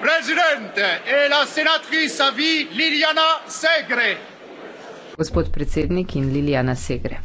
presidente e la senatrice a vi Liliana Segre. Gospod predsednik in Liliana Segre.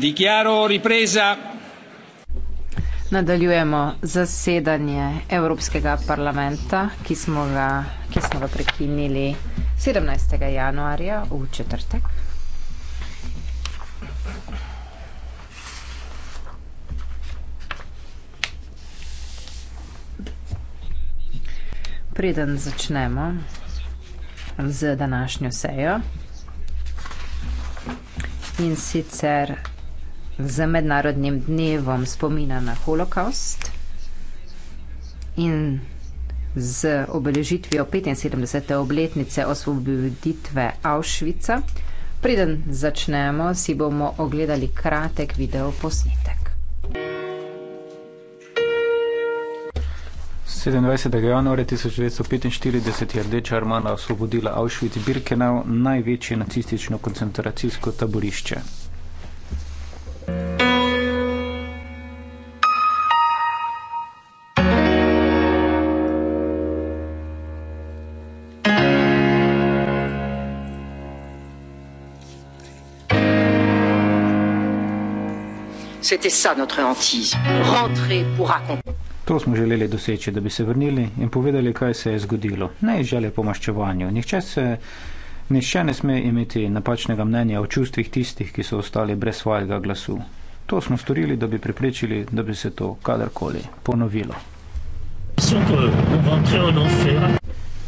Dichiaro ripresa. Nadaljujemo zasedanje Evropskega parlamenta, ki smo ga, ki smo ga prekinili 17. januarja v četrtek. Preden začnemo z današnjo sejo in sicer z mednarodnim dnevom spomina na holokaust in z obeležitvijo 75. obletnice osvoboditve Auschwitza. Preden začnemo, si bomo ogledali kratek video posnetek. 27. januarja 1945 je Rdeča armada osvobodila Auschwitz-Birkenau, največje nacistično koncentracijsko taborišče. C'était ça notre hantise. Rentrer pour raconter. To smo želeli doseči, da bi se vrnili in povedali, kaj se je zgodilo. Ne želje po maščevanju. Nihče, se, nihče ne sme imeti napačnega mnenja o čustvih tistih, ki so ostali brez svojega glasu. To smo storili, da bi preprečili, da bi se to kadarkoli ponovilo.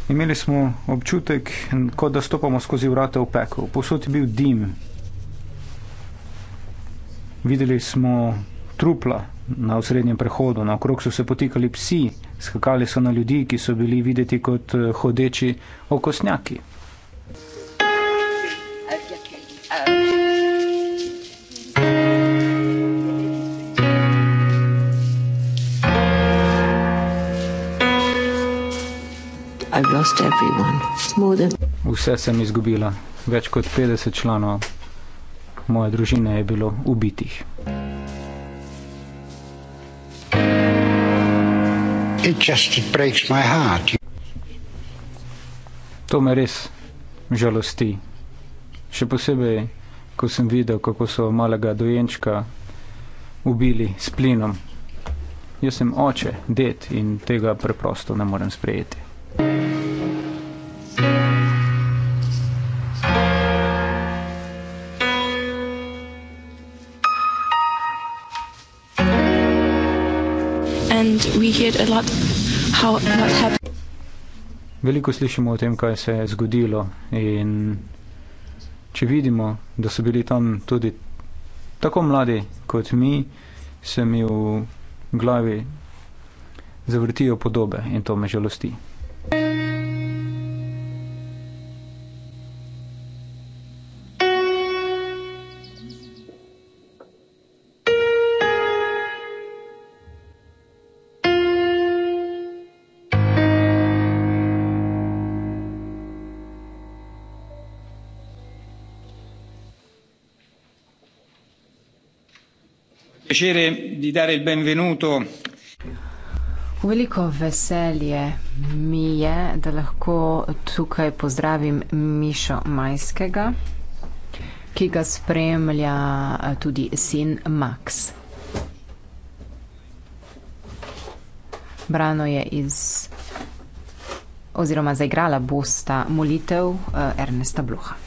Imeli smo občutek, kot da stopamo skozi vrata v pekel. Posod je bil dim, Videli smo trupla na osrednjem prehodu, na okrog so se potikali psi, skakali so na ljudi, ki so bili videti kot eh, hodeči okosnjaki. Vse sem izgubila, več kot 50 članov moje družine je bilo ubitih. It just breaks my heart. To me res žalosti. Še posebej, ko sem videl, kako so malega dojenčka ubili s plinom. Jaz sem oče, ded in tega preprosto ne morem sprejeti. we hear a lot how what happened. Veliko slišimo o tem, kaj se je zgodilo in če vidimo, da so bili tam tudi tako mladi kot mi, se mi v glavi zavrtijo podobe in to me žalosti. piacere di dare il benvenuto. Veliko veselje mi je, da lahko tukaj pozdravim Mišo Majskega, ki ga spremlja tudi sin Max. Brano je iz oziroma zaigrala bosta molitev Ernesta Bluha.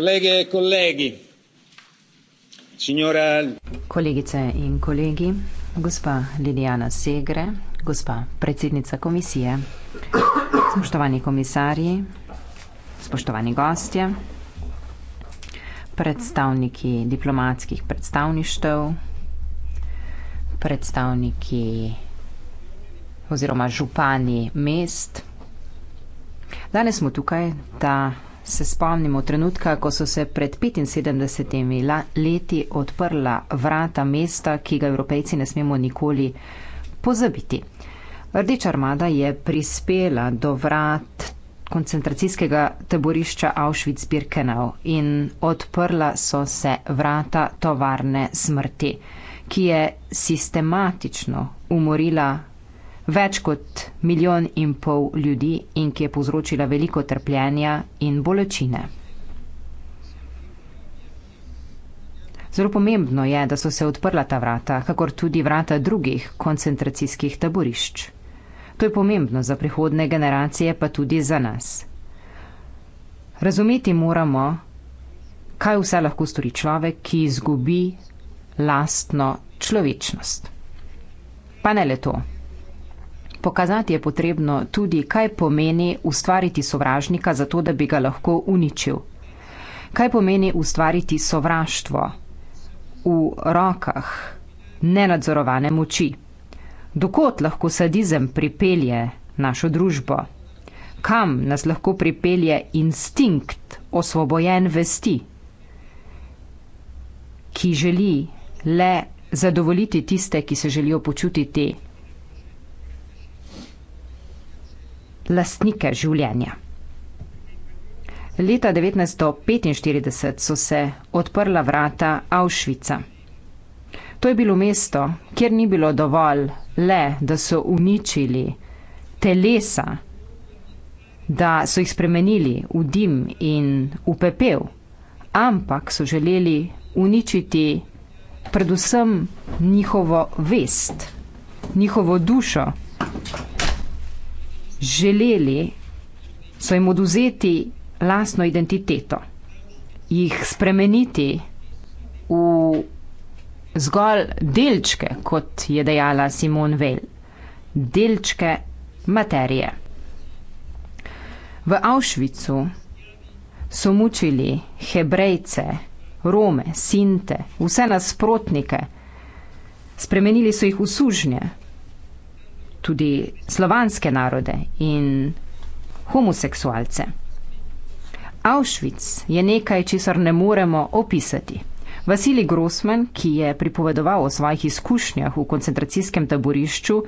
Kolege, kolegi. Signora... Kolegice in kolegi, gospa Lidijana Segre, gospa predsednica komisije, spoštovani komisarji, spoštovani gostje, predstavniki diplomatskih predstavništev, predstavniki oziroma župani mest. Danes smo tukaj, da se spomnimo trenutka, ko so se pred 75 leti odprla vrata mesta, ki ga evropejci ne smemo nikoli pozabiti. Rdeča armada je prispela do vrat koncentracijskega taborišča Auschwitz-Birkenau in odprla so se vrata tovarne smrti, ki je sistematično umorila več kot milijon in pol ljudi in ki je povzročila veliko trpljenja in bolečine. Zelo pomembno je, da so se odprla ta vrata, kakor tudi vrata drugih koncentracijskih taborišč. To je pomembno za prihodne generacije, pa tudi za nas. Razumeti moramo, kaj vse lahko stori človek, ki izgubi lastno človečnost. Pa ne le to. Pokazati je potrebno tudi, kaj pomeni ustvariti sovražnika zato, da bi ga lahko uničil. Kaj pomeni ustvariti sovraštvo v rokah nenadzorovane moči? Dokot lahko sadizem pripelje našo družbo? Kam nas lahko pripelje instinkt osvobojen vesti, ki želi le zadovoljiti tiste, ki se želijo počutiti lastnike življenja. Leta 1945 so se odprla vrata Avšvica. To je bilo mesto, kjer ni bilo dovolj le, da so uničili telesa, da so jih spremenili v dim in v pepel, ampak so želeli uničiti predvsem njihovo vest, njihovo dušo, želeli, so jim oduzeti lastno identiteto, jih spremeniti v zgolj delčke, kot je dejala Simon Veil, delčke materije. V Avšvicu so mučili hebrejce, rome, sinte, vse nasprotnike, spremenili so jih v sužnje tudi slovanske narode in homoseksualce. Auschwitz je nekaj, česar ne moremo opisati. Vasili Grossman, ki je pripovedoval o svojih izkušnjah v koncentracijskem taborišču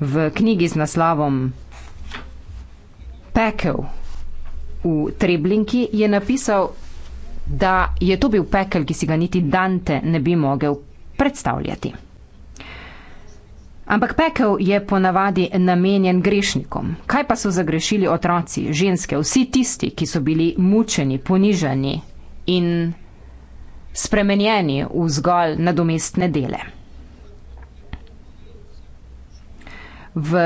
v knjigi z naslovom Pekel v Treblinki, je napisal, da je to bil pekel, ki si ga niti Dante ne bi mogel predstavljati. Ampak pekel je ponavadi namenjen grešnikom. Kaj pa so zagrešili otroci, ženske, vsi tisti, ki so bili mučeni, ponižani in spremenjeni v zgolj nadomestne dele? V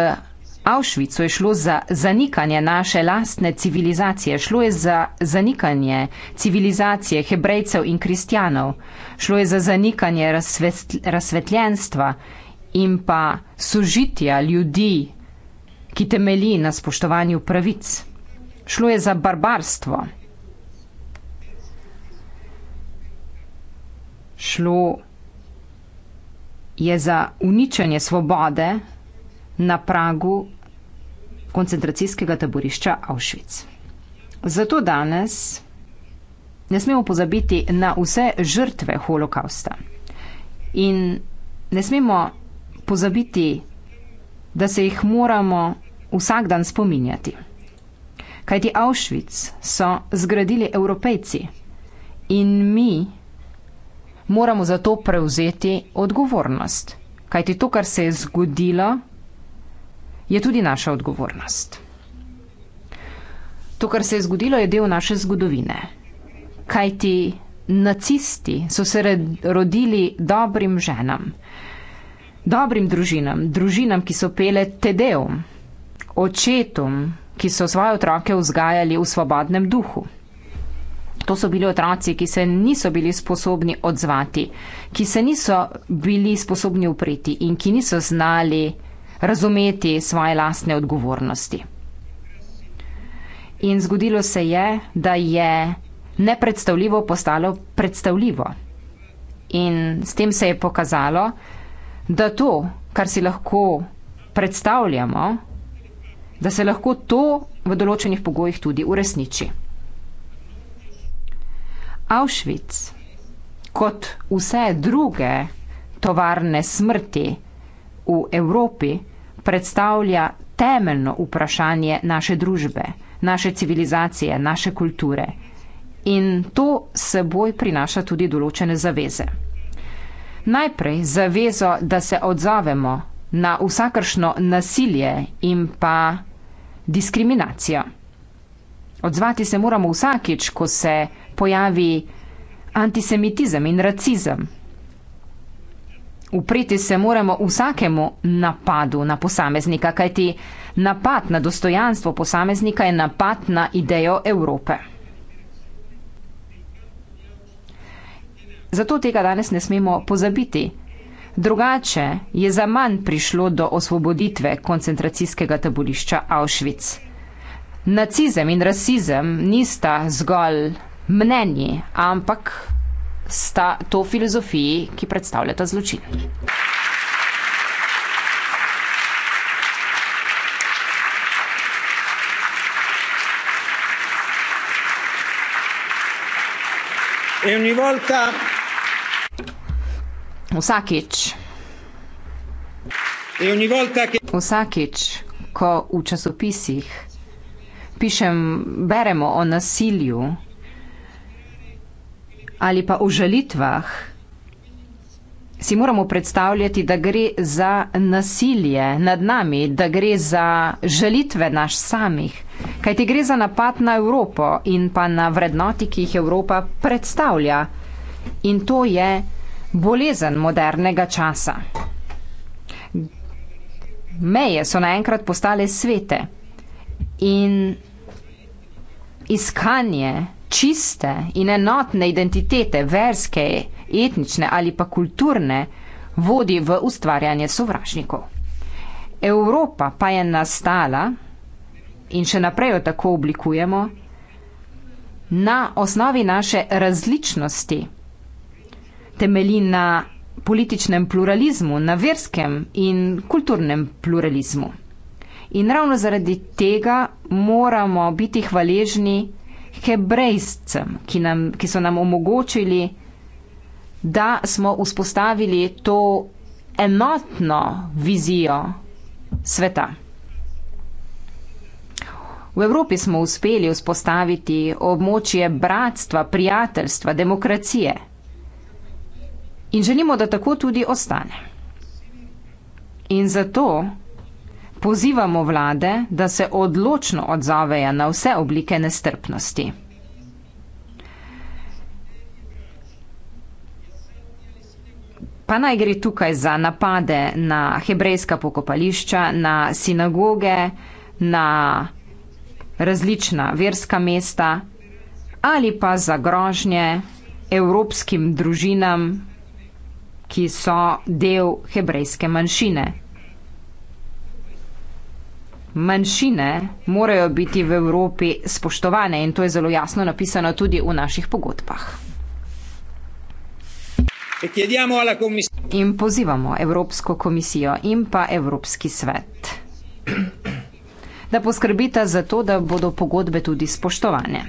Avšvicu je šlo za zanikanje naše lastne civilizacije, šlo je za zanikanje civilizacije hebrejcev in kristjanov, šlo je za zanikanje razsvetljenstva in pa sožitja ljudi, ki temelji na spoštovanju pravic. Šlo je za barbarstvo. Šlo je za uničenje svobode na pragu koncentracijskega taborišča Auschwitz. Zato danes ne smemo pozabiti na vse žrtve holokausta in ne smemo pozabiti, da se jih moramo vsak dan spominjati. Kajti Auschwitz so zgradili evropejci in mi moramo za to prevzeti odgovornost. Kajti to, kar se je zgodilo, je tudi naša odgovornost. To, kar se je zgodilo, je del naše zgodovine. Kajti nacisti so se rodili dobrim ženam dobrim družinam, družinam, ki so pele tedeum, očetom, ki so svoje otroke vzgajali v svobodnem duhu. To so bili otroci, ki se niso bili sposobni odzvati, ki se niso bili sposobni upreti in ki niso znali razumeti svoje lastne odgovornosti. In zgodilo se je, da je nepredstavljivo postalo predstavljivo. In s tem se je pokazalo, da to, kar si lahko predstavljamo, da se lahko to v določenih pogojih tudi uresniči. Auschwitz, kot vse druge tovarne smrti v Evropi, predstavlja temeljno vprašanje naše družbe, naše civilizacije, naše kulture. In to seboj prinaša tudi določene zaveze najprej zavezo, da se odzovemo na vsakršno nasilje in pa diskriminacijo. Odzvati se moramo vsakič, ko se pojavi antisemitizem in rasizem. Upreti se moramo vsakemu napadu na posameznika, kajti napad na dostojanstvo posameznika je napad na idejo Evrope. zato tega danes ne smemo pozabiti. Drugače je za manj prišlo do osvoboditve koncentracijskega tabulišča Auschwitz. Nacizem in rasizem nista zgolj mnenji, ampak sta to filozofiji, ki predstavljata zločin. E ogni volta Vsakič. Vsakič, ko v časopisih pišem, beremo o nasilju ali pa o žalitvah, si moramo predstavljati, da gre za nasilje nad nami, da gre za žalitve naš samih, kajti gre za napad na Evropo in pa na vrednoti, ki jih Evropa predstavlja. In to je nasilje. Bolezen modernega časa. Meje so naenkrat postale svete in iskanje čiste in enotne identitete, verske, etnične ali pa kulturne, vodi v ustvarjanje sovražnikov. Evropa pa je nastala in še naprej jo tako oblikujemo na osnovi naše različnosti temelji na političnem pluralizmu, na verskem in kulturnem pluralizmu. In ravno zaradi tega moramo biti hvaležni hebrejcem, ki, nam, ki so nam omogočili, da smo vzpostavili to enotno vizijo sveta. V Evropi smo uspeli vzpostaviti območje bratstva, prijateljstva, demokracije. In želimo, da tako tudi ostane. In zato pozivamo vlade, da se odločno odzovejo na vse oblike nestrpnosti. Pa naj gre tukaj za napade na hebrejska pokopališča, na sinagoge, na različna verska mesta ali pa za grožnje evropskim družinam, ki so del hebrejske manjšine. Manjšine morajo biti v Evropi spoštovane in to je zelo jasno napisano tudi v naših pogodbah. E in pozivamo Evropsko komisijo in pa Evropski svet, da poskrbita za to, da bodo pogodbe tudi spoštovane.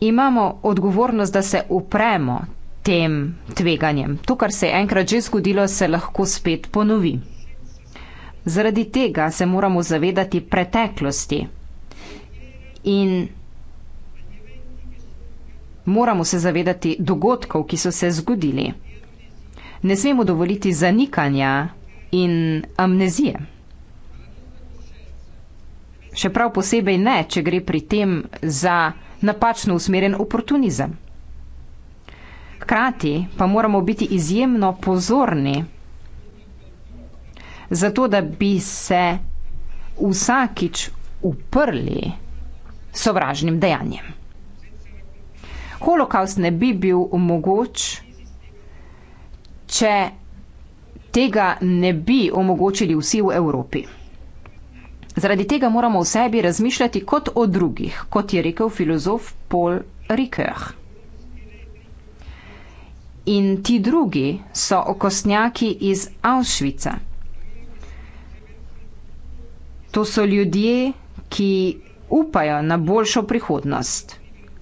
Imamo odgovornost, da se upremo tem tveganjem. To, kar se je enkrat že zgodilo, se lahko spet ponovi. Zaradi tega se moramo zavedati preteklosti in moramo se zavedati dogodkov, ki so se zgodili. Ne smemo dovoliti zanikanja in amnezije. Še prav posebej ne, če gre pri tem za napačno usmerjen oportunizem hkrati pa moramo biti izjemno pozorni, zato da bi se vsakič uprli sovražnim dejanjem. Holokaust ne bi bil mogoč, če tega ne bi omogočili vsi v Evropi. Zaradi tega moramo v sebi razmišljati kot o drugih, kot je rekel filozof Paul Ricoeur in ti drugi so okostnjaki iz Avšvica. To so ljudje, ki upajo na boljšo prihodnost.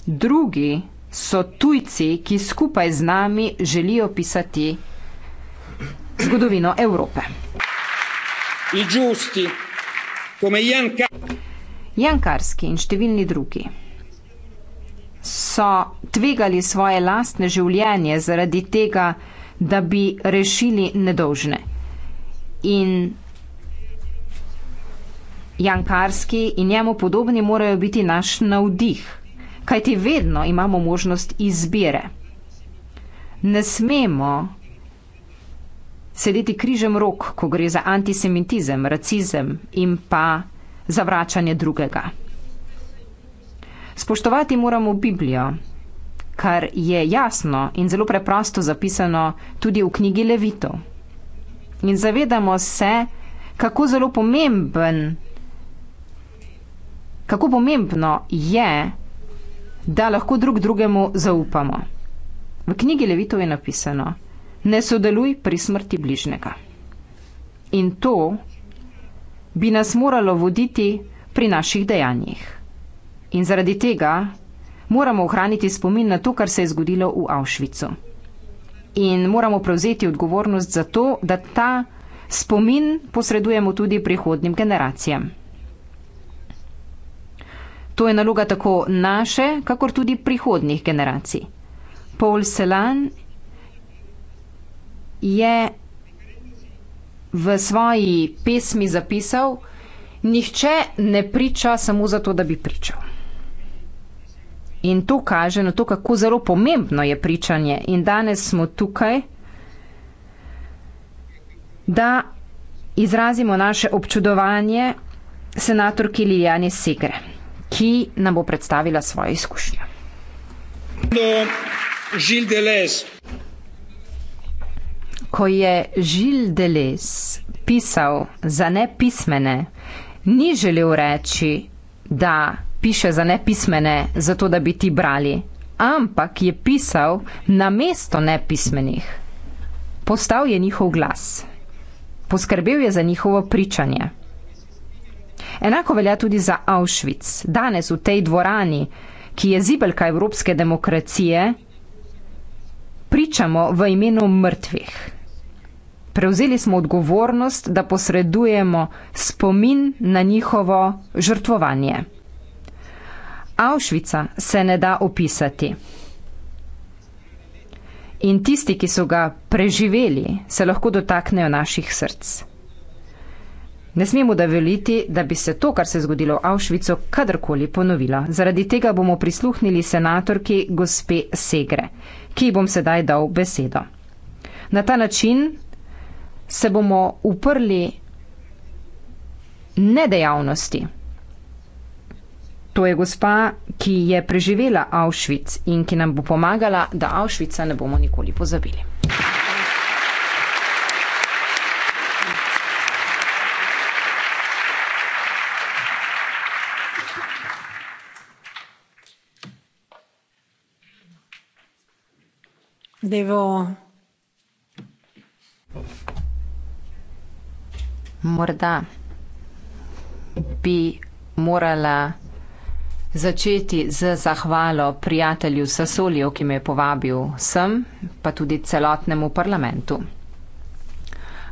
Drugi so tujci, ki skupaj z nami želijo pisati zgodovino Evrope. Jankarski in številni drugi so tvegali svoje lastne življenje zaradi tega, da bi rešili nedolžne. In jankarski in njemu podobni morajo biti naš navdih, kajti vedno imamo možnost izbire. Ne smemo sedeti križem rok, ko gre za antisemitizem, rasizem in pa zavračanje drugega. Spoštovati moramo Biblijo, kar je jasno in zelo preprosto zapisano tudi v knjigi Levitov. In zavedamo se, kako zelo pomemben, kako pomembno je, da lahko drug drugemu zaupamo. V knjigi Levitov je napisano, ne sodeluj pri smrti bližnega. In to bi nas moralo voditi pri naših dejanjih. In zaradi tega moramo ohraniti spomin na to, kar se je zgodilo v Avšvicu. In moramo prevzeti odgovornost za to, da ta spomin posredujemo tudi prihodnim generacijam. To je naloga tako naše, kakor tudi prihodnih generacij. Paul Selan je v svoji pesmi zapisal, nihče ne priča samo zato, da bi pričal. In to kaže na to, kako zelo pomembno je pričanje. In danes smo tukaj, da izrazimo naše občudovanje senatorki Lilijani Segre, ki nam bo predstavila svoje izkušnje. Ko je Gilles Deleuze pisal za nepismene, ni želel reči, da piše za nepismene, zato da bi ti brali, ampak je pisal na mesto nepismenih. Postal je njihov glas, poskrbel je za njihovo pričanje. Enako velja tudi za Auschwitz. Danes v tej dvorani, ki je zibelka evropske demokracije, pričamo v imenu mrtvih. Prevzeli smo odgovornost, da posredujemo spomin na njihovo žrtvovanje. Avšvica se ne da opisati. In tisti, ki so ga preživeli, se lahko dotaknejo naših src. Ne smemo dovoliti, da bi se to, kar se je zgodilo v Avšvico, kadarkoli ponovilo. Zaradi tega bomo prisluhnili senatorki gospe Segre, ki bom sedaj dal besedo. Na ta način se bomo uprli nedejavnosti. To je gospa, ki je preživela Auschwitz in ki nam bo pomagala, da Auschwitza ne bomo nikoli pozabili. Devo. Morda bi morala začeti z zahvalo prijatelju Sasolijo, ki me je povabil sem, pa tudi celotnemu parlamentu.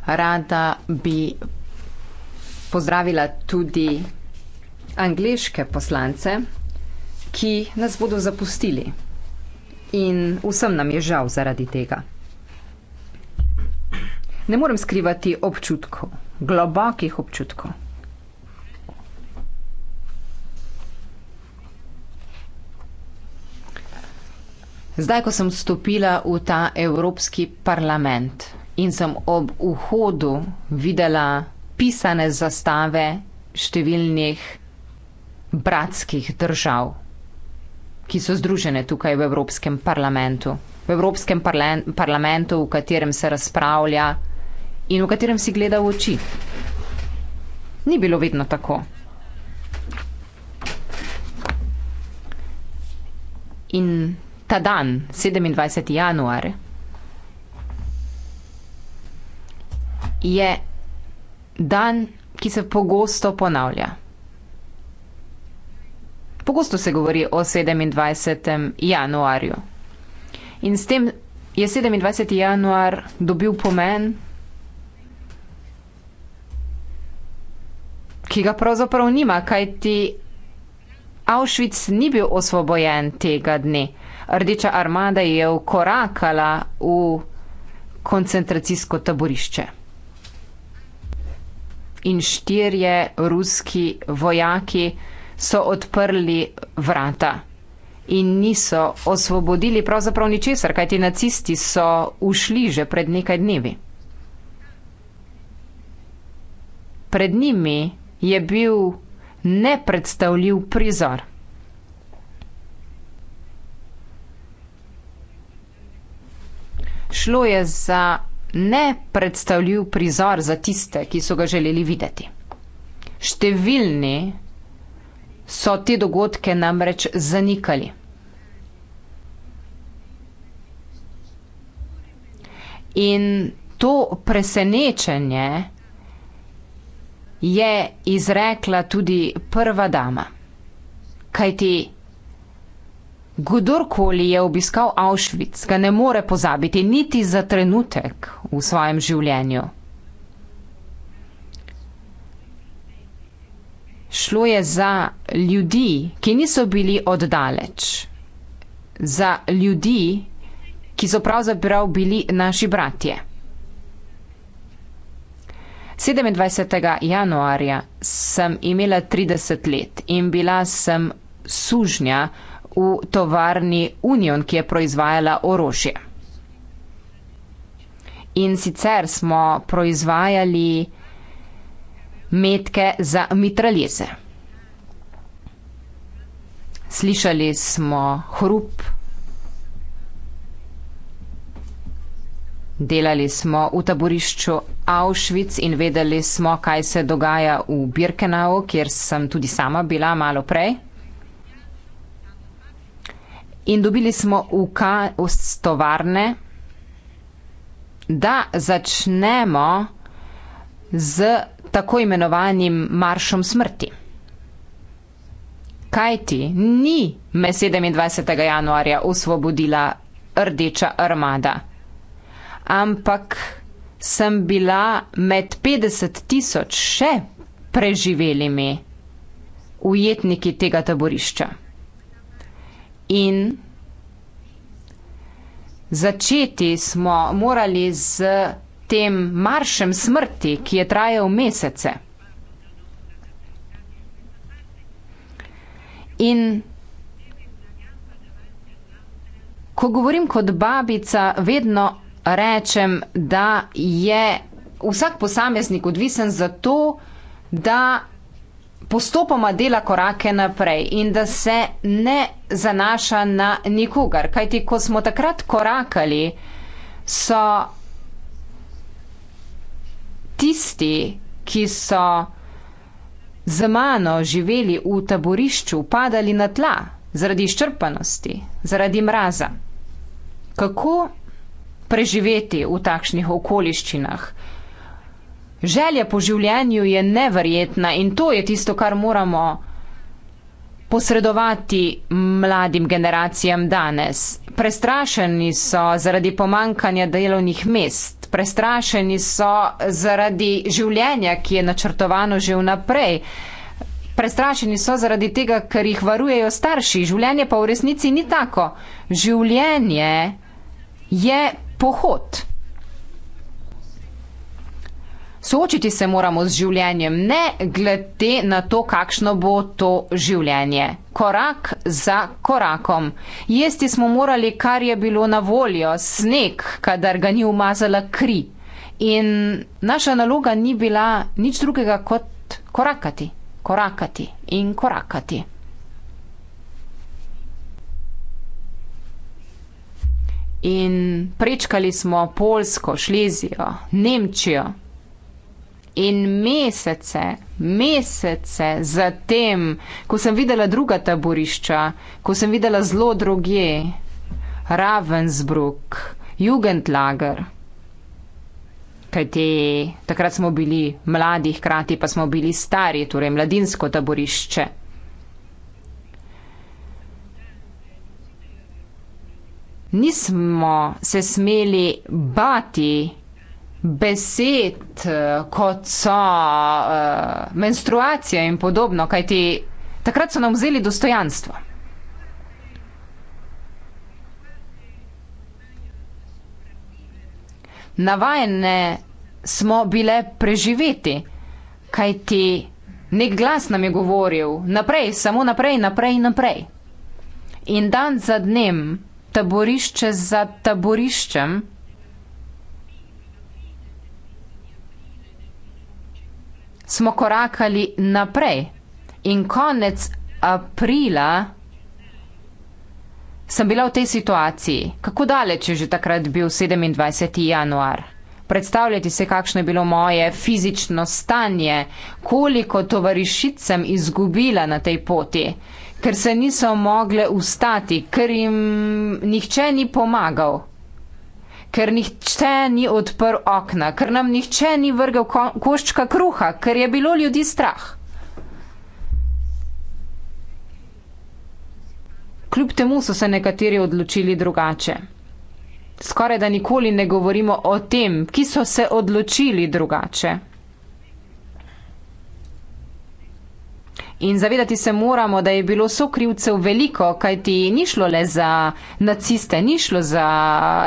Rada bi pozdravila tudi angliške poslance, ki nas bodo zapustili. In vsem nam je žal zaradi tega. Ne morem skrivati občutkov, globokih občutkov. Zdaj, ko sem vstopila v ta Evropski parlament in sem ob vhodu videla pisane zastave številnih bratskih držav, ki so združene tukaj v Evropskem parlamentu. V Evropskem parlamentu, v katerem se razpravlja in v katerem si gleda v oči. Ni bilo vedno tako. In ta dan, 27. januar, je dan, ki se pogosto ponavlja. Pogosto se govori o 27. januarju. In s tem je 27. januar dobil pomen, ki ga pravzaprav nima, kajti Auschwitz ni bil osvobojen tega dne. Rdeča armada je ukorakala v koncentracijsko taborišče. In štirje ruski vojaki so odprli vrata in niso osvobodili pravzaprav ničesar, kajti nacisti so ušli že pred nekaj dnevi. Pred njimi je bil nepredstavljiv prizor. šlo je za nepredstavljiv prizor za tiste, ki so ga želeli videti. Številni so te dogodke namreč zanikali. In to presenečenje je izrekla tudi prva dama. Kaj ti je? Kdorkoli je obiskal Auschwitz, ga ne more pozabiti niti za trenutek v svojem življenju. Šlo je za ljudi, ki niso bili oddaleč, za ljudi, ki so pravzaprav bili naši bratje. 27. januarja sem imela 30 let in bila sem sužnja, v tovarni Union, ki je proizvajala orožje. In sicer smo proizvajali metke za mitraljeze. Slišali smo hrup, delali smo v taborišču Auschwitz in vedeli smo, kaj se dogaja v Birkenau, kjer sem tudi sama bila malo prej. In dobili smo ukaz tovarne, da začnemo z tako imenovanim maršom smrti. Kaj ti ni me 27. januarja usvobodila rdeča armada, ampak sem bila med 50 tisoč še preživelimi ujetniki tega taborišča in začeti smo morali z tem maršem smrti, ki je trajal mesece. In ko govorim kot babica, vedno rečem, da je vsak posameznik odvisen zato, da postopoma dela korake naprej in da se ne zanaša na nikogar. Kajti, ko smo takrat korakali, so tisti, ki so z mano živeli v taborišču, padali na tla zaradi izčrpanosti, zaradi mraza. Kako preživeti v takšnih okoliščinah? Želja po življenju je neverjetna in to je tisto, kar moramo posredovati mladim generacijam danes. Prestrašeni so zaradi pomankanja delovnih mest, prestrašeni so zaradi življenja, ki je načrtovano že vnaprej. Prestrašeni so zaradi tega, ker jih varujejo starši. Življenje pa v resnici ni tako. Življenje je pohod. Soočiti se moramo z življenjem, ne glede na to, kakšno bo to življenje. Korak za korakom. Jesti smo morali, kar je bilo na voljo, sneg, kadar ga ni umazala kri. In naša naloga ni bila nič drugega kot korakati, korakati in korakati. In prečkali smo Polsko, Šlezijo, Nemčijo in mesece, mesece zatem, ko sem videla druga taborišča, ko sem videla zelo druge, Ravensbrück, Jugendlager, kajti takrat smo bili mladi, hkrati pa smo bili stari, torej mladinsko taborišče. Nismo se smeli bati, besed, eh, kot so uh, menstruacija in podobno, kajti takrat so nam vzeli dostojanstvo. Navajene smo bile preživeti, kajti nek glas nam je govoril naprej, samo naprej, naprej, naprej. In dan za dnem, taborišče za taboriščem, smo korakali naprej. In konec aprila sem bila v tej situaciji. Kako daleč je že takrat bil 27. januar? Predstavljati se, kakšno je bilo moje fizično stanje, koliko tovarišic sem izgubila na tej poti, ker se niso mogle ustati, ker jim nihče ni pomagal ker nihče ni odprl okna, ker nam nihče ni vrgel ko koščka kruha, ker je bilo ljudi strah. Kljub temu so se nekateri odločili drugače. Skoraj da nikoli ne govorimo o tem, ki so se odločili drugače. In zavedati se moramo, da je bilo sokrivcev veliko, kajti ni šlo le za naciste, ni šlo za,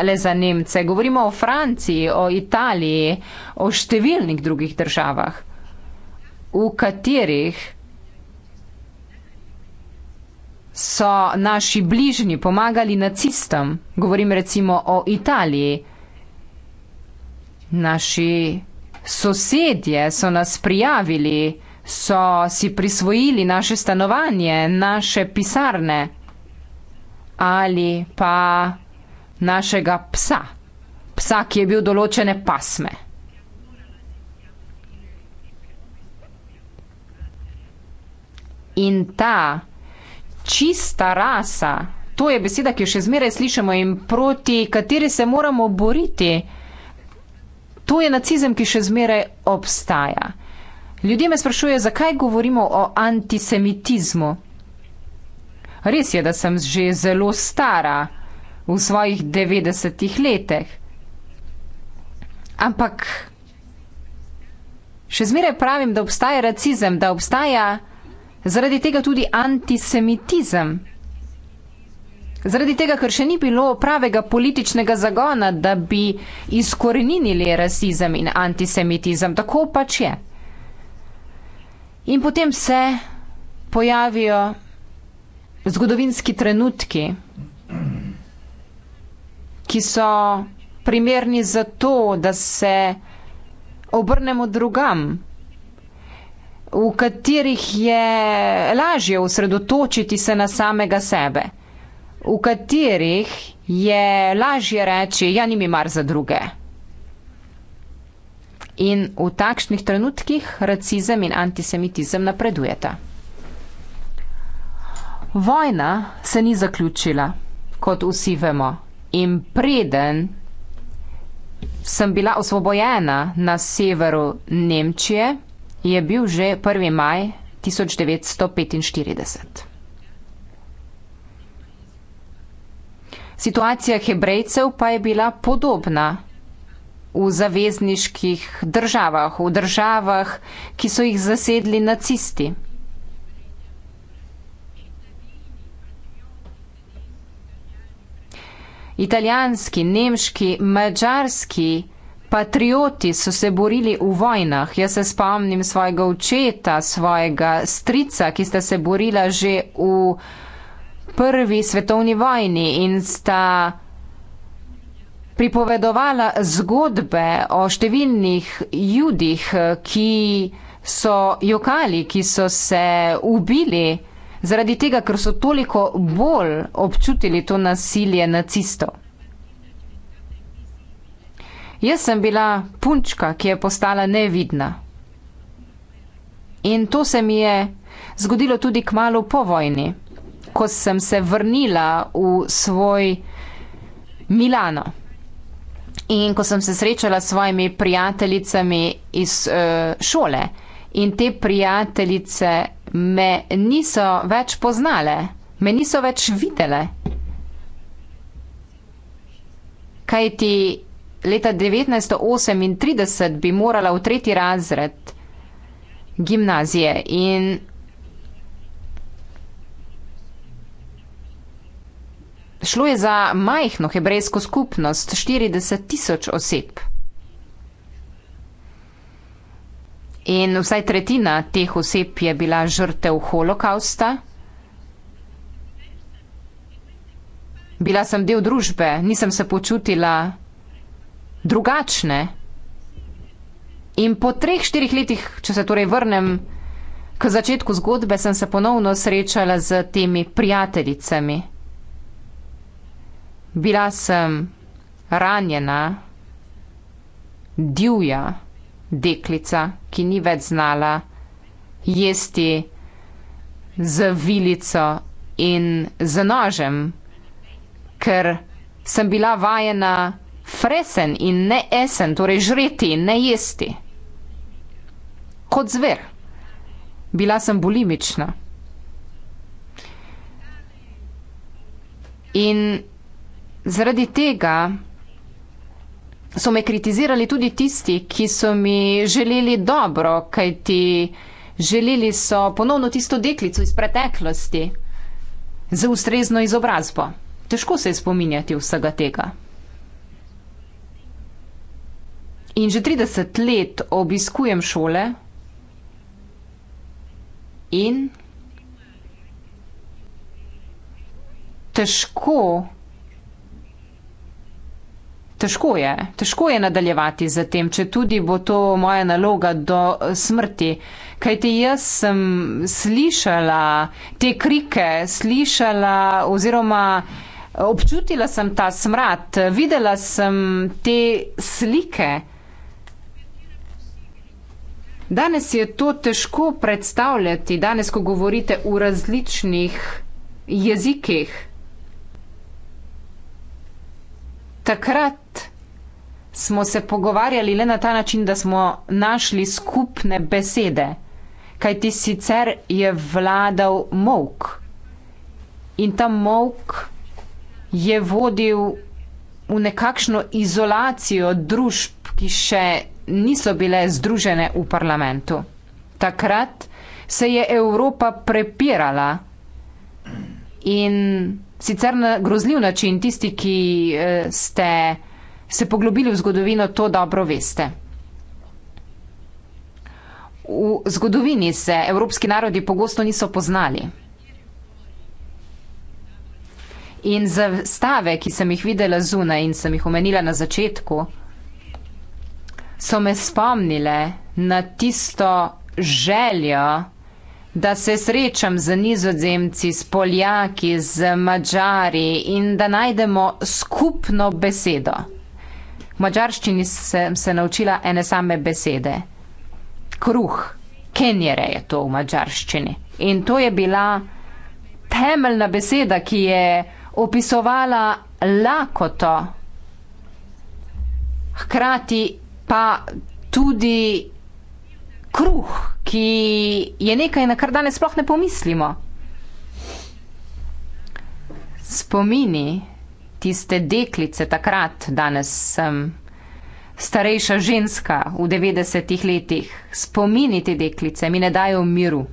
le za Nemce. Govorimo o Franciji, o Italiji, o številnih drugih državah, v katerih so naši bližnji pomagali nacistom. Govorim recimo o Italiji. Naši sosedje so nas prijavili, so si prisvojili naše stanovanje, naše pisarne ali pa našega psa, psa, ki je bil določene pasme. In ta čista rasa, to je beseda, ki jo še zmeraj slišimo in proti kateri se moramo boriti, to je nacizem, ki še zmeraj obstaja. Ljudje me sprašujejo, zakaj govorimo o antisemitizmu. Res je, da sem že zelo stara, v svojih 90 letih. Ampak še zmeraj pravim, da obstaja rasizem, da obstaja zaradi tega tudi antisemitizem. Zaradi tega, ker še ni bilo pravega političnega zagona, da bi izkorenili rasizem in antisemitizem. Tako pač je. In potem se pojavijo zgodovinski trenutki, ki so primerni za to, da se obrnemo drugam, v katerih je lažje usredotočiti se na samega sebe, v katerih je lažje reči, ja, ni mi mar za druge in v takšnih trenutkih racizem in antisemitizem napredujeta. Vojna se ni zaključila, kot vsi vemo, in preden sem bila osvobojena na severu Nemčije, je bil že 1. maj 1945. Situacija hebrejcev pa je bila podobna v zavezniških državah, v državah, ki so jih zasedli nacisti. Italijanski, nemški, mađarski patrioti so se borili v vojnah. Jaz se spomnim svojega očeta, svojega strica, ki sta se borila že v prvi svetovni vojni in sta pripovedovala zgodbe o številnih judih, ki so jokali, ki so se ubili zaradi tega, ker so toliko bolj občutili to nasilje nacistov. Jaz sem bila punčka, ki je postala nevidna. In to se mi je zgodilo tudi k malu po vojni, ko sem se vrnila v svoj Milano. In ko sem se srečala s svojimi prijateljicami iz uh, šole, in te prijateljice me niso več poznale, me niso več videle. Kaj ti leta 1938 bi morala v tretji razred gimnazije in Šlo je za majhno hebrejsko skupnost 40 tisoč oseb. In vsaj tretjina teh oseb je bila žrtev holokausta. Bila sem del družbe, nisem se počutila drugačne. In po treh, štirih letih, če se torej vrnem k začetku zgodbe, sem se ponovno srečala z temi prijateljicami. Bila sem ranjena, divja deklica, ki ni več znala jesti z vilico in z nožem, ker sem bila vajena fresen in ne esen, torej žreti in ne jesti. Kot zver. Bila sem bulimična. In zaradi tega so me kritizirali tudi tisti, ki so mi želeli dobro, kajti želeli so ponovno tisto deklico iz preteklosti za ustrezno izobrazbo. Težko se je spominjati vsega tega. In že 30 let obiskujem šole in težko težko je, težko je nadaljevati z tem, če tudi bo to moja naloga do smrti. Kaj ti jaz sem slišala te krike, slišala oziroma občutila sem ta smrad, videla sem te slike. Danes je to težko predstavljati, danes, ko govorite v različnih jezikih. takrat smo se pogovarjali le na ta način, da smo našli skupne besede, kajti sicer je vladal mok in ta mok je vodil v nekakšno izolacijo družb, ki še niso bile združene v parlamentu. Takrat se je Evropa prepirala in sicer na grozljiv način, tisti, ki eh, ste se poglobili v zgodovino, to dobro veste. V zgodovini se evropski narodi pogosto niso poznali. In za stave, ki sem jih videla zunaj in sem jih omenila na začetku, so me spomnile na tisto željo, da se srečam z nizozemci, s poljaki, z mačari in da najdemo skupno besedo. V mačarščini sem se naučila ene same besede. Kruh, kenjere je to v mačarščini. In to je bila temeljna beseda, ki je opisovala lakoto, hkrati pa tudi kruh, ki je nekaj, na kar danes sploh ne pomislimo. Spomini tiste deklice takrat, danes sem starejša ženska v 90-ih letih, spomini te deklice mi ne dajo miru.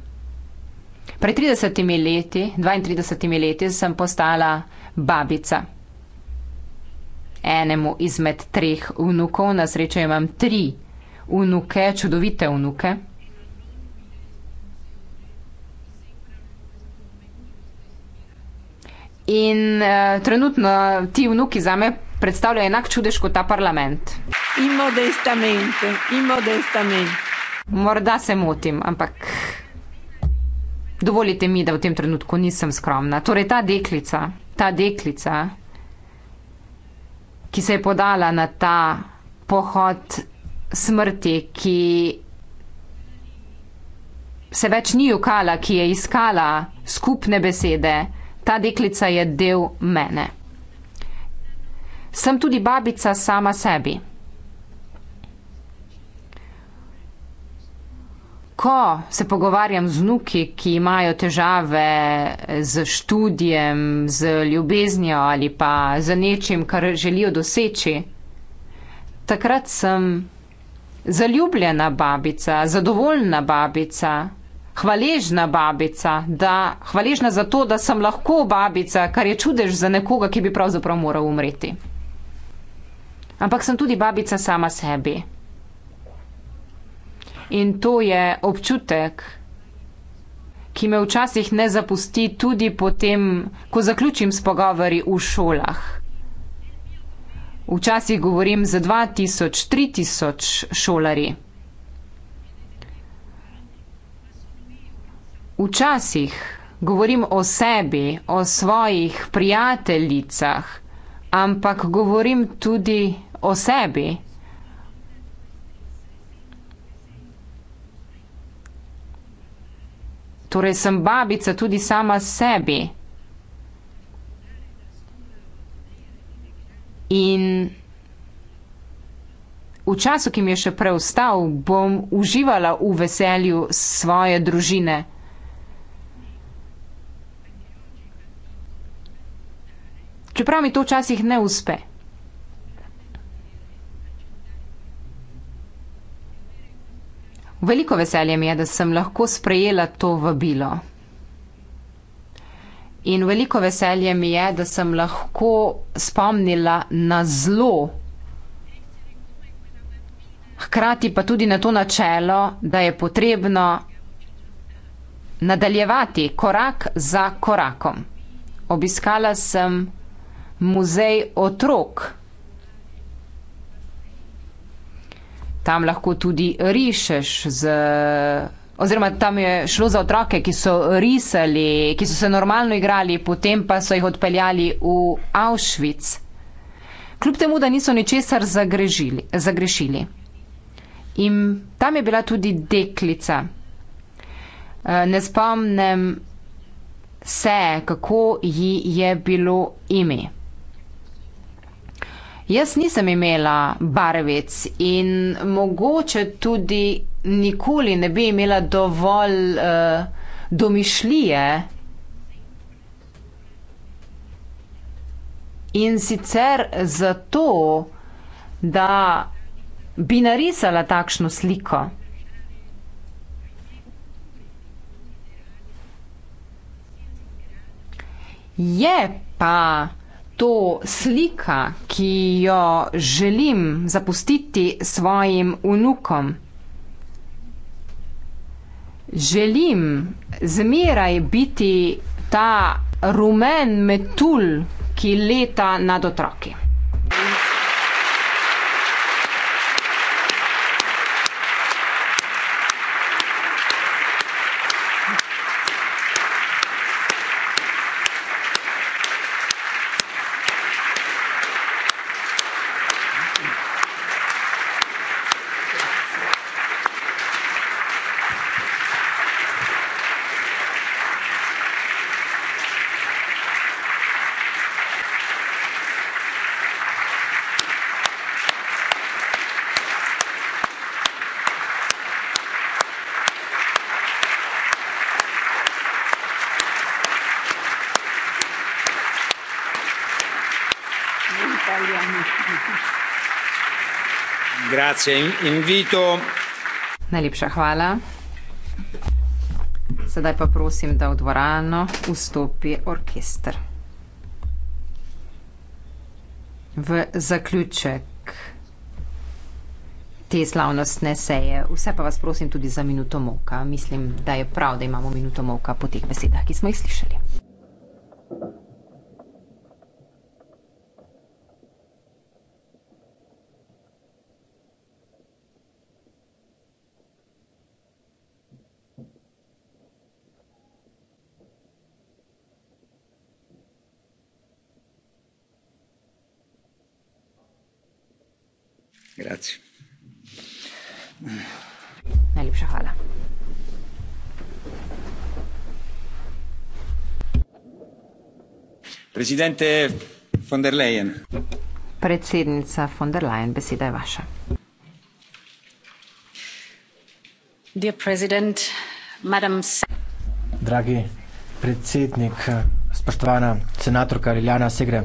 Pred 30 leti, 32 leti, sem postala babica enemu izmed treh vnukov, na srečo imam tri vnuke, čudovite vnuke. In uh, trenutno ti vnuki za me predstavljajo enak čudež kot ta parlament. Imodestamente, imodestamente. Morda se motim, ampak dovolite mi, da v tem trenutku nisem skromna. Torej, ta deklica, ta deklica, ki se je podala na ta pohod smrti, ki se več ni jokala, ki je iskala skupne besede, ta deklica je del mene. Sem tudi babica sama sebi. Ko se pogovarjam z vnuki, ki imajo težave z študijem, z ljubeznijo ali pa z nečim, kar želijo doseči, takrat sem zaljubljena babica, zadovoljna babica, hvaležna babica, da, hvaležna za to, da sem lahko babica, kar je čudež za nekoga, ki bi pravzaprav moral umreti. Ampak sem tudi babica sama sebi. In to je občutek, ki me včasih ne zapusti, tudi potem, ko zaključim s pogovori v šolah. Včasih govorim za 2000, 3000 šolari. Včasih govorim o sebi, o svojih prijateljicah, ampak govorim tudi o sebi. Torej sem babica tudi sama sebi. In v času, ki mi je še preostal, bom uživala v veselju svoje družine. Čeprav mi to včasih ne uspe. Veliko veselje mi je, da sem lahko sprejela to vabilo. In veliko veselje mi je, da sem lahko spomnila na zlo, hkrati pa tudi na to načelo, da je potrebno nadaljevati korak za korakom. Obiskala sem muzej otrok. Tam lahko tudi rišeš z. Oziroma, tam je šlo za otroke, ki so risali, ki so se normalno igrali, potem pa so jih odpeljali v Auschwitz. Kljub temu, da niso ničesar zagrežili, zagrešili. In tam je bila tudi deklica. Eh, ne spomnim se, kako ji je bilo ime. Jaz nisem imela barvec in mogoče tudi nikoli ne bi imela dovolj uh, domišljije. In sicer zato, da bi narisala takšno sliko. Je pa to slika, ki jo želim zapustiti svojim unukom želim zmeraj biti ta rumen metul, ki leta nad otroki. grazie. Invito. Najlepša hvala. Sedaj pa prosim, da v dvorano vstopi orkester. V zaključek te slavnostne seje. Vse pa vas prosim tudi za minuto moka. Mislim, da je prav, da imamo minuto moka po teh besedah, ki smo jih slišali. Thank you. Grazie. Najlepša hvala. Presidente von der Leyen. Predsednica von der Leyen, beseda je vaša. Dear president, madam Dragi predsednik, spoštovana senatorka Liljana Segre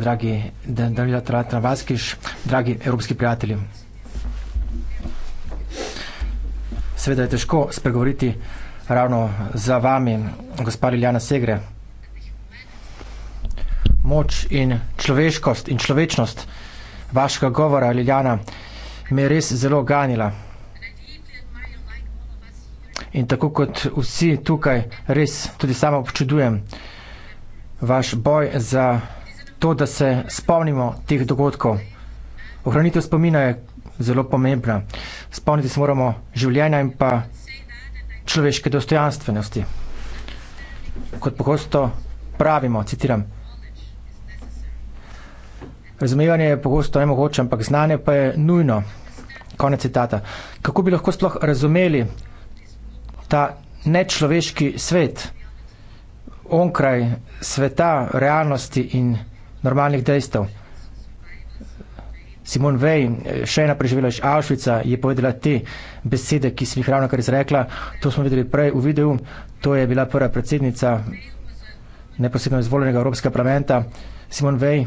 dragi Danila Travaskiš, dragi evropski prijatelji. Seveda je težko spregovoriti ravno za vami, gospa Liljana Segre. Moč in človeškost in človečnost vašega govora, Liljana, me je res zelo ganila. In tako kot vsi tukaj, res tudi sama občudujem vaš boj za to, da se spomnimo teh dogodkov. Ohranitev spomina je zelo pomembna. Spomniti se moramo življenja in pa človeške dostojanstvenosti. Kot pogosto pravimo, citiram. Razumevanje je pogosto nemogoče, ampak znanje pa je nujno. Konec citata. Kako bi lahko sploh razumeli ta nečloveški svet, onkraj sveta, realnosti in realnosti, normalnih dejstev. Simon Vej, še ena preživela iz Auschwitza, je povedala te besede, ki sem jih ravno kar izrekla. To smo videli prej v videu. To je bila prva predsednica neposredno izvoljenega Evropskega parlamenta. Simon Vej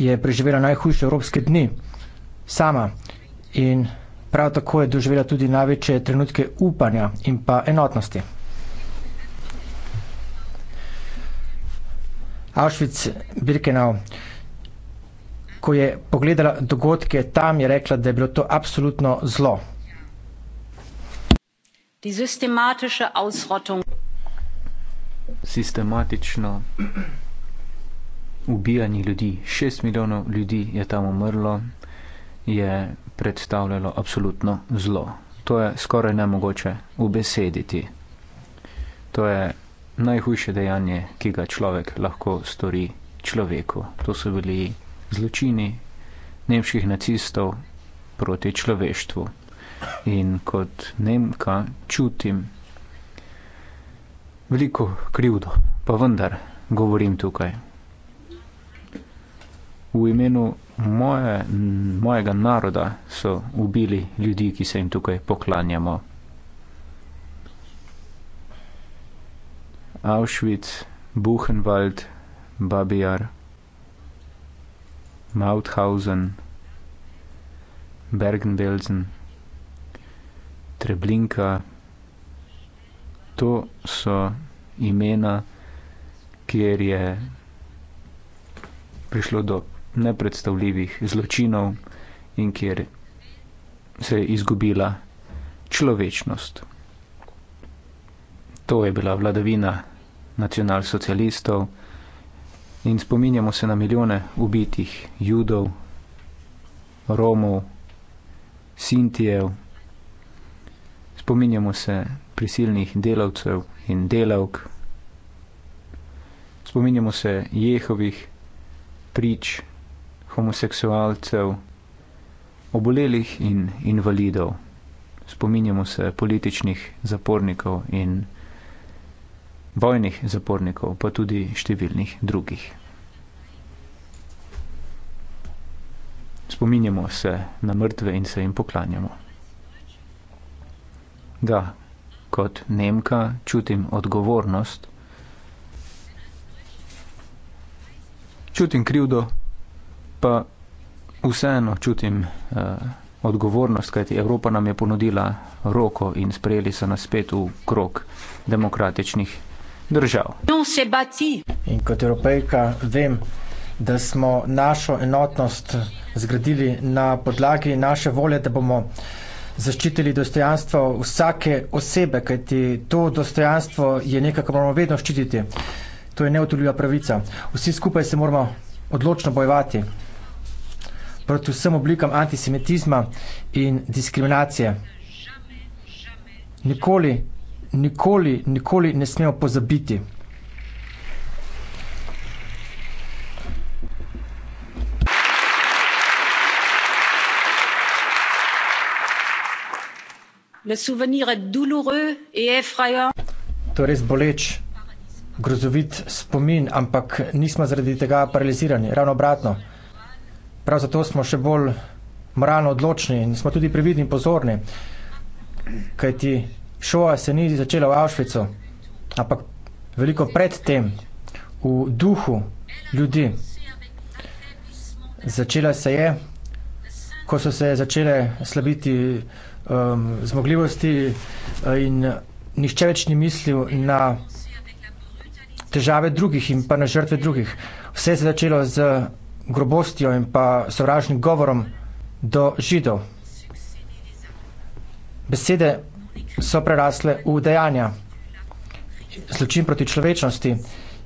je preživela najhujše evropske dni sama in prav tako je doživela tudi največje trenutke upanja in pa enotnosti. Auschwitz-Birkenau, ko je pogledala dogodke tam, je rekla, da je bilo to absolutno zlo. Sistematično ubijanje ljudi, šest milijonov ljudi je tam umrlo, je predstavljalo absolutno zlo. To je skoraj nemogoče ubesediti. To je najhujše dejanje, ki ga človek lahko stori človeku. To so bili zločini nemških nacistov proti človeštvu. In kot Nemka čutim veliko krivdo, pa vendar govorim tukaj. V imenu moje, mojega naroda so ubili ljudi, ki se jim tukaj poklanjamo. Auschwitz, Buchenwald, Babiar, Mauthausen, Bergen-Belsen, Treblinka. To so imena, kjer je prišlo do nepredstavljivih zločinov in kjer se je izgubila človečnost. To je bila vladavina nacionalsocialistov in spominjamo se na milijone ubitih judov, romov, sintijev, spominjamo se prisilnih delavcev in delavk, spominjamo se jehovih prič, homoseksualcev, obolelih in invalidov, spominjamo se političnih zapornikov in vojnih zapornikov, pa tudi številnih drugih. Spominjamo se na mrtve in se jim poklanjamo. Da, kot Nemka čutim odgovornost, čutim krivdo, pa vseeno čutim eh, odgovornost, kajti Evropa nam je ponudila roko in sprejeli so nas spet v krok demokratičnih držav. In kot evropejka vem, da smo našo enotnost zgradili na podlagi naše volje, da bomo zaščitili dostojanstvo vsake osebe, kajti to dostojanstvo je nekaj, kar moramo vedno ščititi. To je neotoljiva pravica. Vsi skupaj se moramo odločno bojevati proti vsem oblikam antisemitizma in diskriminacije. Nikoli nikoli, nikoli ne smemo pozabiti. Le souvenir est douloureux et effrayant. To je res boleč, grozovit spomin, ampak nismo zaradi tega paralizirani, ravno obratno. Prav zato smo še bolj moralno odločni in smo tudi previdni in pozorni, kajti šola se ni začela v Auschwitzu, ampak veliko pred tem, v duhu ljudi. Začela se je, ko so se začele slabiti um, zmogljivosti uh, in nihče več ni mislil na težave drugih in pa na žrtve drugih. Vse se je začelo z grobostjo in pa sovražnim govorom do židov. Besede so prerasle v dejanja. Zločin proti človečnosti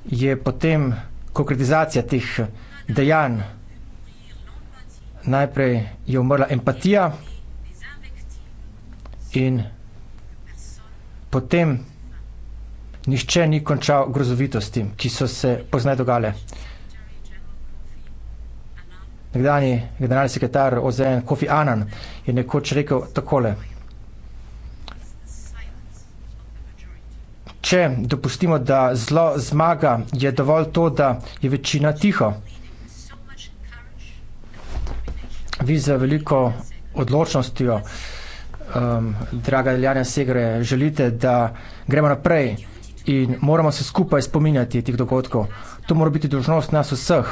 je potem konkretizacija teh dejanj. Najprej je umrla empatija in potem nišče ni končal grozovitosti, ki so se poznaj dogale. Nekdani generalni sekretar OZN Kofi Anan je nekoč rekel takole. če dopustimo, da zlo zmaga, je dovolj to, da je večina tiho. Vi za veliko odločnostjo, um, draga Ljanja Segre, želite, da gremo naprej in moramo se skupaj spominjati tih dogodkov. To mora biti dožnost nas vseh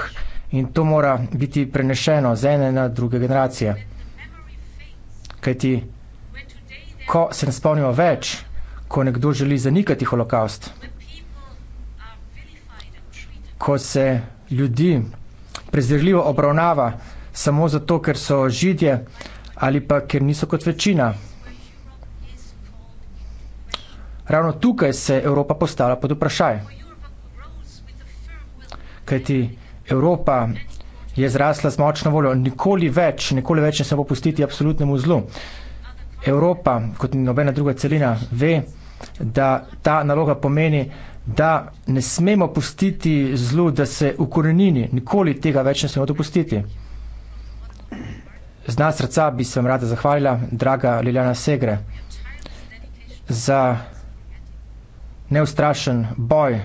in to mora biti prenešeno z ene na druge generacije. Kajti, ko se ne spomnimo več, ko nekdo želi zanikati holokaust, ko se ljudi prezirljivo obravnava samo zato, ker so židje ali pa ker niso kot večina. Ravno tukaj se Evropa postala pod vprašaj. Kajti Evropa je zrasla z močno voljo. Nikoli več, nikoli več ne se bo pustiti absolutnemu zlu. Evropa, kot nobena druga celina, ve, da ta naloga pomeni, da ne smemo pustiti zlu, da se v korenini nikoli tega več ne smemo dopustiti. Z nas srca bi se vam rada zahvalila, draga Liljana Segre, za neustrašen boj,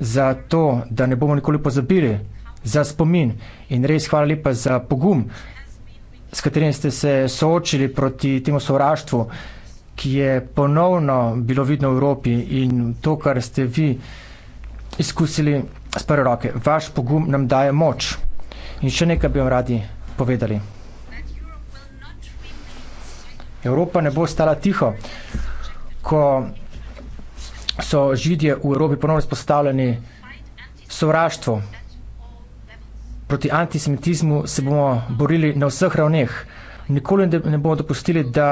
za to, da ne bomo nikoli pozabili, za spomin in res hvala lepa za pogum, s katerim ste se soočili proti temu sovraštvu, ki je ponovno bilo vidno v Evropi in to, kar ste vi izkusili z prve roke. Vaš pogum nam daje moč. In še nekaj bi vam radi povedali. Evropa ne bo stala tiho, ko so židje v Evropi ponovno izpostavljeni sovraštvu. Proti antisemitizmu se bomo borili na vseh ravneh. Nikoli ne bomo dopustili, da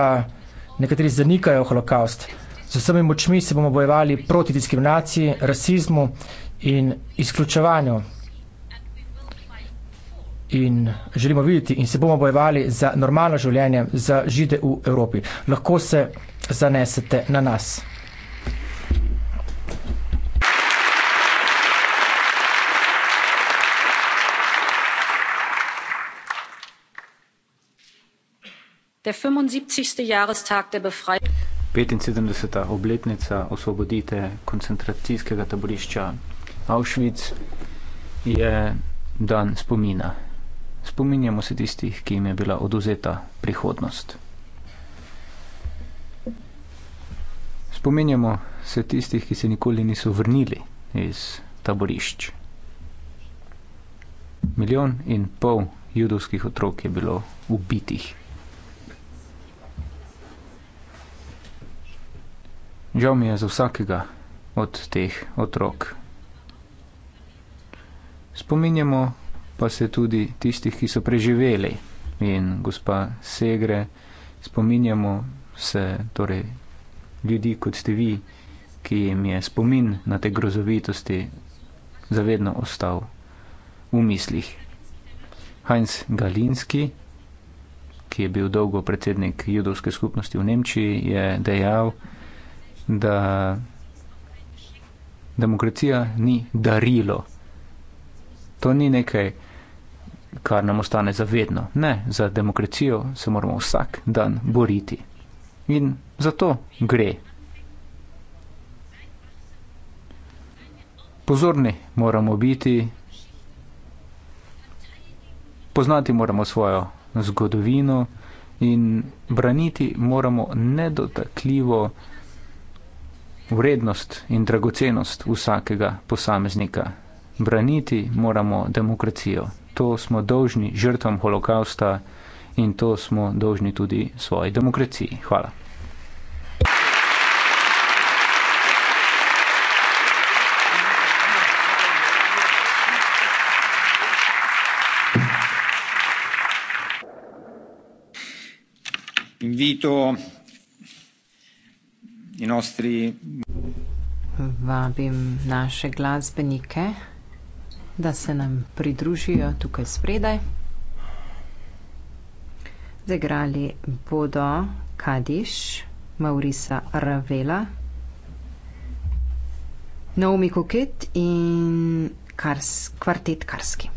Nekateri zanikajo holokaust. Z vsemi močmi se bomo bojevali proti diskriminaciji, rasizmu in izključevanju. In želimo videti in se bomo bojevali za normalno življenje za žide v Evropi. Lahko se zanesete na nas. der fünfundsiebzigste Jahrestag der Befreiung. 75. obletnica osvoboditve koncentracijskega taborišča Auschwitz je dan spomina. Spominjamo se tistih, ki jim je bila oduzeta prihodnost. Spominjamo se tistih, ki se nikoli niso vrnili iz taborišč. Milijon in pol judovskih otrok je bilo ubitih. Žal mi je za vsakega od teh otrok. Spominjamo pa se tudi tistih, ki so preživeli in gospa Segre, spominjamo se torej ljudi kot ste vi, ki jim je spomin na te grozovitosti zavedno ostal v mislih. Heinz Galinski, ki je bil dolgo predsednik judovske skupnosti v Nemčiji, je dejal, da je da demokracija ni darilo. To ni nekaj, kar nam ostane zavedno. Ne, za demokracijo se moramo vsak dan boriti. In za to gre. Pozorni moramo biti, poznati moramo svojo zgodovino in braniti moramo nedotakljivo demokracijo vrednost in dragocenost vsakega posameznika. Braniti moramo demokracijo. To smo dolžni žrtvam holokausta in to smo dolžni tudi svoji demokraciji. Hvala. Vito in ostri. Vabim naše glasbenike, da se nam pridružijo tukaj spredaj. Zagrali bodo Kadiš, Maurisa Ravela, Naomi Koket in kars, kvartet Karski.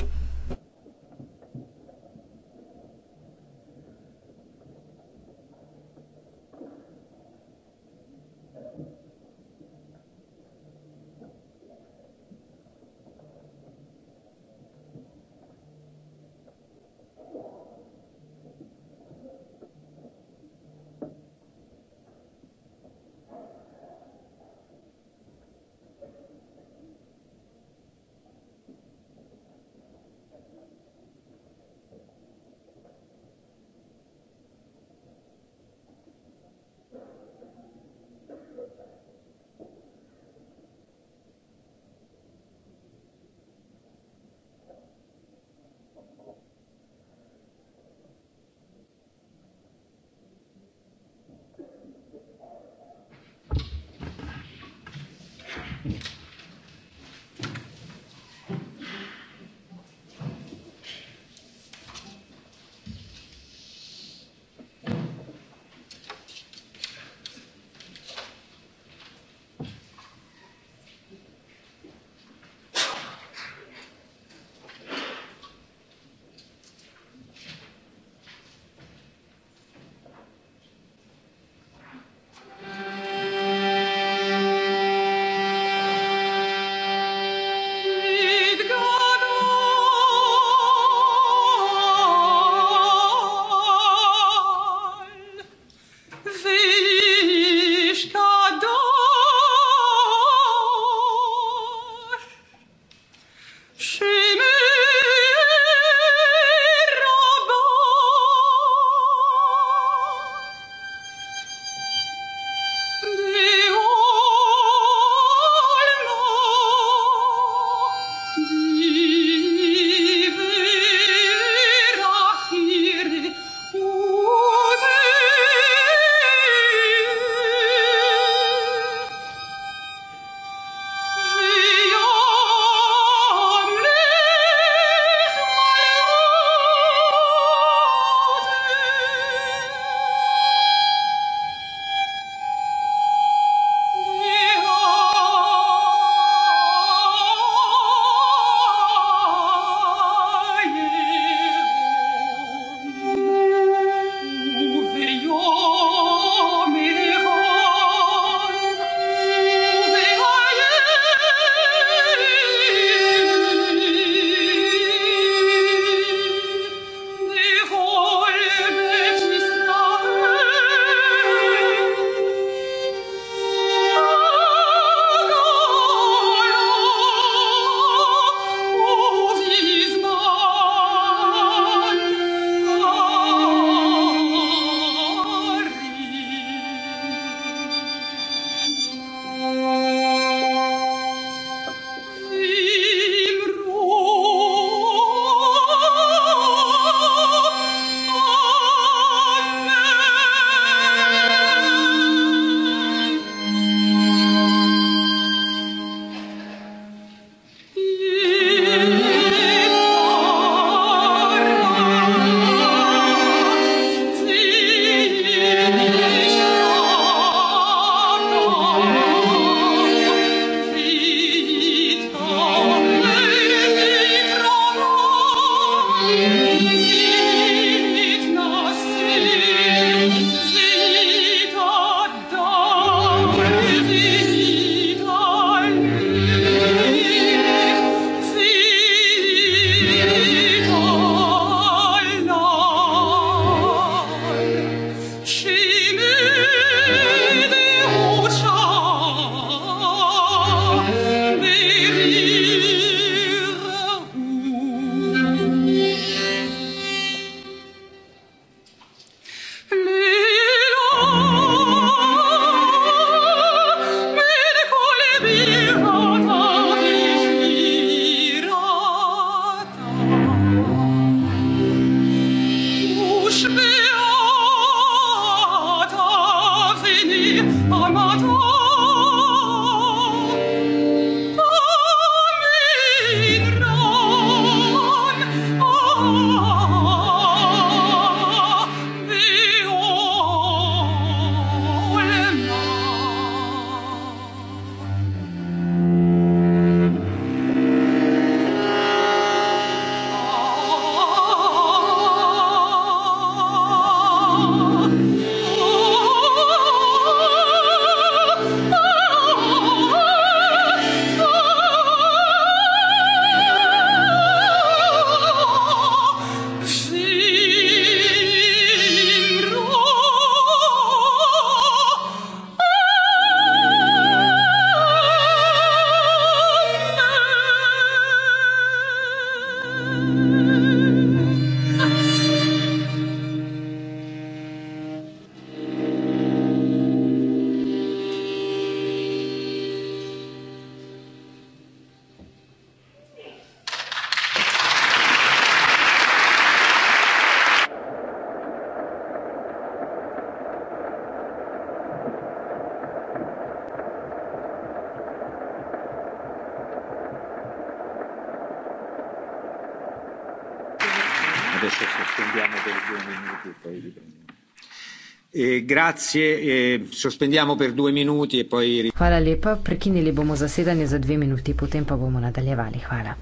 grazie e sospendiamo per due minuti e poi. Hvala lepa, prekinili bomo zasedanje za dve minuti, potem pa bomo nadaljevali. Hvala.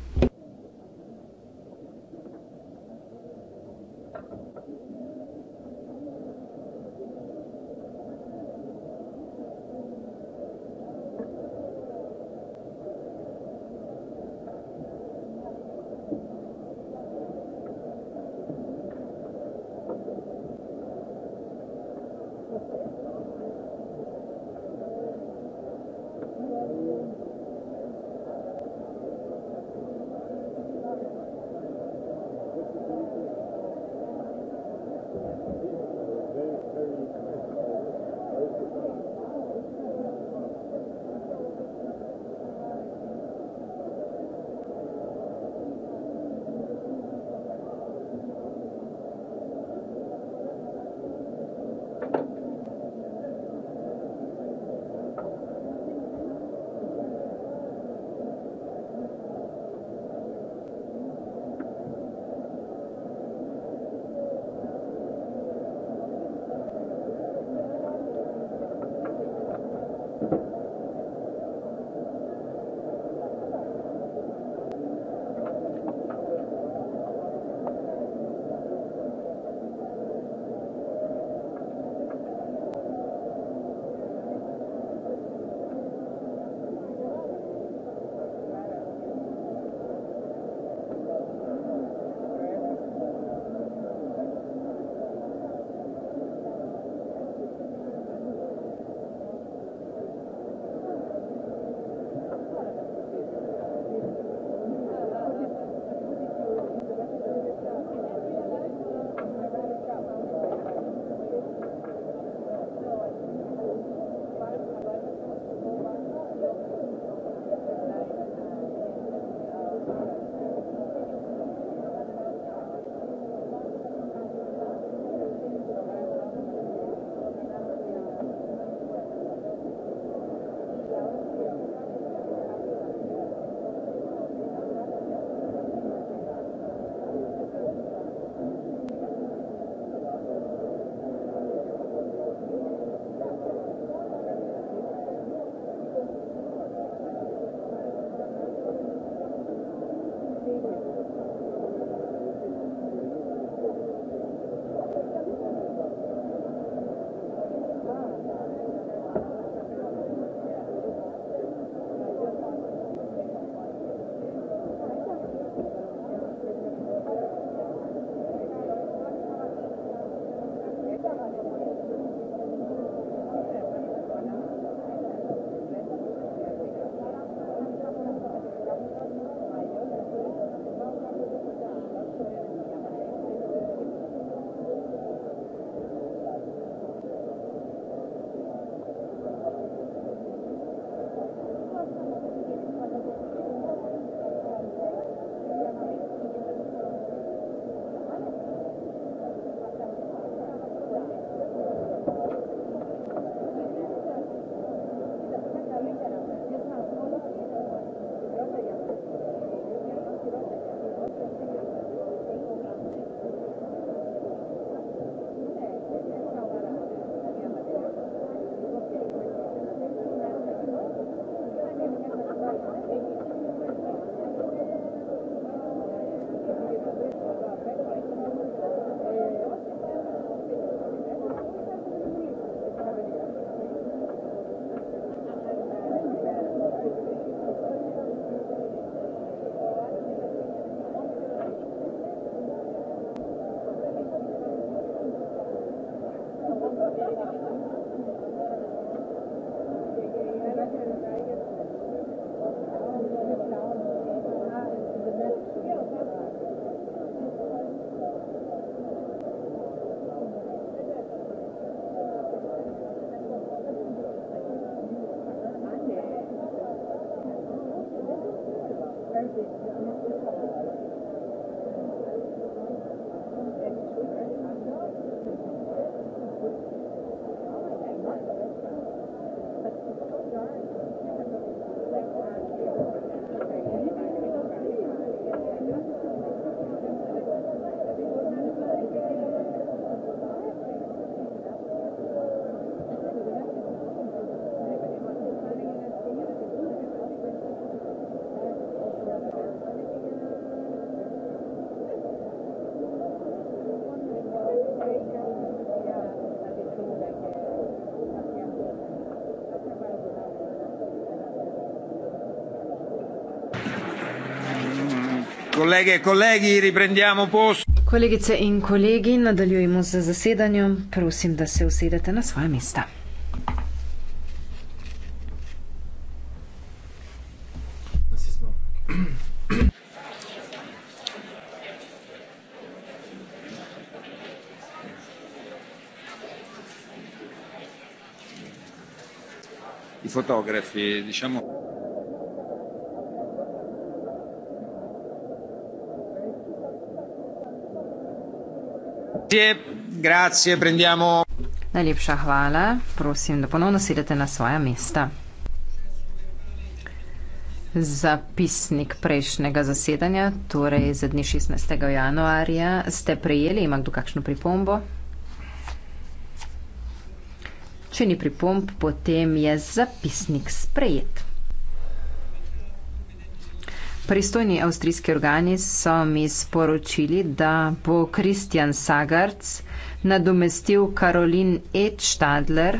Kolege, kolegi, riprendiamo posto. Kolegice in kolegi, nadaljujemo z zasedanjem. Prosim, da se usedete na svoje mesta. I fotografi, diciamo, Najlepša hvala. Prosim, da ponovno sedete na svoja mesta. Zapisnik prejšnjega zasedanja, torej za dni 16. januarja, ste prejeli, ima kdo kakšno pripombo? Če ni pripomb, potem je zapisnik sprejet. Pristojni avstrijski organi so mi sporočili, da bo Kristjan Sagarc nadomestil Karolin E. Stadler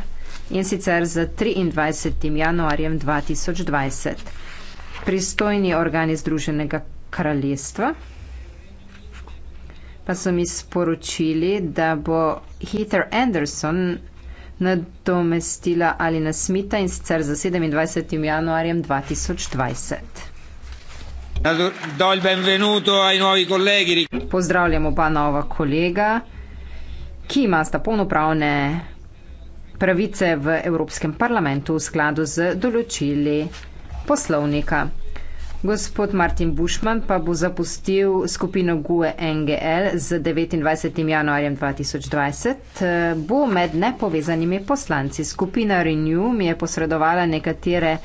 in sicer za 23. januarjem 2020. Pristojni organi Združenega kraljestva pa so mi sporočili, da bo Heather Anderson nadomestila Alina Smita in sicer za 27. januarjem 2020. Pozdravljamo pa nova kolega, ki ima sta polnopravne pravice v Evropskem parlamentu v skladu z določili poslovnika. Gospod Martin Bušman pa bo zapustil skupino GUE NGL z 29. januarjem 2020. Bo med nepovezanimi poslanci. Skupina Renew mi je posredovala nekatere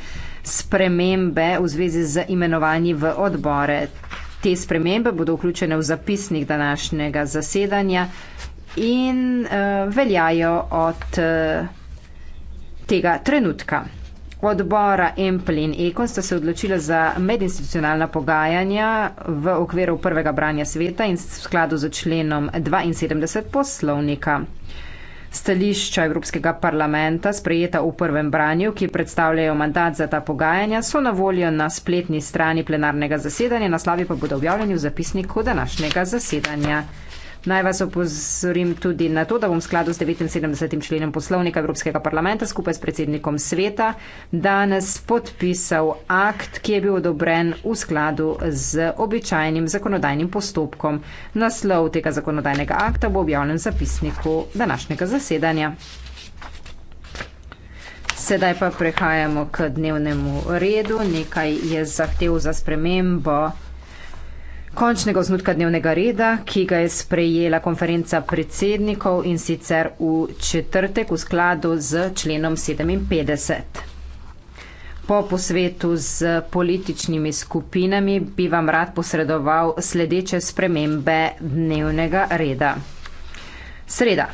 spremembe v zvezi z imenovanji v odbore. Te spremembe bodo vključene v zapisnik današnjega zasedanja in uh, veljajo od uh, tega trenutka. Odbora Empl in Ekon sta se odločila za medinstitucionalna pogajanja v okviru prvega branja sveta in v skladu z členom 72 poslovnika. Stališča Evropskega parlamenta, sprejeta v prvem branju, ki predstavljajo mandat za ta pogajanja, so na voljo na spletni strani plenarnega zasedanja, naslavi pa bodo objavljeni v zapisniku današnjega zasedanja. Naj vas opozorim tudi na to, da bom v skladu s 79. členom poslovnika Evropskega parlamenta skupaj s predsednikom sveta danes podpisal akt, ki je bil odobren v skladu z običajnim zakonodajnim postopkom. Naslov tega zakonodajnega akta bo objavljen v zapisniku današnjega zasedanja. Sedaj pa prehajamo k dnevnemu redu. Nekaj je zahtev za spremembo končnega osnutka dnevnega reda, ki ga je sprejela konferenca predsednikov in sicer v četrtek v skladu z členom 57. Po posvetu z političnimi skupinami bi vam rad posredoval sledeče spremembe dnevnega reda. Sreda.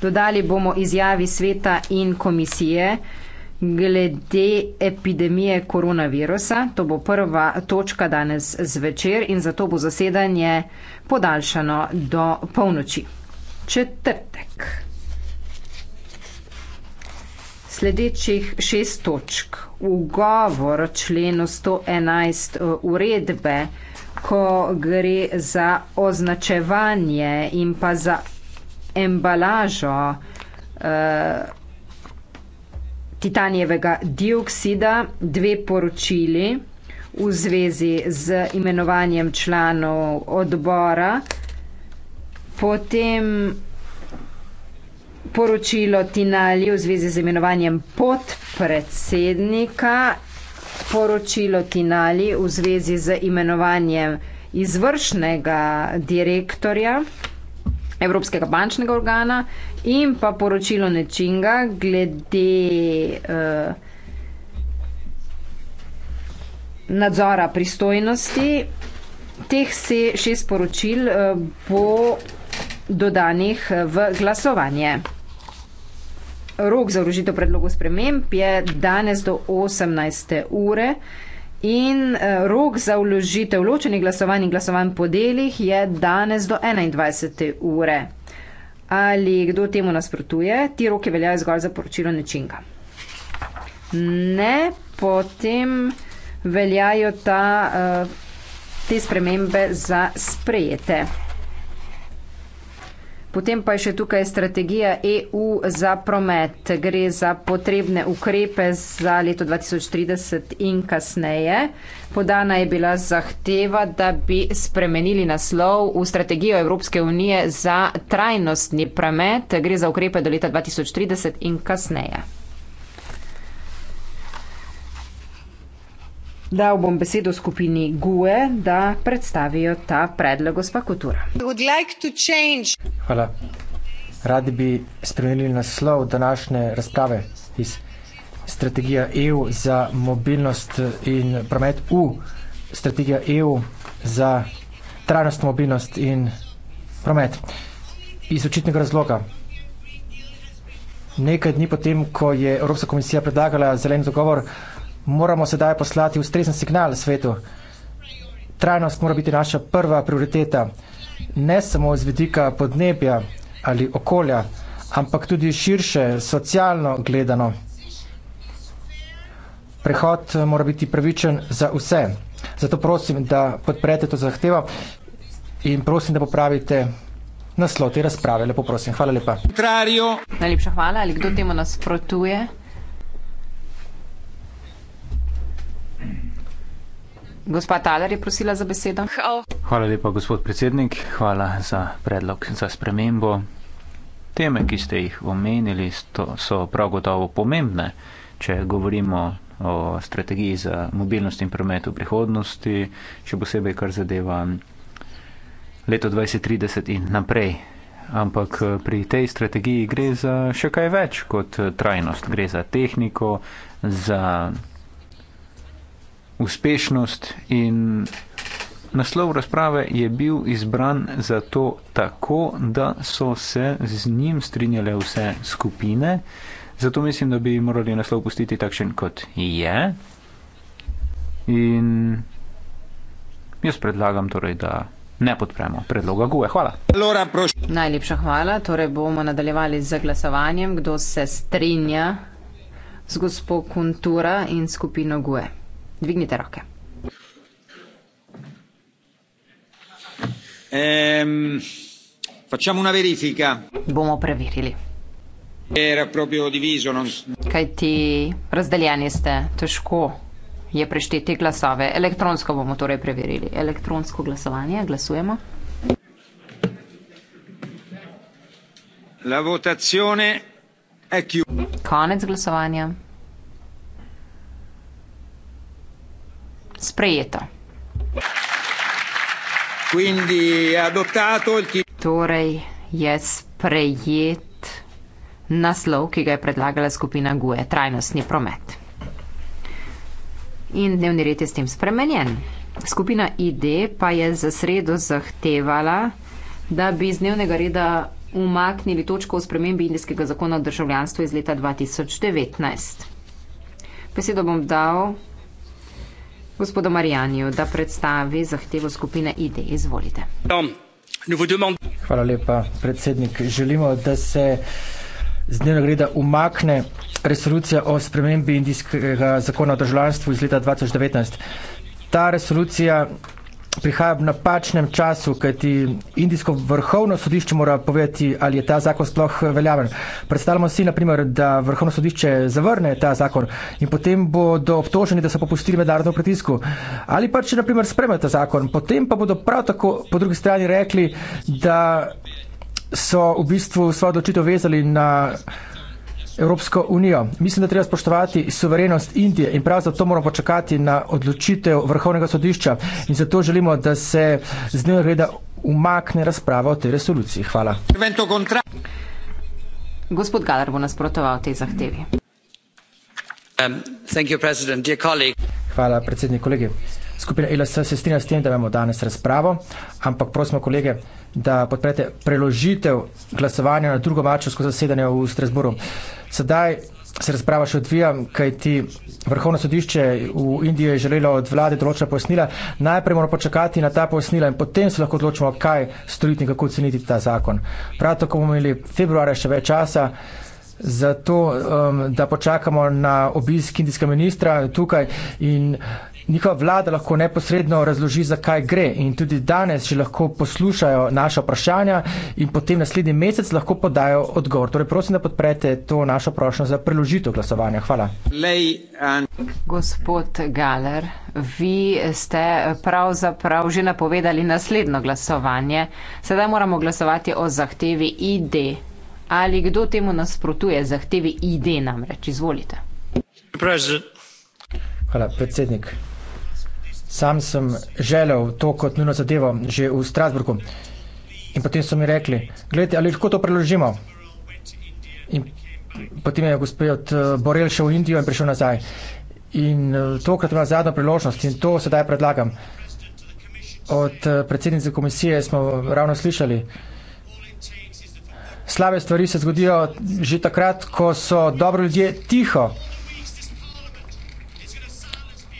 Dodali bomo izjavi sveta in komisije, ki je vsega, glede epidemije koronavirusa. To bo prva točka danes zvečer in zato bo zasedanje podaljšano do polnoči. Četrtek. Sledečih šest točk. Ugovor členu 111 eh, uredbe, ko gre za označevanje in pa za embalažo. Uh, titanijevega dioksida, dve poročili v zvezi z imenovanjem članov odbora, potem poročilo Tinali v zvezi z imenovanjem podpredsednika, poročilo Tinali v zvezi z imenovanjem izvršnega direktorja. Evropskega bančnega organa in pa poročilo Nečinga glede uh, nadzora pristojnosti. Teh se šest poročil uh, bo dodanih eh, v glasovanje. Rok za vložitev predlogov sprememb je danes do 18. ure. Uh, In eh, rok za vložitev ločenih glasovanj in glasovanj po delih je danes do 21. ure. Ali kdo temu nasprotuje? Ti roki veljajo zgolj za poročilo nečinka. Ne, potem veljajo ta, eh, te spremembe za sprejete. Potem pa je še tukaj strategija EU za promet. Gre za potrebne ukrepe za leto 2030 in kasneje. Podana je bila zahteva, da bi spremenili naslov v strategijo Evropske unije za trajnostni promet. Gre za ukrepe do leta 2030 in kasneje. dal bom besedo skupini GUE, da predstavijo ta predlog gospa Kultura. Hvala. Radi bi spremenili naslov današnje razprave iz strategija EU za mobilnost in promet U, strategija EU za trajnost mobilnost in promet. Iz očitnega razloga. Nekaj dni potem, ko je Evropska komisija predlagala zeleni dogovor, moramo sedaj poslati ustrezen signal svetu. Trajnost mora biti naša prva prioriteta, ne samo z vidika podnebja ali okolja, ampak tudi širše, socialno gledano. Prehod mora biti pravičen za vse. Zato prosim, da podprete to zahtevo in prosim, da popravite naslov te razprave. Lepo prosim. Hvala lepa. Najlepša hvala. Ali kdo temu nasprotuje? Gospa Taler je prosila za besedo. Hvala lepa, gospod predsednik. Hvala za predlog za spremembo. Teme, ki ste jih omenili, so prav gotovo pomembne. Če govorimo o strategiji za mobilnost in promet v prihodnosti, še posebej kar zadeva leto 2030 in naprej. Ampak eh, pri tej strategiji gre za še kaj več kot eh, trajnost. Gre za tehniko, za uspešnost in naslov razprave je bil izbran zato tako, da so se z njim strinjale vse skupine. Zato mislim, da bi morali naslov pustiti takšen, kot je. In jaz predlagam torej, da ne podpremo predloga GUE. Hvala. Lora, Najlepša hvala. Torej bomo nadaljevali z zaglasovanjem, kdo se strinja z gospod Kuntura in skupino GUE dvignite roke. Ehm, facciamo una verifica. Bomo preverili. Era proprio diviso, non... Kaj ti razdeljeni ste, težko je prešteti glasove. Elektronsko bomo torej preverili. Elektronsko glasovanje, glasujemo. La votazione è chiusa. Konec glasovanja. sprejeto. Torej je sprejet naslov, ki ga je predlagala skupina GUE, trajnostni promet. In dnevni red je s tem spremenjen. Skupina ID pa je za sredo zahtevala, da bi z dnevnega reda umaknili točko o spremembi indijskega zakona o državljanstvu iz leta 2019. Besedo bom dal gospodu Marijanju, da predstavi zahtevo skupine ID. Izvolite. Hvala lepa, predsednik. Želimo, da se z dnevnega reda umakne resolucija o spremembi indijskega zakona o državljanstvu iz leta 2019. Ta resolucija prihaja v napačnem času, kajti indijsko vrhovno sodišče mora povedati, ali je ta zakon sploh eh, veljaven. Predstavljamo si, naprimer, da vrhovno sodišče zavrne ta zakon in potem bodo obtoženi, da so popustili mednarodno pritisku. Ali pa, če naprimer spremljajo ta zakon, potem pa bodo prav tako po drugi strani rekli, da so v bistvu svojo odločitev vezali na Evropsko unijo. Mislim, da treba spoštovati suverenost Indije in prav zato moramo počakati na odločitev Vrhovnega sodišča in zato želimo, da se z njo reda umakne razprava o tej resoluciji. Hvala. Gospod Galar bo nasprotoval tej zahtevi. Um, Hvala, predsednik, kolegi. Skupina LSS se strinja s tem, da imamo danes razpravo, ampak prosimo kolege, da podprete preložitev glasovanja na drugo mačevsko zasedanje v Strasburu. Sedaj se razprava še odvija, kaj ti vrhovno sodišče v Indiji je želelo od vlade določena pojasnila. Najprej moramo počakati na ta pojasnila in potem se lahko odločimo, kaj storiti in kako oceniti ta zakon. Prav tako bomo imeli februarja še več časa. Zato, um, da počakamo na obisk indijskega ministra tukaj in Njihova vlada lahko neposredno razloži, zakaj gre in tudi danes že lahko poslušajo naša vprašanja in potem naslednji mesec lahko podajo odgovor. Torej prosim, da podprete to našo prošljo za preložitev glasovanja. Hvala. Gospod Galer, vi ste pravzaprav že napovedali naslednjo glasovanje. Sedaj moramo glasovati o zahtevi ID. Ali kdo temu nasprotuje zahtevi ID namreč? Izvolite. President. Hvala, predsednik. Sam sem želel to kot nujno zadevo že v Strasburgu. In potem so mi rekli, gledajte, ali lahko to preložimo. In potem je gospod od eh, Borel šel v Indijo in prišel nazaj. In eh, tokrat ima zadnjo priložnost in to sedaj predlagam. Od eh, predsednice komisije smo ravno slišali, slabe stvari se zgodijo že takrat, ko so dobro ljudje tiho.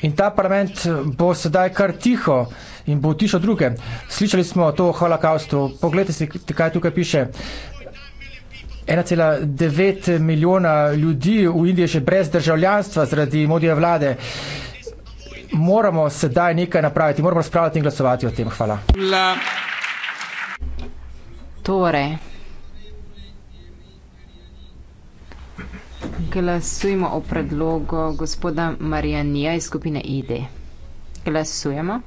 In ta parlament bo sedaj kar tiho in bo tišo druge. Slišali smo to o holokaustu. Poglejte si, kaj tukaj piše. 1,9 milijona ljudi v Indiji je še brez državljanstva zaradi modije vlade. Moramo sedaj nekaj napraviti, moramo spraviti in glasovati o tem. Hvala. La. Torej. Glasujemo o predlogu gospoda Marijanija iz skupine ID. Glasujemo.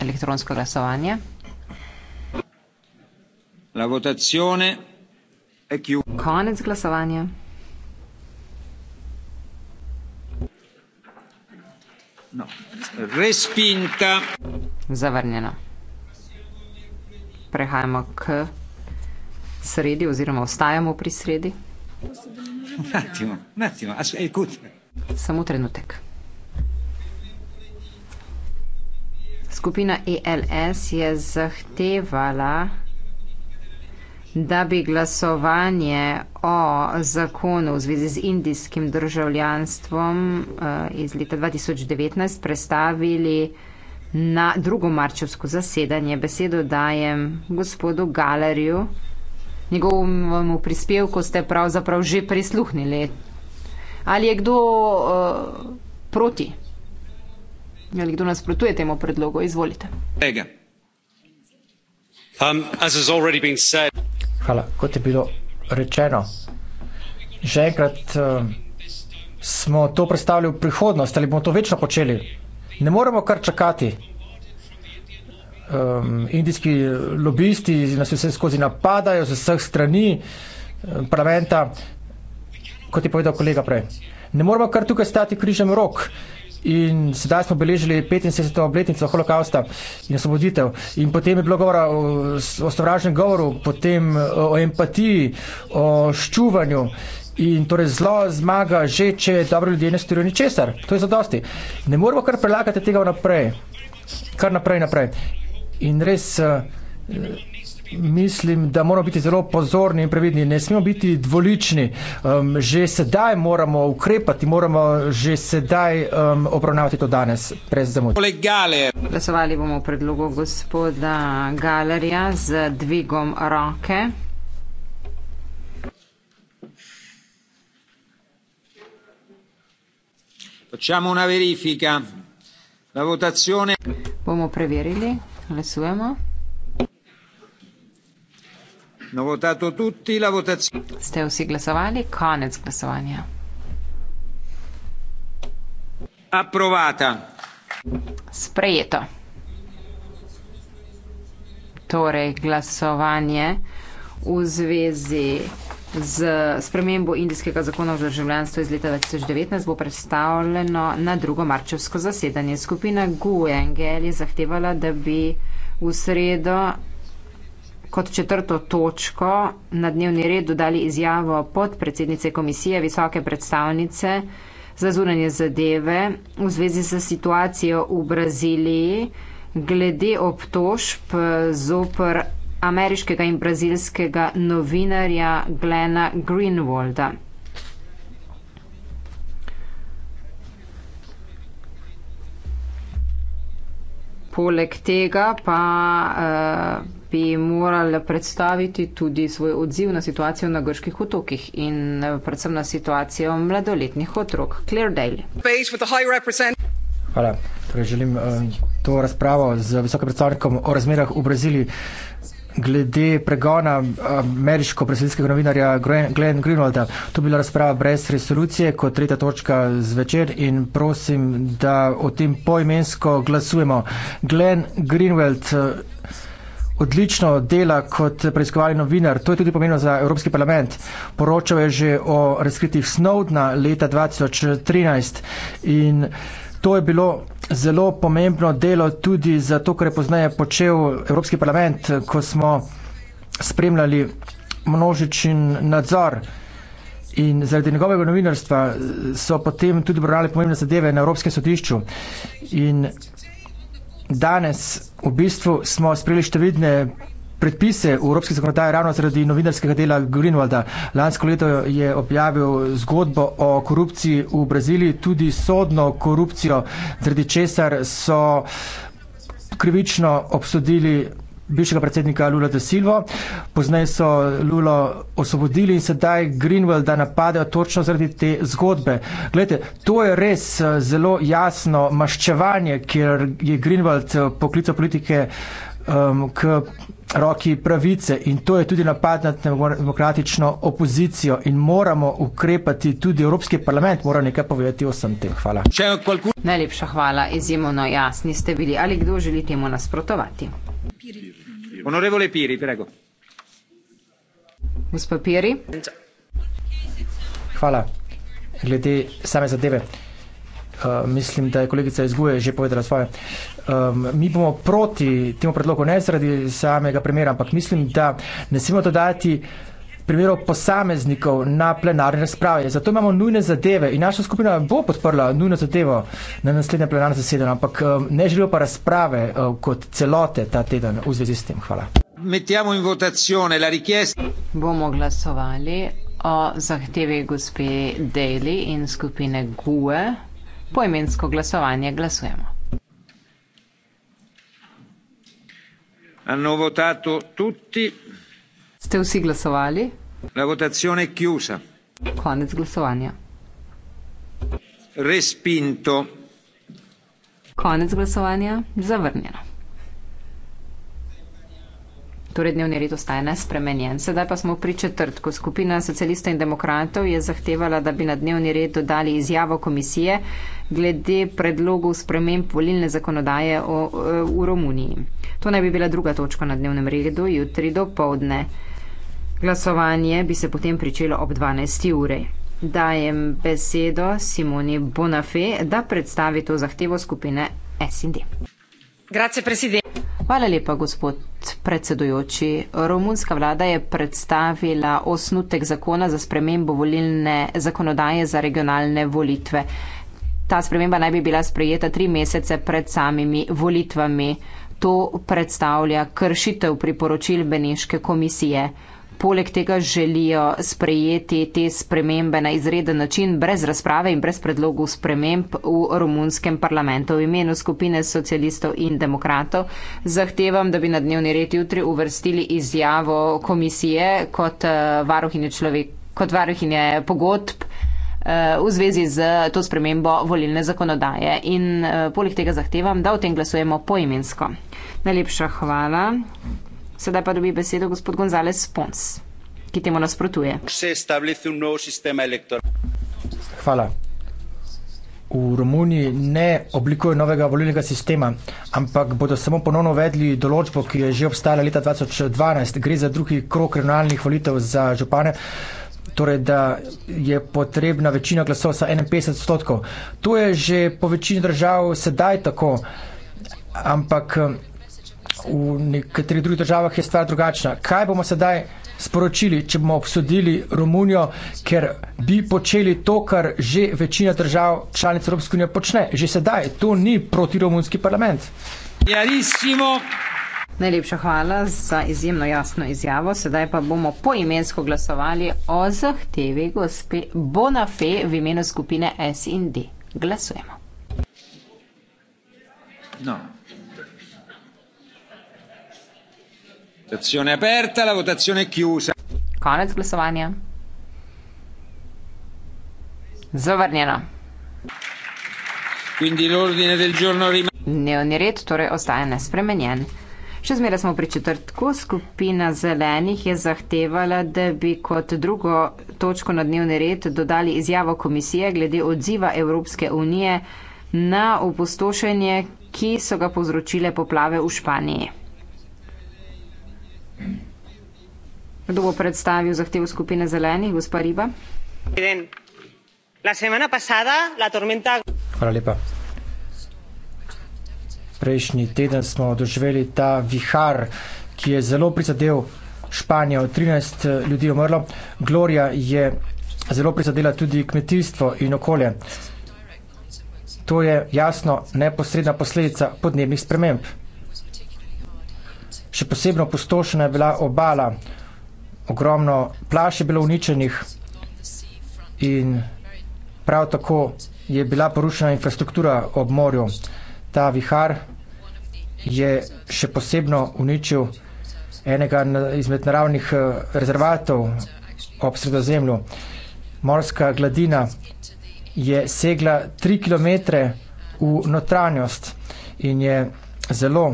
Elektronsko glasovanje. La votazione è chiusa. Konec glasovanja. No. Respinta. Zavrnjeno. Prehajamo k sredi oziroma ostajamo pri sredi? Nacimo, nacimo, a še eh, kut. Samo trenutek. Skupina ELS je zahtevala, da bi glasovanje o zakonu v zvezi z indijskim državljanstvom eh, iz leta 2019 predstavili na drugo marčevsko zasedanje. Besedo dajem gospodu Galerju njegovemu prispevku ste pravzaprav že prisluhnili. Ali je kdo uh, proti? Ali kdo nasprotuje temu predlogu? Izvolite. Um, Hvala. Kot je bilo rečeno, že enkrat uh, smo to predstavili v prihodnost ali bomo to večno počeli. Ne moremo kar čakati um, indijski lobisti nas vse skozi napadajo z vseh strani parlamenta, kot je povedal kolega prej. Ne moramo kar tukaj stati križem rok in sedaj smo beležili 75. obletnico holokausta in osvoboditev. In potem je bilo govora o sovražnem govoru, potem o empatiji, o ščuvanju in torej zlo zmaga že, če dobro ljudje ne storijo ničesar. To je zadosti. Ne moramo kar prelagati tega naprej, kar naprej naprej. In res eh, mislim, da moramo biti zelo pozorni in previdni. Ne smemo biti dvolični. Um, že sedaj moramo ukrepati, moramo že sedaj um, obravnavati to danes, brez zamud. Glasovali bomo o predlogu gospoda Galerija z dvigom roke. Facciamo una verifica. La votazione. Bomo preverili glasujemo. No, Ste vsi glasovali? Konec glasovanja. Sprejeto. Torej glasovanje v zvezi. Z spremembo indijskega zakona o državljanstvu iz leta 2019 bo predstavljeno na drugo marčevsko zasedanje. Skupina Guengel je zahtevala, da bi v sredo kot četrto točko na dnevni red dodali izjavo podpredsednice komisije visoke predstavnice za zunanje zadeve v zvezi z situacijo v Braziliji glede obtožb zopr ameriškega in brazilskega novinarja Glena Greenwalda. Poleg tega pa uh, bi morali predstaviti tudi svoj odziv na situacijo na grških otokih in eh, predvsem na situacijo mladoletnih otrok. Claire Daly. Hvala. Torej želim uh, to razpravo z visokim predstavnikom o razmerah v Braziliji glede pregona eh, ameriško-preseljskega novinarja Glenn Greenwalda. To bila razprava brez resolucije kot tretja točka zvečer in prosim, da o tem poimensko glasujemo. Glenn Greenwald eh, odlično dela kot preiskovalni novinar. To je tudi pomembno za Evropski parlament. Poročal je že o razkritih Snowdna leta 2013 in To je bilo zelo pomembno delo tudi za to, kar je poznaje počel Evropski parlament, ko smo spremljali množičen nadzor. In zaradi njegovega novinarstva so potem tudi brali pomembne zadeve na Evropskem sodišču. In danes v bistvu smo sprejeli številne predpise v evropski zakonodaji ravno zaradi novinarskega dela Greenwalda. Lansko leto je objavil zgodbo o korupciji v Braziliji, tudi sodno korupcijo, zaradi česar so krivično obsodili bivšega predsednika Lula da Silvo. Poznaj so Lulo osvobodili in sedaj Greenwald da napadejo točno zaradi te zgodbe. Glejte, to je res eh, zelo jasno maščevanje, ker je Greenwald eh, poklical politike um, k roki pravice in to je tudi napad na demokratično opozicijo in moramo ukrepati, tudi Evropski parlament mora nekaj povedati o vsem tem. Hvala. Najlepša hvala, izjemno jasni ste bili. Ali kdo želi temu nasprotovati? Honorevole Piri, prego. Gospod Piri. Hvala. Glede same zadeve. Uh, mislim, da je kolegica iz Guje že povedala svoje. Uh, Um, mi bomo proti temu predlogu, ne zaradi samega primera, ampak mislim, da ne smemo dodati primerov posameznikov na plenarne razprave. Zato imamo nujne zadeve in naša skupina bo podprla nujno zadevo na naslednje plenarno zasedanje, ampak um, ne želijo pa razprave um, kot celote ta teden v zvezi s tem. Hvala. In la bomo glasovali o zahtevi gospe Daly in skupine GUE. Poimensko glasovanje glasujemo. Hanno votato tutti. Ste vsi glasovali? La votazione è chiusa. Konec glasovanja. Respinto. Konec glasovanja, zavrnjeno torej dnevni red ostaje nespremenjen. Sedaj pa smo pri četrtku. Skupina socialistov in demokratov je zahtevala, da bi na dnevni red dodali izjavo komisije glede predlogov sprememb volilne zakonodaje o, o, v Romuniji. To naj bi bila druga točka na dnevnem redu jutri do povdne. Glasovanje bi se potem pričelo ob 12. ure. Dajem besedo Simoni Bonafe, da predstavi to zahtevo skupine SD. Hvala lepa, gospod predsedujoči. Romunska vlada je predstavila osnutek zakona za spremembo volilne zakonodaje za regionalne volitve. Ta sprememba naj bi bila sprejeta tri mesece pred samimi volitvami. To predstavlja kršitev priporočil Beneške komisije. Poleg tega želijo sprejeti te spremembe na izreden način, brez razprave in brez predlogov sprememb v romunskem parlamentu. V imenu skupine socialistov in demokratov zahtevam, da bi na dnevni red jutri uvrstili izjavo komisije kot eh, varuhinje, človek, kot varuhinje pogodb eh, v zvezi z to spremembo volilne zakonodaje. In eh, poleg tega zahtevam, da o tem glasujemo poimensko. Najlepša hvala. Sedaj pa dobi besedo gospod Gonzales Pons, ki temu nasprotuje. Hvala. V Romuniji ne oblikujo novega volilnega sistema, ampak bodo samo ponovno uvedli določbo, ki je že obstajala leta 2012. Gre za drugi krok regionalnih volitev za župane, torej da je potrebna večina glasov za 51 odstotkov. To je že po večini držav sedaj tako, ampak v nekaterih drugih državah je stvar drugačna. Kaj bomo sedaj sporočili, če bomo obsodili Romunijo, ker bi počeli to, kar že večina držav članic Evropske unije počne? Že sedaj to ni protiromunski parlament. Ja, resimo. Najlepša hvala za izjemno jasno izjavo. Sedaj pa bomo poimensko glasovali o zahtevi gospe Bonafe v imenu skupine SD. Glasujemo. No. Votazione aperta, la votazione è chiusa. Konec glasovanja. Zavrnjeno. Quindi l'ordine del giorno rimane. Dnevni red torej ostaja nespremenjen. Še zmeraj smo pri četrtku. Skupina zelenih je zahtevala, da bi kot drugo točko na dnevni red dodali izjavo komisije glede odziva Evropske unije na opustošenje, ki so ga povzročile poplave v Španiji. Kdo bo predstavil zahtev skupine zelenih, gospa Riba? Hvala lepa. Prejšnji teden smo doživeli ta vihar, ki je zelo prizadel Španijo. 13 eh, ljudi je umrlo. Gloria je zelo prizadela tudi kmetijstvo in okolje. To je jasno neposredna posledica podnebnih sprememb. Še posebno postošena je bila obala, ogromno plaž je bilo uničenih in prav tako je bila porušena infrastruktura ob morju. Ta vihar je še posebno uničil enega izmed naravnih eh, rezervatov ob sredozemlju. Morska gladina je segla tri kilometre v notranjost in je zelo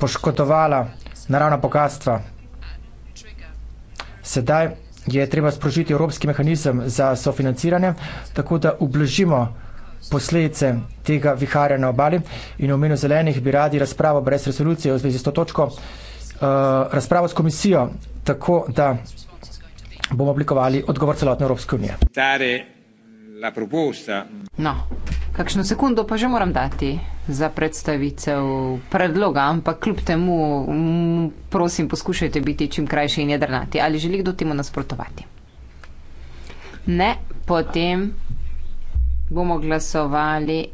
poškodovala naravna bogatstva. Sedaj je treba sprožiti evropski mehanizem za sofinanciranje, tako da ublažimo posledice tega viharja na obali in v imenu zelenih bi radi razpravo brez resolucije v zvezi s to točko, eh, razpravo s komisijo, tako da bomo oblikovali odgovor celotne Evropske unije la proposta. No, kakšno sekundo pa že moram dati za predstavitev predloga, ampak kljub temu, prosim, poskušajte biti čim krajši in jedrnati. Ali želi kdo temu nasprotovati? Ne, potem bomo glasovali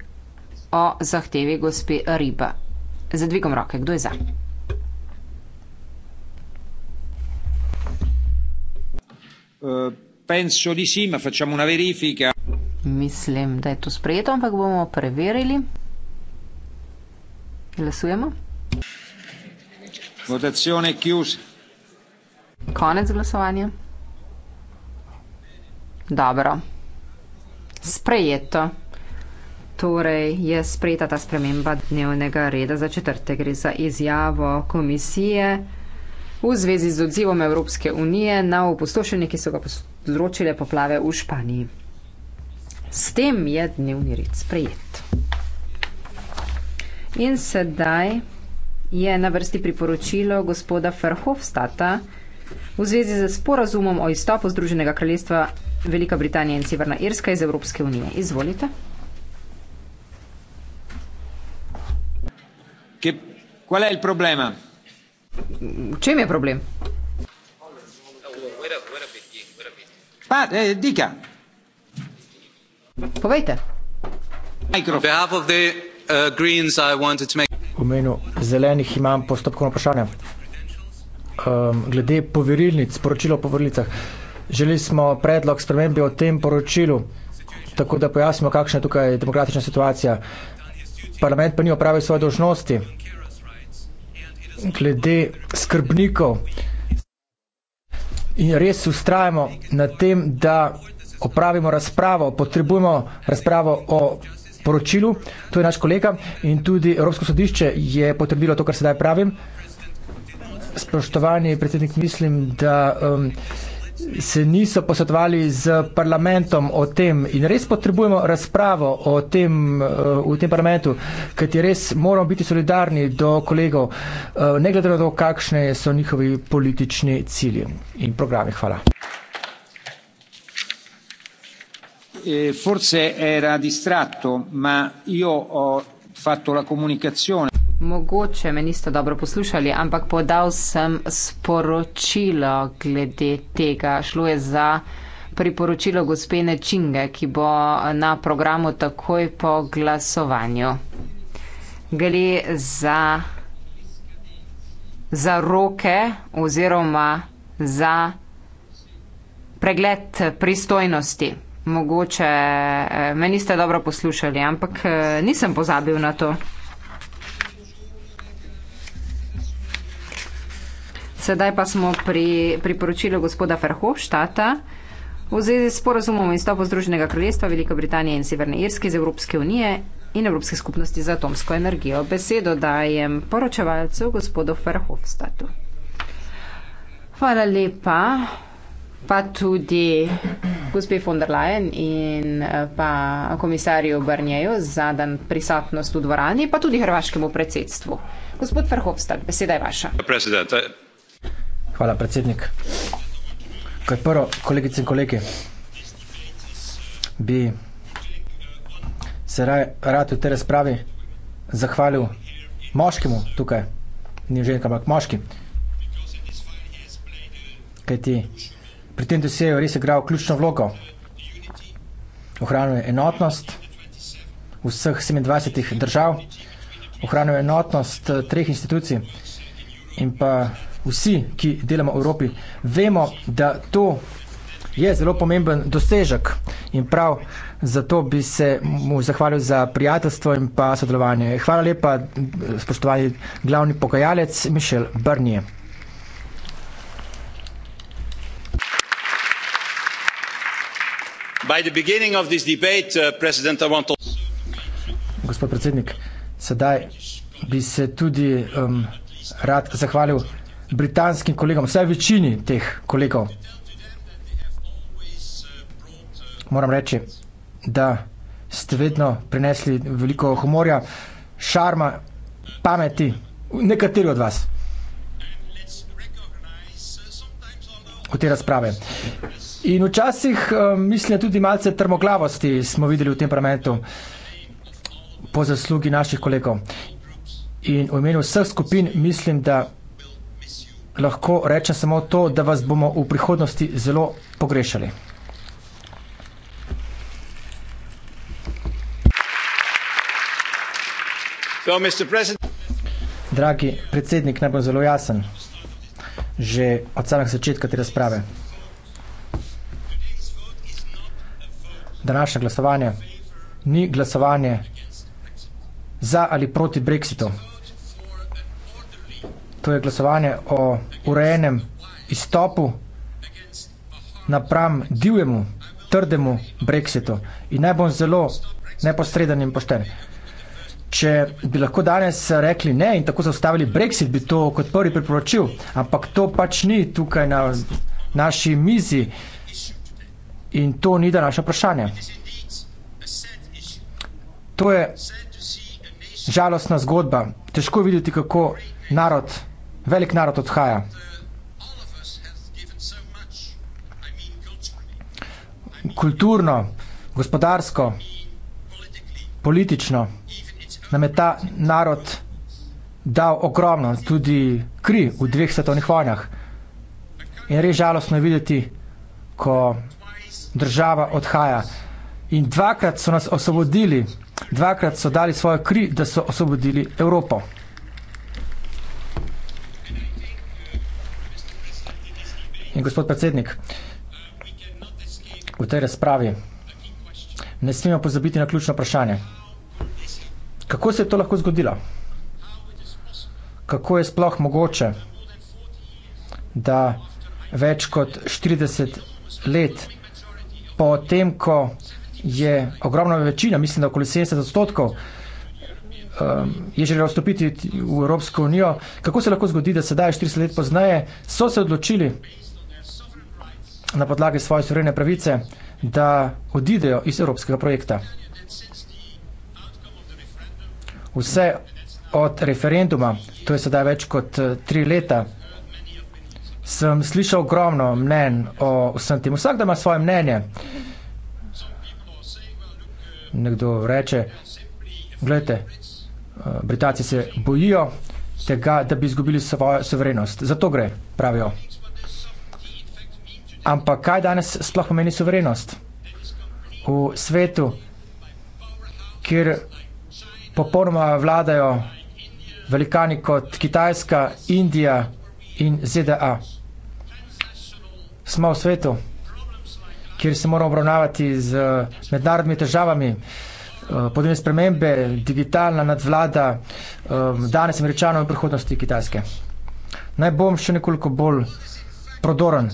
o zahtevi gospe Riba. Za dvigom roke, kdo je za? Uh, penso di sì, ma facciamo una verifica. Mislim, da je to sprejeto, ampak bomo preverili. Glasujemo. Votazione chiusa. Konec glasovanja. Dobro. Sprejeto. Torej je sprejeta ta sprememba dnevnega reda za četrte. Gre za izjavo komisije v zvezi z odzivom Evropske unije na opustošenje, ki so ga povzročile poplave v Španiji. S tem je dnevni red sprejet. In sedaj je na vrsti priporočilo gospoda Ferhofstata v zvezi z sporazumom o izstopu Združenega kraljestva Velika Britanija in Severna Irska iz Evropske unije. Izvolite. Ke, qual je il problema? V čem je problem? Pa, eh, dica. Povejte. Uh, v imenu zelenih imam postopkovno vprašanje. Um, glede poverilnic, poročilo o poverilnicah. Želeli smo predlog spremembe o tem poročilu, tako da pojasnimo, kakšna je tukaj demokratična situacija. Parlament pa ni opravil svoje dožnosti. Glede skrbnikov, in res ustrajamo na tem, da opravimo razpravo, potrebujemo razpravo o poročilu, to je naš kolega in tudi Evropsko sodišče je potrebilo to, kar sedaj pravim. Spoštovani predsednik, mislim, da um, se niso posvetovali z parlamentom o tem in res potrebujemo razpravo o tem, uh, v tem parlamentu, kajti res moramo biti solidarni do kolegov, uh, ne glede na to, kakšne so njihovi politični cilji in programi. Hvala. Eh, forse era distratto ma io ho fatto la comunicazione Mogoče me niste dobro poslušali, ampak podal sem sporočilo glede tega. Šlo je za priporočilo gospene Činge, ki bo na programu takoj po glasovanju. Gre za, za roke oziroma za pregled pristojnosti mogoče eh, me niste dobro poslušali, ampak eh, nisem pozabil na to. Sedaj pa smo pri priporočilu gospoda Ferhofštata v zvezi s sporozumom o izstopu Združenega kraljestva Velike Britanije in Severne Irske iz Evropske unije in Evropske skupnosti za atomsko energijo. Besedo dajem poročevalcu gospodu Ferhofštatu. Hvala lepa pa tudi gospe von der Leyen in eh, pa komisarju Barnjeju za dan prisotnost v dvorani, pa tudi hrvaškemu predsedstvu. Gospod Verhofstadt, beseda je vaša. Eh. Hvala, predsednik. Kot prvo, kolegice in kolegi, bi se raj, rad v tej razpravi zahvalil moškemu tukaj, ni ženka, ampak moški, kajti pri tem dosejo res igral ključno vlogo. Ohranil je enotnost vseh 27 držav, ohranil je enotnost eh, treh institucij in pa vsi, ki delamo v Evropi, vemo, da to je zelo pomemben dosežek in prav zato bi se mu zahvalil za prijateljstvo in pa sodelovanje. Hvala lepa, eh, spoštovani glavni pogajalec Mišel Brnije. Uh, Gospod predsednik, sedaj bi se tudi um, rad zahvalil britanskim kolegom, vsaj večini teh kolegov. Moram reči, da ste vedno prinesli veliko humorja, šarma, pameti, nekateri od vas v te razprave. In včasih eh, mislim tudi malce trmoglavosti smo videli v tem parlamentu po zaslugi naših kolegov. In v imenu vseh skupin mislim, da lahko rečem samo to, da vas bomo v prihodnosti zelo pogrešali. Dragi predsednik, naj bom zelo jasen že od samega začetka te razprave. današnje glasovanje ni glasovanje za ali proti Brexitu. To je glasovanje o urejenem izstopu napram divjemu, trdemu Brexitu. In naj bom zelo neposreden in pošten. Če bi lahko danes rekli ne in tako zaustavili Brexit, bi to kot prvi priporočil, ampak to pač ni tukaj na naši mizi. In to ni današnje vprašanje. To je žalostna zgodba. Težko videti, kako narod, velik narod odhaja. Kulturno, gospodarsko, politično nam je ta narod dal ogromno, tudi kri v dveh svetovnih vojnah. In res žalostno je videti, ko država odhaja. In dvakrat so nas osvobodili, dvakrat so dali svojo kri, da so osvobodili Evropo. In gospod predsednik, v tej razpravi ne smemo pozabiti na ključno vprašanje. Kako se je to lahko zgodilo? Kako je sploh mogoče, da več kot 40 let potem ko je ogromna večina, mislim, da okoli 70 odstotkov, um, je želela vstopiti v Evropsko unijo, kako se lahko zgodi, da sedaj, 40 let poznaje, so se odločili na podlagi svoje suverene pravice, da odidejo iz evropskega projekta. Vse od referenduma, to je sedaj več kot eh, tri leta, Sem slišal ogromno mnen o vsem tem. Vsak da ima svoje mnenje. Nekdo reče, gledajte, eh, Britanci se bojijo tega, da bi izgubili svojo suverenost. Zato gre, pravijo. Ampak kaj danes sploh pomeni suverenost? V svetu, kjer popolnoma vladajo velikani kot Kitajska, Indija in ZDA smo v svetu, kjer se moramo obravnavati z eh, mednarodnimi težavami, eh, podnebne spremembe, digitalna nadvlada, eh, danes američanov in prihodnosti kitajske. Naj bom še nekoliko bolj prodoren.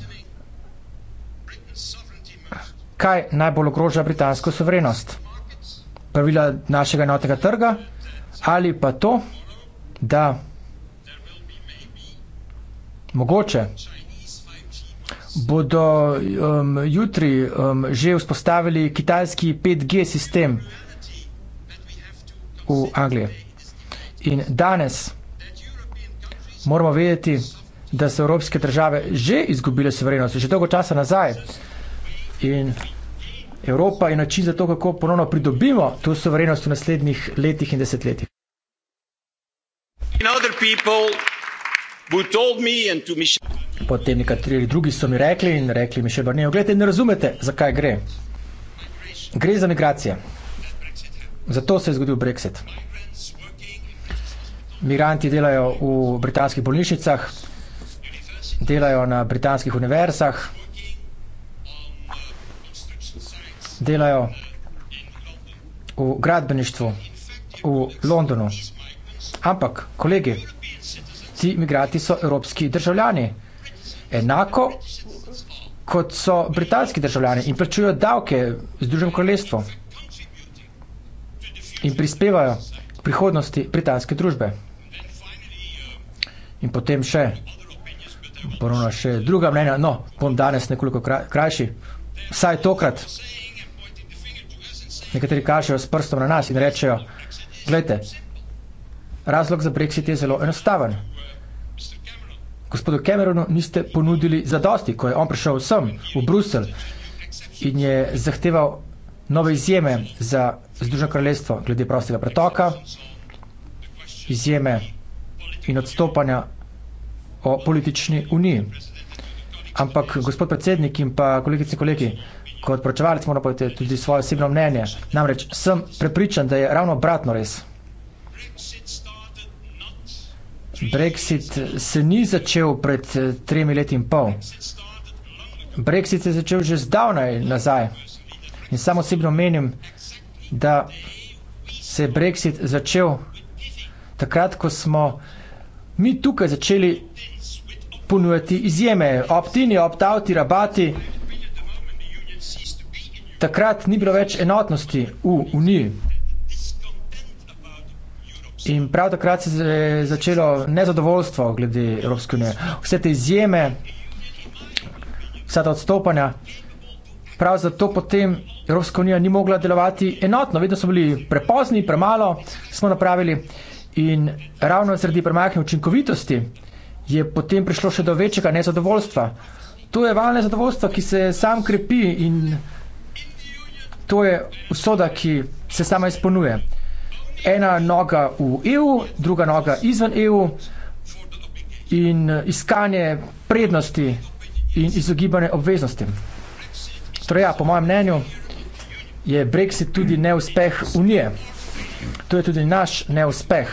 Kaj najbolj ogroža britansko suverenost? Pravila našega enotnega trga ali pa to, da mogoče bodo um, jutri um, že vzpostavili kitajski 5G sistem v Angliji. In danes moramo vedeti, da so evropske države že izgubile soverenost, že dolgo časa nazaj. In Evropa je način za to, kako ponovno pridobimo to soverenost v naslednjih letih in desetletjih. In other people Potem nekateri drugi so mi rekli in rekli mi še brnejo, gledajte, ne razumete, zakaj gre. Gre za migracije. Zato se je zgodil Brexit. Migranti delajo v britanskih bolnišnicah, delajo na britanskih univerzah, delajo v gradbeništvu v Londonu. Ampak, kolegi, ti migranti so evropski državljani. Enako kot so britanski državljani in plačujejo davke z družem kraljestvo in prispevajo k prihodnosti britanske družbe. In potem še, ponovno še druga mnenja, no, bom danes nekoliko krajši, vsaj tokrat. Nekateri kažejo s prstom na nas in rečejo, gledajte, razlog za Brexit je zelo enostaven gospodu Cameronu niste ponudili zadosti, ko je on prišel sem v Brusel in je zahteval nove izjeme za Združeno kraljestvo glede prostega pretoka, izjeme in odstopanja o politični uniji. Ampak gospod predsednik in pa kolegice in kolegi, kot pročevalec moram povedati tudi svoje osebno mnenje. Namreč sem prepričan, da je ravno obratno res. Brexit se ni začel pred eh, tremi leti in pol. Brexit se je začel že zdavnaj nazaj. In samo osebno menim, da se je Brexit začel takrat, ko smo mi tukaj začeli ponujati izjeme, opt-ini, opt-outi, rabati. Takrat ni bilo več enotnosti v Uniji. In prav takrat se je začelo nezadovoljstvo glede Evropske unije. Vse te izjeme, vsa ta odstopanja, prav zato potem Evropska unija ni mogla delovati enotno. Vedno so bili prepozni, premalo smo napravili in ravno zaradi premajhne učinkovitosti je potem prišlo še do večjega nezadovoljstva. To je valne zadovoljstvo, ki se sam krepi in to je usoda, ki se sama izpolnjuje ena noga v EU, druga noga izven EU in eh, iskanje prednosti in izogibanje obveznosti. Torej, ja, po mojem mnenju je Brexit tudi neuspeh Unije. To je tudi naš neuspeh.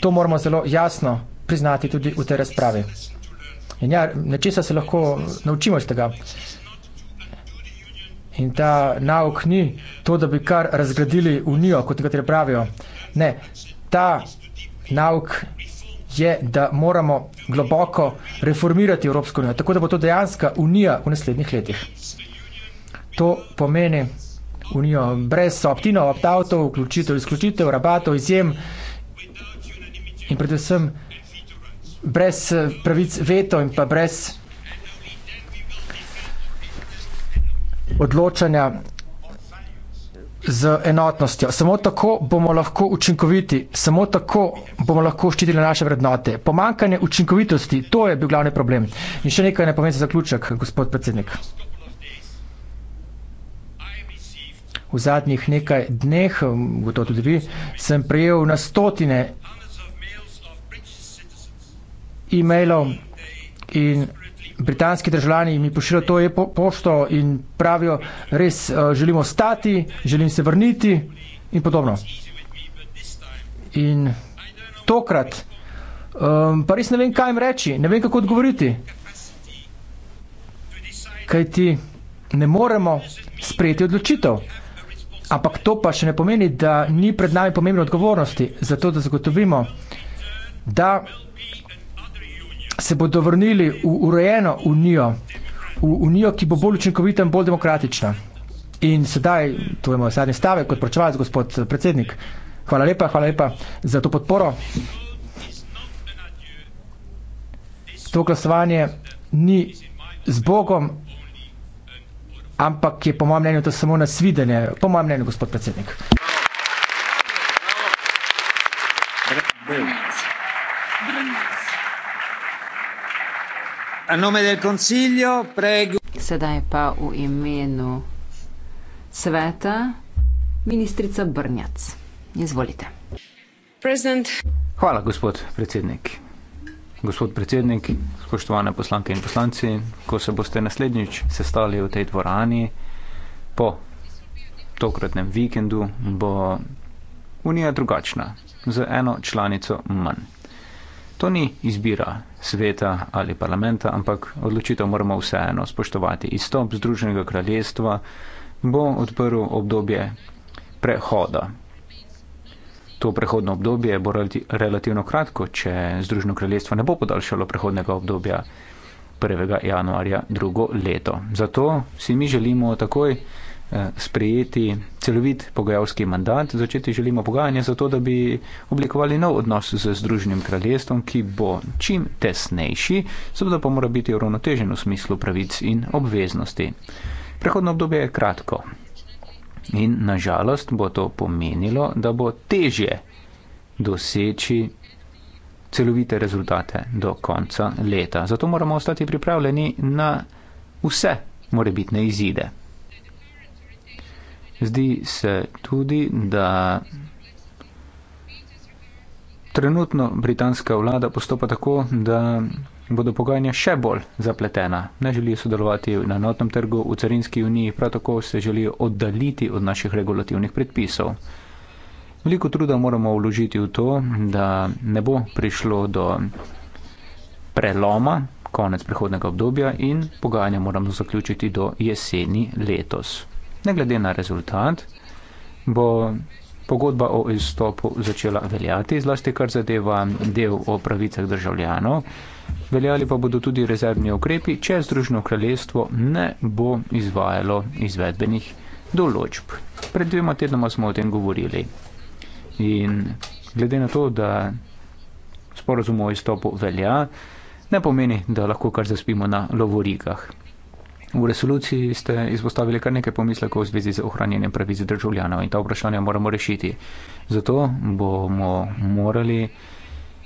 To moramo zelo jasno priznati tudi v tej razpravi. In ja, nečesa se lahko naučimo iz tega. In ta nauk ni to, da bi kar razgradili unijo, kot nekateri pravijo. Ne, ta nauk je, da moramo globoko reformirati Evropsko unijo, tako da bo to dejanska unija v naslednjih letih. To pomeni unijo brez optinov, optautov, vključitev, izključitev, rabatov, izjem in predvsem brez pravic veto in pa brez odločanja z enotnostjo. Samo tako bomo lahko učinkoviti, samo tako bomo lahko ščitili naše vrednote. Pomankanje učinkovitosti, to je bil glavni problem. In še nekaj ne povem za zaključek, gospod predsednik. V zadnjih nekaj dneh, gotovo tudi vi, sem prijel na stotine e-mailov in britanski državljani mi pošiljajo to e-pošto in pravijo, res eh, želim ostati, želim se vrniti in podobno. In tokrat, um, pa res ne vem, kaj jim reči, ne vem, kako odgovoriti. Kaj ti ne moremo sprejeti odločitev. Ampak to pa še ne pomeni, da ni pred nami pomembne odgovornosti, zato da zagotovimo, da se bodo vrnili v urejeno unijo, v unijo, ki bo bolj učinkovita in bolj demokratična. In sedaj, to je moj zadnji stavek, kot pročevalec, gospod predsednik, hvala lepa, hvala lepa za to podporo. To glasovanje ni z Bogom, ampak je po mojem mnenju to samo nasvidenje, po mojem mnenju, gospod predsednik. Bravo. Bravo. Bravo. Sedaj pa v imenu sveta ministrica Brnjac. Izvolite. Hvala, gospod predsednik. Gospod predsednik, spoštovane poslanke in poslanci, ko se boste naslednjič sestali v tej dvorani po tokratnem vikendu, bo Unija drugačna, z eno članico manj. To ni izbira sveta ali parlamenta, ampak odločitev moramo vseeno spoštovati. Izstop Združenega kraljestva bo odprl obdobje prehoda. To prehodno obdobje bo relativno kratko, če Združeno kraljestvo ne bo podaljšalo prehodnega obdobja 1. januarja drugo leto. Zato si mi želimo takoj Eh, sprejeti celovit pogajalski mandat, začeti želimo pogajanje zato, da bi oblikovali nov odnos z Združenim kraljestvom, ki bo čim tesnejši, seveda pa mora biti uravnotežen v smislu pravic in obveznosti. Prehodno obdobje je kratko in nažalost bo to pomenilo, da bo težje doseči celovite rezultate do konca leta. Zato moramo ostati pripravljeni na vse morebitne izide. Zdi se tudi, da trenutno britanska vlada postopa tako, da bodo pogajanja še bolj zapletena. Ne želijo sodelovati na enotnem trgu v carinski uniji, prav tako se želijo oddaliti od naših regulativnih predpisov. Veliko truda moramo vložiti v to, da ne bo prišlo do preloma, konec prihodnega obdobja in pogajanja moramo zaključiti do jeseni letos ne glede na rezultat, bo pogodba o izstopu začela veljati, zlasti kar zadeva del o pravicah državljanov. Veljali pa bodo tudi rezervni ukrepi, če Združeno kraljestvo ne bo izvajalo izvedbenih določb. Pred dvema tednoma smo o tem govorili. In glede na to, da sporozum o izstopu velja, ne pomeni, da lahko kar zaspimo na lovorikah. V resoluciji ste izpostavili kar nekaj pomislekov v zvezi z ohranjenjem pravic državljanov in ta vprašanja moramo rešiti. Zato bomo morali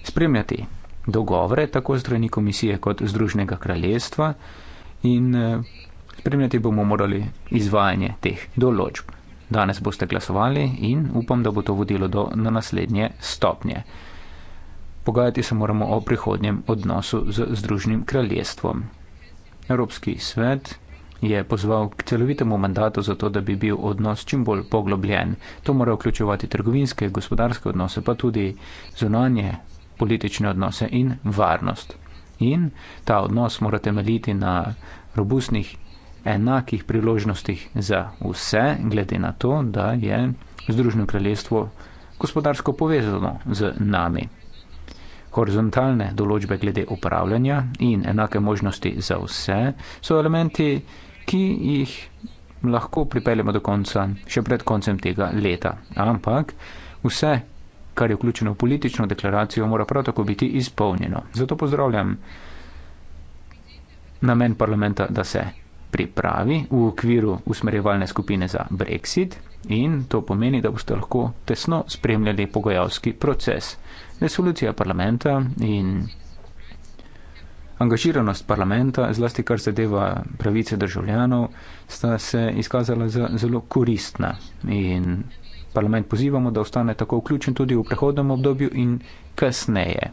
spremljati dogovore tako strani komisije kot Združnega kraljestva in eh, spremljati bomo morali izvajanje teh določb. Danes boste glasovali in upam, da bo to vodilo do na naslednje stopnje. Pogajati se moramo o prihodnjem odnosu z Združnim kraljestvom. Evropski svet je pozval k celovitemu mandatu za to, da bi bil odnos čim bolj poglobljen. To mora vključovati trgovinske, gospodarske odnose, pa tudi zunanje politične odnose in varnost. In ta odnos mora temeljiti na robustnih, enakih priložnostih za vse, glede na to, da je Združeno kraljestvo gospodarsko povezano z nami horizontalne določbe glede upravljanja in enake možnosti za vse so elementi, ki jih lahko pripeljemo do konca še pred koncem tega leta. Ampak vse, kar je vključeno v politično deklaracijo, mora prav tako biti izpolnjeno. Zato pozdravljam namen parlamenta, da se pripravi v okviru usmerjevalne skupine za Brexit in to pomeni, da boste lahko tesno spremljali pogojavski proces resolucija parlamenta in angažiranost parlamenta, zlasti kar zadeva pravice državljanov, sta se izkazala za zelo koristna. In parlament pozivamo, da ostane tako vključen tudi v prehodnem obdobju in kasneje.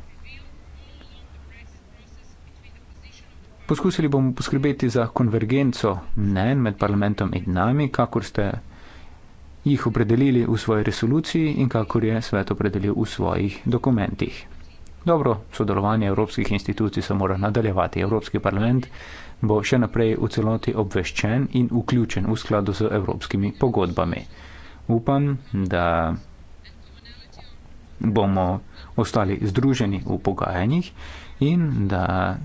Poskusili bomo poskrbeti za konvergenco mnen med parlamentom in nami, kakor ste jih opredelili v svoji resoluciji in kakor je svet opredelil v svojih dokumentih. Dobro, sodelovanje evropskih institucij se mora nadaljevati. Evropski parlament bo še naprej v celoti obveščen in vključen v skladu z evropskimi pogodbami. Upam, da bomo ostali združeni v pogajanjih in da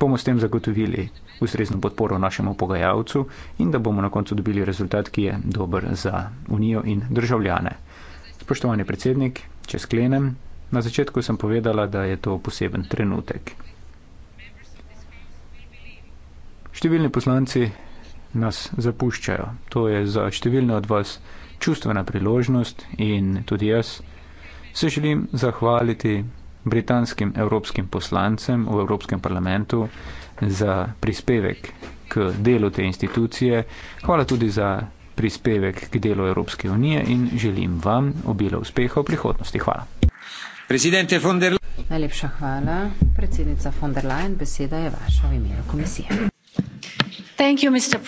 bomo s tem zagotovili ustrezno podporo našemu pogajalcu in da bomo na koncu dobili rezultat, ki je dober za Unijo in državljane. Spoštovani predsednik, če sklenem, na začetku sem povedala, da je to poseben trenutek. Številni poslanci nas zapuščajo. To je za številne od vas čustvena priložnost in tudi jaz se želim zahvaliti britanskim evropskim poslancem v Evropskem parlamentu za prispevek k delu te institucije, hvala tudi za prispevek k delu Evropske unije in želim vam obilo uspeha v prihodnosti. Hvala. Najlepša hvala. Predsednica von der Leyen, beseda je vaša v imenu komisije. Thank you, Mr.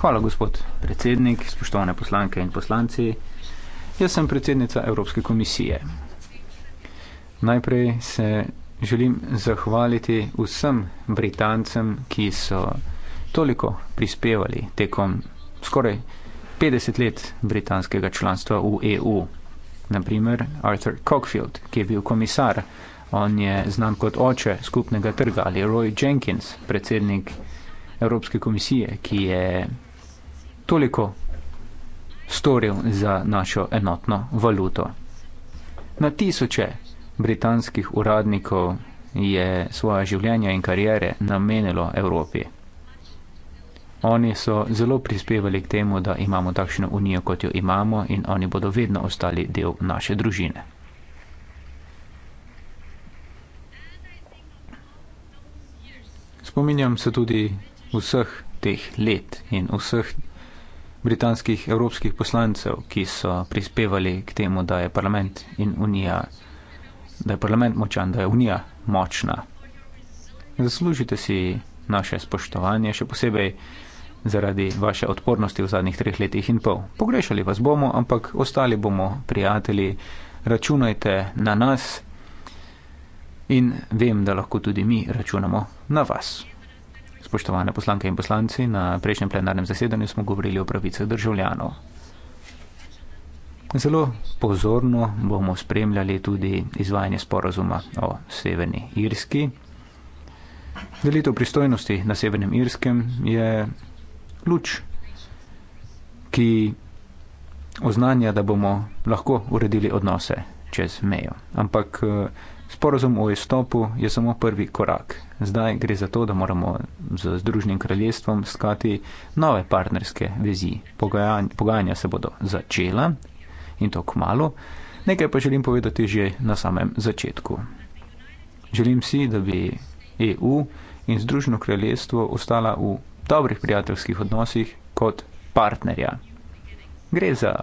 Hvala, gospod predsednik, spoštovane poslanke in poslanci. Jaz sem predsednica Evropske komisije. Najprej se želim zahvaliti vsem Britancem, ki so toliko prispevali tekom skoraj 50 let britanskega članstva v EU. Naprimer Arthur Cockfield, ki je bil komisar, on je znan kot oče skupnega trga, ali Roy Jenkins, predsednik Evropske komisije, ki je toliko storil za našo enotno valuto. Na tisoče britanskih uradnikov je svoje življenje in karijere namenilo Evropi. Oni so zelo prispevali k temu, da imamo takšno unijo, kot jo imamo, in oni bodo vedno ostali del naše družine. Spominjam se tudi vseh teh let in vseh britanskih evropskih poslancev, ki so prispevali k temu, da je parlament in unija da je parlament močan, da je unija močna. Zaslužite si naše spoštovanje, še posebej zaradi vaše odpornosti v zadnjih treh letih in pol. Pogrešali vas bomo, ampak ostali bomo prijatelji, računajte na nas in vem, da lahko tudi mi računamo na vas. Spoštovane poslanke in poslanci, na prejšnjem plenarnem zasedanju smo govorili o pravicah državljanov. Zelo pozorno bomo spremljali tudi izvajanje sporozuma o Severni Irski. Delitev pristojnosti na Severnem Irskem je ključ, ki oznanja, da bomo lahko uredili odnose čez mejo. Ampak eh, sporozum o izstopu je samo prvi korak. Zdaj gre za to, da moramo z Združenim kraljestvom skati nove partnerske vezi. Pogajanja se bodo začela, in to kmalo. Nekaj pa želim povedati že na samem začetku. Želim si, da bi EU in Združeno kraljestvo ostala v dobrih prijateljskih odnosih kot partnerja. Gre za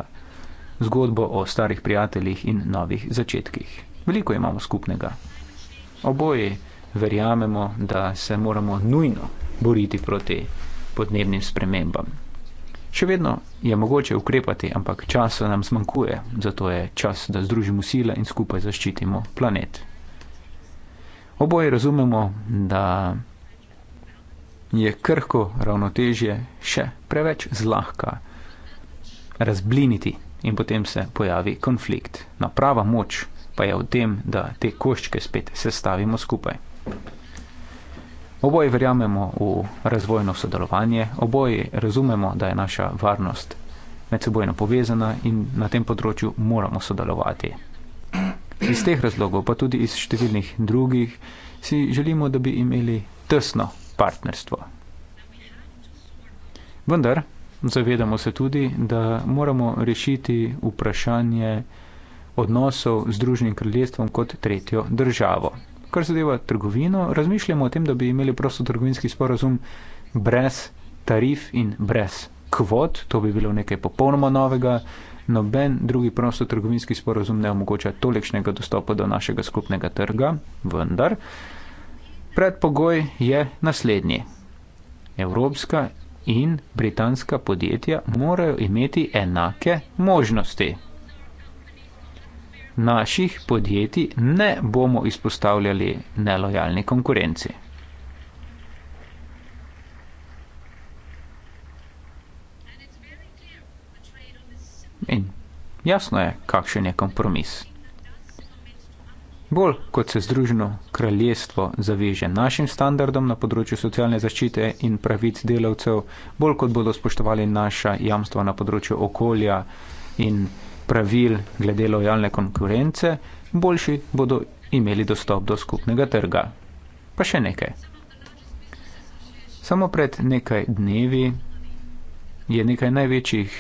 zgodbo o starih prijateljih in novih začetkih. Veliko imamo skupnega. Oboje verjamemo, da se moramo nujno boriti proti podnebnim spremembam. Še vedno je mogoče ukrepati, ampak časa nam zmanjkuje, zato je čas, da združimo sile in skupaj zaščitimo planet. Oboje razumemo, da je krhko ravnotežje še preveč zlahka razbliniti in potem se pojavi konflikt. Naprava moč pa je v tem, da te koščke spet sestavimo skupaj. Oboji verjamemo v razvojno sodelovanje, oboji razumemo, da je naša varnost medsebojno povezana in na tem področju moramo sodelovati. Iz teh razlogov, pa tudi iz številnih drugih, si želimo, da bi imeli tesno partnerstvo. Vendar zavedamo se tudi, da moramo rešiti vprašanje odnosov z Združenim kraljestvom kot tretjo državo kar zadeva trgovino, razmišljamo o tem, da bi imeli prosto trgovinski sporazum brez tarif in brez kvot, to bi bilo nekaj popolnoma novega. Noben drugi prosto trgovinski sporazum ne omogoča tolikšnega dostopa do našega skupnega trga, vendar predpogoj je naslednji. Evropska in britanska podjetja morajo imeti enake možnosti naših podjetij ne bomo izpostavljali nelojalni konkurenci. In jasno je, kakšen je kompromis. Bolj kot se Združeno kraljestvo zaveže našim standardom na področju socialne zaščite in pravic delavcev, bolj kot bodo spoštovali naša jamstva na področju okolja in okolja, pravil glede lojalne konkurence, boljši bodo imeli dostop do skupnega trga. Pa še nekaj. Samo pred nekaj dnevi je nekaj največjih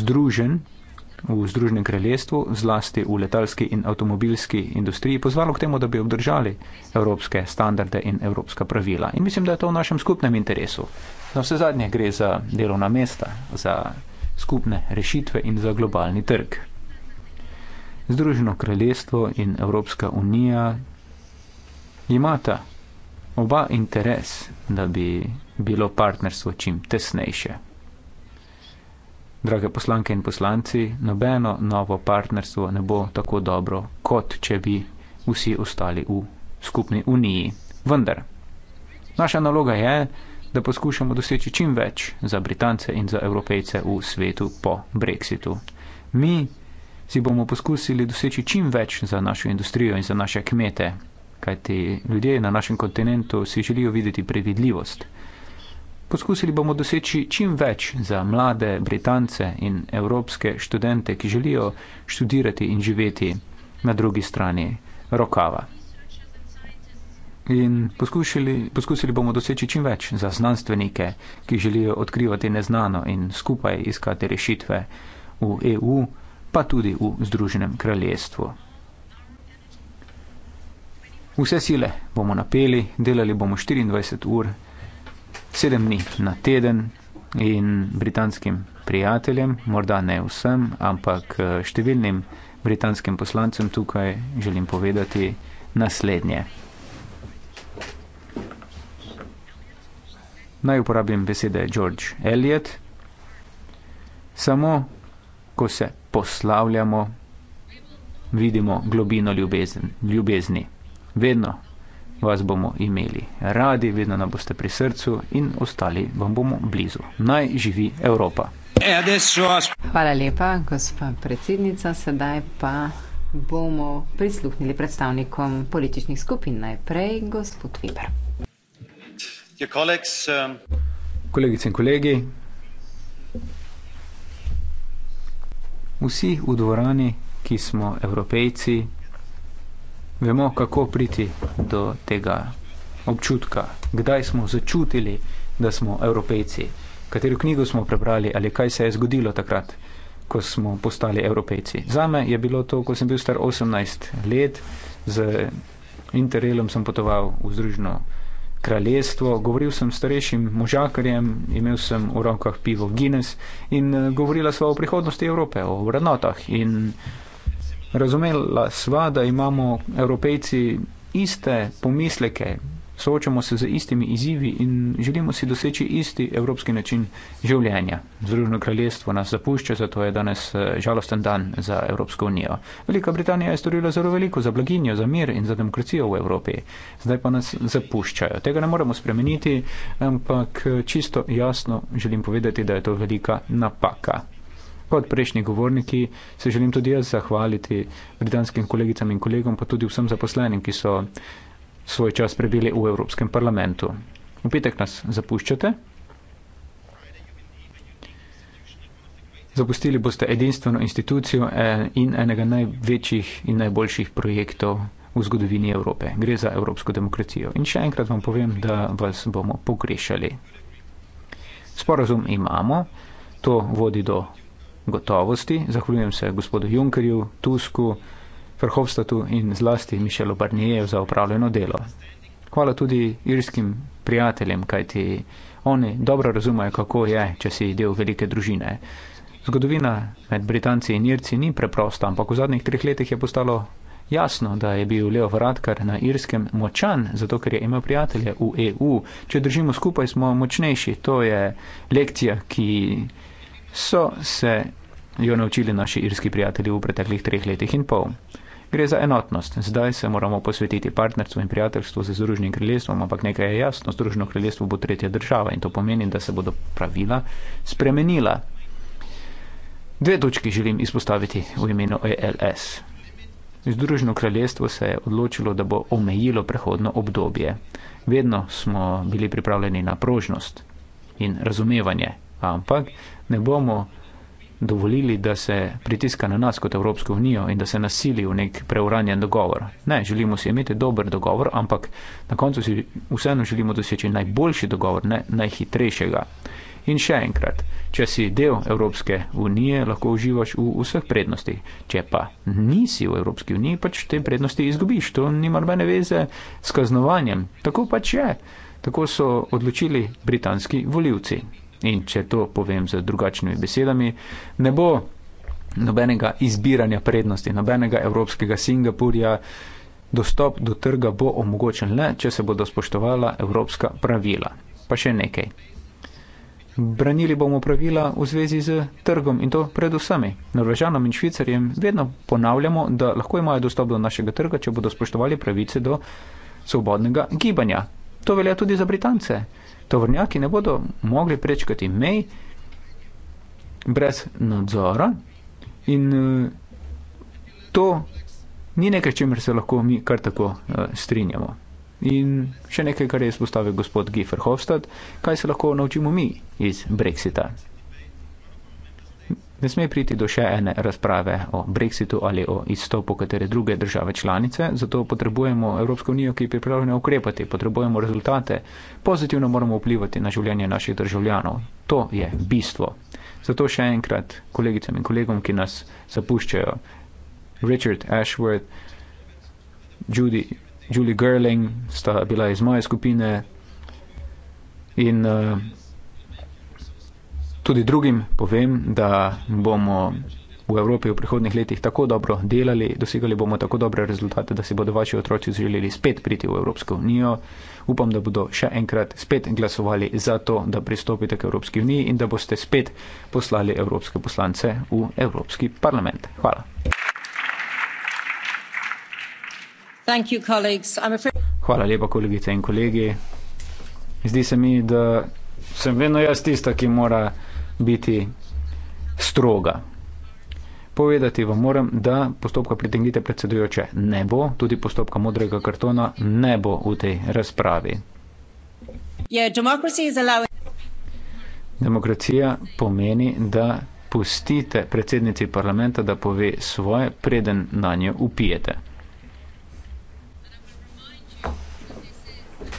združen v Združenem kraljestvu, zlasti v letalski in avtomobilski industriji, pozvalo k temu, da bi obdržali evropske standarde in evropska pravila. In mislim, da je to v našem skupnem interesu. Na vse zadnje gre za delovna mesta, za skupne rešitve in za globalni trg. Združeno kraljestvo in Evropska unija imata oba interes, da bi bilo partnerstvo čim tesnejše. Drage poslanke in poslanci, nobeno novo partnerstvo ne bo tako dobro, kot če bi vsi ostali v skupni uniji. Vendar, naša naloga je, da poskušamo doseči čim več za Britance in za Evropejce v svetu po Brexitu. Mi si bomo poskusili doseči čim več za našo industrijo in za naše kmete, kajti ljudje na našem kontinentu si želijo videti previdljivost. Poskusili bomo doseči čim več za mlade Britance in evropske študente, ki želijo študirati in živeti na drugi strani rokava. In poskušali, poskusili bomo doseči čim več za znanstvenike, ki želijo odkrivati neznano in skupaj iskati rešitve v EU, pa tudi v Združenem kraljestvu. Vse sile bomo napeli, delali bomo 24 ur, 7 dni na teden in britanskim prijateljem, morda ne vsem, ampak številnim britanskim poslancem tukaj želim povedati naslednje. naj uporabim besede George Eliot, samo ko se poslavljamo, vidimo globino ljubezen, ljubezni. Vedno vas bomo imeli radi, vedno nam boste pri srcu in ostali vam bomo blizu. Naj živi Evropa. Hvala lepa, gospa predsednica. Sedaj pa bomo prisluhnili predstavnikom političnih skupin. Najprej gospod Viber. Um, Kolegice in kolegi, vsi v dvorani, ki smo evropejci, vemo, kako priti do tega občutka, kdaj smo začutili, da smo evropejci, katero knjigo smo prebrali ali kaj se je zgodilo takrat, ko smo postali evropejci. Zame je bilo to, ko sem bil star 18 let, z Interrailom sem potoval v Združeno državo kraljestvo. Govoril sem starejšim možakarjem, imel sem v rokah pivo Guinness in eh, govorila sva o prihodnosti Evrope, o vrednotah. In razumela sva, da imamo evropejci iste pomisleke, soočamo se z istimi izzivi in želimo si doseči isti evropski način življenja. Združeno kraljestvo nas zapušča, zato je danes eh, žalosten dan za Evropsko unijo. Velika Britanija je storila zelo veliko za blaginjo, za mir in za demokracijo v Evropi. Zdaj pa nas zapuščajo. Tega ne moremo spremeniti, ampak eh, čisto jasno želim povedati, da je to velika napaka. Kot prejšnji govorniki se želim tudi jaz zahvaliti britanskim kolegicam in kolegom, pa tudi vsem zaposlenim, ki so svoj čas prebili v Evropskem parlamentu. V petek nas zapuščate. Zapustili boste edinstveno institucijo e, in enega največjih in najboljših projektov v zgodovini Evrope. Gre za evropsko demokracijo. In še enkrat vam povem, da vas bomo pogrešali. Sporazum imamo, to vodi do gotovosti. Zahvaljujem se gospodu Junkerju, Tusku. Verhofstadtu in zlasti Mišelu Barnijeju za upravljeno delo. Hvala tudi irskim prijateljem, kajti oni dobro razumejo, kako je, če si del velike družine. Zgodovina med Britanci in Irci ni preprosta, ampak v zadnjih treh letih je postalo jasno, da je bil Leo Varadkar na Irskem močan, zato ker je imel prijatelje v EU. Če držimo skupaj, smo močnejši. To je lekcija, ki so se jo naučili naši irski prijatelji v preteklih treh letih in pol gre za enotnost. Zdaj se moramo posvetiti partnerstvu in prijateljstvu z Združenim kraljestvom, ampak nekaj je jasno, Združeno kraljestvo bo tretja država in to pomeni, da se bodo pravila spremenila. Dve točki želim izpostaviti v imenu ELS. Združeno kraljestvo se je odločilo, da bo omejilo prehodno obdobje. Vedno smo bili pripravljeni na prožnost in razumevanje, ampak ne bomo dovolili, da se pritiska na nas kot Evropsko unijo in da se nasili v nek preuranjen dogovor. Ne, želimo si imeti dober dogovor, ampak na koncu si vseeno želimo doseči najboljši dogovor, ne najhitrejšega. In še enkrat, če si del Evropske unije, lahko uživaš v vseh prednostih. Če pa nisi v Evropski uniji, pač te prednosti izgubiš. To nima nobene veze s kaznovanjem. Tako pač je. Tako so odločili britanski voljivci. In če to povem z drugačnimi besedami, ne bo nobenega izbiranja prednosti, nobenega evropskega Singapurja. Dostop do trga bo omogočen le, če se bodo spoštovala evropska pravila. Pa še nekaj. Branili bomo pravila v zvezi z trgom in to predvsem. Norvežanom in Švicarjem vedno ponavljamo, da lahko imajo dostop do našega trga, če bodo spoštovali pravice do svobodnega gibanja. To velja tudi za Britance tovrnjaki ne bodo mogli prečkati mej brez nadzora in eh, to ni nekaj, čemer se lahko mi kar tako eh, strinjamo. In še nekaj, kar je izpostavil gospod Giffer Hofstad, kaj se lahko naučimo mi iz Brexita. Ne sme priti do še ene razprave o brexitu ali o izstopu katere druge države članice, zato potrebujemo Evropsko unijo, ki je pripravljena ukrepati, potrebujemo rezultate, pozitivno moramo vplivati na življenje naših državljanov. To je bistvo. Zato še enkrat kolegicam in kolegom, ki nas zapuščajo, Richard Ashworth, Judy, Julie Gerling sta bila iz moje skupine in uh, Tudi drugim povem, da bomo v Evropi v prihodnih letih tako dobro delali, dosegali bomo tako dobre rezultate, da si bodo vaši otroci želeli spet priti v Evropsko unijo. Upam, da bodo še enkrat spet glasovali za to, da pristopite k Evropski uniji in da boste spet poslali evropske poslance v Evropski parlament. Hvala. Hvala lepa, kolegice in kolegi. Zdi se mi, da sem vedno jaz tista, ki mora biti stroga. Povedati vam moram, da postopka pritegnite predsedujoče ne bo, tudi postopka modrega kartona ne bo v tej razpravi. Demokracija pomeni, da pustite predsednici parlamenta, da pove svoje, preden na njo upijete.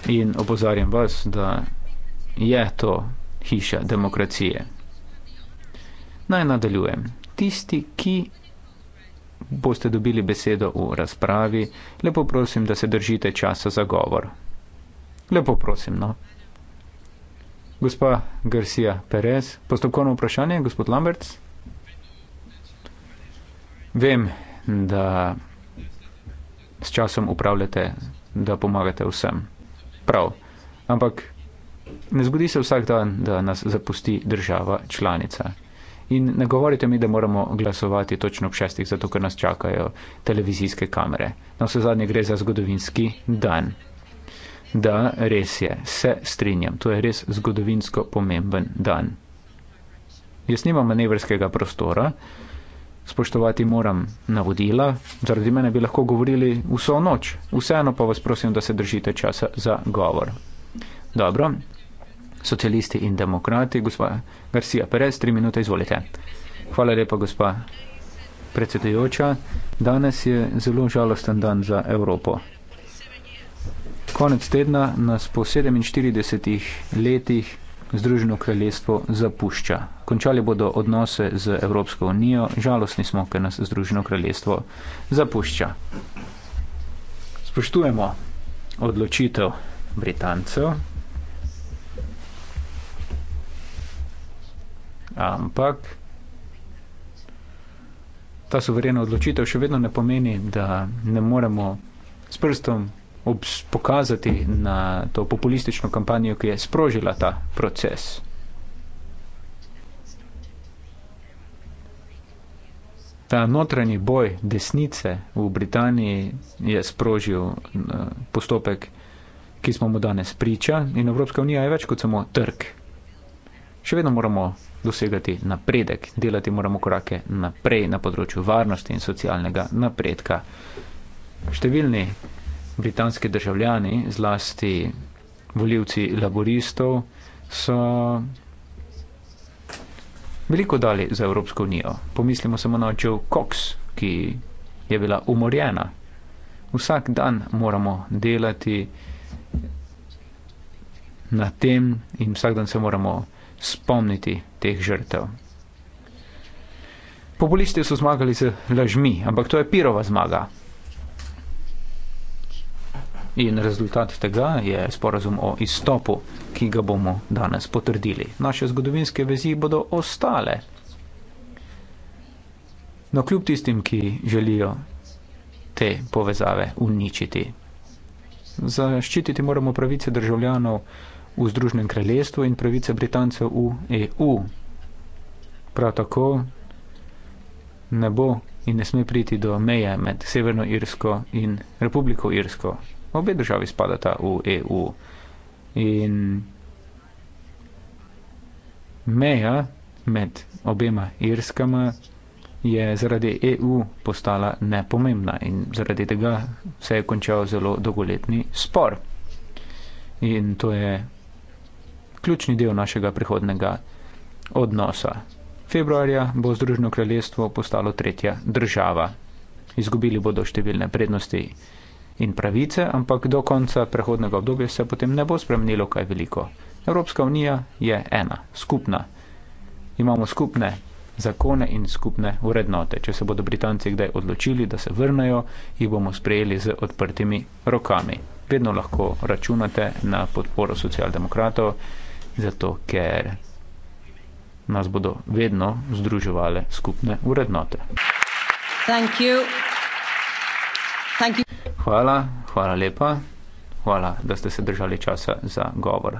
In opozarjam vas, da je to hiša demokracije. Naj nadaljujem. Tisti, ki boste dobili besedo v razpravi, lepo prosim, da se držite časa za govor. Lepo prosim, no. Gospa Garcia Perez, postopkovno vprašanje, gospod Lamberts. Vem, da s časom upravljate, da pomagate vsem. Prav. Ampak ne zgodi se vsak dan, da nas zapusti država članica. In ne govorite mi, da moramo glasovati točno ob šestih, zato ker nas čakajo televizijske kamere. Na vse zadnje gre za zgodovinski dan. Da, res je, se strinjam, to je res zgodovinsko pomemben dan. Jaz nimam manevrskega prostora, spoštovati moram navodila, zaradi mene bi lahko govorili vso noč, vseeno pa vas prosim, da se držite časa za govor. Dobro, socialisti in demokrati. Gospa Garcia Perez, tri minute, izvolite. Hvala lepa, gospa predsedujoča. Danes je zelo žalosten dan za Evropo. Konec tedna nas po 47 letih Združeno kraljestvo zapušča. Končali bodo odnose z Evropsko unijo, žalostni smo, ker nas Združeno kraljestvo zapušča. Spoštujemo odločitev Britancev, Ampak ta suverena odločitev še vedno ne pomeni, da ne moremo s prstom obs pokazati na to populistično kampanjo, ki je sprožila ta proces. Ta notranji boj desnice v Britaniji je sprožil eh, postopek, ki smo mu danes priča in Evropska unija je več kot samo trg. Še vedno moramo dosegati napredek, delati moramo korake naprej na področju varnosti in socialnega napredka. Številni britanski državljani, zlasti voljivci laboristov, so veliko dali za Evropsko unijo. Pomislimo samo na Joe Cox, ki je bila umorjena. Vsak dan moramo delati na tem in vsak dan se moramo spomniti teh žrtev. Populisti so zmagali z lažmi, ampak to je pirova zmaga. In rezultat tega je sporazum o izstopu, ki ga bomo danes potrdili. Naše zgodovinske vezi bodo ostale. No, kljub tistim, ki želijo te povezave uničiti. Zaščititi moramo pravice državljanov, v Združenem kraljestvu in pravice Britancev v EU. Prav tako ne bo in ne sme priti do meje med Severno Irsko in Republiko Irsko. Obe državi spadata v EU. In meja med obema Irskama je zaradi EU postala nepomembna in zaradi tega se je končal zelo dolgoletni spor. In to je ključni del našega prihodnega odnosa. Februarja bo Združeno kraljestvo postalo tretja država. Izgubili bodo številne prednosti in pravice, ampak do konca prehodnega obdobja se potem ne bo spremenilo kaj veliko. Evropska unija je ena, skupna. Imamo skupne zakone in skupne vrednote. Če se bodo Britanci kdaj odločili, da se vrnejo, jih bomo sprejeli z odprtimi rokami. Vedno lahko računate na podporo socialdemokratov zato ker nas bodo vedno združevale skupne urednote. Thank you. Thank you. Hvala, hvala lepa. Hvala, da ste se držali časa za govor.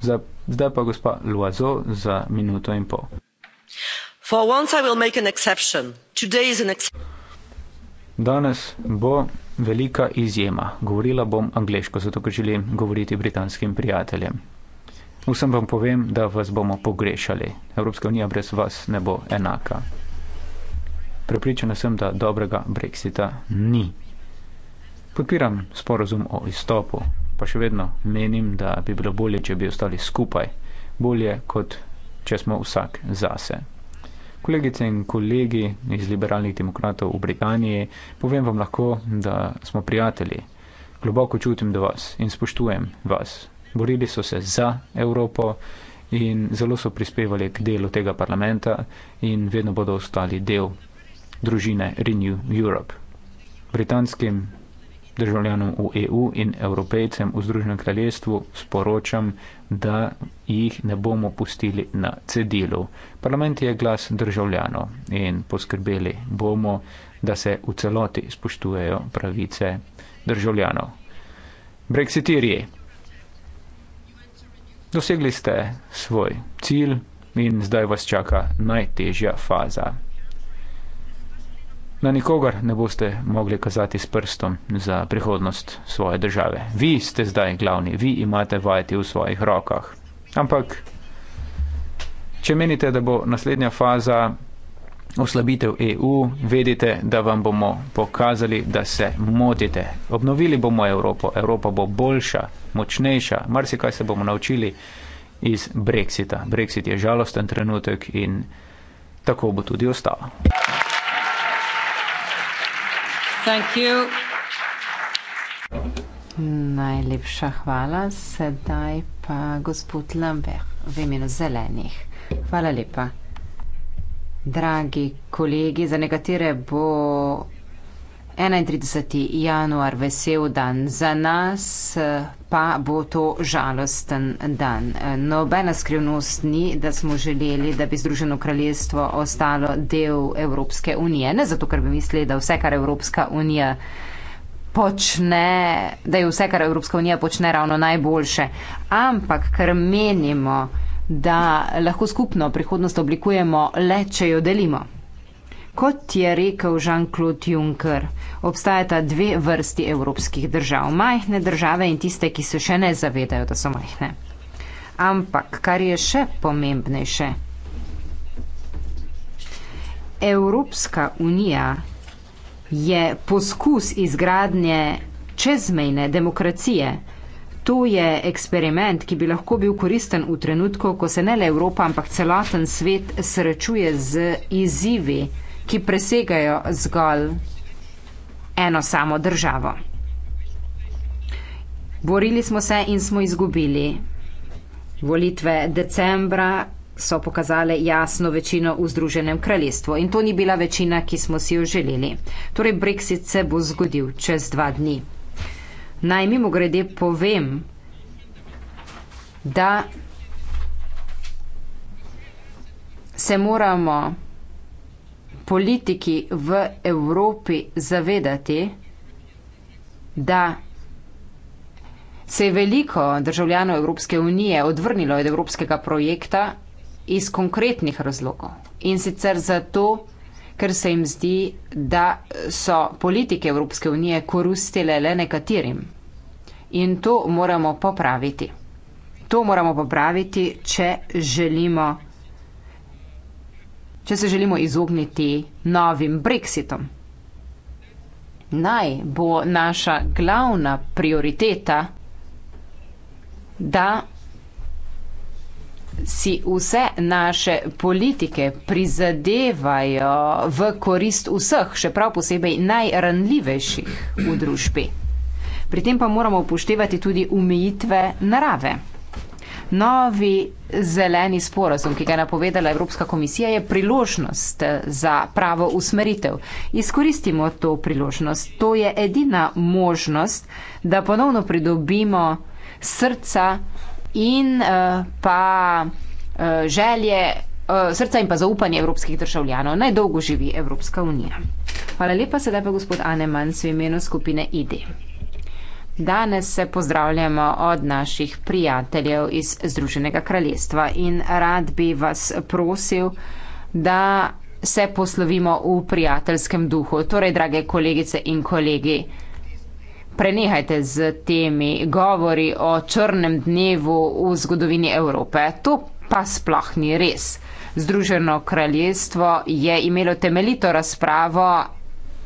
Za, zdaj pa gospa Luazo za minuto in pol. For once I will make an exception. Today is an exception. Danes bo velika izjema. Govorila bom angliško, zato ker želim govoriti britanskim prijateljem. Vsem vam povem, da vas bomo pogrešali. Evropska unija brez vas ne bo enaka. Prepričana sem, da dobrega brexita ni. Podpiram sporozum o izstopu, pa še vedno menim, da bi bilo bolje, če bi ostali skupaj, bolje kot če smo vsak zase. Kolegice in kolegi iz liberalnih demokratov v Britaniji, povem vam lahko, da smo prijatelji. Globoko čutim do vas in spoštujem vas borili so se za Evropo in zelo so prispevali k delu tega parlamenta in vedno bodo ostali del družine Renew Europe. Britanskim državljanom v EU in evropejcem v Združenem kraljestvu sporočam, da jih ne bomo pustili na cedilu. Parlament je glas državljanov in poskrbeli bomo, da se v celoti spoštujejo pravice državljanov. Brexitirije. Dosegli ste svoj cilj in zdaj vas čaka najtežja faza. Na nikogar ne boste mogli kazati s prstom za prihodnost svoje države. Vi ste zdaj glavni, vi imate vajeti v svojih rokah. Ampak, če menite, da bo naslednja faza oslabitev EU, vedite, da vam bomo pokazali, da se motite. Obnovili bomo Evropo, Evropa bo boljša, močnejša, marsikaj se bomo naučili iz Brexita. Brexit je žalosten trenutek in tako bo tudi ostalo. Thank you. Najlepša hvala, sedaj pa gospod Lambert v imenu zelenih. Hvala lepa. Dragi kolegi, za nekatere bo 31. januar vesel dan, za nas eh, pa bo to žalosten dan. Eh, nobena skrivnost ni, da smo želeli, da bi Združeno kraljestvo ostalo del Evropske unije. Ne zato, ker bi mislili, da vse, kar Evropska unija počne, da je vse, kar Evropska unija počne ravno najboljše, ampak ker menimo, da lahko skupno prihodnost oblikujemo le, če jo delimo. Kot je rekel Jean-Claude Juncker, obstajata dve vrsti evropskih držav: majhne države in tiste, ki se še ne zavedajo, da so majhne. Ampak, kar je še pomembnejše, Evropska unija je poskus izgradnje čezmejne demokracije, to je eksperiment, ki bi lahko bil koristen v trenutku, ko se ne le Evropa, ampak celoten svet srečuje z izzivi, ki presegajo zgolj eno samo državo. Borili smo se in smo izgubili. Volitve decembra so pokazale jasno večino v Združenem kraljestvu in to ni bila večina, ki smo si jo želeli. Torej, Brexit se bo zgodil čez dva dni. Naj mimo grede povem, da se moramo politiki v Evropi zavedati, da se je veliko državljanov Evropske unije odvrnilo od evropskega projekta iz konkretnih razlogov. In sicer zato, da ker se jim zdi, da so politike Evropske unije koristile le nekaterim. In to moramo popraviti. To moramo popraviti, če, želimo, če se želimo izogniti novim Brexitom. Naj bo naša glavna prioriteta, da si vse naše politike prizadevajo v korist vseh, še prav posebej najranljivejših v družbi. Pri tem pa moramo upoštevati tudi umejitve narave. Novi zeleni sporozum, ki ga je napovedala Evropska komisija, je priložnost za pravo usmeritev. Izkoristimo to priložnost. To je edina možnost, da ponovno pridobimo srca in uh, pa uh, želje uh, srca in pa zaupanje evropskih državljanov. Naj dolgo živi Evropska unija. Hvala lepa, sedaj pa gospod Aneman s imenom skupine ID. Danes se pozdravljamo od naših prijateljev iz Združenega kraljestva in rad bi vas prosil, da se poslovimo v prijateljskem duhu. Torej, drage kolegice in kolegi, prenehajte z temi govori o črnem dnevu v zgodovini Evrope. To pa sploh ni res. Združeno kraljestvo je imelo temeljito razpravo,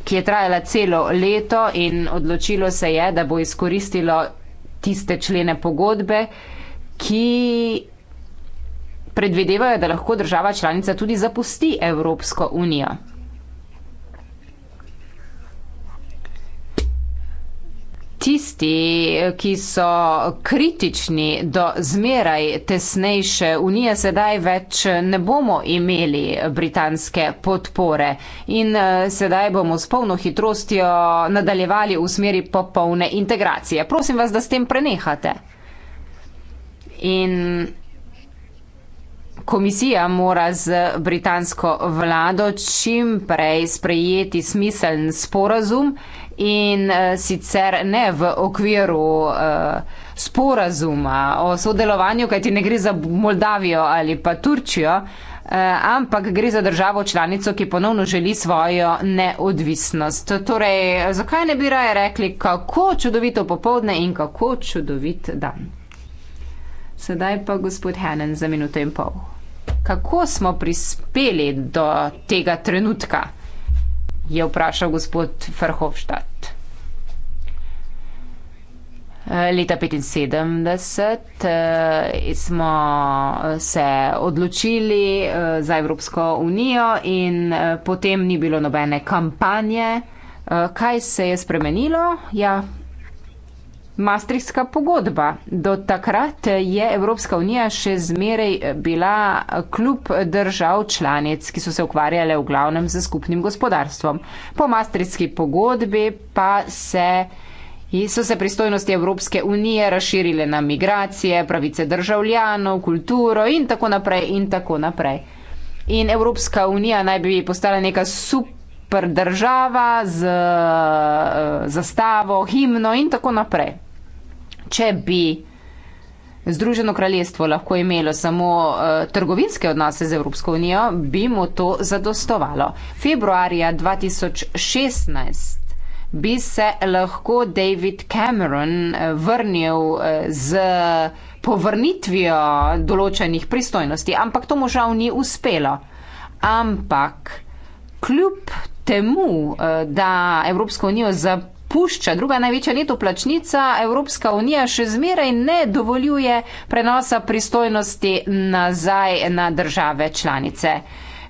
ki je trajala celo leto in odločilo se je, da bo izkoristilo tiste člene pogodbe, ki predvidevajo, da lahko država članica tudi zapusti Evropsko unijo. tisti, ki so kritični do zmeraj tesnejše unije, sedaj več ne bomo imeli britanske podpore in eh, sedaj bomo s polno hitrostjo nadaljevali v smeri popolne integracije. Prosim vas, da s tem prenehate. In komisija mora z britansko vlado čim prej sprejeti smiseln sporazum in eh, sicer ne v okviru eh, sporazuma o sodelovanju, kajti ne gre za Moldavijo ali pa Turčijo, eh, ampak gre za državo članico, ki ponovno želi svojo neodvisnost. Torej, zakaj ne bi raje rekli, kako čudovito popovdne in kako čudovit dan? Sedaj pa gospod Henen za minuto in pol kako smo prispeli do tega trenutka, je vprašal gospod Verhofstadt. Leta 75 eh, smo se odločili eh, za Evropsko unijo in eh, potem ni bilo nobene kampanje. Kaj se je spremenilo? Ja, Maastrichtska pogodba. Do takrat je Evropska unija še zmeraj bila kljub držav članic, ki so se ukvarjale v glavnem z skupnim gospodarstvom. Po Maastrichtski pogodbi pa se, so se pristojnosti Evropske unije razširile na migracije, pravice državljanov, kulturo in tako naprej. In tako naprej. In Evropska unija naj bi postala neka super država z uh, zastavo, himno in tako naprej. Če bi Združeno kraljestvo lahko imelo samo uh, trgovinske odnose z Evropsko unijo, bi mu to zadostovalo. Februarja 2016 bi se lahko David Cameron eh, vrnil z povrnitvijo določenih pristojnosti, ampak to mu žal ni uspelo. Ampak kljub temu, eh, da Evropsko unijo zapušča druga največja leto plačnica, Evropska unija še zmeraj ne dovoljuje prenosa pristojnosti nazaj na države članice.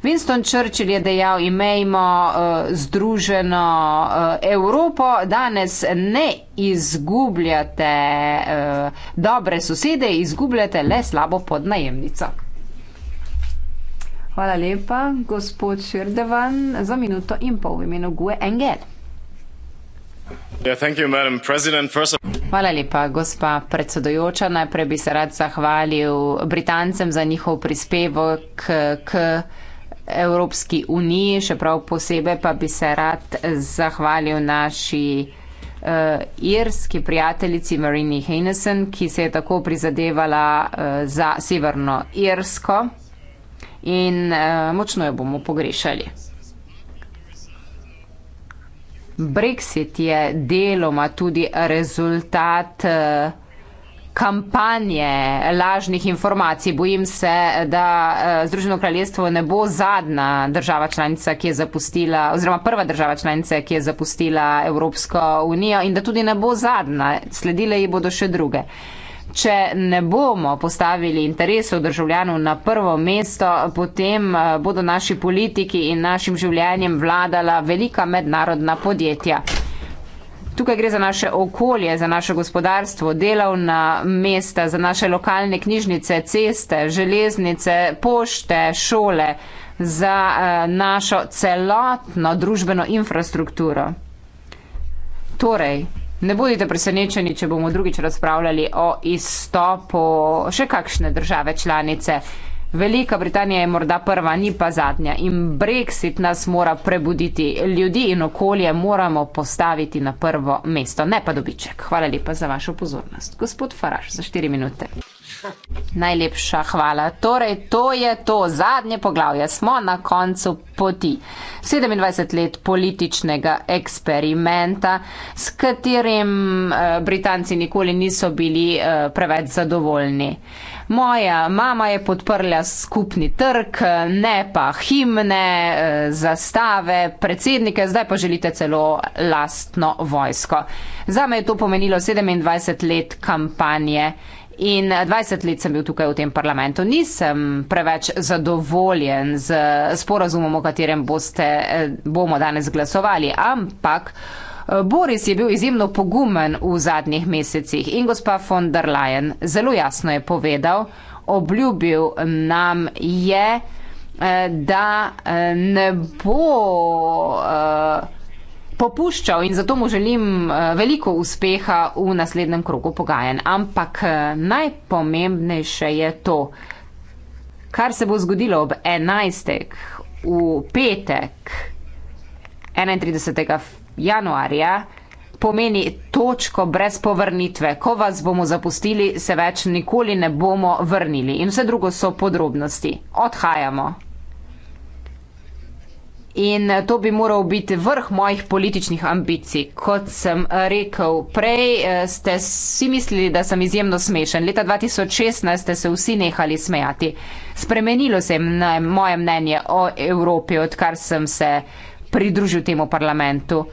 Winston Churchill je dejal, imejmo uh, združeno uh, Evropo, danes ne izgubljate uh, dobre sosede, izgubljate le slabo podnajemnico. Hvala lepa, gospod Širdevan, za minuto in pol v imenu Gue Engel. Hvala lepa, gospa predsedojoča. Najprej bi se rad zahvalil Britancem za njihov prispevek k Evropski uniji, še prav posebej pa bi se rad zahvalil naši uh, irski prijateljici Marini Heinesen, ki se je tako prizadevala uh, za Severno Irsko in uh, močno jo bomo pogrešali. Brexit je deloma tudi rezultat uh, kampanje lažnih informacij. Bojim se, da uh, Združeno kraljestvo ne bo zadnja država članica, ki je zapustila, oziroma prva država članica, ki je zapustila Evropsko unijo in da tudi ne bo zadnja, sledile ji bodo še druge. Uh, Če ne bomo postavili interesov državljanov na prvo mesto, potem eh, bodo naši politiki in našim življenjem vladala velika mednarodna podjetja. Tukaj gre za naše okolje, za naše gospodarstvo, delovna mesta, za naše lokalne knjižnice, ceste, železnice, pošte, šole, za eh, našo celotno družbeno infrastrukturo. Torej, Ne bodite presenečeni, če bomo drugič razpravljali o izstopu še kakšne države članice. Velika Britanija je morda prva, ni pa zadnja in brexit nas mora prebuditi. Ljudi in okolje moramo postaviti na prvo mesto, ne pa dobiček. Hvala lepa za vašo pozornost. Gospod Faraš, za štiri minute. Najlepša hvala. Torej, to je to zadnje poglavje. Smo na koncu poti. 27 let političnega eksperimenta, s katerim eh, Britanci nikoli niso bili eh, preveč zadovoljni. Moja mama je podprla skupni trg, ne pa himne, eh, zastave, predsednike, zdaj pa želite celo lastno vojsko. Za me je to pomenilo 27 let kampanje. In 20 let sem bil tukaj v tem parlamentu. Nisem preveč zadovoljen z sporazumom, o katerem boste, bomo danes glasovali, ampak Boris je bil izjemno pogumen v zadnjih mesecih in gospa von der Leyen zelo jasno je povedal, obljubil nam je, eh, da eh, ne bo. Uh, popuščal in zato mu želim eh, veliko uspeha v naslednjem krogu pogajanj. Ampak eh, najpomembnejše je to, kar se bo zgodilo ob 11. v petek 31. januarja, pomeni točko brez povrnitve. Ko vas bomo zapustili, se več nikoli ne bomo vrnili. In vse drugo so podrobnosti. Odhajamo. In to bi moral biti vrh mojih političnih ambicij. Kot sem rekel prej, eh, ste vsi mislili, da sem izjemno smešen. Leta 2016 ste se vsi nehali smejati. Spremenilo se je moje mnenje o Evropi, odkar sem se pridružil temu parlamentu.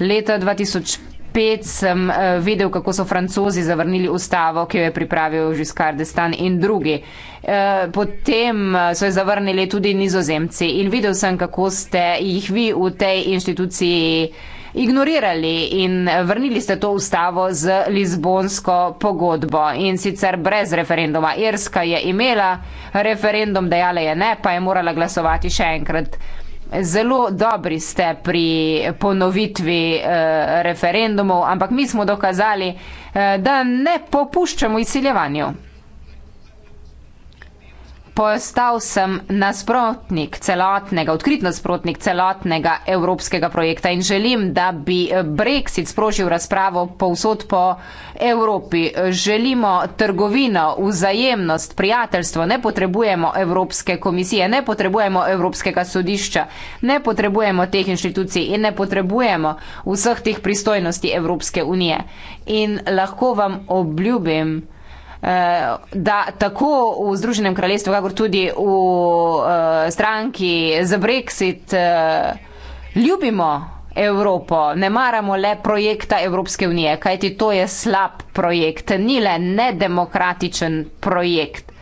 Leta 2015 spet sem uh, videl, kako so francozi zavrnili ustavo, ki jo je pripravil Žiskard Estan in drugi. Uh, potem eh, so jo zavrnili tudi nizozemci in videl sem, kako ste jih vi v tej inštituciji ignorirali in vrnili ste to ustavo z Lizbonsko pogodbo in sicer brez referenduma. Irska je imela referendum, dejala je ne, pa je morala glasovati še enkrat. Zelo dobri ste pri ponovitvi eh, referendumov, ampak mi smo dokazali, eh, da ne popuščamo izsiljevanju postal sem nasprotnik celotnega, odkrit nasprotnik celotnega evropskega projekta in želim, da bi Brexit sprožil razpravo povsod po Evropi. Želimo trgovino, vzajemnost, prijateljstvo, ne potrebujemo Evropske komisije, ne potrebujemo Evropskega sodišča, ne potrebujemo teh inštitucij in ne potrebujemo vseh teh pristojnosti Evropske unije. In lahko vam obljubim, Eh, da tako v Združenem kraljestvu, kakor tudi v eh, stranki za Brexit eh, ljubimo Evropo, ne maramo le projekta Evropske unije, kajti to je slab projekt, ni le nedemokratičen projekt.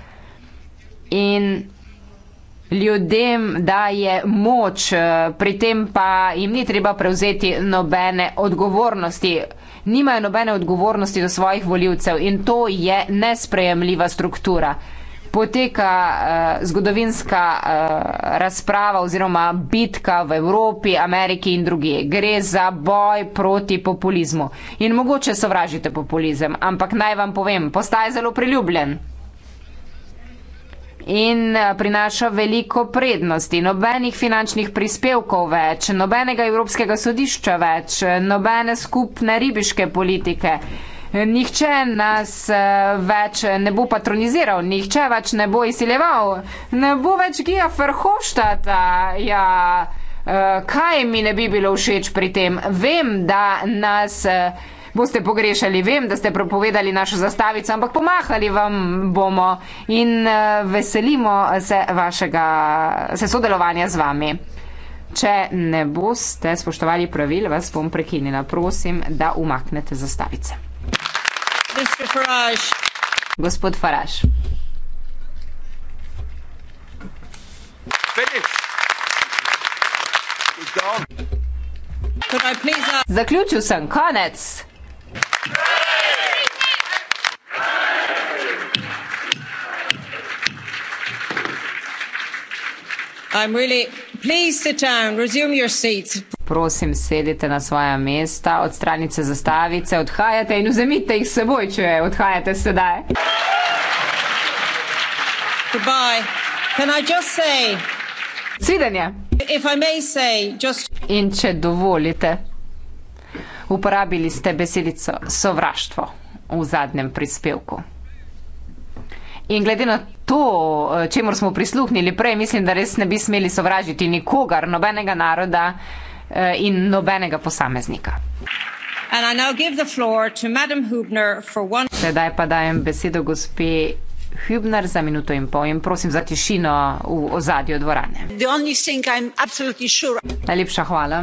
In ljudem daje moč, pri tem pa jim ni treba prevzeti nobene odgovornosti nimajo nobene odgovornosti do svojih voljivcev in to je nesprejemljiva struktura. Poteka uh, zgodovinska uh, razprava oziroma bitka v Evropi, Ameriki in druge. Gre za boj proti populizmu. In mogoče sovražite populizem, ampak naj vam povem, postaje zelo priljubljen in eh, prinaša veliko prednosti. Nobenih finančnih prispevkov več, nobenega Evropskega sodišča več, nobene skupne ribiške politike. Nihče nas eh, več ne bo patroniziral, nihče več ne bo izsileval, ne bo več Gija Ferhoštata. Ja, eh, kaj mi ne bi bilo všeč pri tem? Vem, da nas boste pogrešali. Vem, da ste propovedali našo zastavico, ampak pomahali vam bomo in eh, veselimo se vašega se sodelovanja z vami. Če ne boste spoštovali pravil, vas bom prekinila. Prosim, da umaknete zastavice. Faraž. Gospod Faraž. Zaključil sem konec. Prosim, sedite na svoja mesta, odstranite zastavice, odhajate in vzemite jih seboj, če je odhajate sedaj. Svidenje. In če dovolite. Uporabili ste besedico sovraštvo v zadnjem prispevku. In glede na to, eh, čemu smo prisluhnili prej, mislim, da res ne bi smeli sovražiti nikogar, nobenega naroda eh, in nobenega posameznika. Sedaj pa dajem besedo gospe Hübner za minuto in pol in prosim za tišino v ozadju dvorane. Sure. Najlepša hvala.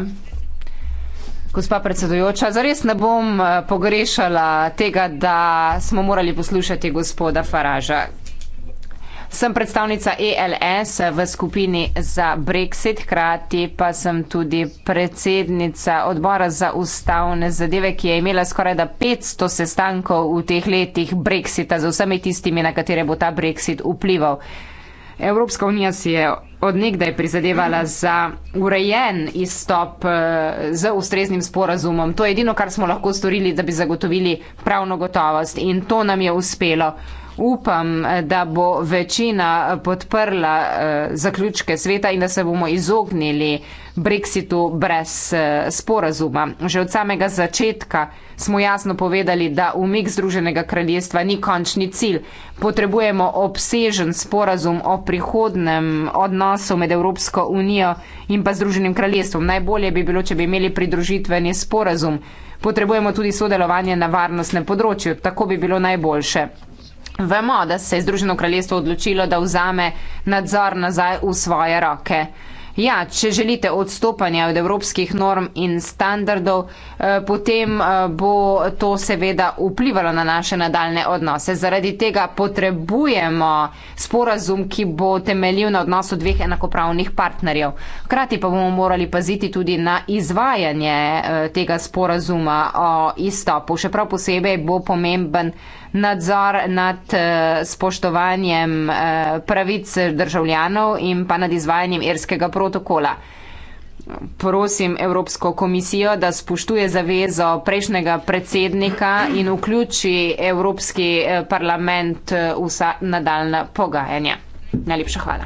Gospa predsedujoča, zares ne bom eh, pogrešala tega, da smo morali poslušati gospoda Faraža. Sem predstavnica ELS v skupini za Brexit, hkrati pa sem tudi predsednica odbora za ustavne zadeve, ki je imela skoraj da 500 sestankov v teh letih Brexita z vsemi tistimi, na katere bo ta Brexit vplival. Evropska unija si je odnegdaj prizadevala za urejen izstop eh, z ustreznim sporazumom. To je edino, kar smo lahko storili, da bi zagotovili pravno gotovost in to nam je uspelo upam, da bo večina podprla eh, zaključke sveta in da se bomo izognili Brexitu brez eh, sporazuma. Že od samega začetka smo jasno povedali, da umik Združenega kraljestva ni končni cilj. Potrebujemo obsežen sporazum o prihodnem odnosu med Evropsko unijo in pa Združenim kraljestvom. Najbolje bi bilo, če bi imeli pridružitveni sporazum. Potrebujemo tudi sodelovanje na varnostnem področju. Tako bi bilo najboljše. Vemo, da se je Združeno kraljestvo odločilo, da vzame nadzor nazaj v svoje roke. Ja, če želite odstopanja od evropskih norm in standardov, eh, potem eh, bo to seveda vplivalo na naše nadaljne odnose. Zaradi tega potrebujemo sporazum, ki bo temeljil na odnosu dveh enakopravnih partnerjev. Hkrati pa bomo morali paziti tudi na izvajanje eh, tega sporazuma o izstopu. Še prav posebej bo pomemben nadzor nad eh, spoštovanjem eh, pravic državljanov in pa nad izvajanjem irskega protokola. Prosim Evropsko komisijo, da spoštuje zavezo prejšnjega predsednika in vključi Evropski eh, parlament v vsa nadaljna pogajanja. Najlepša hvala.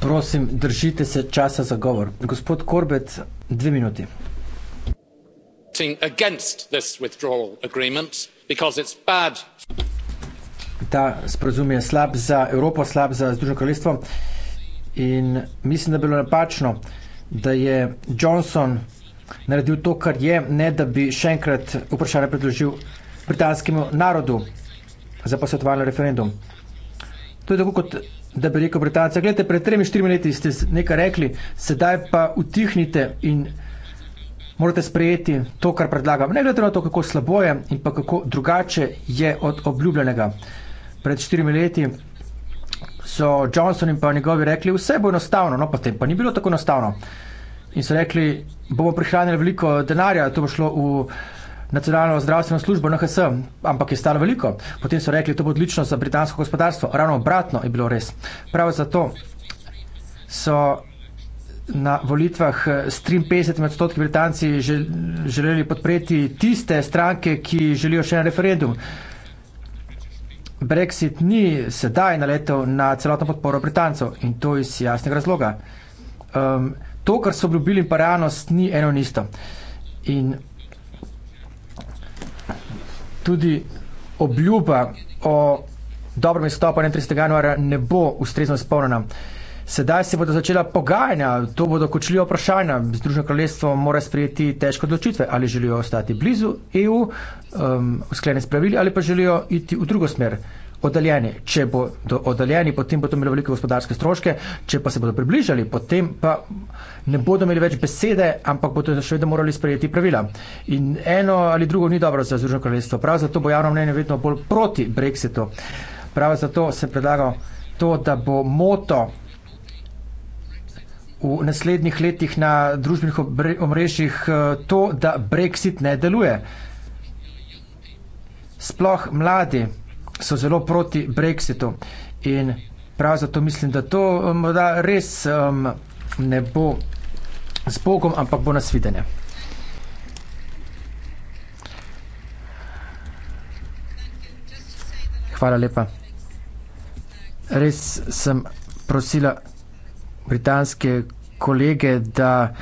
Prosim, držite se časa za govor. Gospod Korbec, dve minuti voting against this withdrawal agreement because it's bad ta sporazum je slab za Evropo, slab za Združeno kraljestvo in mislim, da bilo napačno, da je Johnson naredil to, kar je, ne da bi še enkrat vprašanje predložil britanskemu narodu za posvetovalno referendum. To je tako kot da bi rekel Britanca, gledajte, pred tremi, štirimi leti ste nekaj rekli, sedaj pa utihnite in morate sprejeti to, kar predlagam. Ne glede na to, kako slabo je in pa kako drugače je od obljubljenega. Pred štirimi leti so Johnson in pa njegovi rekli, vse bo enostavno, no potem pa ni bilo tako enostavno. In so rekli, bomo prihranili veliko denarja, to bo šlo v nacionalno zdravstveno službo NHS, ampak je stalo veliko. Potem so rekli, to bo odlično za britansko gospodarstvo. Ravno obratno je bilo res. Prav zato so na volitvah eh, s 53 odstotki Britanci želeli podpreti tiste stranke, ki želijo še en referendum. Brexit ni sedaj naletel na celotno podporo Britancov in to iz jasnega razloga. Um, to, kar so obljubili in realnost, ni eno in isto. In tudi obljuba o dobrem izstopu 31. januarja ne bo ustrezno izpolnjena. Uh, Sedaj se bodo začela pogajanja, to bodo kočljiva vprašanja. Združeno kraljestvo mora sprejeti težko odločitve, ali želijo ostati blizu EU, um, sklene s pravili, ali pa želijo iti v drugo smer, oddaljeni. Če bodo oddaljeni, potem bodo imeli velike gospodarske stroške, če pa se bodo približali, potem pa ne bodo imeli več besede, ampak bodo še vedno morali sprejeti pravila. In eno ali drugo ni dobro za Združeno kraljestvo, prav zato bo javno mnenje vedno bolj proti Brexitu. Prav zato sem predlagal to, da bo moto v naslednjih letih na družbenih omrežjih eh, to, da Brexit ne deluje. Sploh mladi so zelo proti Brexitu in prav zato mislim, da to eh, da res um, ne bo z Bogom, ampak bo nasvidenje. Hvala lepa. Res sem prosila britanske kolege, da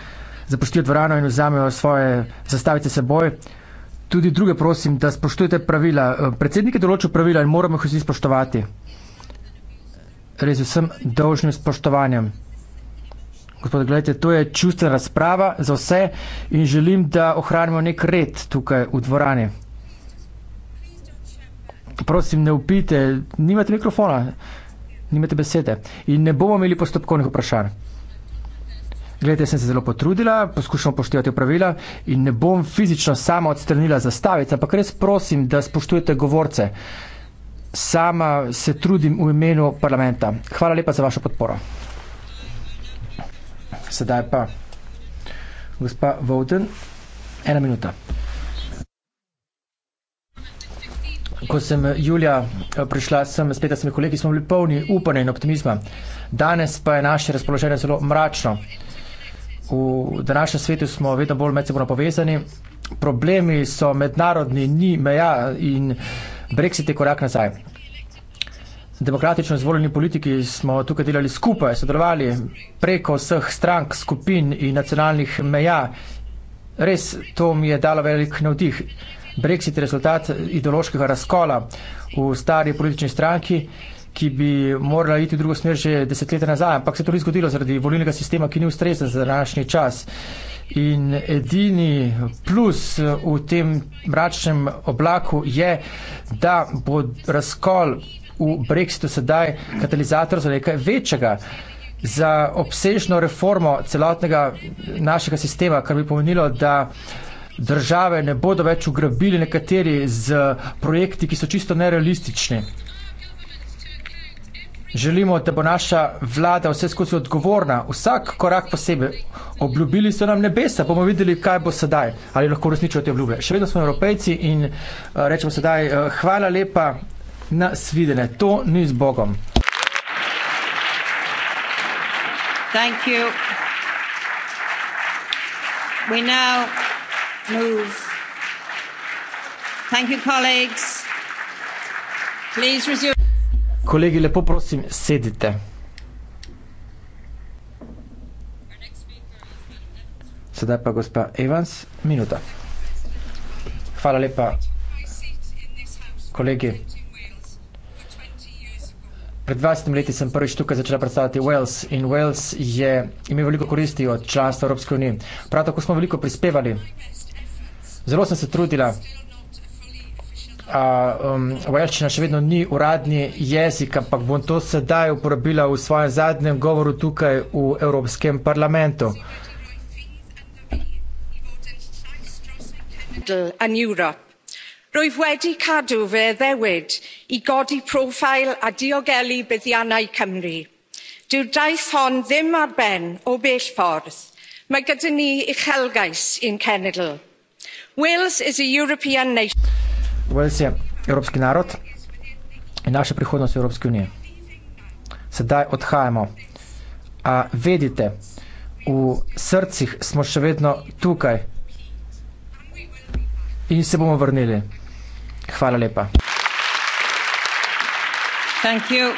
zapustijo dvorano in vzamejo svoje zastavice seboj. Tudi druge prosim, da spoštujete pravila. Eh, predsednik je določil pravila in moramo jih vsi spoštovati. Res vsem dolžnim spoštovanjem. Gospod, gledajte, to je čustvena razprava za vse in želim, da ohranimo nek red tukaj v dvorani. Prosim, ne upite, nimate mikrofona nimate besede. In ne bomo imeli postopkovnih vprašanj. Glede, sem se zelo potrudila, poskušamo poštivati pravila in ne bom fizično sama odstranila zastavica, ampak res prosim, da spoštujete govorce. Sama se trudim v imenu parlamenta. Hvala lepa za vašo podporo. Sedaj pa gospa Vauden, ena minuta. ko sem eh, julija eh, prišla sem s petdesetimi kolegi, smo bili polni upanja in optimizma. Danes pa je naše razpoloženje zelo mračno. V današnjem svetu smo vedno bolj medsebojno povezani, problemi so mednarodni, ni meja in Brexit je korak nazaj. Demokratično izvoljeni politiki smo tukaj delali skupaj, sodelovali preko vseh strank, skupin in nacionalnih meja. Res to mi je dalo velik navdih. Brexit rezultat ideološkega razkola v stari politični stranki, ki bi morala iti v drugo smer že desetletja nazaj, ampak se je to tudi zgodilo zaradi volilnega sistema, ki ni ustrezen za današnji čas. In edini plus v tem mračnem oblaku je, da bo razkol v Brexitu sedaj katalizator za nekaj večjega, za obsežno reformo celotnega našega sistema, kar bi pomenilo, da uh, države ne bodo več ugrabili nekateri z projekti, ki so čisto nerealistični. Želimo, da bo naša vlada vse skozi odgovorna, vsak korak posebej. Obljubili so nam nebesa, bomo videli, kaj bo sedaj, ali lahko uresničijo te obljube. Še vedno smo evropejci in eh, rečemo sedaj, eh, hvala lepa na svidene. To ni z Bogom. Thank you. We now move. Thank you, colleagues. Please resume. Kolegi, lepo prosim, sedite. Sedaj pa gospa Evans, minuta. Hvala lepa. Kolegi, pred 20 leti sem prvič tukaj začela predstavljati Wales in Wales je imel veliko koristi od članstva Evropske unije. Prav tako smo veliko prispevali Zelo sem se trudila. Um, vojaščina še vedno ni uradni jezik, ampak bom to sedaj uporabila v svojem zadnjem govoru tukaj v Evropskem parlamentu. Rwyf wedi cadw fe ddewyd i godi profil a diogelu byddiannau Cymru. Dyw'r daith hon ddim ar ben o bell ffordd. Mae gyda ni uchelgais i'n cenedl. Wales je evropski narod in naša prihodnost v Evropski uniji. Sedaj odhajamo. A vedite, v srcih smo še vedno tukaj in se bomo vrnili. Hvala lepa. Thank you.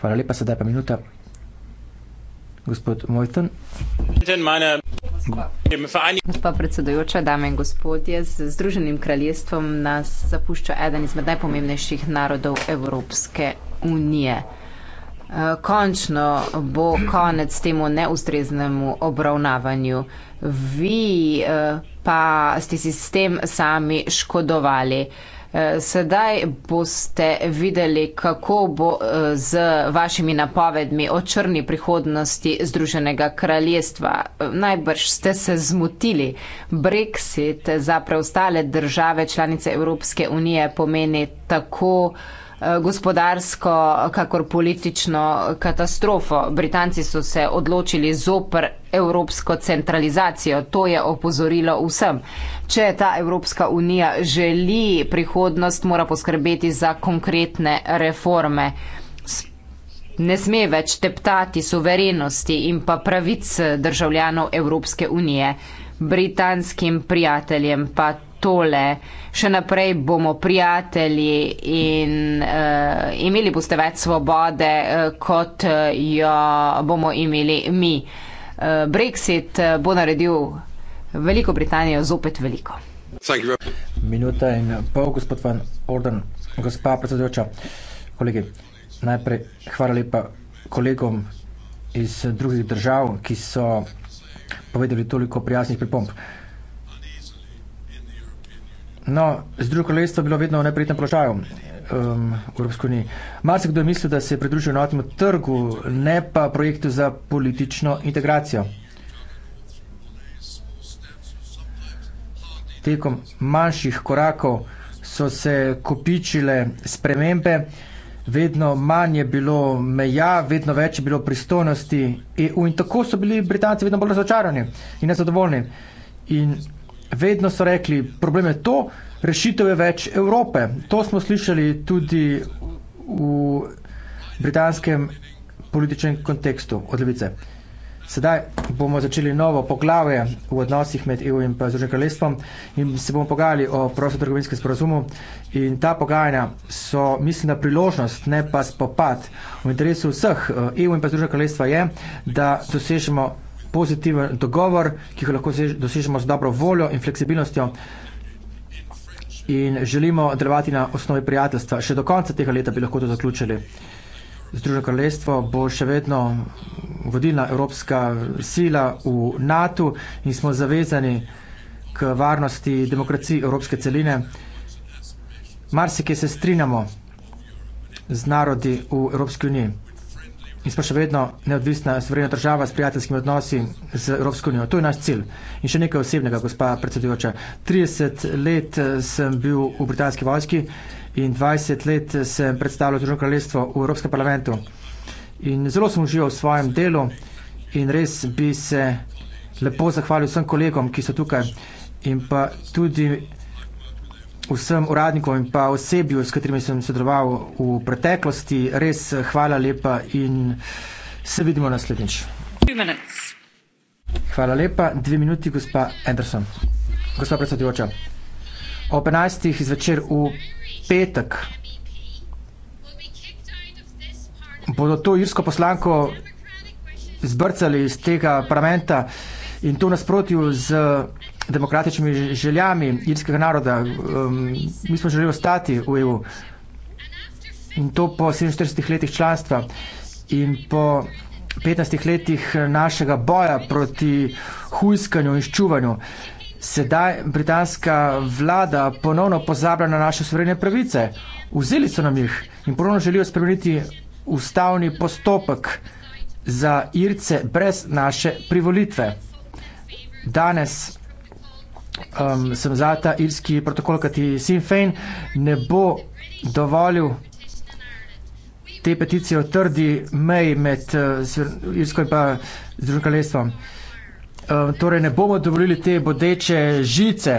Hvala lepa, sedaj pa minuta Gospod Mojten. Gospa predsedujoča, dame in gospodje, z Združenim kraljestvom nas zapušča eden izmed najpomembnejših narodov Evropske unije. E, končno bo konec temu neustreznemu obravnavanju. Vi e, pa ste si s tem sami škodovali. Eh, sedaj boste videli, kako bo eh, z vašimi napovedmi o črni prihodnosti Združenega kraljestva. Eh, najbrž ste se zmotili. Brexit za preostale države članice Evropske unije pomeni tako. Eh, gospodarsko, kakor politično katastrofo. Britanci so se odločili zopr evropsko centralizacijo. To je opozorilo vsem. Če ta Evropska unija želi prihodnost, mora poskrbeti za konkretne reforme. Ne sme več teptati suverenosti in pa pravic državljanov Evropske unije. Britanskim prijateljem pa tole, še naprej bomo prijatelji in uh, imeli boste več svobode, uh, kot eh, jo bomo imeli mi. Uh, Brexit uh, bo naredil Veliko Britanijo zopet veliko. Minuta in pol, gospod Van Orden, gospa predsedujoča, kolegi, najprej hvala lepa kolegom iz drugih držav, ki so povedali toliko prijaznih pripomb. Uh, No, Združeno kraljestvo je bilo vedno v neprijetnem položaju um, v Evropski uniji. Marsik kdo je mislil, da se je pridružil enotnemu trgu, ne pa projektu za politično integracijo. Tekom manjših korakov so se kopičile spremembe, vedno manj je bilo meja, vedno več je bilo pristojnosti EU in tako so bili Britanci vedno bolj razočarani in nezadovoljni. In Vedno so rekli, problem je to, rešitev je več Evrope. To smo slišali tudi v britanskem političnem kontekstu od levice. Sedaj bomo začeli novo poglavje v odnosih med EU in pa Združenim kraljestvom in se bomo pogajali o prostotrgovinskem sporazumu in ta pogajanja so, mislim, da priložnost, ne pa spopad. V interesu vseh EU eh, e in pa Združenega kraljestva je, da dosežemo pozitiven dogovor, ki ga lahko dosežemo z dobro voljo in fleksibilnostjo in želimo delovati na osnovi prijateljstva. Še do konca tega leta bi lahko to zaključili. Združeno kraljestvo bo še vedno vodilna evropska sila v NATO in smo zavezani k varnosti demokraciji evropske celine. Marsikje se strinjamo z narodi v Evropski uniji in smo še vedno neodvisna, suverena država s prijateljskimi odnosi z Evropsko unijo. To je naš cilj. In še nekaj osebnega, gospa predsedujoča. 30 let eh, sem bil v britanski vojski in 20 let eh, sem predstavljal Združeno kraljestvo v Evropskem parlamentu. In zelo sem užival v svojem delu in res bi se lepo zahvalil vsem kolegom, ki so tukaj in pa tudi vsem uradnikom in pa osebju, s katerimi sem sodeloval v preteklosti. Res eh, hvala lepa in se vidimo naslednjič. Hvala lepa. Dve minuti, gospa Anderson. Gospa predsedujoča. Ob 11. zvečer v petek bodo to irsko poslanko zbrcali iz tega parlamenta in to nasprotju z demokratičnimi željami irskega naroda. Um, mi smo želeli ostati v EU. In to po 47 letih članstva in po 15 letih našega boja proti hujskanju in ščuvanju. Sedaj britanska vlada ponovno pozablja na naše suverene pravice. Vzeli so nam jih in ponovno želijo spremeniti ustavni postopek za Irce brez naše privolitve. Danes um, sem za ta irski protokol, kajti Sinn Féin ne bo dovolil te peticije o trdi meji med uh, Irsko in pa Združenim kraljestvom. Um, torej ne bomo dovolili te bodeče žice.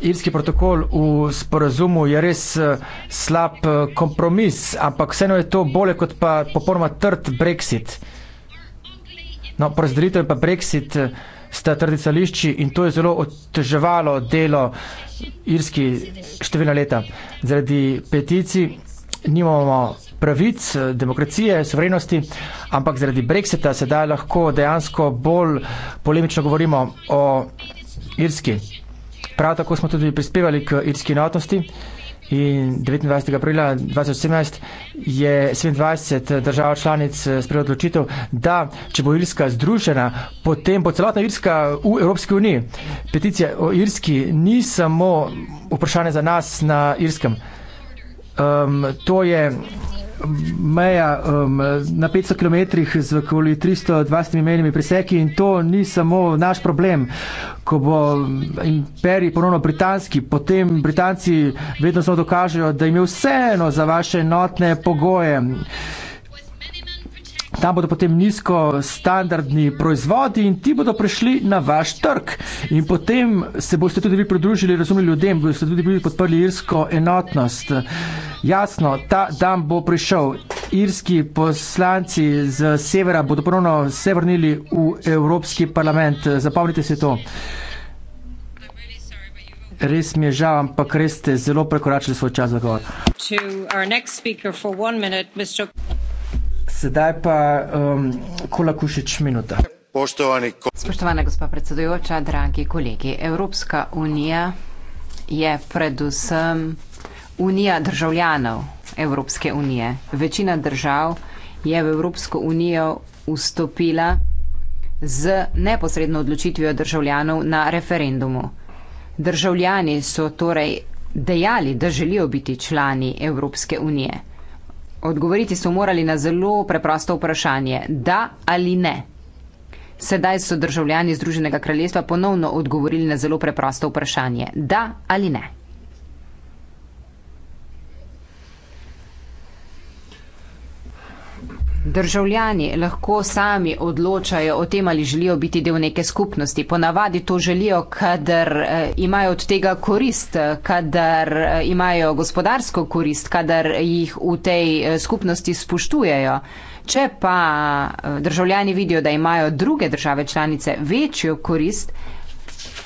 Irski protokol v sporazumu je res eh, slab eh, kompromis, ampak vseeno je to bolje kot pa popolnoma trd Brexit. No, porazdelitev je pa Brexit. Uh, sta tradicionalisti in to je zelo oteževalo delo irski številna leta. Zaradi peticij nimamo pravic, demokracije, sovrenosti, ampak zaradi brexita sedaj lahko dejansko bolj polemično govorimo o irski. Prav tako smo tudi prispevali k irski enotnosti. In 29. aprila 2018 je 27 držav članic eh, sprejelo odločitev, da če bo Irska združena, potem bo celotna Irska v Evropski uniji. Peticija o Irski ni samo vprašanje za nas na Irskem. Um, to je meja um, na 500 km z okoli 320 menjami preseki in to ni samo naš problem. Ko bo um, imperij ponovno britanski, potem Britanci vedno znova dokažejo, da jim je vseeno za vaše enotne pogoje. Tam bodo potem nizko standardni proizvodi in ti bodo prišli na vaš trg. In potem se boste tudi vi pridružili, razumeli ljudem, boste tudi vi podprli irsko enotnost. Jasno, ta dan bo prišel. Irski poslanci z severa bodo ponovno se vrnili v Evropski parlament. Zapomnite se to. Res mi je žal, ampak res ste zelo prekoračili svoj čas za govor. Sedaj pa um, Kolakušič minuta. Spoštovana gospa predsedujoča, dragi kolegi, Evropska unija je predvsem unija državljanov Evropske unije. Večina držav je v Evropsko unijo vstopila z neposredno odločitvijo državljanov na referendumu. Državljani so torej dejali, da želijo biti člani Evropske unije. Odgovoriti so morali na zelo preprosto vprašanje: da ali ne. Sedaj so državljani Združenega kraljestva ponovno odgovorili na zelo preprosto vprašanje: da ali ne. Državljani lahko sami odločajo o tem, ali želijo biti del neke skupnosti. Ponavadi to želijo, kadar eh, imajo od tega korist, kadar eh, imajo gospodarsko korist, kadar jih v tej eh, skupnosti spoštujejo. Če pa državljani vidijo, da imajo druge države članice večjo korist,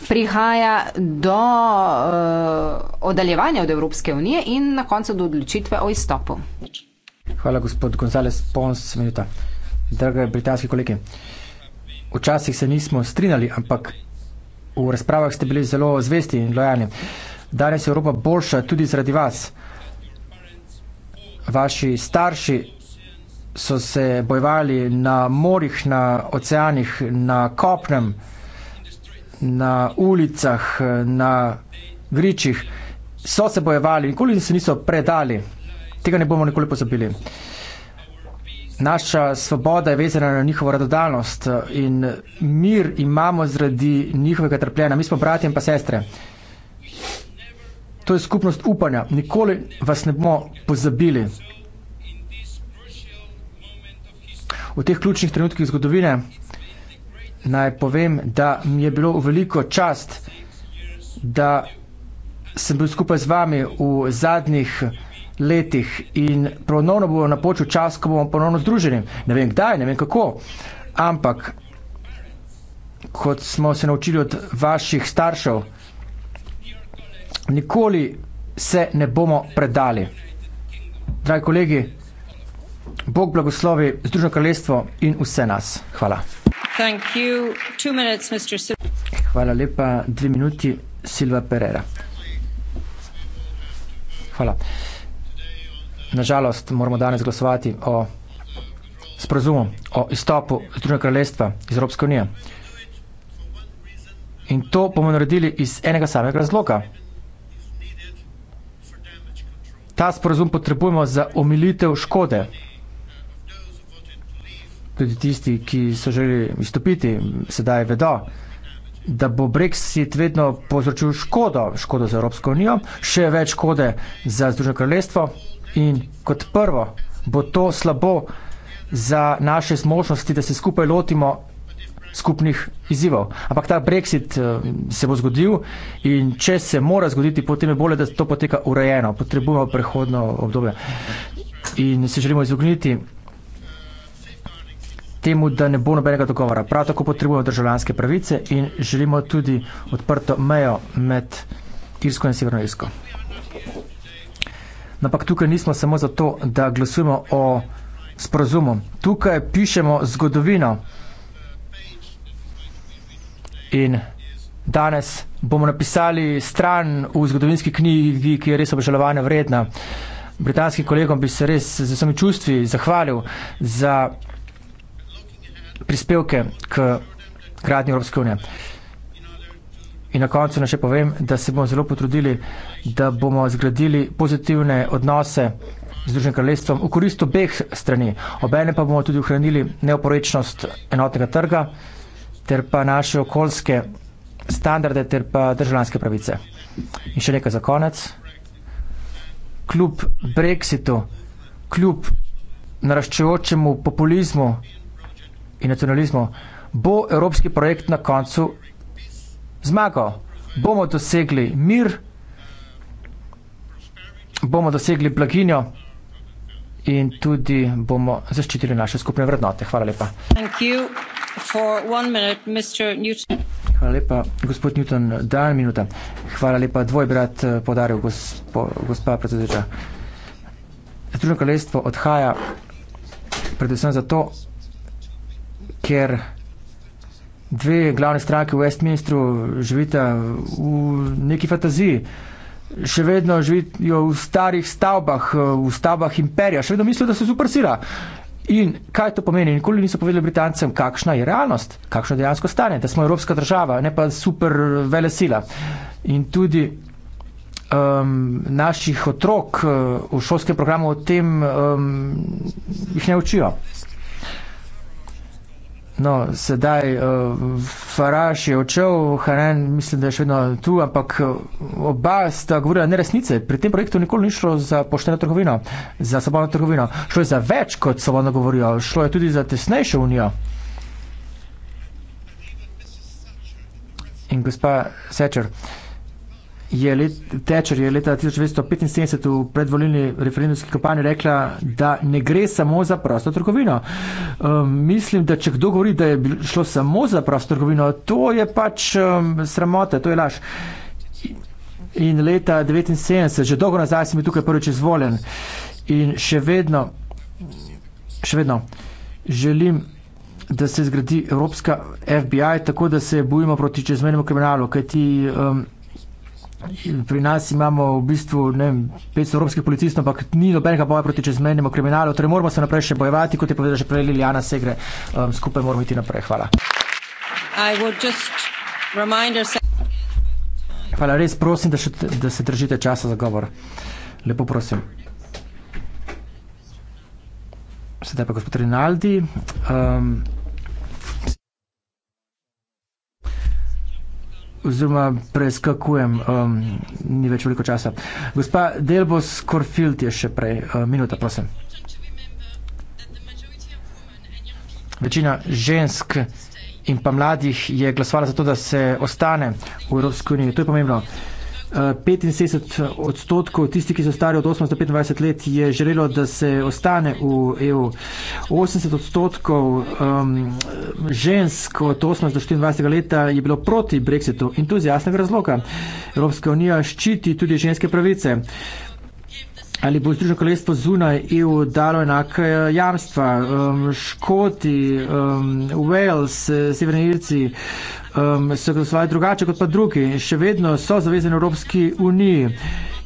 prihaja do uh, odaljevanja od Evropske unije in na koncu do odločitve o izstopu. Hvala, gospod Gonzales Pons, minuta. Drage britanski kolegi, včasih se nismo strinjali, ampak v razpravah ste bili zelo zvesti in lojalni. Danes je Evropa boljša tudi zaradi vas. Vaši starši so se bojevali na morjih, na oceanih, na kopnem, na ulicah, na gričih. So se bojevali, nikoli se niso predali tega ne bomo nikoli pozabili. Naša svoboda je vezana na njihovo radodalnost eh, in mir imamo zradi njihovega trpljenja. Mi smo bratje in pa sestre. To je skupnost upanja. Nikoli vas ne bomo pozabili. V teh ključnih trenutkih zgodovine naj povem, da mi je bilo veliko čast, da sem bil skupaj z vami v zadnjih letih in ponovno bomo napočil čas, ko bomo ponovno združeni. Ne vem kdaj, ne vem kako, ampak kot smo se naučili od vaših staršev, nikoli se ne bomo predali. Dragi kolegi, Bog blagoslovi Združeno kraljestvo in vse nas. Hvala. Thank you. Two minutes, Mr. Hvala lepa. Dve minuti, Silva Pereira. Hvala nažalost, moramo danes glasovati o sprazumu, o izstopu Združenega kraljestva iz Evropske unije. In to bomo naredili iz enega samega razloga. Ta sporazum potrebujemo za omilitev škode. Tudi tisti, ki so želeli izstopiti, sedaj vedo, da bo Brexit vedno povzročil škodo, škodo za Evropsko unijo, še več škode za Združeno kraljestvo. In kot prvo bo to slabo za naše zmožnosti, da se skupaj lotimo skupnih izzivov. Ampak ta Brexit eh, se bo zgodil in če se mora zgoditi, potem je bolje, da to poteka urejeno. Potrebujemo prehodno obdobje. In se želimo izogniti temu, da ne bo nobenega dogovora. Prav tako potrebujemo državljanske pravice in želimo tudi odprto mejo med Irsko in Severno Irsko. Thank you. Ampak tukaj nismo samo zato, da glasujemo o sporozumu. Tukaj pišemo zgodovino. In danes bomo napisali stran v zgodovinski knjigi, ki je res obžalovana vredna. Britanskim kolegom bi se res z vsemi čustvi zahvalil za prispevke k gradnji Evropske unije. In na koncu naj še povem, da se bomo zelo potrudili, da bomo zgradili pozitivne odnose z Združenim kraljestvom v korist obeh strani. Obene pa bomo tudi ohranili neoporečnost enotnega trga ter pa naše okoljske standarde ter pa državljanske pravice. In še nekaj za konec. Kljub Brexitu, kljub naraščajočemu populizmu in nacionalizmu bo evropski projekt na koncu zmago, bomo dosegli mir, bomo dosegli blaginjo in tudi bomo zaščitili naše skupne vrednote. Hvala lepa. Hvala lepa, gospod Newton, dan minuta. Hvala lepa, dvoj brat eh, podaril gospo, gospa predsedeča. Združeno kraljestvo odhaja predvsem zato, ker dve glavne stranke v Westminsteru živita v neki fantaziji. Še vedno živijo v starih stavbah, eh, v stavbah imperija, še vedno mislijo, da se super sila. In kaj to pomeni? Nikoli niso povedali Britancem, kakšna je realnost, kakšno dejansko stane, da smo evropska država, ne pa super vele sila. In tudi um, naših otrok uh, v šolskem programu o tem um, jih ne učijo. No, sedaj uh, eh, Faraš je odšel, Haran mislim, da je še vedno tu, ampak eh, oba sta govorila neresnice. Pri tem projektu nikoli ni šlo za pošteno trgovino, za svobodno trgovino. Šlo je za več, kot svobodno govorijo. Šlo je tudi za tesnejšo unijo. In gospa Sečer. Uh, je let, Tečer je leta 1975 v predvolilni referendumski kampanji rekla, da ne gre samo za prosto trgovino. Um, mislim, da če kdo govori, da je šlo samo za prosto trgovino, to je pač um, sramota, to je laž. In leta 1979, že dolgo nazaj, sem bil tukaj prvič izvoljen in še vedno, še vedno želim da se zgradi Evropska FBI, tako da se bojimo proti čezmenjemu kriminalu, kajti um, Pri nas imamo v bistvu ne vem, 500 evropskih policistov, ampak ni nobenega boja proti čezmejnemu kriminalu. Torej moramo se naprej še bojevati, kot je povedala že prej Liljana Segre. Um, skupaj moramo iti naprej. Hvala. Hvala, res prosim, da, še, da se držite časa za govor. Lepo prosim. Sedaj pa gospod Rinaldi. Um, oziroma preskakujem, um, ni več veliko časa. Gospa Delbos Korfield je še prej, uh, minuta, prosim. Večina žensk in pa mladih je glasovala za to, da se ostane v Evropski uniji. To je pomembno. Uh, 65 odstotkov tistih, ki so stari od 18 do 25 let, je želelo, da se ostane v EU. 80 odstotkov um, žensk od 18 do 24 leta je bilo proti Brexitu in to iz jasnega razloga. Evropska unija ščiti tudi ženske pravice. Ali bo Združeno kraljestvo zunaj EU dalo enake eh, jamstva? Um, Škoti, um, Wales, eh, Severni Irci, um, se glasovali drugače kot pa drugi. Še vedno so zavezani Evropski uniji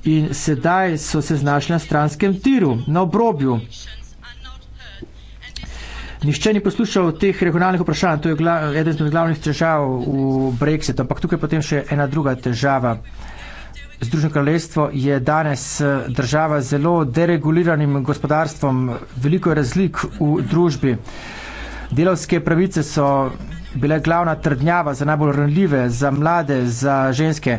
in sedaj so se znašli na stranskem tiru, na obrobju. Nihče ni poslušal teh regionalnih vprašanj, to je eden izmed glavnih težav v Brexitu, ampak tukaj potem še ena druga težava. Združeno kraljestvo je danes eh, država z zelo dereguliranim gospodarstvom, veliko je razlik v družbi. Delovske pravice so bila glavna trdnjava za najbolj ranljive, za mlade, za ženske.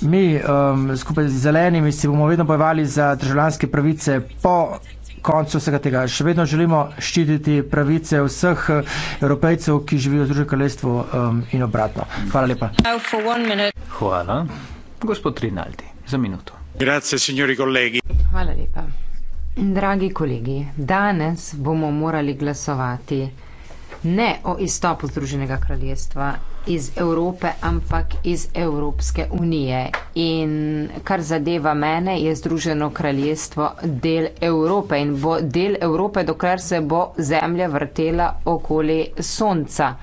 Mi um, skupaj z zelenimi si bomo vedno bojevali za državljanske pravice po koncu vsega tega. Še vedno želimo ščititi pravice vseh uh, evropejcev, ki živijo v Združenem kraljestvu um, in obratno. Hvala lepa. Hvala. Gospod Rinaldi, za minuto. Grazie, signori kolegi. Hvala lepa. Dragi kolegi, danes bomo morali glasovati ne o izstopu Združenega kraljestva iz Evrope, ampak iz Evropske unije. In kar zadeva mene, je Združeno kraljestvo del Evrope in bo del Evrope, dokler se bo Zemlja vrtela okoli Sonca.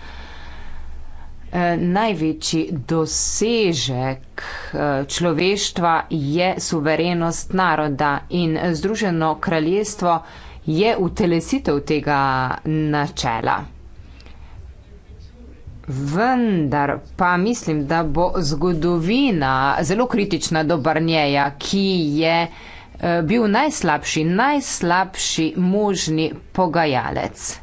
E, največji dosežek e, človeštva je suverenost naroda in Združeno kraljestvo je utelesitev tega načela. Vendar pa mislim, da bo zgodovina zelo kritična do Barnjeja, ki je eh, bil najslabši, najslabši možni pogajalec.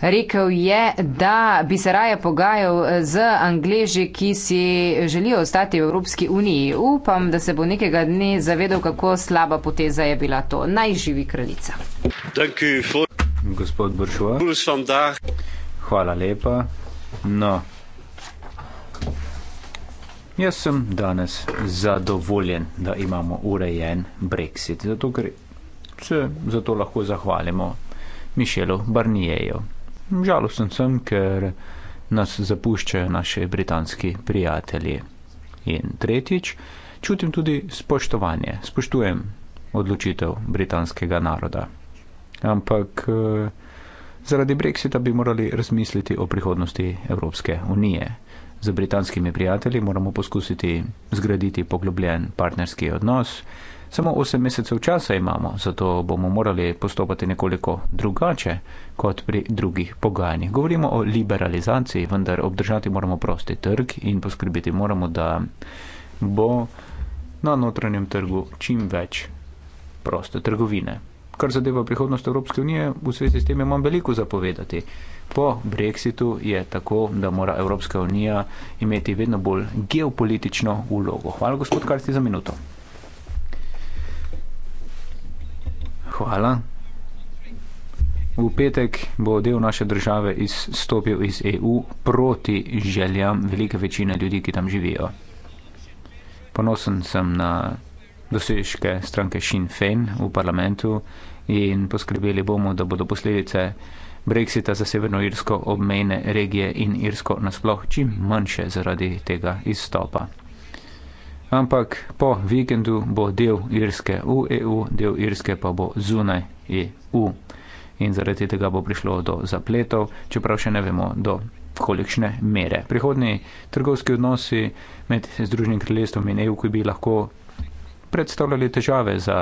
Rekel je, da bi se raje pogajal eh, z Angleži, ki si želijo ostati v Evropski uniji. Upam, da se bo nekega dne zavedel, kako slaba poteza je bila to. Naj živi kraljica. Gospod Bršova. Hvala lepa. No. Jaz sem danes zadovoljen, da imamo urejen Brexit, zato ker se za to lahko zahvalimo Mišelu Barnijeju. Žalosten sem, ker nas zapuščajo naši britanski prijatelji. In tretjič, čutim tudi spoštovanje, spoštujem odločitev britanskega naroda. Ampak eh, Zaradi brexita bi morali razmisliti o prihodnosti Evropske unije. Z britanskimi prijatelji moramo poskusiti zgraditi poglobljen partnerski odnos. Samo 8 mesecev časa imamo, zato bomo morali postopati nekoliko drugače kot pri drugih pogajanjih. Govorimo o liberalizaciji, vendar obdržati moramo prosti trg in poskrbiti moramo, da bo na notranjem trgu čim več proste trgovine kar zadeva prihodnost Evropske unije, v svezi s tem imam veliko zapovedati. Po brexitu je tako, da mora Evropska unija imeti vedno bolj geopolitično ulogo. Hvala, gospod Karsti, za minuto. Hvala. V petek bo del naše države izstopil iz EU proti željam velike večine ljudi, ki tam živijo. Ponosen sem na dosežke stranke Sinn Fein v parlamentu in poskrbeli bomo, da bodo posledice Brexita za severnoirsko obmejne regije in irsko nasploh čim manjše zaradi tega izstopa. Ampak po vikendu bo del Irske v EU, del Irske pa bo zunaj EU. In zaradi tega bo prišlo do zapletov, čeprav še ne vemo do kolikšne mere. Prihodni trgovski odnosi med Združenim kraljestvom in EU, ki bi lahko predstavljali težave za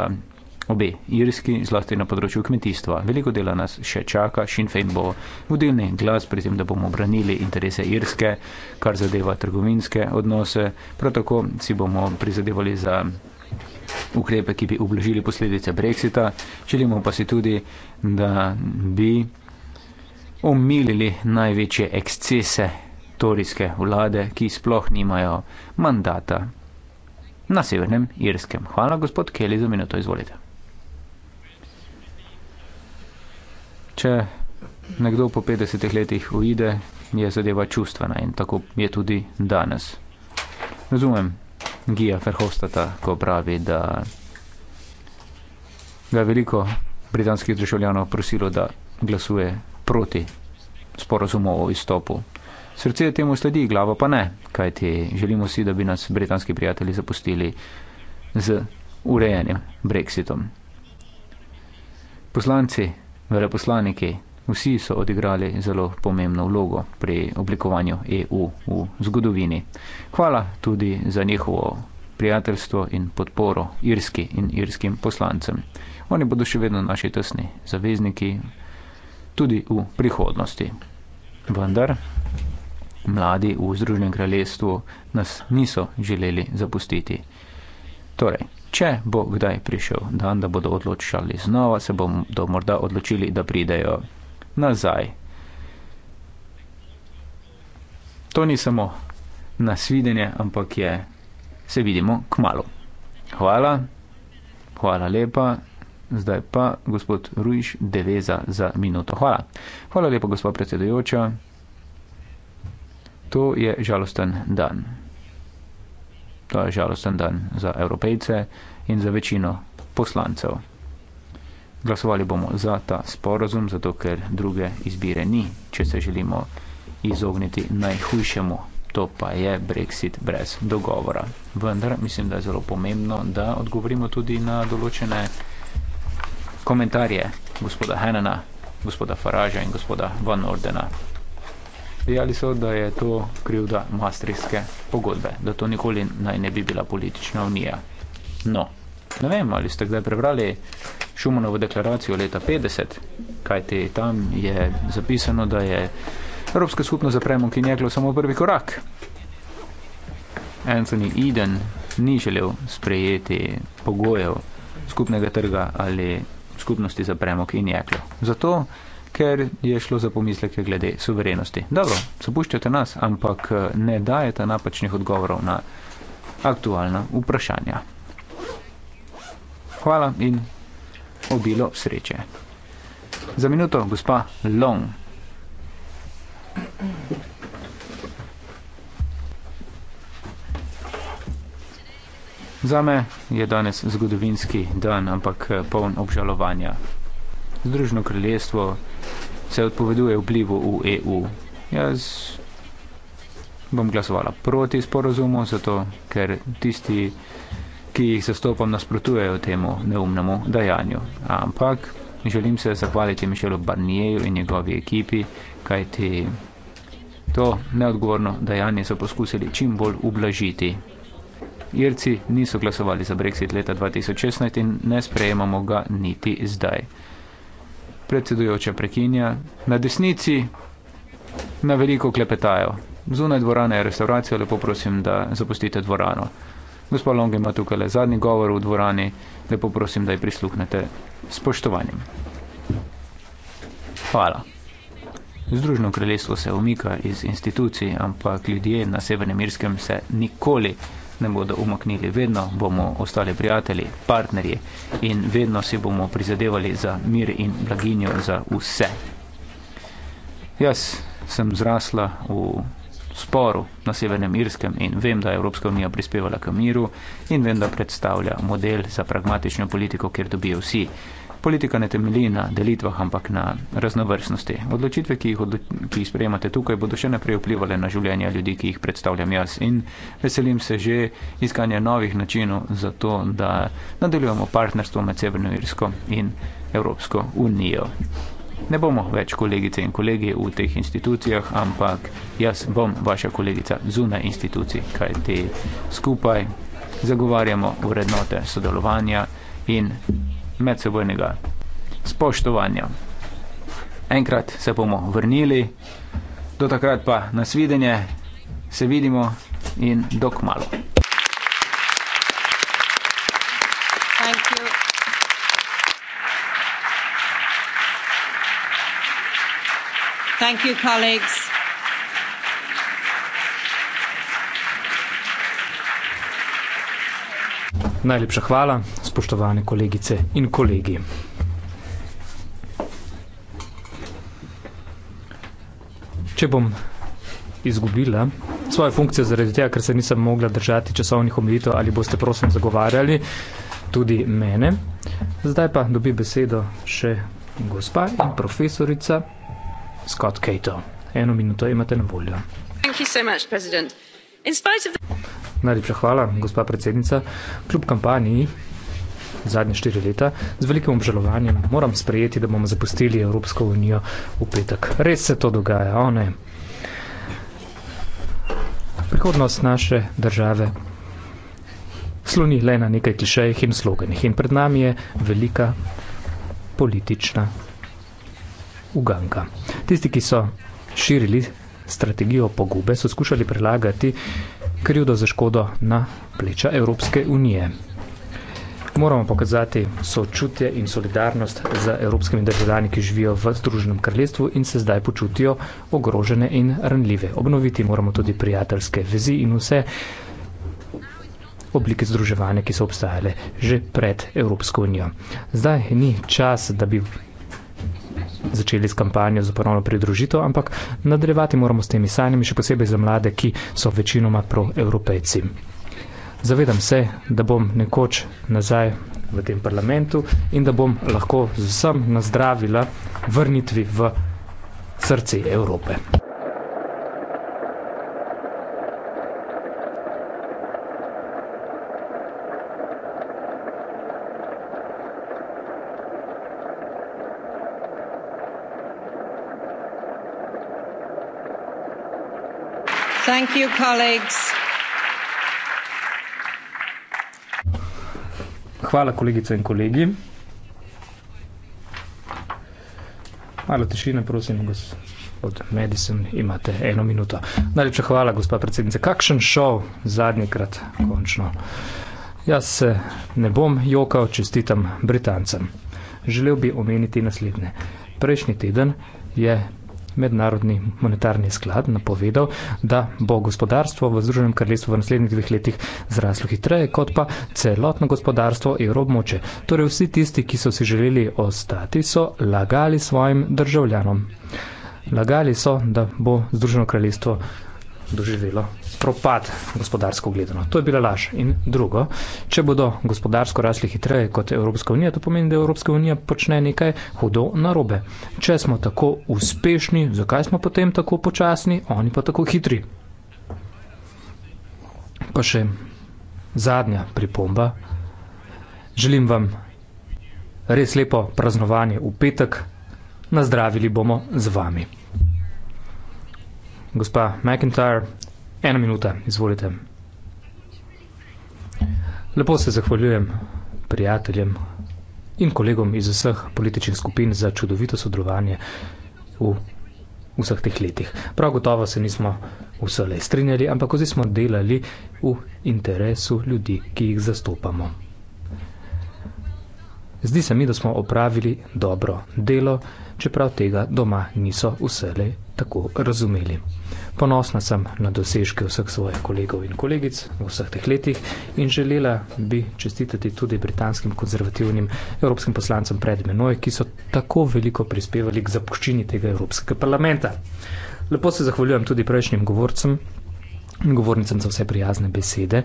obe, irski, zlasti na področju kmetijstva. Veliko dela nas še čaka, Sinn Féin bo vodilni glas pri tem, da bomo obranili interese irske, kar zadeva trgovinske odnose. Prav tako si bomo prizadevali za ukrepe, ki bi ublažili posledice Brexita. Želimo pa si tudi, da bi omilili največje ekscese torijske vlade, ki sploh nimajo mandata. Na severnem irskem. Hvala, gospod Kelly, za minuto izvolite. če nekdo po 50 letih uide, je zadeva čustvena in tako je tudi danes. Razumem Gija Ferhostata, ko pravi, da ga je veliko britanskih državljanov prosilo, da glasuje proti sporozumu o izstopu. Srce je temu sledi, glava pa ne, kajti želimo si, da bi nas britanski prijatelji zapustili z urejenim brexitom. Poslanci veleposlaniki, vsi so odigrali zelo pomembno vlogo pri oblikovanju EU v zgodovini. Hvala tudi za njihovo prijateljstvo in podporo irski in irskim poslancem. Oni bodo še vedno naši tesni zavezniki, tudi v prihodnosti. Vendar mladi v Združenem kraljestvu nas niso želeli zapustiti. Torej, Če bo kdaj prišel dan, da bodo odločali znova, se bodo morda odločili, da pridejo nazaj. To ni samo nasvidenje, ampak je, se vidimo k malu. Hvala, hvala lepa. Zdaj pa gospod Rujš, deveza za minuto. Hvala. Hvala lepa, gospod predsedujoča. To je žalosten dan. To je žalosten dan za evropejce in za večino poslancev. Glasovali bomo za ta sporozum, zato ker druge izbire ni, če se želimo izogniti najhujšemu, to pa je Brexit brez dogovora. Vendar mislim, da je zelo pomembno, da odgovorimo tudi na določene komentarje gospoda Henena, gospoda Faraža in gospoda Van Ordena. Dejali so, da je to krivda maastrihtske pogodbe, da to nikoli naj ne bi bila politična unija. No, ne vem, ali ste kdaj prebrali Šumanovo deklaracijo leta 50, kajti tam je zapisano, da je Evropska skupnost za premog in jeklo samo prvi korak. Anthony Eden ni želel sprejeti pogojev skupnega trga ali skupnosti za premog in jeklo. Zato ker je šlo za pomisleke glede suverenosti. Dobro, sopuščate nas, ampak eh, ne dajete napačnih odgovorov na aktualna vprašanja. Hvala in obilo sreče. Za minuto, gospa Long. Zame je danes zgodovinski dan, ampak eh, poln obžalovanja. Združeno kraljestvo se odpoveduje vplivu v EU. Jaz bom glasovala proti sporozumu, zato ker tisti, ki jih zastopam, nasprotujejo temu neumnemu dajanju. Ampak želim se zahvaliti Mišelu Barnijeju in njegovi ekipi, kajti to neodgovorno dajanje so poskusili čim bolj ublažiti. Irci niso glasovali za Brexit leta 2016 in ne sprejemamo ga niti zdaj predsedujoča prekinja, na desnici na veliko klepetajo. Zunaj dvorane je restauracija, lepo prosim, da zapustite dvorano. Gospod Long ima tukaj le zadnji govor v dvorani, lepo prosim, da ji prisluhnete s spoštovanjem. Hvala. Združeno kraljestvo se umika iz institucij, ampak ljudje na Severnem Irskem se nikoli ne ne bodo umaknili. Vedno bomo ostali prijatelji, partnerji in vedno si bomo prizadevali za mir in blaginjo za vse. Jaz sem zrasla v sporu na Severnem Irskem in vem, da je Evropska unija prispevala k miru in vem, da predstavlja model za pragmatično politiko, kjer dobijo vsi Politika ne temelji na delitvah, ampak na raznovrstnosti. Odločitve, ki jih, odlo jih sprejemate tukaj, bodo še naprej vplivali na življenje ljudi, ki jih predstavljam jaz. In veselim se že iskanja novih načinov za to, da nadaljujemo partnerstvo med Severno Irsko in Evropsko unijo. Ne bomo več kolegice in kolegi v teh institucijah, ampak jaz bom vaša kolegica zunaj institucij, kaj te skupaj zagovarjamo vrednote sodelovanja in medsebojnega spoštovanja. Enkrat se bomo vrnili, do takrat pa nasvidenje, se vidimo in dok malo. Thank you, colleagues. Najlepša hvala, spoštovane kolegice in kolegi. Če bom izgubila svojo funkcijo zaradi tega, ker se nisem mogla držati časovnih omejitev ali boste prosim zagovarjali tudi mene. Zdaj pa dobi besedo še gospa in profesorica Scott Cato. Eno minuto imate na voljo. Thank you so much, President. Najlepša hvala, gospa predsednica. Kljub kampanji zadnje štiri leta, z velikim obžalovanjem moram sprejeti, da bomo zapustili Evropsko unijo v petek. Res se to dogaja, o ne. Prihodnost naše države sloni le na nekaj klišejih in sloganih in pred nami je velika politična uganka. Tisti, ki so širili strategijo pogube so skušali prelagati krivdo za škodo na pleča Evropske unije. Moramo pokazati sočutje in solidarnost z evropskimi državljani, ki živijo v Združenem kraljestvu in se zdaj počutijo ogrožene in ranljive. Obnoviti moramo tudi prijateljske vezi in vse oblike združevanja, ki so obstajale že pred Evropsko unijo. Zdaj ni čas, da bi začeli s kampanjo za ponovno pridružitev, ampak nadaljevati moramo s temi sanjami, še posebej za mlade, ki so večinoma proevropejci. Zavedam se, da bom nekoč nazaj v tem parlamentu in da bom lahko z vsem nazdravila vrnitvi v srce Evrope. Thank you, colleagues. Hvala, kolegice in kolegi. Malo tišine, prosim, od Madison imate eno minuto. Najlepša hvala, gospa predsednica. Kakšen šov zadnji krat, končno. Jaz se ne bom jokal, čestitam Britancem. Želel bi omeniti naslednje. Prejšnji teden je Mednarodni monetarni sklad napovedal, da bo gospodarstvo v Združenem kraljestvu v naslednjih dveh letih zraslo hitreje kot pa celotno gospodarstvo evroobmoče. Torej vsi tisti, ki so si želeli ostati, so lagali svojim državljanom. Lagali so, da bo Združeno kraljestvo doživelo propad gospodarsko gledano. To je bila laž. In drugo, če bodo gospodarsko rasli hitreje kot Evropska unija, to pomeni, da Evropska unija počne nekaj hudo narobe. Če smo tako uspešni, zakaj smo potem tako počasni, oni pa tako hitri? Pa še zadnja pripomba. Želim vam res lepo praznovanje v petek. Nazdravili bomo z vami gospa McIntyre, ena minuta, izvolite. Lepo se zahvaljujem prijateljem in kolegom iz vseh političnih skupin za čudovito sodelovanje v vseh teh letih. Prav gotovo se nismo vse le strinjali, ampak ozi smo delali v interesu ljudi, ki jih zastopamo. Zdi se mi, da smo opravili dobro delo, čeprav tega doma niso vsele tako razumeli. Ponosna sem na dosežke vseh svojih kolegov in kolegic v vseh teh letih in želela bi čestitati tudi britanskim konzervativnim evropskim poslancem pred menoj, ki so tako veliko prispevali k zapuščini tega Evropskega parlamenta. Lepo se zahvaljujem tudi prejšnjim govorcem in govornicam za vse prijazne besede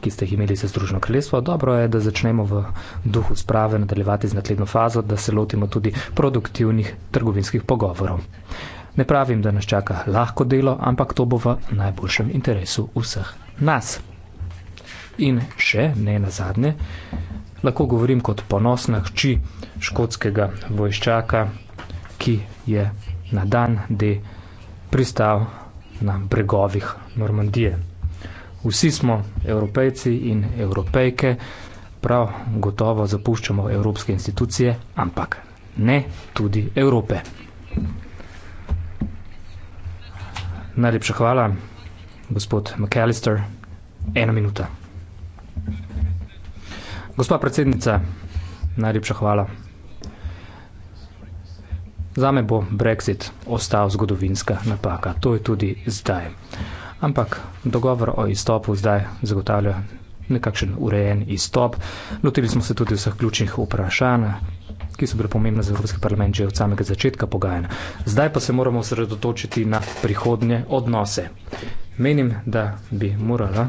ki ste jih imeli za Združeno kraljestvo. Dobro je, da začnemo v duhu sprave nadaljevati z nadledno fazo, da se lotimo tudi produktivnih trgovinskih pogovorov. Ne pravim, da nas čaka lahko delo, ampak to bo v najboljšem interesu vseh nas. In še ne na zadnje, lahko govorim kot ponosna hči škotskega vojščaka, ki je na dan D pristal na bregovih Normandije. Vsi smo evropejci in evropejke, prav gotovo zapuščamo evropske institucije, ampak ne tudi Evrope. Najlepša hvala, gospod McAllister. Ena minuta. Gospa predsednica, najlepša hvala. Zame bo Brexit ostal zgodovinska napaka. To je tudi zdaj ampak dogovor o izstopu zdaj zagotavlja nekakšen urejen izstop. Lotili smo se tudi vseh ključnih vprašanj, ki so bile pomembne za Evropski parlament že od samega začetka pogajanja. Zdaj pa se moramo osredotočiti na prihodnje odnose. Menim, da bi morala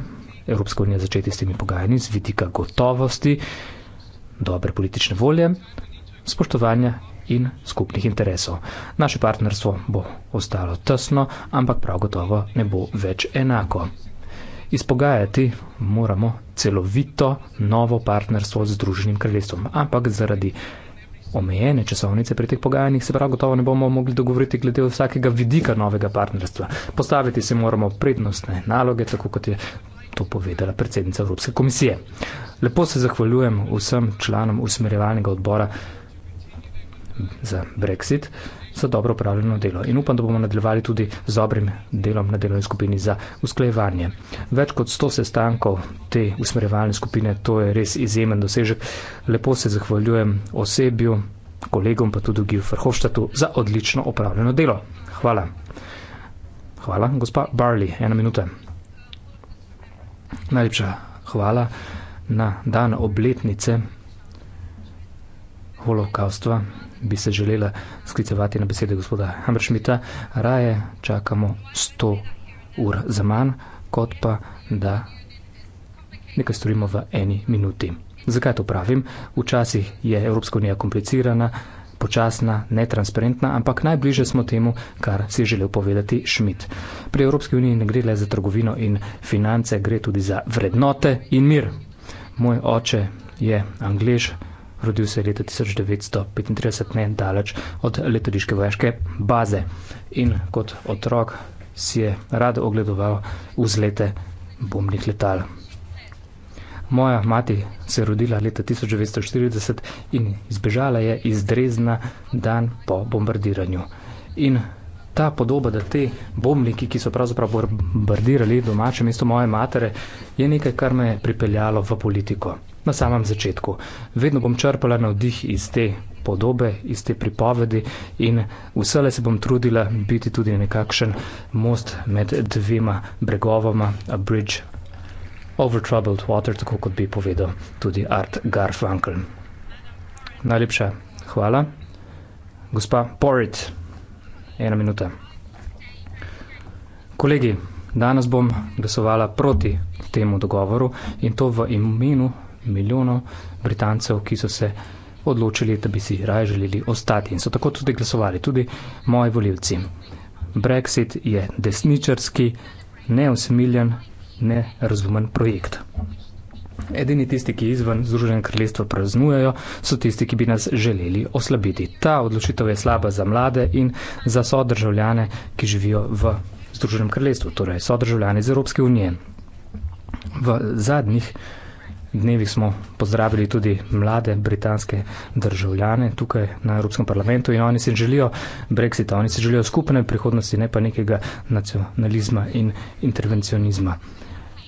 Evropska unija začeti s temi pogajanji z vidika gotovosti, dobre politične volje, spoštovanja in skupnih interesov. Naše partnerstvo bo ostalo tesno, ampak prav gotovo ne bo več enako. Izpogajati moramo celovito novo partnerstvo z Združenim kraljestvom, ampak zaradi omejene časovnice pri teh pogajanjih se prav gotovo ne bomo mogli dogovoriti glede vsakega vidika novega partnerstva. Postaviti se moramo prednostne naloge, tako kot je to povedala predsednica Evropske komisije. Lepo se zahvaljujem vsem članom usmerjevalnega odbora za Brexit, za dobro upravljeno delo. In upam, da bomo nadaljevali tudi z dobrim delom na delovni skupini za usklajevanje. Več kot 100 sestankov te usmerjevalne skupine, to je res izjemen dosežek. Lepo se zahvaljujem osebju, kolegom, pa tudi Giju Frhoštatu za odlično upravljeno delo. Hvala. Hvala, gospa Barley, ena minuta. Najlepša hvala na dan obletnice holokaustva bi se želela sklicevati na besede gospoda Hammerschmidta, raje čakamo 100 ur za manj, kot pa da nekaj storimo v eni minuti. Zakaj to pravim? Včasih je Evropska unija komplicirana, počasna, netransparentna, ampak najbliže smo temu, kar si je želel povedati Schmidt. Pri Evropski uniji ne gre le za trgovino in finance, gre tudi za vrednote in mir. Moj oče je anglež, rodil se je leta 1935, ne daleč od letališke vojaške baze. In kot otrok si je rad ogledoval vzlete bombnih letal. Moja mati se je rodila leta 1940 in izbežala je iz Drezna dan po bombardiranju. In ta podoba, da te bombniki, ki so pravzaprav bombardirali domače mesto moje matere, je nekaj, kar me je pripeljalo v politiko. Na samem začetku. Vedno bom črpala navdih iz te podobe, iz te pripovedi in vsele se bom trudila biti tudi nekakšen most med dvema bregovama, a bridge over troubled water, tako kot bi povedal tudi Art Garfunkel. Najlepša hvala. Gospa Porit ena minuta. Kolegi, danes bom glasovala proti temu dogovoru in to v imenu milijonov Britancev, ki so se odločili, da bi si raje želeli ostati in so tako tudi glasovali, tudi moji voljivci. Brexit je desničarski, neusmiljen, nerazumen projekt. Edini tisti, ki izven Združenega kraljestva praznujejo, so tisti, ki bi nas želeli oslabiti. Ta odločitev je slaba za mlade in za sodržavljane, ki živijo v Združenem kraljestvu, torej sodržavljane iz Evropske unije. V zadnjih dnevih smo pozdravili tudi mlade britanske državljane tukaj na Evropskem parlamentu in oni si želijo brexita, oni si želijo skupne prihodnosti, ne pa nekega nacionalizma in intervencionizma.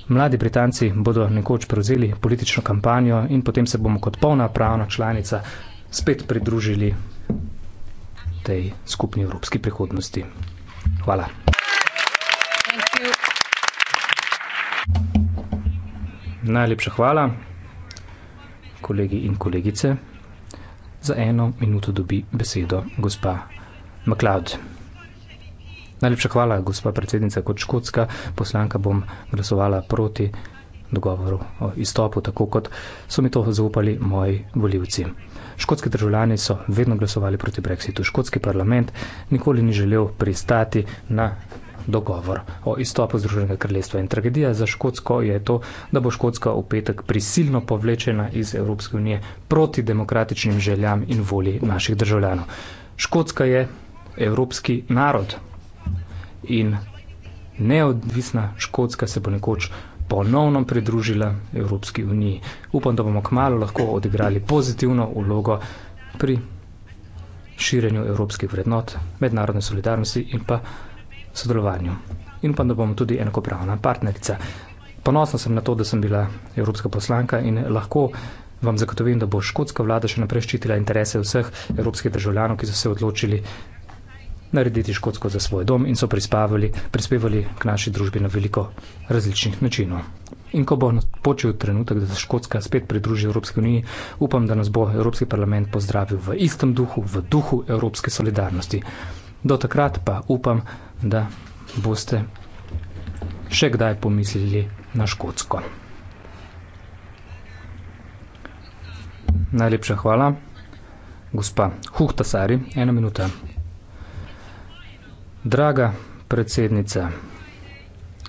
Mladi Britanci bodo nekoč prevzeli politično kampanjo in potem se bomo kot polna pravna članica spet pridružili tej skupni evropski prihodnosti. Hvala. Najlepša hvala, kolegi in kolegice. Za eno minuto dobi besedo gospa McLeod. Najlepša hvala, gospa predsednica, kot škotska poslanka bom glasovala proti dogovoru o izstopu, tako kot so mi to zaupali moji voljivci. Škotski državljani so vedno glasovali proti Brexitu. Škotski parlament nikoli ni želel pristati na dogovor o izstopu Združenega kraljestva in tragedija za Škotsko je to, da bo Škotska v petek prisilno povlečena iz Evropske unije proti demokratičnim željam in volji naših državljanov. Škotska je evropski narod, in neodvisna Škotska se bo nekoč ponovno pridružila Evropski uniji. Upam, da bomo kmalo lahko odigrali pozitivno vlogo pri širjenju evropskih vrednot, mednarodne solidarnosti in pa sodelovanju. In upam, da bomo tudi enakopravna partnerica. Ponosna sem na to, da sem bila evropska poslanka in lahko vam zagotovim, da bo škotska vlada še naprej ščitila interese vseh evropskih državljanov, ki so se odločili narediti škotsko za svoj dom in so prispevali, prispevali k naši družbi na veliko različnih načinov. In ko bo počel trenutek, da se Škotska spet pridruži Evropski uniji, upam, da nas bo Evropski parlament pozdravil v istem duhu, v duhu evropske solidarnosti. Do takrat pa upam, da boste še kdaj pomislili na Škotsko. Najlepša hvala, gospa Huhtasari, ena minuta. Draga predsednica,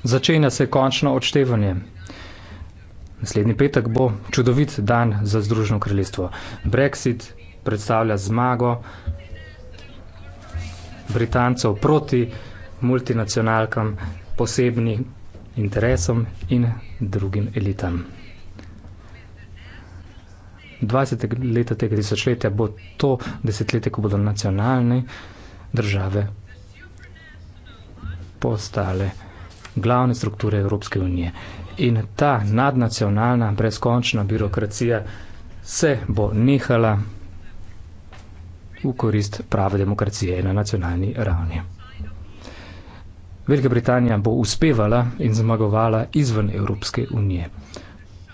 začenja se končno odštevanje. Naslednji petek bo čudovit dan za Združeno kraljestvo. Brexit predstavlja zmago Britancev proti multinacionalkam, posebnim interesom in drugim elitam. 20. leta tega desetletja bo to desetletje, ko bodo nacionalne države postale glavne strukture Evropske unije. In ta nadnacionalna, brezkončna birokracija se bo nehala v korist prave demokracije na nacionalni ravni. Velika Britanija bo uspevala in zmagovala izven Evropske unije.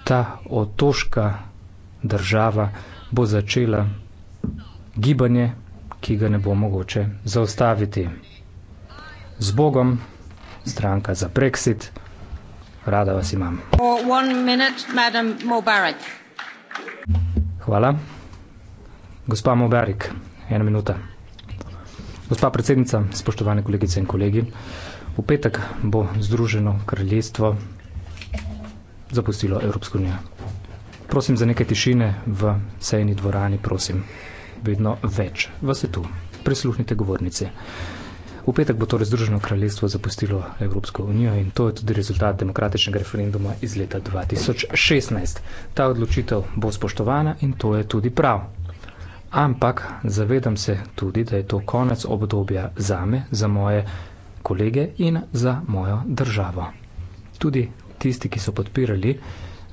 Ta otoška država bo začela gibanje, ki ga ne bo mogoče zaustaviti z Bogom, stranka za Brexit. Rada vas imam. Minute, Hvala. Gospa Mubarak, ena minuta. Gospa predsednica, spoštovane kolegice in kolegi, v petek bo Združeno kraljestvo zapustilo Evropsko unijo. Prosim za nekaj tišine v sejni dvorani, prosim. Vedno več vas je tu. Prisluhnite govornice. V petek bo torej Združeno kraljestvo zapustilo Evropsko unijo in to je tudi rezultat demokratičnega referenduma iz leta 2016. Ta odločitev bo spoštovana in to je tudi prav. Ampak zavedam se tudi, da je to konec obdobja za me, za moje kolege in za mojo državo. Tudi tisti, ki so podpirali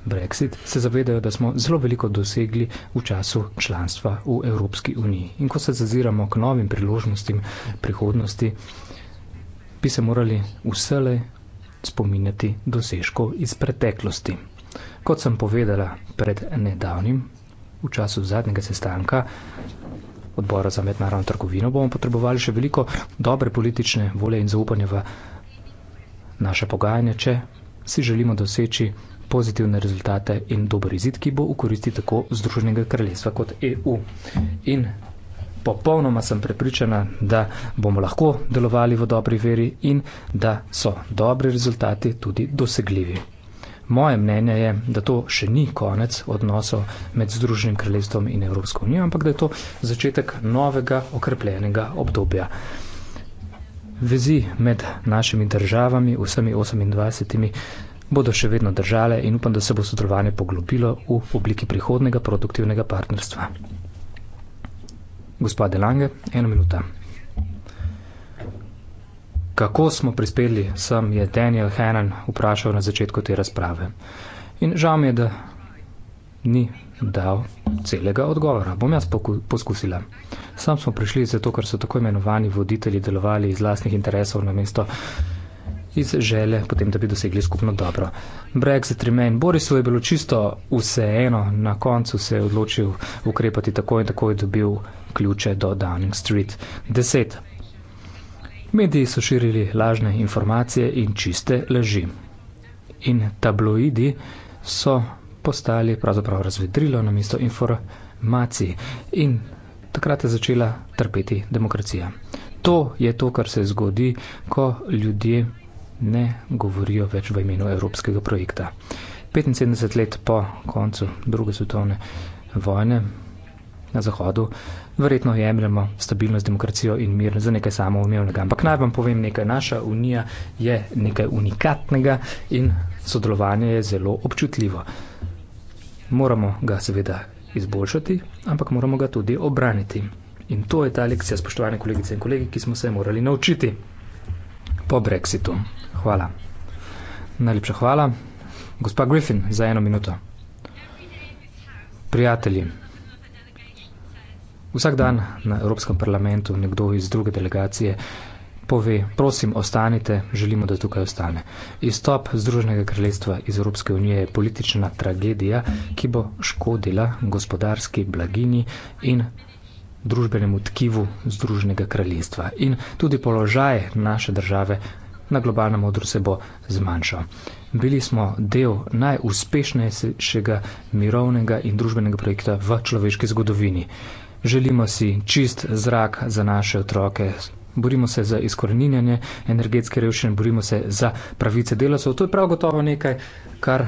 Brexit, se zavedajo, da smo zelo veliko dosegli v času članstva v Evropski uniji. In ko se zaziramo k novim priložnostim prihodnosti, bi se morali vsele spominjati dosežkov iz preteklosti. Kot sem povedala pred nedavnim, v času zadnjega sestanka odbora za mednarodno trgovino, bomo potrebovali še veliko dobre politične volje in zaupanja v naše pogajanje, če si želimo doseči pozitivne rezultate in dober izid, ki bo v koristi tako Združenega kraljestva kot EU. In popolnoma sem prepričana, da bomo lahko delovali v dobri veri in da so dobri rezultati tudi dosegljivi. Moje mnenje je, da to še ni konec odnosov med Združenim kraljestvom in Evropsko unijo, ampak da je to začetek novega okrepljenega obdobja. Vezi med našimi državami, vsemi 28 bodo še vedno držale in upam, da se bo sodelovanje poglobilo v obliki prihodnega produktivnega partnerstva. Gospod Delange, ena minuta. Kako smo prispeli, sem je Daniel Hannan vprašal na začetku te razprave. In žal mi je, da ni dal celega odgovora. Bom jaz poskusila. Sam smo prišli zato, ker so tako imenovani voditelji delovali iz lastnih interesov na mesto iz žele, potem da bi dosegli skupno dobro. Brexit, Remain, Borisov je bilo čisto vseeno, na koncu se je odločil ukrepati tako in tako je dobil ključe do Downing Street 10. Mediji so širili lažne informacije in čiste leži. In tabloidi so postali pravzaprav razvedrilo na mesto informacij. In takrat je začela trpeti demokracija. To je to, kar se zgodi, ko ljudje ne govorijo več v imenu evropskega projekta. 75 let po koncu druge svetovne vojne na Zahodu, verjetno jemljamo stabilnost, demokracijo in mir za nekaj samoumevnega. Ampak naj vam povem nekaj, naša unija je nekaj unikatnega in sodelovanje je zelo občutljivo. Moramo ga seveda izboljšati, ampak moramo ga tudi obraniti. In to je ta lekcija, spoštovane kolegice in kolegi, ki smo se morali naučiti po Brexitu. Hvala. Najlepša hvala. Gospa Griffin, za eno minuto. Prijatelji, vsak dan na Evropskem parlamentu nekdo iz druge delegacije pove, prosim, ostanite, želimo, da tukaj ostane. Izstop Združenega kraljestva iz Evropske unije je politična tragedija, ki bo škodila gospodarski blagini in družbenemu tkivu Združenega kraljestva in tudi položaj naše države na globalnem odru se bo zmanjšal. Bili smo del najuspešnejšega mirovnega in družbenega projekta v človeški zgodovini. Želimo si čist zrak za naše otroke, borimo se za izkoreninjanje energetske revščine, borimo se za pravice delavcev. To je prav gotovo nekaj, kar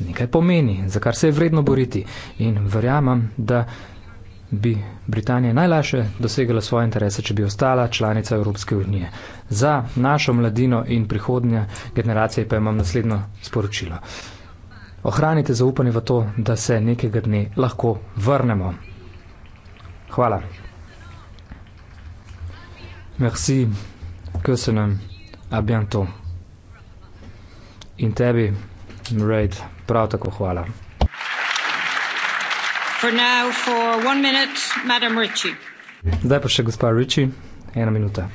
nekaj pomeni, za kar se je vredno boriti. In verjamem, da bi Britanija najlažje dosegla svoje interese, če bi ostala članica Evropske unije. Za našo mladino in prihodnje generacije pa imam naslednjo sporočilo. Ohranite zaupanje v to, da se nekega dne lahko vrnemo. Hvala. Merci, köszönöm, a bientôt. In tebi, Mraid, prav tako hvala. Zdaj pa še gospa Ritchie, ena minuta.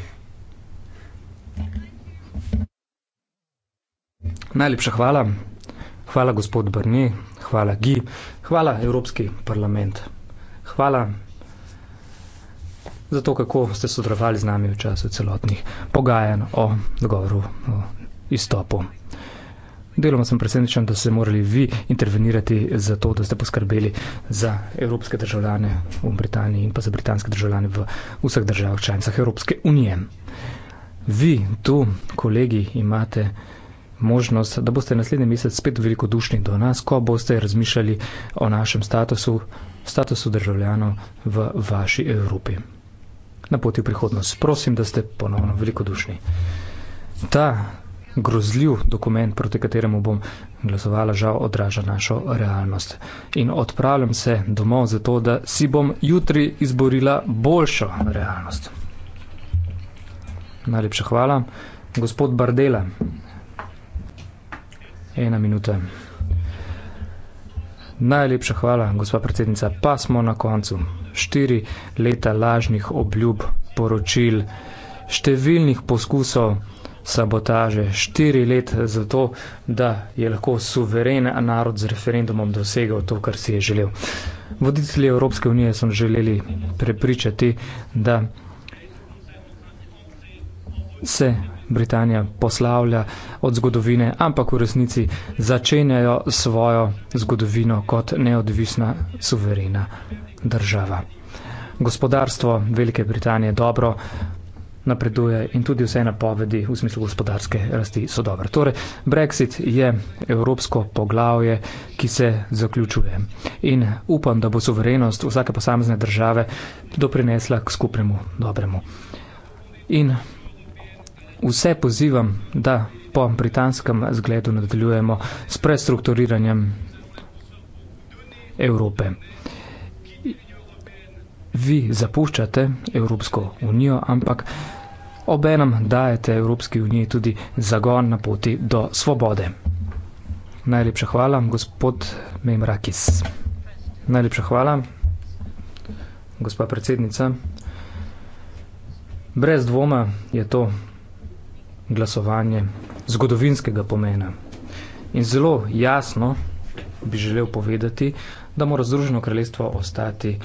Najlepša hvala. Hvala, gospod Brni, hvala, Gi, hvala, Evropski parlament. Hvala za to, kako ste sodelovali z nami v času celotnih pogajanj o dogovoru o izstopu. Deloma sem presenečen, da ste morali vi intervenirati za to, da ste poskrbeli za evropske državljane v Britaniji in pa za britanske državljane v vseh državah članicah Evropske unije. Vi tu, kolegi, imate možnost, da boste naslednji mesec spet velikodušni do nas, ko boste razmišljali o našem statusu, statusu državljanov v vaši Evropi. Na poti v prihodnost. Prosim, da ste ponovno velikodušni. Ta grozljiv dokument, proti kateremu bom glasovala, žal odraža našo realnost. In odpravljam se domov zato, da si bom jutri izborila boljšo realnost. Najlepša hvala. Gospod Bardela. Ena minuta. Najlepša hvala, gospa predsednica. Pa smo na koncu. Štiri leta lažnih obljub, poročil, številnih poskusov sabotaže, štiri let za to, da je lahko suveren narod z referendumom dosegel to, kar si je želel. Voditelji Evropske unije so želeli prepričati, da se Britanija poslavlja od zgodovine, ampak v resnici začenjajo svojo zgodovino kot neodvisna, suverena država. Gospodarstvo Velike Britanije dobro, napreduje in tudi vse napovedi v smislu gospodarske rasti so dobre. Torej, Brexit je evropsko poglavje, ki se zaključuje. In upam, da bo suverenost vsake posamezne države doprinesla k skupnemu dobremu. In vse pozivam, da po britanskem zgledu nadaljujemo s prestrukturiranjem Evrope. Vi zapuščate Evropsko unijo, ampak obenem dajete Evropski uniji tudi zagon na poti do svobode. Najlepša hvala, gospod Memrakis. Najlepša hvala, gospa predsednica. Brez dvoma je to glasovanje zgodovinskega pomena. In zelo jasno bi želel povedati, da mora Združeno kraljestvo ostati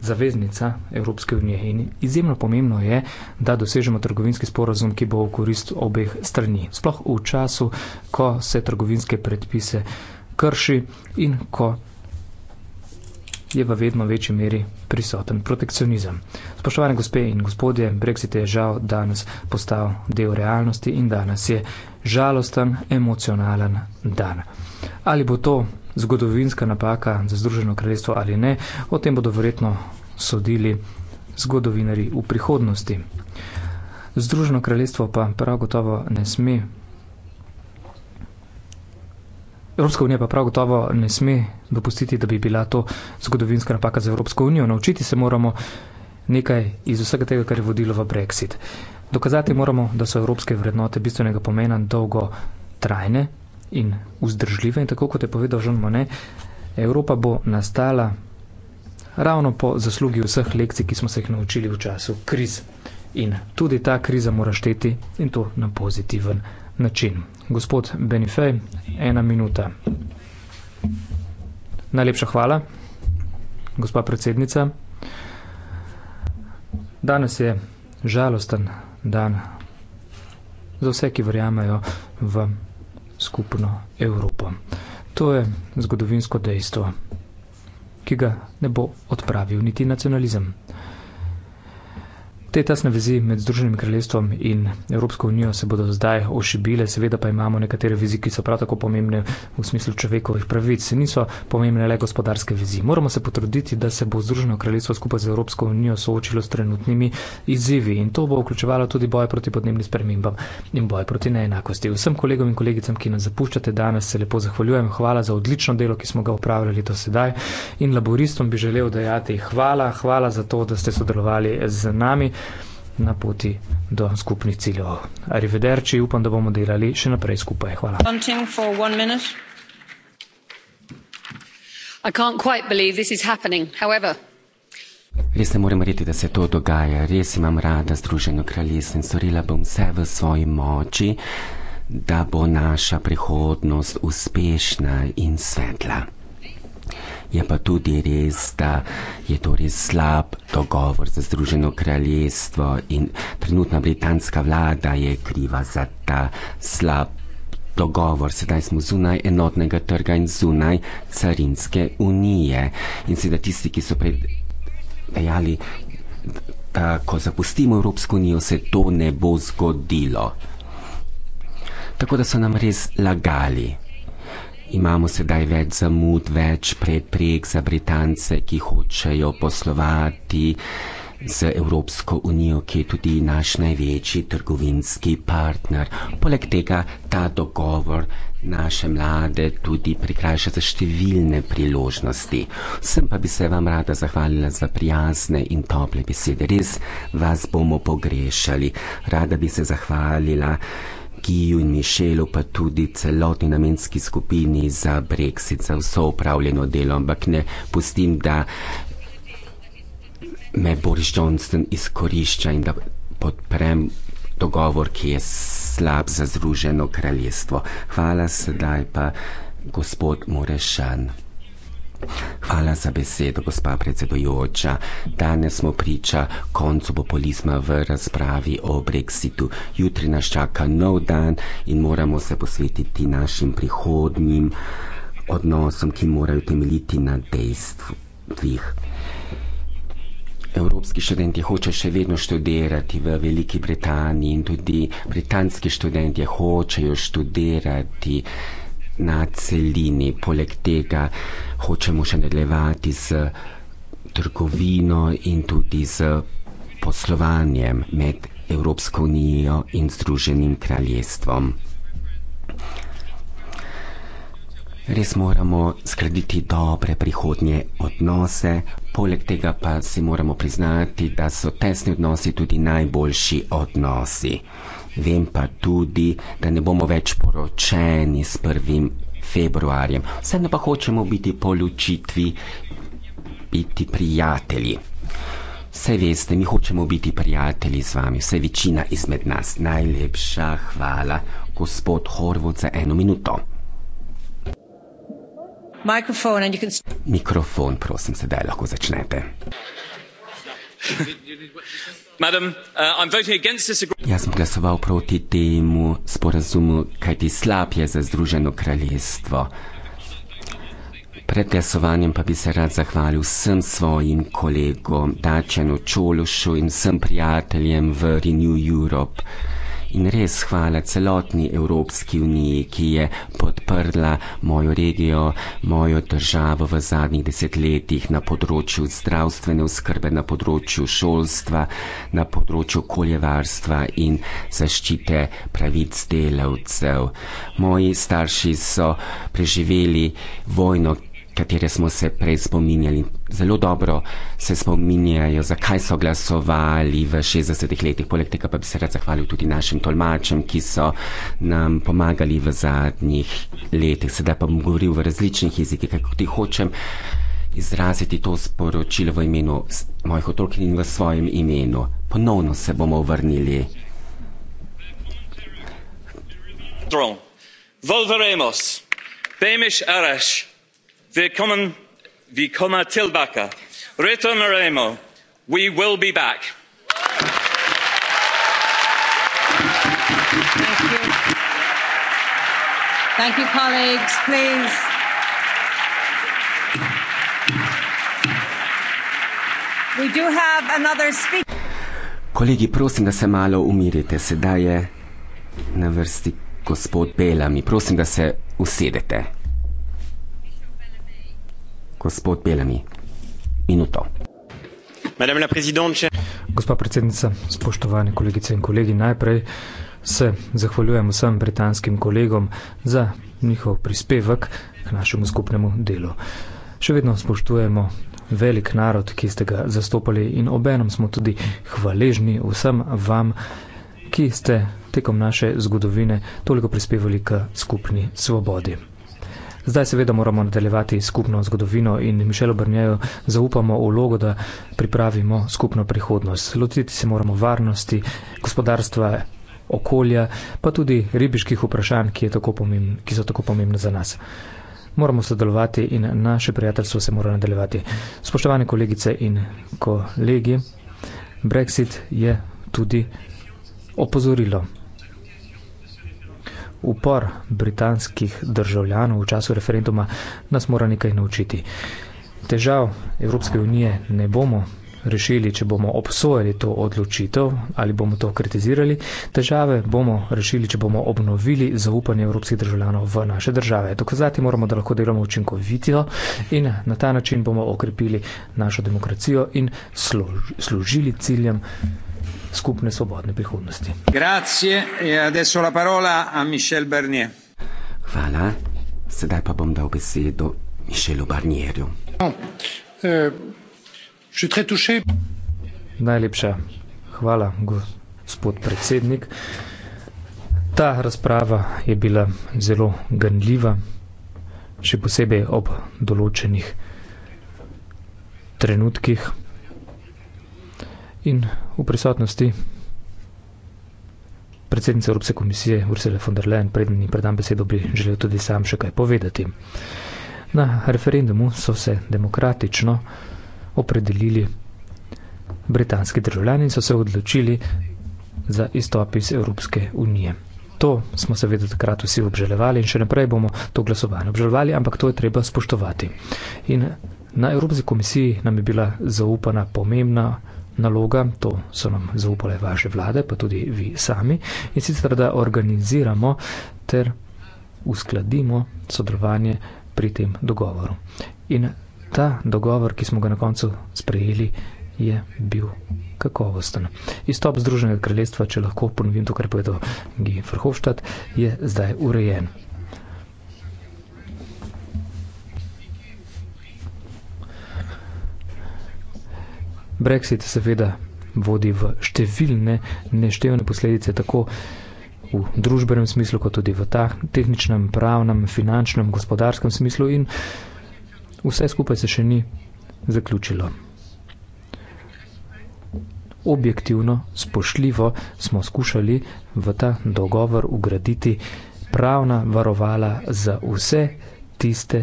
zaveznica Evropske unije in izjemno pomembno je, da dosežemo trgovinski sporazum, ki bo v korist obeh strani. Sploh v času, ko se trgovinske predpise krši in ko je v vedno večji meri prisoten protekcionizem. Spoštovane gospe in gospodje, Brexit je žal danes postal del realnosti in danes je žalosten, emocionalen dan. Ali bo to zgodovinska napaka za Združeno kraljestvo ali ne, o tem bodo verjetno sodili zgodovinari v prihodnosti. Združeno kraljestvo pa prav gotovo ne sme, Evropska unija pa prav gotovo ne sme dopustiti, da bi bila to zgodovinska napaka za Evropsko unijo. Naučiti se moramo nekaj iz vsega tega, kar je vodilo v Brexit. Dokazati moramo, da so evropske vrednote bistvenega pomena dolgo trajne, in vzdržljive. In tako kot je povedal Žan Mone, Evropa bo nastala ravno po zaslugi vseh lekcij, ki smo se jih naučili v času kriz. In tudi ta kriza mora šteti in to na pozitiven način. Gospod Benifej, ena minuta. Najlepša hvala, gospa predsednica. Danes je žalosten dan za vse, ki verjamejo v skupno Evropo. To je zgodovinsko dejstvo, ki ga ne bo odpravil niti nacionalizem. Te tesne vezi med Združenim kraljestvom in Evropsko unijo se bodo zdaj ošibile, seveda pa imamo nekatere vizi, ki so prav tako pomembne v smislu človekovih pravic. Niso pomembne le gospodarske vizi. Moramo se potruditi, da se bo Združeno kraljestvo skupaj z Evropsko unijo soočilo s trenutnimi izzivi in to bo vključevalo tudi boj proti podnebnim spremembam in boj proti neenakosti. Vsem kolegom in kolegicam, ki nas zapuščate danes, se lepo zahvaljujem. Hvala za odlično delo, ki smo ga upravljali do sedaj in laboristom bi želel dejati hvala. Hvala za to, da ste sodelovali z nami na poti do skupnih ciljev. Arrivederci, upam, da bomo delali še naprej skupaj. Hvala. Res ne morem reči, da se to dogaja. Res imam rada Združeno kraljestvo in storila bom vse v svoji moči, da bo naša prihodnost uspešna in svetla. Hey. Je pa tudi res, da je to res slab dogovor za Združeno kraljestvo in trenutna britanska vlada je kriva za ta slab dogovor. Sedaj smo zunaj enotnega trga in zunaj carinske unije. In sedaj tisti, ki so prej dejali, da ko zapustimo Evropsko unijo, se to ne bo zgodilo. Tako da so nam res lagali imamo sedaj več zamud, več predpreg za Britance, ki hočejo poslovati z Evropsko unijo, ki je tudi naš največji trgovinski partner. Poleg tega ta dogovor naše mlade tudi prikrajša za številne priložnosti. Sem pa bi se vam rada zahvalila za prijazne in tople besede. Res vas bomo pogrešali. Rada bi se zahvalila. Kiju in Mišelu, pa tudi celoti namenski skupini za Brexit, za vso upravljeno delo, ampak ne pustim, da me Boris Johnson izkorišča in da podprem dogovor, ki je slab za Združeno kraljestvo. Hvala sedaj pa gospod Morešan. Hvala za besedo, gospa predsedojoča. Danes smo priča koncu populizma v razpravi o brexitu. Jutri nas čaka nov dan in moramo se posvetiti našim prihodnjim odnosom, ki morajo temeljiti na dejstvih. Evropski študenti hoče še vedno študirati v Veliki Britaniji in tudi britanski študenti hočejo študirati na celini. Poleg tega hočemo še nadaljevati z trgovino in tudi z poslovanjem med Evropsko unijo in Združenim kraljestvom. Res moramo zgraditi dobre prihodnje odnose, poleg tega pa si moramo priznati, da so tesni odnosi tudi najboljši odnosi. Vem pa tudi, da ne bomo več poročeni s prvim februarjem. Vseeno pa hočemo biti po ločitvi, biti prijatelji. Vse veste, mi hočemo biti prijatelji z vami, vse večina izmed nas. Najlepša hvala, gospod Horvod, za eno minuto. Mikrofon, and you can... Mikrofon prosim, sedaj lahko začnete. Uh, ja sem glasoval proti temu sporazumu, kajti slab je za Združeno kraljestvo. Pred glasovanjem pa bi se rad zahvalil vsem svojim kolegom, Dačenu Čološu in vsem prijateljem v Renew Europe in res hvala celotni Evropski uniji, ki je podprla mojo regijo, mojo državo v zadnjih desetletjih na področju zdravstvene oskrbe, na področju šolstva, na področju okoljevarstva in zaščite pravic delavcev. Moji starši so preživeli vojno, katere smo se prej spominjali. Zelo dobro se spominjajo, zakaj so glasovali v 60-ih letih. Poleg tega pa bi se rad zahvalil tudi našim tolmačem, ki so nam pomagali v zadnjih letih. Sedaj pa bom govoril v različnih jezikih, kako ti hočem izraziti to sporočilo v imenu mojih otrok in v svojem imenu. Ponovno se bomo vrnili. Volveremos. Bemiš Araš vi komma tillbaka ritorneremo we will be back. thank you colleagues please we do have another speaker. Kolegi, prosim, da se malo umirite. Sedaj je na vrsti gospod Bela. Mi prosim, da se usedete gospod Belani. Minuto. Gospa predsednica, spoštovane kolegice in kolegi, najprej se zahvaljujem vsem britanskim kolegom za njihov prispevek k našemu skupnemu delu. Še vedno spoštujemo velik narod, ki ste ga zastopali in obenem smo tudi hvaležni vsem vam, ki ste tekom naše zgodovine toliko prispevali k skupni svobodi. Zdaj seveda moramo nadaljevati skupno zgodovino in Mišelu Brnjaju zaupamo vlogo, da pripravimo skupno prihodnost. Lotiti se moramo varnosti, gospodarstva, okolja, pa tudi ribiških vprašanj, ki, tako pomembn, ki so tako pomembne za nas. Moramo sodelovati in naše prijateljstvo se mora nadaljevati. Spoštovane kolegice in kolegi, Brexit je tudi opozorilo upor britanskih državljanov v času referenduma, nas mora nekaj naučiti. Težav Evropske unije ne bomo rešili, če bomo obsojali to odločitev ali bomo to kritizirali. Težave bomo rešili, če bomo obnovili zaupanje evropskih državljanov v naše države. Dokazati moramo, da lahko delamo učinkovito in na ta način bomo okrepili našo demokracijo in služili ciljem skupne svobodne prihodnosti. E hvala. Sedaj pa bom dal besedo Mišelu Barnierju. No, e, Najlepša hvala, gospod predsednik. Ta razprava je bila zelo ganljiva, še posebej ob določenih trenutkih. In v prisotnosti predsednice Evropske komisije Ursula von der Leyen, predni predan besedo bi želel tudi sam še kaj povedati. Na referendumu so se demokratično opredelili britanski državljani in so se odločili za izstop iz Evropske unije. To smo seveda takrat vsi obželevali in še naprej bomo to glasovanje obželevali, ampak to je treba spoštovati. In na Evropski komisiji nam je bila zaupana pomembna naloga, to so nam zaupale vaše vlade, pa tudi vi sami, in sicer da organiziramo ter uskladimo sodelovanje pri tem dogovoru. In ta dogovor, ki smo ga na koncu sprejeli, je bil kakovosten. Istop Združenega kraljestva, če lahko ponovim to, kar je povedal G. Frhovštad, je zdaj urejen. Brexit seveda vodi v številne neštevne posledice, tako v družbenem smislu, kot tudi v ta tehničnem, pravnem, finančnem, gospodarskem smislu in vse skupaj se še ni zaključilo. Objektivno, spošljivo smo skušali v ta dogovor ugraditi pravna varovala za vse tiste,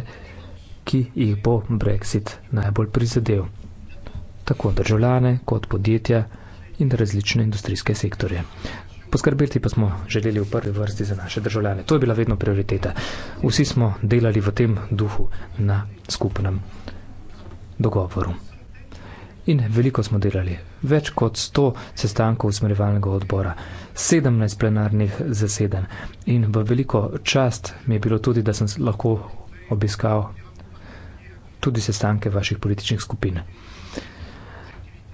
ki jih bo Brexit najbolj prizadel tako državljane kot podjetja in različne industrijske sektorje. Poskrbeti pa smo želeli v prvi vrsti za naše državljane. To je bila vedno prioriteta. Vsi smo delali v tem duhu na skupnem dogovoru. In veliko smo delali. Več kot 100 sestankov usmerjevalnega odbora, 17 plenarnih zaseden. In v veliko čast mi je bilo tudi, da sem lahko obiskal tudi sestanke vaših političnih skupin.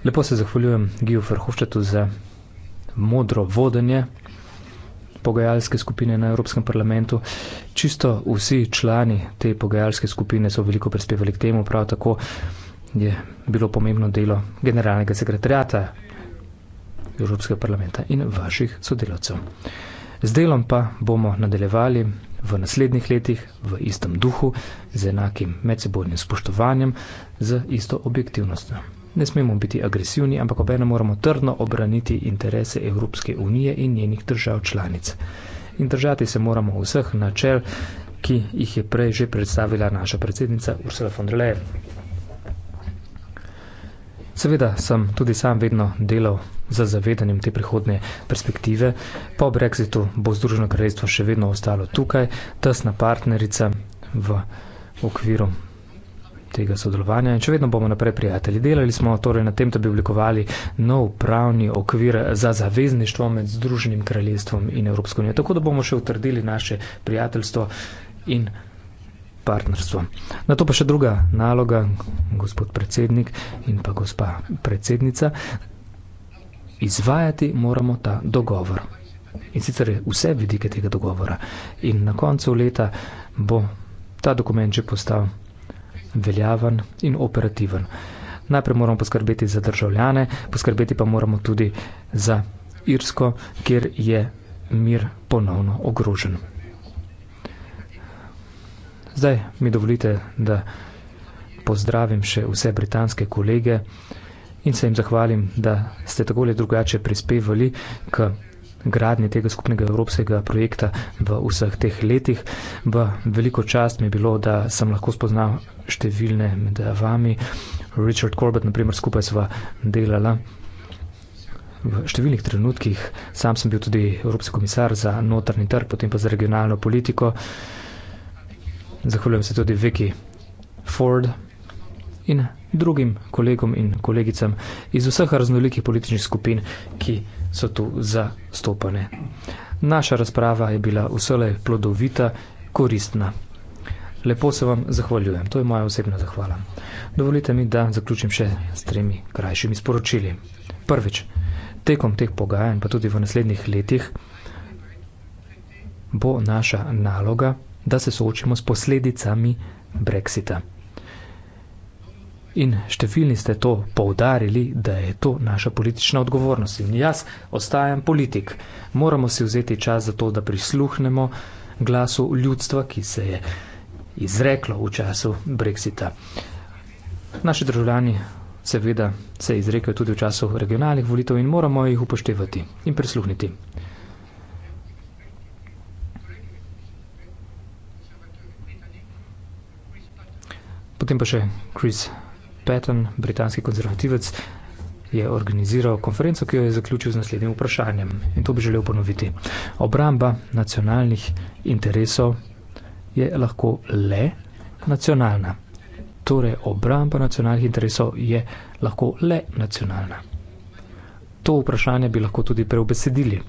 Lepo se zahvaljujem Giju Ferhovščetu za modro vodenje pogajalske skupine na Evropskem parlamentu. Čisto vsi člani te pogajalske skupine so veliko prispevali k temu, prav tako je bilo pomembno delo generalnega sekretarjata Evropskega parlamenta in vaših sodelavcev. Z delom pa bomo nadaljevali v naslednjih letih v istem duhu, z enakim medsebojnim spoštovanjem, z isto objektivnostjo ne smemo biti agresivni, ampak obenem moramo trdno obraniti interese Evropske unije in njenih držav članic. In držati se moramo vseh načel, ki jih je prej že predstavila naša predsednica Ursula von der Leyen. Seveda sem tudi sam vedno delal za zavedanjem te prihodne perspektive. Po Brexitu bo Združeno kraljestvo še vedno ostalo tukaj, tesna partnerica v okviru tega sodelovanja in še vedno bomo naprej prijatelji. Delali smo torej na tem, da bi oblikovali nov pravni okvir za zavezništvo med Združenim kraljestvom in Evropsko unijo, tako da bomo še utrdili naše prijateljstvo in partnerstvo. Na to pa še druga naloga, gospod predsednik in pa gospa predsednica. Izvajati moramo ta dogovor. In sicer vse vidike tega dogovora. In na koncu leta bo ta dokument že postal veljaven in operativen. Najprej moramo poskrbeti za državljane, poskrbeti pa moramo tudi za Irsko, kjer je mir ponovno ogrožen. Zdaj mi dovolite, da pozdravim še vse britanske kolege in se jim zahvalim, da ste tako ali drugače prispevali k gradnji tega skupnega evropskega projekta v vseh teh letih. V veliko čast mi je bilo, da sem lahko spoznal številne med vami. Richard Corbett, naprimer, skupaj sva delala. V številnih trenutkih sam sem bil tudi evropski komisar za notrni trg, potem pa za regionalno politiko. Zahvaljujem se tudi Vicky Ford in drugim kolegom in kolegicam iz vseh raznolikih političnih skupin, ki so tu zastopane. Naša razprava je bila vsele plodovita, koristna. Lepo se vam zahvaljujem. To je moja osebna zahvala. Dovolite mi, da zaključim še s tremi krajšimi sporočili. Prvič, tekom teh pogajanj, pa tudi v naslednjih letih, bo naša naloga, da se soočimo s posledicami Brexita. In številni ste to poudarili, da je to naša politična odgovornost. In jaz ostajam politik. Moramo si vzeti čas za to, da prisluhnemo glasu ljudstva, ki se je izreklo v času Brexita. Naši državljani seveda se izrekajo tudi v času regionalnih volitev in moramo jih upoštevati in prisluhniti. Potem pa še Chris Patton, britanski konzervativec, je organiziral konferenco, ki jo je zaključil z naslednjim vprašanjem. In to bi želel ponoviti. Obramba nacionalnih interesov je lahko le nacionalna. Torej, obramba nacionalnih interesov je lahko le nacionalna. To vprašanje bi lahko tudi preobesedili.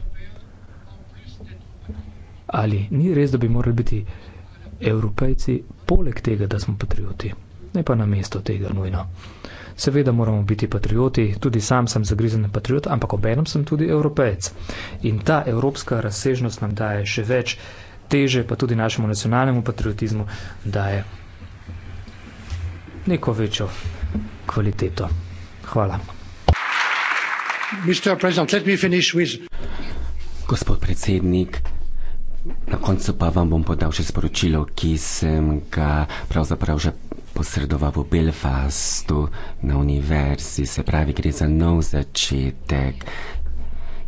Ali ni res, da bi morali biti evropejci poleg tega, da smo patrioti? ne pa namesto tega nujno. Seveda moramo biti patrioti, tudi sam sem zagrizen patriot, ampak obenem sem tudi evropejec. In ta evropska razsežnost nam daje še več teže, pa tudi našemu nacionalnemu patriotizmu daje neko večjo kvaliteto. Hvala. Gospod predsednik, na koncu pa vam bom podal še sporočilo, ki sem ga pravzaprav že posredoval v Belfastu na univerzi, se pravi, gre za nov začetek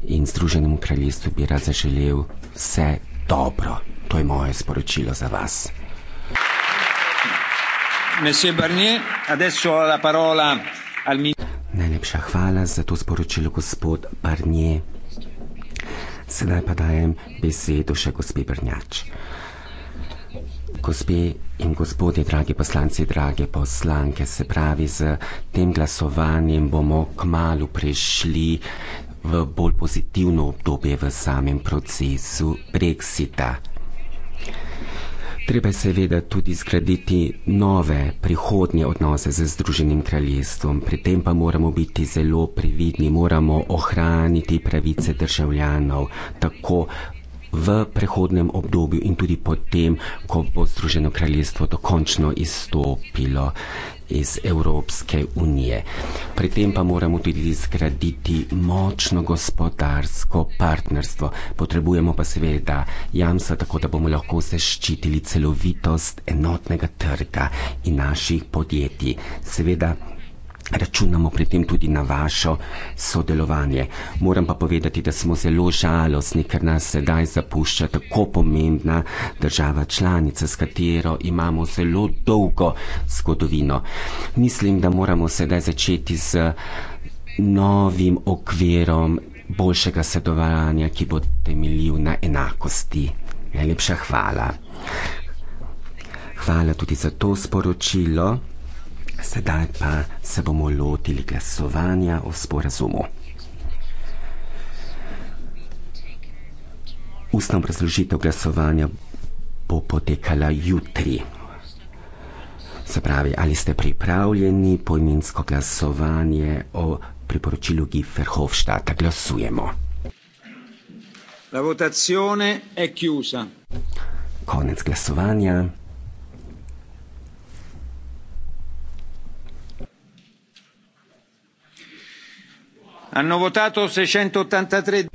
in Združenemu kraljestvu bi rad zaželel vse dobro. To je moje sporočilo za vas. Najlepša hvala za to sporočilo, gospod Barnier. Sedaj pa dajem besedo še gospe Brnjač gospe in gospodje, dragi poslanci, drage poslanke, se pravi, z tem glasovanjem bomo k malu prišli v bolj pozitivno obdobje v samem procesu Brexita. Treba je seveda tudi zgraditi nove prihodnje odnose z Združenim kraljestvom. Pri tem pa moramo biti zelo previdni, moramo ohraniti pravice državljanov, tako v prehodnem obdobju in tudi potem, ko bo Združeno kraljestvo dokončno izstopilo iz Evropske unije. Pri tem pa moramo tudi zgraditi močno gospodarsko partnerstvo. Potrebujemo pa seveda jamsa, tako da bomo lahko se ščitili celovitost enotnega trga in naših podjetij. Seveda Računamo pri tem tudi na vašo sodelovanje. Moram pa povedati, da smo zelo žalostni, ker nas sedaj zapušča tako pomembna država članica, s katero imamo zelo dolgo zgodovino. Mislim, da moramo sedaj začeti z novim okvirom boljšega sodelovanja, ki bo temeljil na enakosti. Najlepša hvala. Hvala tudi za to sporočilo. Sedaj pa se bomo lotili glasovanja o sporazumu. Ustna obrazložitev glasovanja bo potekala jutri. Se pravi, ali ste pripravljeni pojminsko glasovanje o priporočilu Gifferhofstata? Glasujemo. La votazione è chiusa. Konec glasovanja. hanno votato 683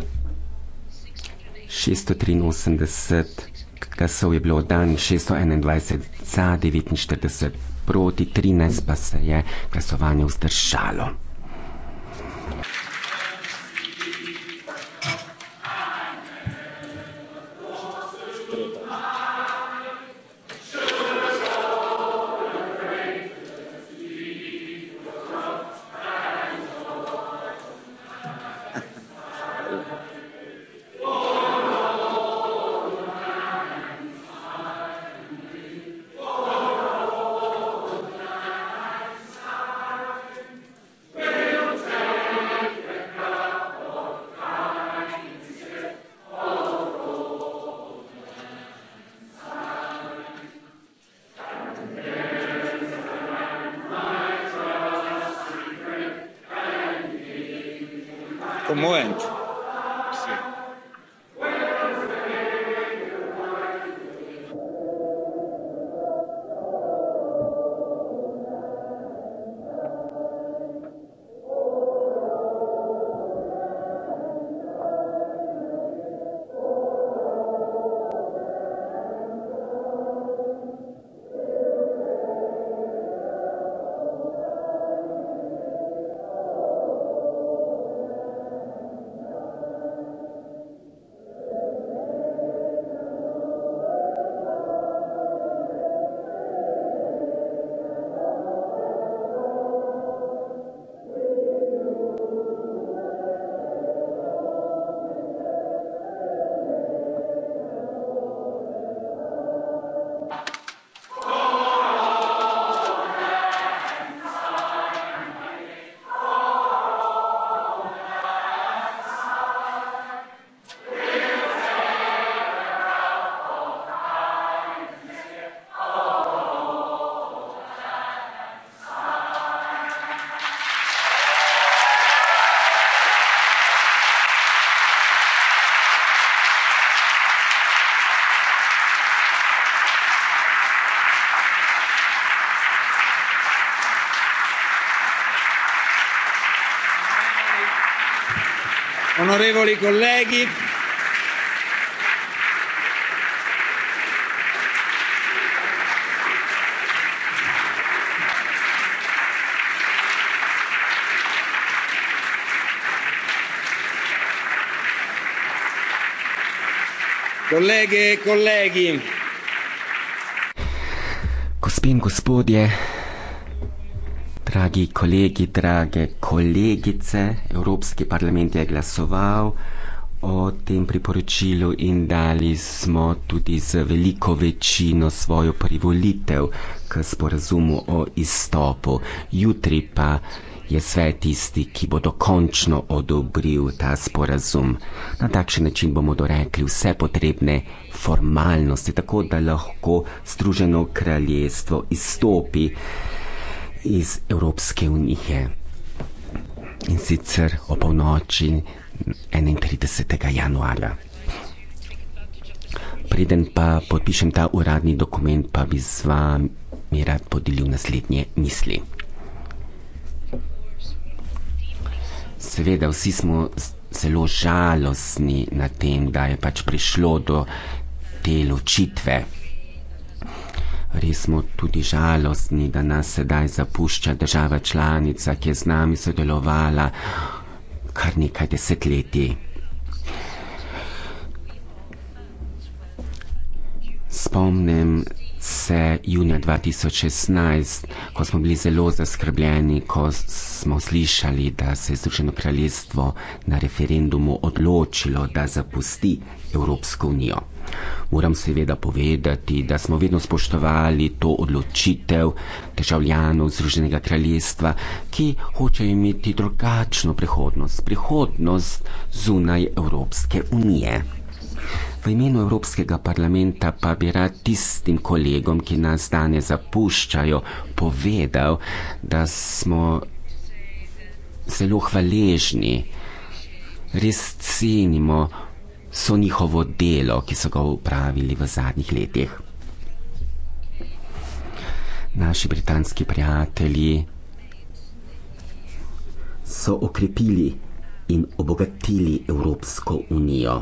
683 glasov je bilo oddanih 621 za 49 proti 13 pa se je glasovanje vzdržalo Onorevoli colleghi. Colleghe e colleghi. Gospe in gospodje, Dragi kolegi, drage kolegice, Evropski parlament je glasoval o tem priporočilu in dali smo tudi z veliko večino svojo privolitev k sporazumu o izstopu. Jutri pa je svet tisti, ki bo dokončno odobril ta sporazum. Na takšen način bomo dorekli vse potrebne formalnosti, tako da lahko Združeno kraljestvo izstopi iz Evropske unije in sicer o polnoči 31. januarja. Preden pa podpišem ta uradni dokument, pa bi z vami rad podelil naslednje misli. Seveda, vsi smo zelo žalostni na tem, da je pač prišlo do te ločitve. Res smo tudi žalostni, da nas sedaj zapušča država članica, ki je z nami sodelovala kar nekaj desetletij. Spomnim se junija 2016, ko smo bili zelo zaskrbljeni, ko smo slišali, da se je Združeno kraljestvo na referendumu odločilo, da zapusti Evropsko unijo. Moram seveda povedati, da smo vedno spoštovali to odločitev državljanov Združenega kraljestva, ki hočejo imeti drugačno prihodnost, prihodnost zunaj Evropske unije. V imenu Evropskega parlamenta pa bi rad tistim kolegom, ki nas danes zapuščajo, povedal, da smo zelo hvaležni, res cenimo so njihovo delo, ki so ga upravili v zadnjih letih. Naši britanski prijatelji so okrepili in obogatili Evropsko unijo.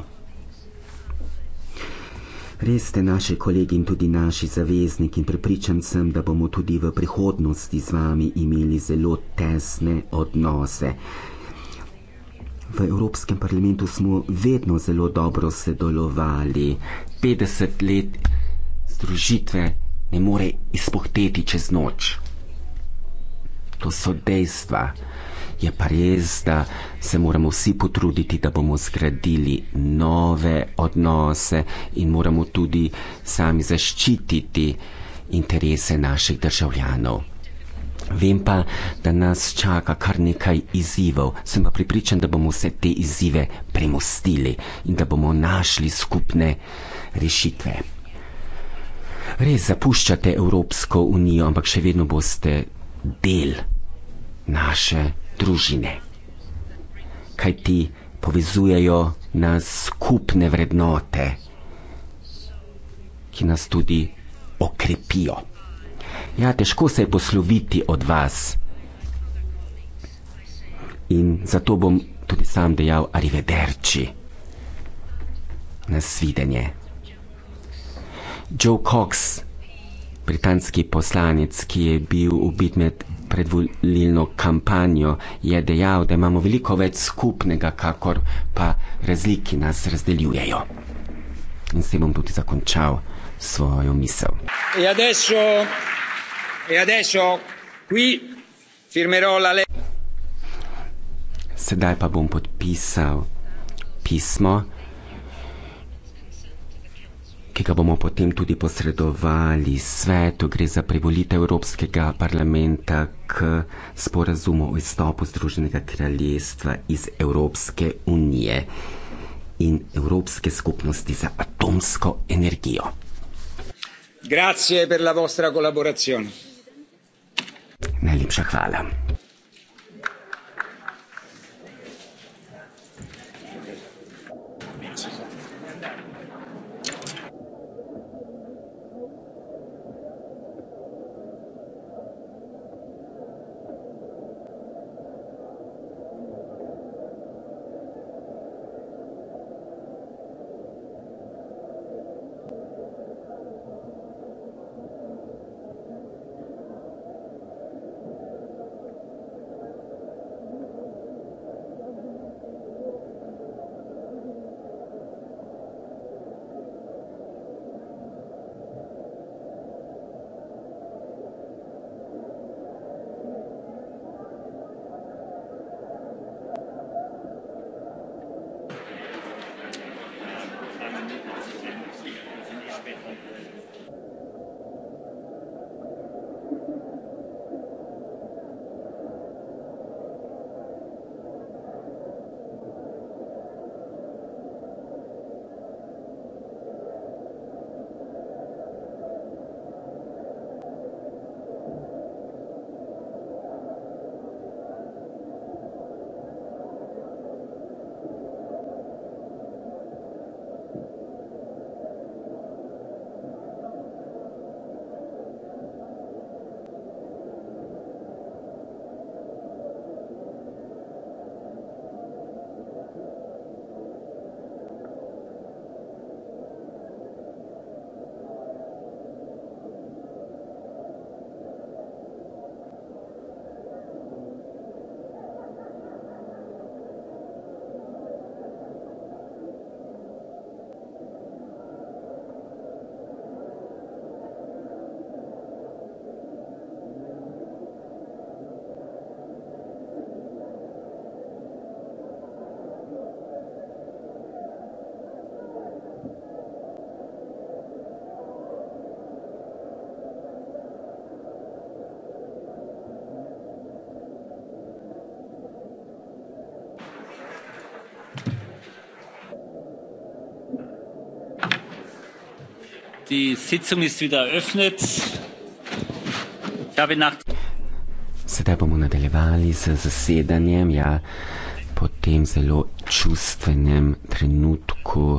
Res ste naši kolegi in tudi naši zaveznik in prepričan sem, da bomo tudi v prihodnosti z vami imeli zelo tesne odnose. V Evropskem parlamentu smo vedno zelo dobro sodelovali. 50 let združitve ne more izpohteti čez noč. To so dejstva je pa res, da se moramo vsi potruditi, da bomo zgradili nove odnose in moramo tudi sami zaščititi interese naših državljanov. Vem pa, da nas čaka kar nekaj izzivov, sem pa pripričan, da bomo vse te izzive premostili in da bomo našli skupne rešitve. Res zapuščate Evropsko unijo, ampak še vedno boste del naše družine. Kaj ti povezujejo na skupne vrednote, ki nas tudi okrepijo. Ja, težko se je posloviti od vas. In zato bom tudi sam dejal arrivederci. Nasvidenje. Joe Cox britanski poslanec, ki je bil ubit med predvolilno kampanjo, je dejal, da imamo veliko več skupnega, kakor pa razliki nas razdeljujejo. In s tem bom tudi zakončal svojo misel. E e Sedaj pa bom podpisal pismo, ki ga bomo potem tudi posredovali svetu, gre za privolitev Evropskega parlamenta k sporazumu o izstopu Združenega kraljestva iz Evropske unije in Evropske skupnosti za atomsko energijo. Najlepša hvala. die sitzung ist wieder eröffnet. Sedaj bomo nadaljevali z zasedanjem, ja, po tem zelo čustvenem trenutku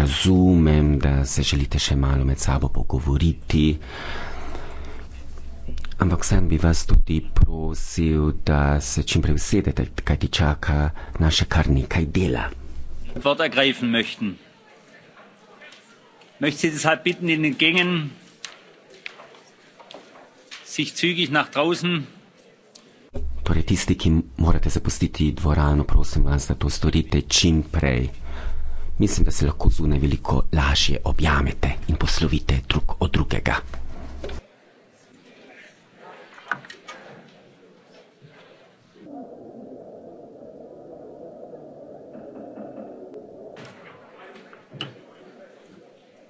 razumem, da se želite še malo med sabo pogovoriti. Ampak sem bi vas tudi prosil, da se čim prej usedete, kaj ti čaka naše kar nekaj dela. Vod ergreifen möchten möchte sie deshalb bitten in den gängen sich zügig nach draußen Torej, tisti, ki morate zapustiti dvorano, prosim vas, da to storite čim prej. Mislim, da se lahko zunaj veliko lažje objamete in poslovite drug od drugega.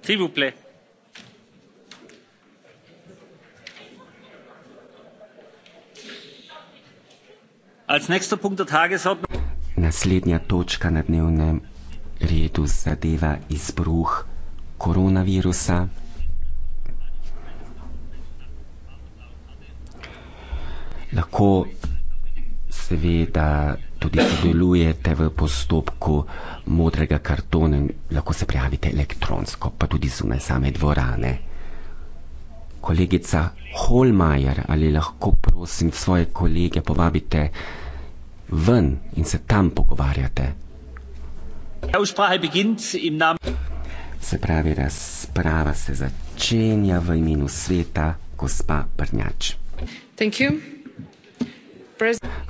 monsieur le président naslednja točka na dnevnem redu zadeva izbruh vojne v ukrajini ki ga je razglasila na svetovni ravni skupina držav okupiranega območja lahko seveda tudi sodelujete v postopku modrega kartona, lahko se prijavite elektronsko, pa tudi zunaj same dvorane. Kolegica Holmajer, ali lahko prosim svoje kolege povabite ven in se tam pogovarjate? Se pravi, razprava se začenja v imenu sveta, gospa Prnjač. Thank you.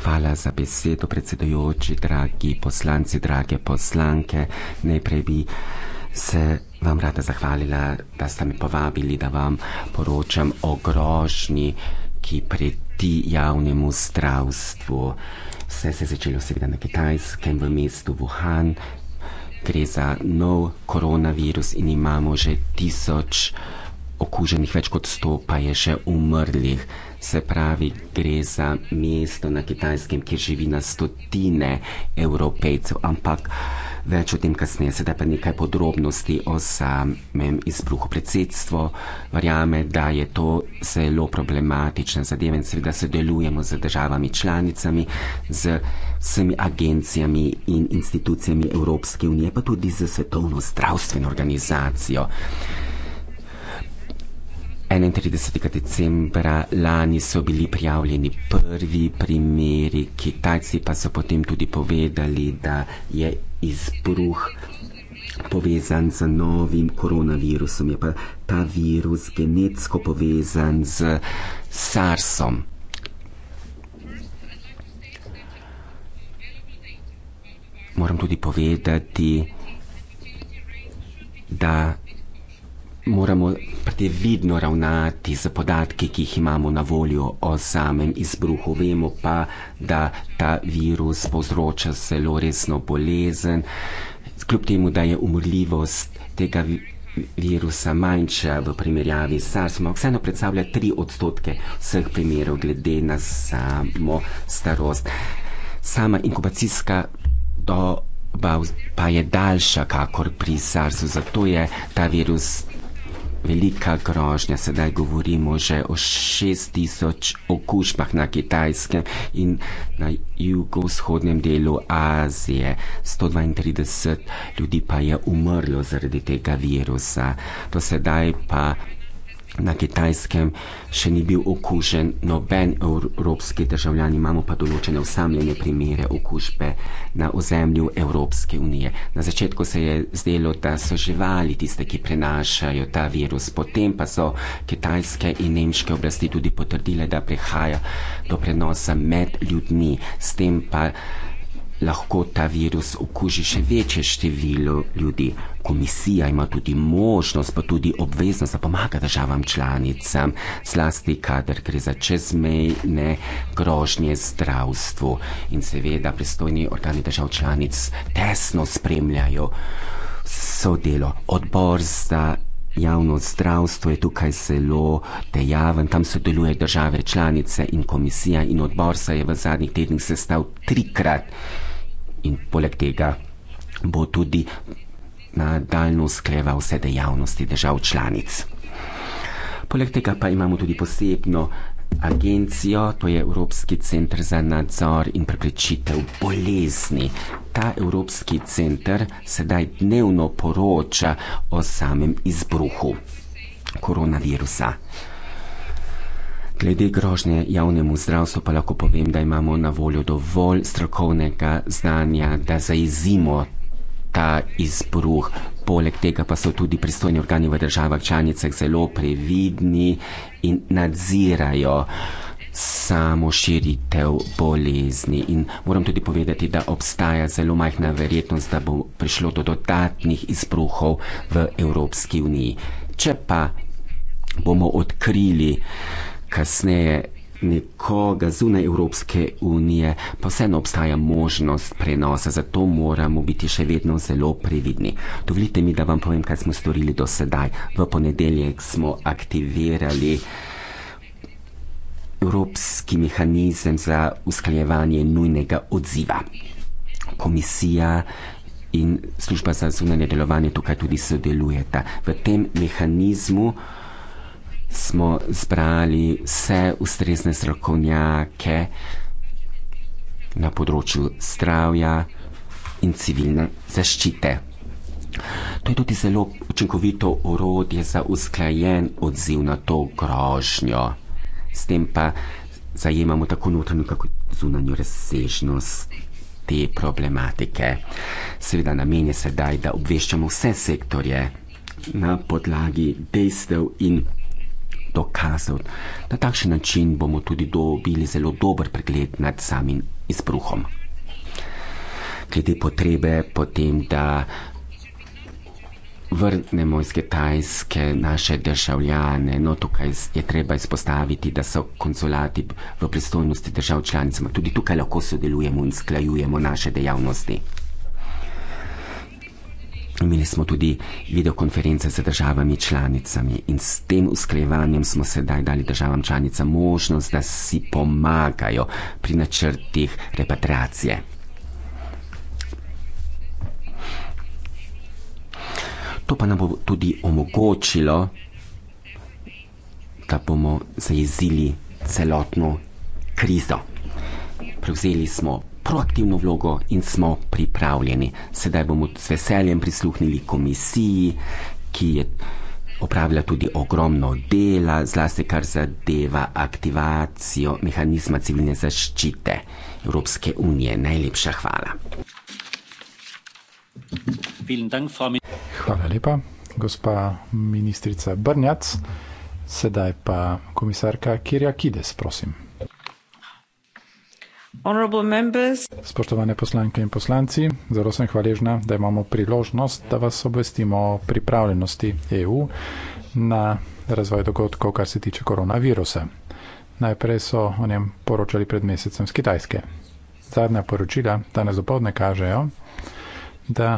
Hvala za besedo, predsedujoči, dragi poslanci, drage poslanke. Najprej bi se vam rada zahvalila, da ste me povabili, da vam poročam o grožnji, ki preti javnemu zdravstvu. Vse se je začelo seveda na Kitajskem, v mestu Wuhan. Gre za nov koronavirus in imamo že tisoč okuženih, več kot sto pa je še umrlih. Se pravi, gre za mesto na kitajskem, kjer živi na stotine evropejcev, ampak več o tem kasneje, sedaj pa nekaj podrobnosti o samem izbruhu predsedstva. Verjame, da je to zelo problematična zadeva in seveda sodelujemo z državami članicami, z vsemi agencijami in institucijami Evropske unije, pa tudi z Svetovno zdravstveno organizacijo. 31. decembra lani so bili prijavljeni prvi primeri, Kitajci pa so potem tudi povedali, da je izbruh povezan z novim koronavirusom, je pa ta virus genetsko povezan z SARS-om. Moram tudi povedati, da moramo previdno ravnati z podatki, ki jih imamo na voljo o samem izbruhu. Vemo pa, da ta virus povzroča zelo resno bolezen, kljub temu, da je umrljivost tega virusa manjša v primerjavi s SARS-om, vseeno predstavlja 3 odstotke vseh primerov glede na samo starost. Sama inkubacijska doba pa je daljša, kakor pri SARS-u, zato je ta virus velika grožnja. Sedaj govorimo že o 6000 okužbah na kitajskem in na jugovzhodnem delu Azije. 132 ljudi pa je umrlo zaradi tega virusa. Do sedaj pa na kitajskem še ni bil okužen noben evropski državljan, imamo pa določene osamljene primere okužbe na ozemlju Evropske unije. Na začetku se je zdelo, da so živali tiste, ki prenašajo ta virus, potem pa so kitajske in nemške oblasti tudi potrdile, da prihaja do prenosa med ljudmi, s tem pa lahko ta virus okuži še večje število ljudi. Komisija ima tudi možnost, pa tudi obveznost, da pomaga državam članicam, zlasti kadar gre za čezmejne grožnje zdravstvu. In seveda pristojni organi držav članic tesno spremljajo sodelo. Odbor za javno zdravstvo je tukaj zelo dejaven, tam sodeluje države članice in komisija in odbor se je v zadnjih tednih sestav trikrat in poleg tega bo tudi nadaljno skreval vse dejavnosti držav članic. Poleg tega pa imamo tudi posebno agencijo, to je Evropski center za nadzor in preprečitev bolezni. Ta Evropski center sedaj dnevno poroča o samem izbruhu koronavirusa. Glede grožnje javnemu zdravstvu pa lahko povem, da imamo na voljo dovolj strokovnega znanja, da zaizimo ta izbruh. Poleg tega pa so tudi pristojni organi v državah članicah zelo previdni in nadzirajo samo širitev bolezni. In moram tudi povedati, da obstaja zelo majhna verjetnost, da bo prišlo do dodatnih izbruhov v Evropski uniji. Če pa bomo odkrili, kasneje nekoga zunaj Evropske unije, pa vseeno obstaja možnost prenosa, zato moramo biti še vedno zelo previdni. Dovolite mi, da vam povem, kaj smo storili do sedaj. V ponedeljek smo aktivirali Evropski mehanizem za usklajevanje nujnega odziva. Komisija in služba za zunanje delovanje tukaj tudi sodelujeta. V tem mehanizmu smo zbrali vse ustrezne strokovnjake na področju zdravja in civilne zaščite. To je tudi zelo učinkovito orodje za usklajen odziv na to grožnjo. S tem pa zajemamo tako notranjo, kako zunanjo razsežnost te problematike. Seveda namen je sedaj, da obveščamo vse sektorje na podlagi dejstev in dokazal. Na takšen način bomo tudi dobili zelo dober pregled nad samim izbruhom. Glede potrebe potem, da vrnemo iz Kitajske naše državljane, no tukaj je treba izpostaviti, da so konzulati v pristojnosti držav članicama. Tudi tukaj lahko sodelujemo in sklajujemo naše dejavnosti. Imeli smo tudi videokonference z državami članicami in s tem usklejevanjem smo sedaj dali državam članicam možnost, da si pomagajo pri načrtih repatriacije. To pa nam bo tudi omogočilo, da bomo zajezili celotno krizo. Prevzeli smo proaktivno vlogo in smo pripravljeni. Sedaj bomo z veseljem prisluhnili komisiji, ki je opravila tudi ogromno dela, zlasti kar zadeva aktivacijo mehanizma civilne zaščite Evropske unije. Najlepša hvala. Hvala lepa, gospa ministrica Brnjac. Sedaj pa komisarka Kirja Kides, prosim. Spoštovane poslanke in poslanci, zelo sem hvaležna, da imamo priložnost, da vas obvestimo o pripravljenosti EU na razvoj dogodkov, kar se tiče koronavirusa. Najprej so o njem poročali pred mesecem z Kitajske. Zadnja poročila danes dopoledne kažejo, da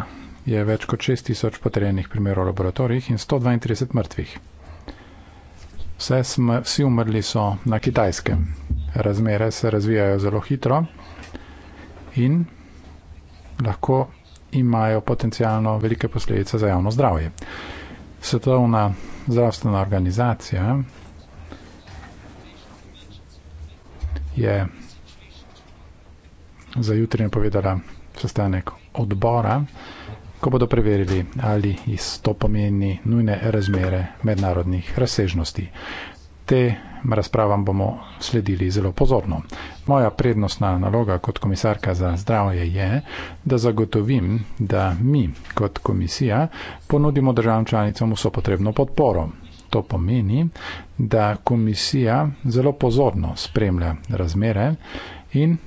je več kot 6000 potrjenih primerov v laboratorijih in 132 mrtvih. Vse sm, vsi umrli so na kitajskem. Razmere se razvijajo zelo hitro in lahko imajo potencijalno velike posledice za javno zdravje. Svetovna zdravstvena organizacija je za jutri napovedala sestanek odbora ko bodo preverili, ali isto pomeni nujne razmere mednarodnih razsežnosti. Tem razpravam bomo sledili zelo pozorno. Moja prednostna naloga kot komisarka za zdravje je, da zagotovim, da mi kot komisija ponudimo državam članicam vso potrebno podporo. To pomeni, da komisija zelo pozorno spremlja razmere in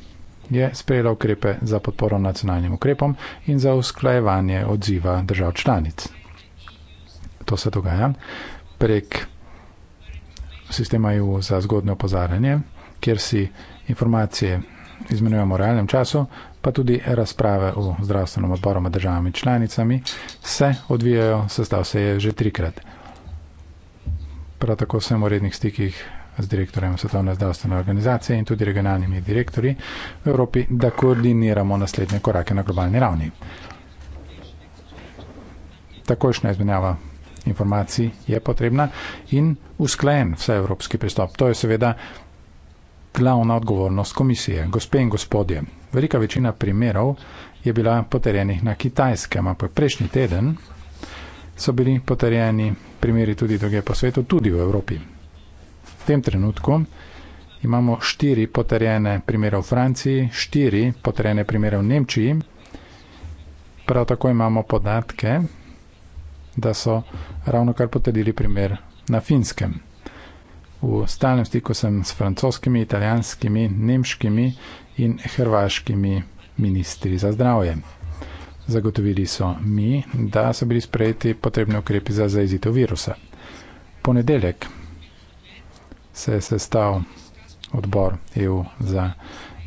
je sprejela ukrepe za podporo nacionalnim ukrepom in za usklajevanje odziva držav članic. To se dogaja prek sistema EU za zgodno opozarjanje, kjer si informacije izmenjujemo v realnem času, pa tudi razprave v zdravstvenem odboru med državami članicami se odvijajo, sestav se je že trikrat. Prav tako sem v rednih stikih z direktorjem Svetovne zdravstvene organizacije in tudi regionalnimi direktori v Evropi, da koordiniramo naslednje korake na globalni ravni. Takojšnja izmenjava informacij je potrebna in usklajen vseevropski pristop. To je seveda glavna odgovornost komisije. Gospe in gospodje, velika večina primerov je bila potrjenih na kitajskem, ampak prejšnji teden so bili potrjeni primeri tudi druge po svetu, tudi v Evropi tem trenutku imamo štiri potrjene primere v Franciji, štiri potrjene primere v Nemčiji. Prav tako imamo podatke, da so ravno kar potrdili primer na finskem. V stalnem stiku sem s francoskimi, italijanskimi, nemškimi in hrvaškimi ministri za zdravje. Zagotovili so mi, da so bili sprejeti potrebni ukrepi za zaezitev virusa. Ponedeljek se je sestal odbor EU za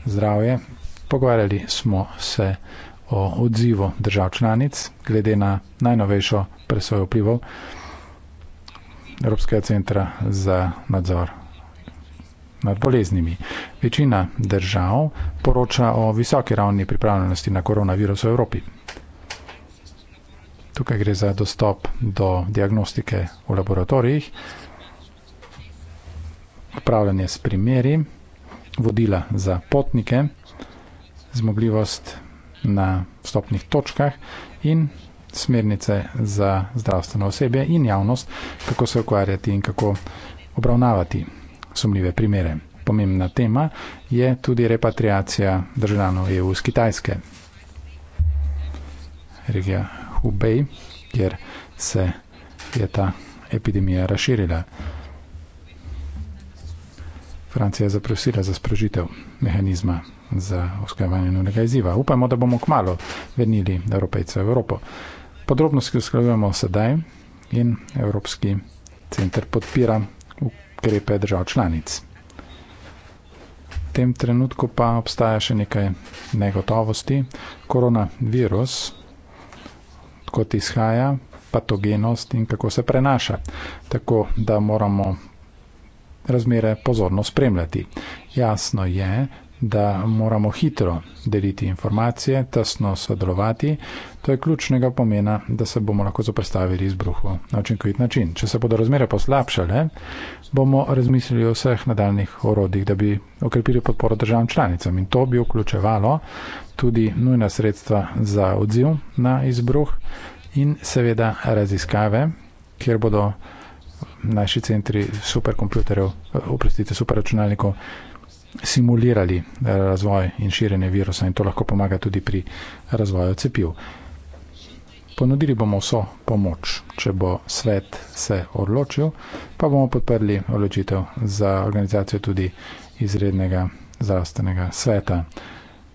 zdravje. Pogovarjali smo se o odzivu držav članic glede na najnovejšo presojo vplivov Evropskega centra za nadzor nad boleznimi. Večina držav poroča o visoki ravni pripravljenosti na koronavirus v Evropi. Tukaj gre za dostop do diagnostike v laboratorijih, upravljanje s primeri, vodila za potnike, zmogljivost na stopnih točkah in smernice za zdravstveno osebje in javnost, kako se ukvarjati in kako obravnavati sumljive primere. Pomembna tema je tudi repatriacija državljanov EU z Kitajske. Regija Hubei, kjer se je ta epidemija razširila. Francija je zaprosila za sprožitev mehanizma za usklajevanje novega izziva. Upamo, da bomo kmalo vrnili Evropejce v Evropo. Podrobnosti usklajujemo sedaj in Evropski center podpira ukrepe držav članic. V tem trenutku pa obstaja še nekaj negotovosti. Koronavirus, kot izhaja, patogenost in kako se prenaša. Tako da moramo razmere pozorno spremljati. Jasno je, da moramo hitro deliti informacije, tesno sodelovati. To je ključnega pomena, da se bomo lahko zoprstavili izbruhu na učinkovit način. Če se bodo razmere poslabšale, bomo razmislili o vseh nadaljnih orodjih, da bi okrepili podporo državam članicam in to bi vključevalo tudi nujna sredstva za odziv na izbruh in seveda raziskave, kjer bodo naši centri superkomputerjev, eh, oprostite, superračunalnikov, simulirali eh, razvoj in širjenje virusa in to lahko pomaga tudi pri razvoju cepiv. Ponudili bomo vso pomoč, če bo svet se odločil, pa bomo podprli odločitev za organizacijo tudi izrednega zdravstvenega sveta,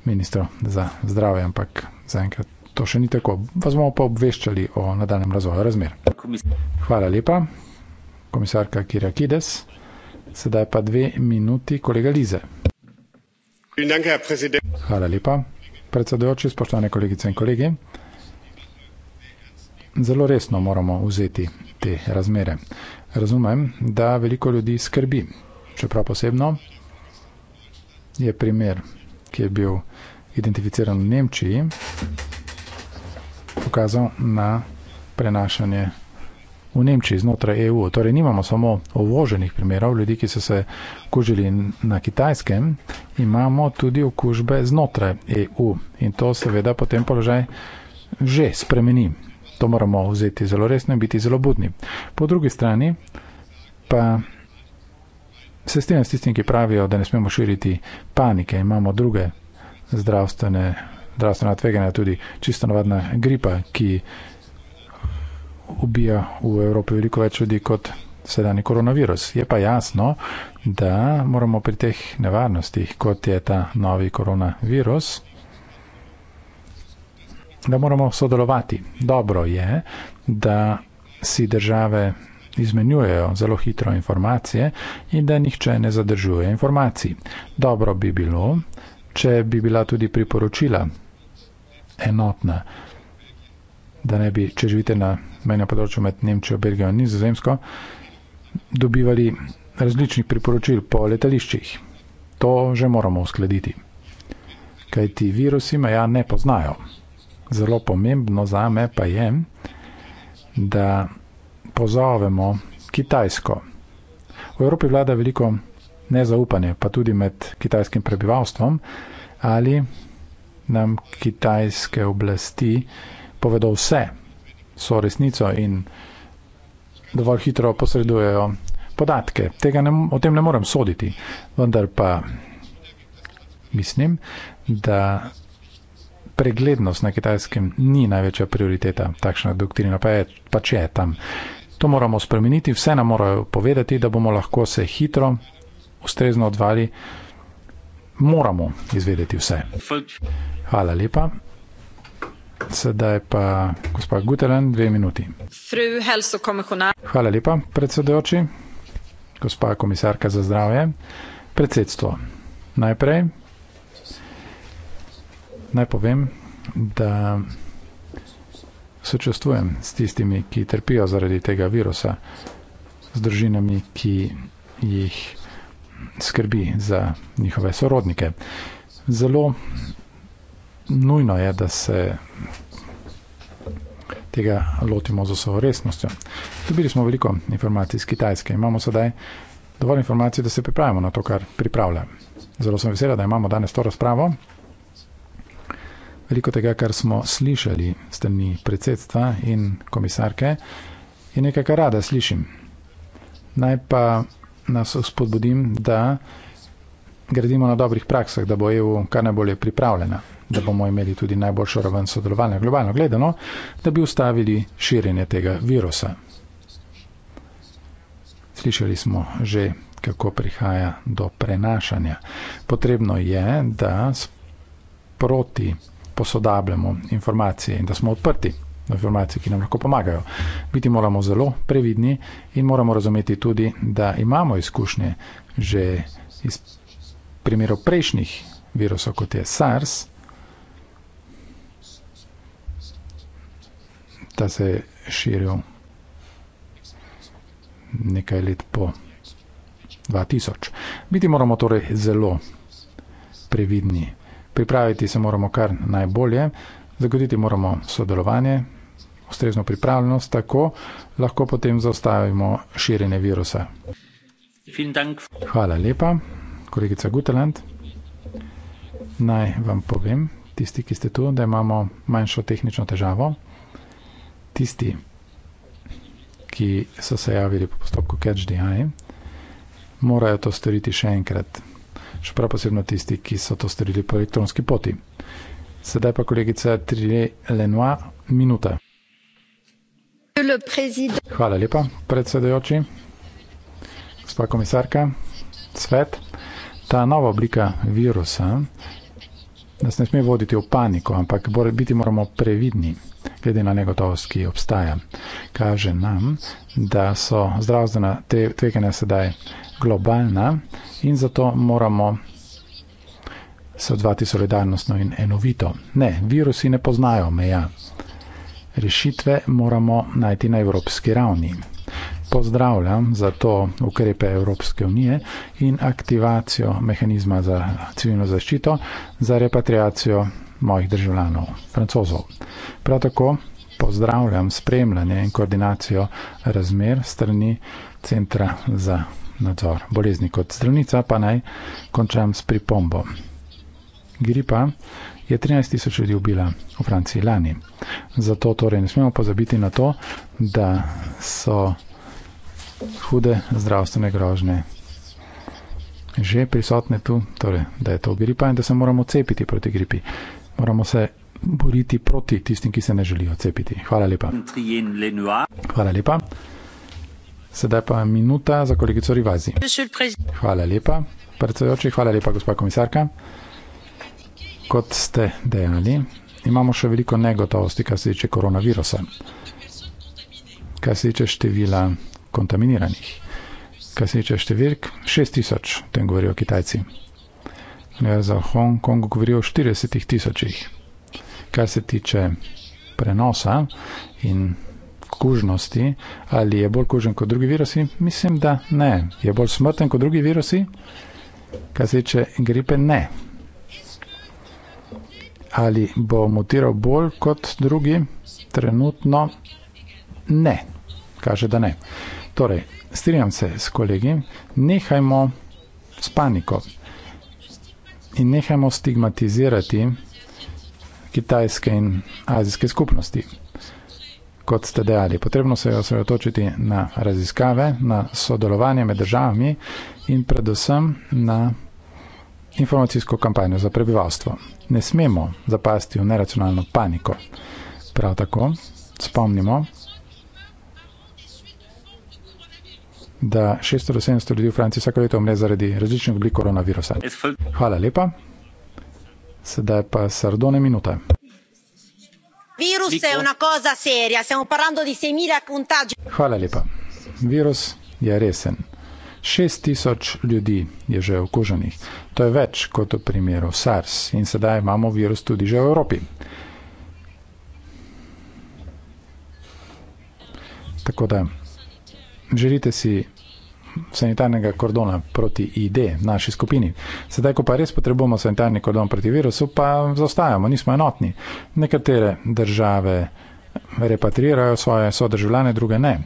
ministro za zdravje, ampak zaenkrat to še ni tako. Vas bomo pa obveščali o nadaljem razvoju razmer. Hvala lepa komisarka Kirakides. Sedaj pa dve minuti kolega Lize. Hvala lepa, predsedujoči, spoštovane kolegice in kolegi. Zelo resno moramo vzeti te razmere. Razumem, da veliko ljudi skrbi, čeprav posebno je primer, ki je bil identificiran v Nemčiji, pokazal na prenašanje v Nemčiji, znotraj EU. Torej, nimamo samo ovoženih primerov, ljudi, ki so se okužili na kitajskem, imamo tudi okužbe znotraj EU in to seveda potem položaj že spremeni. To moramo vzeti zelo resno in biti zelo budni. Po drugi strani pa se strinjam s tistim, ki pravijo, da ne smemo širiti panike, imamo druge zdravstvene, zdravstvene tveganja, tudi čisto navadna gripa, ki ubija v Evropi veliko več ljudi kot sedajni koronavirus. Je pa jasno, da moramo pri teh nevarnostih, kot je ta novi koronavirus, da moramo sodelovati. Dobro je, da si države izmenjujejo zelo hitro informacije in da nihče ne zadržuje informacij. Dobro bi bilo, če bi bila tudi priporočila enotna, da ne bi, če živite na mejnem področju med Nemčijo, Belgijo in Nizozemsko, dobivali različnih priporočil po letališčih. To že moramo uskladiti. Kaj ti virusi meja ne poznajo. Zelo pomembno za me pa je, da pozovemo Kitajsko. V Evropi vlada veliko nezaupanje, pa tudi med kitajskim prebivalstvom, ali nam kitajske oblasti povedo vse, so resnico in dovolj hitro posredujejo podatke. Tega ne, o tem ne morem soditi, vendar pa mislim, da preglednost na kitajskem ni največja prioriteta, takšna doktrina pa je, pa če je tam. To moramo spremeniti, vse nam morajo povedati, da bomo lahko se hitro, ustrezno odvali. Moramo izvedeti vse. Hvala lepa. Sedaj pa gospod Guterren, dve minuti. Fru Helsokomisionar. Hvala lepa, predsedujoči. Gospa komisarka za zdravje, predsedstvo. Najprej naj povem, da sočustvujem s tistimi, ki trpijo zaradi tega virusa, s družinami, ki jih skrbi za njihove sorodnike. Zelo nujno je, da se tega lotimo z vso resnostjo. Dobili smo veliko informacij iz Kitajske. Imamo sedaj dovolj informacij, da se pripravimo na to, kar pripravlja. Zelo sem vesela, da imamo danes to razpravo. Veliko tega, kar smo slišali strani predsedstva in komisarke, je nekaj, kar rada slišim. Naj pa nas spodbudim, da gradimo na dobrih praksah, da bo EU kar najbolje pripravljena da bomo imeli tudi najboljšo raven sodelovanja globalno gledano, da bi ustavili širjenje tega virusa. Slišali smo že, kako prihaja do prenašanja. Potrebno je, da proti posodabljamo informacije in da smo odprti na informacije, ki nam lahko pomagajo. Biti moramo zelo previdni in moramo razumeti tudi, da imamo izkušnje že iz primerov prejšnjih virusov, kot je SARS, sta se širil nekaj let po 2000. Biti moramo torej zelo previdni. Pripraviti se moramo kar najbolje, zagoditi moramo sodelovanje, ustrezno pripravljenost, tako lahko potem zaustavimo širjenje virusa. Hvala lepa, kolegica Guteland. Naj vam povem, tisti, ki ste tu, da imamo manjšo tehnično težavo tisti, ki so se javili po postopku Catch the Eye, morajo to storiti še enkrat. Še prav posebno tisti, ki so to storili po elektronski poti. Sedaj pa kolegica Trilje Lenoir, minuta. Hvala lepa, predsedojoči, gospa komisarka, svet. Ta nova oblika virusa nas ne sme voditi v paniko, ampak biti moramo previdni glede na negotovost, ki obstaja. Kaže nam, da so zdravstvena tveganja sedaj globalna in zato moramo se odzvati solidarnostno in enovito. Ne, virusi ne poznajo meja. Rešitve moramo najti na evropski ravni. Pozdravljam zato ukrepe Evropske unije in aktivacijo mehanizma za civilno zaščito, za repatriacijo mojih državljanov, francozov. Prav tako pozdravljam spremljanje in koordinacijo razmer strani Centra za nadzor bolezni kot zdravnica, pa naj končam s pripombo. Gripa je 13 tisoč ljudi ubila v Franciji lani. Zato torej ne smemo pozabiti na to, da so hude zdravstvene grožne že prisotne tu, torej, da je to gripa in da se moramo cepiti proti gripi moramo se boriti proti tistim, ki se ne želijo cepiti. Hvala lepa. Hvala lepa. Sedaj pa minuta za kolegico Rivazi. Hvala lepa, predsedujoči. Hvala lepa, gospa komisarka. Kot ste dejali, imamo še veliko negotovosti, kar se tiče koronavirusa, kar se tiče števila kontaminiranih, kar se tiče številk 6000, o tem govorijo Kitajci. Ja, za Hongkong govori o 40 tisočih. Kar se tiče prenosa in kužnosti, ali je bolj kužen kot drugi virusi? Mislim, da ne. Je bolj smrten kot drugi virusi? Kar se tiče gripe, ne. Ali bo mutiral bolj kot drugi? Trenutno ne. Kaže, da ne. Torej, strinjam se s kolegi, nehajmo s paniko in nehajmo stigmatizirati kitajske in azijske skupnosti. Kot ste dejali, potrebno se je osredotočiti na raziskave, na sodelovanje med državami in predvsem na informacijsko kampanjo za prebivalstvo. Ne smemo zapasti v neracionalno paniko. Prav tako spomnimo, da 600 do 700 ljudi v Franciji vsako leto umre zaradi različnih oblik koronavirusa. Hvala lepa. Sedaj pa sardone minute. Hvala lepa. Virus je resen. 6000 ljudi je že okuženih. To je več kot v primeru SARS in sedaj imamo virus tudi že v Evropi. Tako da je želite si sanitarnega kordona proti ID, naši skupini. Sedaj, ko pa res potrebujemo sanitarni kordon proti virusu, pa zaostajamo, nismo enotni. Nekatere države repatrirajo svoje sodržavljane, druge ne.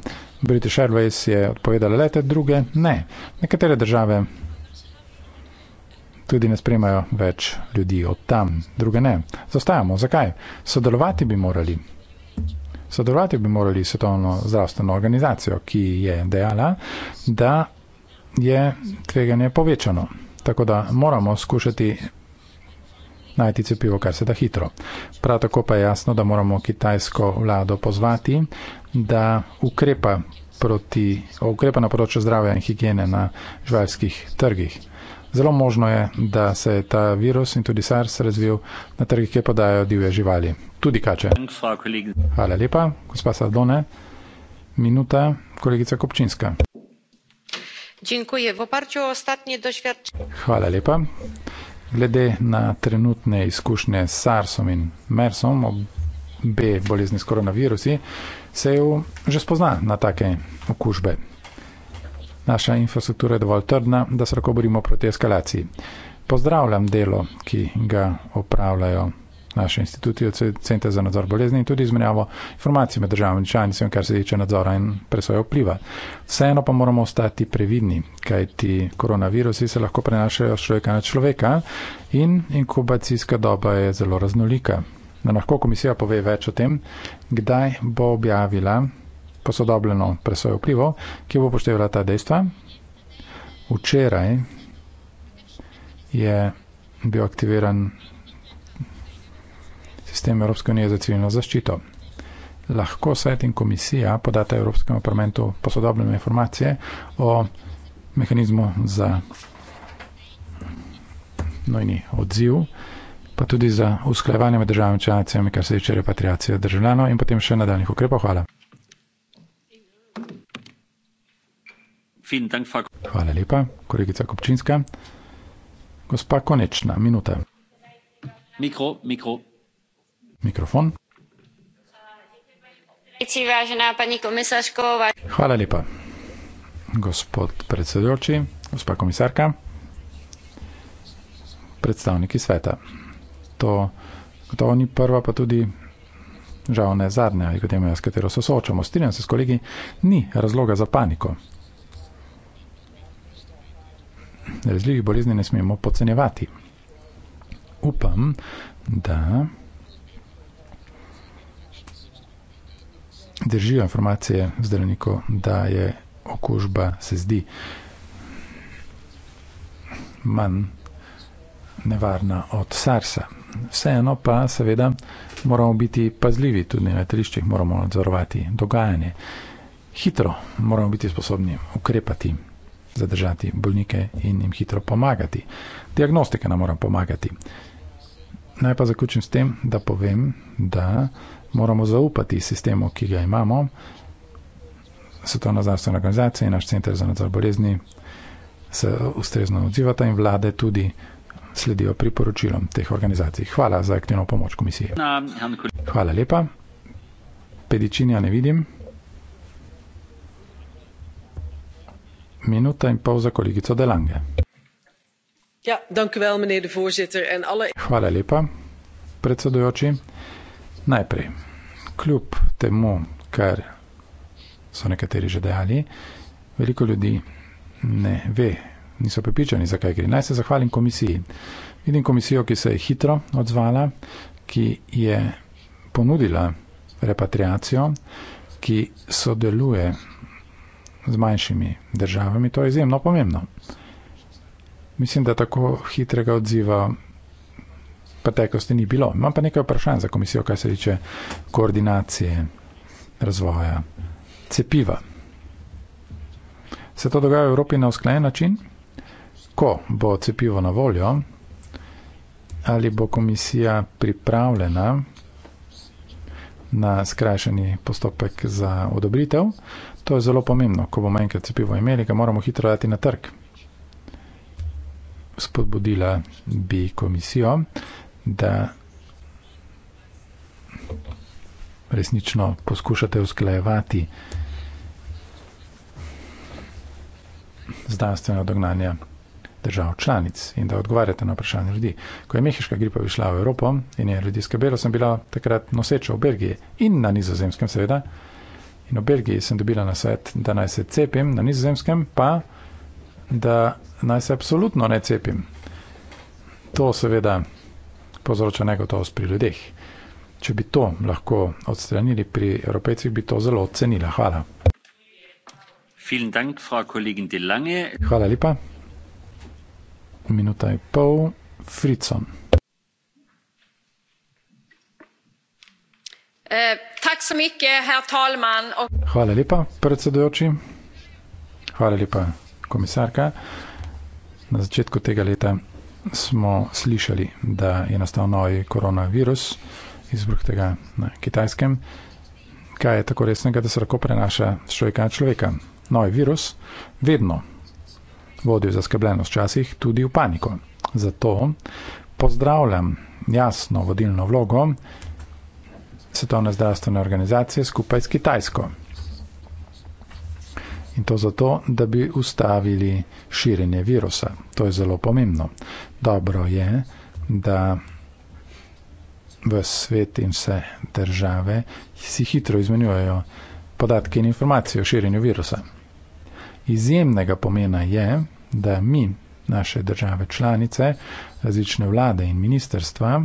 British Airways je odpovedala lete, druge ne. Nekatere države tudi ne spremajo več ljudi od tam, druge ne. Zostajamo. Zakaj? Sodelovati bi morali. Sodelovati bi morali s svetovno zdravstveno organizacijo, ki je dejala, da je tveganje povečano. Tako da moramo skušati najti cepivo, kar se da hitro. Prav tako pa je jasno, da moramo kitajsko vlado pozvati, da ukrepa, proti, ukrepa na področju zdravja in higiene na živalskih trgih. Zelo možno je, da se je ta virus in tudi SARS razvil na trgih, kjer podajo divje živali, tudi kače. Hvala lepa, gospa Sadone. Minuta, kolegica Kopčinska. Hvala lepa. Glede na trenutne izkušnje s SARSom in MERSom, obe bolezni s koronavirusi, se jo že spozna na take okužbe. Naša infrastruktura je dovolj trdna, da se lahko borimo proti eskalaciji. Pozdravljam delo, ki ga opravljajo naše institucije, centre za nadzor bolezni in tudi izmenjavo informacij med državami članicami, kar se tiče nadzora in presoje vpliva. Vseeno pa moramo ostati previdni, kajti koronavirusi se lahko prenašajo z človeka na človeka in inkubacijska doba je zelo raznolika. Na lahko komisija pove več o tem, kdaj bo objavila posodobljeno presojo vplivov, ki bo upoštevala ta dejstva. Včeraj je bil aktiviran sistem Evropske unije za civilno zaščito. Lahko svet in komisija podata Evropskemu parlamentu posodobljene informacije o mehanizmu za nojni odziv, pa tudi za usklajevanje med državami članicami, kar se tiče repatriacije državljanov in potem še nadaljnih ukrepov. Hvala. Hvala lepa, kolegica Kopčinska. Gospa Konečna, minuta. Mikro, mikro. Mikrofon. Hvala lepa. Gospod predsedujoči, gospa komisarka, predstavniki sveta. To gotovo ni prva, pa tudi žal ne zadnja epidemija, s katero se soočamo. Strinjam se s kolegi, ni razloga za paniko različnih bolezni ne smemo podcenjevati. Upam, da držijo informacije zdravniku, da je okužba se zdi manj nevarna od SARS-a. Vseeno pa seveda moramo biti pazljivi, tudi na letališčih moramo nadzorovati dogajanje. Hitro moramo biti sposobni ukrepati zadržati bolnike in jim hitro pomagati. Diagnostika nam mora pomagati. Naj pa zaključim s tem, da povem, da moramo zaupati sistemu, ki ga imamo, Svetovna zdravstvena organizacija in naš center za nadzor bolezni se ustrezno odzivata in vlade tudi sledijo priporočilom teh organizacij. Hvala za aktivno pomoč komisije. Hvala lepa. Pedičinja ne vidim. minuta in pol za kolegico Delange. Ja, dank u wel, meneer de voorzitter. En alle... Hvala lepa, predsedujoči. Najprej, kljub temu, kar so nekateri že dejali, veliko ljudi ne ve, niso pripričani, zakaj gre. Naj se zahvalim komisiji. Vidim komisijo, ki se je hitro odzvala, ki je ponudila repatriacijo, ki sodeluje z manjšimi državami, to je izjemno pomembno. Mislim, da tako hitrega odziva preteklosti ni bilo. Imam pa nekaj vprašanj za komisijo, kaj se tiče koordinacije razvoja cepiva. Se to dogaja v Evropi na usklajen način? Ko bo cepivo na voljo, ali bo komisija pripravljena na skrajšani postopek za odobritev? To je zelo pomembno. Ko bomo enkrat cepivo imeli, ga moramo hitro dati na trg. Spodbudila bi komisijo, da resnično poskušate usklajevati znanstvena dognanja držav članic in da odgovarjate na vprašanje ljudi. Ko je mehiška gripa prišla v Evropo in je ljudi skrbelo, sem bila takrat noseča v Belgiji in na nizozemskem, seveda. In v Belgiji sem dobila na svet, da naj se cepim, na nizozemskem pa, da naj se absolutno ne cepim. To seveda povzroča negotovost pri ljudeh. Če bi to lahko odstranili pri evropejcih, bi to zelo ocenila. Hvala. Dank, Hvala lepa. Minuta in pol. Fritzon. Eh, Hvala lepa, predsedujoči. Hvala lepa, komisarka. Na začetku tega leta smo slišali, da je nastal novi koronavirus izbruh tega na kitajskem. Kaj je tako resnega, da se lahko prenaša z človeka na človeka? Novi virus vedno vodi v zaskrbljenost, včasih tudi v paniko. Zato pozdravljam jasno vodilno vlogo Svetovne zdravstvene organizacije skupaj s Kitajsko. In to zato, da bi ustavili širjenje virusa. To je zelo pomembno. Dobro je, da v svet in vse države si hitro izmenjujejo podatke in informacije o širjenju virusa. Izjemnega pomena je, da mi, naše države članice, različne vlade in ministerstva,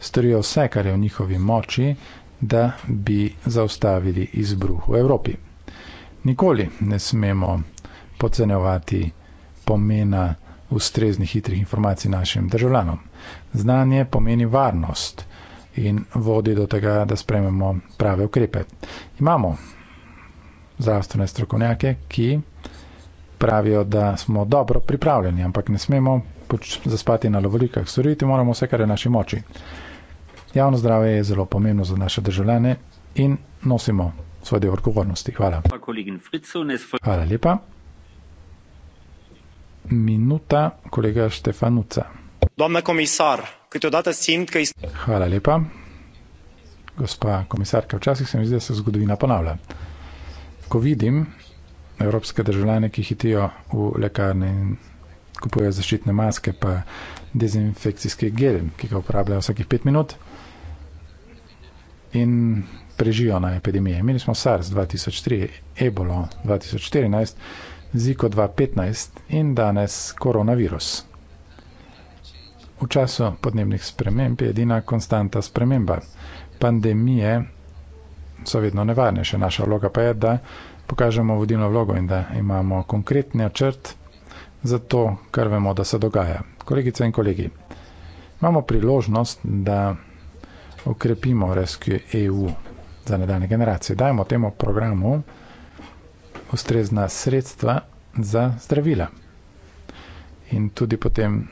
storijo vse, kar je v njihovi moči, da bi zaustavili izbruh v Evropi. Nikoli ne smemo podcenjevati pomena ustreznih hitrih informacij našim državljanom. Znanje pomeni varnost in vodi do tega, da sprememo prave ukrepe. Imamo zdravstvene strokovnjake, ki pravijo, da smo dobro pripravljeni, ampak ne smemo zaspati na lovorikah. Storiti moramo vse, kar je v naši moči. Javno zdravje je zelo pomembno za naše državljane in nosimo svoj del odgovornosti. Hvala. Hvala lepa. Minuta kolega Štefanuca. Komisar, simt, iz... Hvala lepa. Gospa komisarka, včasih se mi zdi, da se zgodovina ponavlja. Ko vidim evropske državljane, ki hitijo v lekarne in kupujejo zaščitne maske, pa dezinfekcijski gel, ki ga uporabljajo vsakih pet minut, in preživijo na epidemije. Imeli smo SARS 2003, Ebola 2014, Zika 2015 in danes koronavirus. V času podnebnih sprememb je edina konstanta sprememba. Pandemije so vedno nevarne, še naša vloga pa je, da pokažemo vodilno vlogo in da imamo konkretni načrt za to, kar vemo, da se dogaja. Kolegice in kolegi, imamo priložnost, da okrepimo Rescue EU za nadaljne generacije. Dajmo temu programu ustrezna sredstva za zdravila in tudi potem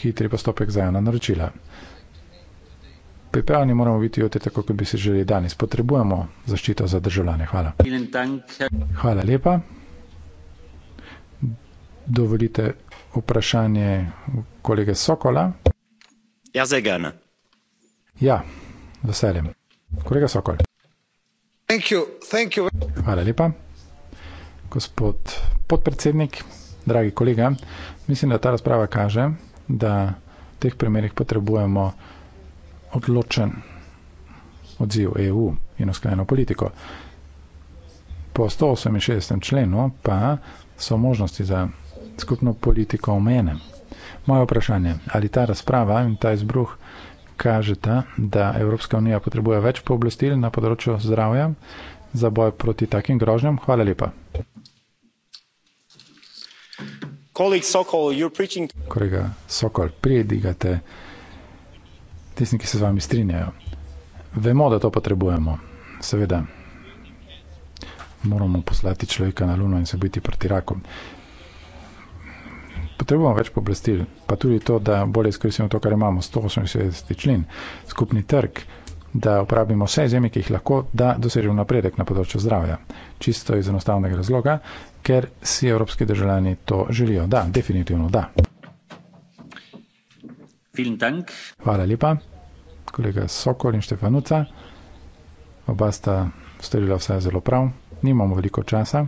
hitri postopek za javna naročila. Pripravljeni moramo biti jutri tako, kot bi si želeli danes. Potrebujemo zaščito za državljane. Hvala. Hvala lepa. Dovolite vprašanje kolege Sokola. Ja, zdaj ga. Ja, veseljem. Kolega Sokol. Thank you, thank you. Hvala lepa. Gospod podpredsednik, dragi kolega, mislim, da ta razprava kaže, da v teh primerih potrebujemo odločen odziv EU in usklajeno politiko. Po 168. členu pa so možnosti za skupno politiko omejene. Moje vprašanje, ali ta razprava in ta izbruh kažeta, da Evropska unija potrebuje več pooblastil na področju zdravja za boj proti takim grožnjam. Hvala lepa. Kolega Sokol, predigate tisti, ki se z vami strinjajo. Vemo, da to potrebujemo. Seveda, moramo poslati človeka na luno in se biti proti raku. Potrebujemo več poblastil, pa tudi to, da bolje izkoristimo to, kar imamo, 168 člen, skupni trg, da uporabimo vse izjeme, ki jih lahko, da dosežemo napredek na področju zdravja. Čisto iz enostavnega razloga, ker si evropski državljani to želijo. Da, definitivno da. Hvala lepa, kolega Sokol in Štefanuca. Oba sta storila vse zelo prav, nimamo veliko časa,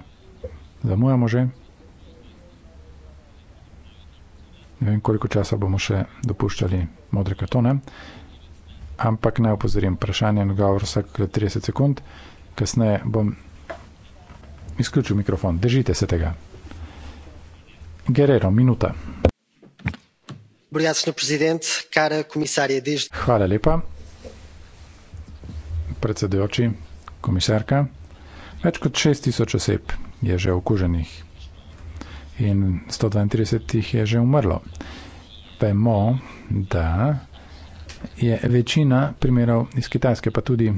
zamujamo že. Ne vem, koliko časa bomo še dopuščali modre kartone, ampak naj opozorim, vprašanje in odgovor vsakokrat 30 sekund, kasneje bom izključil mikrofon. Držite se tega. Guerrero, minuta. Hvala lepa. Predsedujoči, komisarka, več kot 6000 oseb je že okuženih in 132 jih je že umrlo. Vemo, da je večina primerov iz Kitajske, pa tudi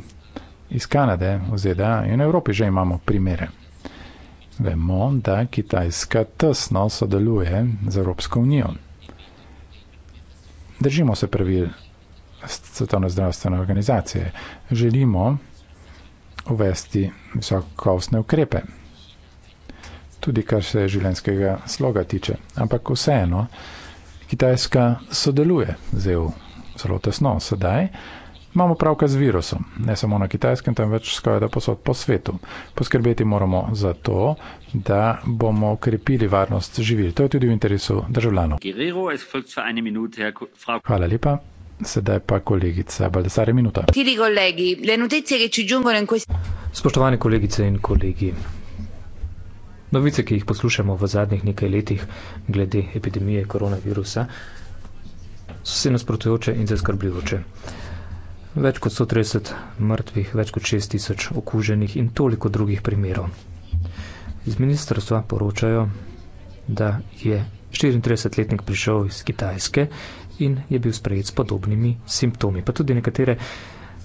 iz Kanade, v ZDA in Evropi že imamo primere. Vemo, da Kitajska tesno sodeluje z Evropsko unijo. Držimo se pravil Svetovne zdravstvene organizacije. Želimo uvesti visokovstne ukrepe tudi kar se življenskega sloga tiče. Ampak vseeno, Kitajska sodeluje z EU zelo tesno sedaj. Imamo pravka z virusom, ne samo na kitajskem, temveč skoraj da posod po svetu. Poskrbeti moramo za to, da bomo krepili varnost živil. To je tudi v interesu državljanov. Hvala lepa. Sedaj pa kolegica Baldesare, minuta. Spoštovane kolegice in kolegi, novice, ki jih poslušamo v zadnjih nekaj letih glede epidemije koronavirusa, so se nasprotujoče in zaskrbljujoče. Več kot 130 mrtvih, več kot 6 tisoč okuženih in toliko drugih primerov. Iz ministrstva poročajo, da je 34-letnik prišel iz Kitajske in je bil sprejet s podobnimi simptomi. Pa tudi nekatere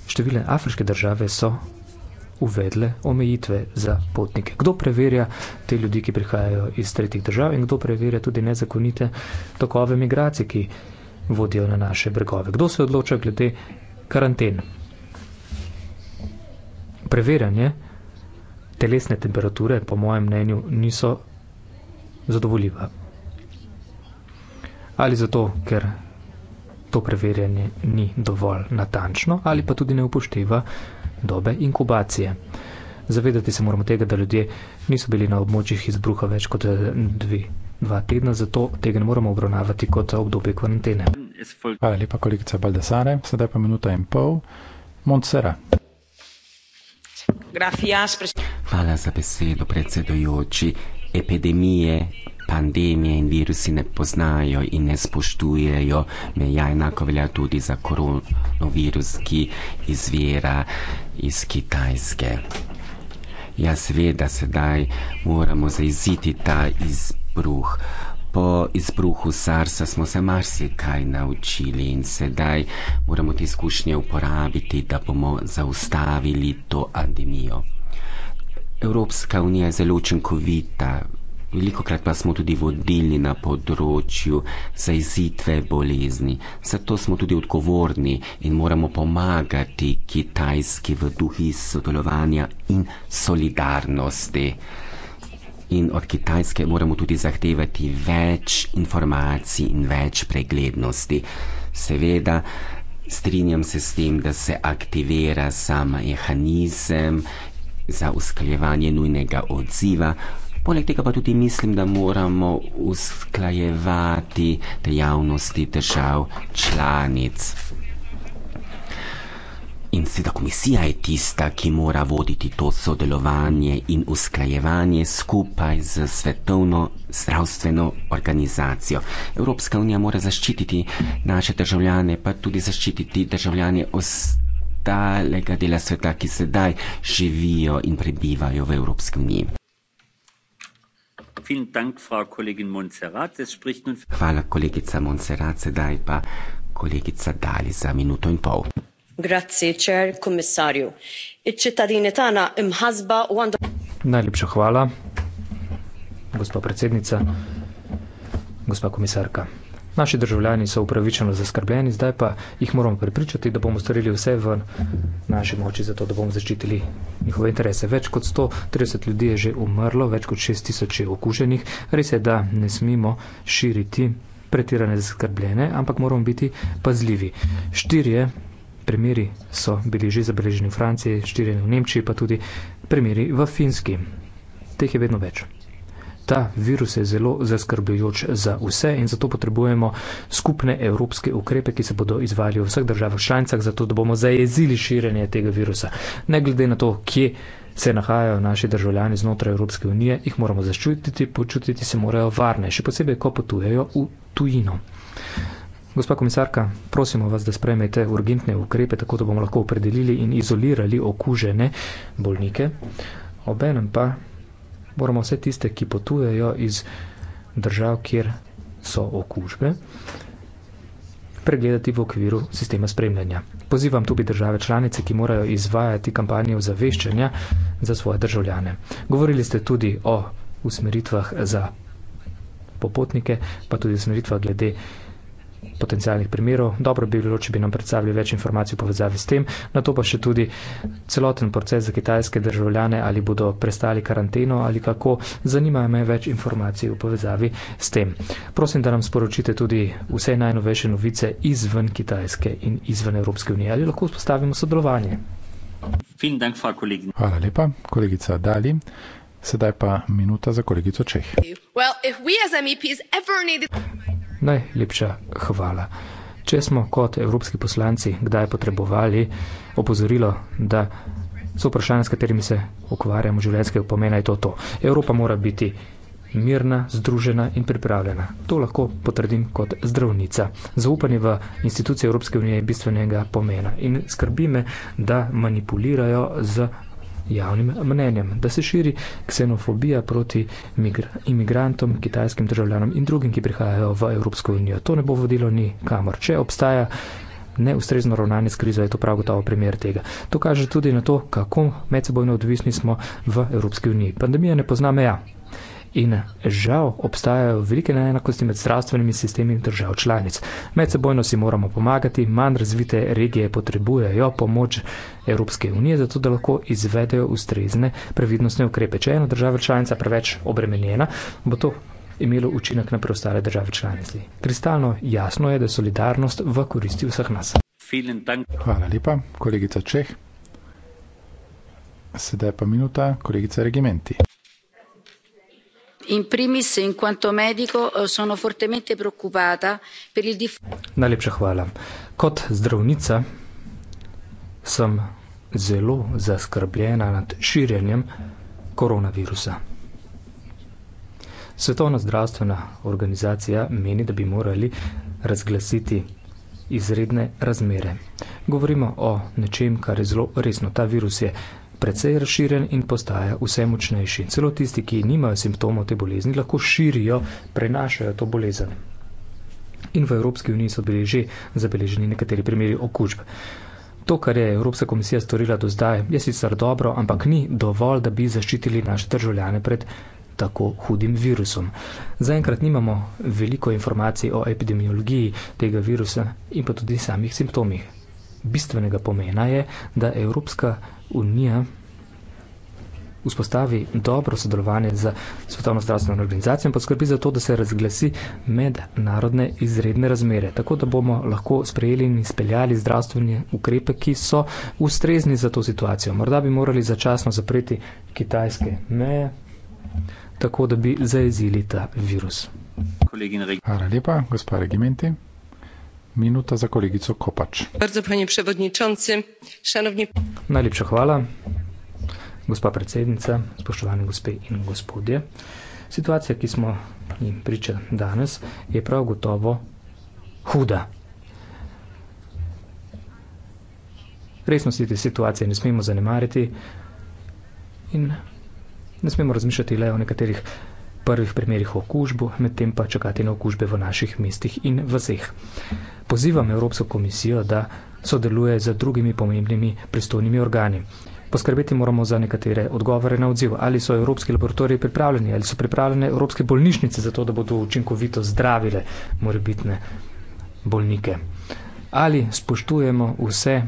številne afriške države so uvedle omejitve za potnike. Kdo preverja te ljudi, ki prihajajo iz tretjih držav in kdo preverja tudi nezakonite tokove migracij, ki vodijo na naše bregove? Kdo se odloča glede karanten? Preverjanje telesne temperature, po mojem mnenju, niso zadovoljiva. Ali zato, ker to preverjanje ni dovolj natančno, ali pa tudi ne upošteva dobe inkubacije. Zavedati se moramo tega, da ljudje niso bili na območjih izbruha več kot eh, dve, dva tedna, zato tega ne moramo obravnavati kot eh, obdobje kvarantene. Hvala lepa, kolegica Baldasare. Sedaj pa minuta in pol. Montsera. Hvala za besedo, predsedujoči epidemije, pandemije in virusi ne poznajo in ne spoštujejo. Meja enako velja tudi za koronavirus, ki izvira iz Kitajske. Ja, seveda, sedaj moramo zaiziti ta izbruh. Po izbruhu SARS-a smo se marsikaj naučili in sedaj moramo te izkušnje uporabiti, da bomo zaustavili to pandemijo. Evropska unija je zelo učinkovita. Veliko krat pa smo tudi vodili na področju zaizitve bolezni. Zato smo tudi odgovorni in moramo pomagati Kitajski v duhi sodelovanja in solidarnosti. In od Kitajske moramo tudi zahtevati več informacij in več preglednosti. Seveda strinjam se s tem, da se aktivira sam mehanizem za usklajevanje nujnega odziva. Poleg tega pa tudi mislim, da moramo usklajevati dejavnosti držav članic. In seveda komisija je tista, ki mora voditi to sodelovanje in usklajevanje skupaj z svetovno zdravstveno organizacijo. Evropska unija mora zaščititi naše državljane, pa tudi zaščititi državljane ostalih ostalega dela sveta, ki sedaj živijo in prebivajo v Evropski uniji. Hvala, kolegica Montserrat, sedaj pa kolegica Dali za minuto in pol. Grazie, cer, komisarju. Cittadinetana mhazba wanda... Najlepša hvala, gospa predsednica, gospa komisarka. Naši državljani so upravičeno zaskrbljeni, zdaj pa jih moramo prepričati, da bomo storili vse v naši moči, zato da bomo zaščitili njihove interese. Več kot 130 ljudi je že umrlo, več kot 6000 je okuženih. Res je, da ne smemo širiti pretirane zaskrbljene, ampak moramo biti pazljivi. Štirje primeri so bili že zabeleženi v Franciji, štirje v Nemčiji, pa tudi primeri v Finski. Teh je vedno več. Ta virus je zelo zaskrbljujoč za vse in zato potrebujemo skupne evropske ukrepe, ki se bodo izvali v vseh državah članicah, zato da bomo zajezili širenje tega virusa. Ne glede na to, kje se nahajajo naši državljani znotraj Evropske unije, jih moramo zaščititi, počutiti se morajo varne, še posebej, ko potujejo v tujino. Gospa komisarka, prosimo vas, da sprejmete urgentne ukrepe, tako da bomo lahko opredelili in izolirali okužene bolnike. Obenem pa moramo vse tiste, ki potujejo iz držav, kjer so okužbe, pregledati v okviru sistema spremljanja. Pozivam tudi države članice, ki morajo izvajati kampanjo zaveščanja za svoje državljane. Govorili ste tudi o usmeritvah za popotnike, pa tudi usmeritvah glede potencijalnih primerov. Dobro bi bilo, če bi nam predstavili več informacij v povezavi s tem, na to pa še tudi celoten proces za kitajske državljane, ali bodo prestali karanteno ali kako. Zanimajo me več informacij v povezavi s tem. Prosim, da nam sporočite tudi vse najnovejše novice izven Kitajske in izven Evropske unije, ali lahko vzpostavimo sodelovanje. Hvala lepa, kolegica Dali. Sedaj pa minuta za kolegico Čeh. E Najlepša hvala. Če smo kot evropski poslanci kdaj potrebovali opozorilo, da so vprašanja, s katerimi se ukvarjamo življenjskega pomena, je to to. Evropa mora biti mirna, združena in pripravljena. To lahko potrdim kot zdravnica. Zaupanje v institucije Evropske unije je bistvenega pomena in skrbi me, da manipulirajo z javnim mnenjem, da se širi ksenofobija proti imigrantom, kitajskim državljanom in drugim, ki prihajajo v Evropsko unijo. To ne bo vodilo ni kamor. Če obstaja neustrezno ravnanje s krizo, je to prav gotovo primer tega. To kaže tudi na to, kako medsebojno odvisni smo v Evropski uniji. Pandemija ne pozna meja. In žal obstajajo velike neenakosti med zdravstvenimi sistemi držav članic. Medsebojno si moramo pomagati, manj razvite regije potrebujejo pomoč Evropske unije, zato da lahko izvedejo ustrezne previdnostne ukrepe. Če je ena država članica preveč obremenjena, bo to imelo učinek na preostale države članice. Kristalno jasno je, da je solidarnost v koristi vseh nas. Hvala lepa, kolegica Čeh. Sedaj pa minuta, kolegica Regimenti in primis in quanto medico eh, sono fortemente preoccupata per il diff- Najlepša hvala. Kot zdravnica sem zelo zaskrbljena nad širjenjem koronavirusa. Svetovna zdravstvena organizacija meni, da bi morali razglasiti izredne razmere. Govorimo o nečem, kar je zelo resno. Ta virus je precej razširjen in postaja vse močnejši. Celo tisti, ki nimajo simptomov te bolezni, lahko širijo, prenašajo to bolezen. In v Evropski uniji so bili že zabeleženi nekateri primeri okužb. To, kar je Evropska komisija storila do zdaj, je sicer dobro, ampak ni dovolj, da bi zaščitili naše državljane pred tako hudim virusom. Zaenkrat nimamo veliko informacij o epidemiologiji tega virusa in pa tudi samih simptomih. Bistvenega pomena je, da Evropska unija vzpostavi dobro sodelovanje z Svetovno zdravstveno organizacijo in poskrbi za to, da se razglasi mednarodne izredne razmere, tako da bomo lahko sprejeli in izpeljali zdravstvene ukrepe, ki so ustrezni za to situacijo. Morda bi morali začasno zapreti kitajske meje, tako da bi zaezili ta virus. Hvala lepa, gospod Regimenti minuta za kolegico Kopač. Bardzo panie przewodniczący, szanowni... Najlepša hvala, gospa predsednica, spoštovane gospe in gospodje. Situacija, ki smo jim priča danes, je prav gotovo huda. Resnosti te situacije ne smemo zanemariti in ne smemo razmišljati le o nekaterih prvih primerih okužb, medtem pa čakati na okužbe v naših mestih in vseh. Pozivam Evropsko komisijo, da sodeluje z drugimi pomembnimi pristojnimi organi. Poskrbeti moramo za nekatere odgovore na odziv. Ali so evropski laboratoriji pripravljeni, ali so pripravljene evropske bolnišnice za to, da bodo učinkovito zdravile morebitne bolnike. Ali spoštujemo vse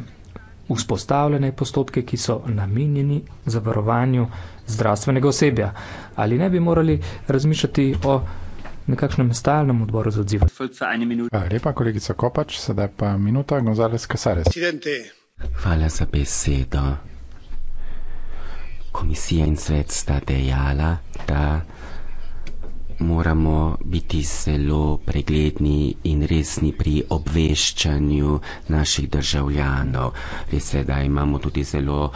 vzpostavljene postopke, ki so namenjeni zavarovanju zdravstvenega osebja. Ali ne bi morali razmišljati o nekakšnem stalnem odboru za odziv? Lepa, kolegica Kopač, sedaj pa minuta, Gonzales Casares. Hvala za besedo. Komisija in svet sta dejala, da moramo biti zelo pregledni in resni pri obveščanju naših državljanov. Res je, da imamo tudi zelo uh,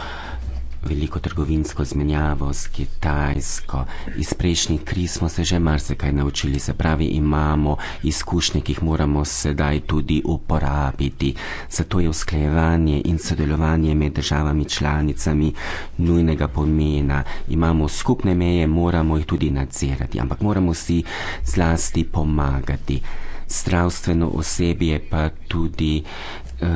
veliko trgovinsko zmenjavo s Kitajsko. Iz prejšnjih kriz smo se že marsikaj naučili, se pravi, imamo izkušnje, ki jih moramo sedaj tudi uporabiti. Zato je usklajevanje in sodelovanje med državami članicami nujnega pomena. Imamo skupne meje, moramo jih tudi nadzirati, ampak moramo si zlasti pomagati. Zdravstveno osebje pa tudi. Uh,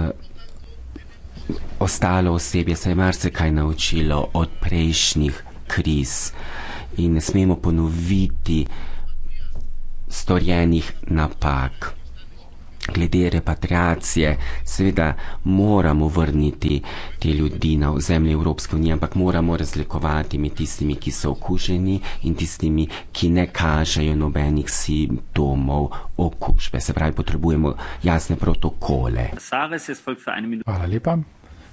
ostalo osebje se je marsikaj naučilo od prejšnjih kriz in ne smemo ponoviti storjenih napak. Glede repatriacije, seveda moramo vrniti te ljudi na ozemlje Evropske unije, ampak moramo razlikovati med tistimi, ki so okuženi in tistimi, ki ne kažejo nobenih simptomov okužbe. Se pravi, potrebujemo jasne protokole. Hvala lepa.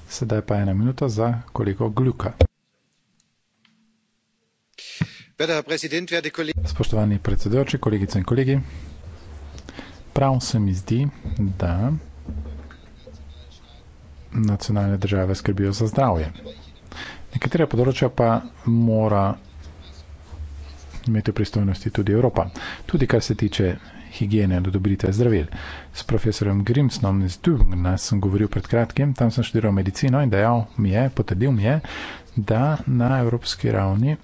Sedaj pa ena minuta za koliko gljuka. Spoštovani predsedujoči, kolegice in kolegi, prav se mi zdi, da nacionalne države skrbijo za zdravje. Nekatere področja pa mora imeti v pristojnosti tudi Evropa. Tudi kar se tiče higiene, do dobritve zdravil. S profesorjem Grimsnom iz Dubna sem govoril pred kratkim, tam sem študiral medicino in dejal mi je, potrdil mi je, da na evropski ravni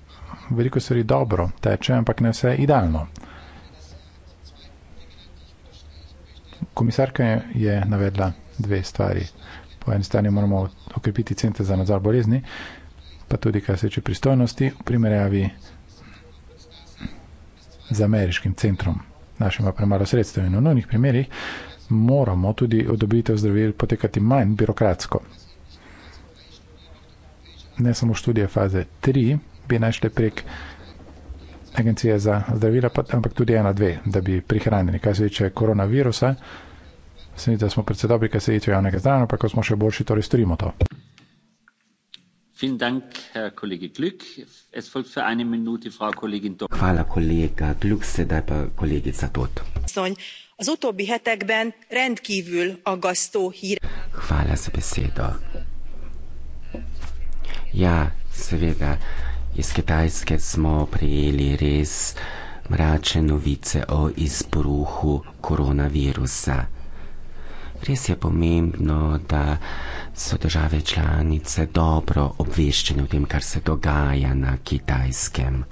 veliko stvari dobro teče, ampak ne vse idealno. Komisarka je navedla dve stvari. Po eni strani moramo okrepiti centre za nadzor bolezni, pa tudi kar se tiče pristojnosti v primerjavi z ameriškim centrom našima premalo sredstev in v nujnih primerjih moramo tudi odobritev zdravil potekati manj birokratsko. Ne samo študije faze 3 bi našli prek agencije za zdravila, ampak tudi ena, dve, da bi prihranili. Kaj se tiče koronavirusa, se mi zdi, da smo predsedobri, kaj se tiče javnega zdravja, ampak ko smo še boljši, torej storimo to. Hvala, kolega Gluck, sedaj pa kolegica Tot. Az utóbbi hetekben rendkívül aggasztó hír... Hvala za besedo. Ja, seveda, iz Kitajske smo prejeli res mračne novice o izbruhu koronavirusa. Res je pomembno, da so države članice dobro obveščene o tem, kar se dogaja na kitajskem.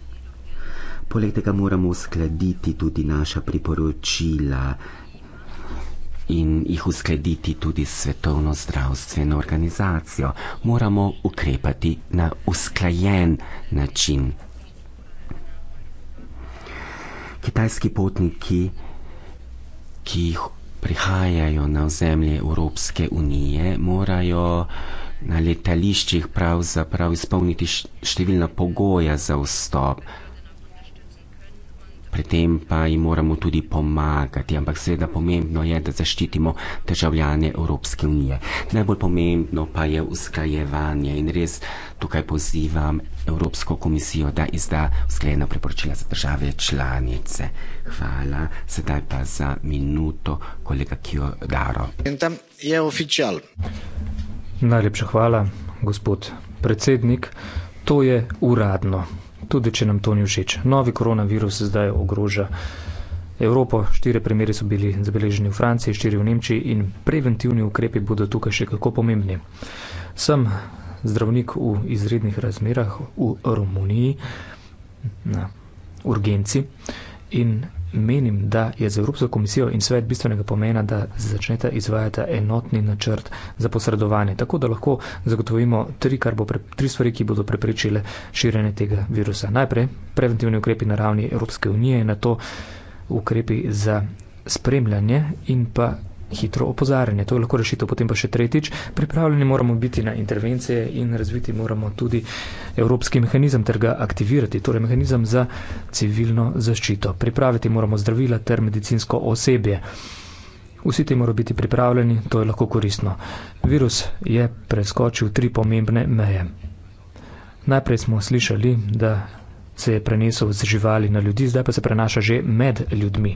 Poleg tega moramo uskladiti tudi naša priporočila in jih uskladiti tudi s Svetovno zdravstveno organizacijo. Moramo ukrepati na usklajen način. Kitajski potniki, ki jih prihajajo na ozemlje Evropske unije, morajo na letališčih pravzaprav izpolniti številna pogoja za vstop pri tem pa jim moramo tudi pomagati, ampak seveda pomembno je, da zaščitimo državljane Evropske unije. Najbolj pomembno pa je usklajevanje in res tukaj pozivam Evropsko komisijo, da izda usklajena priporočila za države članice. Hvala, sedaj pa za minuto kolega Kijo Daro. In tam je oficial. Najlepša hvala, gospod predsednik. To je uradno tudi če nam to ni všeč. Novi koronavirus zdaj ogroža Evropo, štiri primere so bili zabeleženi v Franciji, štiri v Nemčiji in preventivni ukrepi bodo tukaj še kako pomembni. Sem zdravnik v izrednih razmerah v Romuniji na urgenci in menim, da je za Evropsko komisijo in svet bistvenega pomena, da začnete izvajati enotni načrt za posredovanje, tako da lahko zagotovimo tri, pre, tri stvari, ki bodo preprečile širjenje tega virusa. Najprej preventivni ukrepi na ravni Evropske unije in na to ukrepi za spremljanje in pa hitro opozarjanje. To je lahko rešitev. Potem pa še tretjič, pripravljeni moramo biti na intervencije in razviti moramo tudi evropski mehanizem ter ga aktivirati, torej mehanizem za civilno zaščito. Pripraviti moramo zdravila ter medicinsko osebje. Vsi ti morajo biti pripravljeni, to je lahko koristno. Virus je preskočil tri pomembne meje. Najprej smo slišali, da se je prenesel z živali na ljudi, zdaj pa se prenaša že med ljudmi.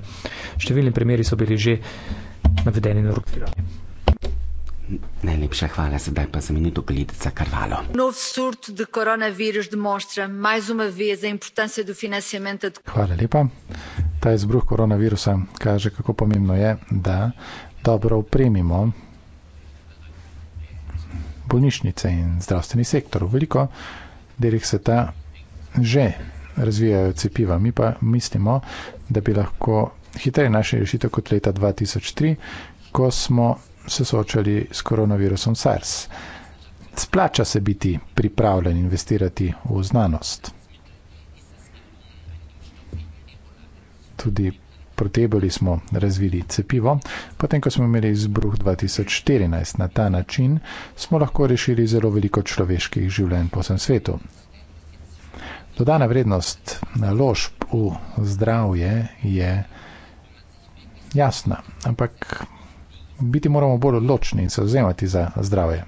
Številni primeri so bili že navedeni naročila. Najlepša hvala, sedaj pa za minuto kolegica Carvalho. Nov sort de koronavirus demonstra majz uma vez a importância do financiamento. Hvala lepa. Ta izbruh koronavirusa kaže, kako pomembno je, da dobro upremimo bolnišnice in zdravstveni sektor. Veliko delih se ta že razvijajo cepiva. Mi pa mislimo, da bi lahko hitreje naše rešitev kot leta 2003, ko smo se soočali s koronavirusom SARS. Splača se biti pripravljen investirati v znanost. Tudi proti eboli smo razvili cepivo, potem ko smo imeli izbruh 2014. Na ta način smo lahko rešili zelo veliko človeških življenj po vsem svetu. Dodana vrednost naložb v zdravje je, jasna, ampak biti moramo bolj odločni in se vzemati za zdravje.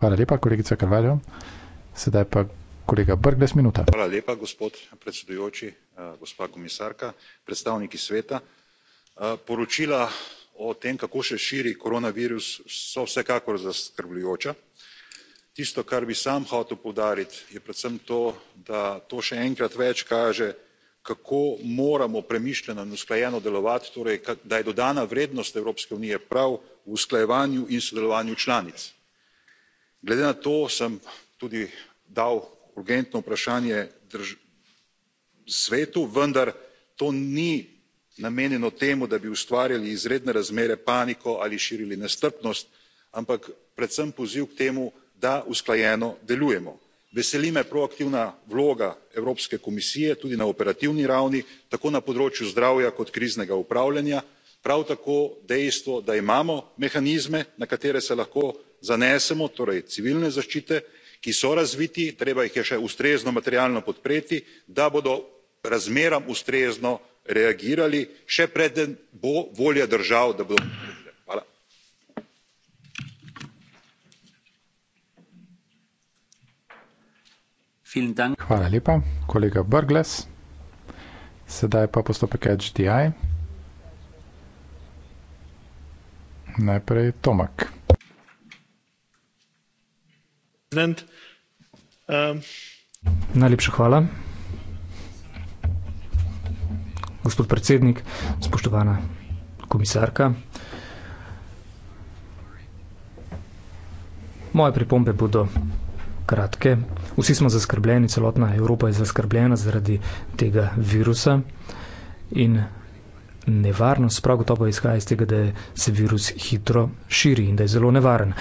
Hvala lepa, kolegica Karvaljo. Sedaj pa kolega Brgles minuta. Hvala lepa, gospod predsedujoči, eh, gospa komisarka, predstavniki sveta. Eh, poročila o tem, kako se širi koronavirus, so vsekakor zaskrbljujoča. Tisto, kar bi sam hotel poudariti, je predvsem to, da to še enkrat več kaže, kako moramo premišljeno in usklajeno delovati torej da je dodana vrednost evropske unije prav v usklajevanju in sodelovanju članic. glede na to sem tudi dal urgentno vprašanje svetu vendar to ni namenjeno temu da bi ustvarjali izredne razmere paniko ali širili nestrpnost ampak predvsem poziv k temu da usklajeno delujemo veseli me proaktivna vloga evropske komisije tudi na operativni ravni tako na področju zdravja kot kriznega upravljanja prav tako dejstvo da imamo mehanizme na katere se lahko zanesemo torej civilne zaščite ki so razviti treba jih je še ustrezno materialno podpreti da bodo razmeram ustrezno reagirali še preden bo volja držav da bodo Hvala lepa, kolega Brgles. Sedaj pa postopek HDI. Najprej Tomak. Um, Najlepša hvala. Gospod predsednik, spoštovana komisarka. Moje pripombe bodo kratke. Vsi smo zaskrbljeni, celotna Evropa je zaskrbljena zaradi tega virusa in nevarnost prav gotovo izhaja iz tega, da se virus hitro širi in da je zelo nevaren.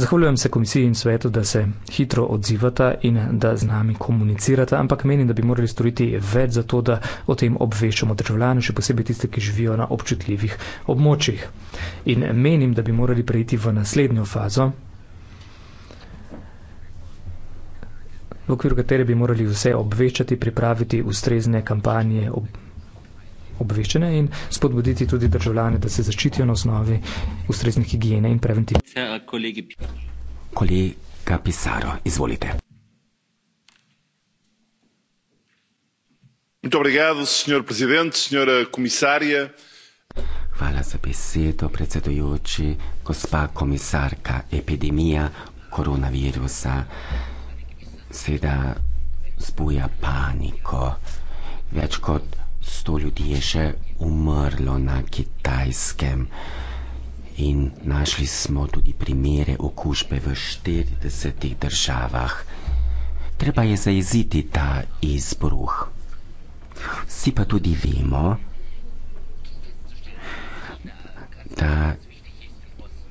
Zahvaljujem se komisiji in svetu, da se hitro odzivata in da z nami komunicirata, ampak menim, da bi morali storiti več za to, da o tem obveščamo državljane, še posebej tiste, ki živijo na občutljivih območjih. In menim, da bi morali prejiti v naslednjo fazo. v okviru katere bi morali vse obveščati, pripraviti ustrezne kampanje ob obveščene in spodbuditi tudi državljane, da se zaščitijo na osnovi ustrezne higiene in preventive. Kolegi. Kolega Pisaro, izvolite. Muito obrigado, senhor presidente, senhora comissária. Hvala za besedo, predsedujoči, gospa komisarka epidemija koronavirusa seveda zbuja paniko. Več kot sto ljudi je še umrlo na kitajskem in našli smo tudi primere okužbe v 40 državah. Treba je zaeziti ta izbruh. Vsi pa tudi vemo, da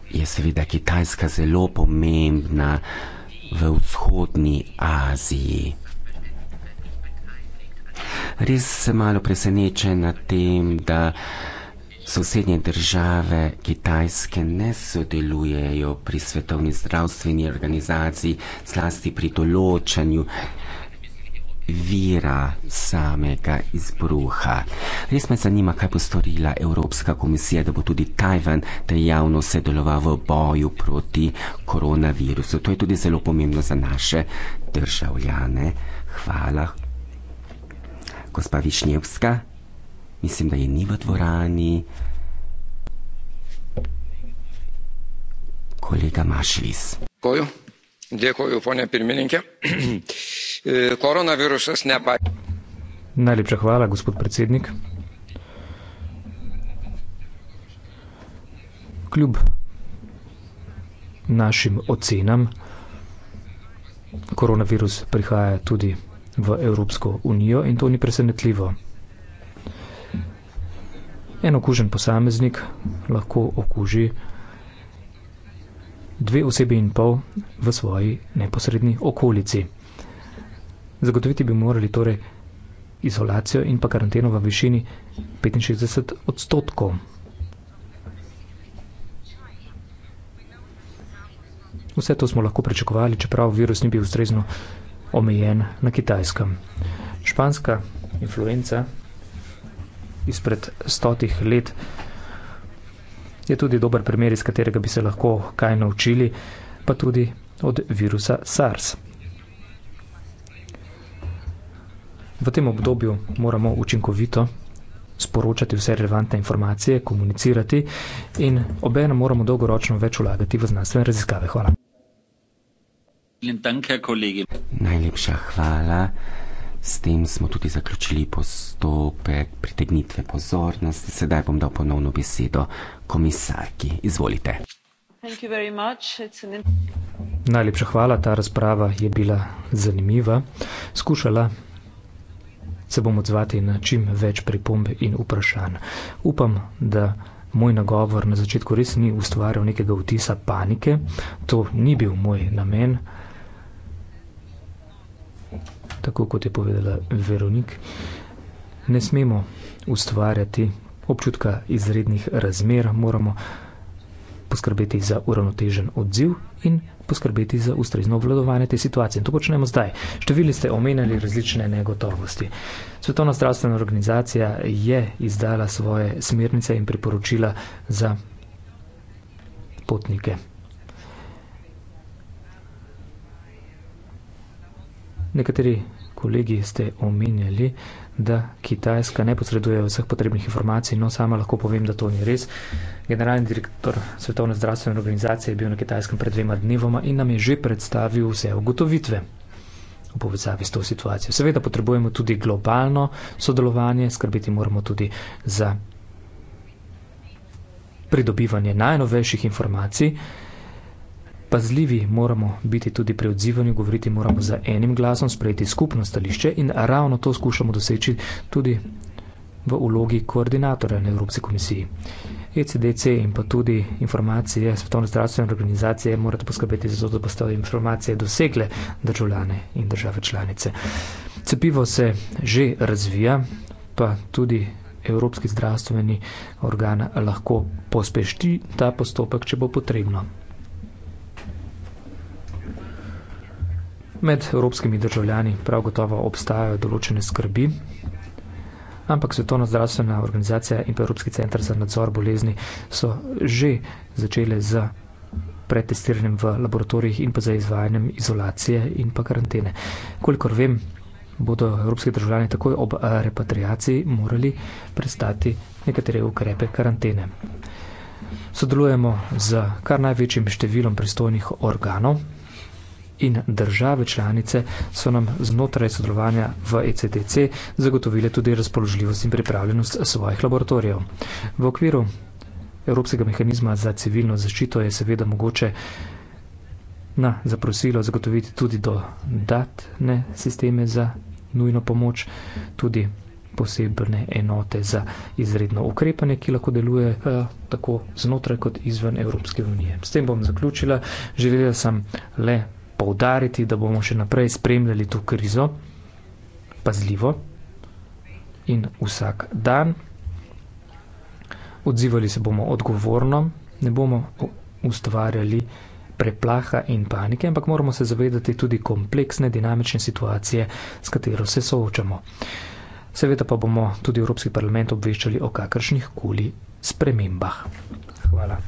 je seveda Kitajska zelo pomembna v vzhodni Aziji. Res sem malo presenečen nad tem, da sosednje države Kitajske ne sodelujejo pri svetovni zdravstveni organizaciji, zlasti pri določanju vira samega izbruha. Res me zanima, kaj bo storila Evropska komisija, da bo tudi Tajvan dejavno sodeloval v boju proti koronavirusu. To je tudi zelo pomembno za naše državljane. Hvala. Gospa Višnjevska, mislim, da je ni v dvorani. Kolega Mašlis. Kojo? E, Najlepša hvala, gospod predsednik. Kljub našim ocenam koronavirus prihaja tudi v Evropsko unijo in to ni presenetljivo. En okužen posameznik lahko okuži dve osebi in pol v svoji neposredni okolici. Zagotoviti bi morali torej izolacijo in pa karanteno v višini 65 odstotkov. Vse to smo lahko pričakovali, čeprav virus ni bil ustrezno omejen na kitajskem. Španska influenca izpred stotih let je tudi dober primer, iz katerega bi se lahko kaj naučili, pa tudi od virusa SARS. V tem obdobju moramo učinkovito sporočati vse relevantne informacije, komunicirati in obenem moramo dolgoročno več vlagati v znanstvene raziskave. Hvala. Najlepša hvala. S tem smo tudi zaključili postopek pritegnitve pozornosti. Sedaj bom dal ponovno besedo komisarki. Izvolite. Najlepša hvala, ta razprava je bila zanimiva. Skušala se bom odzvati na čim več pripomb in vprašanj. Upam, da moj nagovor na začetku res ni ustvaril nekega vtisa panike. To ni bil moj namen. Tako kot je povedala Veronik, ne smemo ustvarjati občutka izrednih razmer, moramo poskrbeti za uravnotežen odziv in poskrbeti za ustrezno obvladovanje te situacije. In to počnemo zdaj. Številni ste omenjali različne negotovosti. Svetovna zdravstvena organizacija je izdala svoje smernice in priporočila za potnike. Nekateri kolegi ste omenjali, da da Kitajska ne posreduje vseh potrebnih informacij, no sama lahko povem, da to ni res. Generalni direktor Svetovne zdravstvene organizacije je bil na Kitajskem pred dvema dnevoma in nam je že predstavil vse ugotovitve v povezavi s to situacijo. Seveda potrebujemo tudi globalno sodelovanje, skrbeti moramo tudi za pridobivanje najnovejših informacij. Pazljivi moramo biti tudi pri odzivanju, govoriti moramo za enim glasom, sprejeti skupno stališče in ravno to skušamo doseči tudi v ulogi koordinatora na Evropski komisiji. ECDC in pa tudi informacije Svetovne zdravstvene organizacije morate poskrbeti za to, da boste informacije dosegle državljane in države članice. Cepivo se že razvija, pa tudi Evropski zdravstveni organ lahko pospešti ta postopek, če bo potrebno. Med evropskimi državljani prav gotovo obstajajo določene skrbi, ampak Svetovna zdravstvena organizacija in Evropski centr za nadzor bolezni so že začele z pretestiranjem v laboratorijih in pa za izvajanjem izolacije in pa karantene. Kolikor vem, bodo evropski državljani takoj ob repatriaciji morali prestati nekatere ukrepe karantene. Sodelujemo z kar največjim številom pristojnih organov, in države članice so nam znotraj sodelovanja v ECDC zagotovile tudi razpoložljivost in pripravljenost svojih laboratorijev. V okviru Evropskega mehanizma za civilno zaščito je seveda mogoče na zaprosilo zagotoviti tudi dodatne sisteme za nujno pomoč, tudi posebne enote za izredno ukrepanje, ki lahko deluje eh, tako znotraj kot izven Evropske unije. S tem bom zaključila. Želela sem le poudariti, da bomo še naprej spremljali to krizo pazljivo in vsak dan. Odzivali se bomo odgovorno, ne bomo ustvarjali preplaha in panike, ampak moramo se zavedati tudi kompleksne dinamične situacije, s katero se soočamo. Seveda pa bomo tudi Evropski parlament obveščali o kakršnih koli spremembah. Hvala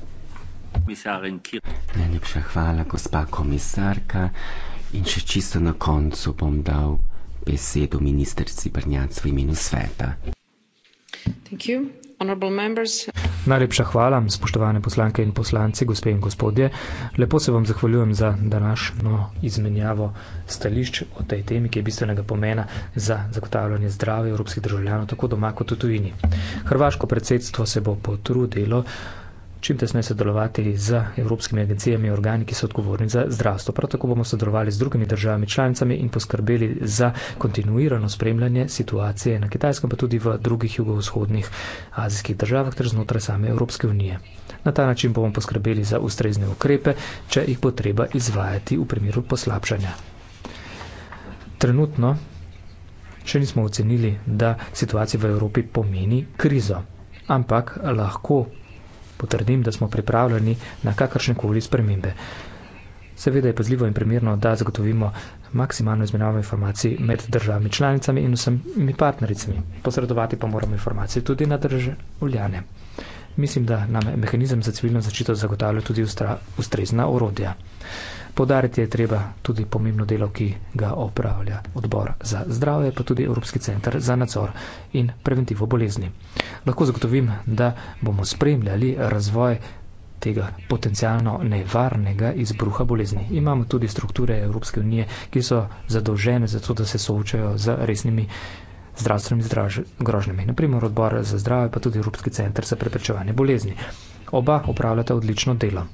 komisarin Kir. Najlepša hvala, gospa komisarka. In še čisto na koncu bom dal besedo ministrici Brnjac v imenu sveta. Thank you. Najlepša hvala, spoštovane poslanke in poslanci, gospe in gospodje. Lepo se vam zahvaljujem za današnjo izmenjavo stališč o tej temi, ki je bistvenega pomena za zagotavljanje zdravja evropskih državljanov, tako doma kot tudi tujini. Hrvaško predsedstvo se bo potrudilo čim tesneje sodelovati z evropskimi agencijami in organi, ki so odgovorni za zdravstvo. Prav tako bomo sodelovali z drugimi državami članicami in poskrbeli za kontinuirano spremljanje situacije na Kitajskem, pa tudi v drugih jugovzhodnih azijskih državah ter znotraj same Evropske unije. Na ta način bomo poskrbeli za ustrezne ukrepe, če jih bo treba izvajati v primeru poslabšanja. Trenutno še nismo ocenili, da situacija v Evropi pomeni krizo, ampak lahko potrdim, da smo pripravljeni na kakršne koli spremembe. Seveda je pazljivo in primerno, da zagotovimo maksimalno izmenjavo informacij med državami članicami in vsemi partnericami. Posredovati pa moramo informacije tudi na državljane. Mislim, da nam mehanizem za civilno začito zagotavlja tudi ustra, ustrezna orodja. Podariti je treba tudi pomembno delo, ki ga opravlja odbor za zdravje, pa tudi Evropski centr za nadzor in preventivo bolezni. Lahko zagotovim, da bomo spremljali razvoj tega potencialno nevarnega izbruha bolezni. Imamo tudi strukture Evropske unije, ki so zadolžene za to, da se soočajo z resnimi zdravstvenimi grožnjami. Naprimer, odbor za zdravje, pa tudi Evropski centr za preprečevanje bolezni. Oba upravljata odlično delo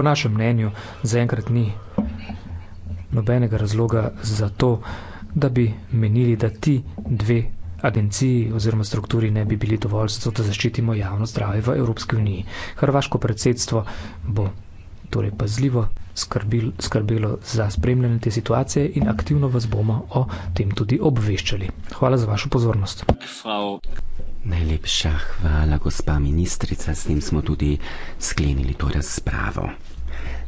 po našem mnenju zaenkrat ni nobenega razloga za to, da bi menili, da ti dve agenciji oziroma strukturi ne bi bili dovolj zato, da zaščitimo javno zdravje v Evropski uniji. Hrvaško predsedstvo bo torej pazljivo skrbil, skrbelo za spremljanje te situacije in aktivno vas bomo o tem tudi obveščali. Hvala za vašo pozornost. Frau Najlepša hvala, gospa ministrica. S tem smo tudi sklenili to razpravo.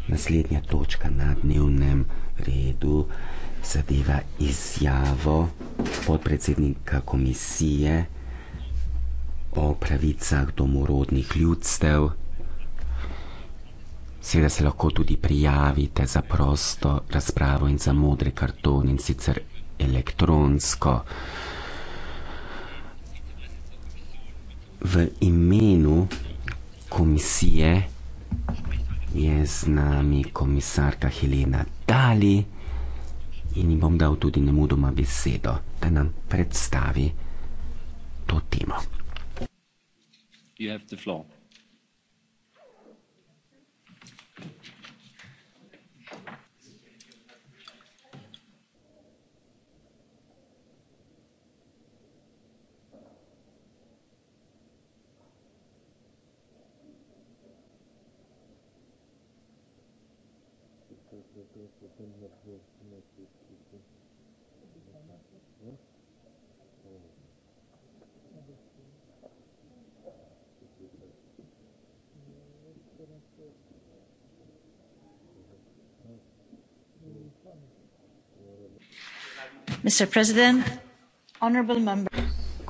Naslednja točka na dnevnem redu zadeva izjavo podpredsednika komisije o pravicah domorodnih ljudstev. Seveda se lahko tudi prijavite za prosto razpravo in za modri karton in sicer elektronsko. v imenu komisije je z nami komisarka Helena Dali in ji bom dal tudi nemudoma besedo, da nam predstavi to temo. You have the floor.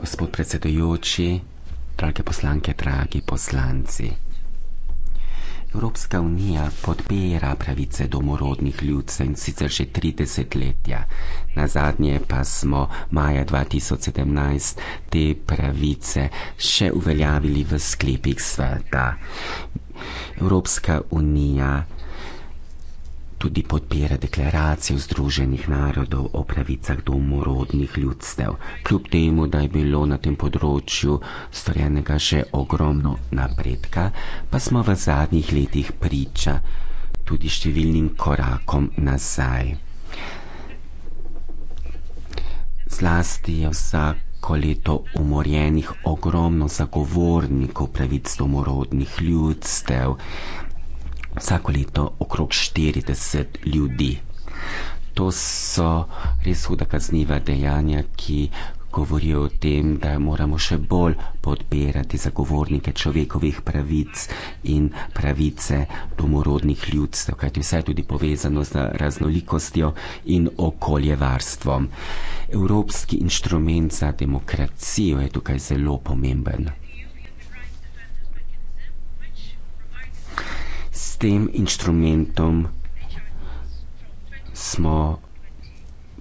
Gospod predsedujoči, drage poslanke, dragi poslanci. Evropska unija podpira pravice domorodnih ljudstev in sicer že 30 letja. Na zadnje pa smo maja 2017 te pravice še uveljavili v sklepih sveta. Evropska unija tudi podpira deklaracijo Združenih narodov o pravicah domorodnih ljudstev, kljub temu, da je bilo na tem področju storjenega že ogromno napredka, pa smo v zadnjih letih priča tudi številnim korakom nazaj. Zlasti je vsako leto umorjenih ogromno zagovornikov pravic domorodnih ljudstev vsako leto okrog 40 ljudi. To so res huda kazniva dejanja, ki govorijo o tem, da moramo še bolj podpirati zagovornike človekovih pravic in pravice domorodnih ljudstev, kajti vse je tudi povezano z raznolikostjo in okoljevarstvom. Evropski inštrument za demokracijo je tukaj zelo pomemben. s tem inštrumentom smo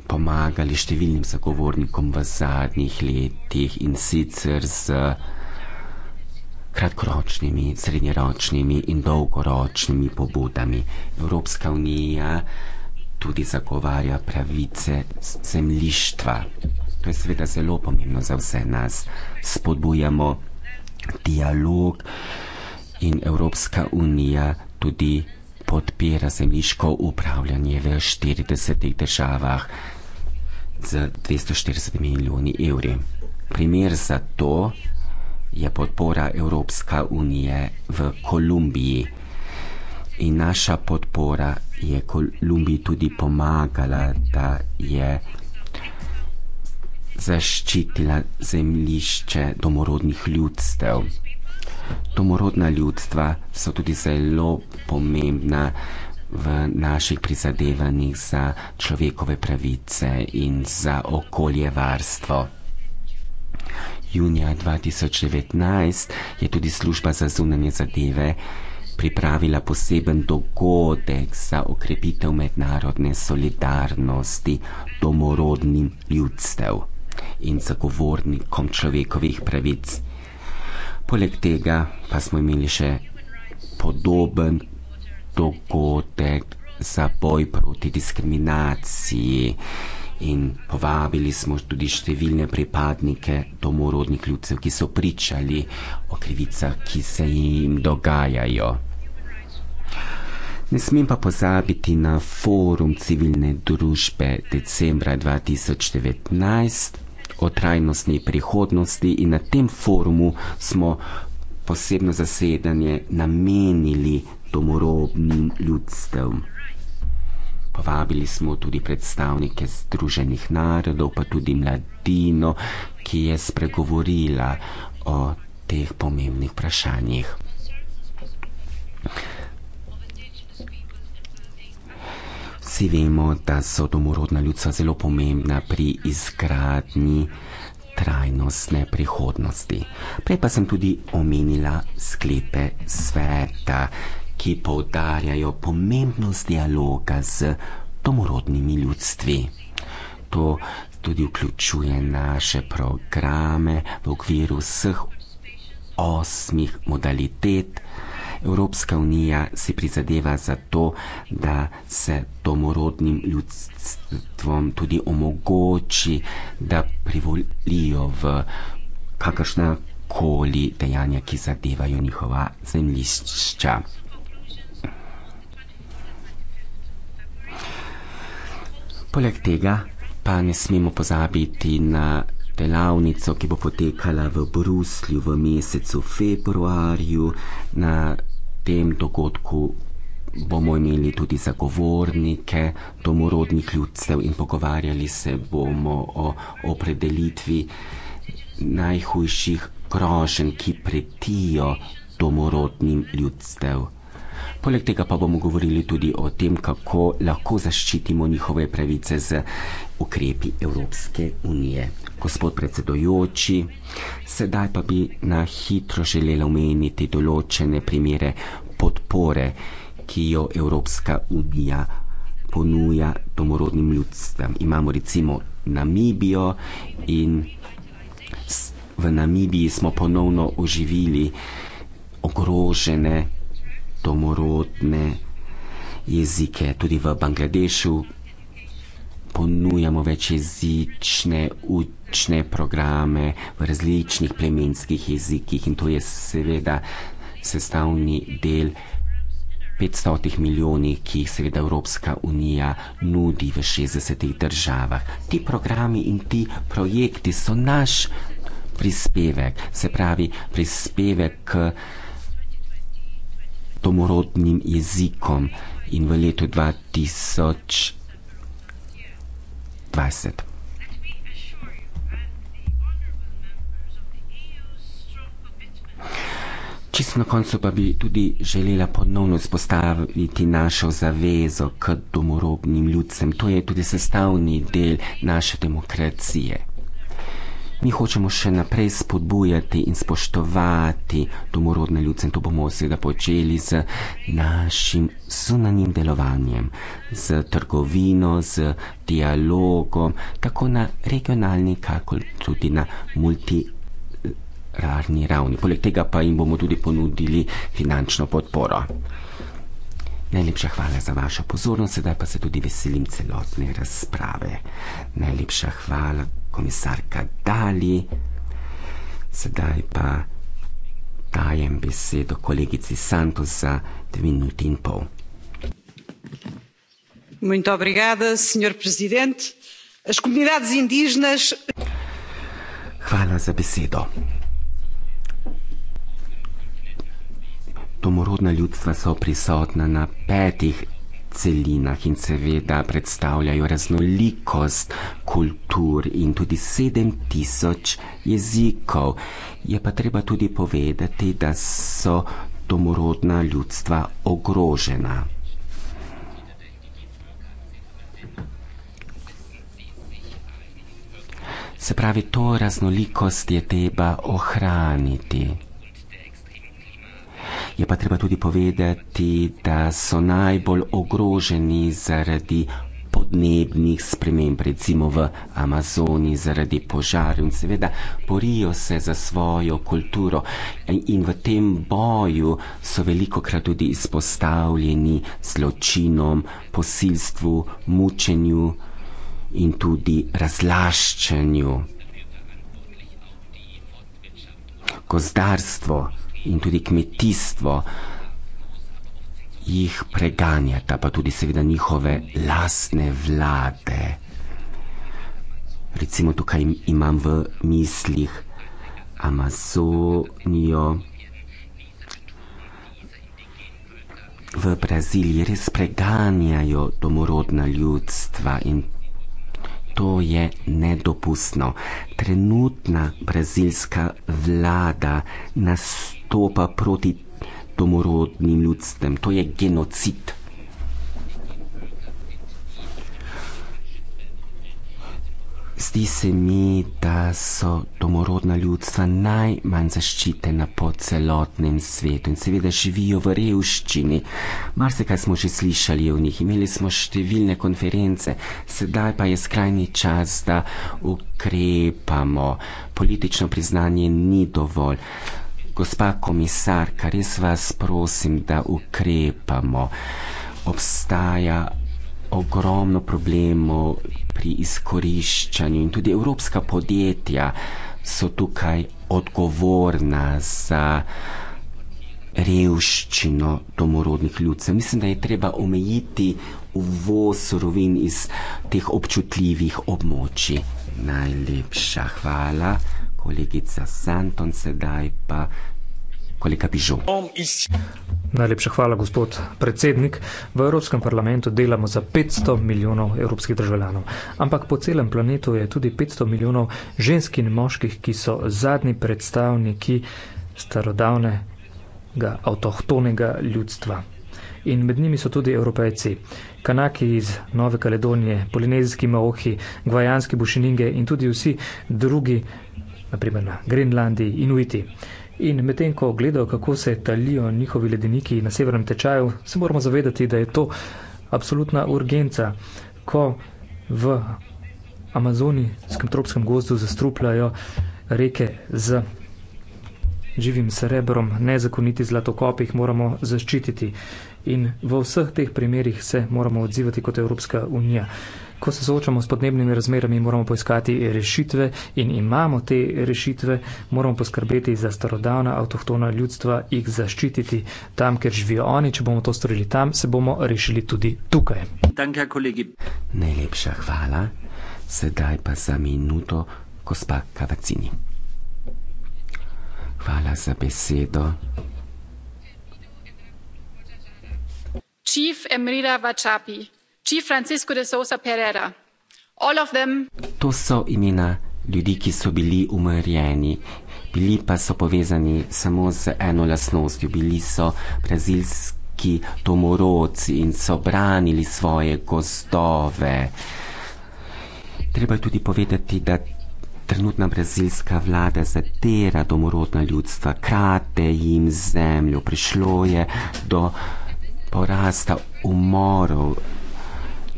pomagali številnim zagovornikom v zadnjih letih in sicer z kratkoročnimi, srednjeročnimi in dolgoročnimi pobudami. Evropska unija tudi zagovarja pravice zemljištva. To je seveda zelo pomembno za vse nas. Spodbujamo dialog in Evropska unija tudi podpira zemljiško upravljanje v 40 državah z 240 milijoni evri. Primer za to je podpora Evropska unije v Kolumbiji. In naša podpora je Kolumbiji tudi pomagala, da je zaščitila zemljišče domorodnih ljudstev. Domorodna ljudstva so tudi zelo pomembna v naših prizadevanjih za človekove pravice in za okoljevarstvo. Junija 2019 je tudi služba za zunanje zadeve pripravila poseben dogodek za okrepitev mednarodne solidarnosti domorodnim ljudstev in zagovornikom človekovih pravic. Poleg tega pa smo imeli še podoben dogodek za boj proti diskriminaciji in povabili smo tudi številne pripadnike domorodnih ljudcev, ki so pričali o krivicah, ki se jim dogajajo. Ne smem pa pozabiti na forum civilne družbe decembra 2019 o trajnostni prihodnosti in na tem forumu smo posebno zasedanje namenili domorobnim ljudstvom. Povabili smo tudi predstavnike Združenih narodov, pa tudi mladino, ki je spregovorila o teh pomembnih vprašanjih. Vsi vemo, da so domorodna ljudstva zelo pomembna pri izgradnji trajnostne prihodnosti. Prej pa sem tudi omenila sklepe sveta, ki poudarjajo pomembnost dialoga z domorodnimi ljudstvi. To tudi vključuje naše programe v okviru vseh osmih modalitet. Evropska unija si prizadeva za to, da se domorodnim ljudstvom tudi omogoči, da privolijo v kakršna koli dejanja, ki zadevajo njihova zemljišča. Poleg tega pa ne smemo pozabiti na delavnico, ki bo potekala v Bruslju v mesecu februarju na tem dogodku bomo imeli tudi zagovornike domorodnih ljudstev in pogovarjali se bomo o opredelitvi najhujših grožen, ki pretijo domorodnim ljudstev. Poleg tega pa bomo govorili tudi o tem, kako lahko zaščitimo njihove pravice z ukrepi Evropske unije gospod predsedojoči. Sedaj pa bi na hitro želela omeniti določene primere podpore, ki jo Evropska unija ponuja domorodnim ljudstvom. Imamo recimo Namibijo in v Namibiji smo ponovno oživili ogrožene domorodne jezike. Tudi v Bangladešu ponujamo večjezične učitelje različne programe v različnih plemenskih jezikih in to je seveda sestavni del 500 milijonih, ki jih seveda Evropska unija nudi v 60 državah. Ti programi in ti projekti so naš prispevek, se pravi prispevek k domorodnim jezikom in v letu 2020. Čisto na koncu pa bi tudi želela ponovno izpostaviti našo zavezo k domorobnim ljudcem. To je tudi sestavni del naše demokracije. Mi hočemo še naprej spodbujati in spoštovati domorodne ljudce in to bomo seveda počeli z našim zunanjim delovanjem, z trgovino, z dialogom, tako na regionalni, kako tudi na multilateralni realni ravni. Poleg tega pa jim bomo tudi ponudili finančno podporo. Najlepša hvala za vašo pozornost, sedaj pa se tudi veselim celotne razprave. Najlepša hvala, komisarka Dali. Sedaj pa dajem besedo kolegici Santos za dve minuti in pol. Muito obrigada, senhor presidente. As comunidades indígenas. Hvala za besedo. domorodna ljudstva so prisotna na petih celinah in seveda predstavljajo raznolikost kultur in tudi 7000 jezikov. Je pa treba tudi povedati, da so domorodna ljudstva ogrožena. Se pravi, to raznolikost je treba ohraniti. Je pa treba tudi povedati, da so najbolj ogroženi zaradi podnebnih sprememb, recimo v Amazoni, zaradi požarov in seveda borijo se za svojo kulturo in v tem boju so velikokrat tudi izpostavljeni zločinom, posilstvu, mučenju in tudi razlaščanju. Gozdarstvo in tudi kmetijstvo jih preganjata, pa tudi seveda njihove lasne vlade. Recimo tukaj imam v mislih Amazonijo, v Braziliji res preganjajo domorodna ljudstva in to je nedopustno. Trenutna brazilska vlada nastopa nastopa proti domorodnim ljudstvom. To je genocid. Zdi se mi, da so domorodna ljudstva najmanj zaščitena po celotnem svetu in seveda živijo v revščini. Mar se kaj smo že slišali o njih, imeli smo številne konference, sedaj pa je skrajni čas, da ukrepamo. Politično priznanje ni dovolj gospa komisarka, res vas prosim, da ukrepamo. Obstaja ogromno problemov pri izkoriščanju in tudi evropska podjetja so tukaj odgovorna za revščino domorodnih ljudcev. Mislim, da je treba omejiti uvoz surovin iz teh občutljivih območij. Najlepša hvala kolegica Santon, sedaj pa kolega Pižom. Najlepša hvala, gospod predsednik. V Evropskem parlamentu delamo za 500 milijonov evropskih državljanov. Ampak po celem planetu je tudi 500 milijonov žensk in moških, ki so zadnji predstavniki starodavnega avtohtonega ljudstva. In med njimi so tudi evropejci. Kanaki iz Nove Kaledonije, polinezijski maohi, gvajanski bušininge in tudi vsi drugi naprimer na Grenlandiji, Inuiti. In medtem ko gledajo, kako se talijo njihovi ledeniki na severnem tečaju, se moramo zavedati, da je to absolutna urgenca, ko v amazonijskem tropskem gozdu zastrupljajo reke z živim srebrom, nezakoniti zlatokopi jih moramo zaščititi. In v vseh teh primerih se moramo odzivati kot Evropska unija ko se soočamo s podnebnimi razmerami, moramo poiskati rešitve in imamo te rešitve, moramo poskrbeti za starodavna avtohtona ljudstva, jih zaščititi tam, ker živijo oni. Če bomo to storili tam, se bomo rešili tudi tukaj. Danke, kolegi. Najlepša hvala. Sedaj pa za minuto, ko spa kavacini. Hvala za besedo. Chief Emrida Vachapi. To so imena ljudi, ki so bili umrjeni, bili pa so povezani samo z eno lasnostjo. Bili so brazilski domorodci in so branili svoje gozdove. Treba je tudi povedati, da trenutna brazilska vlada zatera domorodna ljudstva, krate jim zemljo, prišlo je do porasta umorov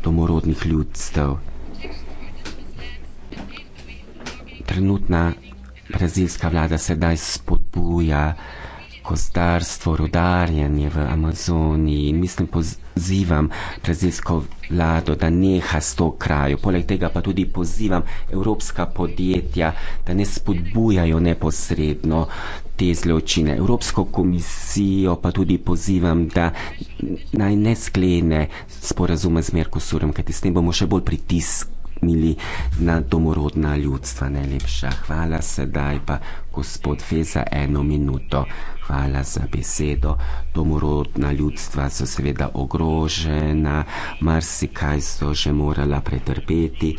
domorodnih ljudstev. Trenutna brazilska vlada sedaj spodbuja gozdarstvo, rodarjenje v Amazoniji in mislim pozivam brazilsko vlado, da neha s to krajo. Poleg tega pa tudi pozivam evropska podjetja, da ne spodbujajo neposredno te zločine. Evropsko komisijo pa tudi pozivam, da naj ne sklene sporazume z Merkosurom, kajti s tem bomo še bolj pritisk na domorodna ljudstva. Najlepša hvala, sedaj pa gospod Feza eno minuto. Hvala za besedo. Domorodna ljudstva so seveda ogrožena, marsikaj so že morala pretrpeti,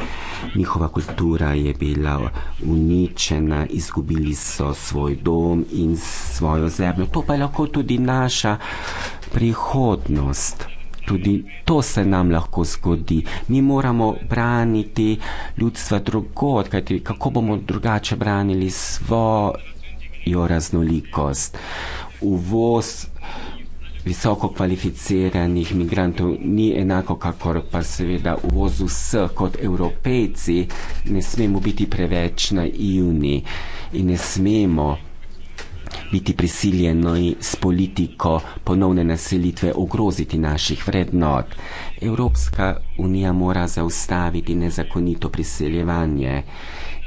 njihova kultura je bila uničena, izgubili so svoj dom in svojo zemljo. To pa je lahko tudi naša prihodnost. Tudi to se nam lahko zgodi. Mi moramo braniti ljudstva drugod, kajti kako bomo drugače branili svo, jo raznolikost. Uvoz visoko kvalificiranih migrantov ni enako, kakor pa seveda uvoz vseh kot evropejci, ne smemo biti preveč naivni in ne smemo biti prisiljeni s politiko ponovne naselitve ogroziti naših vrednot. Evropska unija mora zaustaviti nezakonito priseljevanje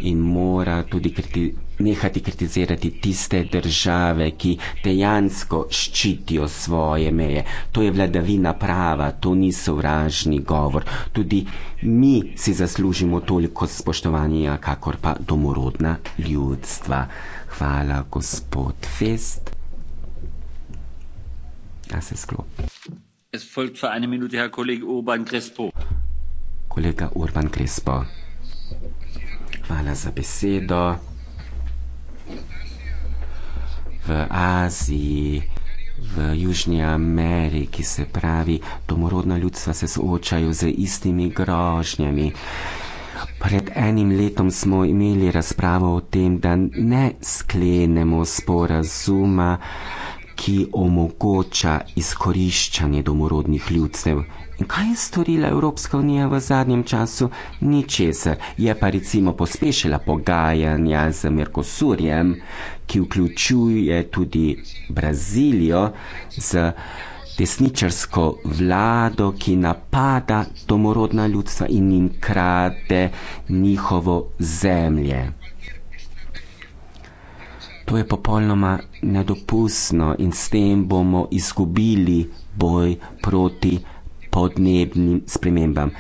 in mora tudi kriti nehati kritizirati tiste države, ki dejansko ščitijo svoje meje. To je vladavina prava, to ni sovražni govor. Tudi mi si zaslužimo toliko spoštovanja, kakor pa domorodna ljudstva. Hvala, gospod Fest. Ja, se sklop. Kolega Urban Crespo. Hvala za besedo v Aziji, v Južni Ameriki, se pravi, domorodna ljudstva se soočajo z istimi grožnjami. Pred enim letom smo imeli razpravo o tem, da ne sklenemo sporazuma, ki omogoča izkoriščanje domorodnih ljudstev In kaj je storila Evropska unija v zadnjem času? Ničesar. Je pa recimo pospešila pogajanja z Merkosurjem, ki vključuje tudi Brazilijo z desničarsko vlado, ki napada domorodna ljudstva in jim krade njihovo zemlje. To je popolnoma nedopustno in s tem bomo izgubili boj proti podnebnim spremembam.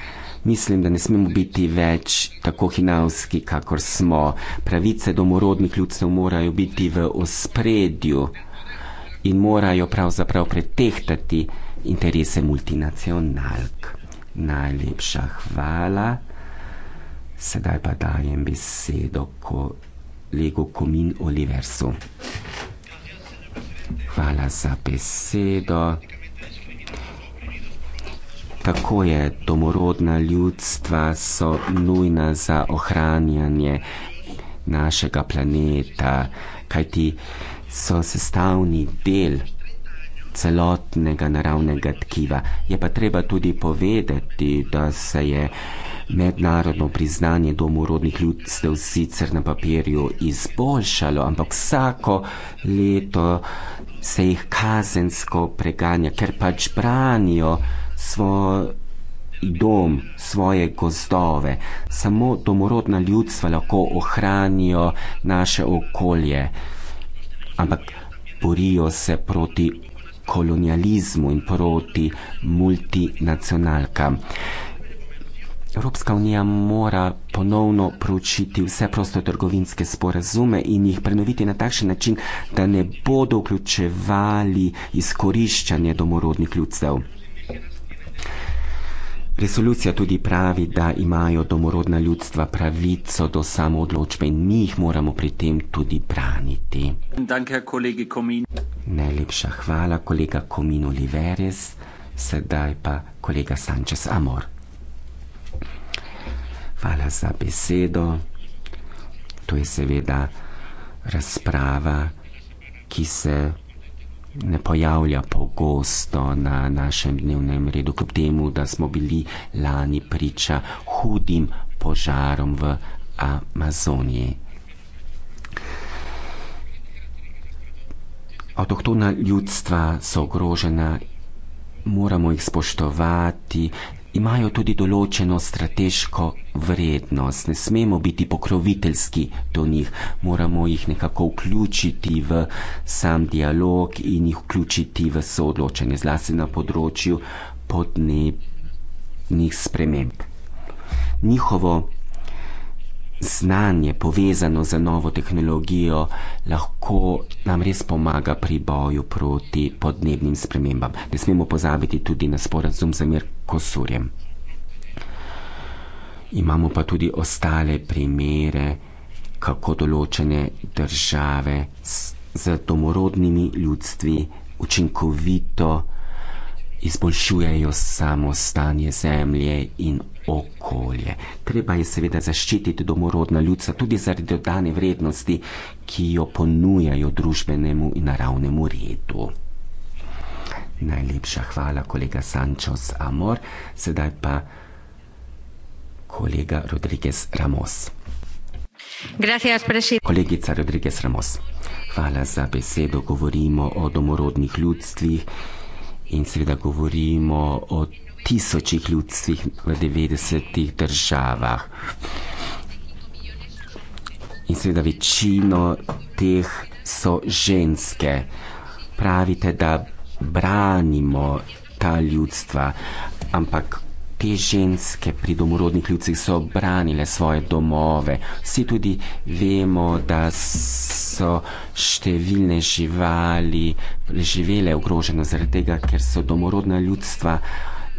Mislim, da ne smemo biti več tako hinavski, kakor smo. Pravice domorodnih ljudstev morajo biti v ospredju in morajo pravzaprav pretehtati interese multinacionalk. Najlepša hvala. Sedaj pa dajem besedo kolegu Komin Oliversu. Hvala za besedo tako je, domorodna ljudstva so nujna za ohranjanje našega planeta, kajti so sestavni del celotnega naravnega tkiva. Je pa treba tudi povedati, da se je mednarodno priznanje domorodnih ljudstev sicer na papirju izboljšalo, ampak vsako leto se jih kazensko preganja, ker pač branijo svoj dom, svoje gozdove. Samo domorodna ljudstva lahko ohranijo naše okolje, ampak borijo se proti kolonializmu in proti multinacionalkam. Evropska unija mora ponovno proučiti vse prostotrgovinske sporazume in jih prenoviti na takšen način, da ne bodo vključevali izkoriščanje domorodnih ljudstev. Resolucija tudi pravi, da imajo domorodna ljudstva pravico do samoodločbe in mi jih moramo pri tem tudi braniti. Najlepša hvala, kolega Komin Oliveres, sedaj pa kolega Sančes Amor. Hvala za besedo. To je seveda razprava, ki se ne pojavlja pogosto na našem dnevnem redu, kljub temu, da smo bili lani priča hudim požarom v Amazoniji. Avtohtona ljudstva so ogrožena, moramo jih spoštovati, imajo tudi določeno strateško vrednost. Ne smemo biti pokroviteljski do njih, moramo jih nekako vključiti v sam dialog in jih vključiti v soodločanje, zlasti na področju podnebnih sprememb. Njihovo znanje povezano z novo tehnologijo lahko nam res pomaga pri boju proti podnebnim spremembam. Ne smemo pozabiti tudi na sporazum z Mirkosurjem. Imamo pa tudi ostale primere, kako določene države z domorodnimi ljudstvi učinkovito izboljšujejo samo stanje zemlje in okolje. Treba je seveda zaščititi domorodna ljudstva tudi zaradi dodane vrednosti, ki jo ponujajo družbenemu in naravnemu redu. Najlepša hvala, kolega Sančos Amor, sedaj pa kolega Rodriguez Ramos. Gracias, Kolegica Rodriguez Ramos, hvala za besedo. Govorimo o domorodnih ljudstvih in seveda govorimo o tisočih ljudstvih v 90 državah. In seveda večino teh so ženske. Pravite, da branimo ta ljudstva, ampak te ženske pri domorodnih ljudstvih so branile svoje domove. Vsi tudi vemo, da so številne živali živele ogrožene zaradi tega, ker so domorodna ljudstva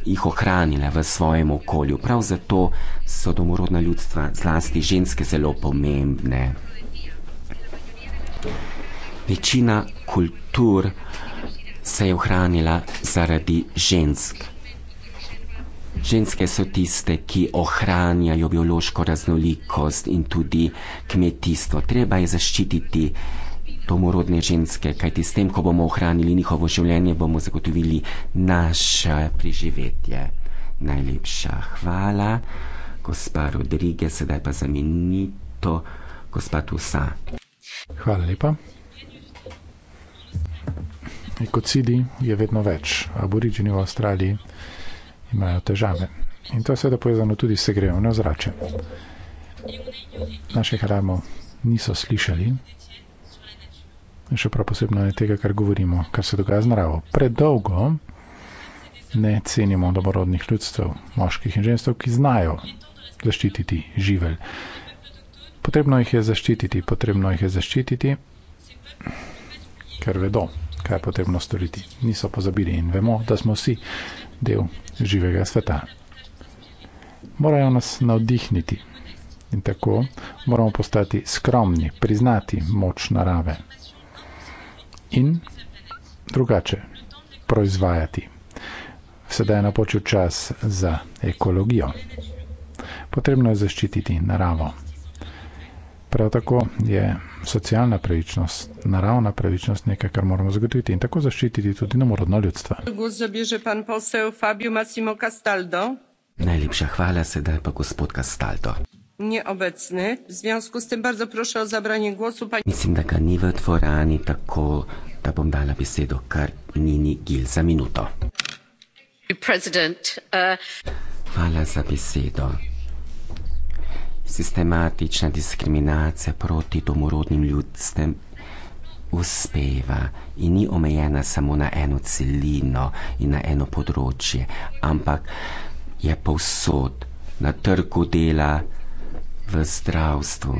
jih ohranile v svojem okolju. Prav zato so domorodna ljudstva, zlasti ženske, zelo pomembne. Večina kultur se je ohranila zaradi žensk. Ženske so tiste, ki ohranjajo biološko raznolikost in tudi kmetijstvo. Treba je zaščititi domorodne ženske, kajti s tem, ko bomo ohranili njihovo življenje, bomo zagotovili naše preživetje. Najlepša hvala, gospa Rodrige, sedaj pa za minuto, gospa Tusa. Hvala lepa. Ekocidi je vedno več. Aboriđeni v Avstraliji imajo težave. In to je seveda povezano tudi s segrevanjem na zrače. Naše hramo niso slišali, še prav posebno ne tega, kar govorimo, kar se dogaja z naravo. Predolgo ne cenimo domorodnih ljudstev, moških in ženstv, ki znajo zaščititi živelj. Potrebno jih je zaščititi, potrebno jih je zaščititi, ker vedo, kaj je potrebno storiti. Niso pozabili in vemo, da smo vsi del živega sveta. Morajo nas navdihniti in tako moramo postati skromni, priznati moč narave in drugače proizvajati. Sedaj je napočil čas za ekologijo. Potrebno je zaščititi naravo. Prav tako je socialna pravičnost, naravna pravičnost nekaj, kar moramo zagotoviti in tako zaščititi tudi namorodno ljudstvo. Najlepša hvala sedaj pa gospod Castaldo nieobecny w związku z tym bardzo proszę o zabranie głosu pani Mislim da ga ni v dvorani tako da bom dala besedo kar Nini Gil za minuto President uh... Hvala za besedo Sistematična diskriminacija proti domorodnim ljudstvem uspeva in ni omejena samo na eno celino in na eno področje, ampak je povsod na trgu dela, v zdravstvu.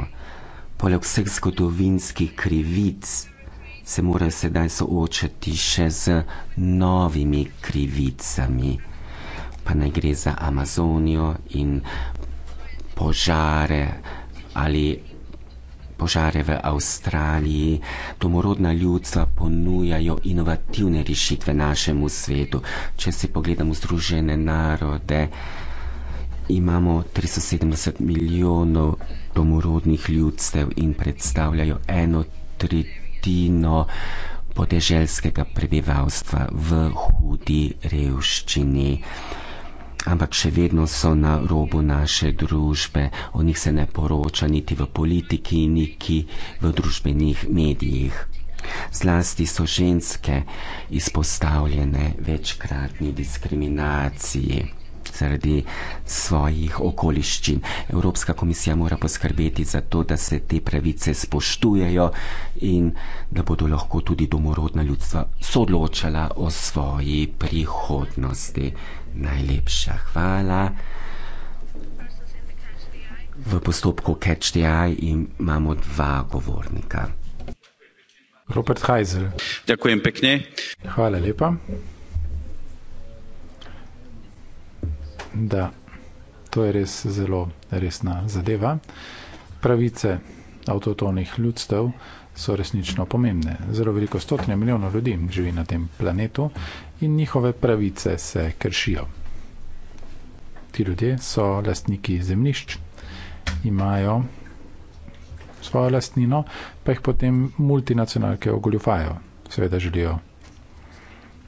Poleg vseh zgodovinskih krivic se morajo sedaj soočati še z novimi krivicami, pa naj gre za Amazonijo in požare ali požare v Avstraliji. Domorodna ljudstva ponujajo inovativne rešitve našemu svetu. Če si pogledamo Združene narode, imamo 370 milijonov domorodnih ljudstev in predstavljajo eno tretjino podeželskega prebivalstva v hudi revščini. Ampak še vedno so na robu naše družbe, o njih se ne poroča niti v politiki, niti v družbenih medijih. Zlasti so ženske izpostavljene večkratni diskriminaciji zaradi svojih okoliščin. Evropska komisija mora poskrbeti za to, da se te pravice spoštujejo in da bodo lahko tudi domorodna ljudstva sodločala o svoji prihodnosti. Najlepša hvala. V postopku Catch the Eye imamo dva govornika. Robert Heisel. Hvala lepa. da to je res zelo resna zadeva. Pravice avtotonih ljudstev so resnično pomembne. Zelo veliko stotine milijonov ljudi živi na tem planetu in njihove pravice se kršijo. Ti ljudje so lastniki zemljišč, imajo svojo lastnino, pa jih potem multinacionalke ogoljufajo. Seveda želijo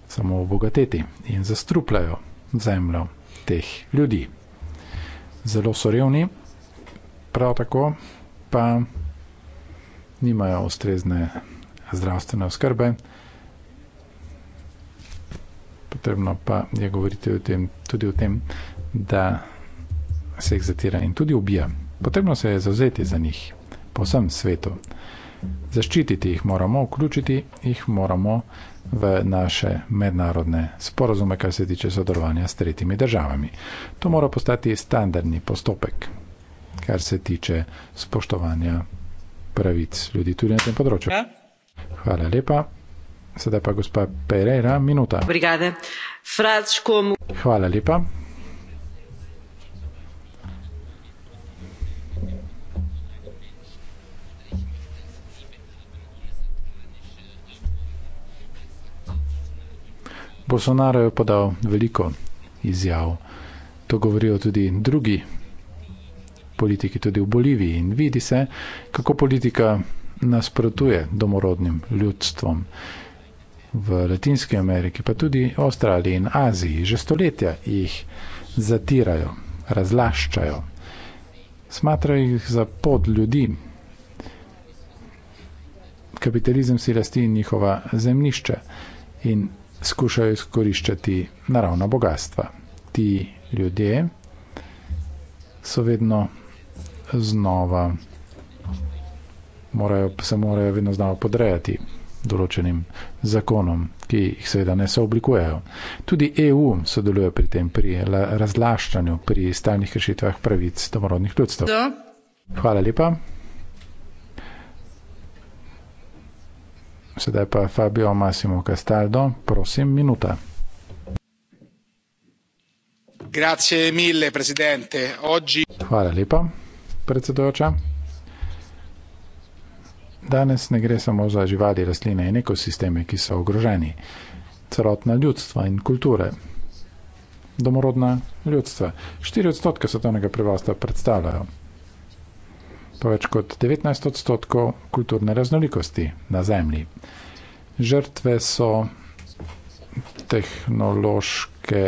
samo obogateti in zastrupljajo zemljo teh ljudi. Zelo so revni, prav tako pa nimajo ustrezne zdravstvene oskrbe. Potrebno pa je govoriti o tem, tudi o tem, da se jih zatira in tudi ubija. Potrebno se je zavzeti za njih po vsem svetu. Zaščititi jih moramo, vključiti jih moramo v naše mednarodne sporozume, kar se tiče sodelovanja s tretjimi državami. To mora postati standardni postopek, kar se tiče spoštovanja pravic ljudi tudi na tem področju. Hvala lepa. Sedaj pa gospa Pereira, minuta. Hvala lepa. Bolsonaro je podal veliko izjav. To govorijo tudi drugi politiki, tudi v Boliviji. In vidi se, kako politika nasprotuje domorodnim ljudstvom v Latinski Ameriki, pa tudi v Avstraliji in Aziji. Že stoletja jih zatirajo, razlaščajo. Smatrajo jih za pod ljudi. Kapitalizem si rasti njihova zemljišče. In skušajo izkoriščati naravna bogatstva. Ti ljudje so vedno znova, morajo, se morajo vedno znova podrejati določenim zakonom, ki jih seveda ne sooblikujejo. Tudi EU sodeluje pri tem, pri razlaščanju, pri stalnih rešitvah pravic domorodnih ljudstv. Hvala lepa. Sedaj pa Fabio Massimo Castaldo, prosim, minuta. Grazie mille, presidente. Oggi... Hvala lepa, predsedujoča. Danes ne gre samo za živali, rastline in ekosisteme, ki so ogroženi. Celotna ljudstva in kulture, domorodna ljudstva. 4 odstotke svetovnega prebivalstva predstavljajo več kot 19 odstotkov kulturne raznolikosti na Zemlji. Žrtve so tehnološke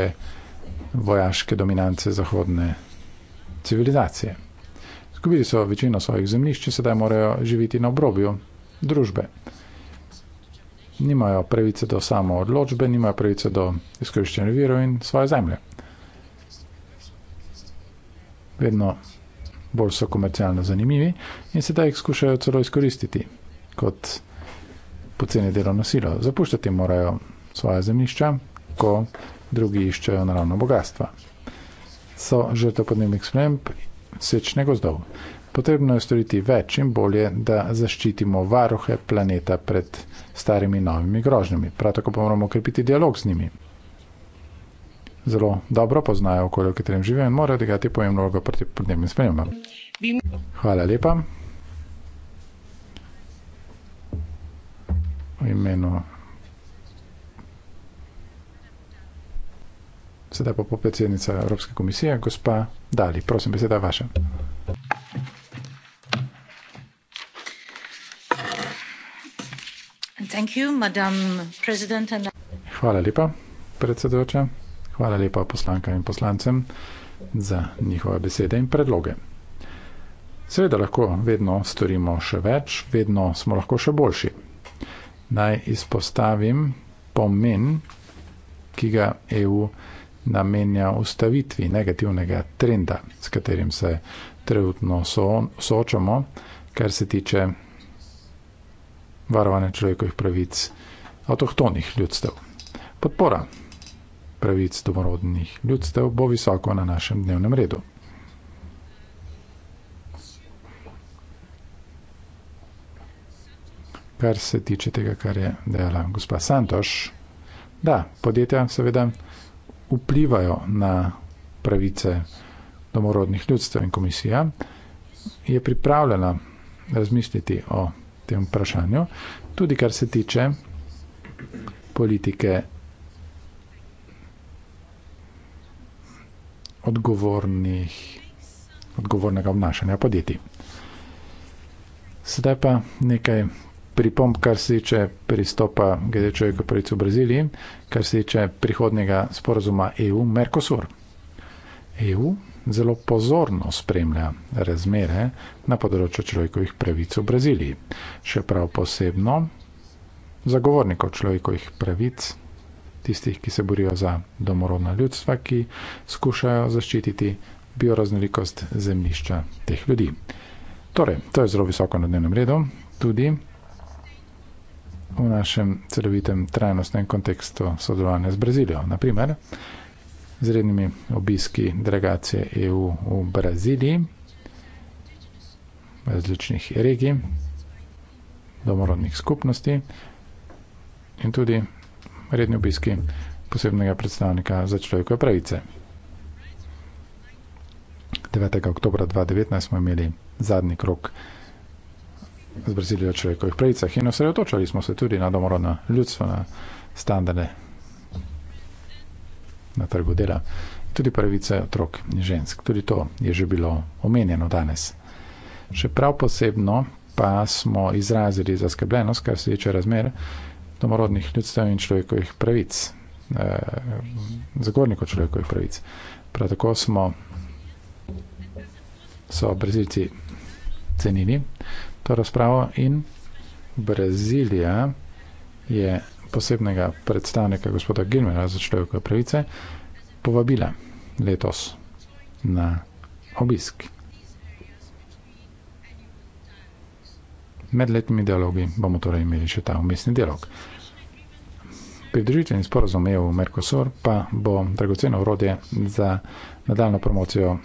vojaške dominance zahodne civilizacije. Zgubili so večino svojih zemljišč, sedaj morajo živeti na obrobju družbe. Nimajo pravice do samoodločbe, nimajo pravice do izkoriščenja virov in svoje zemlje. Vedno bolj so komercialno zanimivi in se da jih skušajo celo izkoristiti kot poceni delovno silo. Zapuščati morajo svoje zemljišča, ko drugi iščejo naravno bogatstva. So žrtev podnebnih sprememb sečne gozdov. Potrebno je storiti več in bolje, da zaščitimo varuhe planeta pred starimi novimi grožnjami. Prav tako pa moramo ukrepiti dialog z njimi, zelo dobro poznajo okolje, v katerem živijo in morajo odigrati pomembno vlogo proti podnebnim spremembam. Hvala lepa. V imenu. Sedaj pa podpredsednica Evropske komisije, gospa Dali, prosim, beseda vaša. Hvala lepa, predsedujoča. Hvala lepa poslankam in poslancem za njihove besede in predloge. Seveda lahko vedno storimo še več, vedno smo lahko še boljši. Naj izpostavim pomen, ki ga EU namenja ustavitvi negativnega trenda, s katerim se trenutno soočamo, kar se tiče varovanja človekovih pravic avtohtonih ljudstev. Podpora pravic domorodnih ljudstev bo visoko na našem dnevnem redu. Kar se tiče tega, kar je dejala gospa Santoš, da, podjetja seveda vplivajo na pravice domorodnih ljudstev in komisija je pripravljena razmisliti o tem vprašanju, tudi kar se tiče politike odgovornih, odgovornega obnašanja podjetij. Sedaj pa nekaj pripomp, kar se tiče pristopa glede človekovih pravic v Braziliji, kar se tiče prihodnjega sporazuma EU-Mercosur. EU zelo pozorno spremlja razmere na področju človekovih pravic v Braziliji, še prav posebno zagovornikov človekovih pravic tistih, ki se borijo za domorodna ljudstva, ki skušajo zaščititi bioraznolikost zemljišča teh ljudi. Torej, to je zelo visoko na dnevnem redu, tudi v našem celovitem trajnostnem kontekstu sodelovanja z Brazilijo. Naprimer, z rednimi obiski delegacije EU v Braziliji, v različnih regij, domorodnih skupnosti in tudi redni obiski posebnega predstavnika za človekove pravice. 9. oktober 2019 smo imeli zadnji krok z Brazilijo o človekovih pravicah in osredotočali smo se tudi na domorodno ljudstvo, na standarde, na trgu dela, tudi pravice otrok in žensk. Tudi to je že bilo omenjeno danes. Še prav posebno pa smo izrazili zaskrbljenost, kar se tiče razmer, domorodnih ljudstev in človekovih pravic, eh, zagovornikov človekovih pravic. Prav tako smo, so Brazilci cenili to razpravo in Brazilija je posebnega predstavnika gospoda Gilmera za človekove pravice povabila letos na obisk. Med letnimi dialogi bomo torej imeli še ta umestni dialog pridružitveni sporozum EU Mercosur pa bo dragoceno urodje za nadaljno promocijo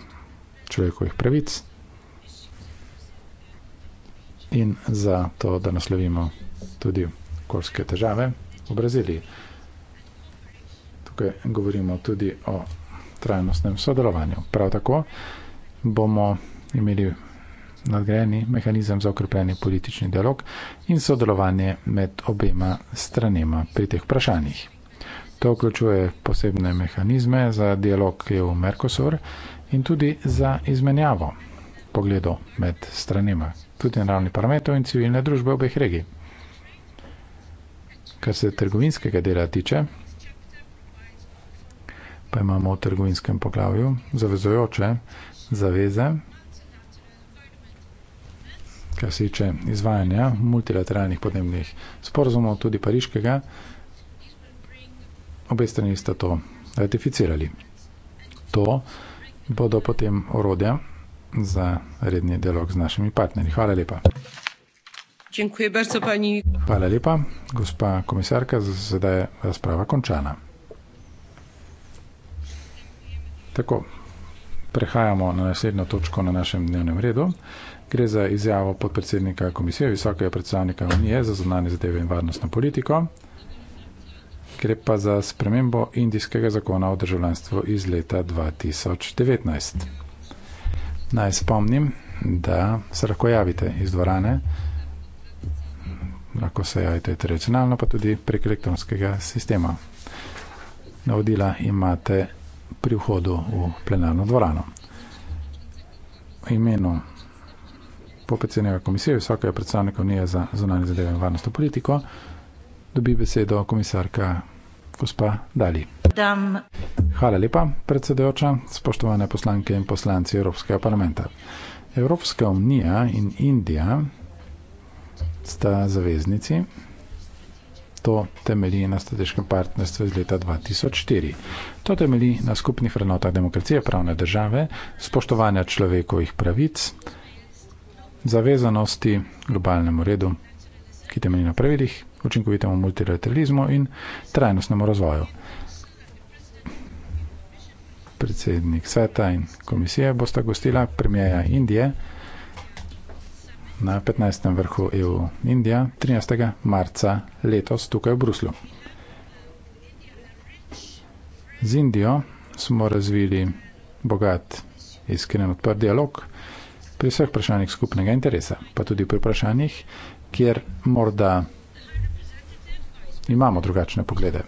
človekovih pravic in za to, da naslovimo tudi okoljske težave v Braziliji. Tukaj govorimo tudi o trajnostnem sodelovanju. Prav tako bomo imeli nadgrajeni mehanizem za okrepljeni politični dialog in sodelovanje med obema stranema pri teh vprašanjih. To vključuje posebne mehanizme za dialog EU-Mercosur in tudi za izmenjavo pogledov med stranema, tudi na ravni parametrov in civilne družbe obeh regij. Kar se trgovinskega dela tiče, pa imamo v trgovinskem poglavju zavezojoče zaveze kar se tiče izvajanja multilateralnih podnebnih sporozumov, tudi pariškega, obe strani sta to ratificirali. To bodo potem orodja za redni dialog z našimi partnerji. Hvala lepa. Hvala lepa, gospa komisarka, zdaj je razprava končana. Tako, prehajamo na naslednjo točko na našem dnevnem redu. Gre za izjavo podpredsednika komisije, visokega predstavnika Unije za zunanje zadeve in varnostno politiko. Gre pa za spremembo indijskega zakona o državljanstvu iz leta 2019. Naj spomnim, da se lahko javite iz dvorane, lahko se javite tradicionalno, pa tudi prek elektronskega sistema. Navodila imate pri vhodu v plenarno dvorano. V imenu po predsednika komisije, visokega predstavnika Unije za zunanje zadeve in varnostno politiko, dobi besedo komisarka gospa Dali. Dam. Hvala lepa, predsedujoča, spoštovane poslanke in poslanci Evropskega parlamenta. Evropska unija in Indija sta zaveznici. To temelji na strateškem partnerstvu iz leta 2004. To temelji na skupnih vrednotah demokracije, pravne države, spoštovanja človekovih pravic, zavezanosti globalnemu redu, ki temelji na pravilih, učinkovitemu multilateralizmu in trajnostnemu razvoju. Predsednik sveta in komisije bosta gostila premijeja Indije na 15. vrhu EU Indija 13. marca letos tukaj v Bruslju. Z Indijo smo razvili bogat iskren odprt dialog, pri vseh vprašanjih skupnega interesa, pa tudi pri vprašanjih, kjer morda imamo drugačne poglede.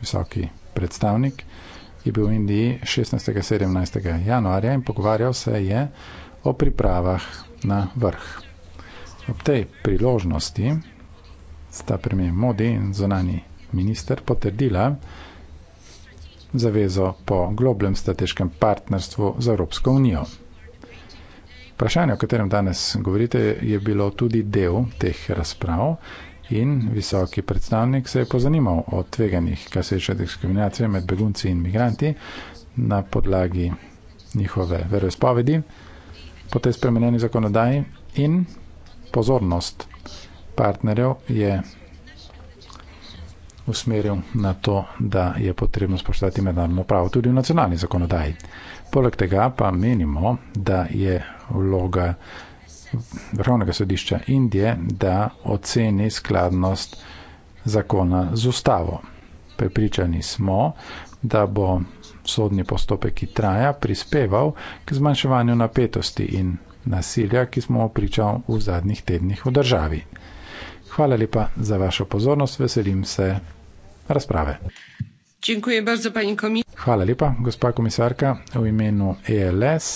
Visoki predstavnik je bil v Indiji 16. 17. januarja in pogovarjal se je o pripravah na vrh. Ob tej priložnosti sta premijer Modi in zonani minister potrdila zavezo po globljem strateškem partnerstvu z Evropsko unijo. Vprašanje, o katerem danes govorite, je bilo tudi del teh razprav in visoki predstavnik se je pozanimal o tveganjih, kar se reče diskriminacije med begunci in migranti na podlagi njihove veroizpovedi, po tej spremenjeni zakonodaji in pozornost partnerjev je usmeril na to, da je potrebno spoštovati mednarodno pravo tudi v nacionalni zakonodaji. Poleg tega pa menimo, da je vloga Vrhovnega sodišča Indije, da oceni skladnost zakona z ustavo. Prepričani smo, da bo sodni postopek, ki traja, prispeval k zmanjševanju napetosti in nasilja, ki smo pričali v zadnjih tednih v državi. Hvala lepa za vašo pozornost, veselim se razprave. Hvala lepa, gospa komisarka, v imenu ELS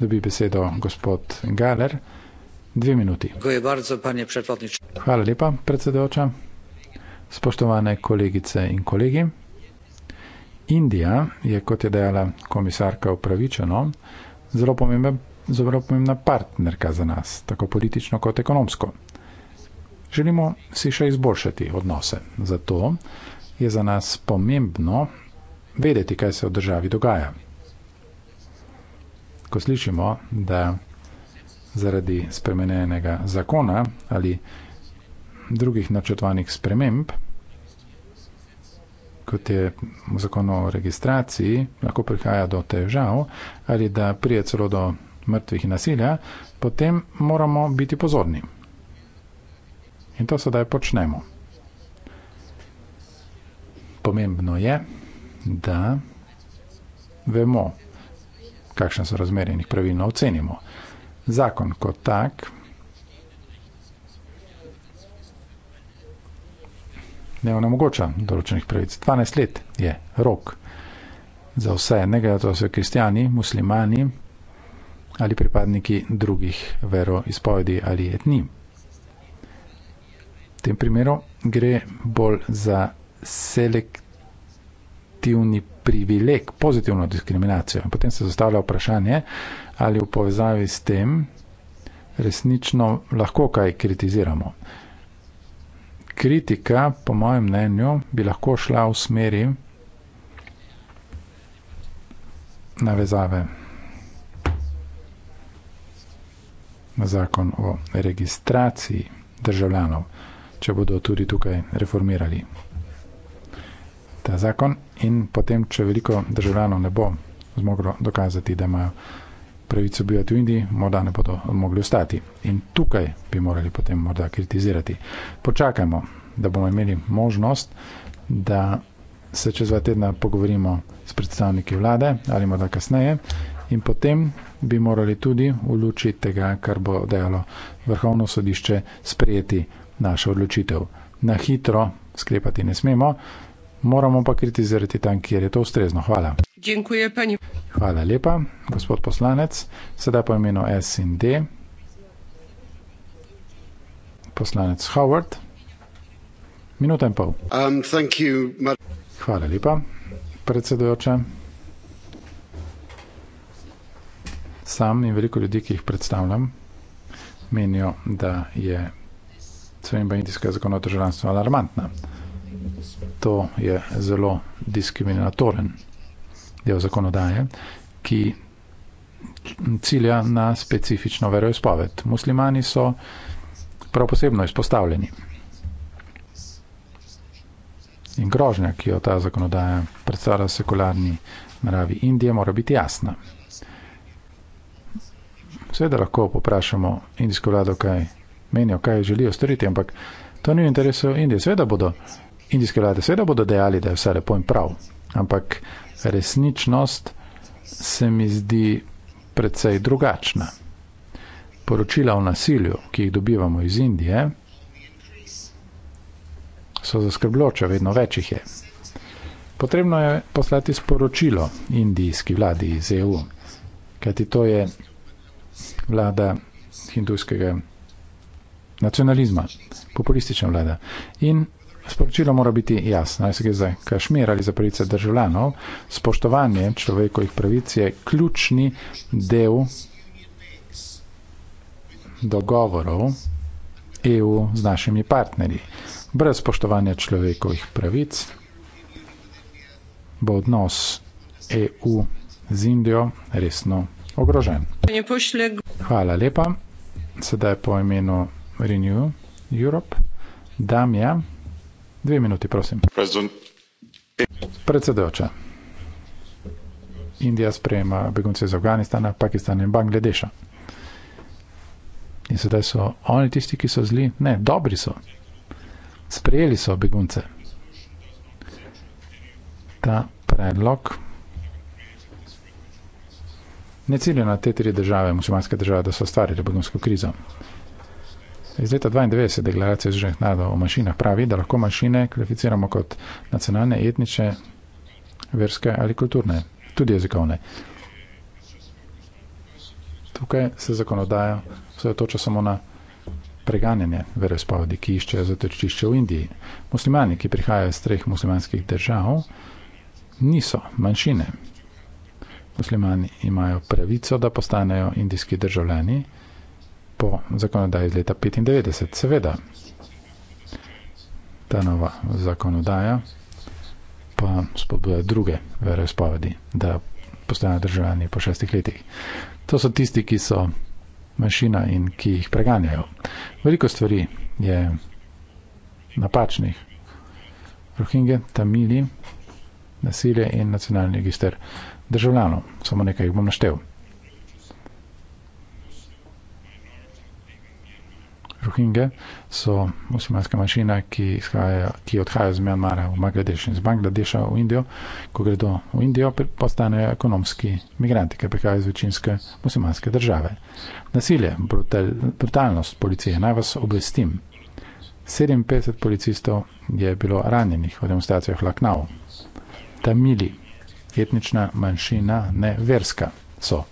dobi besedo gospod Galer. Dve minuti. Hvala lepa, predsedujoča. Spoštovane kolegice in kolegi. Indija je, kot je dejala komisarka upravičeno, zelo pomembna, zelo pomembna partnerka za nas, tako politično kot ekonomsko. Želimo si še izboljšati odnose. Zato je za nas pomembno vedeti, kaj se v državi dogaja ko slišimo, da zaradi spremenjenega zakona ali drugih načrtovanih sprememb, kot je v zakonu o registraciji, lahko prihaja do težav ali da prije celo do mrtvih in nasilja, potem moramo biti pozorni. In to sedaj počnemo. Pomembno je, da vemo, kakšne so razmere in jih pravilno ocenimo. Zakon kot tak ne onemogoča določenih pravic. 12 let je rok za vse, ne glede to, so kristijani, muslimani ali pripadniki drugih veroizpovedi ali etni. V tem primeru gre bolj za selektivni privilegij, pozitivno diskriminacijo. In potem se zastavlja vprašanje, ali v povezavi s tem resnično lahko kaj kritiziramo. Kritika, po mojem mnenju, bi lahko šla v smeri navezave na zakon o registraciji državljanov, če bodo tudi tukaj reformirali ta zakon in potem, če veliko državljanov ne bo zmoglo dokazati, da imajo pravico bivati v Indiji, morda ne bodo mogli ostati. In tukaj bi morali potem morda kritizirati. Počakajmo, da bomo imeli možnost, da se čez dva tedna pogovorimo s predstavniki vlade ali morda kasneje in potem bi morali tudi v luči tega, kar bo dejalo vrhovno sodišče, sprejeti našo odločitev. Na hitro sklepati ne smemo. Moramo pa kritizirati tam, kjer je to ustrezno. Hvala. Dziękuję, pani... Hvala lepa, gospod poslanec. Sedaj po imenu S in D. Poslanec Howard. Minuta in pol. Um, thank you, my... Hvala lepa, predsedujoče. Sam in veliko ljudi, ki jih predstavljam, menijo, da je sprememba indijskega zakona o državljanstvu alarmantna. To je zelo diskriminatoren del zakonodaje, ki cilja na specifično veroizpoved. Muslimani so prav posebno izpostavljeni. In grožnja, ki jo ta zakonodaja predstavlja sekularni naravi Indije, mora biti jasna. Seveda lahko poprašamo indijsko vlado, kaj menijo, kaj želijo storiti, ampak to ni v interesu Indije. Seveda bodo indijske vlade seveda bodo dejali, da je vse lepo in prav, ampak resničnost se mi zdi precej drugačna. Poročila o nasilju, ki jih dobivamo iz Indije, so zaskrbljoče, vedno več jih je. Potrebno je poslati sporočilo indijski vladi iz EU, kajti to je vlada hindujskega nacionalizma, populistična vlada. In Sporočilo mora biti jasno, jaz gre za Kašmir ali za pravice državljanov. Spoštovanje človekovih pravic je ključni del dogovorov EU z našimi partnerji. Brez spoštovanja človekovih pravic bo odnos EU z Indijo resno ogrožen. Hvala lepa. Sedaj po imenu Renew Europe. Damja. Dve minuti, prosim. Predsedujoča. Indija sprejema begunce iz Afganistana, Pakistana in Bangladeša. In sedaj so oni tisti, ki so zli. Ne, dobri so. Sprejeli so begunce. Ta predlog ne cilja na te tri države, muslimanske države, da so ustvarili begunsko krizo. Iz leta 92 deklaracija Združenih narodov o manjšinah pravi, da lahko manjšine kvalificiramo kot nacionalne, etnične, verske ali kulturne, tudi jezikovne. Tukaj se zakonodaja vse toča samo na preganjanje verespovedi, ki iščejo zatočišče v Indiji. Muslimani, ki prihajajo iz treh muslimanskih držav, niso manjšine. Muslimani imajo pravico, da postanejo indijski državljani po zakonodaji iz leta 1995. Seveda, ta nova zakonodaja pa spodbuja druge verozpovedi, da postanejo državljani po šestih letih. To so tisti, ki so manjšina in ki jih preganjajo. Veliko stvari je napačnih. Rohinge, tamili, nasilje in nacionalni register državljanov. Samo nekaj jih bom naštel. Rohingje so muslimanska manjšina, ki, ki odhaja iz Mjanmara v Bangladeš in iz Bangladeša v Indijo. Ko gredo v Indijo, postanejo ekonomski migranti, ki prihajajo iz večinske muslimanske države. Nasilje, brutal, brutalnost policije, naj vas obvestim. 57 policistov je bilo ranjenih v demonstracijah Laknau. Tamili, etnična manjšina, ne verska, so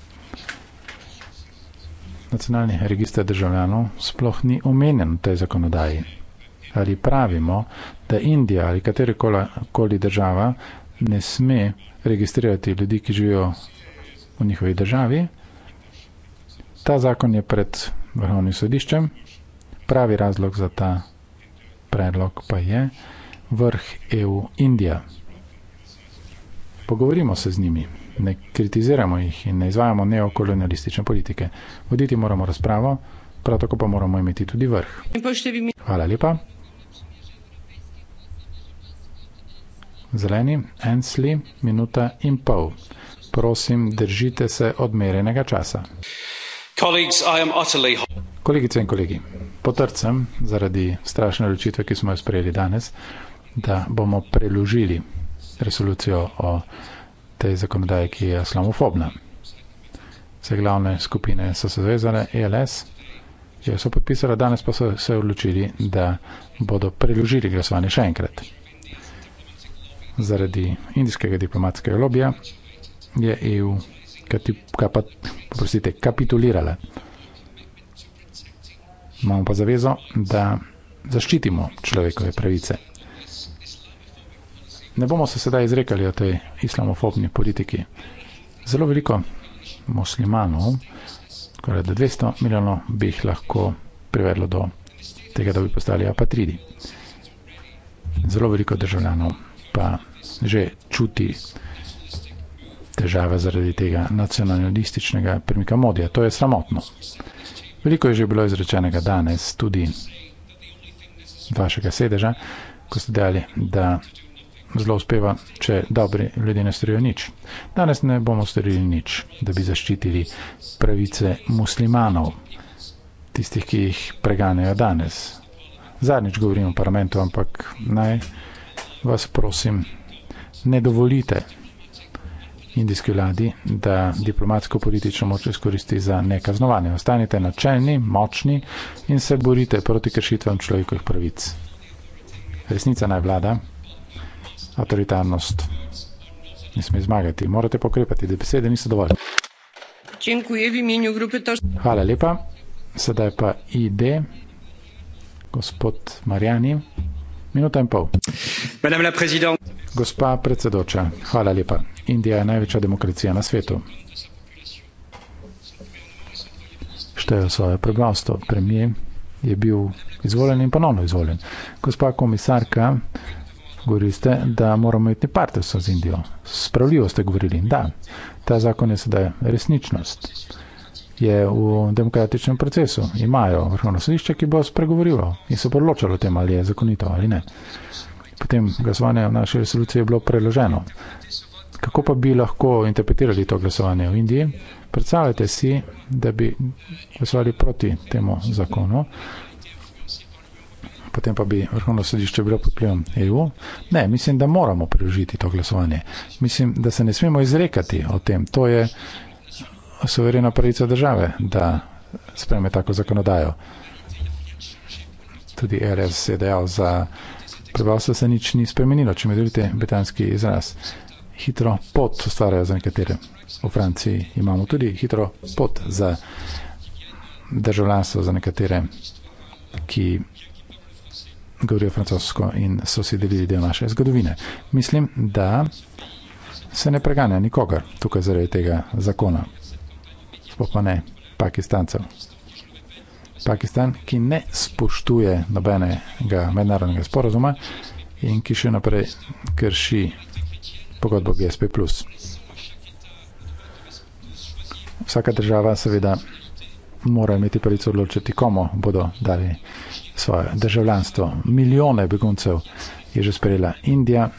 nacionalni registr državljanov sploh ni omenjen v tej zakonodaji. Ali pravimo, da Indija ali katerikoli država ne sme registrirati ljudi, ki živijo v njihovi državi? Ta zakon je pred vrhovnim sodiščem. Pravi razlog za ta predlog pa je vrh EU Indija. Pogovorimo se z njimi ne kritiziramo jih in ne izvajamo neokolonialistične politike. Voditi moramo razpravo, prav tako pa moramo imeti tudi vrh. Hvala lepa. Zeleni, Ensli, minuta in pol. Prosim, držite se odmerenega časa. Kolegice in kolegi, potrcem zaradi strašne odločitve, ki smo jo sprejeli danes, da bomo preložili resolucijo o tej zakonodaji, ki je islamofobna. Vse glavne skupine so se zvezale, ELS jo so podpisali, danes pa so se odločili, da bodo preložili glasovanje še enkrat. Zaradi indijskega diplomatskega lobija je EU kapat, poprosite, kapitulirala. Imamo pa zavezo, da zaščitimo človekove pravice ne bomo se sedaj izrekali o tej islamofobni politiki. Zelo veliko muslimanov, kar je 200 milijonov, bi jih lahko privedlo do tega, da bi postali apatridi. Zelo veliko državljanov pa že čuti težave zaradi tega nacionalističnega premika modija. To je sramotno. Veliko je že bilo izrečenega danes, tudi vašega sedeža, ko ste dejali, da zelo uspeva, če dobri ljudje ne storijo nič. Danes ne bomo storili nič, da bi zaščitili pravice muslimanov, tistih, ki jih preganjajo danes. Zadnjič govorim v parlamentu, ampak naj vas prosim, ne dovolite indijski vladi, da diplomatsko politično moč izkoristi za nekaznovanje. Ostanite načelni, močni in se borite proti kršitvam človekovih pravic. Resnica naj vlada avtoritarnost. Ne sme zmagati, morate pokrepati, da besede niso dovolj. Hvala lepa. Sedaj pa ID, gospod Marjani, minuta in pol. Gospa predsedoča, hvala lepa. Indija je največja demokracija na svetu. Štejo svoje prebivalstvo. Premijer je bil izvoljen in ponovno izvoljen. Gospa komisarka, govorite, da moramo imeti partnerstvo z Indijo. Spravljivo ste govorili, da ta zakon je sedaj resničnost. Je v demokratičnem procesu, imajo vrhovno sodišče, ki bo spregovorilo in se podločalo o tem, ali je zakonito ali ne. Potem glasovanje v naši resoluciji je bilo preloženo. Kako pa bi lahko interpretirali to glasovanje v Indiji? Predstavljajte si, da bi glasovali proti temu zakonu potem pa bi vrhovno sodišče bilo pod plivom EU. Ne, mislim, da moramo priložiti to glasovanje. Mislim, da se ne smemo izrekati o tem. To je soverena pravica države, da spreme tako zakonodajo. Tudi RS je dejal, za prebivalstvo se nič ni spremenilo, če me dobite britanski izraz. Hitro pot ustvarjajo za nekatere. V Franciji imamo tudi hitro pot za državljanstvo za nekatere, ki govorijo francosko in so si delili del naše zgodovine. Mislim, da se ne preganja nikogar tukaj zaradi tega zakona. Sploh pa ne pakistancev. Pakistan, ki ne spoštuje nobenega mednarodnega sporozuma in ki še naprej krši pogodbo GSP. Vsaka država seveda mora imeti pravico odločiti, komu bodo dali svoje državljanstvo. Milijone beguncev je že sprejela Indija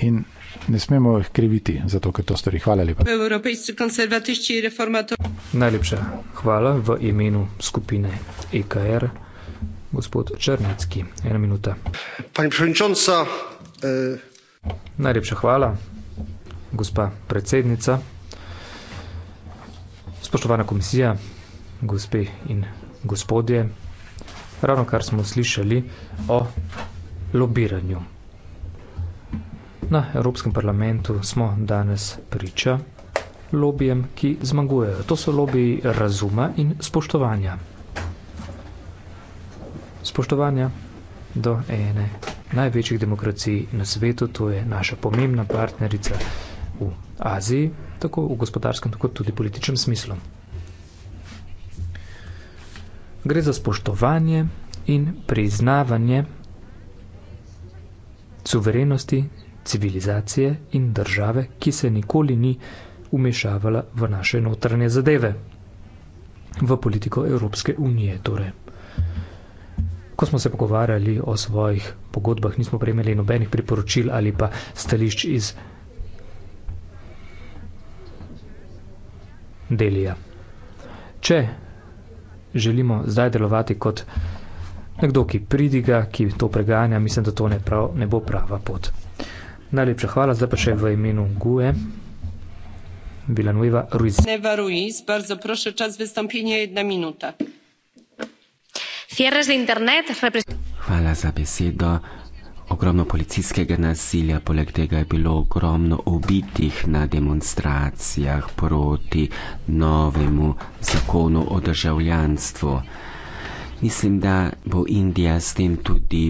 in ne smemo jih kriviti za to, ker to stori. Hvala lepa. Najlepša hvala v imenu skupine EKR, gospod Črnecki. Ena minuta. Eh... Najlepša hvala, gospa predsednica. Spoštovana komisija, gospe in gospodje ravno kar smo slišali o lobiranju. Na Evropskem parlamentu smo danes priča lobijem, ki zmagujejo. To so lobiji razuma in spoštovanja. Spoštovanja do ene največjih demokracij na svetu, to je naša pomembna partnerica v Aziji, tako v gospodarskem, tako tudi političnem smislu gre za spoštovanje in priznavanje suverenosti civilizacije in države, ki se nikoli ni umešavala v naše notranje zadeve, v politiko Evropske unije. Torej. Ko smo se pogovarjali o svojih pogodbah, nismo prejmeli nobenih priporočil ali pa stališč iz delija. Če želimo zdaj delovati kot nekdo, ki pridiga, ki to preganja, mislim, da to ne, prav, ne bo prava pot. Najlepša hvala, zdaj pa še v imenu Gue. Villanueva Ruiz. Neva Ruiz, bardzo proszę, čas wystąpienia, jedna minuta. Cierres de internet. Hvala za besedo ogromno policijskega nasilja, poleg tega je bilo ogromno ubitih na demonstracijah proti novemu zakonu o državljanstvu. Mislim, da bo Indija s tem tudi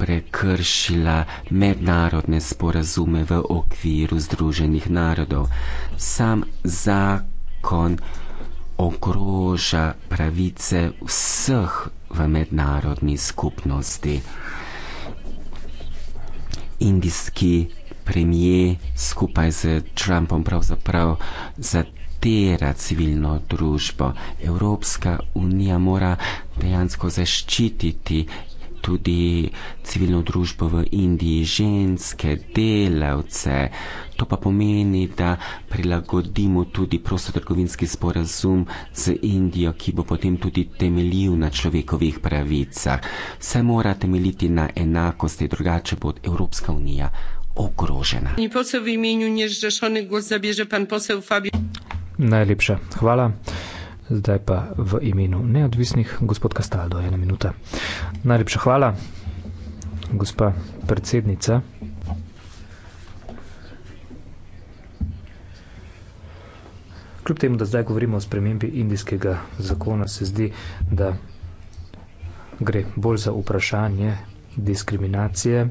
prekršila mednarodne sporazume v okviru Združenih narodov. Sam zakon ogroža pravice vseh v mednarodni skupnosti indijski premijer skupaj z Trumpom pravzaprav zatira civilno družbo. Evropska unija mora dejansko zaščititi tudi civilno družbo v Indiji, ženske, delavce. To pa pomeni, da prilagodimo tudi prostotrgovinski sporazum z Indijo, ki bo potem tudi temeljil na človekovih pravicah. Vse mora temeljiti na enakosti, drugače bo Evropska unija ogrožena. Najlepša hvala. Zdaj pa v imenu neodvisnih, gospod Kastaldo, ena minuta. Najlepša hvala, gospa predsednica. Kljub temu, da zdaj govorimo o spremembi indijskega zakona, se zdi, da gre bolj za vprašanje diskriminacije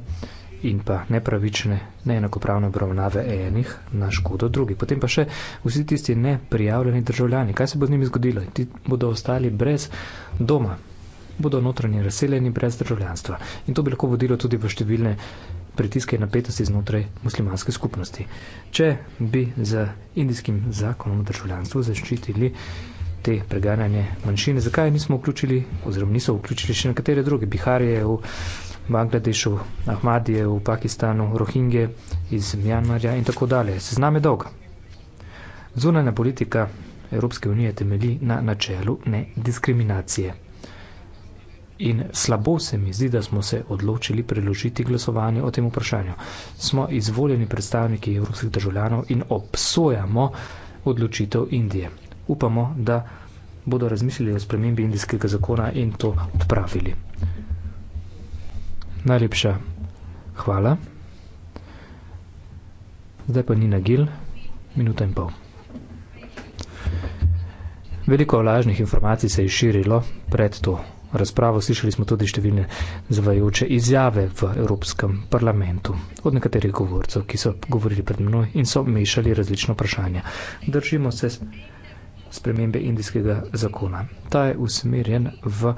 in pa nepravične, neenakopravne obravnave enih na škodo drugih. Potem pa še vsi tisti neprijavljeni državljani. Kaj se bo z njimi zgodilo? Ti bodo ostali brez doma, bodo notranji razseljeni brez državljanstva. In to bi lahko vodilo tudi v številne pritiske in napetosti znotraj muslimanske skupnosti. Če bi z indijskim zakonom o državljanstvu zaščitili te preganjanje manjšine, zakaj nismo vključili, oziroma niso vključili še nekatere druge, Bihar je v Bangladešu, Ahmadije, v Pakistanu, Rohingje, iz Mjanmarja in tako dalje. Se zname dolg. Zunanja politika Evropske unije temelji na načelu ne diskriminacije. In slabo se mi zdi, da smo se odločili preložiti glasovanje o tem vprašanju. Smo izvoljeni predstavniki evropskih državljanov in obsojamo odločitev Indije. Upamo, da bodo razmislili o spremembi indijskega zakona in to odpravili. Najlepša hvala. Zdaj pa ni na gil, minuta in pol. Veliko lažnih informacij se je širilo pred to razpravo. Slišali smo tudi številne zavajajoče izjave v Evropskem parlamentu od nekaterih govorcev, ki so govorili pred mnoj in so mešali različno vprašanje. Držimo se spremembe indijskega zakona. Ta je usmerjen v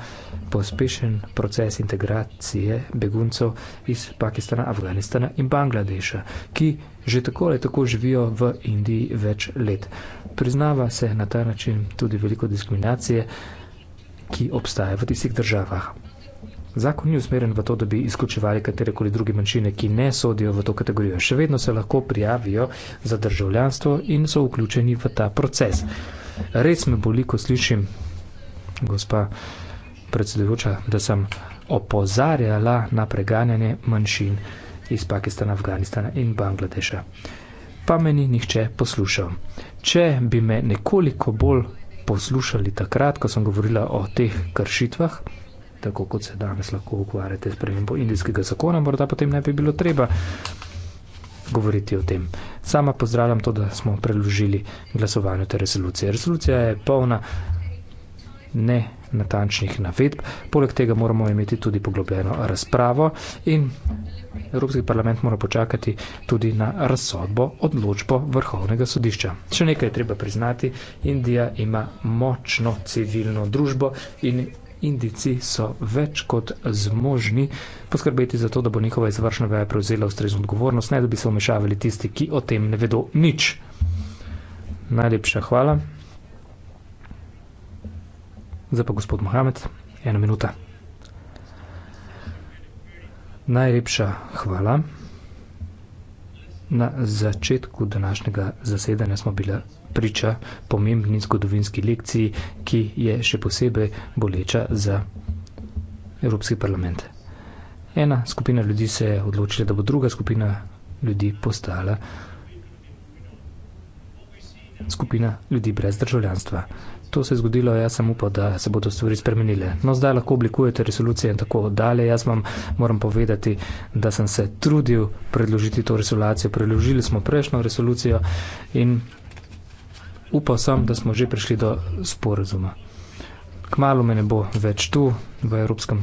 pospešen proces integracije beguncev iz Pakistana, Afganistana in Bangladeša, ki že tako ali tako živijo v Indiji več let. Priznava se na ta način tudi veliko diskriminacije, ki obstaja v tistih državah. Zakon ni usmeren v to, da bi izključevali katerekoli druge manjšine, ki ne sodijo v to kategorijo. Še vedno se lahko prijavijo za državljanstvo in so vključeni v ta proces. Res me boli, ko slišim, gospa predsedujoča, da sem opozarjala na preganjanje manjšin iz Pakistana, Afganistana in Bangladeša. Pa me ni nihče poslušal. Če bi me nekoliko bolj poslušali takrat, ko sem govorila o teh kršitvah, tako kot se danes lahko ukvarjate s premembo indijskega zakona, morda potem ne bi bilo treba govoriti o tem. Sama pozdravljam to, da smo preložili glasovanje te resolucije. Resolucija je polna ne natančnih navedb, poleg tega moramo imeti tudi poglobljeno razpravo in Evropski parlament mora počakati tudi na razsodbo odločbo Vrhovnega sodišča. Še nekaj je treba priznati, Indija ima močno civilno družbo in indici so več kot zmožni poskrbeti za to, da bo njihova izvršna veja prevzela ustrezno odgovornost, ne da bi se omešavali tisti, ki o tem ne vedo nič. Najlepša hvala. Zdaj pa gospod Mohamed, ena minuta. Najlepša hvala. Na začetku današnjega zasedanja smo bili priča pomembni zgodovinski lekciji, ki je še posebej boleča za Evropski parlament. Ena skupina ljudi se je odločila, da bo druga skupina ljudi postala skupina ljudi brez državljanstva. To se je zgodilo, jaz sem upal, da se bodo stvari spremenile. No, zdaj lahko oblikujete resolucije in tako dalje. Jaz vam moram povedati, da sem se trudil predložiti to resolucijo. Preložili smo prejšnjo resolucijo in upal sem, da smo že prišli do sporozuma. Kmalo me ne bo več tu v Evropskem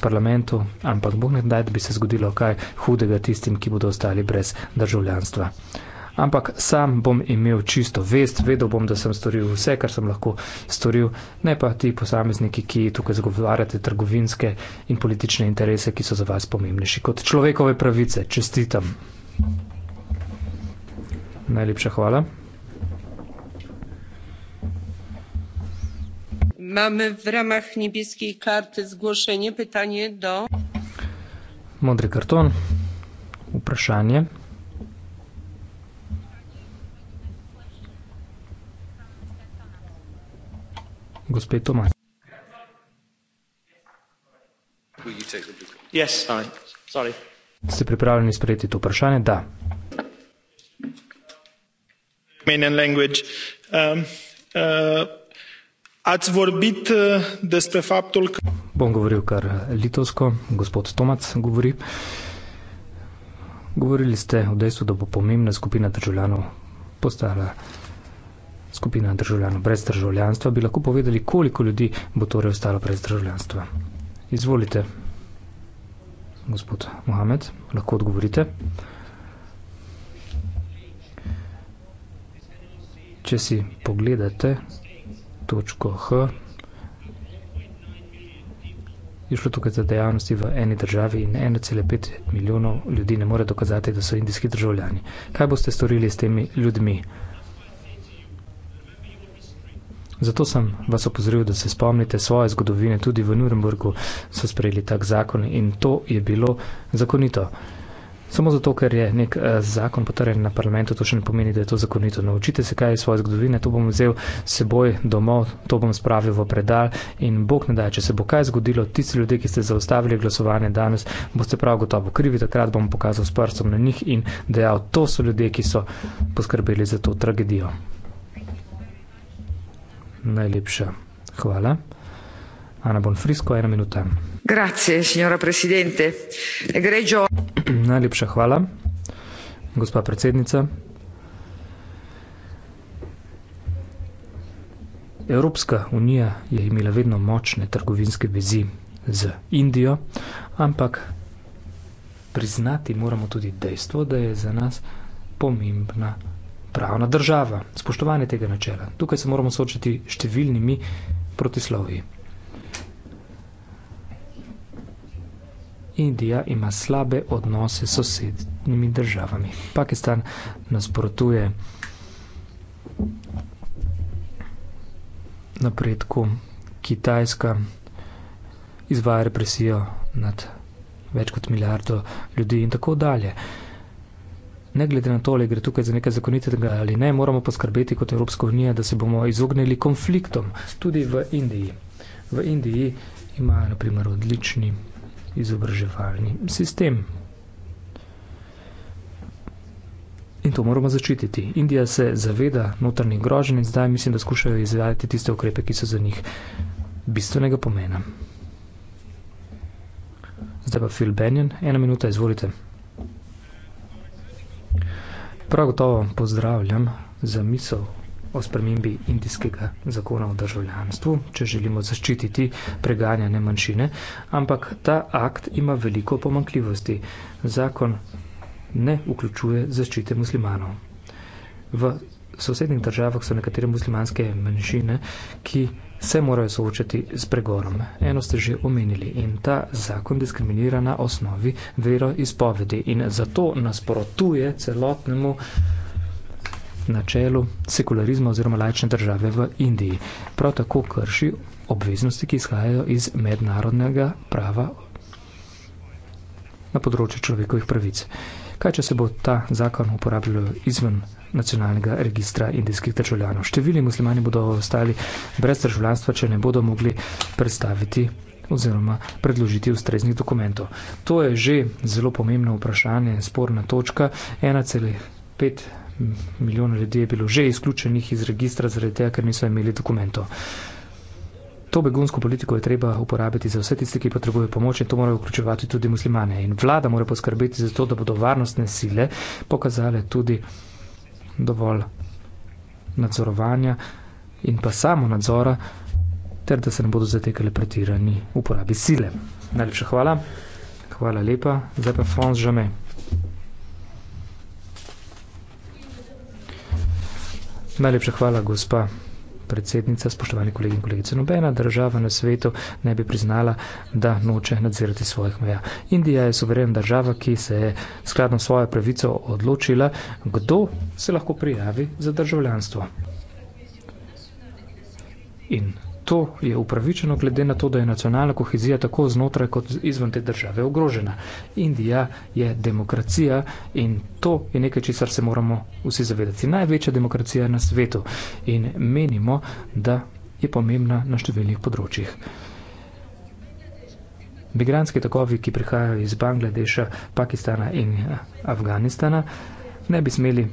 parlamentu, ampak boh ne daj, da bi se zgodilo kaj hudega tistim, ki bodo ostali brez državljanstva. Ampak sam bom imel čisto vest, vedel bom, da sem storil vse, kar sem lahko storil, ne pa ti posamezniki, ki tukaj zagovarjate trgovinske in politične interese, ki so za vas pomembnejši kot človekove pravice. Čestitam. Najlepša hvala. mamy w ramach niebieskiej karty zgłoszenie pytanie do Mądry karton. Upraszanie. Gospodin Tomas. Yes, Sorry. Ste pripravljeni sprejeti to vprašanje? Da. Namenjen language. Um, uh, Ați vorbit uh, despre faptul că... Bun, govoriu car Litosko, gospod Tomac, govori. Говорили сте о действо да попомим на скупина држулјано постала скупина држулјано без држулјанство. Би лако поведали колико људи бо торе остало без држулјанство. Изволите, господ Мухамед, лако одговорите. Че си погледате točko H. Je šlo tukaj za dejavnosti v eni državi in 1,5 milijonov ljudi ne more dokazati, da so indijski državljani. Kaj boste storili s temi ljudmi? Zato sem vas opozoril, da se spomnite svoje zgodovine. Tudi v Nuremburgu so sprejeli tak zakon in to je bilo zakonito. Samo zato, ker je nek uh, zakon potrjen na parlamentu, to še ne pomeni, da je to zakonito. Naučite se kaj iz svoje zgodovine, to bom vzel seboj domov, to bom spravil v predal in bog ne da, če se bo kaj zgodilo, tisti ljudje, ki ste zaustavili glasovanje danes, boste prav gotovo krivi, takrat bom pokazal s prstom na njih in dejal, to so ljudje, ki so poskrbeli za to tragedijo. Najlepša hvala. Anna Bonfrisco, ena minuta. Grazie, signora presidente. Egregio... Najlepša hvala, gospa predsednica. Evropska unija je imela vedno močne trgovinske vezi z Indijo, ampak priznati moramo tudi dejstvo, da je za nas pomembna pravna država, spoštovanje tega načela. Tukaj se moramo soočiti številnimi protislovji. Indija ima slabe odnose s sosednjimi državami. Pakistan nasprotuje napredku, Kitajska izvaja represijo nad več kot milijardo ljudi in tako dalje. Ne glede na to, ali gre tukaj za nekaj zakonitega ali ne, moramo poskrbeti kot Evropska unija, da se bomo izognili konfliktom tudi v Indiji. V Indiji imajo naprimer odlični izobraževalni sistem. In to moramo začititi. Indija se zaveda notranjih groženj in zdaj mislim, da skušajo izvajati tiste ukrepe, ki so za njih bistvenega pomena. Zdaj pa Phil Benjen, ena minuta, izvolite. Prav gotovo pozdravljam za misel o spremembi indijskega zakona o državljanstvu, če želimo zaščititi preganjane manjšine, ampak ta akt ima veliko pomankljivosti. Zakon ne vključuje zaščite muslimanov. V sosednjih državah so nekatere muslimanske manjšine, ki se morajo soočati s pregorom. Eno ste že omenili in ta zakon diskriminira na osnovi vero izpovedi in zato nasprotuje celotnemu na čelu sekularizma oziroma lajčne države v Indiji. Prav tako krši obveznosti, ki izhajajo iz mednarodnega prava na področju človekovih pravic. Kaj, če se bo ta zakon uporabljal izven nacionalnega registra indijskih državljanov? Števili muslimani bodo ostali brez državljanstva, če ne bodo mogli predstaviti oziroma predložiti ustreznih dokumentov. To je že zelo pomembno vprašanje, sporna točka. 1,5 milijon ljudi je bilo že izključenih iz registra zaradi tega, ker niso imeli dokumentov. To begunsko politiko je treba uporabiti za vse tiste, ki potrebujejo pomoč in to morajo vključevati tudi muslimane. In vlada mora poskrbeti za to, da bodo varnostne sile pokazale tudi dovolj nadzorovanja in pa samo nadzora, ter da se ne bodo zatekali pretirani uporabi sile. Najlepša hvala. Hvala lepa. Zdaj pa France Jamais. Najlepša hvala, gospa predsednica, spoštovani kolegi in kolegice. Nobena država na svetu ne bi priznala, da noče nadzirati svojih meja. Indija je suverena država, ki se je skladno svojo pravico odločila, kdo se lahko prijavi za državljanstvo. In to je upravičeno glede na to, da je nacionalna kohezija tako znotraj kot izven te države ogrožena. Indija je demokracija in to je nekaj, česar se moramo vsi zavedati. Največja demokracija na svetu in menimo, da je pomembna na številnih področjih. Migranski takovi, ki prihajajo iz Bangladeša, Pakistana in eh, Afganistana, ne bi smeli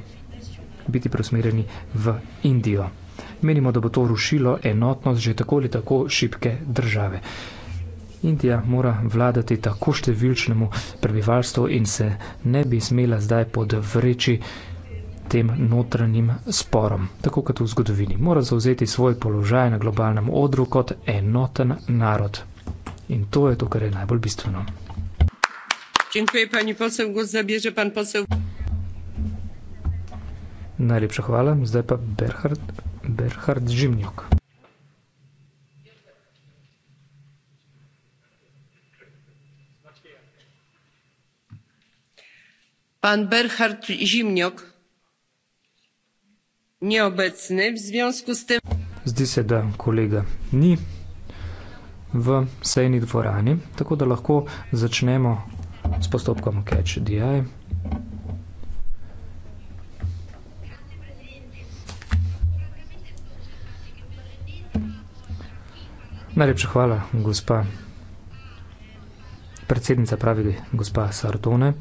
biti preusmerjeni v Indijo. Menimo, da bo to rušilo enotnost že tako ali tako šibke države. Indija mora vladati tako številčnemu prebivalstvu in se ne bi smela zdaj podvreči tem notranjim sporom, tako kot v zgodovini. Mora zauzeti svoj položaj na globalnem odru kot enoten narod. In to je to, kar je najbolj bistveno. Najlepša hvala, zdaj pa Berhard. Berhard Žimnjok. Pan Berhard Žimnjok, neobecni v zvijonsku s tem. Zdi se, da kolega ni v sejni dvorani, tako da lahko začnemo s postopkom Catch DI. Najlepša hvala, gospa predsednica pravi, gospa Sartone.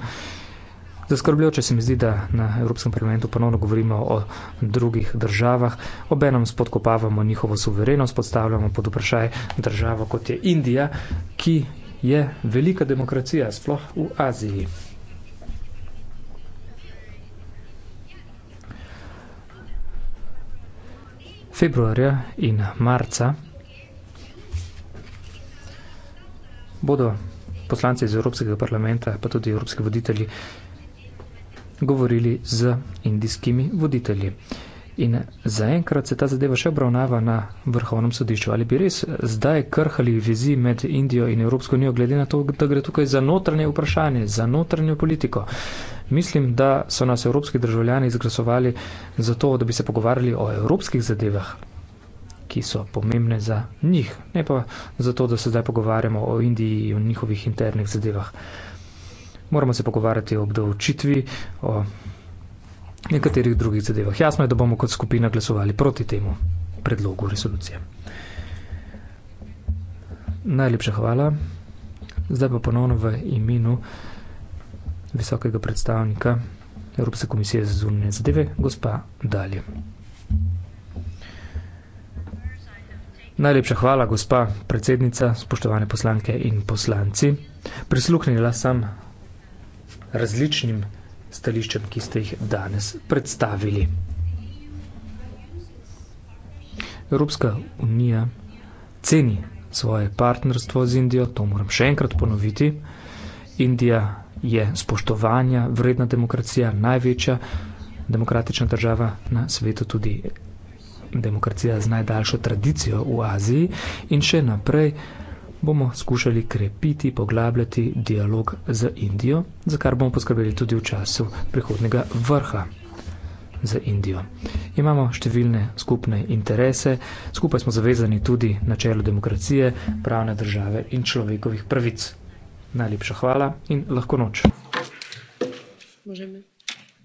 Zaskrbljoče se mi zdi, da na Evropskem parlamentu ponovno govorimo o drugih državah, obenem spodkopavamo njihovo suverenost, podstavljamo pod vprašaj državo kot je Indija, ki je velika demokracija, sploh v Aziji. Februarja in marca bodo poslanci iz Evropskega parlamenta, pa tudi evropski voditelji, govorili z indijskimi voditelji. In zaenkrat se ta zadeva še obravnava na vrhovnem sodišču. Ali bi res zdaj krhali vizi med Indijo in Evropsko unijo, glede na to, da gre tukaj za notranje vprašanje, za notranjo politiko? Mislim, da so nas evropski državljani izglasovali za to, da bi se pogovarjali o evropskih zadevah, ki so pomembne za njih, ne pa zato, da se zdaj pogovarjamo o Indiji in o njihovih internih zadevah. Moramo se pogovarjati o obdavčitvi, o nekaterih drugih zadevah. Jasno je, da bomo kot skupina glasovali proti temu predlogu resolucije. Najlepša hvala. Zdaj pa ponovno v imenu visokega predstavnika Evropske komisije za zunanje zadeve, gospa Dalje. Thank you. Najlepša hvala, gospa predsednica, spoštovane poslanke in poslanci. Prisluhnila sem različnim stališčem, ki ste jih danes predstavili. Evropska unija ceni svoje partnerstvo z Indijo, to moram še enkrat ponoviti. Indija je spoštovanja vredna demokracija, največja demokratična država na svetu, tudi demokracija z najdaljšo tradicijo v Aziji in še naprej bomo skušali krepiti, poglabljati dialog z Indijo, za kar bomo poskrbeli tudi v času prihodnega vrha z Indijo. Imamo številne skupne interese, skupaj smo zavezani tudi na čelo demokracije, pravne države in človekovih pravic. Najlepša hvala in lahko noč. Možeme.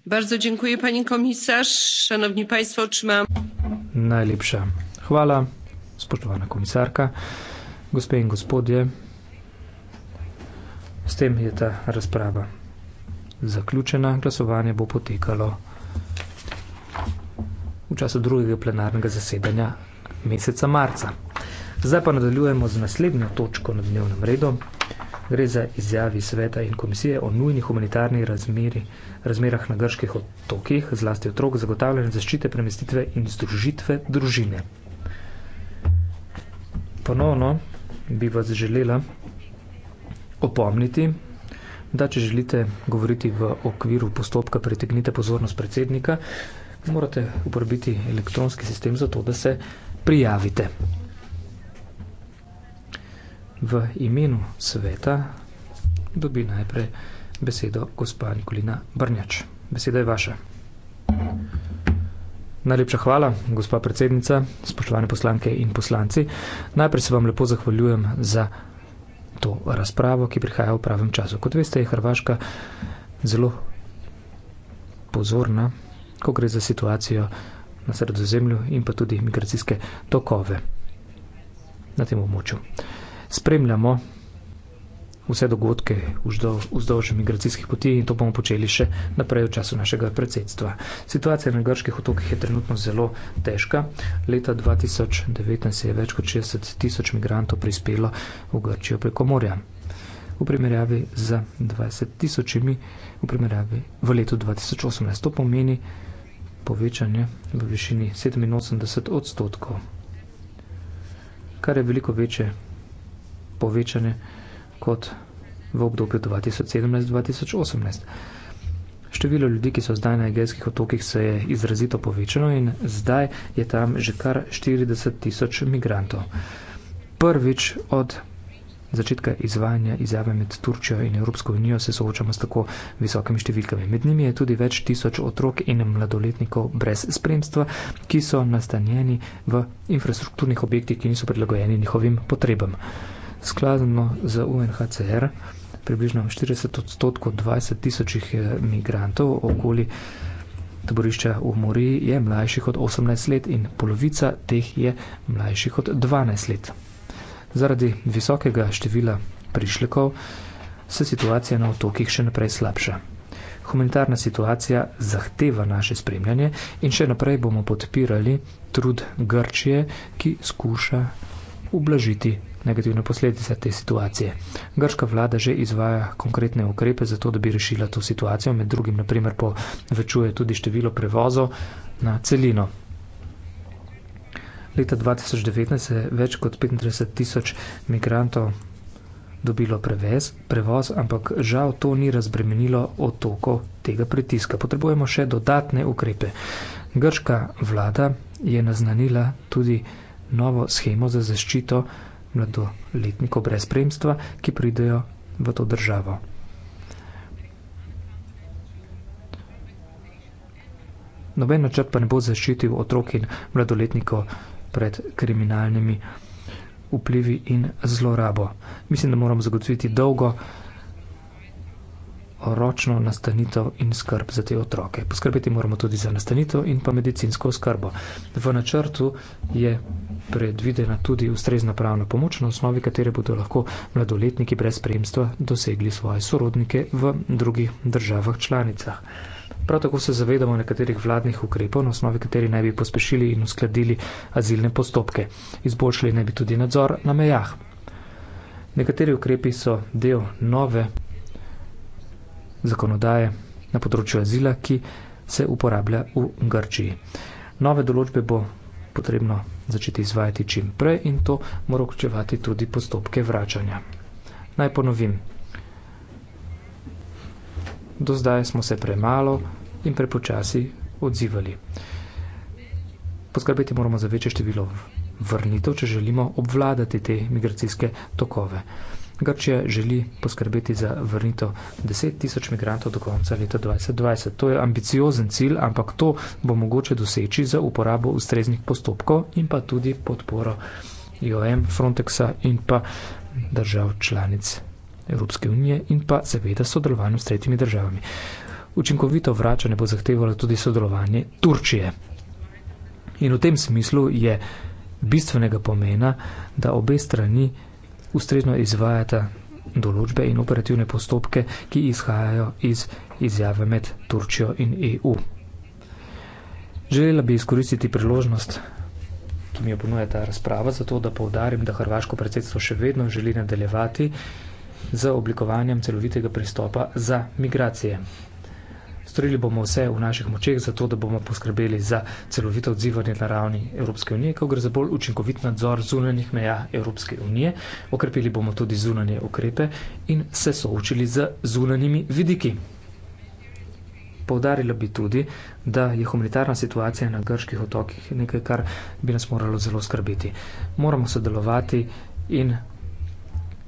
Bardzo dziękuję pani komisarz. Szanowni państwo, otrzymałam najlepsza chwała. Spoczywana komisarka. Gospodin, gospodzie. Z tym jest ta rozprawa zakluczona. Głosowanie było potykalo w czasie drugiego plenarnego zasiedzenia miesiąca marca. Zdaj pa nadaljujemo z naslednjo točko na dnevnem redu. Gre za izjavi sveta in komisije o nujnih humanitarnih razmeri, razmerah na grških otokih, zlasti otrok, zagotavljanje zaščite, premestitve in združitve družine. Ponovno bi vas želela opomniti, da če želite govoriti v okviru postopka, pritegnite pozornost predsednika, morate uporabiti elektronski sistem za to, da se prijavite v imenu sveta dobi najprej besedo gospa Nikolina Brnjač. Beseda je vaša. Najlepša hvala, gospa predsednica, spoštovane poslanke in poslanci. Najprej se vam lepo zahvaljujem za to razpravo, ki prihaja v pravem času. Kot veste, je Hrvaška zelo pozorna, ko gre za situacijo na sredozemlju in pa tudi migracijske tokove na tem območju spremljamo vse dogodke vzdolž migracijskih poti in to bomo počeli še naprej v času našega predsedstva. Situacija na grških otokih je trenutno zelo težka. Leta 2019 je več kot 60 tisoč migrantov prispelo v Grčijo preko morja. V primerjavi z 20 tisočimi v primerjavi v letu 2018. To pomeni povečanje v višini 87 odstotkov, kar je veliko večje povečanje kot v obdobju 2017-2018. Število ljudi, ki so zdaj na Egejskih otokih, se je izrazito povečano in zdaj je tam že kar 40 tisoč migrantov. Prvič od začetka izvajanja izjave med Turčjo in Evropsko unijo se soočamo s tako visokimi številkami. Med njimi je tudi več tisoč otrok in mladoletnikov brez spremstva, ki so nastanjeni v infrastrukturnih objektih, ki niso prilagojeni njihovim potrebam skladno z UNHCR, približno 40 odstotkov 20 tisočih eh, migrantov okoli taborišča v Mori je mlajših od 18 let in polovica teh je mlajših od 12 let. Zaradi visokega števila prišlekov se situacija na otokih še naprej slabša. Humanitarna situacija zahteva naše spremljanje in še naprej bomo podpirali trud Grčije, ki skuša ublažiti negativne posledice te situacije. Grška vlada že izvaja konkretne ukrepe za to, da bi rešila to situacijo, med drugim naprimer povečuje tudi število prevozov na celino. Leta 2019 je več kot 35 tisoč migrantov dobilo prevez, prevoz, ampak žal to ni razbremenilo otokov tega pritiska. Potrebujemo še dodatne ukrepe. Grška vlada je naznanila tudi novo schemo za zaščito mladoletnikov brez spremstva, ki pridejo v to državo. Noben načrt pa ne bo zaščitil otrok in mladoletnikov pred kriminalnimi vplivi in zlorabo. Mislim, da moramo zagotoviti dolgo, ročno nastanitev in skrb za te otroke. Poskrbeti moramo tudi za nastanitev in pa medicinsko skrbo. V načrtu je predvidena tudi ustrezna pravna pomoč, na osnovi katere bodo lahko mladoletniki brez spremstva dosegli svoje sorodnike v drugih državah članicah. Prav tako se zavedamo nekaterih vladnih ukrepov, na osnovi kateri naj bi pospešili in uskladili azilne postopke. Izboljšali naj bi tudi nadzor na mejah. Nekateri ukrepi so del nove zakonodaje na področju azila, ki se uporablja v Grčiji. Nove določbe bo potrebno začeti izvajati čim prej in to mora vključevati tudi postopke vračanja. Naj ponovim. Do zdaj smo se premalo in prepočasi odzivali. Poskrbeti moramo za večje število vrnitev, če želimo obvladati te migracijske tokove. Grčija želi poskrbeti za vrnitev 10 tisoč migrantov do konca leta 2020. To je ambiciozen cilj, ampak to bo mogoče doseči za uporabo ustreznih postopkov in pa tudi podporo IOM, Frontexa in pa držav članic Evropske unije in pa seveda sodelovanju s tretjimi državami. Učinkovito vračanje bo zahtevalo tudi sodelovanje Turčije. In v tem smislu je bistvenega pomena, da obe strani ustrezno izvajata določbe in operativne postopke, ki izhajajo iz izjave med Turčjo in EU. Želela bi izkoristiti priložnost, ki mi jo ponuja ta razprava, zato da povdarim, da Hrvaško predsedstvo še vedno želi nadaljevati z oblikovanjem celovitega pristopa za migracije. Storili bomo vse v naših močeh, zato da bomo poskrbeli za celovito odzivanje na ravni Evropske unije, ko gre za bolj učinkovit nadzor zunanjih meja Evropske unije. Okrepili bomo tudi zunanje ukrepe in se soočili z zunanjimi vidiki. Poudarila bi tudi, da je humanitarna situacija na grških otokih nekaj, kar bi nas moralo zelo skrbeti. Moramo sodelovati in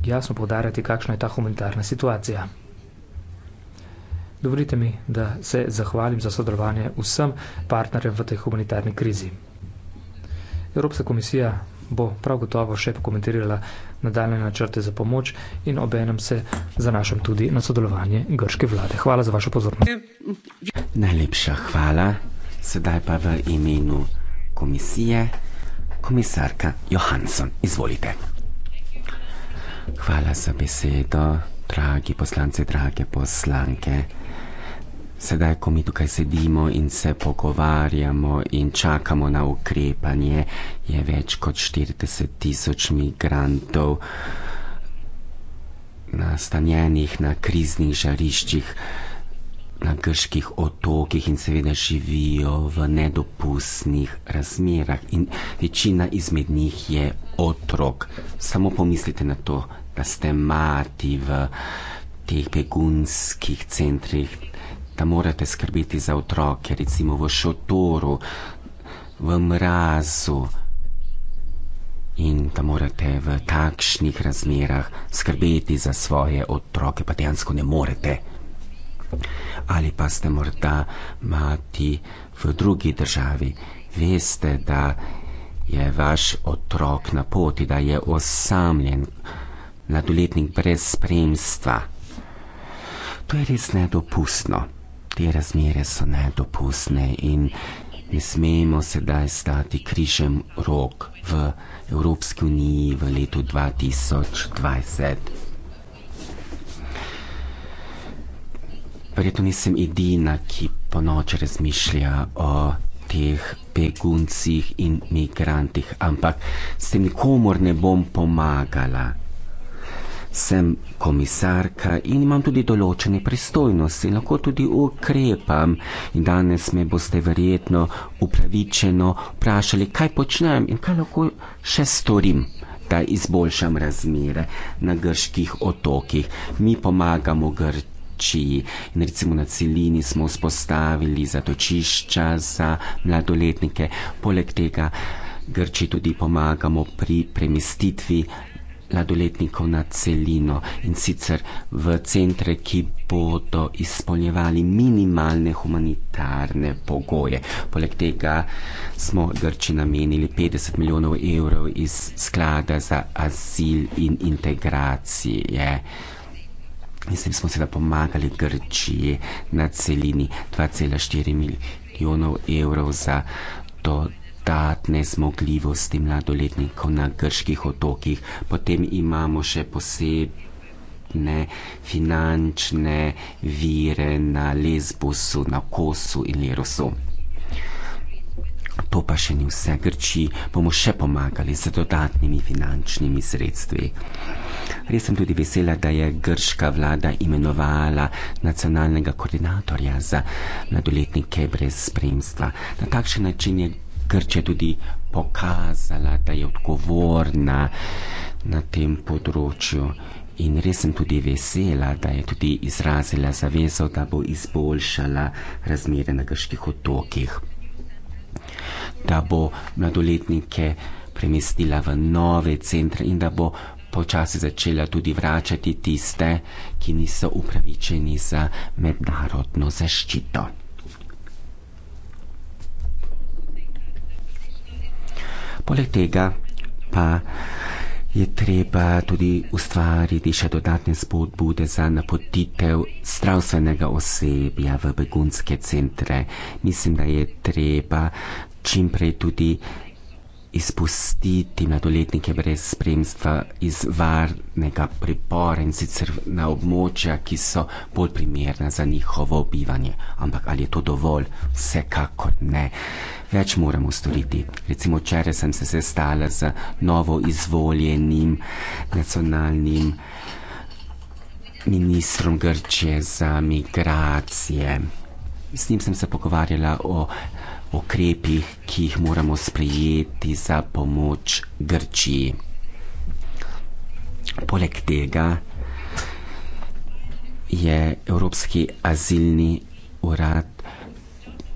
jasno poudarjati, kakšna je ta humanitarna situacija. Dovolite mi, da se zahvalim za sodelovanje vsem partnerjem v tej humanitarni krizi. Evropska komisija bo prav gotovo še pokomentirala nadaljne načrte za pomoč in obenem se zanašam tudi na sodelovanje grške vlade. Hvala za vašo pozornost. Najlepša hvala. Sedaj pa v imenu komisije komisarka Johansson. Izvolite. Hvala za besedo, dragi poslanci, drage poslanke sedaj, ko mi tukaj sedimo in se pogovarjamo in čakamo na ukrepanje, je več kot 40 tisoč migrantov nastanjenih na kriznih žariščih na grških otokih in seveda živijo v nedopustnih razmerah. In večina izmed njih je otrok. Samo pomislite na to, da ste mati v teh begunskih centrih, da morate skrbeti za otroke, recimo v šotoru, v mrazu, in da morate v takšnih razmerah skrbeti za svoje otroke, pa dejansko ne morete. Ali pa ste morda mati v drugi državi, veste, da je vaš otrok na poti, da je osamljen, mladoletnik brez spremstva. To je res nedopustno. Te razmere so nedopustne in ne smemo sedaj stati križem rok v Evropski uniji v letu 2020. Verjetno nisem edina, ki po noči razmišlja o teh beguncih in migrantih, ampak se nikomor ne bom pomagala sem komisarka in imam tudi določene pristojnosti, lahko tudi ukrepam. In danes me boste verjetno upravičeno vprašali, kaj počnem in kaj lahko še storim. Da izboljšam razmere na grških otokih. Mi pomagamo Grčiji in recimo na celini smo vzpostavili zatočišča za mladoletnike. Poleg tega Grčiji tudi pomagamo pri premestitvi mladoletnikov na celino in sicer v centre, ki bodo izpolnjevali minimalne humanitarne pogoje. Poleg tega smo Grči namenili 50 milijonov evrov iz sklada za azil in integracije. In s tem smo seveda pomagali Grčiji na celini 2,4 milijonov evrov za to dodatne zmogljivosti mladoletnikov na grških otokih. Potem imamo še posebne finančne vire na Lesbosu, na Kosu in Lerosu. To pa še ni vse, Grči bomo še pomagali z dodatnimi finančnimi sredstvi. Res sem tudi vesela, da je grška vlada imenovala nacionalnega koordinatorja za mladoletnike brez spremstva. Na takšen način je Grčija tudi pokazala, da je odgovorna na tem področju. In res sem tudi vesela, da je tudi izrazila zavezo, da bo izboljšala razmere na grških otokih, da bo mladoletnike premestila v nove centre in da bo počasi začela tudi vračati tiste, ki niso upravičeni za mednarodno zaščito. Poleg tega pa je treba tudi ustvariti še dodatne spodbude za napotitev zdravstvenega osebja v begunske centre. Mislim, da je treba čimprej tudi izpustiti mladoletnike brez spremstva iz varnega pripora in sicer na območja, ki so bolj primerna za njihovo bivanje. Ampak ali je to dovolj? Vsekakor ne. Več moramo storiti. Recimo včeraj sem se sestala z novo izvoljenim nacionalnim ministrom Grčije za migracije. S njim sem se pogovarjala o okrepih, ki jih moramo sprejeti za pomoč Grčiji. Poleg tega je Evropski azilni urad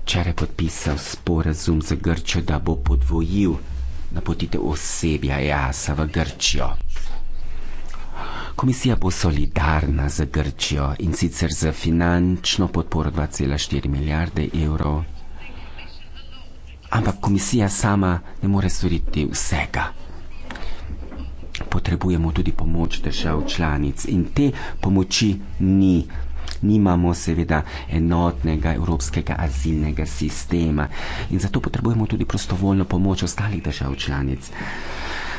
včeraj podpisal sporazum z Grčijo, da bo podvojil napotitev osebja jasa e v Grčijo. Komisija bo solidarna z Grčijo in sicer z finančno podporo 2,4 milijarde evrov. Ampak komisija sama ne more storiti vsega. Potrebujemo tudi pomoč držav članic in te pomoči ni. Nimamo seveda enotnega evropskega azilnega sistema in zato potrebujemo tudi prostovoljno pomoč ostalih držav članic.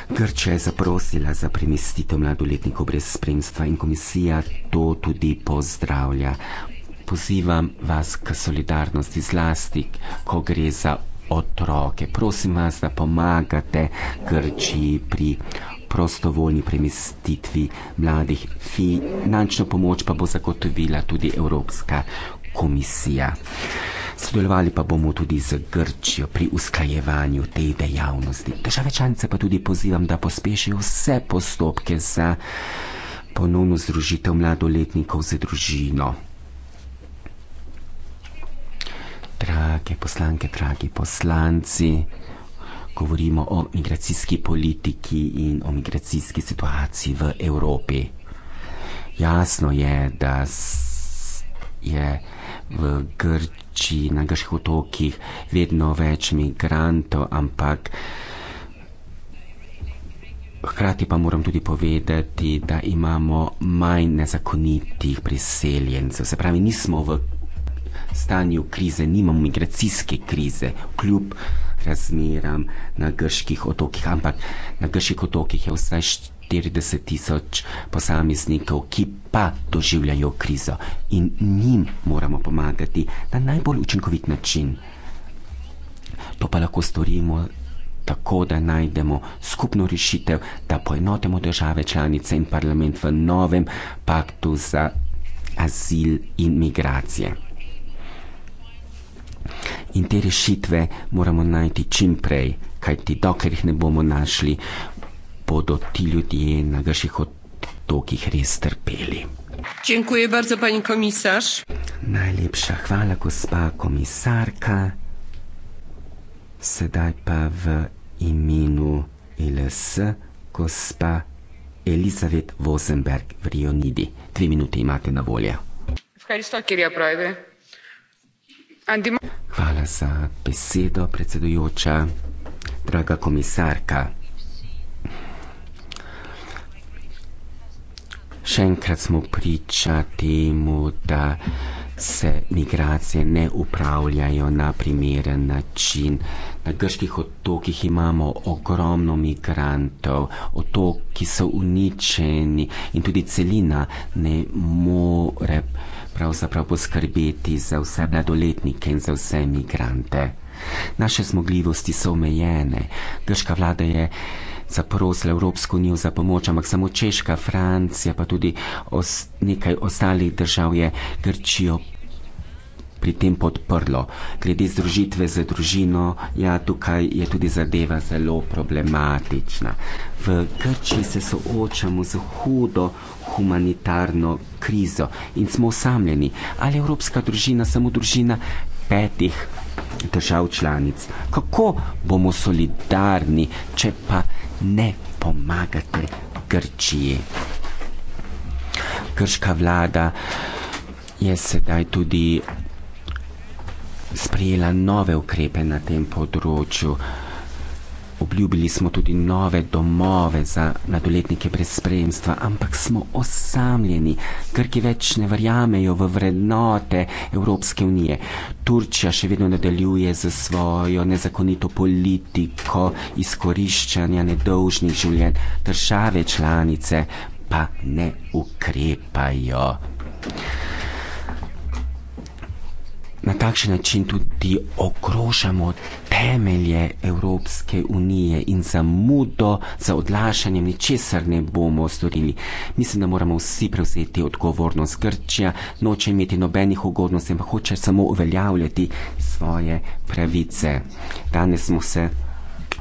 Grče je zaprosila za premestitev mladoletnikov brez spremstva in komisija to tudi pozdravlja. Pozivam vas k solidarnosti zlasti, ko gre za otroke. Prosim vas, da pomagate Grčiji pri prostovoljni premestitvi mladih. Finančno pomoč pa bo zagotovila tudi Evropska komisija. Sodelovali pa bomo tudi z Grčijo pri usklajevanju te dejavnosti. Države članice pa tudi pozivam, da pospešijo vse postopke za ponovno združitev mladoletnikov z družino. Drage poslanke, dragi poslanci, govorimo o migracijski politiki in o migracijski situaciji v Evropi. Jasno je, da je v Grčiji, na grških otokih vedno več migrantov, ampak hkrati pa moram tudi povedati, da imamo manj nezakonitih priseljencev. Se pravi, nismo v stanju krize, nimamo migracijske krize, kljub razmeram na grških otokih, ampak na grških otokih je vsaj 40 tisoč posameznikov, ki pa doživljajo krizo in njim moramo pomagati na najbolj učinkovit način. To pa lahko storimo tako, da najdemo skupno rešitev, da poenotemo države članice in parlament v novem paktu za azil in migracije. In te rešitve moramo najti čim prej, kajti dokler jih ne bomo našli, bodo ti ljudje na naših otokih res trpeli. Dziękuję bardzo, pani komisarz. Najlepsza chwała, gospa komisarka. Sedaj pa w imieniu LS gospa Elisabeth Wozenberg w Rionidi. Dwie minuty macie na wolę. W Kalisto, kiedy ja prawie. Hvala za besedo, predsedujoča, draga komisarka. Še enkrat smo priča temu, da se migracije ne upravljajo na primeren način. Na grških otokih imamo ogromno migrantov, otoki so uničeni in tudi celina ne more pravzaprav poskrbeti za vse mladoletnike in za vse imigrante. Naše zmogljivosti so omejene. Grška vlada je zaprosila Evropsko unijo za pomoč, ampak samo Češka, Francija, pa tudi os nekaj ostalih držav je Grčijo pri tem podprlo. Glede združitve z družino, ja, tukaj je tudi zadeva zelo problematična. V Grčiji se soočamo z hudo humanitarno krizo in smo osamljeni. Ali je evropska družina samo družina petih držav članic? Kako bomo solidarni, če pa ne pomagate Grčiji? Grška vlada je sedaj tudi sprejela nove ukrepe na tem področju. Obljubili smo tudi nove domove za mladoletnike brez spremstva, ampak smo osamljeni, Grki več ne verjamejo v vrednote Evropske unije. Turčija še vedno nadaljuje z svojo nezakonito politiko izkoriščanja nedolžnih življenj, države članice pa ne ukrepajo na takšen način tudi ogrožamo temelje Evropske unije in zamudo za odlašanjem ničesar ne bomo storili. Mislim, da moramo vsi prevzeti odgovornost. Grčija noče imeti nobenih ugodnosti, ampak hoče samo uveljavljati svoje pravice. Danes smo se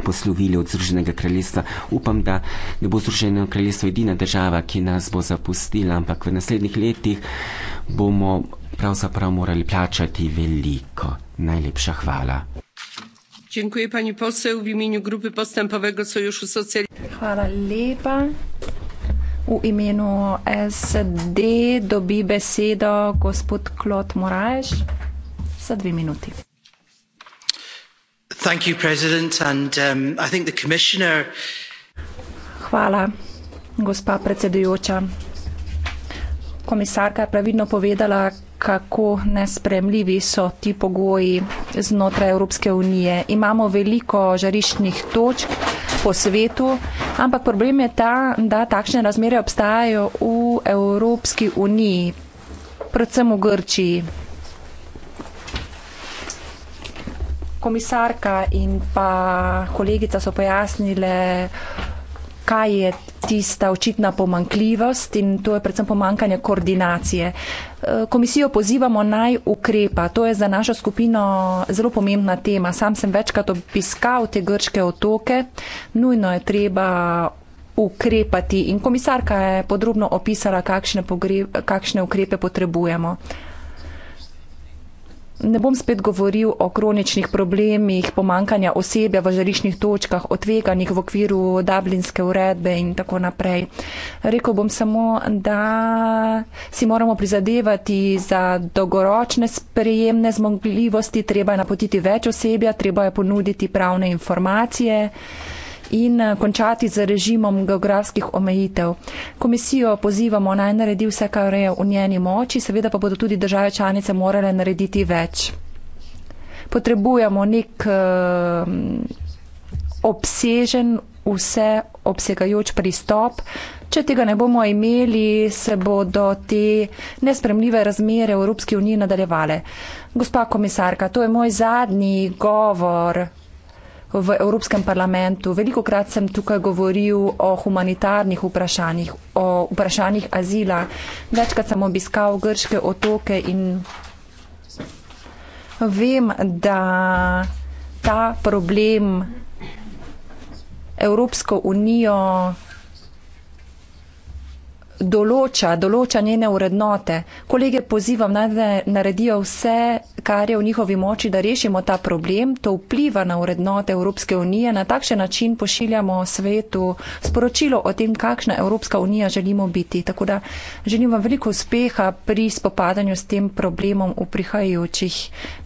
poslovili od Združenega kraljestva. Upam, da ne bo Združeno kraljestvo edina država, ki nas bo zapustila, ampak v naslednjih letih bomo pravzaprav morali plačati veliko. Najlepša hvala. Dziękuję pani poseł w imieniu Grupy Postępowego Sojuszu Socjalistycznego. V imenu SD dobi besedo gospod Klot Moraes za dve minuti. Thank you, President, and, um, I think the commissioner... Hvala, gospa predsedujoča. Komisarka je pravidno povedala, kako nespremljivi so ti pogoji znotraj Evropske unije. Imamo veliko žariščnih točk po svetu, ampak problem je ta, da takšne razmere obstajajo v Evropski uniji, predvsem v Grčiji. Komisarka in pa kolegica so pojasnile, kaj je tista očitna pomankljivost in to je predvsem pomankanje koordinacije. E, komisijo pozivamo naj ukrepa, to je za našo skupino zelo pomembna tema. Sam sem večkrat obiskal te grške otoke, nujno je treba ukrepati in komisarka je podrobno opisala, kakšne, pogre, kakšne ukrepe potrebujemo. Ne bom spet govoril o kroničnih problemih, pomankanja osebja v žariščnih točkah, o tveganjih v okviru dublinske uredbe in tako naprej. Rekl bom samo, da si moramo prizadevati za dolgoročne sprejemne zmogljivosti, treba je napotiti več osebja, treba je ponuditi pravne informacije in eh, končati z režimom geografskih omejitev. Komisijo pozivamo naj naredi vse, kar je v njeni moči, seveda pa bodo tudi države članice morale narediti več. Potrebujemo nek eh, obsežen, vse obsegajoč pristop. Če tega ne bomo imeli, se bodo te nespremljive razmere v Evropski uniji nadaljevale. Gospa komisarka, to je moj zadnji govor v Evropskem parlamentu. Veliko krat sem tukaj govoril o humanitarnih vprašanjih, o vprašanjih azila. Večkrat sem obiskal grške otoke in vem, da ta problem Evropsko unijo določa, določa njene urednote. Kolege pozivam, da naredijo vse, kar je v njihovi moči, da rešimo ta problem. To vpliva na urednote Evropske unije. Na takšen način pošiljamo svetu sporočilo o tem, kakšna Evropska unija želimo biti. Tako da želim vam veliko uspeha pri spopadanju s tem problemom v prihajajočih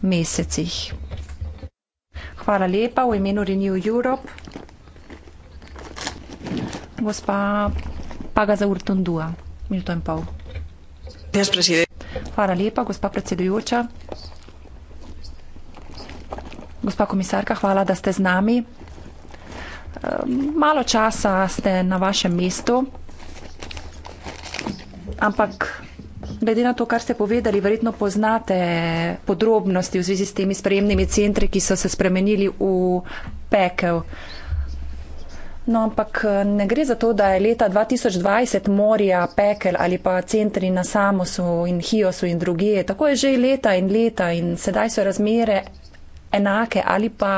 mesecih. Hvala lepa v imenu Renew Europe. Gospa paga za Urton 2, Milton Paul. Hvala lepa, gospa predsedujoča. Gospa komisarka, hvala, da ste z nami. Ehm, malo časa ste na vašem mestu, ampak glede na to, kar ste povedali, verjetno poznate podrobnosti v zvezi s temi sprejemnimi centri, ki so se spremenili v pekel. No, ampak eh, ne gre za to, da je leta 2020 morja, pekel ali pa centri na Samosu in Hiosu in druge. Tako je že leta in leta in sedaj so razmere enake ali pa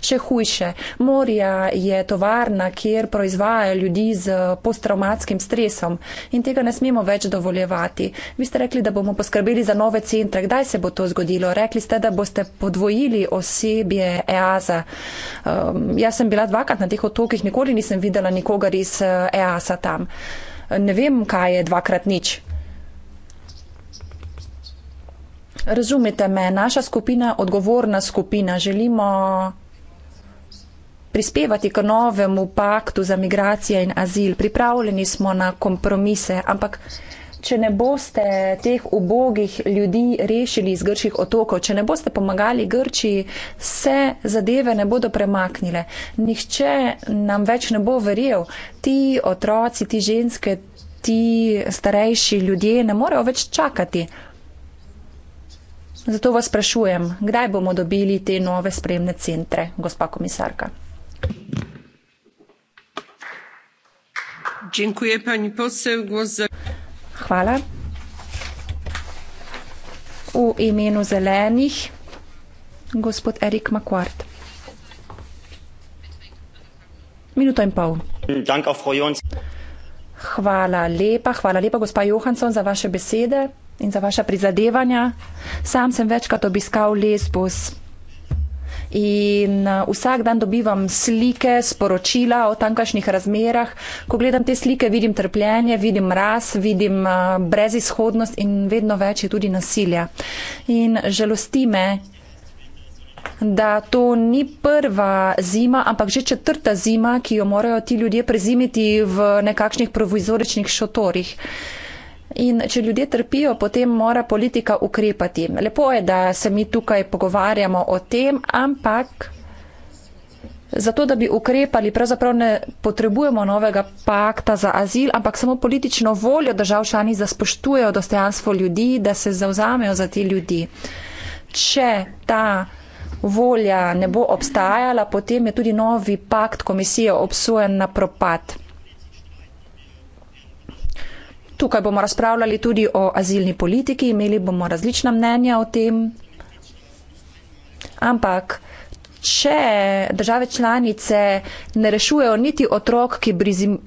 še hujše. Morija je tovarna, kjer proizvajajo ljudi z posttraumatskim stresom in tega ne smemo več dovoljevati. Vi ste rekli, da bomo poskrbeli za nove centre. Kdaj se bo to zgodilo? Rekli ste, da boste podvojili osebje EASA. Um, jaz sem bila dvakrat na teh otokih, nikoli nisem videla nikogar iz EASA eh, e tam. Ne vem, kaj je dvakrat nič. Razumete me, naša skupina, odgovorna skupina, želimo prispevati k novemu paktu za migracije in azil. Pripravljeni smo na kompromise, ampak če ne boste teh ubogih ljudi rešili iz grških otokov, če ne boste pomagali Grčiji, se zadeve ne bodo premaknile. Nihče nam več ne bo verjel. Ti otroci, ti ženske, ti starejši ljudje ne morejo več čakati. Zato vas sprašujem, kdaj bomo dobili te nove spremne centre, gospa komisarka? Dziękuję, pani poseł. Głos za... Hvala. V imenu zelenih, gospod Erik Makwart. Minuto in pol. Dank auf Hvala lepa, hvala lepa, gospa Johansson, za vaše besede in za vaša prizadevanja. Sam sem večkrat obiskal Lesbos in uh, vsak dan dobivam slike, sporočila o tankašnjih razmerah. Ko gledam te slike, vidim trpljenje, vidim ras, vidim uh, brezizhodnost in vedno več je tudi nasilja. In žalosti me, da to ni prva zima, ampak že četrta zima, ki jo morajo ti ljudje prezimiti v nekakšnih provizoričnih šotorih. In če ljudje trpijo, potem mora politika ukrepati. Lepo je, da se mi tukaj pogovarjamo o tem, ampak zato, da bi ukrepali, pravzaprav ne potrebujemo novega pakta za azil, ampak samo politično voljo držav šani, da spoštujejo dostojanstvo ljudi, da se zauzamejo za ti ljudi. Če ta volja ne bo obstajala, potem je tudi novi pakt komisije obsojen na propad. Tukaj bomo razpravljali tudi o azilni politiki, imeli bomo različna mnenja o tem. Ampak, če države članice ne rešujejo niti otrok, ki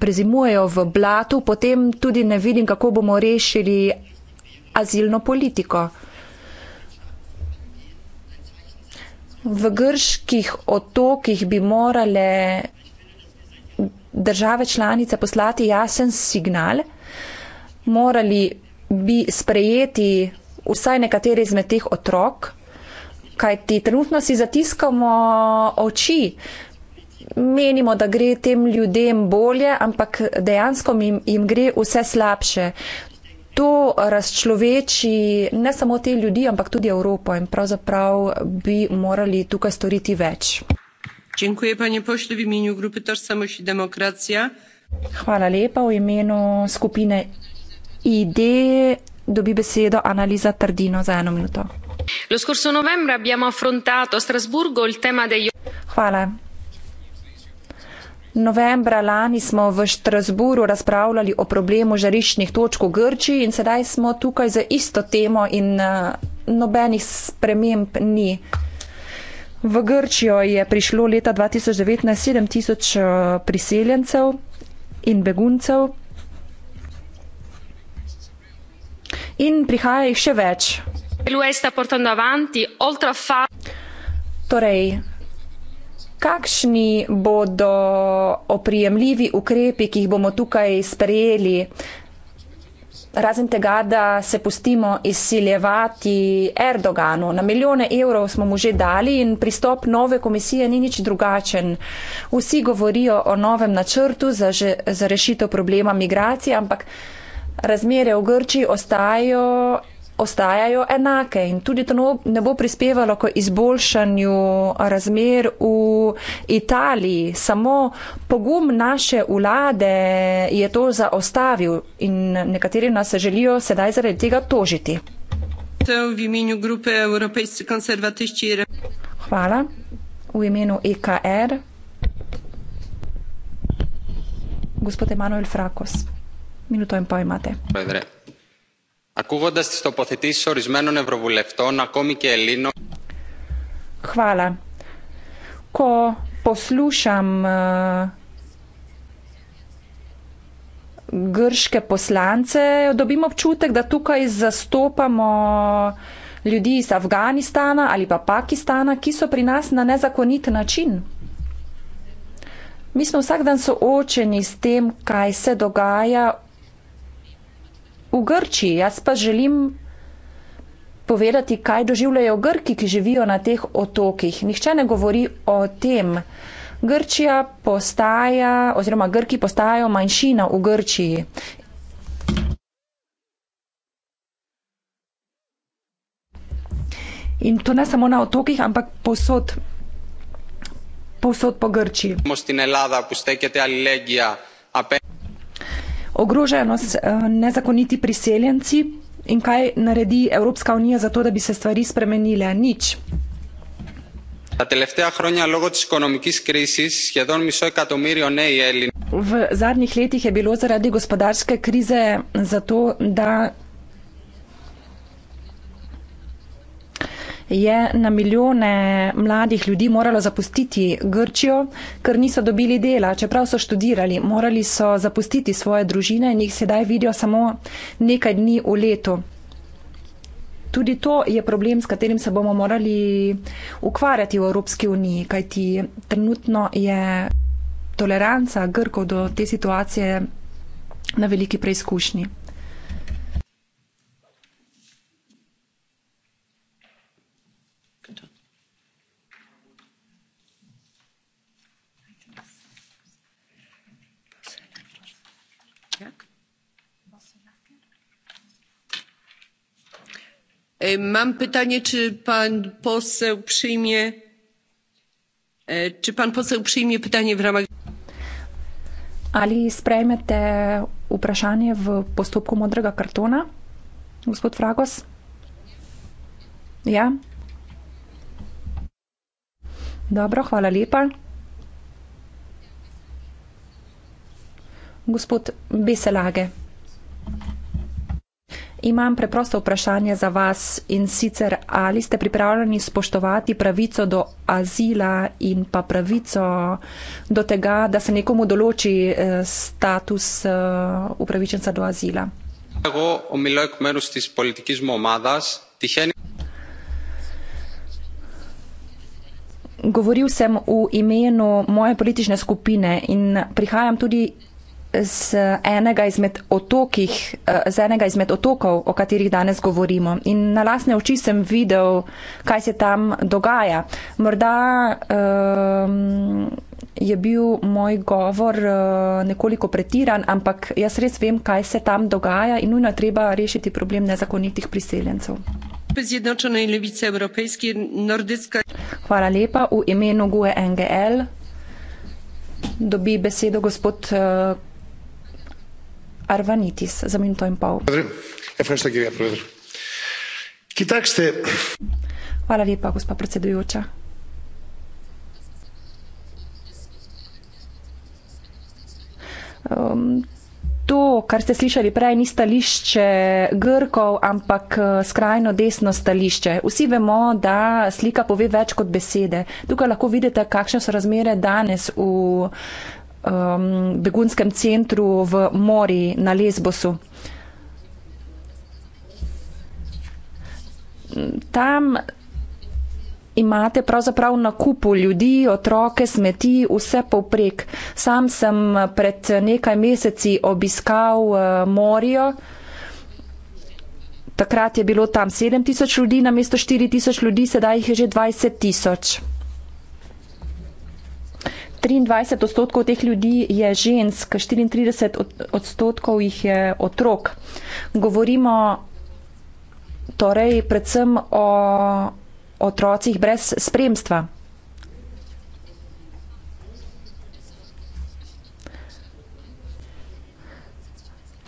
prezimujejo v blatu, potem tudi ne vidim, kako bomo rešili azilno politiko. V grških otokih bi morale države članice poslati jasen signal, morali bi sprejeti vsaj nekateri izmed teh otrok, kajti trenutno si zatiskamo oči, menimo, da gre tem ljudem bolje, ampak dejansko jim, jim gre vse slabše. To razčloveči ne samo te ljudi, ampak tudi Evropo in pravzaprav bi morali tukaj storiti več. Dziękuję, panie pośle, w imieniu grupy Tożsamość i Demokracja. Hvala lepa v imenu skupine ID dobi besedo Analiza Tardino za eno minuto. Lo scorso novembre abbiamo affrontato a Strasburgo il tema degli. Hvala. Novembra lani smo v Štrasburu razpravljali o problemu žariščnih točk v Grči in sedaj smo tukaj za isto temo in eh, nobenih sprememb ni. V Grčijo je prišlo leta 2019 7000 eh, priseljencev in beguncev. in prihaja jih še več. Torej, kakšni bodo oprijemljivi ukrepi, ki jih bomo tukaj sprejeli, razen tega, da se pustimo izsiljevati Erdoganu? Na milijone evrov smo mu že dali in pristop nove komisije ni nič drugačen. Vsi govorijo o novem načrtu za, že, za rešitev problema migracije, ampak razmere v Grči ostajajo, ostajajo enake in tudi to ne bo prispevalo k izboljšanju razmer v Italiji. Samo pogum naše vlade je to zaostavil in nekateri nas se želijo sedaj zaradi tega tožiti. Hvala. V imenu EKR. Gospod Emanuel Frakos minuto en πάω imate. señora presidenta ακούγοντα τι τοποθετήσει ορισμένων ευρωβουλευτών ακόμη και Ελλήνων. Χβάλα. Ko poslušam uh, grške poslance, dobimo občutek, da tukaj zastopamo ljudi iz Afganistana ali pa Pakistana, ki so pri nas na nezakonit način. Mi smo vsak dan soočeni s tem, kaj se dogaja v Grčiji. Jaz pa želim povedati, kaj doživljajo Grki, ki živijo na teh otokih. Nihče ne govori o tem. Grčija postaja, oziroma Grki postajajo manjšina v Grčiji. In to ne samo na otokih, ampak posod, posod po Grčiji ogrožajo nas eh, nezakoniti priseljenci in kaj naredi Evropska unija za to, da bi se stvari spremenile? Nič. V zadnjih letih je bilo zaradi gospodarske krize zato, da je na milijone mladih ljudi moralo zapustiti Grčijo, ker niso dobili dela, čeprav so študirali, morali so zapustiti svoje družine in jih sedaj vidijo samo nekaj dni v letu. Tudi to je problem, s katerim se bomo morali ukvarjati v Evropski uniji, kajti trenutno je toleranca Grkov do te situacije na veliki preizkušnji. E, mam pytanie e, czy pan poseł przyjmie pytanie w ramach. ali sprejmete vprašanje v postopku modrega kartona gospod fragos ja dobro hvala lepa gospod beselage. Imam preprosto vprašanje za vas in sicer, ali ste pripravljeni spoštovati pravico do azila in pa pravico do tega, da se nekomu določi eh, status eh, upravičenca do azila. Govoril sem v imenu moje politične skupine in prihajam tudi z enega izmed otokih, eh, z enega izmed otokov, o katerih danes govorimo. In na lasne oči sem videl, kaj se tam dogaja. Morda um, je bil moj govor eh, nekoliko pretiran, ampak jaz res vem, kaj se tam dogaja in nujno treba rešiti problem nezakonitih priseljencev. Zjednočene levice evropejske in nordijske. Hvala lepa. V imenu GUE NGL dobi besedo gospod uh, Arvanitis za minuto in pol. Ja, Hvala lepa, gospa predsedujoča. Um, To, kar ste slišali prej, ni stališče Grkov, ampak eh, skrajno desno stališče. Vsi vemo, da slika pove več kot besede. Tukaj lahko vidite, kakšne so razmere danes v um, begunskem centru v Mori na Lesbosu. Tam imate pravzaprav na kupu ljudi, otroke, smeti, vse povprek. Sam sem pred nekaj meseci obiskal uh, morijo. Takrat je bilo tam 7 tisoč ljudi, na mesto 4 tisoč ljudi, sedaj jih je že 20 tisoč. 23 odstotkov teh ljudi je žensk, 34 odstotkov jih je otrok. Govorimo torej predvsem o otrocih brez spremstva.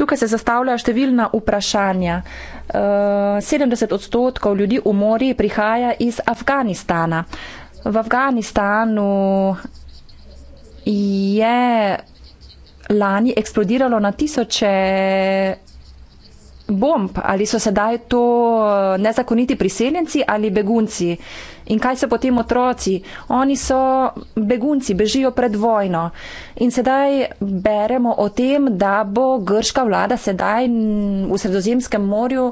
Tukaj se zastavljajo številna vprašanja. 70 eh, odstotkov ljudi v mori prihaja iz Afganistana. V Afganistanu je lani eksplodiralo na tisoče bomb, ali so sedaj to eh, nezakoniti priseljenci ali begunci. In kaj so potem otroci? Oni so begunci, bežijo pred vojno. In sedaj beremo o tem, da bo grška vlada sedaj v Sredozemskem morju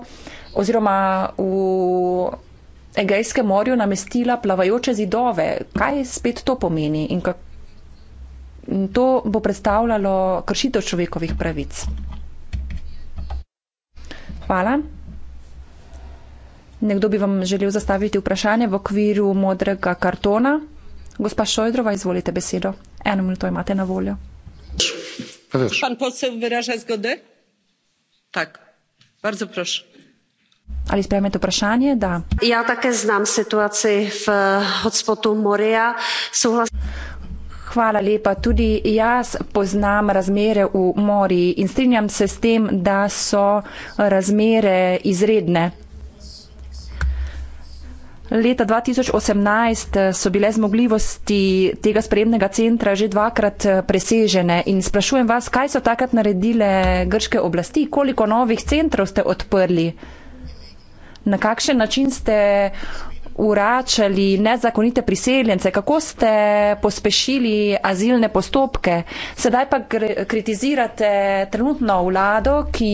oziroma v Egejskem morju namestila plavajoče zidove. Kaj spet to pomeni in kako? to bo predstavljalo kršitev človekovih pravic. Hvala. Nekdo bi vam želel zastaviti vprašanje v okviru modrega kartona. Gospa Šojdrova, izvolite besedo. Eno minuto imate na voljo. Pan posel vyraža zgode? Tak, bardzo proszę. Ali sprejmete vprašanje? Da. Ja, také znam situaci v hotspotu Moria. Souhlas... Hvala lepa. Tudi jaz poznam razmere v mori in strinjam se s tem, da so razmere izredne. Leta 2018 so bile zmogljivosti tega spremnega centra že dvakrat presežene in sprašujem vas, kaj so takrat naredile grške oblasti, koliko novih centrov ste odprli, na kakšen način ste uračali nezakonite priseljence, kako ste pospešili azilne postopke. Sedaj pa kritizirate trenutno vlado, ki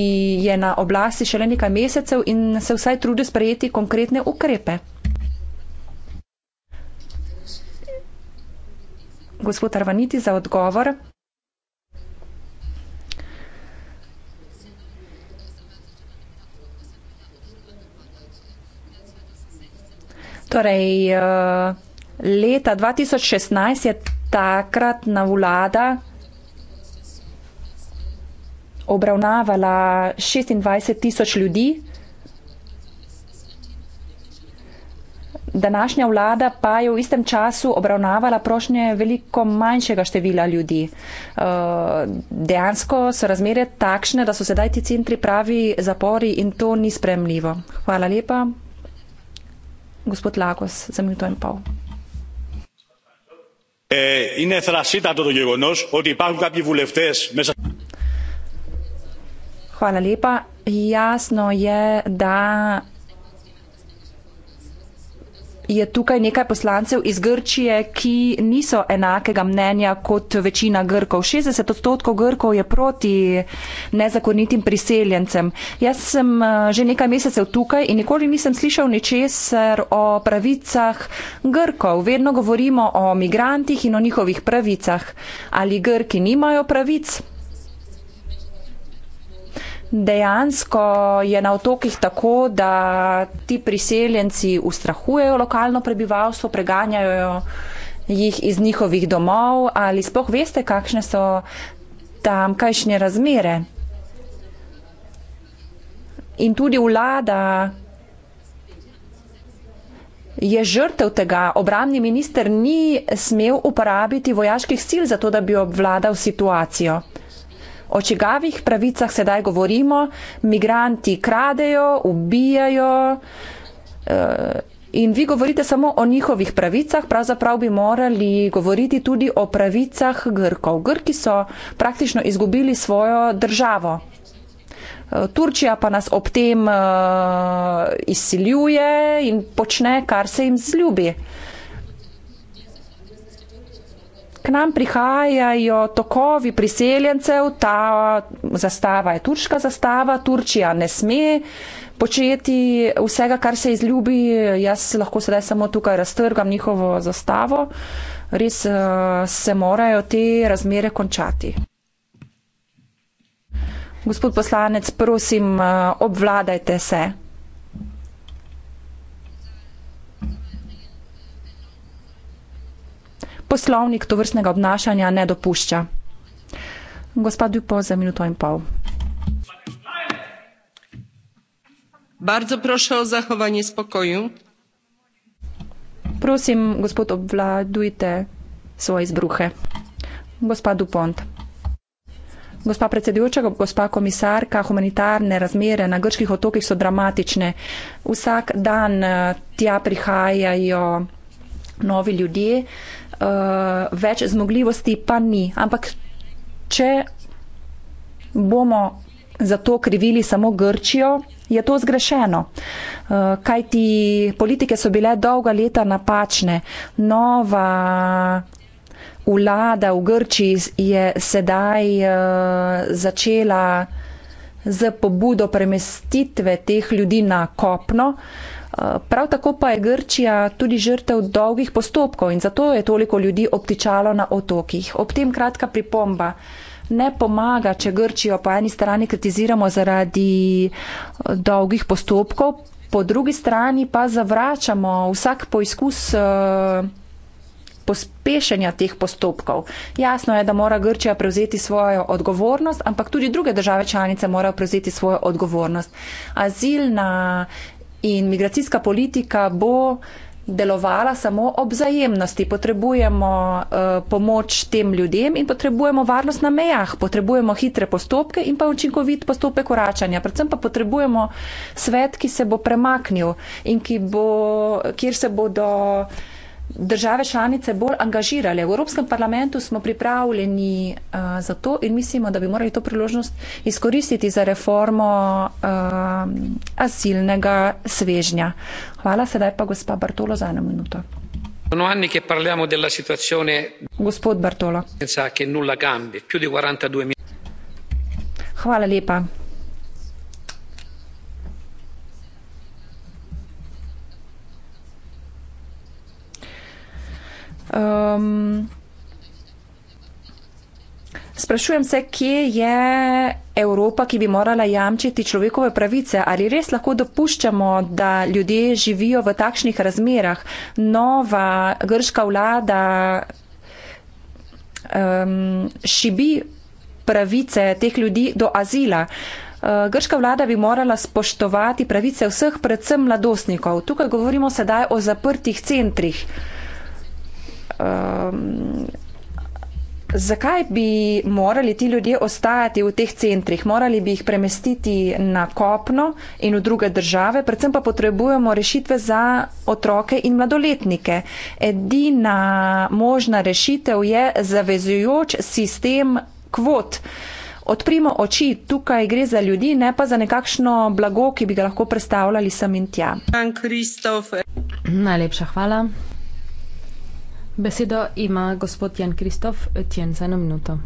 je na oblasti šele nekaj mesecev in se vsaj trudi sprejeti konkretne ukrepe. Gospod Arvaniti za odgovor. Torej, eh, leta 2016 je takratna vlada obravnavala 26 tisoč ljudi. Današnja vlada pa je v istem času obravnavala prošnje veliko manjšega števila ljudi. Eh, dejansko so razmere takšne, da so sedaj ti centri pravi zapori in to ni spremljivo. Hvala lepa gospod Lagos za minuto in pol. Eh, Hvala lepa. Jasno je, da je tukaj nekaj poslancev iz Grčije, ki niso enakega mnenja kot večina Grkov. 60 odstotkov Grkov je proti nezakonitim priseljencem. Jaz sem eh, že nekaj mesecev tukaj in nikoli nisem slišal ničesar o pravicah Grkov. Vedno govorimo o migrantih in o njihovih pravicah. Ali Grki nimajo pravic? Dejansko je na otokih tako, da ti priseljenci ustrahujejo lokalno prebivalstvo, preganjajo jih iz njihovih domov ali spoh veste, kakšne so tamkajšnje razmere. In tudi vlada je žrtev tega. Obramni minister ni smel uporabiti vojaških sil za to, da bi obvladal situacijo o čigavih pravicah sedaj govorimo, migranti kradejo, ubijajo eh, in vi govorite samo o njihovih pravicah, pravzaprav bi morali govoriti tudi o pravicah Grkov. Grki so praktično izgubili svojo državo. Eh, Turčija pa nas ob tem uh, izsiljuje in počne, kar se jim zljubi. Uh, k nam prihajajo tokovi priseljencev, ta zastava je turška zastava, Turčija ne sme početi vsega, kar se izljubi, jaz lahko sedaj samo tukaj raztrgam njihovo zastavo, res eh, se morajo te razmere končati. Gospod poslanec, prosim, eh, obvladajte se. Poslovnik to vrstnega obnašanja ne dopušča. Gospod Dupo za minuto in pol. Bardzo proszę o zachowanie spokoju. Prosim, gospod, obvladujte svoje izbruhe. Gospa Dupont. Gospa predsedujoča, gospa komisarka, humanitarne razmere na grških otokih so dramatične. Vsak dan eh, tja prihajajo novi ljudje, uh, več zmogljivosti, pa ni. Ampak, če bomo za to krivili samo Grčijo, je to zgrešeno. Uh, eh, Kaj ti politike so bile dolga leta napačne. Nova vlada v Grčiji je sedaj uh, začela z pobudo premestitve teh ljudi na kopno. Uh, Prav tako pa je Grčija tudi žrtev dolgih postopkov in zato je toliko ljudi obtičalo na otokih. Ob tem kratka pripomba. Ne pomaga, če Grčijo po eni strani kritiziramo zaradi eh, dolgih postopkov, po drugi strani pa zavračamo vsak poizkus eh, pospešenja teh postopkov. Jasno je, da mora Grčija prevzeti svojo odgovornost, ampak tudi druge države članice morajo prevzeti svojo odgovornost. Azil na in migracijska politika bo delovala samo ob zajemnosti. Potrebujemo uh, pomoč tem ljudem in potrebujemo varnost na mejah, potrebujemo hitre postopke in pa učinkovit postopek uračanja. Predvsem pa potrebujemo svet, ki se bo premaknil in ki bo, kjer se bodo uh, države članice bolj angažirale. V Evropskem parlamentu smo pripravljeni eh, za to in mislimo, da bi morali to priložnost izkoristiti za reformo eh, asilnega svežnja. Hvala, sedaj pa gospa Bartolo za eno minuto. Gospod Bartolo. Hvala lepa. Um, sprašujem se, kje je Evropa, ki bi morala jamčiti človekove pravice. Ali res lahko dopuščamo, da ljudje živijo v takšnih razmerah? Nova grška vlada um, šibi pravice teh ljudi do azila. Uh, grška vlada bi morala spoštovati pravice vseh, predvsem mladostnikov. Tukaj govorimo sedaj o zaprtih centrih. Uh, um, zakaj bi morali ti ljudje ostajati v teh centrih? Morali bi jih premestiti na kopno in v druge države, predvsem pa potrebujemo rešitve za otroke in mladoletnike. Edina možna rešitev je zavezujoč sistem kvot. Odprimo oči, tukaj gre za ljudi, ne pa za nekakšno blago, ki bi ga lahko predstavljali sem in tja. Najlepša hvala. Besedo ima gospod Jan Kristof Tjen za eno minuto.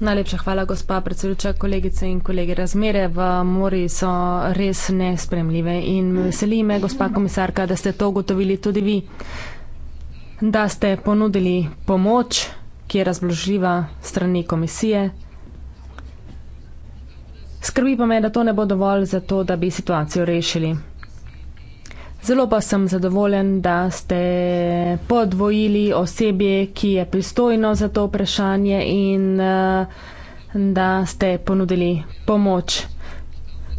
Najlepša hvala, gospa predsedujoča, kolegice in kolege. Razmere v mori so res nespremljive in veseli me, gospa komisarka, da ste to ugotovili tudi vi, da ste ponudili pomoč, ki je razbložljiva strani komisije. Skrbi pa me, da to ne bo dovolj za to, da bi situacijo rešili. Zelo pa sem zadovoljen, da ste podvojili osebje, ki je pristojno za to vprašanje in eh, da ste ponudili pomoč.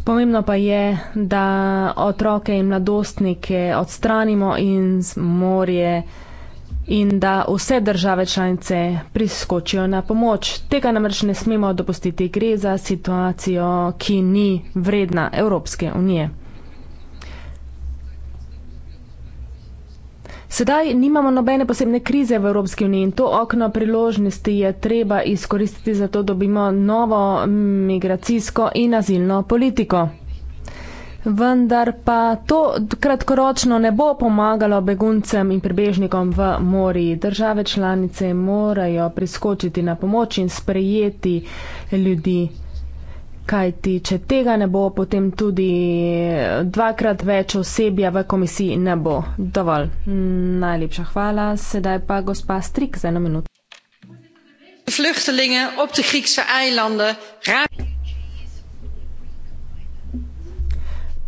Pomembno pa je, da otroke in mladostnike odstranimo in z morje in da vse države članice priskočijo na pomoč. Tega namreč ne smemo dopustiti. Gre za situacijo, ki ni vredna Evropske unije. Sedaj nimamo nobene posebne krize v Evropski uniji in to okno priložnosti je treba izkoristiti za to, da dobimo novo migracijsko in azilno politiko. Vendar pa to kratkoročno ne bo pomagalo beguncem in prebežnikom v morji. Države članice morajo priskočiti na pomoč in sprejeti ljudi Kaj ti, če tega ne bo, potem tudi dvakrat več osebja v komisiji ne bo dovolj. Najlepša hvala. Sedaj pa gospa Strik za eno minuto. Vluchtelingen op de Griekse eilanden.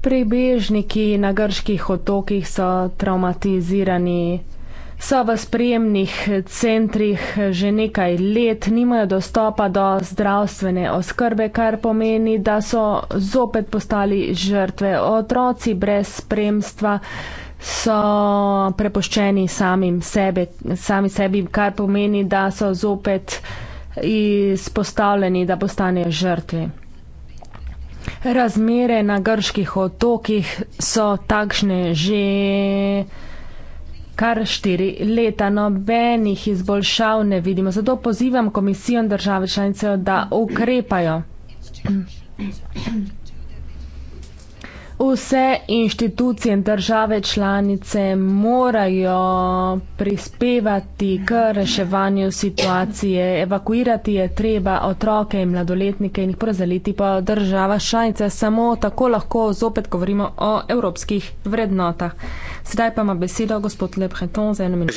Prebežniki na grških otokih so traumatizirani, so v sprejemnih centrih že nekaj let, nimajo dostopa do zdravstvene oskrbe, kar pomeni, da so zopet postali žrtve. Otroci brez spremstva so prepoščeni samim sebe, sami sebi, kar pomeni, da so zopet izpostavljeni, da postanejo žrtve. Razmere na grških otokih so takšne že kar štiri leta, nobenih izboljšav ne vidimo. Zato pozivam komisijo in države članice, da ukrepajo. Vse inštitucije in države članice morajo prispevati k reševanju situacije, evakuirati je treba otroke in mladoletnike in jih porazdeliti po država članice. Samo tako lahko zopet govorimo o evropskih vrednotah. Sedaj pa ima besedo gospod Le Breton za eno minuto.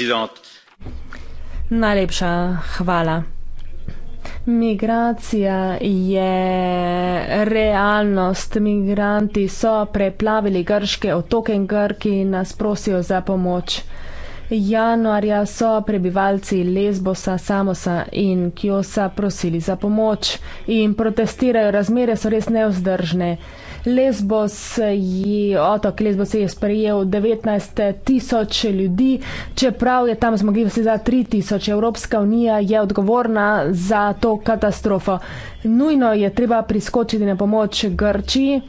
Najlepša hvala. Migracija je realnost. Migranti so preplavili grške otoke in Grki nas prosijo za pomoč. Januarja so prebivalci Lesbosa, Samosa in Kiosa prosili za pomoč in protestirajo. Razmere so res neozdržne. Lesbos je, otok Lesbos je sprejel 19 tisoč ljudi, čeprav je tam zmogljiv se za 3 tisoč. Evropska unija je odgovorna za to katastrofo. Nujno je treba priskočiti na pomoč Grčiji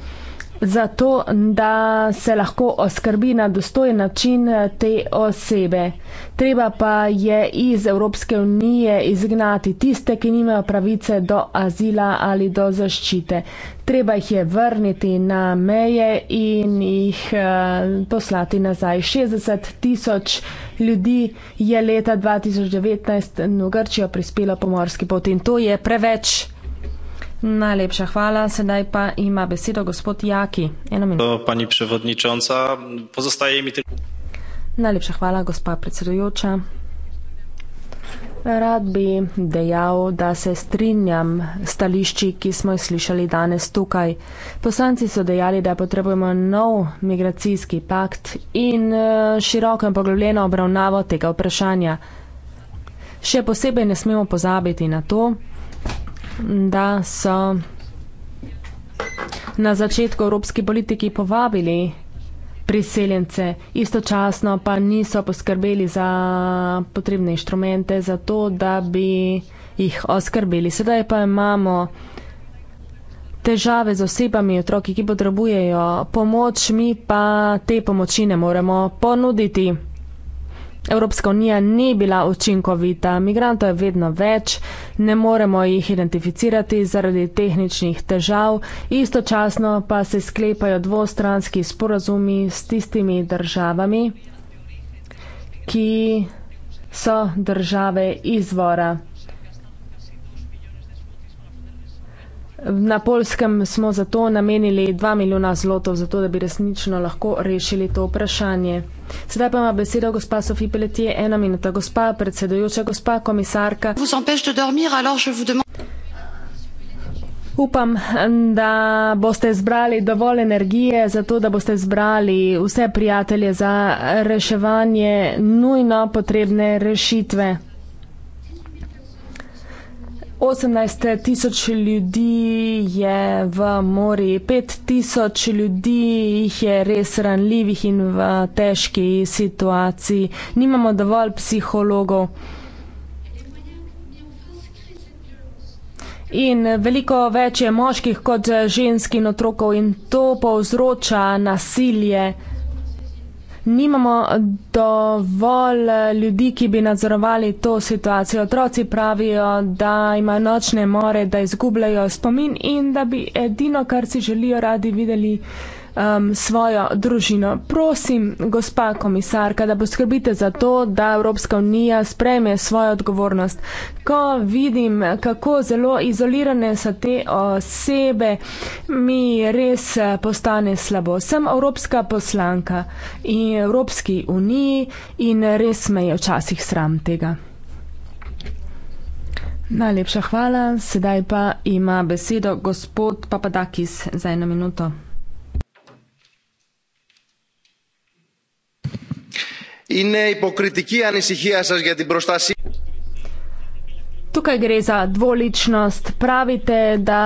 zato da se lahko oskrbi na dostojen način eh, te osebe. Treba pa je iz Evropske unije izgnati tiste, ki nimajo pravice do azila ali do zaščite. Treba jih je vrniti na meje in jih eh, poslati nazaj. 60 tisoč ljudi je leta 2019 v Grčijo prispelo po morski poti in to je preveč. Najlepša hvala. Sedaj pa ima besedo gospod Jaki. Eno minuto. Pani predsedujoča, pozostaje mi tri. Najlepša hvala, gospa predsedujoča. Rad bi dejal, da se strinjam stališči, ki smo jih slišali danes tukaj. Poslanci so dejali, da potrebujemo nov migracijski pakt in eh, široko in poglobljeno obravnavo tega vprašanja. Še posebej ne smemo pozabiti na to, da so na začetku evropski politiki povabili priseljence, istočasno pa niso poskrbeli za potrebne inštrumente, za to, da bi jih oskrbeli. Sedaj pa imamo težave z osebami, otroki, ki potrebujejo pomoč, mi pa te pomoči ne moremo ponuditi. Evropska unija ni bila učinkovita, migrantov je vedno več, ne moremo jih identificirati zaradi tehničnih težav, istočasno pa se sklepajo dvostranski sporazumi s tistimi državami, ki so države izvora. Na Polskem smo zato namenili 2 milijona zlotov, zato da bi resnično lahko rešili to vprašanje. Sedaj pa ima besedo gospa Sofi Peletje, ena minuta gospa, predsedujoča gospa komisarka. Upam, da boste zbrali dovolj energije, zato da boste zbrali vse prijatelje za reševanje nujno potrebne rešitve. 18 tisoč ljudi je v mori, 5 tisoč ljudi jih je res ranljivih in v težki situaciji. Nimamo dovolj psihologov. In veliko več je moških kot ženskih otrokov in to povzroča nasilje nimamo dovolj eh, ljudi, ki bi nadzorovali to situacijo. Otroci pravijo, da imajo nočne more, da izgubljajo spomin in da bi edino, kar si želijo radi videli, um, svojo družino. Prosim, gospa komisarka, da poskrbite za to, da Evropska unija sprejme svojo odgovornost. Ko vidim, kako zelo izolirane so te osebe, mi res eh, postane slabo. Sem evropska poslanka in Evropski uniji in res me je včasih sram tega. Najlepša hvala. Sedaj pa ima besedo gospod Papadakis za eno minuto. είναι υποκριτική ανησυχία σας για την προστασία. Tukaj gre za dvoličnost. Pravite, da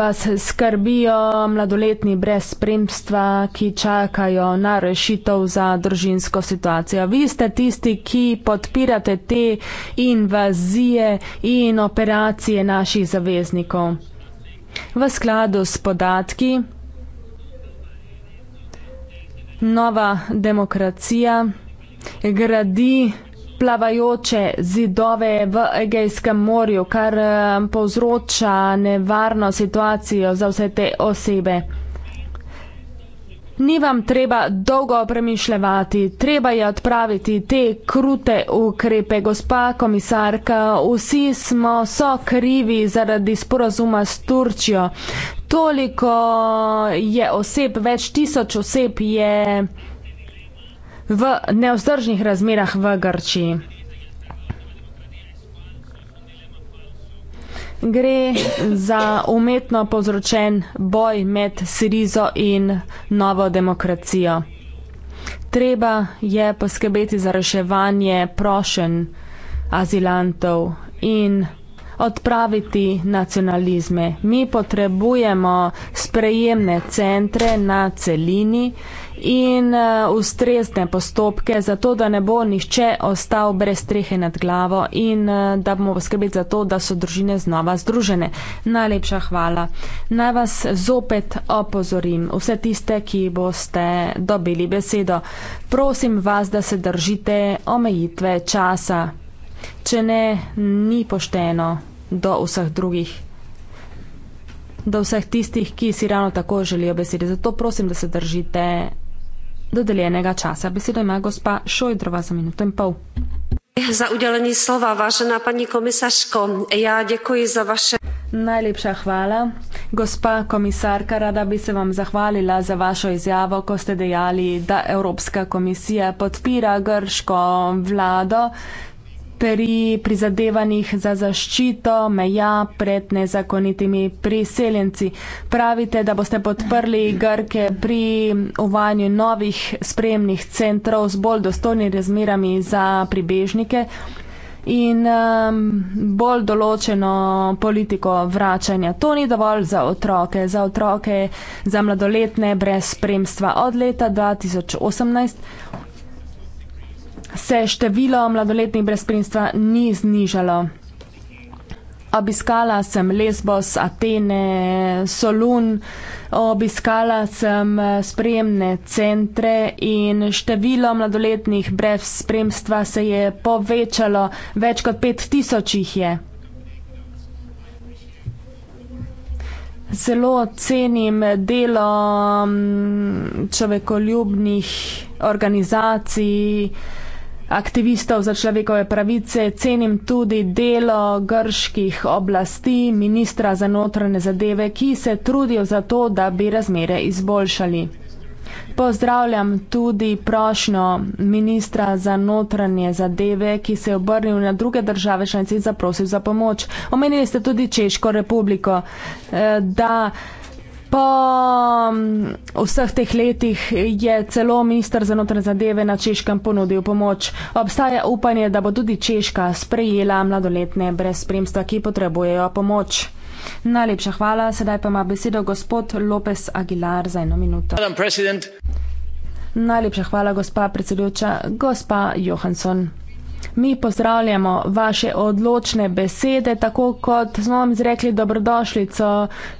vas skrbijo mladoletni brez spremstva, ki čakajo na rešitev za družinsko situacijo. Vi ste tisti, ki podpirate te invazije in operacije naših zaveznikov. V skladu s podatki Nova demokracija gradi plavajoče zidove v Egejskem morju, kar eh, povzroča nevarno situacijo za vse te osebe. Ni vam treba dolgo premišljevati, treba je odpraviti te krute ukrepe, gospa komisarka. Vsi smo so krivi zaradi sporazuma s Turčijo. Toliko je oseb, več tisoč oseb je v nevzdržnih razmerah v Grčiji. Gre za umetno povzročen boj med Sirizo in novo demokracijo. Treba je poskrbeti za reševanje prošen azilantov in odpraviti nacionalizme. Mi potrebujemo sprejemne centre na celini in eh, ustrezne postopke, zato da ne bo nihče ostal brez strehe nad glavo in eh, da bomo poskrbeti za to, da so družine znova združene. Najlepša hvala. Naj vas zopet opozorim, vse tiste, ki boste dobili besedo. Prosim vas, da se držite omejitve časa. Če ne, ni pošteno do vseh drugih, do vseh tistih, ki si ravno tako želijo besede. Zato prosim, da se držite dodeljenega časa. Besedo ima gospa Šojdrova za minuto in pol. Za udelení slova, vážená pani komisarko, ja děkuji za vaše... Najlepša hvala. Gospa komisarka, rada bi se vam zahvalila za vašo izjavo, ko ste dejali, da Evropska komisija podpira grško vlado pri prizadevanjih za zaščito meja pred nezakonitimi priseljenci. Pravite, da boste podprli Grke pri uvajanju novih spremnih centrov z bolj dostojnimi razmerami za pribežnike in um, bolj določeno politiko vračanja. To ni dovolj za otroke, za otroke, za mladoletne brez spremstva. Od leta 2018 se število mladoletnih brezprinstva ni znižalo. Obiskala sem Lesbos, Atene, Solun, obiskala sem eh, spremne centre in število mladoletnih brez spremstva se je povečalo, več kot pet tisoč jih je. Zelo cenim delo mm, človekoljubnih organizacij, aktivistov za človekove pravice, cenim tudi delo grških oblasti, ministra za notranje zadeve, ki se trudijo za to, da bi razmere izboljšali. Pozdravljam tudi prošnjo ministra za notranje zadeve, ki se je obrnil na druge države članice in zaprosil za pomoč. Omenili ste tudi Češko republiko, eh, da Po um, vseh teh letih je celo ministr za notranje zadeve na Češkem ponudil pomoč. Obstaja upanje, da bo tudi Češka sprejela mladoletne brez spremstva, ki potrebujejo pomoč. Najlepša hvala, sedaj pa ima besedo gospod Lopes Aguilar za eno minuto. Najlepša hvala, gospa predsedujoča, gospa Johansson. Mi pozdravljamo vaše odločne besede, tako kot smo vam izrekli dobrodošljico,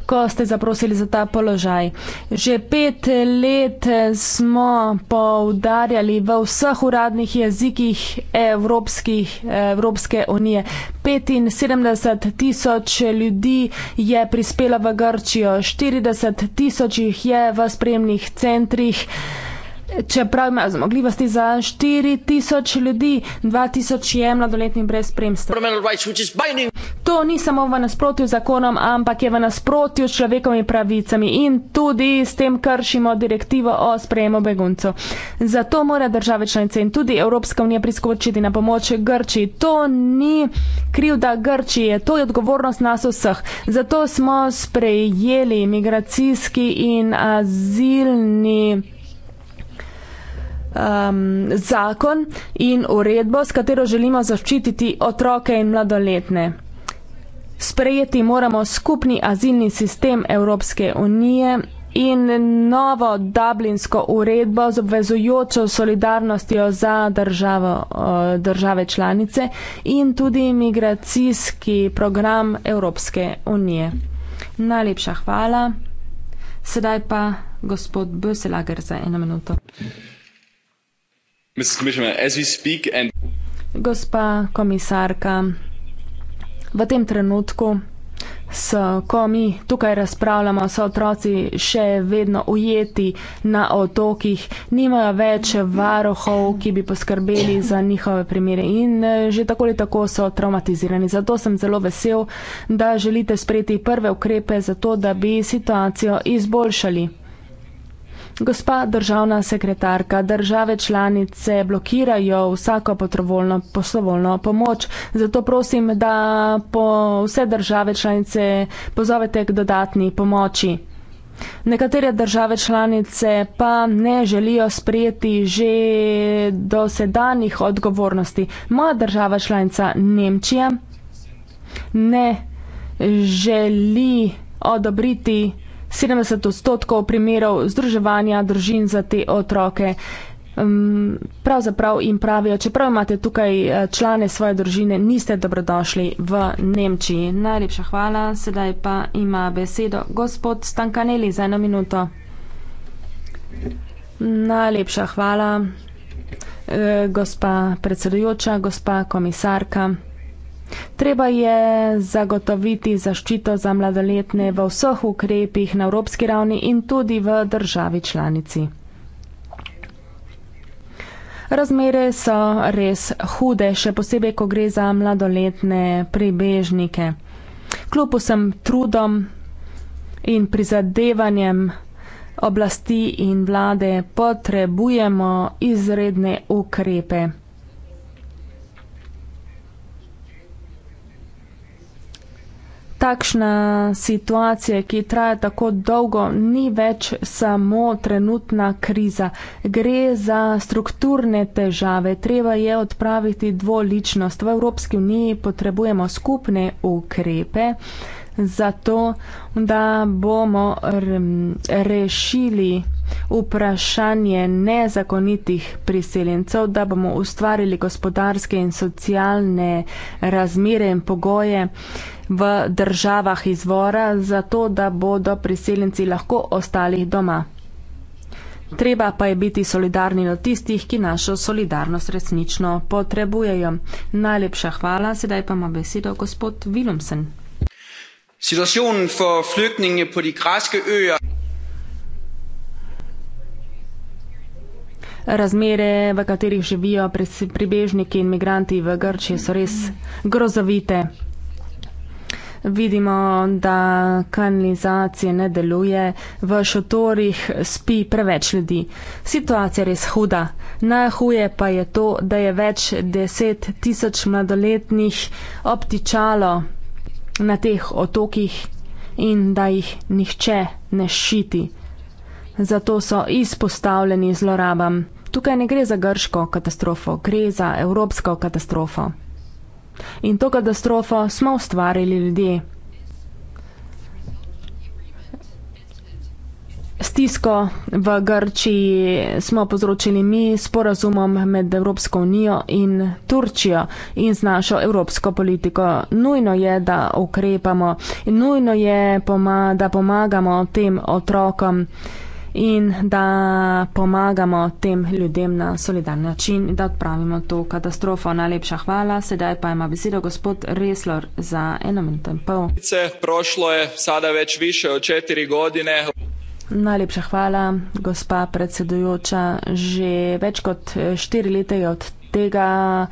ko ste zaprosili za ta položaj. Že pet let smo poudarjali v vseh uradnih jezikih Evropskih, Evropske unije. 75 tisoč ljudi je prispela v Grčijo, 40 tisoč jih je v spremnih centrih čeprav imajo zmogljivosti za 4000 ljudi, 2000 je mladoletni brez spremstva. To ni samo v nasprotju z zakonom, ampak je v nasprotju s človekovimi pravicami in tudi s tem kršimo direktivo o sprejemu beguncev. Zato mora države članice in tudi Evropska unija priskočiti na pomoč Grčiji. To ni krivda Grčije, to je odgovornost nas vseh. Zato smo sprejeli migracijski in azilni um, zakon in uredbo, s katero želimo zaščititi otroke in mladoletne. Sprejeti moramo skupni azilni sistem Evropske unije in novo dublinsko uredbo z obvezujočo solidarnostjo za državo, države članice in tudi migracijski program Evropske unije. Najlepša hvala. Sedaj pa gospod Böselager za eno minuto. Gospa komisarka, v tem trenutku, so, ko mi tukaj razpravljamo, so otroci še vedno ujeti na otokih, nimajo več varohov, ki bi poskrbeli za njihove primere in že tako ali tako so traumatizirani. Zato sem zelo vesel, da želite sprejeti prve ukrepe za to, da bi situacijo izboljšali. Gospa državna sekretarka, države članice blokirajo vsako potrovoljno poslovoljno pomoč. Zato prosim, da po vse države članice pozovete k dodatni pomoči. Nekatere države članice pa ne želijo sprejeti že dosedanjih odgovornosti. Moja država članica Nemčija ne želi odobriti 70 odstotkov primerov združevanja družin za te otroke. Pravzaprav jim pravijo, čeprav imate tukaj eh, člane svoje družine, niste dobrodošli v Nemčiji. Najlepša hvala, sedaj pa ima besedo gospod Stankaneli za eno minuto. Najlepša hvala, eh, gospa predsedujoča, gospa komisarka. Treba je zagotoviti zaščito za mladoletne v vseh ukrepih na evropski ravni in tudi v državi članici. Razmere so res hude, še posebej, ko gre za mladoletne pribežnike. Kljub vsem trudom in prizadevanjem oblasti in vlade potrebujemo izredne ukrepe. takšna situacija, ki traja tako dolgo, ni več samo trenutna kriza. Gre za strukturne težave. Treba je odpraviti dvoličnost. V Evropski uniji potrebujemo skupne ukrepe za to, da bomo rešili vprašanje nezakonitih priseljencev, da bomo ustvarili gospodarske in socialne razmere in pogoje v državah izvora, zato da bodo priseljenci lahko ostali doma. Treba pa je biti solidarni do tistih, ki našo solidarnost resnično potrebujejo. Najlepša hvala, sedaj pa ima besedo gospod Willumsen. Situacijo za flyktinge po de graške öje. Razmere, v katerih živijo pribežniki in migranti v Grčiji, so res grozovite. Vidimo, da kanalizacije ne deluje, v šotorih spi preveč ljudi. Situacija je res huda. Najhuje pa je to, da je več deset tisoč mladoletnih obtičalo na teh otokih in da jih nihče ne ščiti. Zato so izpostavljeni zlorabam tukaj ne gre za grško katastrofo, gre za evropsko katastrofo. In to katastrofo smo ustvarili ljudje. Stisko v Grčiji smo povzročili mi s porazumom med Evropsko unijo in Turčijo in z našo evropsko politiko. Nujno je, da ukrepamo in nujno je, da pomagamo tem otrokom in da pomagamo tem ljudem na solidarni način, da odpravimo to katastrofo. Najlepša hvala, sedaj pa ima besedo gospod Reslor za eno minuto in pol. Prošlo je sada več više od četiri godine. Najlepša hvala, gospa predsedujoča. Že več kot štiri leta je od tega,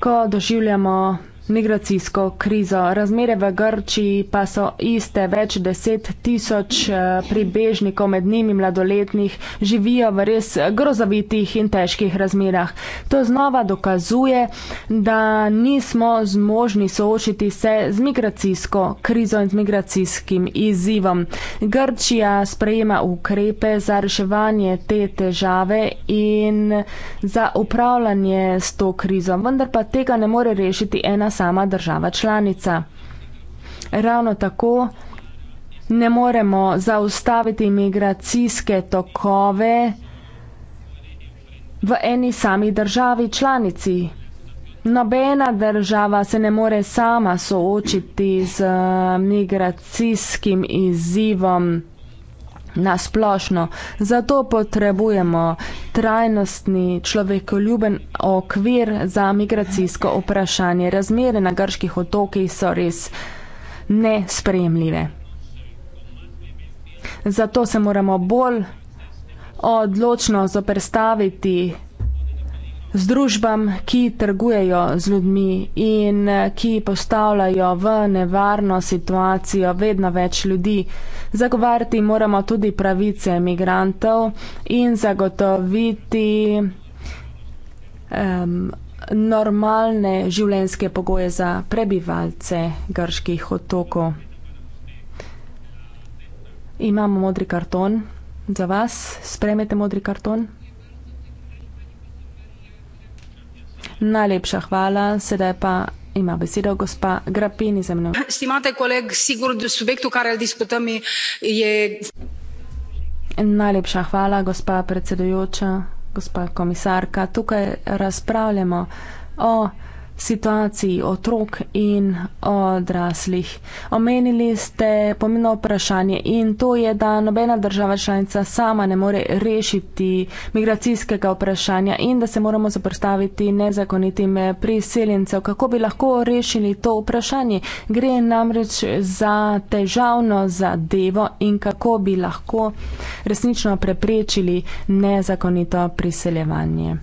ko doživljamo migracijsko krizo. Razmere v Grčiji pa so iste. Več deset tisoč eh, pribežnikov, med njimi mladoletnih, živijo v res grozovitih in težkih razmerah. To znova dokazuje, da nismo zmožni soočiti se z migracijsko krizo in z migracijskim izzivom. Grčija sprejema ukrepe za reševanje te težave in za upravljanje s to krizo, vendar pa tega ne more rešiti ena sama sama država članica. Ravno tako ne moremo zaustaviti migracijske tokove v eni sami državi članici. Nobena država se ne more sama soočiti z migracijskim izzivom. Na splošno, zato potrebujemo trajnostni človekoljuben okvir za migracijsko vprašanje. Razmere na grških otokih so res nespremljive. Zato se moramo bolj odločno zoprstaviti z družbam, ki trgujejo z ljudmi in eh, ki postavljajo v nevarno situacijo vedno več ljudi. Zagovarjati moramo tudi pravice imigrantov in zagotoviti um, normalne življenjske pogoje za prebivalce grških otokov. Imamo modri karton za vas, spremete modri karton. Najlepša hvala, sedaj pa ima besedo gospa Grapini za mnom. Stimate koleg, sigur do subjektu, kar jaz diskutam, je... E- Najlepša hvala, gospa predsedujoča, gospa komisarka. Tukaj razpravljamo o situaciji otrok in odraslih. Omenili ste pomembno vprašanje in to je, da nobena država članica sama ne more rešiti migracijskega vprašanja in da se moramo zaprstaviti nezakonitim priseljencev. Kako bi lahko rešili to vprašanje? Gre namreč za težavno zadevo in kako bi lahko resnično preprečili nezakonito priseljevanje.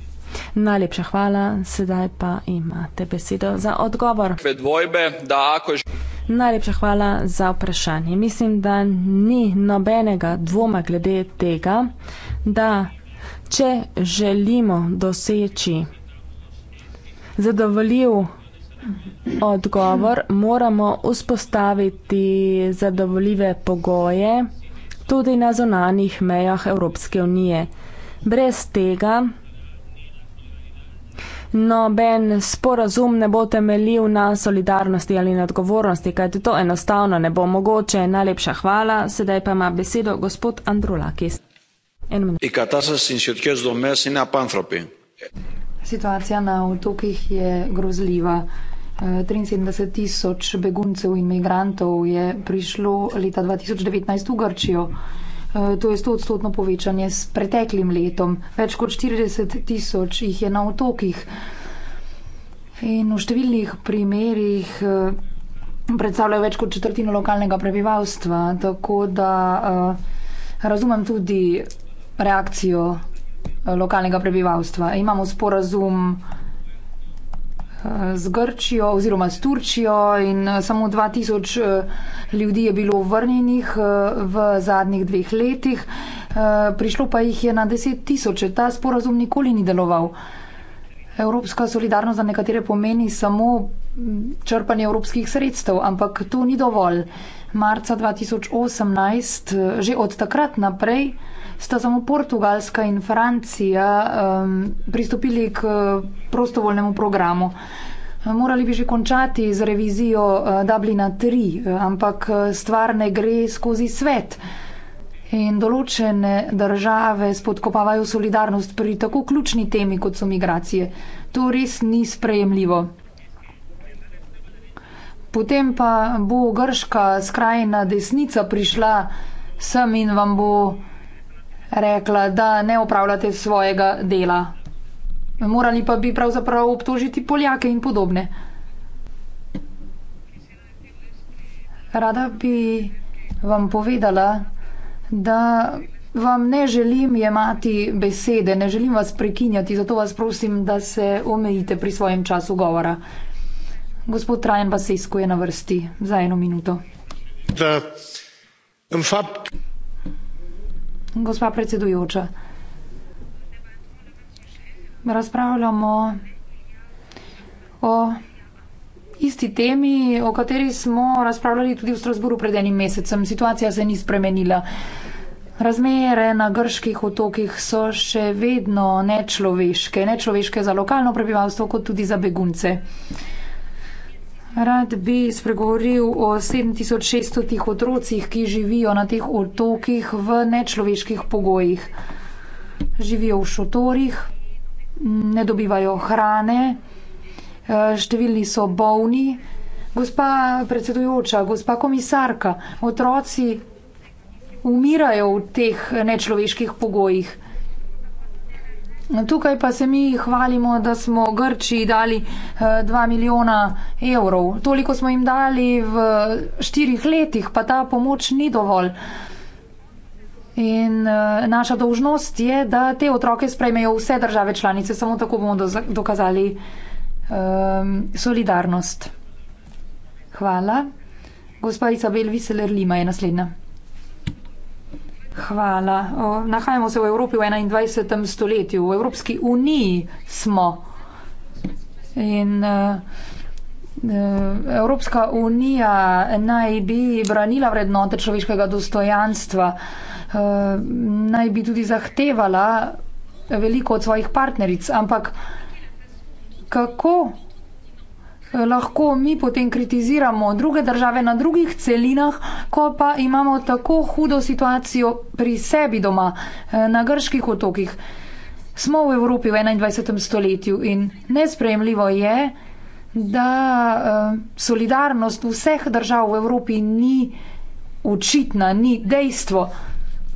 Najlepša hvala, sedaj pa imate besedo za odgovor. Dvojbe, akož... Najlepša hvala za vprašanje. Mislim, da ni nobenega dvoma glede tega, da če želimo doseči zadovoljiv odgovor, moramo vzpostaviti zadovoljive pogoje tudi na zunanjih mejah Evropske unije. Brez tega noben sporazum ne bo temeljil na solidarnosti ali na odgovornosti, kajti to enostavno ne bo mogoče. Najlepša hvala. Sedaj pa ima besedo gospod Andrulakis. Situacija na otokih je grozljiva. 73 eh, tisoč beguncev in migrantov je prišlo leta 2019 v Grčijo. Eh, to je stotstotno povečanje s preteklim letom. Več kot 40 tisoč jih je na otokih. In v številnih primerjih eh, predstavljajo več kot četrtino lokalnega prebivalstva, tako da eh, razumem tudi reakcijo lokalnega prebivalstva. Imamo sporazum z Grčijo oziroma s Turčijo in eh, samo 2000 eh, ljudi je bilo vrnjenih eh, v zadnjih dveh letih. Prišlo pa jih je na 10 tisoče. Ta sporazum nikoli ni deloval. Evropska solidarnost za nekatere pomeni samo mm, črpanje evropskih sredstev, ampak to ni dovolj. Marca 2018, že od takrat naprej, sta samo Portugalska in Francija um, pristopili k eh, prostovoljnemu programu. Eh, morali bi že končati z revizijo eh, Dublina 3, ampak stvar ne gre skozi svet. In določene države spodkopavajo solidarnost pri tako ključni temi, kot so migracije. To res ni sprejemljivo. Potem pa bo grška skrajna desnica prišla sem in vam bo rekla, da ne opravljate svojega dela. Morali pa bi pravzaprav obtožiti Poljake in podobne. Rada bi vam povedala, da vam ne želim jemati besede, ne želim vas prekinjati, zato vas prosim, da se omejite pri svojem času govora. Gospod Trajan Basesko je na vrsti za eno minuto. Da, Gospa predsedujoča, razpravljamo o isti temi, o kateri smo razpravljali tudi v Strasburu pred enim mesecem. Situacija se ni spremenila. Razmere na grških otokih so še vedno nečloveške, nečloveške za lokalno prebivalstvo kot tudi za begunce. Rad bi spregovoril o 7600 otrocih, ki živijo na teh otokih v nečloveških pogojih. Živijo v šotorih, ne dobivajo hrane, eh, številni so bolni. Gospa predsedujoča, gospa komisarka, otroci umirajo v teh nečloveških pogojih. Tukaj pa se mi hvalimo, da smo Grči dali 2 eh, milijona evrov. Toliko smo jim dali v štirih letih, pa ta pomoč ni dovolj. In eh, naša dožnost je, da te otroke sprejmejo vse države članice, samo tako bomo dokazali um, solidarnost. Hvala. Gospa Isabel Viseler Lima je naslednja. Hvala. Nahajamo se v Evropi v 21. stoletju. V Evropski uniji smo. In e, e, Evropska unija naj bi branila vrednote človeškega dostojanstva, e, naj bi tudi zahtevala veliko od svojih partneric, ampak kako lahko mi potem kritiziramo druge države na drugih celinah, ko pa imamo tako hudo situacijo pri sebi doma, eh, na grških otokih. Smo v Evropi v 21. stoletju in nespremljivo je, da eh, solidarnost vseh držav v Evropi ni očitna, ni dejstvo.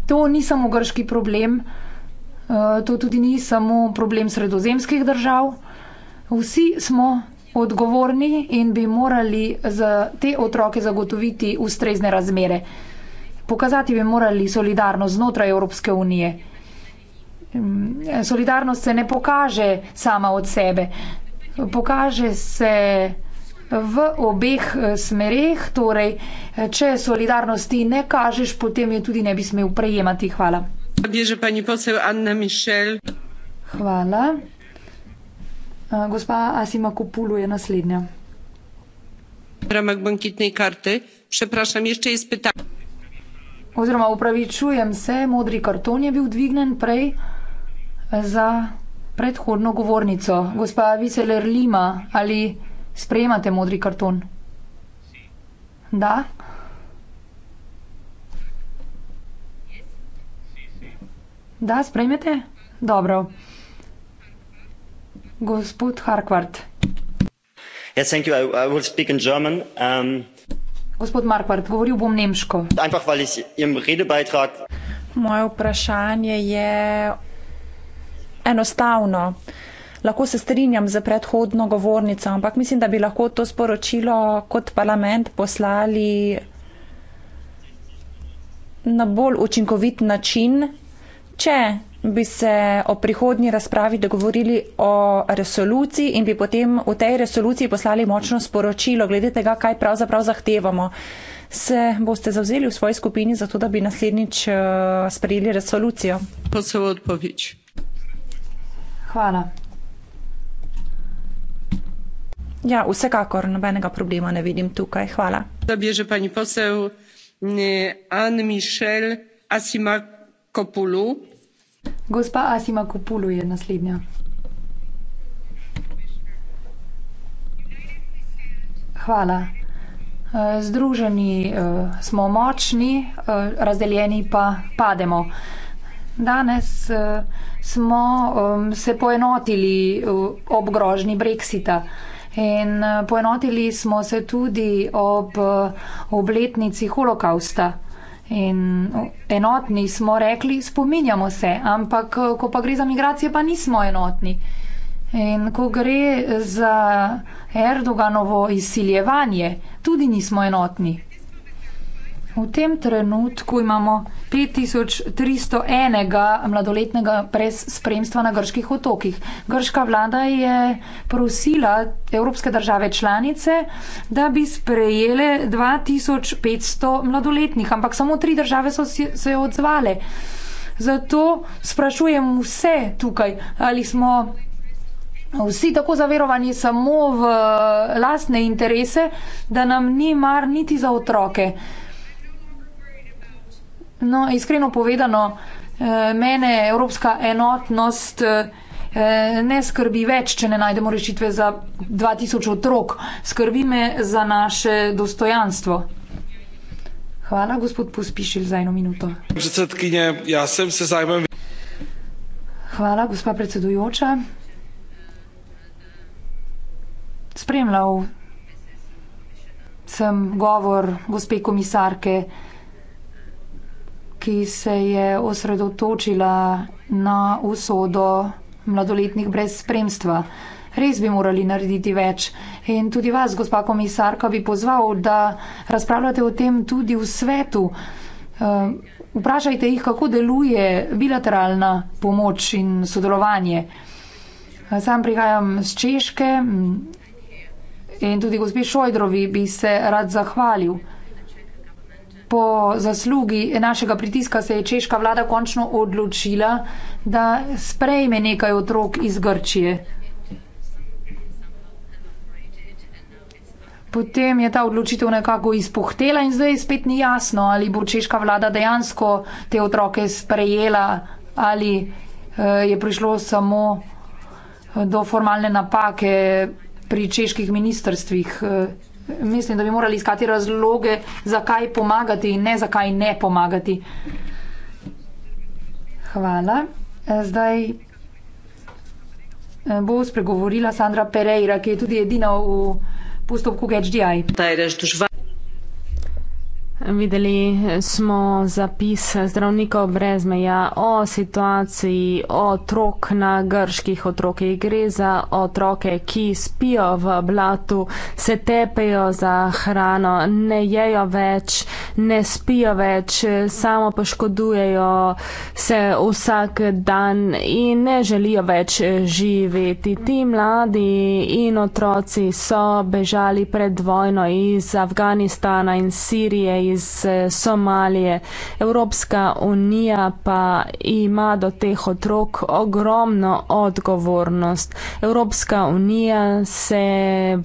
To ni samo grški problem, eh, to tudi ni samo problem sredozemskih držav. Vsi smo odgovorni in bi morali za te otroke zagotoviti ustrezne razmere. Pokazati bi morali solidarnost znotraj Evropske unije. Solidarnost se ne pokaže sama od sebe. Pokaže se v obeh eh, smereh, torej, eh, če solidarnosti ne kažeš, potem je tudi ne bi smel prejemati. Hvala. Hvala. Gospa Asima Kupulu je naslednja. V ramah bankitnej karte. Prepraszam, jeszcze jest pytanie. Oziroma upravičujem se, modri karton je bil dvignen prej e, za predhodno govornico. Gospa Viseler Lima, ali sprejemate modri karton? Da. Da, sprejmete? Dobro gospod um, markwart govoril bom nemško moje vprašanje je enostavno lahko se strinjam z predhodno govornico ampak mislim da bi lahko to sporočilo kot parlament poslali na bolj učinkovit način če bi se o prihodnji razpravi dogovorili o resoluciji in bi potem v tej resoluciji poslali močno sporočilo glede tega, kaj pravzaprav zahtevamo. Se boste zavzeli v svoji skupini za to, da bi naslednjič eh, sprejeli resolucijo? Posel odpovič. Hvala. Ja, vsekakor nobenega problema ne vidim tukaj. Hvala. Zabježe pani posel mm, Anne Michel Asimakopoulou. Gospa Asima Kupulu je naslednja. Hvala. Združeni, smo močni, razdeljeni pa pademo. Danes, smo, se poenotili, ob grožnji brexita in, poenotili smo se tudi ob, obletnici holokavsta. In enotni smo rekli, spominjamo se, ampak ko pa gre za migracije, pa nismo enotni. In ko gre za Erdoganovo izsiljevanje, tudi nismo enotni. V tem trenutku imamo 5301 mladoletnega brez spremstva na grških otokih. Grška vlada je prosila evropske države članice, da bi sprejele 2500 mladoletnih, ampak samo tri države so se odzvale. Zato sprašujem vse tukaj, ali smo. Vsi tako zaverovani samo v lastne interese, da nam ni mar niti za otroke. No, iskreno povedano, eh, mene evropska enotnost eh, ne skrbi več, če ne najdemo rešitve za 2000 otrok. Skrbi me za naše dostojanstvo. Hvala, gospod Pospišil, za eno minuto. Predsedkinje, jaz sem se zajmem. Hvala, gospa predsedujoča. Spremljal sem govor gospe komisarke ki se je osredotočila na usodo mladoletnih brez spremstva. Res bi morali narediti več. In tudi vas, gospa komisarka, bi pozval, da razpravljate o tem tudi v svetu. Eh, vprašajte jih, kako deluje bilateralna pomoč in sodelovanje. Eh, sam prihajam z Češke mm, in tudi gospe Šojdrovi bi se rad zahvalil po zaslugi našega pritiska se je češka vlada končno odločila, da sprejme nekaj otrok iz Grčije. Potem je ta odločitev nekako izpuhtela in zdaj spet ni jasno, ali bo češka vlada dejansko te otroke sprejela ali eh, je prišlo samo eh, do formalne napake pri čeških ministrstvih. Eh mislim, da bi morali iskati razloge, zakaj pomagati in ne zakaj ne pomagati. Hvala. Zdaj eh, bo spregovorila Sandra Pereira, ki je tudi edina v postopku GHDI videli smo zapis zdravnikov brez meja o situaciji otrok na grških otrokih. Gre za otroke, ki spijo v blatu, se tepejo za hrano, ne jejo več, ne spijo več, samo poškodujejo se vsak dan in ne želijo več živeti. Ti mladi in otroci so bežali pred vojno iz Afganistana in Sirije. Iz iz eh, Somalije. Evropska unija pa ima do teh otrok ogromno odgovornost. Evropska unija se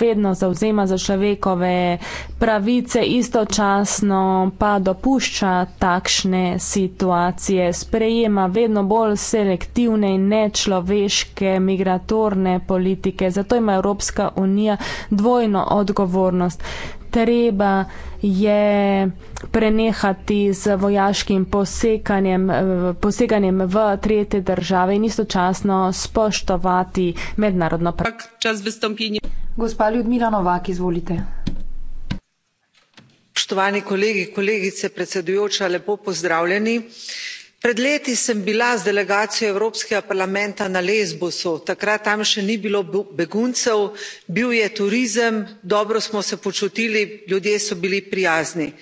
vedno zauzema za človekove pravice, istočasno pa dopušča takšne situacije, sprejema vedno bolj selektivne in nečloveške migratorne politike. Zato ima Evropska unija dvojno odgovornost treba je prenehati z vojaškim posekanjem, eh, poseganjem v tretje države in istočasno spoštovati mednarodno pravo. Gospa Ljudmila Novak, izvolite. Spoštovani kolegi, kolegice, predsedujoča, lepo pozdravljeni. Uh, pred leti sem bila z delegacijo evropskega parlamenta na lesbosu takrat tam še ni bilo beguncev bil je turizem dobro smo se počutili ljudje so bili prijazni.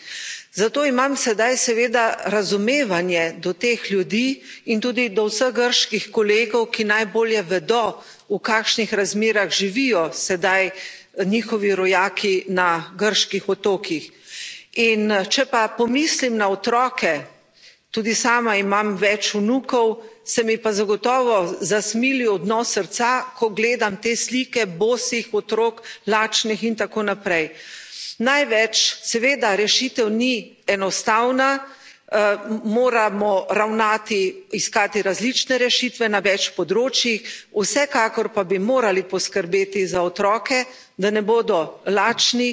zato imam sedaj seveda razumevanje do teh ljudi in tudi do vseh grških kolegov ki najbolje vedo v kakšnih razmerah živijo sedaj eh, njihovi rojaki na grških otokih. in če pa pomislim na otroke tudi sama imam več vnukov se mi pa zagotovo zasmili odnos srca ko gledam te slike bosih otrok lačnih in tako naprej. največ seveda rešitev ni enostavna eh, moramo ravnati iskati različne rešitve na več področjih vsekakor pa bi morali poskrbeti za otroke da ne bodo lačni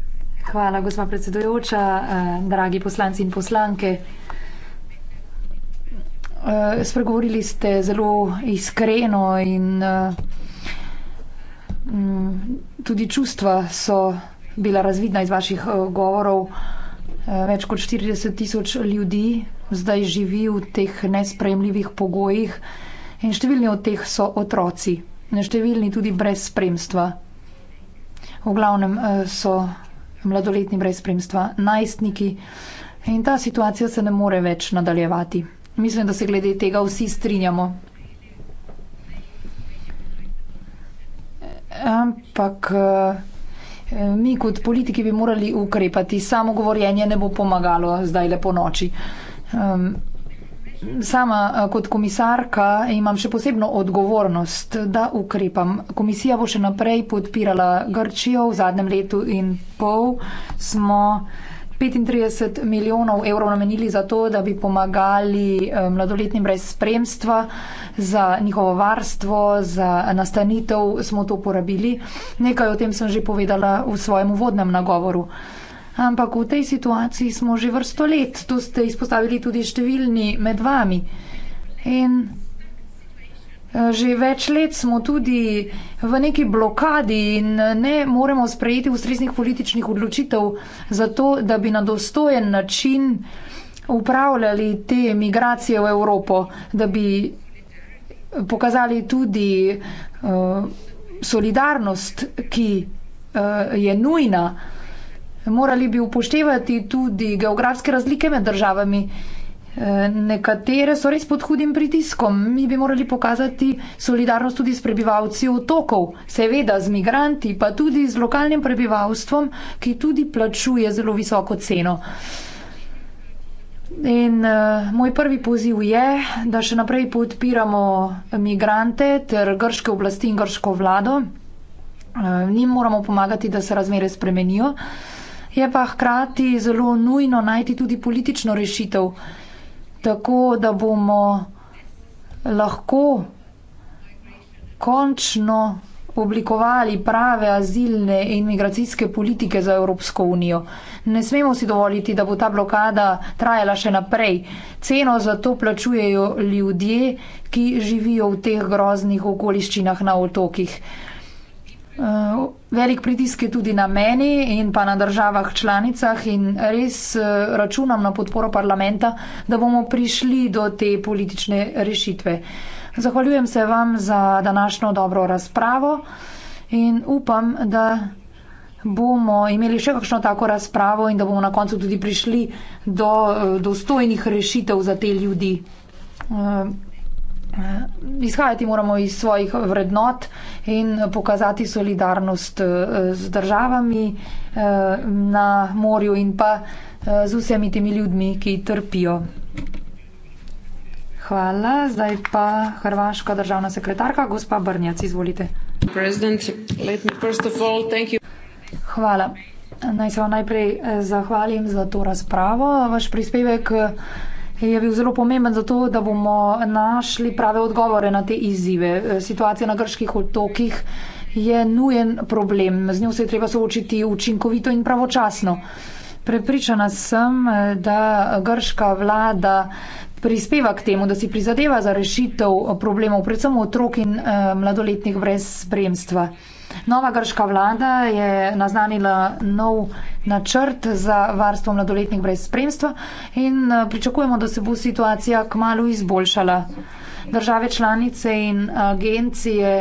Hvala, gospa predsedujoča, eh, dragi poslanci in poslanke. Eh, spregovorili ste zelo iskreno in eh, mm, tudi čustva so bila razvidna iz vaših eh, govorov. Eh, več kot 40 tisoč ljudi zdaj živi v teh nespremljivih pogojih in številni od teh so otroci, številni tudi brez spremstva. V glavnem eh, so mladoletni brez spremstva, najstniki. In ta situacija se ne more več nadaljevati. Mislim, da se glede tega vsi strinjamo. Ampak mi kot politiki bi morali ukrepati. Samo govorjenje ne bo pomagalo zdaj lepo noči. Sama eh, kot komisarka imam še posebno odgovornost, da ukrepam. Komisija bo še naprej podpirala Grčijo. V zadnjem letu in pol smo 35 milijonov evrov namenili za to, da bi pomagali eh, mladoletnim brez spremstva, za njihovo varstvo, za nastanitev smo to porabili. Nekaj o tem sem že povedala v svojem uvodnem nagovoru ampak v tej situaciji smo že vrsto let. To ste izpostavili tudi številni med vami. In eh, že več let smo tudi v neki blokadi in eh, ne moremo sprejeti ustreznih političnih odločitev za to, da bi na dostojen način upravljali te migracije v Evropo, da bi pokazali tudi uh, solidarnost, ki uh, je nujna. Uh, Morali bi upoštevati tudi geografske razlike med državami. E, nekatere so res pod hudim pritiskom. Mi bi morali pokazati solidarnost tudi s prebivalci otokov, seveda z migranti, pa tudi z lokalnim prebivalstvom, ki tudi plačuje zelo visoko ceno. In uh, moj prvi poziv je, da še naprej podpiramo migrante ter grške oblasti in grško vlado. Uh, njim moramo pomagati, da se razmere spremenijo. Uh, Je pa hkrati zelo nujno najti tudi politično rešitev, tako da bomo lahko končno oblikovali prave azilne in migracijske politike za Evropsko unijo. Ne smemo si dovoliti, da bo ta blokada trajala še naprej. Ceno za to plačujejo ljudje, ki živijo v teh groznih okoliščinah na otokih. Eh, velik pritisk je tudi na meni in pa na državah članicah in res eh, računam na podporo parlamenta, da bomo prišli do te politične rešitve. Zahvaljujem se vam za današnjo dobro razpravo in upam, da bomo imeli še kakšno tako razpravo in da bomo na koncu tudi prišli do eh, dostojnih rešitev za te ljudi. Eh, izhajati moramo iz svojih vrednot in pokazati solidarnost eh, z državami eh, na morju in pa z vsemi temi ljudmi, ki trpijo. Hvala. Zdaj pa hrvaška državna sekretarka, gospa Brnjac, izvolite. Hvala. Naj se vam najprej zahvalim za to razpravo. Vaš prispevek je bil zelo pomemben zato, da bomo našli prave odgovore na te izzive. E, situacija na grških otokih je nujen problem, z njo se je treba soočiti učinkovito in pravočasno. Prepričana sem, e, da grška vlada prispeva k temu, da si prizadeva za rešitev problemov, predvsem otrok in e, mladoletnih brez spremstva. Nova grška vlada je naznanila nov načrt za varstvo mladoletnih brez spremstva in eh, pričakujemo, da se bo situacija kmalo izboljšala. Države članice in eh, agencije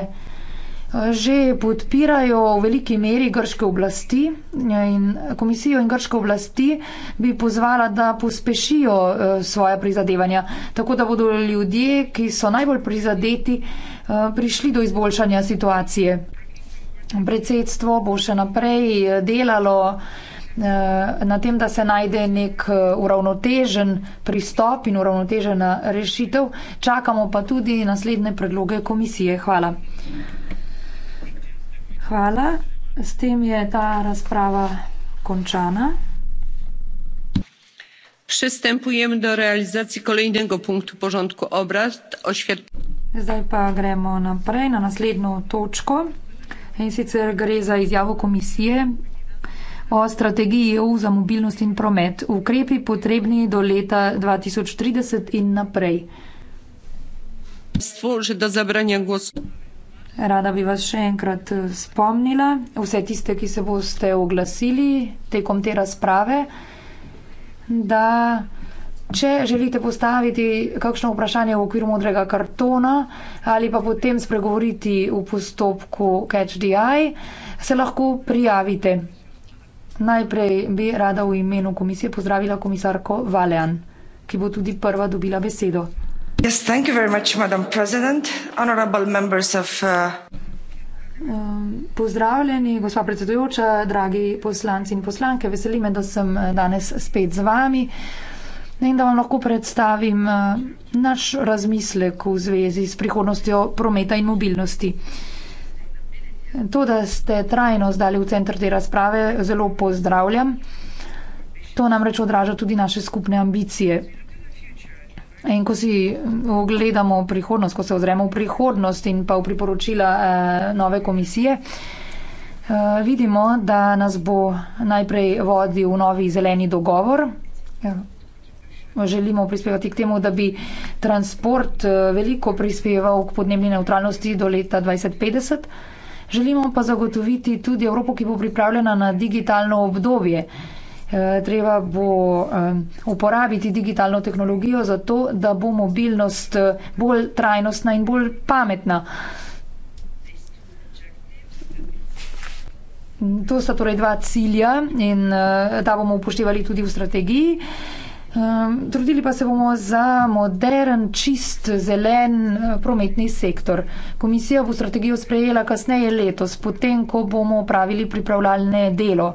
že podpirajo v veliki meri grške oblasti eh, in komisijo in grške oblasti bi pozvala, da pospešijo eh, svoje prizadevanja, tako da bodo ljudje, ki so najbolj prizadeti, eh, prišli do izboljšanja situacije. Predsedstvo bo še naprej delalo na tem, da se najde nek uravnotežen pristop in uravnotežena rešitev. Čakamo pa tudi naslednje predloge komisije. Hvala. Hvala. S tem je ta razprava končana. Przystępujemy do realizacji kolejnego punktu porządku obrad, Zdaj pa gremo naprej na naslednjo točko, in sicer gre za izjavo komisije o strategiji EU za mobilnost in promet. Ukrepi potrebni do leta 2030 in naprej. Stvo, že do zabranja glasu. Rada bi vas še enkrat eh, spomnila, vse tiste, ki se boste oglasili tekom te razprave, da če želite postaviti kakšno vprašanje v okviru modrega kartona ali pa potem spregovoriti v postopku Catch the Eye, se lahko prijavite. Najprej bi rada v imenu komisije pozdravila komisarko Valean, ki bo tudi prva dobila besedo. Uh, um, pozdravljeni, gospa predsedujoča, dragi poslanci in poslanke, veseli me, da sem uh, danes spet z vami in da vam lahko predstavim uh, naš razmislek v zvezi s prihodnostjo prometa in mobilnosti. To, da ste trajno zdali v centr te razprave, zelo pozdravljam. To namreč odraža tudi naše skupne ambicije. In ko si ogledamo prihodnost, ko se ozremo v prihodnost in pa v priporočila eh, nove komisije, eh, vidimo, da nas bo najprej vodil novi zeleni dogovor. Eh, želimo prispevati k temu, da bi transport veliko prispeval k podnebni neutralnosti do leta 2050. Želimo pa zagotoviti tudi Evropo, ki bo pripravljena na digitalno obdobje. Eh, treba bo uporabiti digitalno tehnologijo za to, da bo mobilnost eh, bolj trajnostna in bolj pametna. To sta torej dva cilja in da eh, bomo upoštevali tudi v strategiji. Trudili pa se bomo za modern, čist, zelen prometni sektor. Komisija bo strategijo sprejela kasneje letos, potem, ko bomo pravili pripravljalne delo.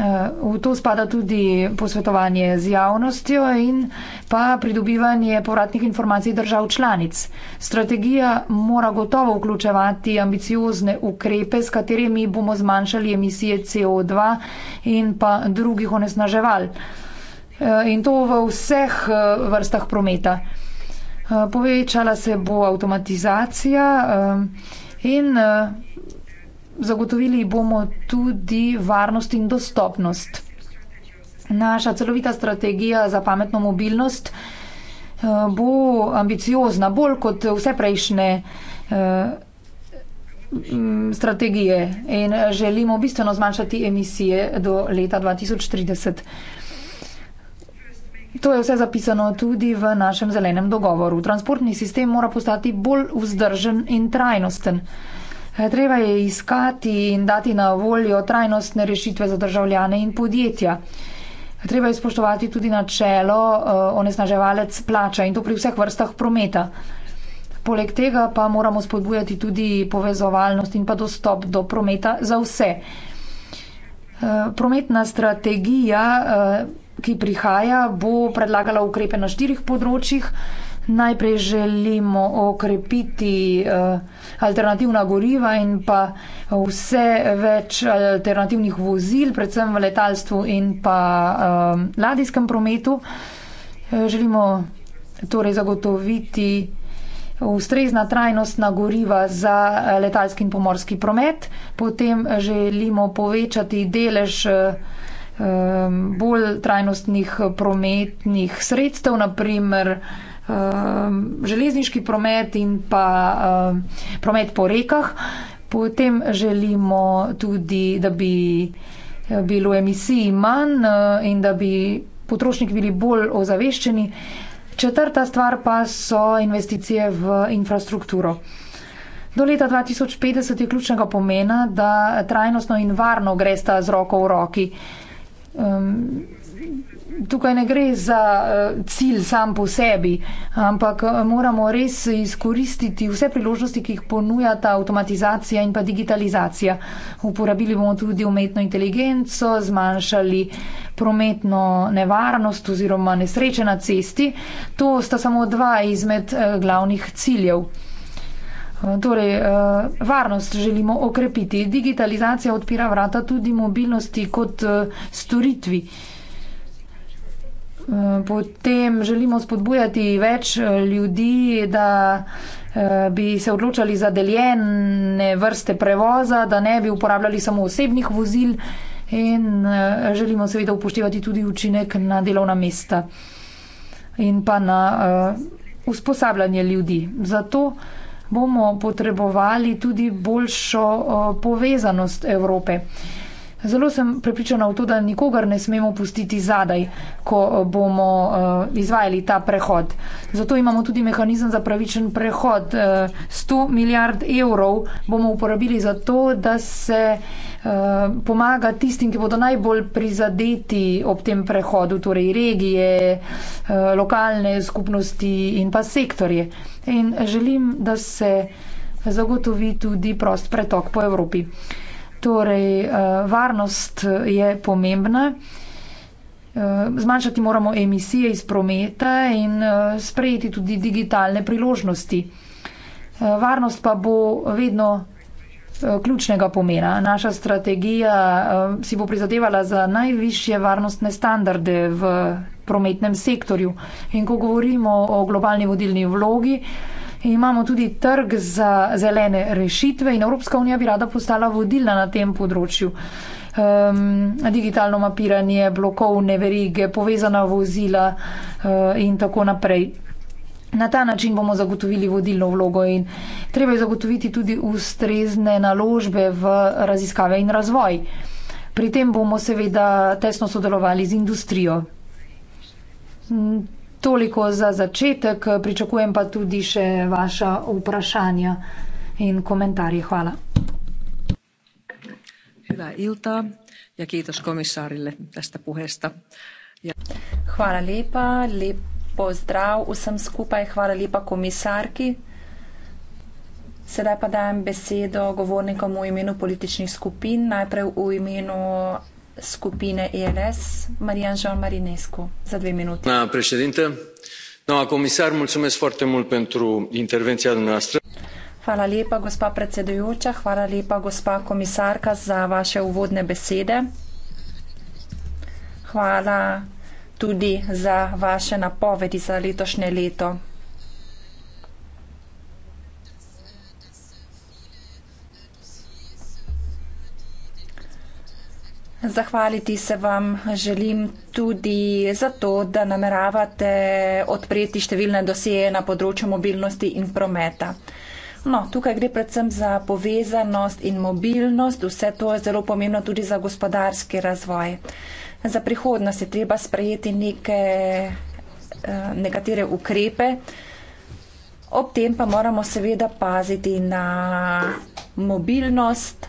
Eh, v to spada tudi posvetovanje z javnostjo in pa pridobivanje povratnih informacij držav članic. Strategija mora gotovo vključevati ambiciozne ukrepe, s katerimi bomo zmanjšali emisije CO2 in pa drugih onesnaževal. Eh, in to v vseh eh, vrstah prometa. Povečala se bo avtomatizacija in zagotovili bomo tudi varnost in dostopnost. Naša celovita strategija za pametno mobilnost eh, bo ambiciozna, bolj kot vse prejšnje eh, strategije in želimo bistveno zmanjšati emisije do leta 2030. To je vse zapisano tudi v našem zelenem dogovoru. Transportni sistem mora postati bolj vzdržen in trajnosten. Treba je iskati in dati na voljo trajnostne rešitve za državljane in podjetja. Treba je spoštovati tudi načelo eh, onesnaževalec plača in to pri vseh vrstah prometa. Poleg tega pa moramo spodbujati tudi povezovalnost in pa dostop do prometa za vse. Eh, prometna strategija, eh, ki prihaja, bo predlagala ukrepe na štirih področjih najprej želimo okrepiti eh, alternativna goriva in pa vse več alternativnih vozil, predvsem v letalstvu in pa eh, ladijskem prometu. Eh, želimo torej zagotoviti ustrezna trajnostna goriva za letalski in pomorski promet, potem želimo povečati delež bolj trajnostnih prometnih sredstev, naprimer Ehm, železniški promet in pa ehm, promet po rekah. Potem želimo tudi, da bi eh, bilo emisij manj eh, in da bi potrošniki bili bolj ozaveščeni. Četrta stvar pa so investicije v infrastrukturo. Do leta 2050 je ključnega pomena, da trajnostno in varno gresta z roko v roki. Ehm, tukaj ne gre za eh, cilj sam po sebi, ampak eh, moramo res izkoristiti vse priložnosti, ki jih ponujata avtomatizacija in pa digitalizacija. Uporabili bomo tudi umetno inteligenco, zmanjšali prometno nevarnost oziroma nesreče na cesti. To sta samo dva izmed eh, glavnih ciljev. Torej, varnost želimo okrepiti. Digitalizacija odpira vrata tudi mobilnosti kot storitvi. Potem želimo spodbujati več eh, ljudi, da eh, bi se odločali za deljene vrste prevoza, da ne bi uporabljali samo osebnih vozil in eh, želimo seveda upoštevati tudi učinek na delovna mesta in pa na usposabljanje ljudi. Zato bomo potrebovali tudi boljšo povezanost Evrope. Zelo sem prepričana v to, da nikogar ne smemo pustiti zadaj, ko eh, bomo eh, izvajali ta prehod. Zato imamo tudi mehanizem za pravičen prehod. 100 eh, milijard evrov bomo uporabili za to, da se pomaga tistim, ki bodo najbolj prizadeti ob tem prehodu, torej regije, lokalne skupnosti in pa sektorje. In želim, da se zagotovi tudi prost pretok po Evropi. Torej, eh, varnost eh, je pomembna. Eh, zmanjšati moramo emisije iz prometa in sprejeti tudi digitalne priložnosti. Varnost pa bo vedno ključnega pomena. Naša strategija si bo prizadevala za najvišje varnostne standarde v prometnem sektorju. In ko govorimo o globalni vodilni vlogi, imamo tudi trg za zelene rešitve in Evropska unija bi rada postala vodilna na tem področju. Um, digitalno mapiranje, blokovne verige, povezana vozila uh, in tako naprej. Na ta način bomo zagotovili vodilno vlogo in treba je zagotoviti tudi ustrezne naložbe v raziskave in razvoj. Pri tem bomo seveda tesno sodelovali z industrijo. Toliko za začetek, pričakujem pa tudi še vaša vprašanja in komentarje. Hvala. Ja ja- hvala lepa, lep pozdrav vsem skupaj, hvala lepa komisarki. Sedaj pa dajem besedo govornikom v imenu političnih skupin, najprej v imenu skupine ELS, Marian Jean Marinescu, za dve minute. Doamna președintă, doamna comisar, mulțumesc foarte mult pentru intervenția noastră. Hvala lepa, gospa predsedujoča, hvala lepa, gospa komisarka, za vaše uvodne besede. Hvala tudi za vaše napovedi za letošnje leto. Zahvaliti se vam želim tudi za to, da nameravate odpreti številne dosije na področju mobilnosti in prometa. No, tukaj gre predvsem za povezanost in mobilnost, vse to je zelo pomembno tudi za gospodarski razvoj. Za prihodnost je treba sprejeti neke, eh, nekatere ukrepe, ob tem pa moramo seveda paziti na mobilnost,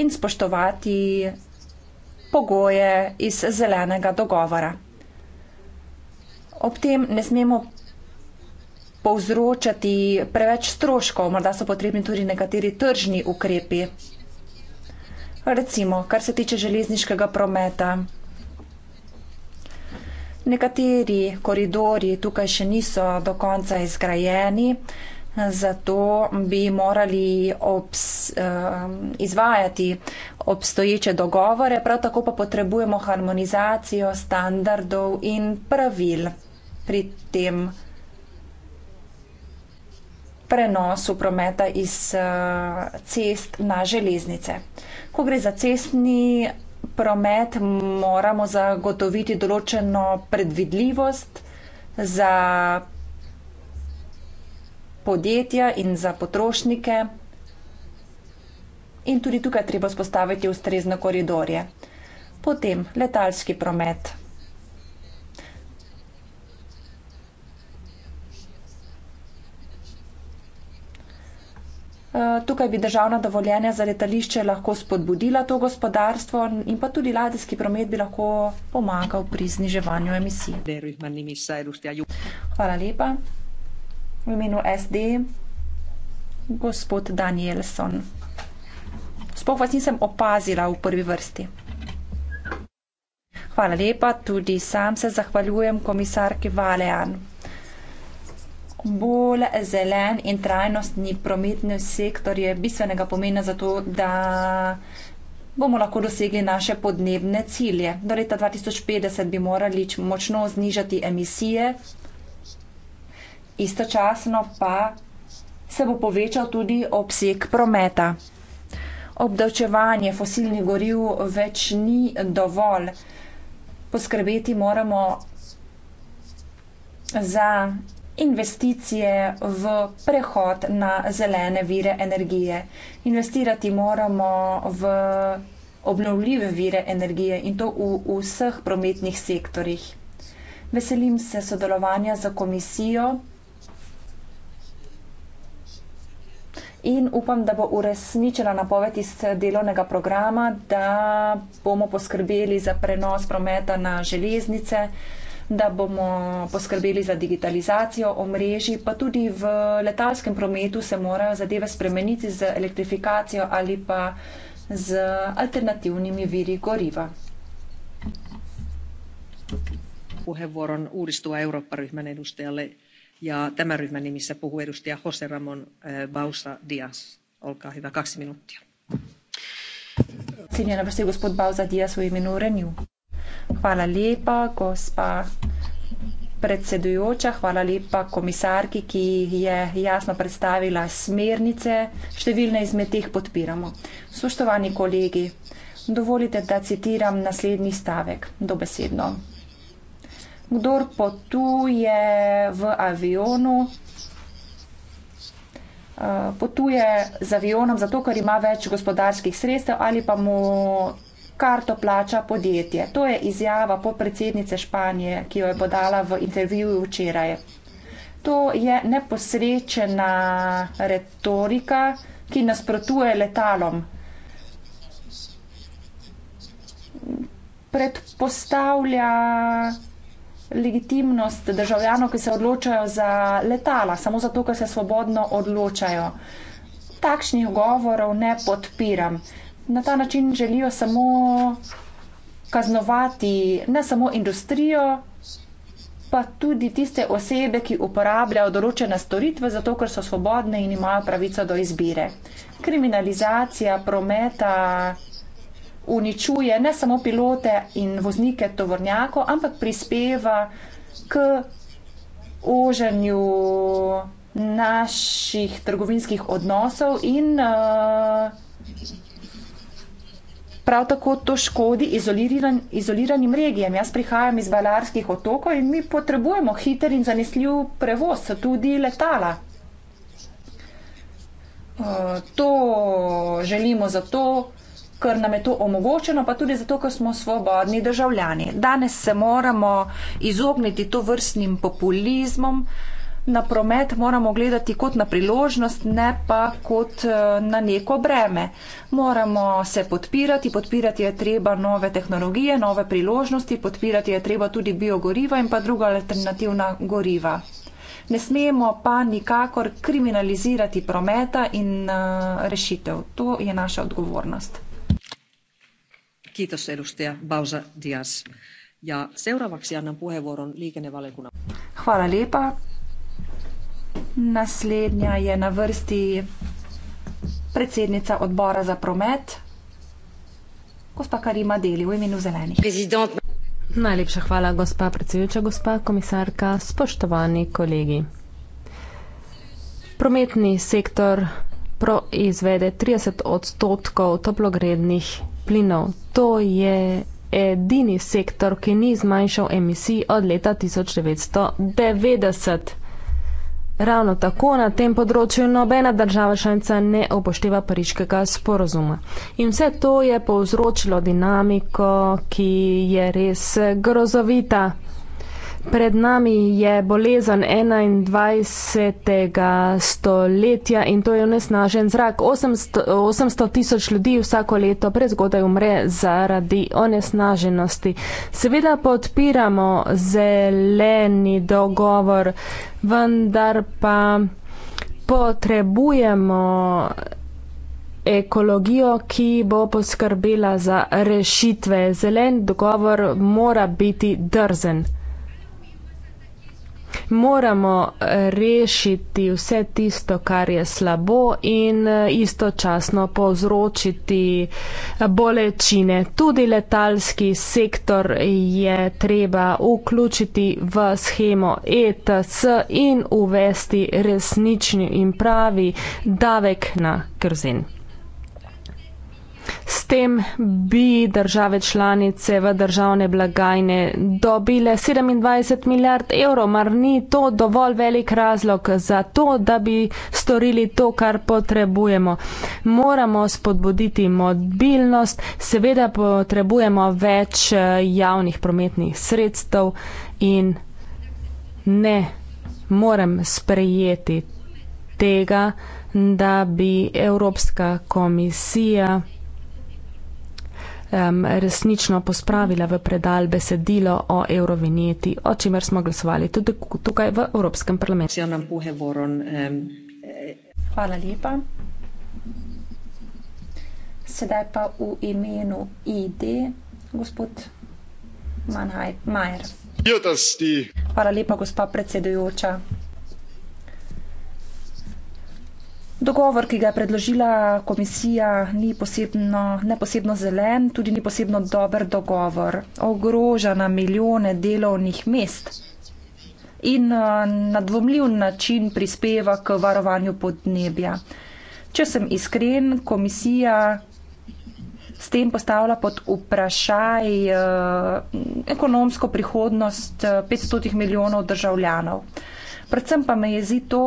in spoštovati pogoje iz zelenega dogovora. Ob tem ne smemo povzročati preveč stroškov, morda so potrebni tudi nekateri tržni ukrepi. Recimo, kar se tiče železniškega prometa. Nekateri koridori tukaj še niso do konca izgrajeni, Zato bi morali obs, uh, izvajati obstoječe dogovore, prav tako pa potrebujemo harmonizacijo standardov in pravil pri tem prenosu prometa iz uh, cest na železnice. Ko gre za cestni promet, moramo zagotoviti določeno predvidljivost za podjetja in za potrošnike. In tudi tukaj treba spostaviti ustrezne koridorje. Potem letalski promet. E, tukaj bi državna dovoljenja za letališče lahko spodbudila to gospodarstvo in pa tudi ladijski promet bi lahko pomagal pri zniževanju emisij. Hvala lepa v imenu SD, gospod Danielson. Spoh vas nisem opazila v prvi vrsti. Hvala lepa, tudi sam se zahvaljujem komisarki Valean. Bolj zelen in trajnostni prometni sektor je bistvenega pomena za to, da bomo lahko dosegli naše podnebne cilje. Do leta 2050 bi morali močno znižati emisije istočasno pa se bo povečal tudi obseg prometa. Obdavčevanje fosilnih goriv več ni dovolj. Poskrbeti moramo za investicije v prehod na zelene vire energije. Investirati moramo v obnovljive vire energije in to v vseh prometnih sektorjih. Veselim se sodelovanja za komisijo. in upam, da bo uresničena napoved iz delovnega programa, da bomo poskrbeli za prenos prometa na železnice, da bomo poskrbeli za digitalizacijo omrežij, pa tudi v letalskem prometu se morajo zadeve spremeniti z elektrifikacijo ali pa z alternativnimi viri goriva. Puheenvuoron uudistuva Eurooppa-ryhmän edustajalle Ja tämän ryhmän nimissä puhuu edustaja Jose Ramon äh, Bausa Dias. Olkaa hyvä, kaksi minuuttia. Sinjana vasti gospod Bausa Dias u imenu Renju. Hvala lepa, gospa predsedujoča, hvala lepa komisarki, ki je jasno predstavila smernice. Številne izmed teh podpiramo. Spoštovani kolegi, dovolite, da citiram naslednji stavek dobesedno. Kdor potuje v avionu, eh, potuje z avionom zato, ker ima več gospodarskih sredstev ali pa mu karto plača podjetje. To je izjava podpredsednice Španije, ki jo je podala v intervjuju včeraj. To je neposrečena retorika, ki nasprotuje letalom. Predpostavlja legitimnost državljanov, ki se odločajo za letala, samo zato, ker se svobodno odločajo. Takšnih govorov ne podpiram. Na ta način želijo samo kaznovati ne samo industrijo, pa tudi tiste osebe, ki uporabljajo določene storitve, zato ker so svobodne in imajo pravico do izbire. Kriminalizacija prometa uničuje ne samo pilote in voznike tovornjako, ampak prispeva k oženju naših trgovinskih odnosov in eh, prav tako to škodi izoliran, izoliranim regijam. Jaz prihajam iz Balarskih otokov in mi potrebujemo hiter in zanesljiv prevoz, tudi letala. Eh, to želimo zato, ker nam je to omogočeno, pa tudi zato, ker smo svobodni državljani. Danes se moramo izogniti to vrstnim populizmom, na promet moramo gledati kot na priložnost, ne pa kot eh, na neko breme. Moramo se podpirati, podpirati je treba nove tehnologije, nove priložnosti, podpirati je treba tudi biogoriva in pa druga alternativna goriva. Ne smemo pa nikakor kriminalizirati prometa in uh, rešitev. To je naša odgovornost. Ja hvala lepa. Naslednja je na vrsti predsednica odbora za promet, gospa Karima Delli v imenu Zelenih. Najlepša hvala, gospa predsedujoča, gospa komisarka, spoštovani kolegi. Prometni sektor proizvede trideset odstotkov toplogrednih plinov. To je edini sektor, ki ni zmanjšal emisij od leta 1990. Ravno tako na tem področju nobena država članica ne upošteva pariškega sporozuma. In vse to je povzročilo dinamiko, ki je res grozovita. Pred nami je bolezen 21. stoletja in to je onesnažen zrak. 800 tisoč ljudi vsako leto prezgodaj umre zaradi onesnaženosti. Seveda podpiramo zeleni dogovor, vendar pa potrebujemo ekologijo, ki bo poskrbela za rešitve. Zelen dogovor mora biti drzen moramo rešiti vse tisto, kar je slabo, in eh, istočasno povzročiti eh, bolečine. Tudi letalski sektor je treba vključiti v schemo ETS in uvesti resnični in pravi davek na krzen. S tem bi države članice v državne blagajne dobile 27 milijard evrov, mar ni to dovolj velik razlog za to, da bi storili to, kar potrebujemo. Moramo spodbuditi mobilnost, seveda potrebujemo več eh, javnih prometnih sredstev in ne morem sprejeti tega, da bi Evropska komisija um, resnično pospravila v predal besedilo o eurovinjeti, o čimer smo glasovali tudi tukaj v Evropskem parlamentu. Hvala lepa. Sedaj pa v imenu ID, gospod Manhaj Majer. Hvala lepa, gospa predsedujoča. Dogovor, ki ga je predložila komisija, ni posebno, ne posebno zelen, tudi ni posebno dober dogovor. Ogroža na milijone delovnih mest in eh, na dvomljiv način prispeva k varovanju podnebja. Če sem iskren, komisija s tem postavlja pod vprašaj eh, ekonomsko prihodnost 500 eh, milijonov državljanov. Predvsem pa me jezi to,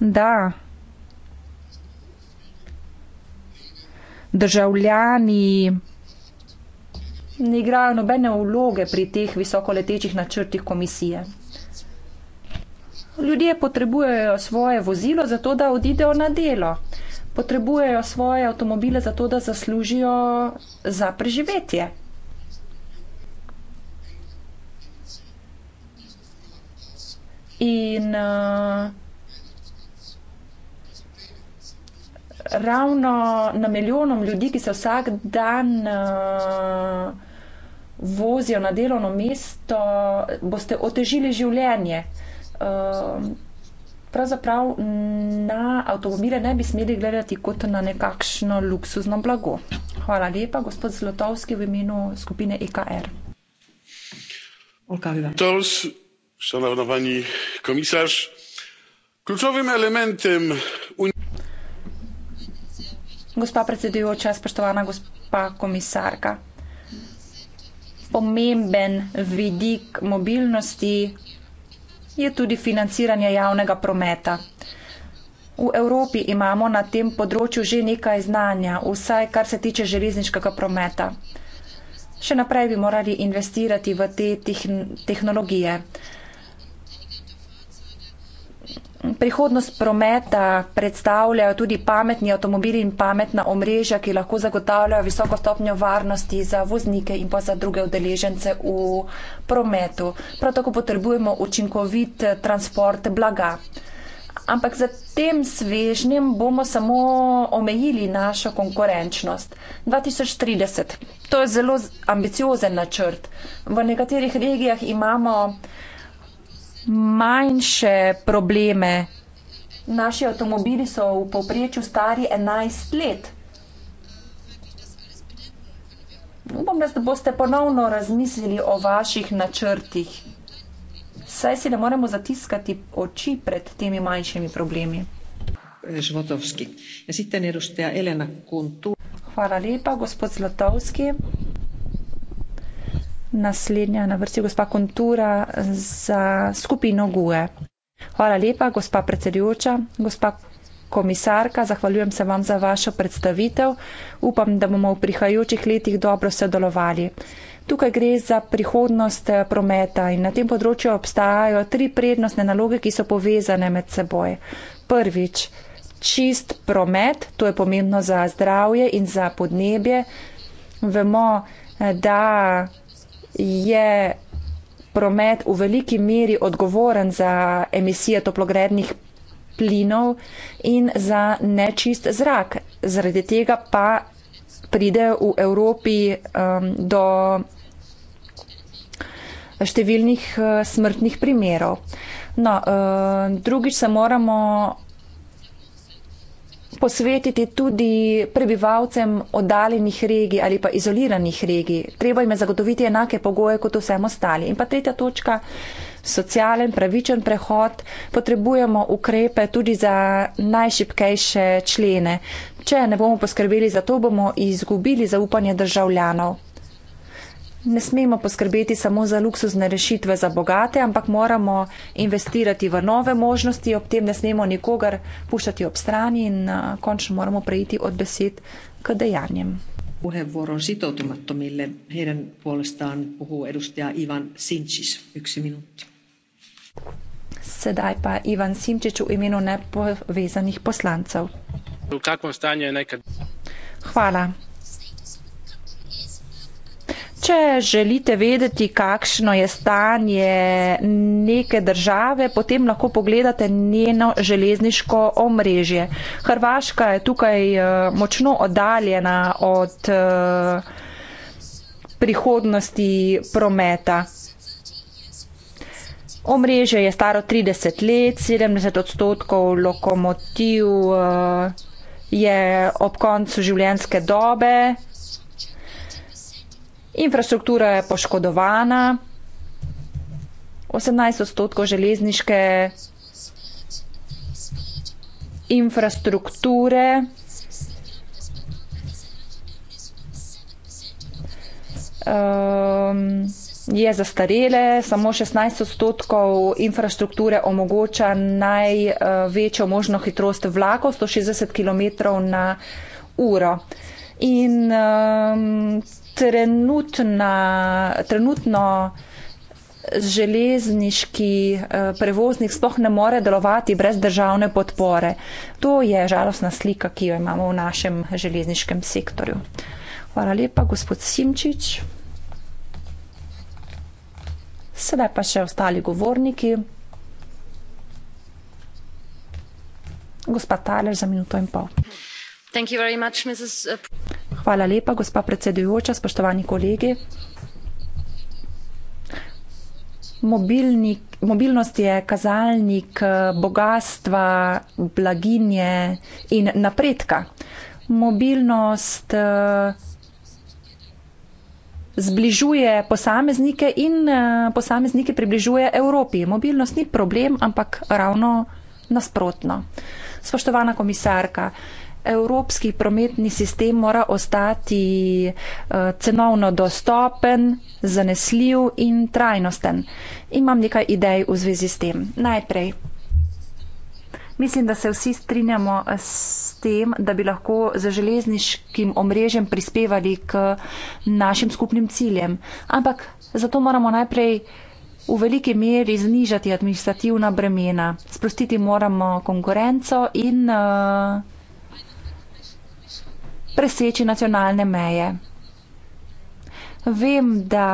Da. Državljani ne igrajo nobene vloge pri teh visokoletečih načrtih komisije. Ljudje potrebujejo svoje vozilo za to, da odidejo na delo. Potrebujejo svoje avtomobile za to, da zaslužijo za preživetje. In uh, ravno na milijonom ljudi, ki se vsak dan uh, vozijo na delovno mesto, boste otežili življenje. Uh, pravzaprav na avtomobile ne bi smeli gledati kot na nekakšno luksuzno blago. Hvala lepa, gospod Zlotovski, v imenu skupine EKR. Tols, šanovna pani komisar, ključovim elementem. Un... Gospa predsedujoča, spoštovana gospa komisarka. Pomemben vidik mobilnosti je tudi financiranje javnega prometa. V Evropi imamo na tem področju že nekaj znanja, vsaj kar se tiče železniškega prometa. Še naprej bi morali investirati v te tehn tehnologije. Prihodnost prometa predstavljajo tudi pametni avtomobili in pametna omrežja, ki lahko zagotavljajo visoko stopnjo varnosti za voznike in pa za druge udeležence v prometu. Prav tako potrebujemo učinkovit transport blaga. Ampak za tem svežnjem bomo samo omejili našo konkurenčnost. 2030. To je zelo ambiciozen načrt. V nekaterih regijah imamo manjše probleme. Naši avtomobili so v povprečju stari 11 let. Upam, da boste ponovno razmislili o vaših načrtih. Saj si ne moremo zatiskati oči pred temi manjšimi problemi. Ja, Hvala lepa, gospod Zlatovski naslednja na vrsti gospa Kontura za skupino GUE. Hvala lepa, gospa predsedujoča, gospa komisarka, zahvaljujem se vam za vašo predstavitev. Upam, da bomo v prihajajočih letih dobro sodelovali. Tukaj gre za prihodnost eh, prometa in na tem področju obstajajo tri prednostne naloge, ki so povezane med seboj. Prvič, čist promet, to je pomembno za zdravje in za podnebje. Vemo, eh, da je promet v veliki meri odgovoren za emisije toplogrednih plinov in za nečist zrak. Zaradi tega pa pride v Evropi um, do številnih uh, smrtnih primerov. No, uh, drugič se moramo posvetiti tudi prebivalcem oddaljenih regij ali pa izoliranih regij. Treba jim je zagotoviti enake pogoje kot vsem ostali. In pa tretja točka, socialen, pravičen prehod. Potrebujemo ukrepe tudi za najšipkejše člene. Če ne bomo poskrbeli za to, bomo izgubili zaupanje državljanov ne smemo poskrbeti samo za luksuzne rešitve za bogate, ampak moramo investirati v nove možnosti, ob tem ne smemo nikogar puščati ob strani in uh, končno moramo preiti od besed k dejanjem. Puheenvuoron sitoutumattomille heidän puolestaan puhuu edustaja Ivan Sinčić. Yksi minuutti. Sedaj pa Ivan Sinčić u imenu nepovezanih poslancov. U kakvom stanju je nekad? Hvala. Če želite vedeti, kakšno je stanje neke države, potem lahko pogledate njeno železniško omrežje. Hrvaška je tukaj eh, močno oddaljena od eh, prihodnosti prometa. Omrežje je staro 30 let, 70 odstotkov lokomotiv eh, je ob koncu življenjske dobe. Infrastruktura je poškodovana, 18 odstotkov železniške infrastrukture. Um, je zastarele, samo 16 odstotkov infrastrukture omogoča največjo eh, možno hitrost vlakov, 160 km na uro. In um, trenutna, trenutno železniški eh, prevoznik sploh ne more delovati brez državne podpore. To je žalostna slika, ki jo imamo v našem železniškem sektorju. Hvala lepa, gospod Simčič. Sedaj pa še ostali govorniki. Gospod Taler za minuto in pol. Hvala lepa, gospa predsedujoča, spoštovani kolegi. Mobilni, mobilnost je kazalnik eh, bogastva, blaginje in napredka. Mobilnost eh, zbližuje posameznike in eh, posameznike približuje Evropi. Mobilnost ni problem, ampak ravno nasprotno. Spoštovana komisarka, evropski prometni sistem mora ostati eh, cenovno dostopen, zanesljiv in trajnosten. Imam nekaj idej v zvezi s tem. Najprej. Mislim, da se vsi strinjamo eh, s tem, da bi lahko z železniškim omrežjem prispevali k našim skupnim ciljem. Ampak zato moramo najprej v veliki meri znižati administrativna bremena, sprostiti moramo konkurenco in. Uh, preseči nacionalne meje. Vem, da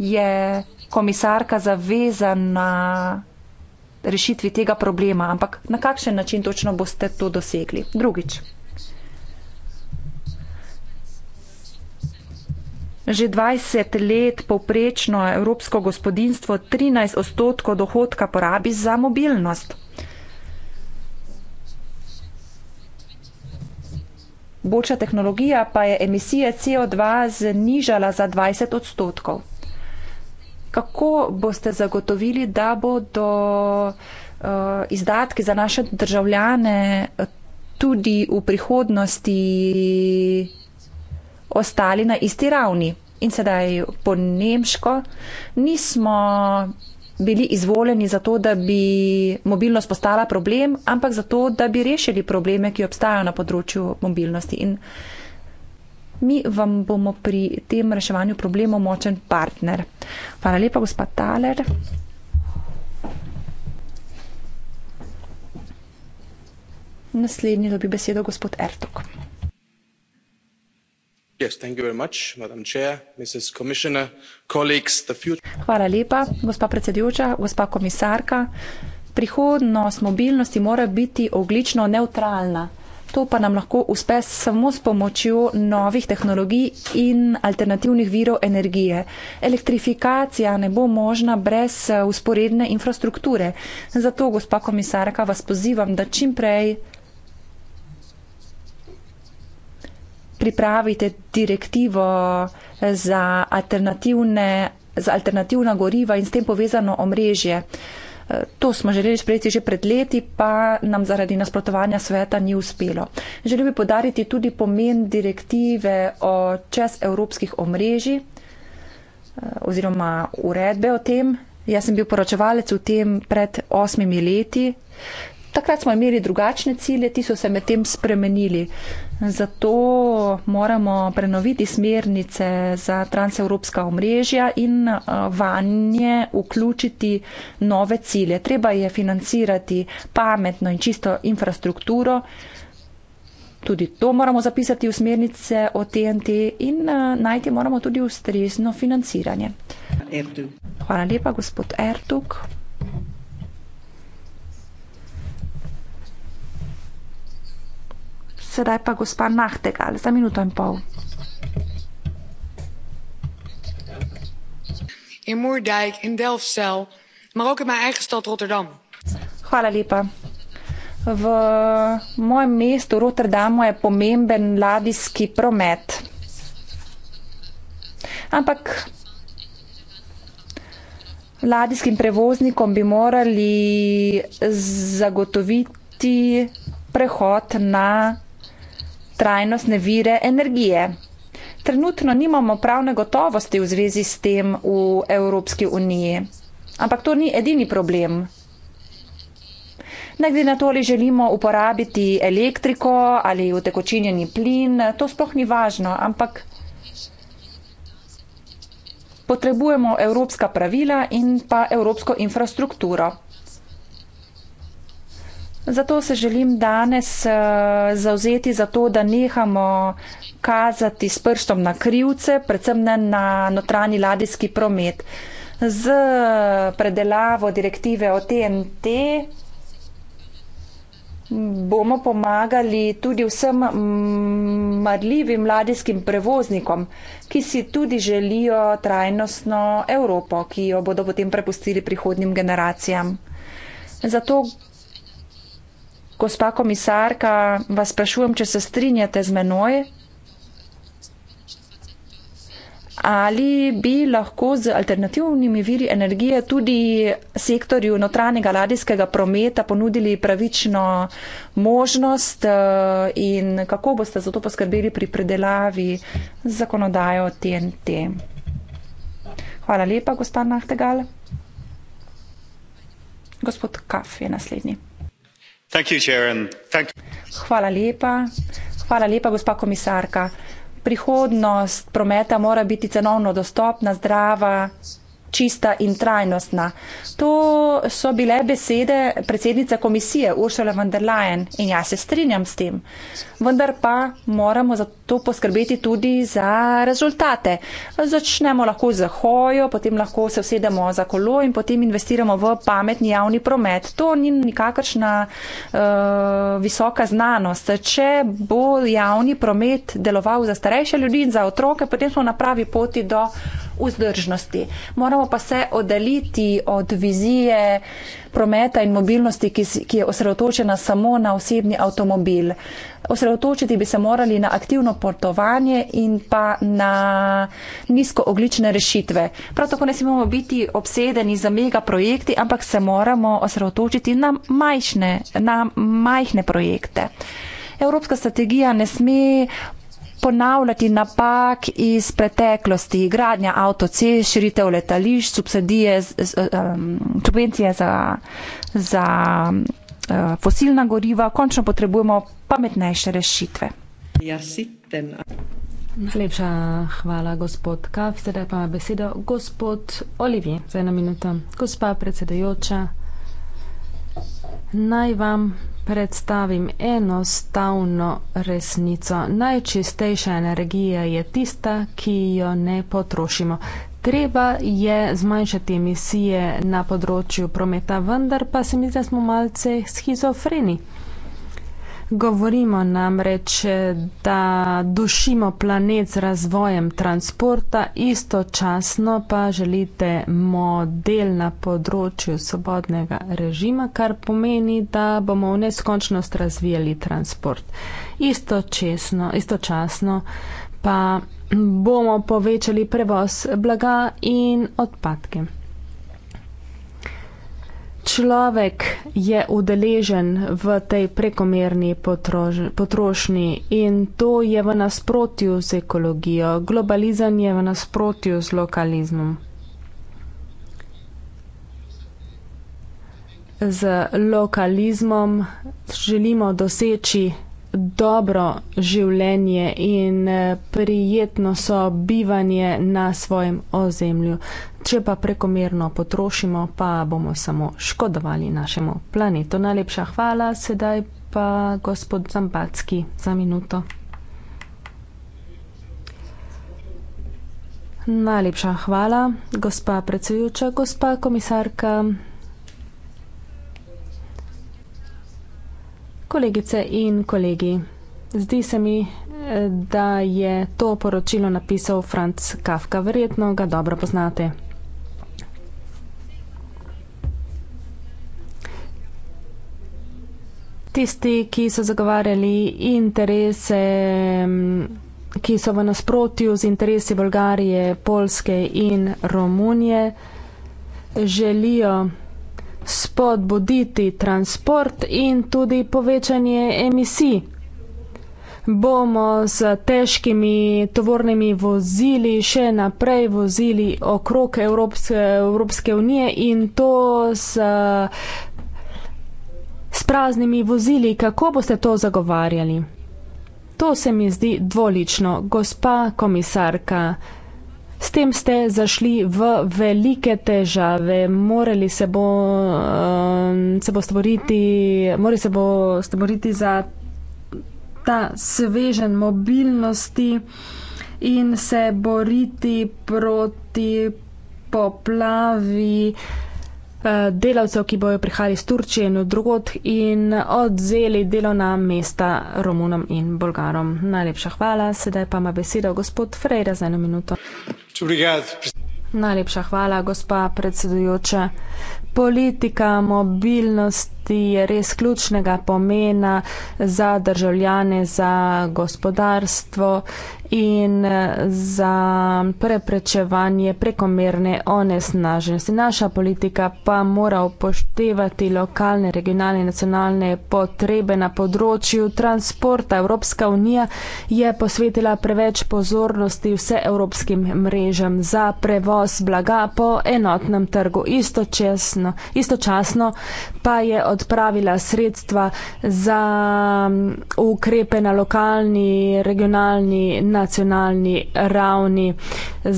je komisarka zavezana rešitvi tega problema, ampak na kakšen način točno boste to dosegli? Drugič. Že 20 let povprečno evropsko gospodinstvo 13 odstotkov dohodka porabi za mobilnost. Boča tehnologija pa je emisije CO2 znižala za 20 odstotkov. Kako boste zagotovili, da bodo uh, izdatki za naše državljane tudi v prihodnosti ostali na isti ravni? In sedaj po nemško nismo bili izvoljeni zato, da bi mobilnost postala problem, ampak zato, da bi rešili probleme, ki obstajajo na področju mobilnosti. In mi vam bomo pri tem reševanju problemov močen partner. Hvala lepa, gospod Taler. Naslednji dobi besedo gospod Ertok. Hvala lepa, gospa predsedujoča, gospa komisarka. Prihodnost mobilnosti mora biti oglično nevtralna. To pa nam lahko uspe samo s pomočjo novih tehnologij in alternativnih virov energije. Elektrifikacija ne bo možna brez usporedne eh, infrastrukture. Zato, gospa komisarka, vas pozivam, da čimprej pripravite direktivo za, za alternativna goriva in s tem povezano omrežje. E, to smo želeli sprejeti že pred leti, pa nam zaradi nasprotovanja sveta ni uspelo. Želim bi podariti tudi pomen direktive o čez evropskih omrežji e, oziroma uredbe o tem. Jaz sem bil poročevalec v tem pred osmimi leti. Takrat smo imeli drugačne cilje, ti so se medtem spremenili. Uh, Zato moramo prenoviti smernice za transevropska omrežja in eh, vanje vključiti nove cilje. Treba je financirati pametno in čisto infrastrukturo. Tudi to moramo zapisati v smernice o TNT in eh, najti moramo tudi ustrezno financiranje. Hvala lepa, gospod Ertuk. Sedaj pa gospa Nahtegal za minuto in pol. In Moerdijk, in Delfzijl, maar ook in mijn eigen stad Rotterdam. Hvala lepa. V mojem mestu Rotterdamu je pomemben ladijski promet. Ampak ladijskim prevoznikom bi morali zagotoviti prehod na trajnostne vire energije. Trenutno nimamo pravne gotovosti v zvezi s tem v Evropski uniji, ampak to ni edini problem. Nekdi na to ali želimo uporabiti elektriko ali utekočinjeni plin, to sploh ni važno, ampak potrebujemo evropska pravila in pa evropsko infrastrukturo. Zato se želim danes uh, eh, zauzeti za to, da nehamo kazati s prstom na krivce, predvsem ne na notranji ladijski promet. Z predelavo direktive o TNT bomo pomagali tudi vsem marljivim ladijskim prevoznikom, ki si tudi želijo trajnostno Evropo, ki jo bodo potem prepustili prihodnim generacijam. Zato Gospa komisarka, vas sprašujem, če se strinjate z menoj. Ali bi lahko z alternativnimi viri energije tudi sektorju notranjega ladijskega prometa ponudili pravično možnost eh, in kako boste za to poskrbeli pri predelavi zakonodajo TNT? Hvala lepa, gospod Nahtegal. Gospod Kaf je naslednji. Hvala lepa. Hvala lepa, gospa komisarka. Prihodnost prometa mora biti cenovno dostopna, zdrava, čista in trajnostna. To so bile besede predsednice komisije Ursula von der Leyen in jaz se strinjam s tem. Vendar pa moramo zato to poskrbeti tudi za rezultate. Začnemo lahko z hojo, potem lahko se usedemo za kolo in potem investiramo v pametni javni promet. To ni nikakršna uh, visoka znanost. Če bo javni promet deloval za starejše ljudi in za otroke, potem smo na pravi poti do vzdržnosti. Moramo pa se oddaliti od vizije. Uh, prometa in mobilnosti, ki, ki je osredotočena samo na osebni avtomobil. Osredotočiti bi se morali na aktivno potovanje in pa na nizkooglične rešitve. Prav tako ne smemo biti obsedeni za megaprojekti, ampak se moramo osredotočiti na, majšne, na majhne projekte. Evropska strategija ne sme ponavljati napak iz preteklosti. Gradnja avtocest, širitev letališč, subsidije, um, subvencije za, za um, uh, fosilna goriva. Končno potrebujemo pametnejše rešitve. Ja, Najlepša hvala, gospod Kaf. Sedaj pa ima besedo gospod Olivier za eno minuto. Gospa predsedajoča, naj vam predstavim enostavno resnico. Najčistejša energija je tista, ki jo ne potrošimo. Treba je zmanjšati emisije na področju prometa, vendar pa se mi zdi, da smo malce schizofreni. Govorimo namreč, da dušimo planet z razvojem transporta, istočasno pa želite model na področju svobodnega režima, kar pomeni, da bomo v neskončnost razvijali transport. Istočasno, istočasno pa bomo povečali prevoz blaga in odpadke človek je udeležen v tej prekomerni potrož potrošnji in to je v nasprotju z ekologijo. Globalizem je v nasprotju z lokalizmom. Z lokalizmom želimo doseči dobro življenje in eh, prijetno so bivanje na svojem ozemlju. Če pa prekomerno potrošimo, pa bomo samo škodovali našemu planetu. Najlepša hvala, sedaj pa gospod Zambacki za minuto. Najlepša hvala, gospa predsedujoča, gospa komisarka. kolegice in kolegi. Zdi se mi, eh, da je to poročilo napisal Franz Kafka. Verjetno ga dobro poznate. Tisti, ki so zagovarjali interese, mm, ki so v nasprotju z interesi Bolgarije, Polske in Romunije, želijo spodbuditi transport in tudi povečanje emisij. Bomo z težkimi tovornimi vozili še naprej vozili okrog Evropske, Evropske unije in to s, s praznimi vozili. Kako boste to zagovarjali? To se mi zdi dvolično, gospa komisarka. S tem ste zašli v velike težave, morali se bo, um, se bo stvoriti, morali se bo stvoriti za ta svežen mobilnosti in se boriti proti poplavi. Eh, delavcev, ki bojo prihajali iz Turčije in od drugot in odzeli delovna mesta Romunom in Bolgarom. Najlepša hvala, sedaj pa ima besedo gospod Frejra za eno minuto. Najlepša hvala, gospa predsedujoča. Politika mobilnosti je res ključnega pomena za državljane, za gospodarstvo in eh, za preprečevanje prekomerne onesnaženosti. Naša politika pa mora upoštevati lokalne, regionalne in nacionalne potrebe na področju transporta. Evropska unija je posvetila preveč pozornosti vse evropskim mrežam za prevoz blaga po enotnem trgu. Istočasno, istočasno pa je odpravila sredstva za mm, ukrepe na lokalni, regionalni, nacionalni nacionalni ravni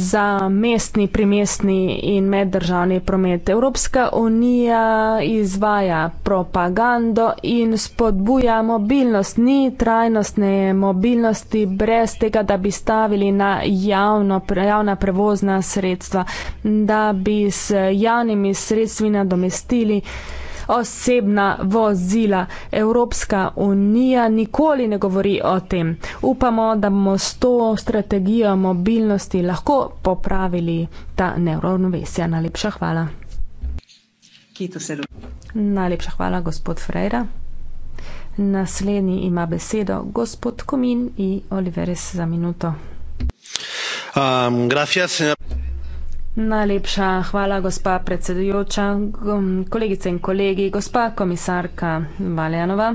za mestni, primestni in meddržavni promet. Evropska unija izvaja propagando in spodbuja mobilnost. Ni trajnostne mobilnosti brez tega, da bi stavili na javno, javna prevozna sredstva, da bi s javnimi sredstvi nadomestili osebna vozila. Evropska unija nikoli ne govori o tem. Upamo, da bomo s to strategijo mobilnosti lahko popravili ta neuronovesja. Najlepša hvala. Najlepša hvala, gospod Freira. Naslednji ima besedo gospod Komin in Oliveres za minuto. Um, gracias, señor. Najlepša hvala, gospa predsedujoča, kolegice in kolegi, gospa komisarka Valjanova.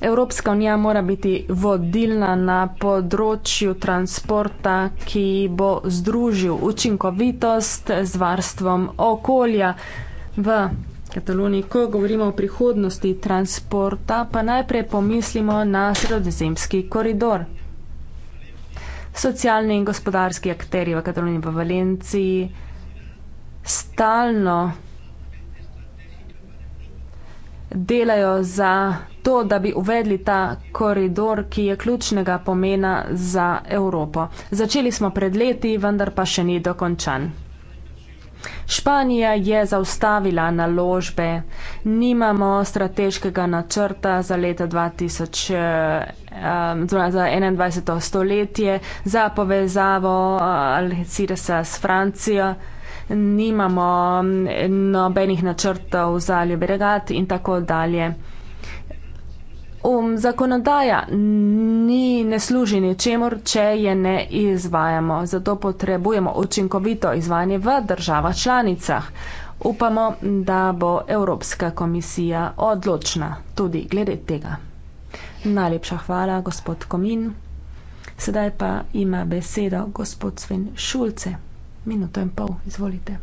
Evropska unija mora biti vodilna na področju transporta, ki bo združil učinkovitost z varstvom okolja v Kataloniji. Ko govorimo o prihodnosti transporta, pa najprej pomislimo na sredozemski koridor socialni in gospodarski akteri v Kataloniji in v Valenciji stalno delajo za to, da bi uvedli ta koridor, ki je ključnega pomena za Evropo. Začeli smo pred leti, vendar pa še ni dokončan. Španija je zaustavila naložbe, nimamo strateškega načrta za leta 2021. Um, stoletje, za povezavo eh, Alicidesa s Francijo, nimamo mm, nobenih načrtov za Ljubregat in tako dalje. Um, zakonodaja ni ne služi ničemur, če je ne izvajamo. Zato potrebujemo učinkovito izvajanje v državah članicah. Upamo, da bo Evropska komisija odločna tudi glede tega. Najlepša hvala, gospod Komin. Sedaj pa ima besedo gospod Sven Šulce. Minuto in pol, izvolite.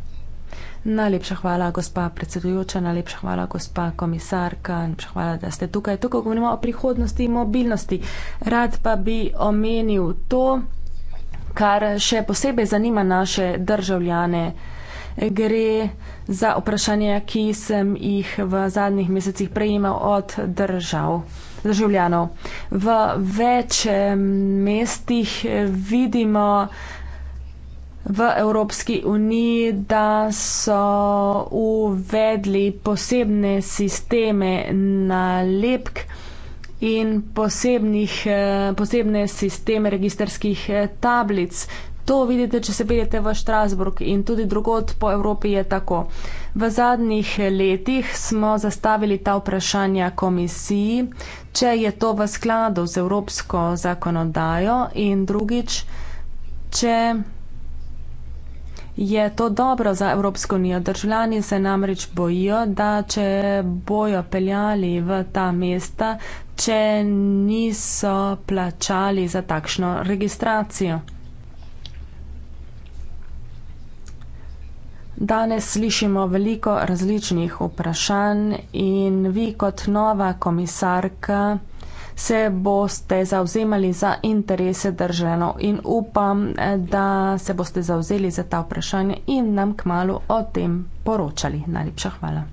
Najlepša hvala, gospa predsedujoča, najlepša hvala, gospa komisarka, najlepša hvala, da ste tukaj. Tukaj govorimo o prihodnosti in mobilnosti. Rad pa bi omenil to, kar še posebej zanima naše državljane. Gre za vprašanje, ki sem jih v zadnjih mesecih prejemal od držav, državljanov. V več eh, mestih vidimo, v Evropski uniji, da so uvedli posebne sisteme nalepk in posebnih, eh, posebne sisteme registerskih eh, tablic. To vidite, če se pridete v Štrasburg in tudi drugot po Evropi je tako. V zadnjih letih smo zastavili ta vprašanja komisiji, če je to v skladu z evropsko zakonodajo in drugič, če je to dobro za Evropsko unijo. Državljani se namreč bojijo, da če bojo peljali v ta mesta, če niso plačali za takšno registracijo. Danes slišimo veliko različnih vprašanj in vi kot nova komisarka se boste zauzemali za interese držav in upam, da se boste zauzeli za ta vprašanja in nam kmalo o tem poročali. Najlepša hvala.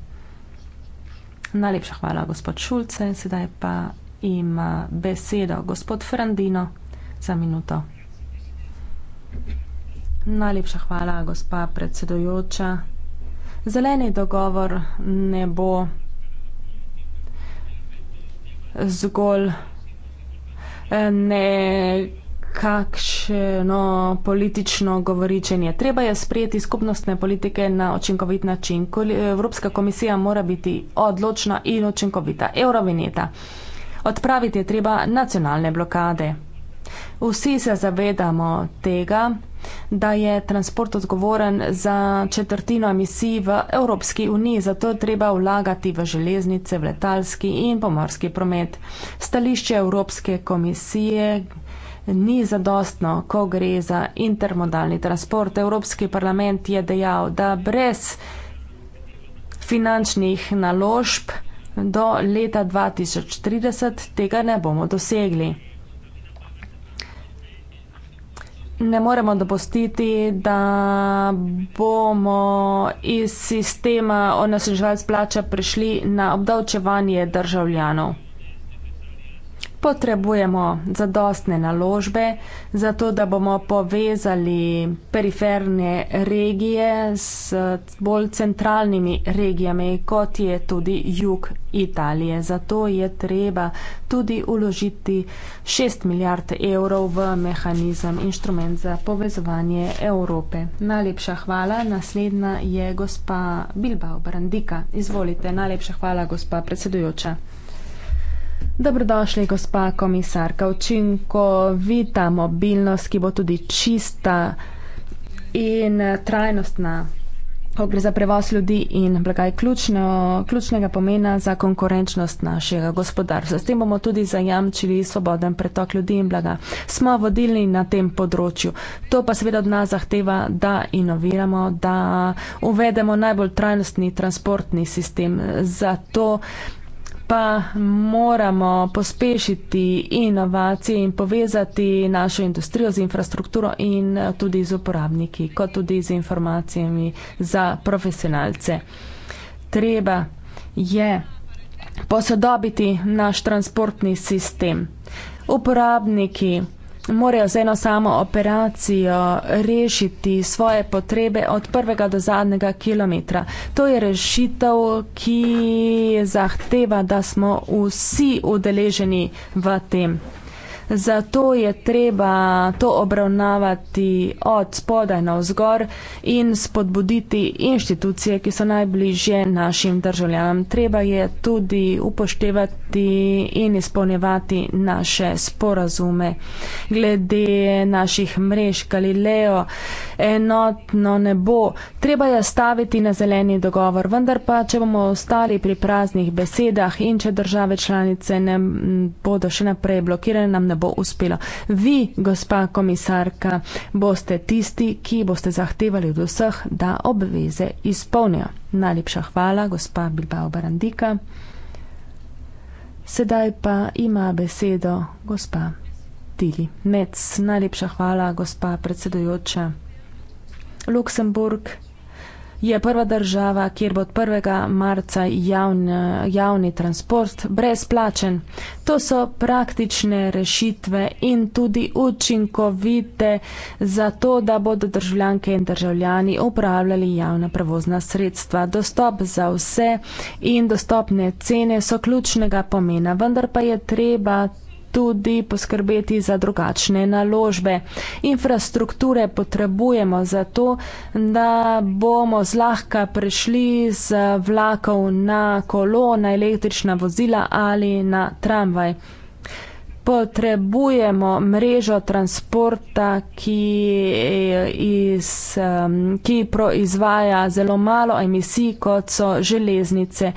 Najlepša hvala, gospod Šulce. Sedaj pa ima besedo gospod Frandino za minuto. Najlepša hvala, gospa predsedojoča. Zeleni dogovor ne bo zgolj eh, nekakšno politično govoričenje. Treba je sprejeti skupnostne politike na očinkovit način. Evropska komisija mora biti odločna in očinkovita. Euroveneta. Odpraviti je treba nacionalne blokade. Vsi se zavedamo tega, da je transport odgovoren za četrtino emisij v Evropski uniji, zato je treba vlagati v železnice, v letalski in pomorski promet. Stališče Evropske komisije ni zadostno, ko gre za intermodalni transport. Evropski parlament je dejal, da brez finančnih naložb do leta 2030 tega ne bomo dosegli. ne moremo dopustiti, da bomo iz sistema onesnaževalc plača prišli na obdavčevanje državljanov potrebujemo zadostne naložbe, zato da bomo povezali periferne regije s bolj centralnimi regijami, kot je tudi jug Italije. Zato je treba tudi uložiti 6 milijard evrov v mehanizem inštrument za povezovanje Evrope. Najlepša hvala. Naslednja je gospa Bilbao Brandika. Izvolite. Najlepša hvala, gospa predsedujoča. Dobrodošli, gospa komisarka Učinko, vi ta mobilnost, ki bo tudi čista in eh, trajnostna, ko gre za prevoz ljudi in blagaj ključno, ključnega pomena za konkurenčnost našega gospodarstva. S tem bomo tudi zajamčili svoboden pretok ljudi in blaga. Smo vodilni na tem področju. To pa seveda od nas zahteva, da inoviramo, da uvedemo najbolj trajnostni transportni sistem. Zato pa moramo pospešiti inovacije in povezati našo industrijo z infrastrukturo in eh, tudi z uporabniki, kot tudi z informacijami za profesionalce. Treba je posodobiti naš transportni sistem. Uporabniki morajo z eno samo operacijo rešiti svoje potrebe od prvega do zadnjega kilometra. To je rešitev, ki zahteva, da smo vsi udeleženi v tem. Zato je treba to obravnavati od spodaj na vzgor in spodbuditi inštitucije, ki so najbližje našim državljanom. Treba je tudi upoštevati in izpolnjevati naše sporazume. Glede naših mrež Galileo enotno ne bo. Treba je staviti na zeleni dogovor, vendar pa, če bomo ostali pri praznih besedah in če države članice ne bodo še naprej blokirane, nam ne ne bo uspelo. Vi, gospa komisarka, boste tisti, ki boste zahtevali od vseh, da obveze izpolnijo. Najlepša hvala, gospa Bilbao Barandika. Sedaj pa ima besedo gospa Tili Mec. Najlepša hvala, gospa predsedujoča. Luksemburg je prva država, kjer bo od 1. marca javn, javni transport brezplačen. To so praktične rešitve in tudi učinkovite za to, da bodo državljanke in državljani upravljali javna prevozna sredstva. Dostop za vse in dostopne cene so ključnega pomena, vendar pa je treba tudi poskrbeti za drugačne naložbe. Infrastrukture potrebujemo zato, da bomo zlahka prišli z vlakov na kolo, na električna vozila ali na tramvaj. Potrebujemo mrežo transporta, ki, iz, ki proizvaja zelo malo emisij, kot so železnice.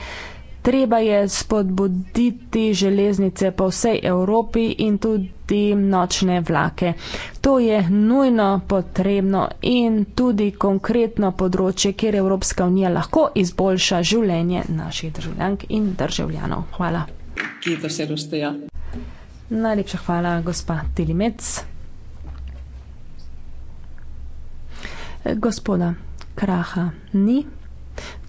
Treba je spodbuditi železnice po vsej Evropi in tudi nočne vlake. To je nujno potrebno in tudi konkretno področje, kjer Evropska unija lahko izboljša življenje naših državljank in državljanov. Hvala. Najlepša hvala, gospa Tilimec. Gospoda Kraha ni.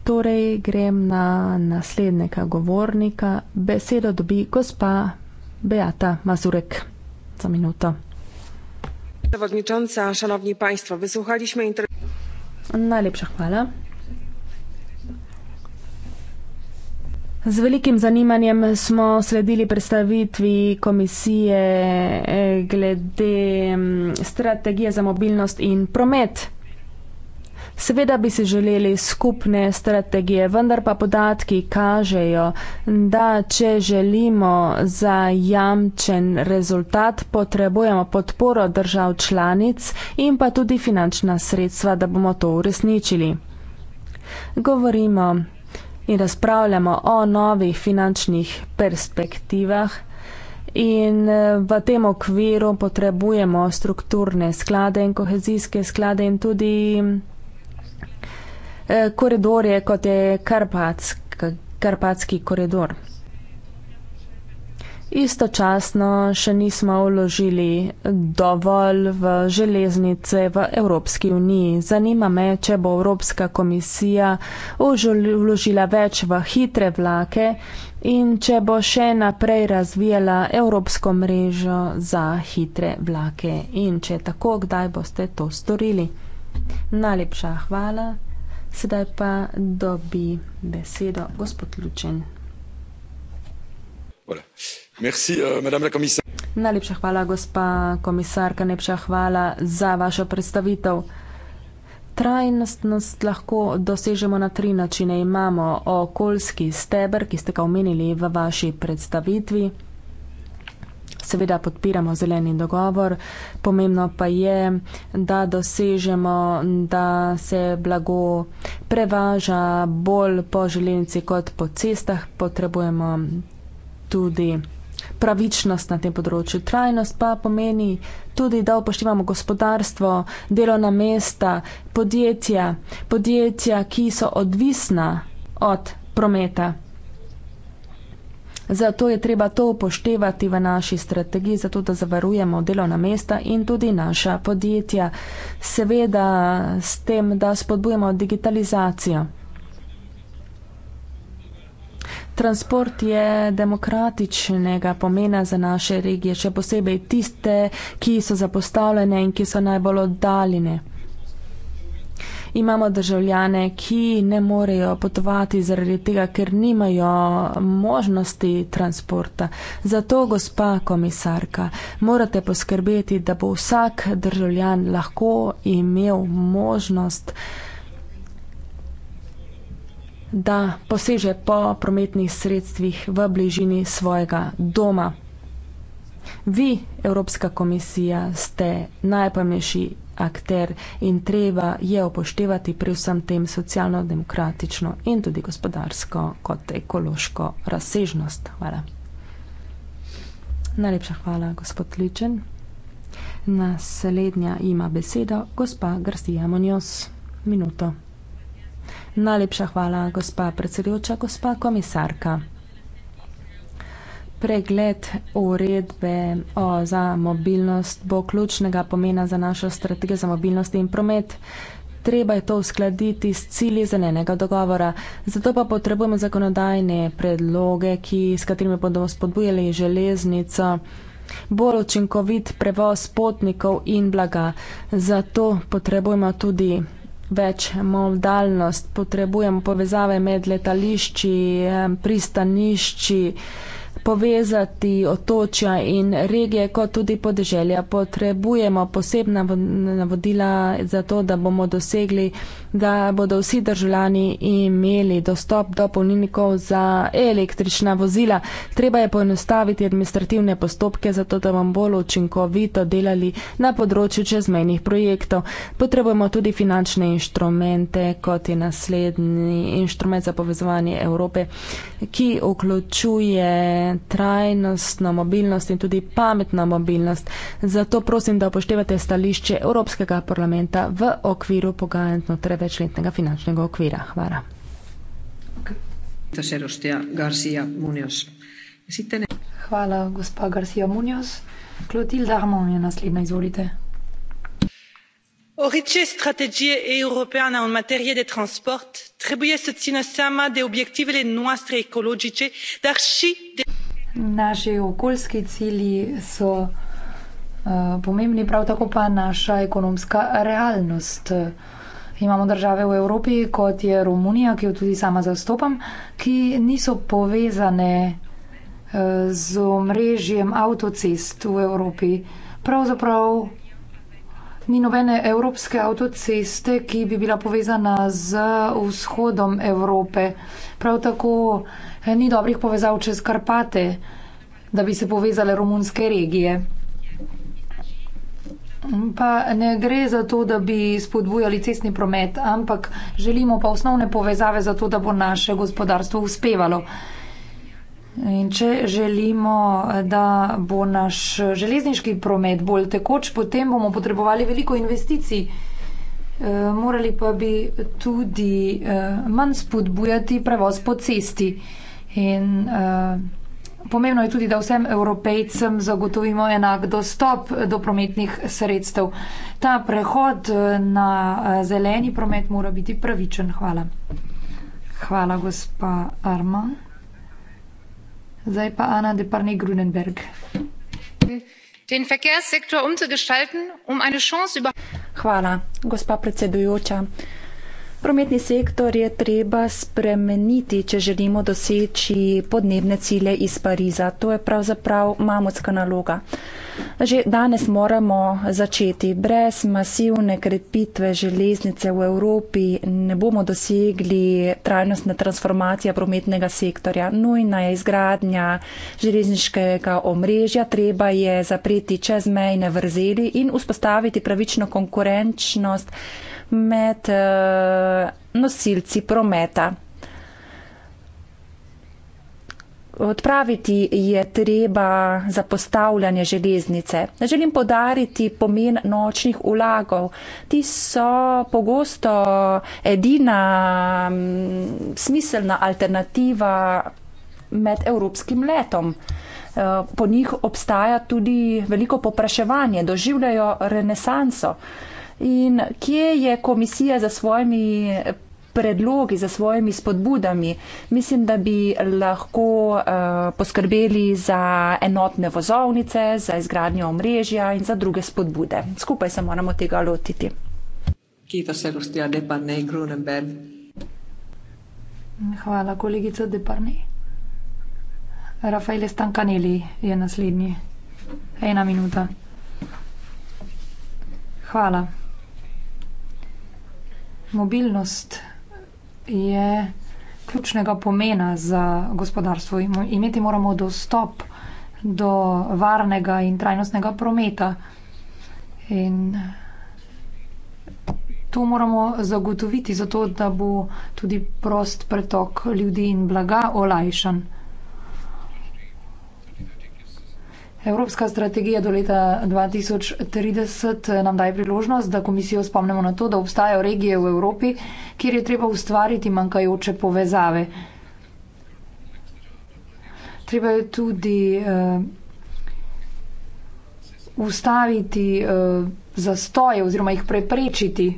Torej grem na naslednjega govornika. Besedo dobi gospa Beata Mazurek za minuto. Predsednica, šanovni państwo, vyslušali smo intervju. Najlepša hvala. Z velikim zanimanjem smo sledili predstavitvi komisije eh, glede mm, strategije za mobilnost in promet. Seveda bi si želeli skupne strategije, vendar pa podatki kažejo, da če želimo zajamčen rezultat, potrebujemo podporo držav članic in pa tudi finančna sredstva, da bomo to uresničili. Govorimo in razpravljamo o novih finančnih perspektivah. In v tem okviru potrebujemo strukturne sklade in kohezijske sklade in tudi Eh, koridorje, kot je Karpatsk, Karpatski koridor. Istočasno še nismo vložili dovolj v železnice v Evropski uniji. Zanima me, če bo Evropska komisija vložila več v hitre vlake in če bo še naprej razvijala Evropsko mrežo za hitre vlake in če tako, kdaj boste to storili. Najlepša hvala. Sedaj pa dobi besedo gospod Lučen. Euh, najlepša hvala, gospa komisarka, najlepša hvala za vašo predstavitev. Trajnostnost lahko dosežemo na tri načine. Imamo okoljski steber, ki ste ga omenili v vaši predstavitvi. Seveda podpiramo zeleni dogovor, pomembno pa je, da dosežemo, da se blago prevaža bolj po železnici kot po cestah. Potrebujemo tudi pravičnost na tem področju. Trajnost pa pomeni tudi, da upoštevamo gospodarstvo, delovna mesta, podjetja, podjetja, ki so odvisna od prometa. Zato je treba to upoštevati v naši strategiji, zato da zavarujemo delovna mesta in tudi naša podjetja. Seveda s tem, da spodbujemo digitalizacijo. Transport je demokratičnega pomena za naše regije, še posebej tiste, ki so zapostavljene in ki so najbolj oddaljene imamo državljane, ki ne morejo potovati zaradi tega, ker nimajo možnosti transporta. Zato, gospa komisarka, morate poskrbeti, da bo vsak državljan lahko imel možnost da poseže po prometnih sredstvih v bližini svojega doma. Vi, Evropska komisija, ste najpomembnejši akter in treba je upoštevati pri vsem tem socialno-demokratično in tudi gospodarsko kot ekološko razsežnost. Hvala. Najlepša hvala, gospod Ličen. Naslednja ima besedo gospa Garcia Monjos. Minuto. Najlepša hvala, gospa predsedujoča, gospa komisarka pregled uredbe o za mobilnost bo ključnega pomena za našo strategijo za mobilnost in promet. Treba je to uskladiti s cilji zelenega dogovora. Zato pa potrebujemo zakonodajne predloge, ki, s katerimi bodo spodbujali železnico, bolj učinkovit prevoz potnikov in blaga. Zato potrebujemo tudi več modalnost, potrebujemo povezave med letališči, eh, pristanišči povezati otočja in regije, kot tudi podeželja. Potrebujemo posebna navodila za to, da bomo dosegli da bodo vsi državljani imeli dostop do polnilnikov za električna vozila. Treba je poenostaviti administrativne postopke, zato da bomo bolj učinkovito delali na področju čezmejnih projektov. Potrebujemo tudi finančne inštrumente, kot je naslednji inštrument za povezovanje Evrope, ki vključuje trajnostno mobilnost in tudi pametno mobilnost. Zato prosim, da upoštevate stališče Evropskega parlamenta v okviru pogajanj znotraj večletnega finančnega okvira. Hvala. Hvala, gospa Garcia Munoz. Clotilde Armand je naslednja, izvolite. Orice strategie europeană în materie de transport trebuie să țină seama de obiectivele noastre ecologice, dar și de... Naši okoljski cilji so uh, pomembni, prav tako pa naša ekonomska realnost. Uh, Imamo države v Evropi, kot je Romunija, ki jo tudi sama zastopam, ki niso povezane eh, z omrežjem avtocest v Evropi. Pravzaprav ni nobene evropske avtoceste, ki bi bila povezana z vzhodom Evrope. Prav tako eh, ni dobrih povezav čez Karpate, da bi se povezale romunske regije. Pa ne gre za to, da bi spodbujali cestni promet, ampak želimo pa osnovne povezave za to, da bo naše gospodarstvo uspevalo. In če želimo, da bo naš železniški promet bolj tekoč, potem bomo potrebovali veliko investicij. E, morali pa bi tudi e, manj spodbujati prevoz po cesti. In e, Pomembno je tudi, da vsem evropejcem zagotovimo enak dostop do prometnih sredstev. Ta prehod eh, na eh, zeleni promet mora biti pravičen. Hvala. Hvala, gospa Arma. Zdaj pa Ana Deparni-Grunenberg. Um Hvala, gospa predsedujoča. Prometni sektor je treba spremeniti, če želimo doseči podnebne cilje iz Pariza. To je pravzaprav mamutska naloga. Že danes moramo začeti. Brez masivne krepitve železnice v Evropi ne bomo dosegli trajnostne transformacije prometnega sektorja. Nujna je izgradnja železniškega omrežja, treba je zapreti čezmejne vrzeli in vzpostaviti pravično konkurenčnost med uh, nosilci prometa. Odpraviti je treba zapostavljanje železnice. Želim podariti pomen nočnih ulagov. Ti so pogosto edina mm, smiselna alternativa med evropskim letom. Eh, po njih obstaja tudi veliko popraševanje, doživljajo renesanso in kje je komisija za svojimi predlogi, za svojimi spodbudami. Mislim, da bi lahko uh, poskrbeli za enotne vozovnice, za izgradnjo omrežja in za druge spodbude. Skupaj se moramo tega lotiti. Hvala, kolegica Deparni. Rafael Stankaneli je naslednji. Ena minuta. Hvala mobilnost je ključnega pomena za gospodarstvo. Imeti moramo dostop do varnega in trajnostnega prometa. In to moramo zagotoviti, zato da bo tudi prost pretok ljudi in blaga olajšan. Evropska strategija do leta 2030 nam daje priložnost, da komisijo spomnimo na to, da obstajajo regije v Evropi, kjer je treba ustvariti manjkajoče povezave. Treba je tudi uh, ustaviti uh, zastoje oziroma jih preprečiti.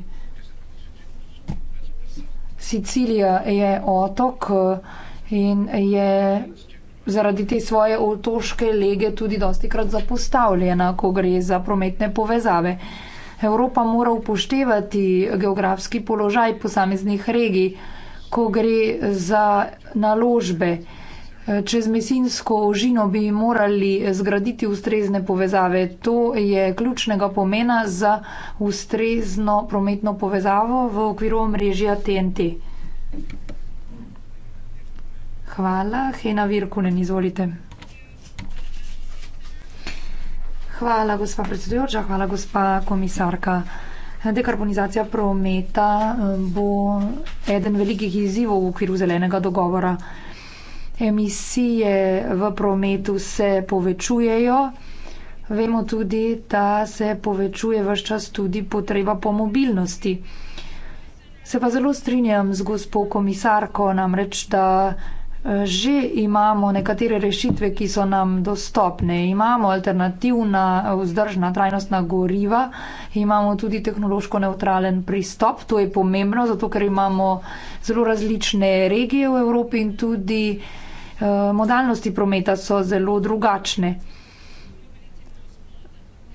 Sicilija je otok eh, in je zaradi te svoje otoške lege tudi dosti krat zapostavljena, ko gre za prometne povezave. Evropa mora upoštevati geografski položaj posameznih regij, ko gre za naložbe. Čez mesinsko ožino bi morali zgraditi ustrezne povezave. To je ključnega pomena za ustrezno prometno povezavo v okviru omrežja TNT. Thank you hvala. Hena Virkunen, izvolite. Hvala, gospa predsedujoča, hvala, gospa komisarka. Dekarbonizacija prometa eh, bo eden velikih izzivov v okviru zelenega dogovora. Emisije v prometu se povečujejo. Vemo tudi, da se povečuje vse čas tudi potreba po mobilnosti. Se pa zelo strinjam z gospo komisarko, namreč da. Eh, že imamo nekatere rešitve, ki so nam dostopne. Imamo alternativna, eh, vzdržna, trajnostna goriva, imamo tudi tehnološko neutralen pristop. To je pomembno, zato ker imamo zelo različne regije v Evropi in tudi eh, modalnosti prometa so zelo drugačne.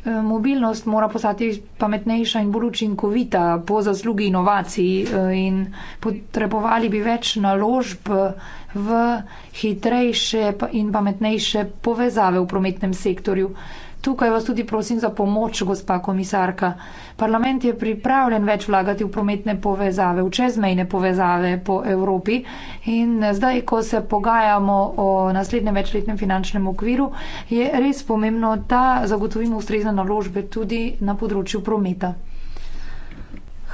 Eh, mobilnost mora postati pametnejša in bolj učinkovita po zaslugi inovacij eh, in potrebovali bi več naložb v hitrejše in pametnejše povezave v prometnem sektorju. Tukaj vas tudi prosim za pomoč, gospa komisarka. Parlament je pripravljen več vlagati v prometne povezave, v čezmejne povezave po Evropi in zdaj, ko se pogajamo o naslednjem večletnem finančnem okviru, je res pomembno, da zagotovimo ustrezne naložbe tudi na področju prometa.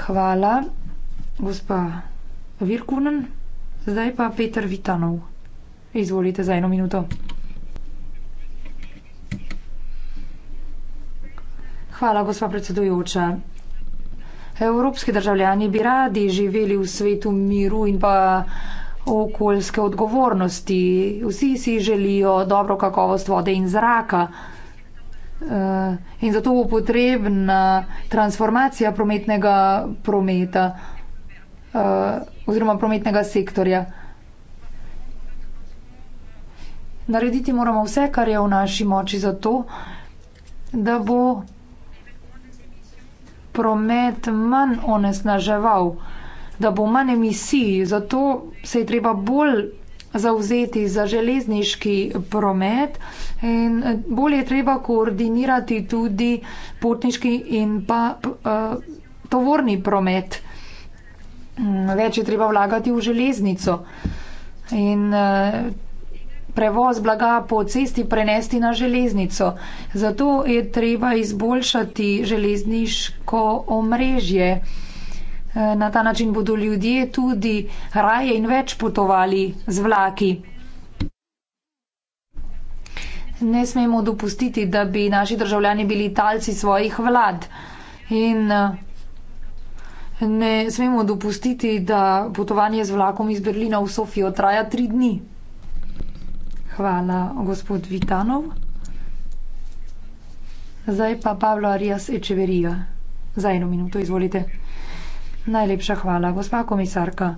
Hvala, gospa Virkunen. Zdaj pa Peter Vitanov. Izvolite za eno minuto. Hvala, gospa predsedujoča. Evropski državljani bi radi živeli v svetu miru in pa okoljske odgovornosti. Vsi si želijo dobro kakovost vode in zraka. Eh, in zato bo potrebna transformacija prometnega prometa eh, oziroma prometnega sektorja. Narediti moramo vse, kar je v naši moči za to, da bo promet manj onesnaževal, da bo manj emisij, zato se je treba bolj zauzeti za železniški promet in eh, bolje je treba koordinirati tudi potniški in pa eh, tovorni promet. Mm, več je treba vlagati v železnico. In eh, prevoz blaga po cesti prenesti na železnico. Zato je treba izboljšati železniško omrežje. E, na ta način bodo ljudje tudi raje in več potovali z vlaki. Ne smemo dopustiti, da bi naši državljani bili talci svojih vlad. In e, ne smemo dopustiti, da potovanje z vlakom iz Berlina v Sofijo traja tri dni. Hvala, gospod Vitanov. Zdaj pa Pablo Arias Echeverija. Za eno minuto, izvolite. Najlepša hvala, gospa komisarka.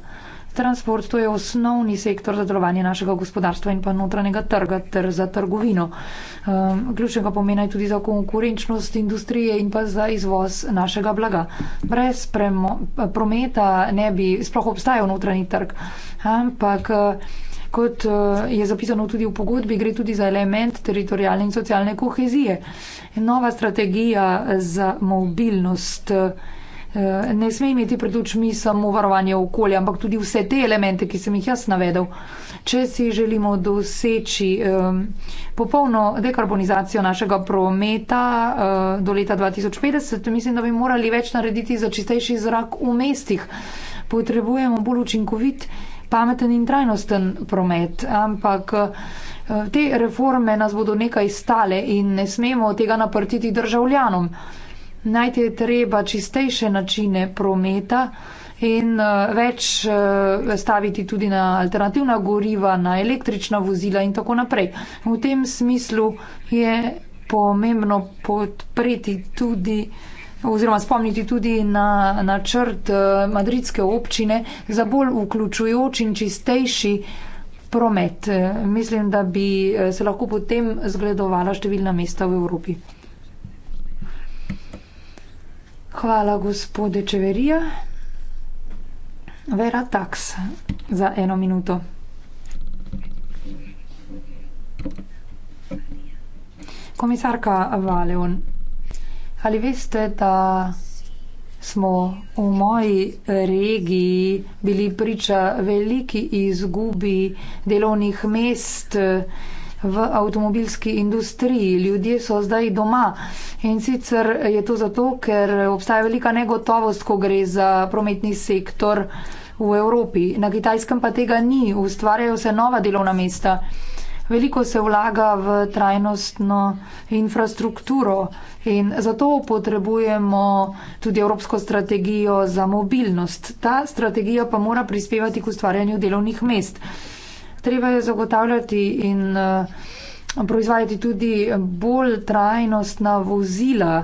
Transport to je osnovni sektor za delovanje našega gospodarstva in pa notranjega trga ter za trgovino. Um, ključnega pomena je tudi za konkurenčnost industrije in pa za izvoz našega blaga. Brez premo, prometa ne bi sploh obstajal notranji trg. Ampak uh, kot eh, je zapisano tudi v pogodbi, gre tudi za element teritorijalne in socialne kohezije. Nova strategija eh, za mobilnost eh, ne sme imeti pred očmi samo varovanje okolja, ampak tudi vse te elemente, ki sem jih jaz navedel. Če si želimo doseči um, popolno dekarbonizacijo našega prometa uh, do leta 2050, mislim, da bi morali več narediti za čistejši zrak v mestih. Potrebujemo bolj učinkovit pameten in trajnosten promet, ampak eh, te reforme nas bodo nekaj stale in ne smemo tega naprtiti državljanom. Najti je treba čistejše načine prometa in eh, več eh, staviti tudi na alternativna goriva, na električna vozila in tako naprej. V tem smislu je pomembno podpreti tudi Oziroma spomniti tudi na načrt eh, madridske občine za bolj vključujoč in čistejši promet. Eh, mislim, da bi eh, se lahko potem zgledovala številna mesta v Evropi. Hvala, gospode Čeverija. Vera Taks za eno minuto. Komisarka Valeon. Ali veste, da smo v moji regiji bili priča veliki izgubi delovnih mest v avtomobilski industriji? Ljudje so zdaj doma in sicer je to zato, ker obstaja velika negotovost, ko gre za prometni sektor v Evropi. Na kitajskem pa tega ni, ustvarjajo se nova delovna mesta veliko se vlaga v trajnostno infrastrukturo in zato potrebujemo tudi Evropsko strategijo za mobilnost. Ta strategija pa mora prispevati k ustvarjanju delovnih mest. Treba je zagotavljati in eh, proizvajati tudi bolj trajnostna vozila.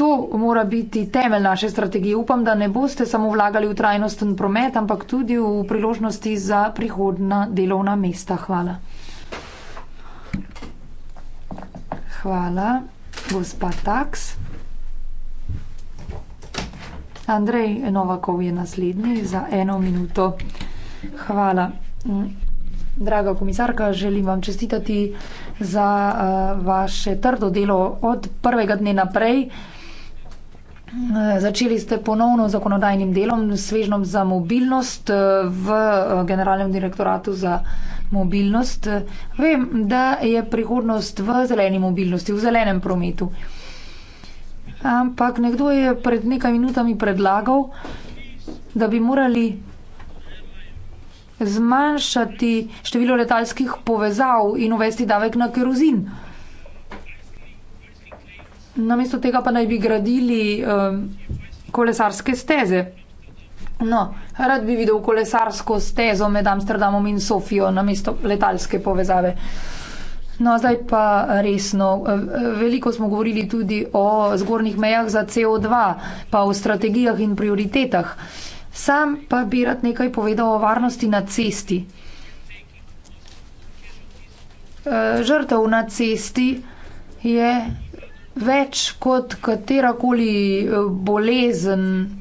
To mora biti temelj naše strategije. Upam, da ne boste samo vlagali v trajnosten promet, ampak tudi v priložnosti za prihodna delovna mesta. Hvala. Hvala, gospa Taks. Andrej Novakov je naslednji za eno minuto. Hvala. Draga komisarka, želim vam čestitati za uh, vaše trdo delo od prvega dne naprej. Začeli ste ponovno z zakonodajnim delom, svežnom za mobilnost eh, v eh, Generalnem direktoratu za mobilnost. Vem, da je prihodnost v zeleni mobilnosti, v zelenem prometu. Ampak nekdo je pred nekaj minutami predlagal, da bi morali zmanjšati število letalskih povezav in uvesti davek na kerozin namesto tega pa naj bi gradili um, kolesarske steze. No, rad bi videl kolesarsko stezo med Amsterdamom in Sofijo, namesto letalske povezave. No, zdaj pa resno. Veliko smo govorili tudi o zgornjih mejah za CO2, pa o strategijah in prioritetah. Sam pa bi rad nekaj povedal o varnosti na cesti. Eh, žrtev na cesti je več kot katerakoli eh, bolezen.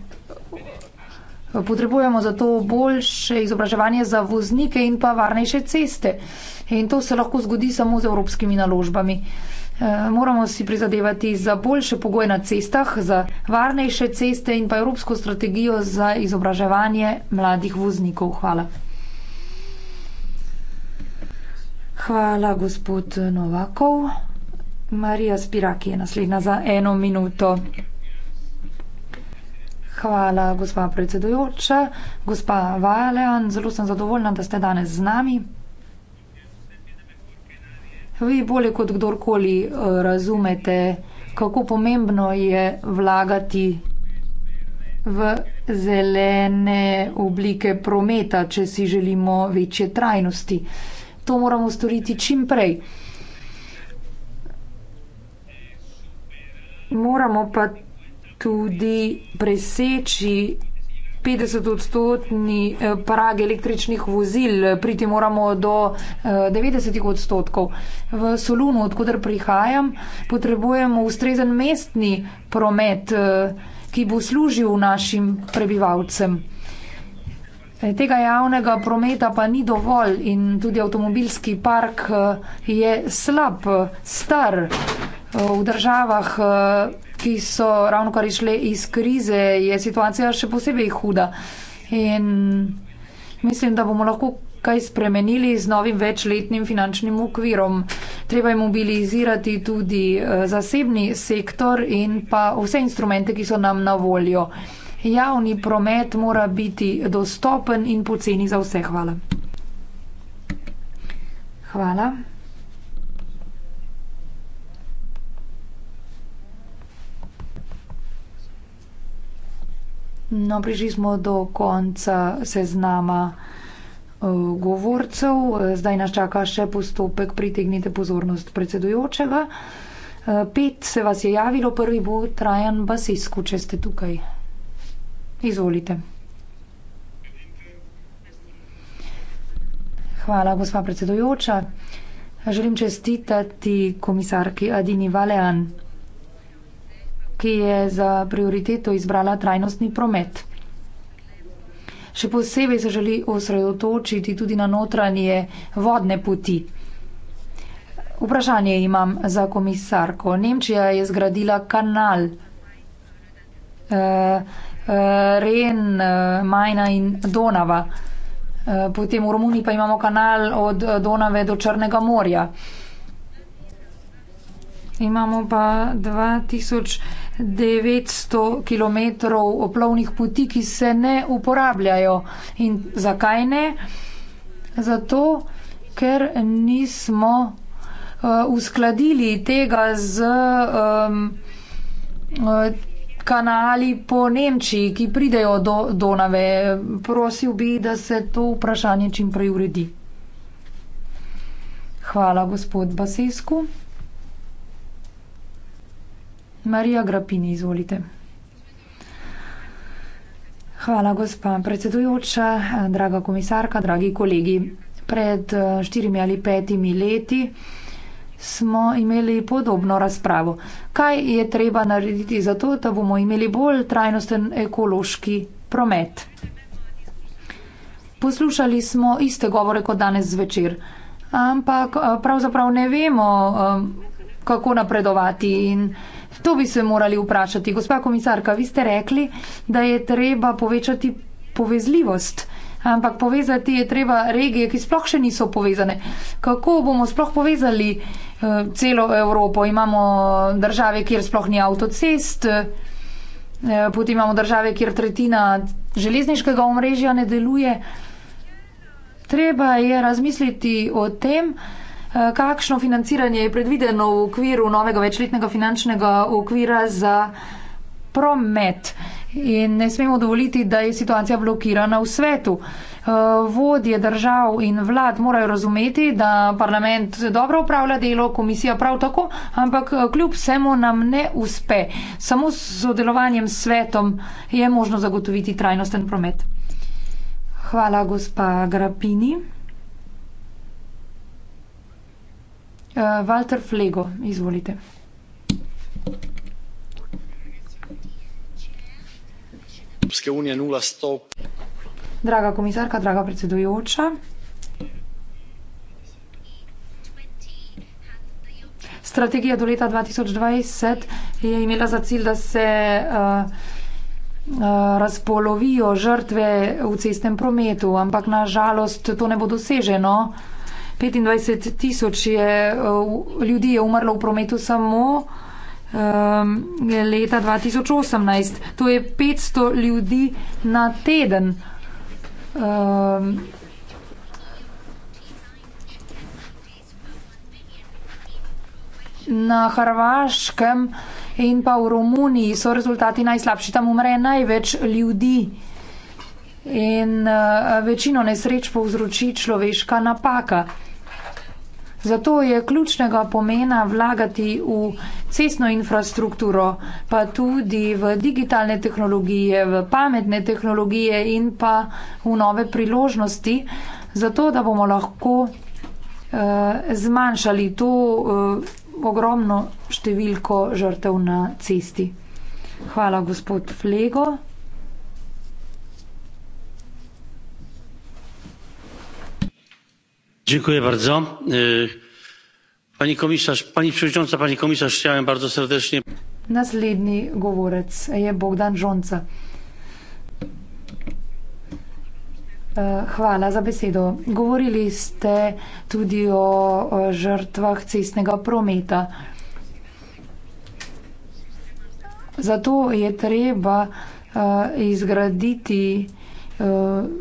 Potrebujemo zato boljše izobraževanje za voznike in pa varnejše ceste. In to se lahko zgodi samo z evropskimi naložbami. Eh, moramo si prizadevati za boljše pogoje na cestah, za varnejše ceste in pa evropsko strategijo za izobraževanje mladih voznikov. Hvala. Hvala, gospod Novakov. Marija Spiraki je naslednja za eno minuto. Hvala, gospa predsedujoča. Gospa Valean, zelo sem zadovoljna, da ste danes z nami. Vi bolje kot kdorkoli eh, razumete, kako pomembno je vlagati v zelene oblike prometa, če si želimo večje trajnosti. To moramo storiti čim prej. moramo pa tudi preseči 50-odstotni eh, prag električnih vozil, priti moramo do 90 eh, odstotkov. V Solunu, odkudar prihajam, potrebujemo ustrezen mestni promet, eh, ki bo služil našim prebivalcem. Tega javnega prometa pa ni dovolj in tudi avtomobilski park je slab, star. Eh, v državah, eh, ki so ravno kar išle iz krize, je situacija še posebej huda. In mislim, da bomo lahko kaj spremenili z novim večletnim finančnim ukvirom. Treba je mobilizirati tudi eh, zasebni sektor in pa vse instrumente, ki so nam na voljo. Javni promet mora biti dostopen in poceni za vse. Hvala. Hvala. No, prišli smo do konca seznama eh, govorcev. Zdaj nas čaka še postopek, pritegnite pozornost predsedujočega. Eh, pet se vas je javilo, prvi bo Trajan Basisku, če ste tukaj. Izvolite. Hvala, gospa predsedujoča. Želim čestitati komisarki Adini Valean ki je za prioriteto izbrala trajnostni promet. Še posebej se želi osredotočiti tudi na notranje vodne puti. Vprašanje imam za komisarko. Nemčija je zgradila kanal uh, eh, uh, eh, Ren, uh, eh, Majna in Donava. Potem v Romuniji pa imamo kanal od Donave do Črnega morja. Imamo pa 2000 900 km oplovnih poti, ki se ne uporabljajo. In zakaj ne? Zato, ker nismo uh, uskladili tega z um, uh, kanali po Nemčiji, ki pridejo do Donave. Prosil bi, da se to vprašanje čim prej uredi. Hvala, gospod Basejsku. Marija Grapini, izvolite. Hvala, gospa predsedujoča, draga komisarka, dragi kolegi. Pred eh, štirimi ali petimi leti smo imeli podobno razpravo. Kaj je treba narediti za to, da bomo imeli bolj trajnosten ekološki promet? Poslušali smo iste govore kot danes zvečer, ampak eh, pravzaprav ne vemo, eh, kako napredovati in kako. To bi se morali vprašati. Gospa komisarka, vi ste rekli, da je treba povečati povezljivost, ampak povezati je treba regije, ki sploh še niso povezane. Kako bomo sploh povezali uh, celo Evropo? Imamo države, kjer sploh ni avtocest, uh, potem imamo države, kjer tretjina železniškega omrežja ne deluje. Treba je razmisliti o tem, Kakšno financiranje je predvideno v okviru novega večletnega finančnega okvira za promet? In ne smemo dovoliti, da je situacija blokirana v svetu. Eh, vodje držav in vlad morajo razumeti, da parlament dobro upravlja delo, komisija prav tako, ampak eh, kljub vsemu nam ne uspe. Samo s sodelovanjem s svetom je možno zagotoviti trajnosten promet. Hvala, gospa Grapini. Valter eh, Flego, izvolite. Draga komisarka, draga predsedujoča. Strategija do leta dva tisoč dvajset je imela za cilj, da se, eh, eh, razpolovijo žrtve v cestnem prometu, ampak na žalost to ne bo doseženo. 25 tisoč je, eh, ljudi je umrlo v prometu samo um, leta 2018. To je 500 ljudi na teden. Um, na Hrvaškem in pa v Romuniji so rezultati najslabši. Tam umre največ ljudi. In uh, večino nesreč povzroči človeška napaka. Zato je ključnega pomena vlagati v cestno infrastrukturo, pa tudi v digitalne tehnologije, v pametne tehnologije in pa v nove priložnosti, zato da bomo lahko eh, zmanjšali to eh, ogromno številko žrtev na cesti. Hvala, gospod Flego. pani komisarz pani przewodnicząca pani komisarz chciałem bardzo serdecznie. Następny govorec je Bogdan Żonca. E, hvala za besedo. Govorili ste tudi o žrtvah cestnega prometa. Zato je treba e, izgraditi e,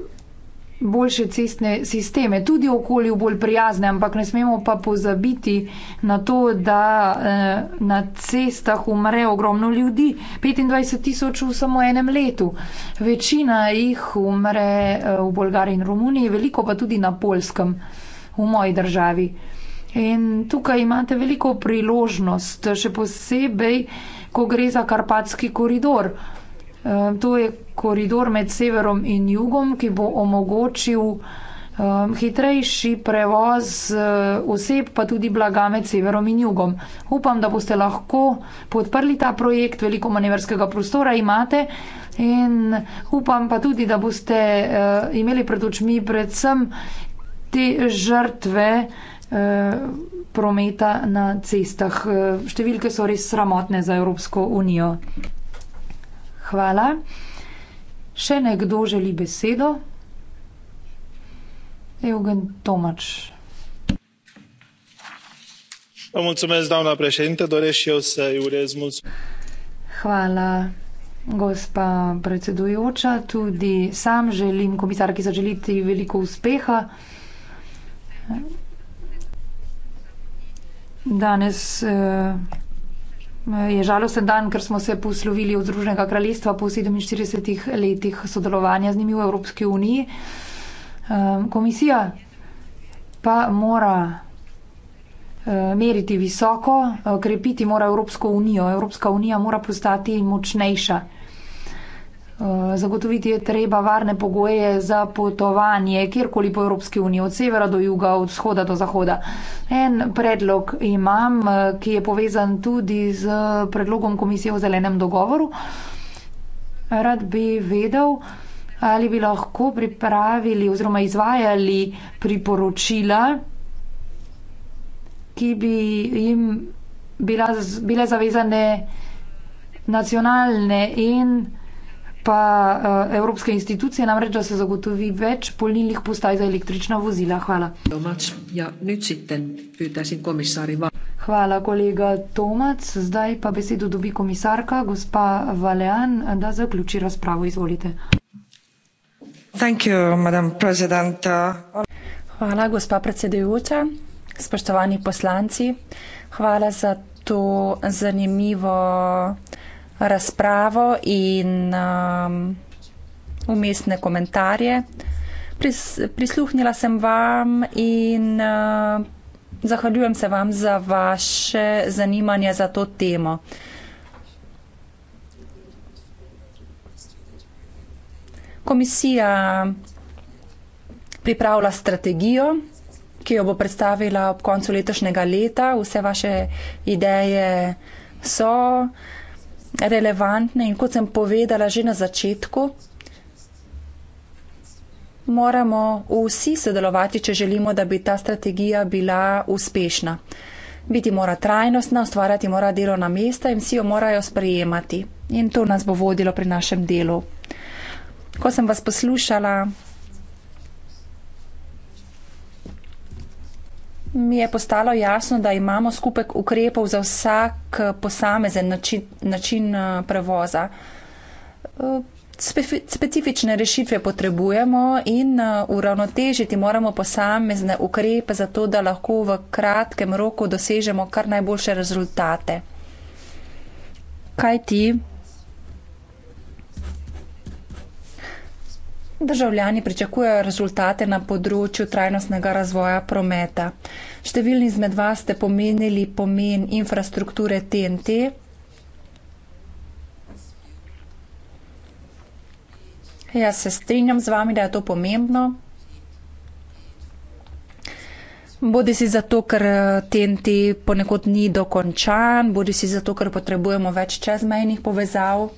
boljše cestne sisteme, tudi okolju bolj prijazne, ampak ne smemo pa pozabiti na to, da eh, na cestah umre ogromno ljudi. 25 tisoč v samo enem letu. Večina jih umre eh, v Bolgariji in Romuniji, veliko pa tudi na Polskem, v moji državi. In tukaj imate veliko priložnost, še posebej, ko gre za karpatski koridor. Eh, to je koridor med severom in jugom, ki bo omogočil um, hitrejši prevoz uh, oseb, pa tudi blaga med severom in jugom. Upam, da boste lahko podprli ta projekt, veliko manevrskega prostora imate. In upam pa tudi, da boste uh, imeli pred očmi predvsem te žrtve uh, prometa na cestah. Uh, številke so res sramotne za Evropsko unijo. Hvala. Še nekdo želi besedo? Eugen Tomač. Vă mulțumesc, doamna președintă, doresc și eu să îi urez mult. Hvala, gospa predsedujoča, tudi sam želim, komisar, ki se želi ti veliko uspeha. Danes eh, Je žalosten dan, ker smo se poslovili od Združenega kraljestva po 47 letih sodelovanja z njimi v Evropski uniji. Komisija pa mora e, meriti visoko, e, krepiti mora Evropsko unijo. Evropska unija mora postati močnejša. Eh, zagotoviti je treba varne pogoje za potovanje kjerkoli po Evropski uniji, od severa do juga, od vzhoda do zahoda. En predlog imam, eh, ki je povezan tudi z predlogom komisije o zelenem dogovoru. Rad bi vedel, ali bi lahko pripravili oziroma izvajali priporočila, ki bi jim bila, bile zavezane nacionalne in pa uh, evropske institucije, namreč, da se zagotovi več polnilnih postaj za električna vozila. Hvala. Ja, hvala, kolega Tomac. Zdaj pa besedo dobi komisarka, gospa Valean, da zaključi razpravo. Izvolite. Hvala, gospa predsedujoča. Spoštovani poslanci, hvala za to zanimivo razpravo in um, umestne komentarje. Pris, prisluhnila sem vam in uh, zahvaljujem se vam za vaše zanimanje za to temo. Komisija pripravlja strategijo, ki jo bo predstavila ob koncu letošnjega leta. Vse vaše ideje so relevantne in kot sem povedala že na začetku, moramo vsi sodelovati, če želimo, da bi ta strategija bila uspešna. Biti mora trajnostna, ustvarjati mora delovna mesta in vsi jo morajo sprejemati. In to nas bo vodilo pri našem delu. Ko sem vas poslušala, mi je postalo jasno, da imamo skupek ukrepov za vsak eh, posamezen način, način eh, prevoza. Eh, specifične rešitve potrebujemo in uravnotežiti moramo posamezne ukrepe, zato da lahko v kratkem roku dosežemo kar najboljše rezultate. Kaj ti, Državljani pričakujejo rezultate na področju trajnostnega razvoja prometa. Številni izmed vas ste pomenili pomen infrastrukture TNT. Jaz se strinjam z vami, da je to pomembno. Bodi si zato, ker TNT eh, ponekod ni dokončan, bodi si zato, ker potrebujemo več čezmejnih povezav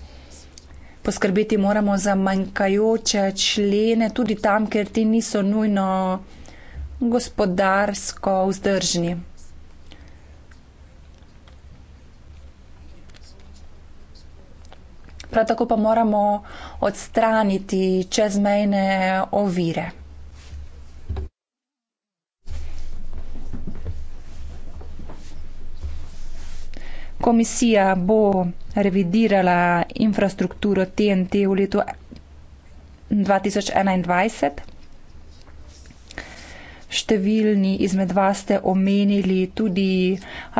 poskrbeti moramo za manjkajoče člene, tudi tam, ker ti niso nujno gospodarsko vzdržni. Prav tako pa moramo odstraniti čezmejne ovire. Komisija bo revidirala infrastrukturo TNT v letu 2021. Številni izmed vas ste omenili tudi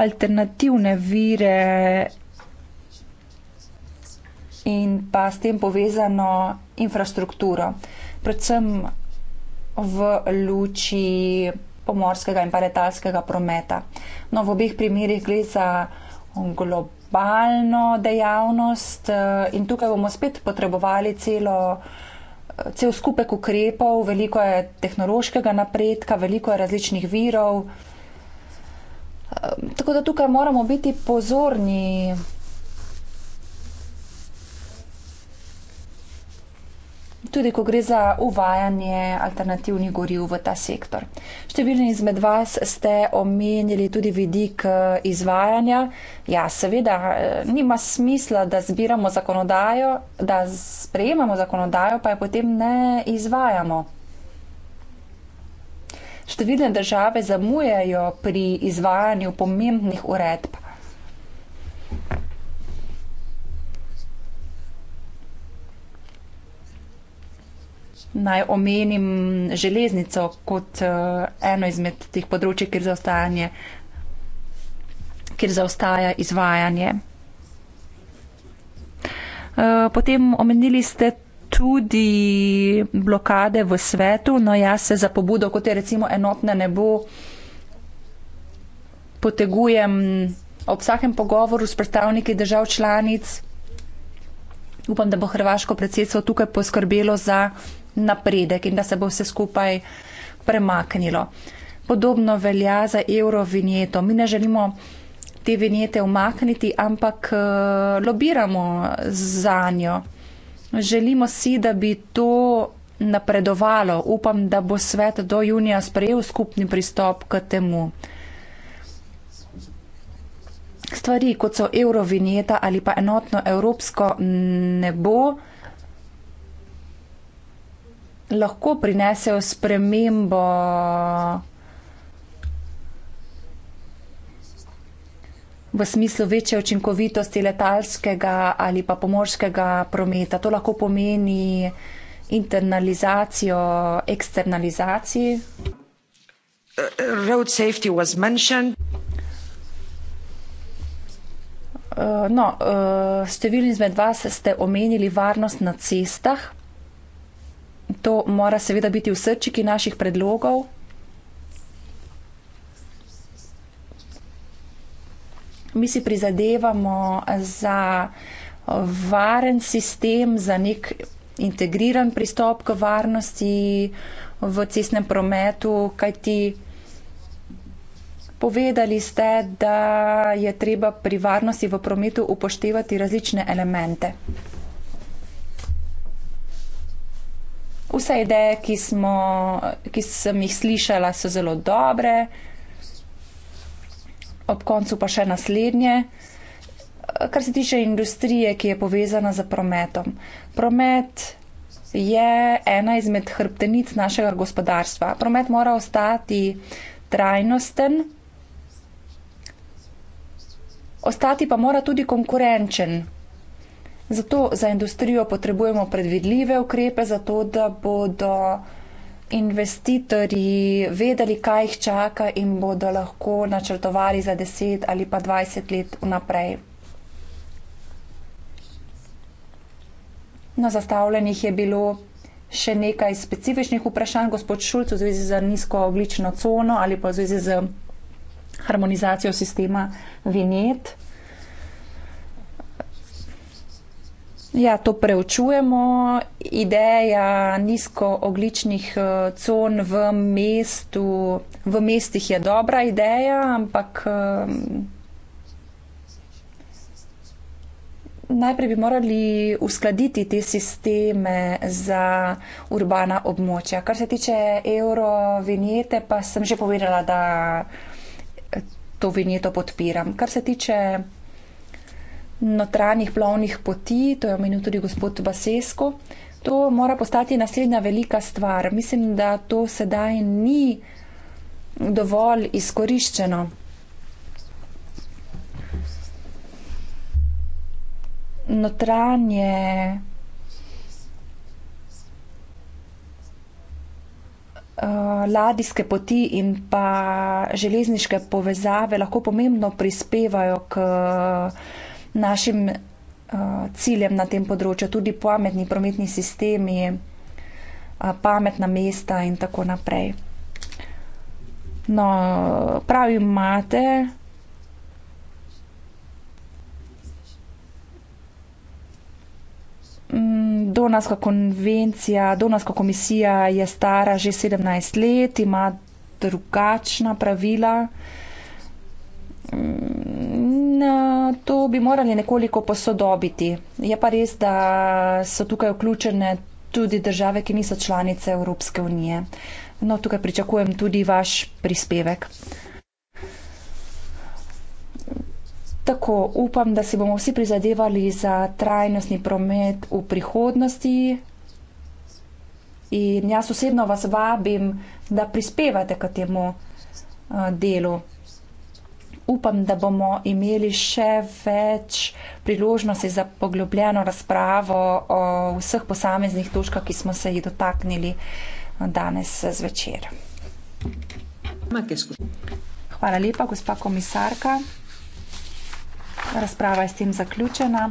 alternativne vire in pa s tem povezano infrastrukturo, predvsem v luči pomorskega in pa letalskega prometa. No, v obeh primerih gre za globalno dejavnost eh, in tukaj bomo spet potrebovali celo, eh, cel skupek ukrepov, veliko je tehnološkega napredka, veliko je različnih virov. Ehm, tako da tukaj moramo biti pozorni, tudi ko gre za uvajanje alternativnih goriv v ta sektor. Številni izmed vas ste omenili tudi vidik eh, izvajanja. Ja, seveda, eh, nima smisla, da zbiramo zakonodajo, da sprejemamo zakonodajo, pa jo potem ne izvajamo. Številne države zamujajo pri izvajanju pomembnih uredb. Naj omenim železnico kot eh, eno izmed teh področji, kjer, kjer zaostaja izvajanje. Eh, potem omenili ste tudi blokade v svetu, no jaz se za pobudo, kot je recimo enotna nebo, potegujem ob vsakem pogovoru s predstavniki držav članic. Upam, da bo hrvaško predsedstvo tukaj poskrbelo za napredek in da se bo vse skupaj premaknilo. Podobno velja za eurovinjeto. Mi ne želimo te vinjete umakniti, ampak eh, lobiramo za njo. Želimo si, da bi to napredovalo. Upam, da bo svet do junija sprejel skupni pristop k temu. Stvari, kot so eurovinjeta ali pa enotno evropsko, ne bo lahko prinesejo spremembo. V smislu večje učinkovitosti letalskega ali pa pomorskega prometa. To lahko pomeni internalizacijo, eksternalizacijo. Road safety was mentioned. Eh, no, eh, številni izmed vas ste omenili varnost na cestah to mora seveda biti v srčiki naših predlogov. Mi si prizadevamo za varen sistem, za nek integriran pristop k varnosti v cestnem prometu, kajti povedali ste, da je treba pri varnosti v prometu upoštevati različne elemente. vse ideje, ki, smo, ki sem jih slišala, so zelo dobre. Ob koncu pa še naslednje. Kar se tiče industrije, ki je povezana z prometom. Promet je ena izmed hrbtenic našega gospodarstva. Promet mora ostati trajnosten, ostati pa mora tudi konkurenčen. Zato za industrijo potrebujemo predvidljive ukrepe, zato da bodo investitorji vedeli, kaj jih čaka in bodo lahko načrtovali za 10 ali pa 20 let vnaprej. Na zastavljenih je bilo še nekaj specifičnih vprašanj, gospod Šulc, v zvezi z nizkooglično cono ali pa v zvezi z harmonizacijo sistema vinjet. Ja, to preučujemo. Ideja nizkooglišnih eh, con v, mestu, v mestih je dobra ideja, ampak eh, najprej bi morali uskladiti te sisteme za urbana območja. Kar se tiče eurovinjete, pa sem že povedala, da to vinjeto podpiram. Kar se tiče notranjih plovnih poti, to je omenil tudi gospod Basesko. To mora postati naslednja velika stvar. Mislim, da to sedaj ni dovolj izkoriščeno. Notranje uh, ladijske poti in pa železniške povezave lahko pomembno prispevajo k uh, našim eh, ciljem na tem področju, tudi pametni prometni sistemi, eh, pametna mesta in tako naprej. No, pravi imate. Mm, Donaska konvencija, Donaska komisija je stara že 17 let, ima drugačna pravila no, to bi morali nekoliko posodobiti. Je pa res, da so tukaj vključene tudi države, ki niso članice Evropske unije. No, tukaj pričakujem tudi vaš prispevek. Tako upam, da si bomo vsi prizadevali za trajnostni promet v prihodnosti. In jaz osebno vas vabim, da prispevate k temu eh, delu upam, da bomo imeli še več priložnosti za poglobljeno razpravo o vseh posameznih točkah, ki smo se jih dotaknili danes zvečer. Hvala lepa, gospa komisarka. Razprava je s tem zaključena.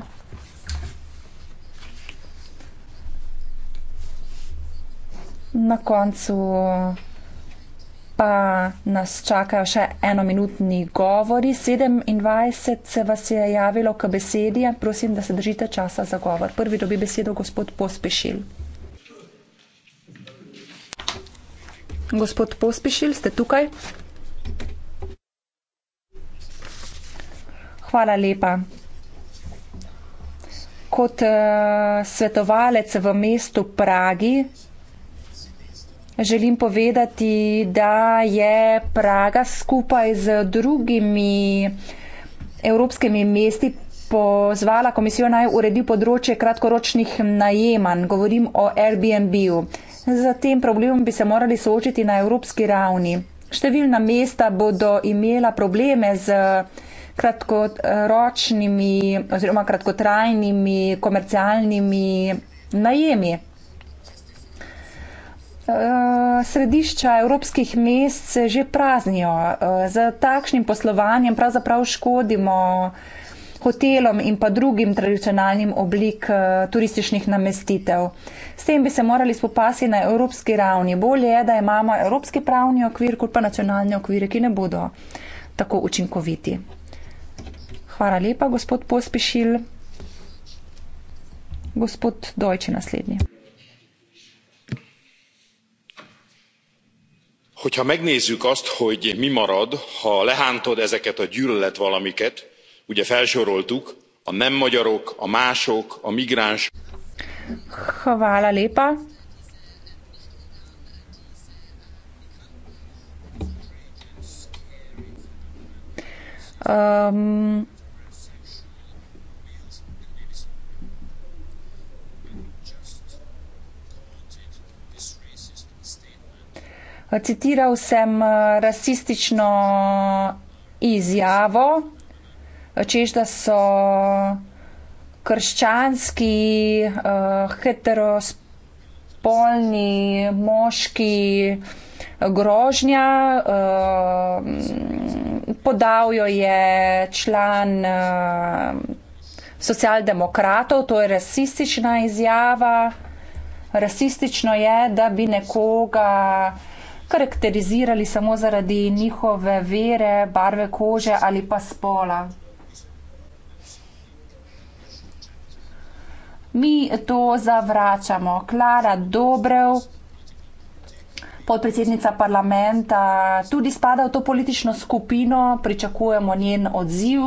Na koncu pa nas čakajo še enominutni govori. 27 se vas je javilo k besedi. Prosim, da se držite časa za govor. Prvi dobi besedo gospod Pospešil. Gospod Pospešil, ste tukaj? Hvala lepa. Kot uh, svetovalec v mestu Pragi želim povedati, da je Praga skupaj z drugimi evropskimi mesti pozvala komisijo naj uredi področje kratkoročnih najemanj, govorim o Airbnb-u. Z tem problemom bi se morali soočiti na evropski ravni. Številna mesta bodo imela probleme z kratkoročnimi oziroma kratkotrajnimi komercialnimi najemi. Eh, središča evropskih mest se že praznijo. Z eh, takšnim poslovanjem pravzaprav škodimo hotelom in pa drugim tradicionalnim oblik eh, turističnih namestitev. S tem bi se morali spopasti na evropski ravni. Bolje je, da imamo evropski pravni okvir, kot pa nacionalni okvir, ki ne bodo tako učinkoviti. Hvala lepa, gospod Pospišil. Gospod Dojče naslednji. hogyha megnézzük azt hogy mi marad ha lehántod ezeket a gyűlöletvalamiket ugye felsoroltuk a nem magyarok a mások a migráns. Hvala lepa. Um, citiral sem eh, rasistično izjavo, eh, češ da so krščanski uh, heterospolni moški grožnja. Uh, podal jo je član uh, socialdemokratov, to je rasistična izjava. Rasistično je, da bi nekoga uh, karakterizirali samo zaradi njihove vere, barve kože ali pa spola. Mi to zavračamo. Klara Dobrev, podpredsednica parlamenta, tudi spada v to politično skupino, pričakujemo njen odziv.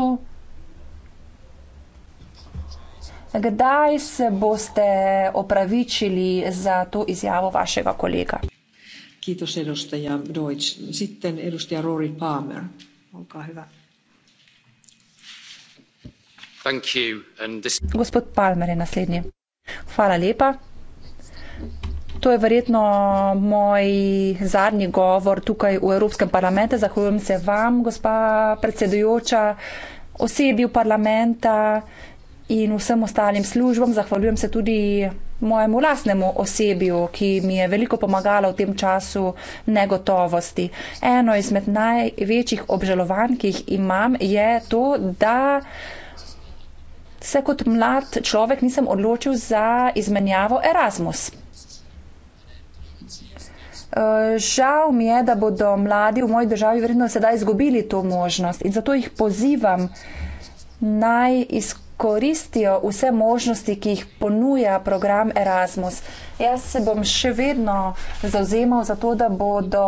Kdaj se boste opravičili za to izjavo vašega kolega? Hvala lepa. To je verjetno moj zadnji govor tukaj v Evropskem parlamentu. Zahvaljujem se vam, gospa predsedujoča, osebju parlamenta in vsem ostalim službam. Zahvaljujem se tudi mojemu lastnemu osebju, ki mi je veliko pomagala v tem času negotovosti. Eno izmed največjih obžalovanj, ki jih imam, je to, da se kot mlad človek nisem odločil za izmenjavo Erasmus. Žal mi je, da bodo mladi v moji državi verjetno sedaj izgubili to možnost in zato jih pozivam naj izkoristiti koristijo vse možnosti, ki jih ponuja program Erasmus. Jaz se bom še vedno zauzemal za to, da bodo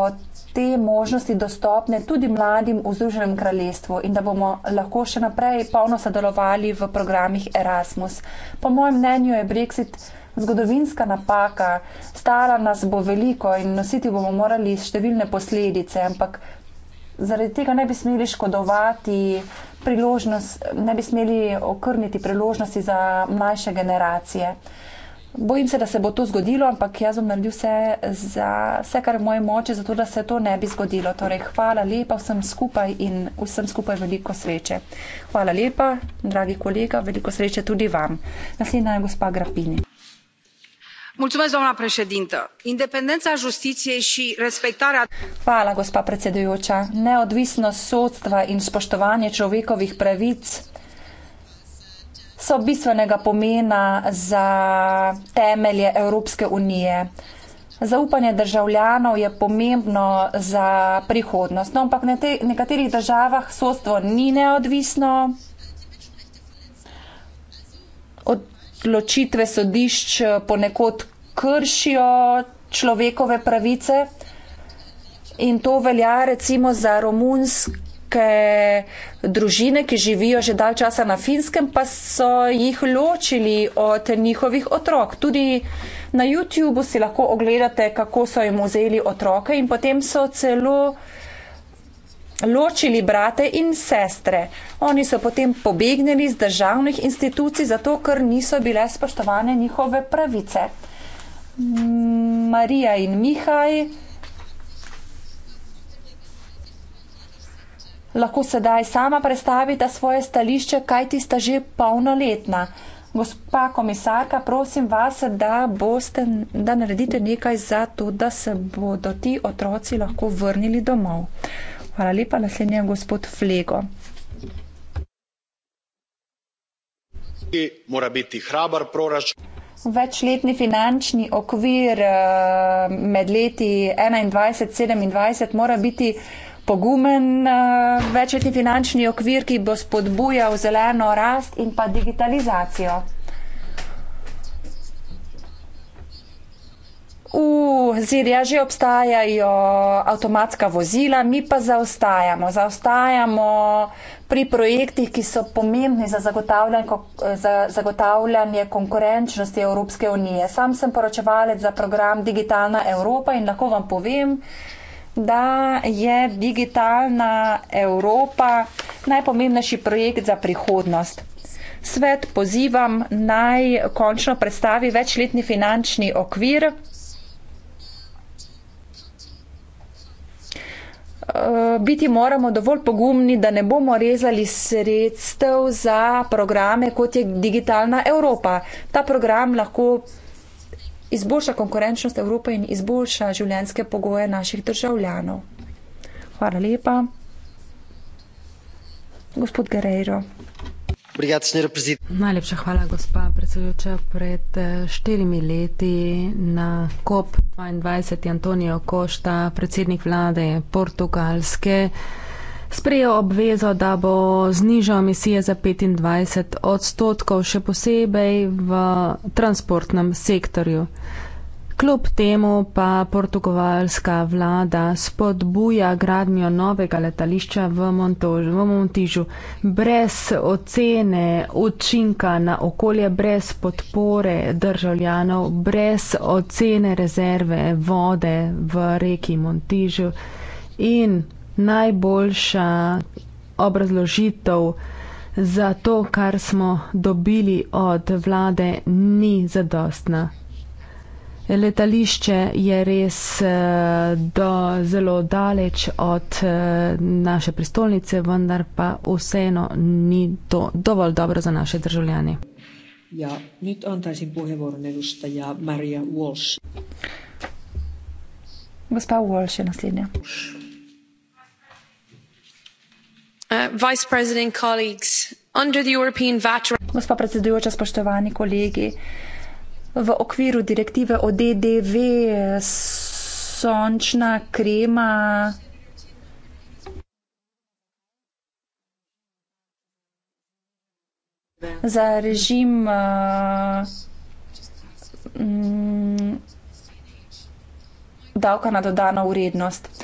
te možnosti dostopne tudi mladim v Združenem kraljestvu in da bomo lahko še naprej polno sodelovali v programih Erasmus. Po mojem mnenju je Brexit zgodovinska napaka, stala nas bo veliko in nositi bomo morali številne posledice, ampak zaradi tega ne bi smeli škodovati, ne bi smeli okrniti priložnosti za mlajše generacije. Bojim se, da se bo to zgodilo, ampak jaz bom naredil vse, za, vse kar v moji moči, zato da se to ne bi zgodilo. Torej, hvala lepa vsem skupaj in vsem skupaj veliko sreče. Hvala lepa, dragi kolega, veliko sreče tudi vam. Naslednja je gospa Grapini doamnă președintă independența justiției și respectarea. hvala gospa predsedujoča neodvisnost sodstva in spoštovanje človekovih pravic so bistvenega pomena za temelje evropske unije. Zaupanje državljanov je pomembno za prihodnost, no, ampak na te, nekaterih državah sodstvo ni neodvisno. Od odločitve sodišč eh, ponekod kršijo človekove pravice. In to velja recimo za romunske družine, ki živijo že dal časa na finskem, pa so jih ločili od njihovih otrok. Tudi na YouTubu si lahko ogledate, kako so jim vzeli otroke in potem so celo ločili brate in sestre. Oni so potem pobegnili iz državnih institucij, zato ker niso bile spoštovane njihove pravice. Marija in Mihaj lahko sedaj sama predstavita svoje stališče, kaj ti sta že polnoletna. Gospa komisarka, prosim vas, da, boste, da naredite nekaj za to, da se bodo ti otroci lahko vrnili domov. Uh, Hvala lepa. Naslednji je gospod Flego. Mora biti hrabar proračun. Večletni finančni okvir eh, med leti 2021-2027 mora biti pogumen eh, večletni finančni okvir, ki bo spodbujal zeleno rast in pa digitalizacijo. v Zirija že obstajajo avtomatska vozila, mi pa zaostajamo. Zaostajamo pri projektih, ki so pomembni za zagotavljanje, za zagotavljanje konkurenčnosti Evropske unije. Sam sem poročevalec za program Digitalna Evropa in lahko vam povem, da je Digitalna Evropa najpomembnejši projekt za prihodnost. Svet pozivam naj končno predstavi večletni finančni okvir. Eh, biti moramo dovolj pogumni, da ne bomo rezali sredstev za programe, kot je digitalna Evropa. Ta program lahko izboljša konkurenčnost Evrope in izboljša življenjske pogoje naših državljanov. Hvala lepa. Gospod Guerreiro. Obrigado, senhora presidente. Najlepša hvala, gospa predsedujoča. Pred eh, štirimi leti na COP22 Antonijo Košta, predsednik vlade Portugalske, sprejel obvezo, da bo znižal emisije za 25 odstotkov, še posebej v transportnem sektorju. Kljub temu pa portugalska vlada spodbuja gradnjo novega letališča v, Montož, v Montižu. Brez ocene učinka na okolje, brez podpore državljanov, brez ocene rezerve vode v reki Montižu in najboljša obrazložitev. Zato, kar smo dobili od vlade, ni zadostna. Letališče je res eh, do, zelo daleč od eh, naše prestolnice, vendar pa vseeno ni to dovolj dobro za naše državljane. Ja, nyt antaisin puheenvuoron edustaja Maria Walsh. Gospa Walsh, ja naslednja. Uh, vice president, colleagues, under the European VAT... Gospa predsedujoča, spoštovani kolegi, uh, V okviru direktive o DDV sončna krema. Za režim uh, eh, m, mm, davka na dodano vrednost. Uh,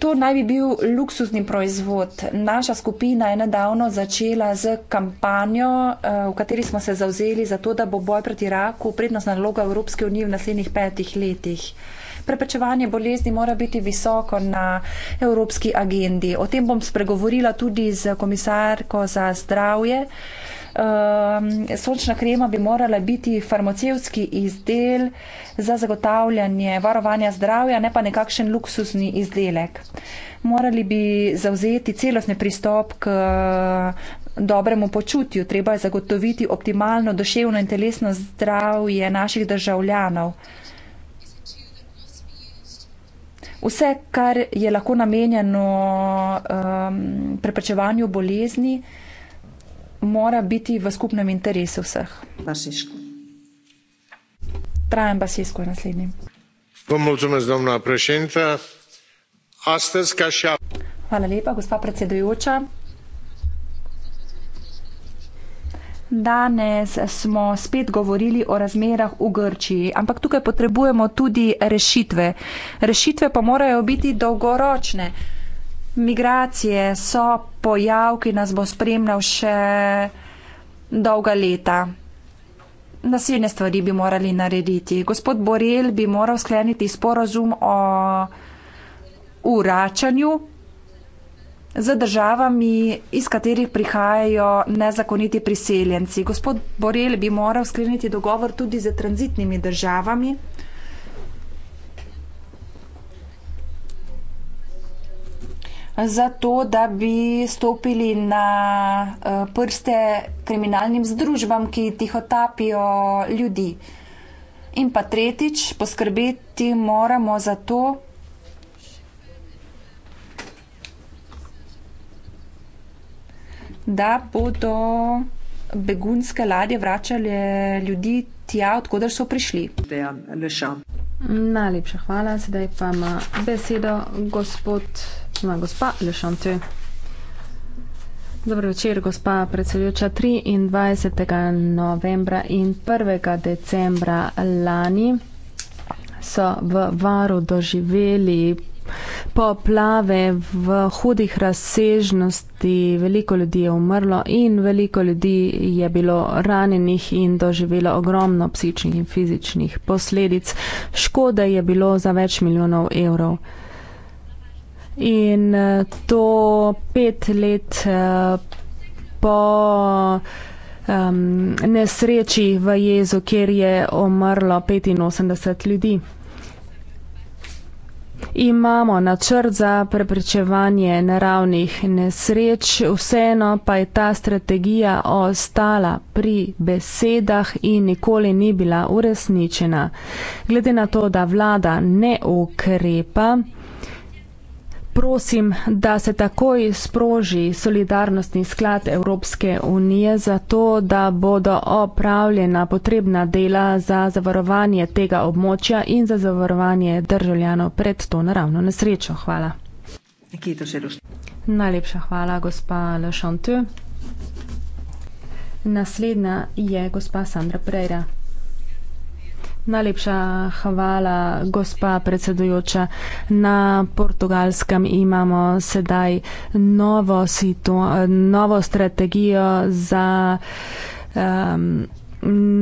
To naj bi bil luksuzni proizvod. Naša skupina je nedavno začela z kampanjo, eh, v kateri smo se zavzeli za to, da bo boj proti raku prednostna naloga Evropske unije v naslednjih petih letih. Preprečevanje bolezni mora biti visoko na evropski agendi. O tem bom spregovorila tudi z komisarko za zdravje. Um, sončna krema bi morala biti farmacevski izdel za zagotavljanje varovanja zdravja, ne pa nekakšen luksusni izdelek. Morali bi zauzeti celostni pristop k uh, dobremu počutju. Treba je zagotoviti optimalno duševno in telesno zdravje naših državljanov. Vse, kar je lahko namenjeno um, preprečevanju bolezni, uh, mora biti v skupnem interesu vseh. Basiško. Trajan Basiško je naslednji. Hvala lepa, gospa predsedujoča. Danes smo spet govorili o razmerah v Grčiji, ampak tukaj potrebujemo tudi rešitve. Rešitve pa morajo biti dolgoročne. Migracije so pojav, ki nas bo spremljal še dolga leta. Nasilne stvari bi morali narediti. Gospod Borel bi moral skleniti sporozum o uračanju z državami, iz katerih prihajajo nezakoniti priseljenci. Gospod Borel bi moral skleniti dogovor tudi z tranzitnimi državami. za to, da bi stopili na eh, prste kriminalnim združbam, ki tihotapijo ljudi. In pa tretjič, poskrbeti moramo za to, da bodo begunske ladje vračale ljudi tja, odkudar so prišli. Najlepša hvala. Sedaj pa ima besedo gospod, ima gospa Lešante. Dobro večer, gospa predsedujoča. 23. novembra in 1. decembra lani so v varu doživeli poplave v hudih razsežnosti, veliko ljudi je umrlo in veliko ljudi je bilo ranjenih in doživelo ogromno psihičnih in fizičnih posledic. Škode je bilo za več milijonov evrov. In eh, to pet let eh, po um, nesreči v Jezu, kjer je umrlo 85 ljudi. Imamo načrt za preprečevanje naravnih nesreč, vseeno pa je ta strategija ostala pri besedah in nikoli ni bila uresničena. Glede na to, da vlada ne ukrepa, prosim, da se takoj sproži solidarnostni sklad Evropske unije za to, da bodo opravljena potrebna dela za zavarovanje tega območja in za zavarovanje državljanov pred to naravno nesrečo. Hvala. Najlepša hvala, gospa Le Chanteux. Naslednja je gospa Sandra Prejra. Najlepša hvala, gospa predsedujoča. Na portugalskem imamo sedaj novo, situ, novo strategijo za um,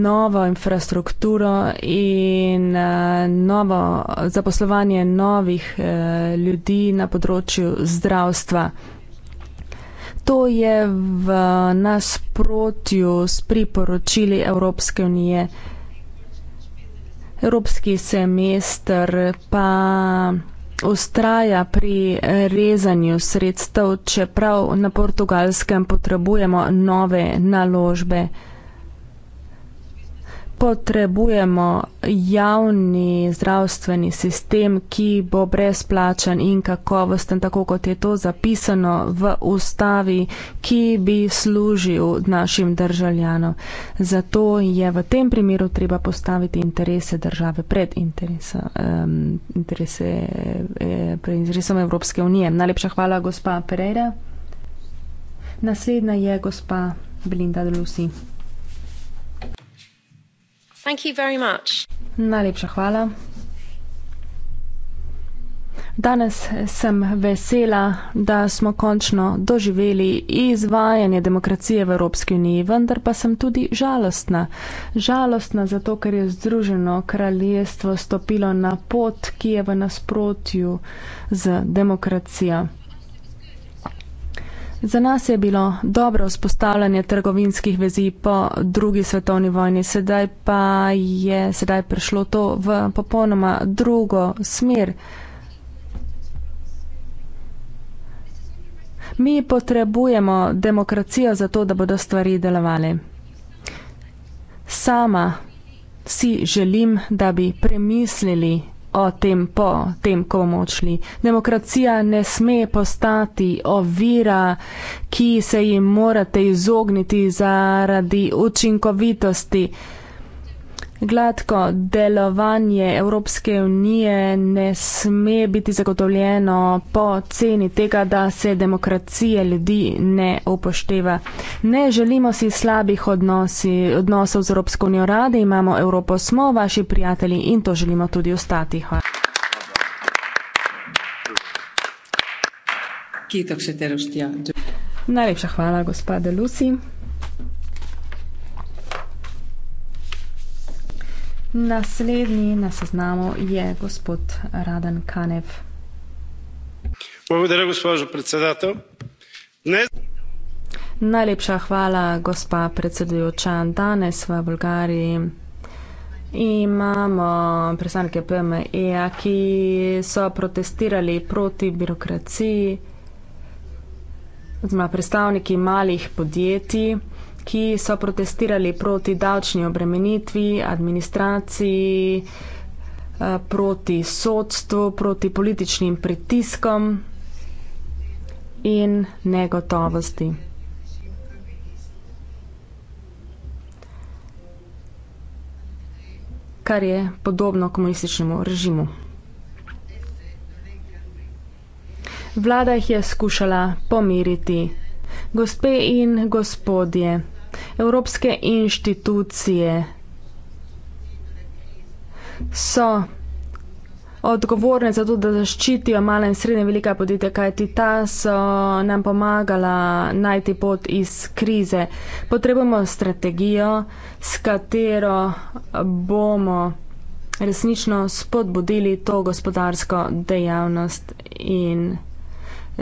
novo infrastrukturo in uh, novo zaposlovanje novih uh, ljudi na področju zdravstva. To je v nasprotju s priporočili Evropske unije evropski semester pa ustraja pri rezanju sredstev, čeprav na portugalskem potrebujemo nove naložbe potrebujemo javni zdravstveni sistem, ki bo brezplačen in kakovosten, tako kot je to zapisano v ustavi, ki bi služil našim državljanom. Zato je v tem primeru treba postaviti interese države pred interesa, um, interese, eh, pred interesom Evropske unije. Najlepša hvala, gospa Pereira. Naslednja je gospa Belinda Delusi. Thank you very much. Najlepša hvala. Danes sem vesela, da smo končno doživeli izvajanje demokracije v Evropski uniji, vendar pa sem tudi žalostna. Žalostna zato, ker je Združeno kraljestvo stopilo na pot, ki je v nasprotju z demokracijo. Za nas je bilo dobro vzpostavljanje trgovinskih vezi po drugi svetovni vojni, sedaj pa je sedaj prišlo to v popolnoma drugo smer. Mi potrebujemo demokracijo za to, da bodo stvari delovali. Sama si želim, da bi premislili o tem, po tem, ko bomo odšli. Demokracija ne sme postati ovira, ki se ji morate izogniti zaradi učinkovitosti. Gladko delovanje Evropske unije ne sme biti zagotovljeno po ceni tega, da se demokracije ljudi ne upošteva. Ne želimo si slabih odnosi, odnosov z Evropsko unijo. Radi imamo Evropo, smo vaši prijatelji in to želimo tudi ostati. Hvala. Najlepša hvala, gospa Delusi. Naslednji na seznamu je gospod Radan Kanev. Благодаря, госпожо председател. Днес... Najlepša hvala, gospa predsedujoča. Danes v Bolgariji imamo predstavnike PME, ki so protestirali proti birokraciji, oziroma predstavniki malih podjetij ki so protestirali proti davčni obremenitvi, administraciji, eh, proti sodstvu, proti političnim pritiskom in negotovosti. kar je podobno komunističnemu režimu. Vlada jih je skušala pomiriti. Gospe in gospodje, Evropske inštitucije so odgovorne za to, da zaščitijo male in srednje velika podjetja, kajti ta so nam pomagala najti pot iz krize. Potrebujemo strategijo, s katero bomo resnično spodbudili to gospodarsko dejavnost in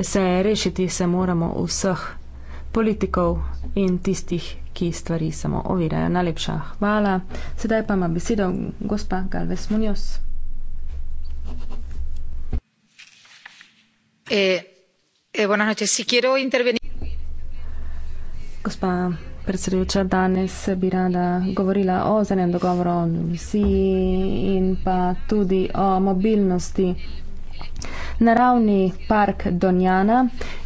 se rešiti se moramo vseh politikov in tistih, ki stvari samo ovirajo. Najlepša hvala. Sedaj pa ima besedo gospa Galvez Munoz. Eh, eh, gospa predsedujoča, danes bi rada govorila o zelenem dogovoru o misiji in pa tudi o mobilnosti. Naravni park Donjana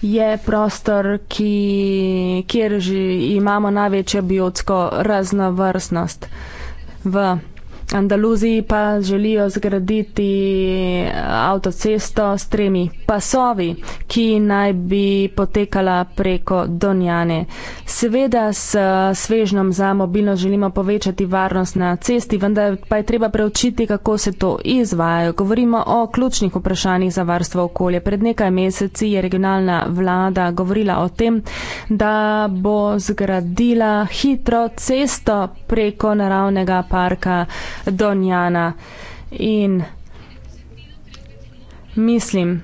je prostor, ki, kjer že imamo največjo biotsko raznovrstnost v Andaluziji pa želijo zgraditi eh, avtocesto s tremi pasovi, ki naj bi potekala preko Donjane. Seveda s eh, svežnom za mobilnost želimo povečati varnost na cesti, vendar pa je treba preučiti, kako se to izvaja. Govorimo o ključnih vprašanjih za varstvo okolje. Pred nekaj meseci je regionalna vlada govorila o tem, da bo zgradila hitro cesto preko naravnega parka. Donjana. In mislim,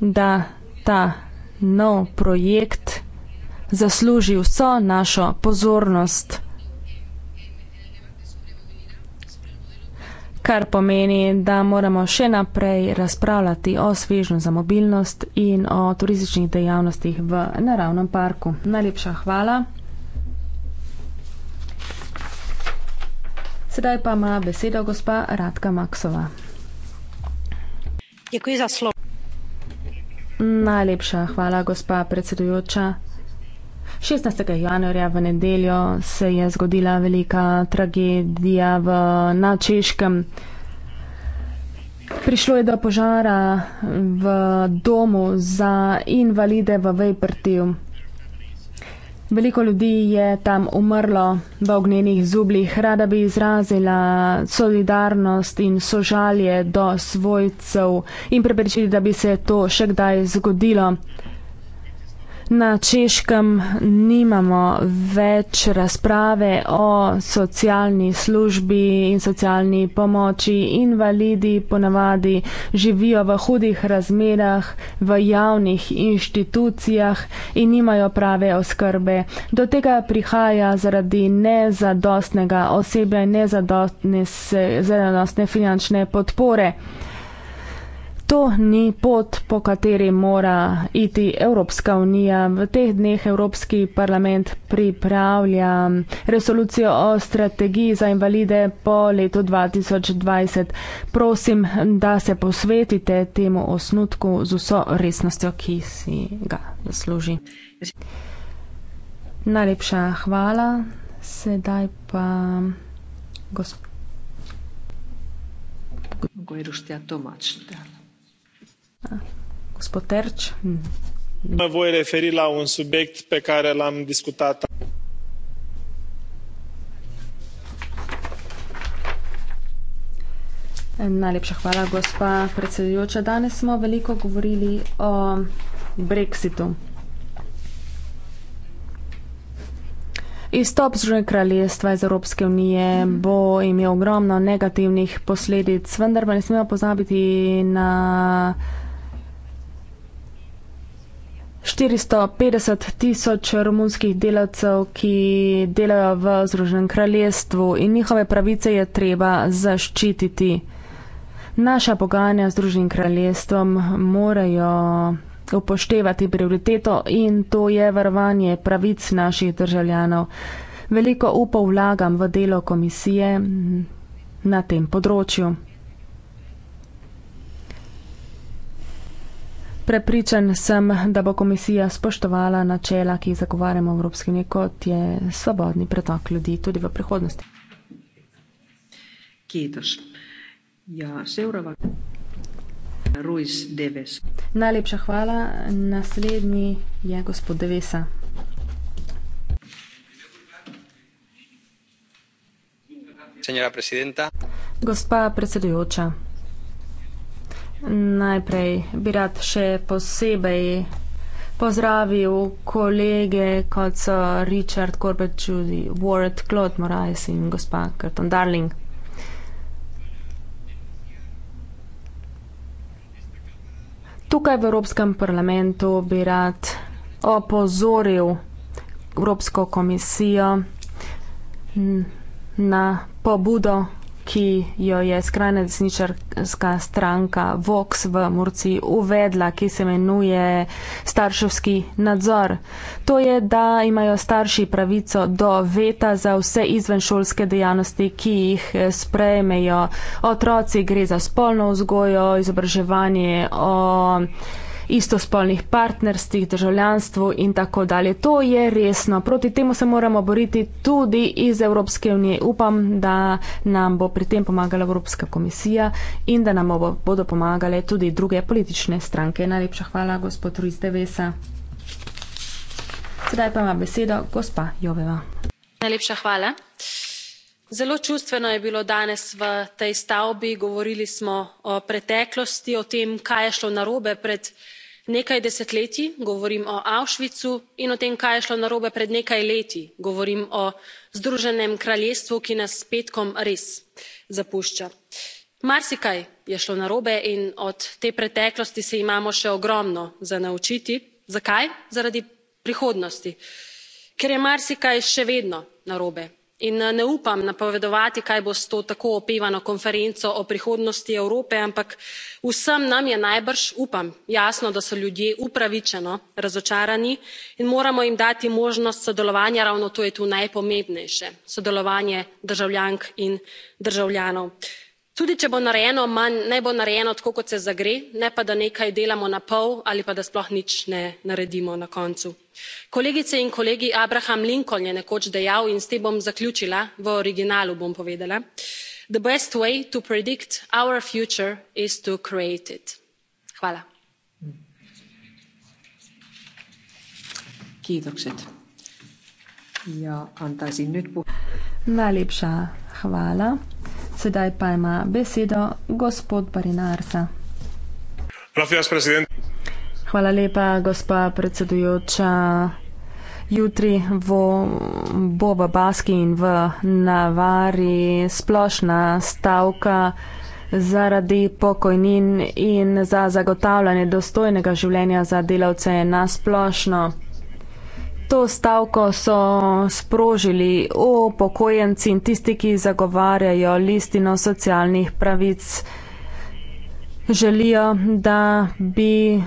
da ta nov projekt zasluži vso našo pozornost. Kar pomeni, da moramo še naprej razpravljati o svežnju za mobilnost in o turističnih dejavnostih v naravnem parku. Najlepša hvala. Sedaj pa ima besedo gospa Radka Maksova. Děkuji za slovo. Najlepša hvala, gospa predsedujoča. 16. januarja v nedeljo se je zgodila velika tragedija v, na Češkem. Prišlo je do požara v domu za invalide v Vejprtiju. Veliko ljudi je tam umrlo v ognjenih zublih. Rada bi izrazila solidarnost in sožalje do svojcev in preprečili, da bi se to še kdaj zgodilo. Na češkem nimamo več razprave o socialni službi in socialni pomoči. Invalidi ponavadi živijo v hudih razmerah, v javnih inštitucijah in nimajo prave oskrbe. Do tega prihaja zaradi nezadostnega osebe, nezadostne, zelo nosne finančne podpore. To ni pot, po kateri mora iti Evropska unija. V teh dneh Evropski parlament pripravlja resolucijo o strategiji za invalide po letu 2020. Prosim, da se posvetite temu osnutku z vso resnostjo, ki si ga zasluži. Najlepša hvala. Sedaj pa. Gosp... Gojruštja Tomač. Da. Gospod Terč. Hmm. Mă voi referi la un subiect pe care l-am discutat. Najlepša hvala, gospa predsedujoča. Danes smo veliko govorili o brexitu. Izstop Združenega kraljestva iz Evropske unije bo imel ogromno negativnih posledic, vendar pa ne smemo pozabiti na 450 tisoč romunskih delavcev, ki delajo v Združenem kraljestvu in njihove pravice je treba zaščititi. Naša pogajanja z Združenim kraljestvom morajo upoštevati prioriteto in to je varovanje pravic naših državljanov. Veliko upov vlagam v delo komisije na tem področju. Prepričan sem, da bo komisija spoštovala načela, ki jih zagovarjamo v Evropski uniji, kot je svobodni pretok ljudi tudi v prihodnosti. Ja, Najlepša hvala. Naslednji je gospod Devesa. Gospa predsedujoča. Najprej bi rad še posebej pozdravil kolege, kot so Richard Corbett Judy, Ward Claude Morales in gospa Carton Darling. Tukaj v Evropskem parlamentu bi rad opozoril Evropsko komisijo na pobudo ki jo je skrajna desničarska stranka Vox v Murci uvedla, ki se imenuje starševski nadzor. To je, da imajo starši pravico do veta za vse izvenšolske dejavnosti, ki jih eh, sprejmejo otroci, gre za spolno vzgojo, izobraževanje o istospolnih partnerstvih, državljanstvu in tako dalje. To je resno. Proti temu se moramo boriti tudi iz Evropske unije. Upam, da nam bo pri tem pomagala Evropska komisija in da nam bodo pomagale tudi druge politične stranke. Najlepša hvala, gospod Ruiz Devesa. Sedaj pa ima besedo gospa Joveva. Najlepša hvala. Zelo čustveno je bilo danes v tej stavbi. Govorili smo o preteklosti, o tem, kaj je šlo narobe pred nekaj desetletij govorim o auschwitzu in o tem kaj je šlo narobe pred nekaj leti govorim o združenem kraljestvu ki nas s petkom res zapušča. marsikaj je šlo narobe in od te preteklosti se imamo še ogromno za naučiti. zakaj? zaradi prihodnosti. ker je marsikaj še vedno narobe in eh, ne upam napovedovati kaj bo s to tako opevano konferenco o prihodnosti evrope ampak vsem nam je najbrž upam jasno da so ljudje upravičeno razočarani in moramo jim dati možnost sodelovanja ravno to je tu najpomembnejše sodelovanje državljank in državljanov tudi če bo narejeno manj naj bo narejeno tako kot se zagre ne pa da nekaj delamo napol ali pa da sploh nič ne naredimo na koncu. kolegice in kolegi abraham lincoln je nekoč dejal in s tem bom zaključila v originalu bom povedala the best way to predict our future is to create it. Ja, Antazin, nyt puh- Najlepša hvala. Sedaj pa ima besedo gospod Barinarsa. Hvala lepa, gospa predsedujoča. Jutri bo, bo v Baski in v Navari splošna stavka zaradi pokojnin in za zagotavljanje dostojnega življenja za delavce na splošno to stavko so sprožili opokojenci in tisti, ki zagovarjajo listino socialnih pravic. Želijo, da bi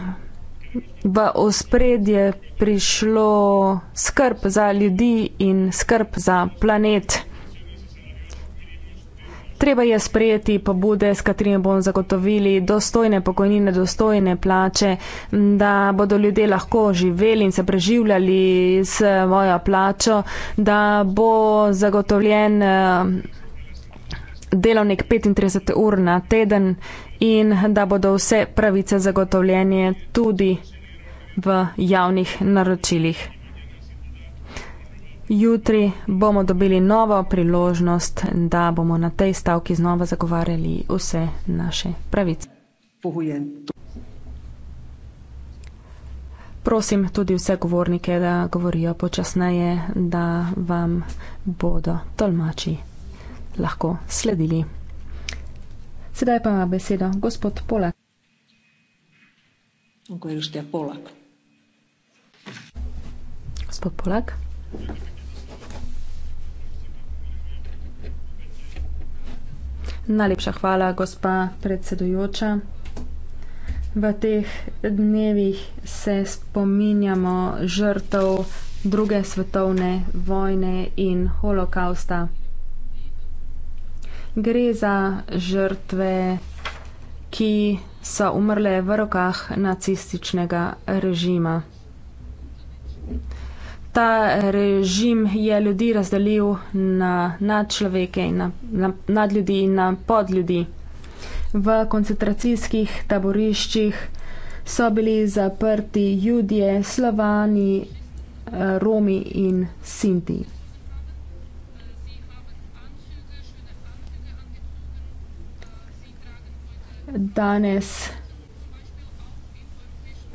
v ospredje prišlo skrb za ljudi in skrb za planet treba je sprejeti pobude, s katerimi bomo zagotovili dostojne pokojnine, dostojne plače, da bodo ljudje lahko živeli in se preživljali s svojo plačo, da bo zagotovljen eh, delovnik 35 ur na teden in da bodo vse pravice zagotovljene tudi v javnih naročilih. Jutri bomo dobili novo priložnost, da bomo na tej stavki znova zagovarjali vse naše pravice. Prosim tudi vse govornike, da govorijo počasneje, da vam bodo tolmači lahko sledili. Sedaj pa ima besedo gospod Polak. Gospod Polak. Gospod Polak. Najlepša hvala, gospa predsedujoča. V teh dnevih se spominjamo žrtev druge svetovne vojne in holokausta. Gre za žrtve, ki so umrle v rokah nacističnega režima ta režim je ljudi razdelil na nadčloveke in na, na nadljudi in na podljudi. V koncentracijskih taboriščih so bili zaprti judje, slovani, eh, romi in sinti. Danes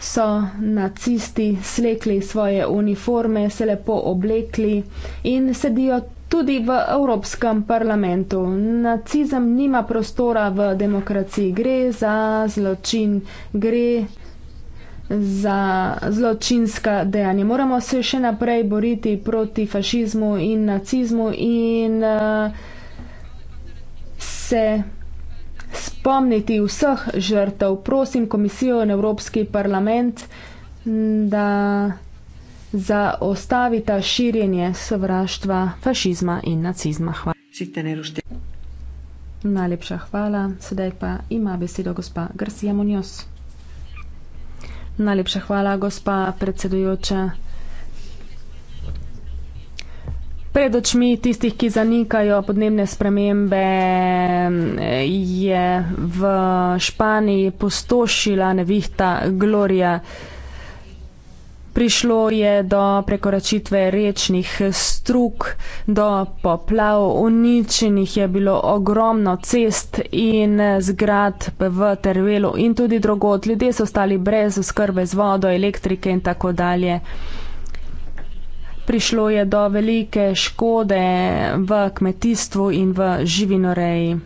so nacisti slekli svoje uniforme, se lepo oblekli in sedijo tudi v Evropskem parlamentu. Nacizem nima prostora v demokraciji, gre za zločin, gre za zločinska dejanja. Moramo se še naprej boriti proti fašizmu in nacizmu in uh, se spomniti vseh žrtev. Prosim komisijo in Evropski parlament, da zaostavita širjenje sovraštva, fašizma in nacizma. Najlepša hvala. Sedaj pa ima besedo gospa Garcia Munoz. Najlepša hvala, gospa predsedujoča pred očmi tistih, ki zanikajo podnebne spremembe, je v Španiji postošila nevihta Gloria. Prišlo je do prekoračitve rečnih strug, do poplav, uničenih je bilo ogromno cest in zgrad v Tervelu in tudi drugot. Ljudje so ostali brez oskrbe z vodo, elektrike in tako dalje prišlo je do velike škode v kmetijstvu in v živinoreji.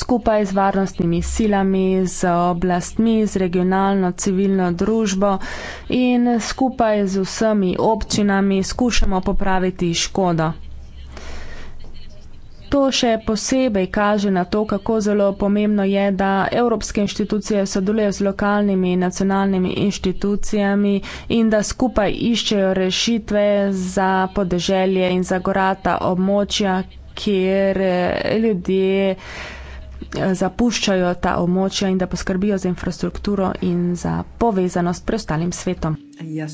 Skupaj z varnostnimi silami, z oblastmi, z regionalno civilno družbo in skupaj z vsemi občinami skušamo popraviti škodo. To še posebej kaže na to, kako zelo pomembno je, da evropske inštitucije sodelujejo z lokalnimi in nacionalnimi inštitucijami in da skupaj iščejo rešitve za podeželje in za gorata območja, kjer eh, ljudje eh, zapuščajo ta območja in da poskrbijo za infrastrukturo in za povezanost preostalim svetom. Ja,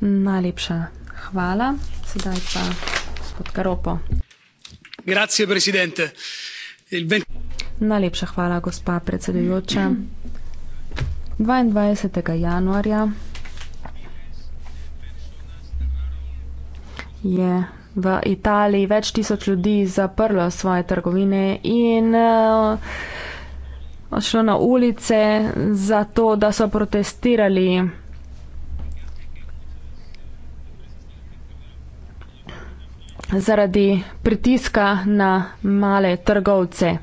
Najlepša hvala. Sedaj pa gospod Karopo. Najlepša hvala, gospa predsedujoča. Dvaindvajsetega januarja je v Italiji več tisoč ljudi zaprlo svoje trgovine in eh, odšlo na ulice zato, da so protestirali zaradi pritiska na male trgovce.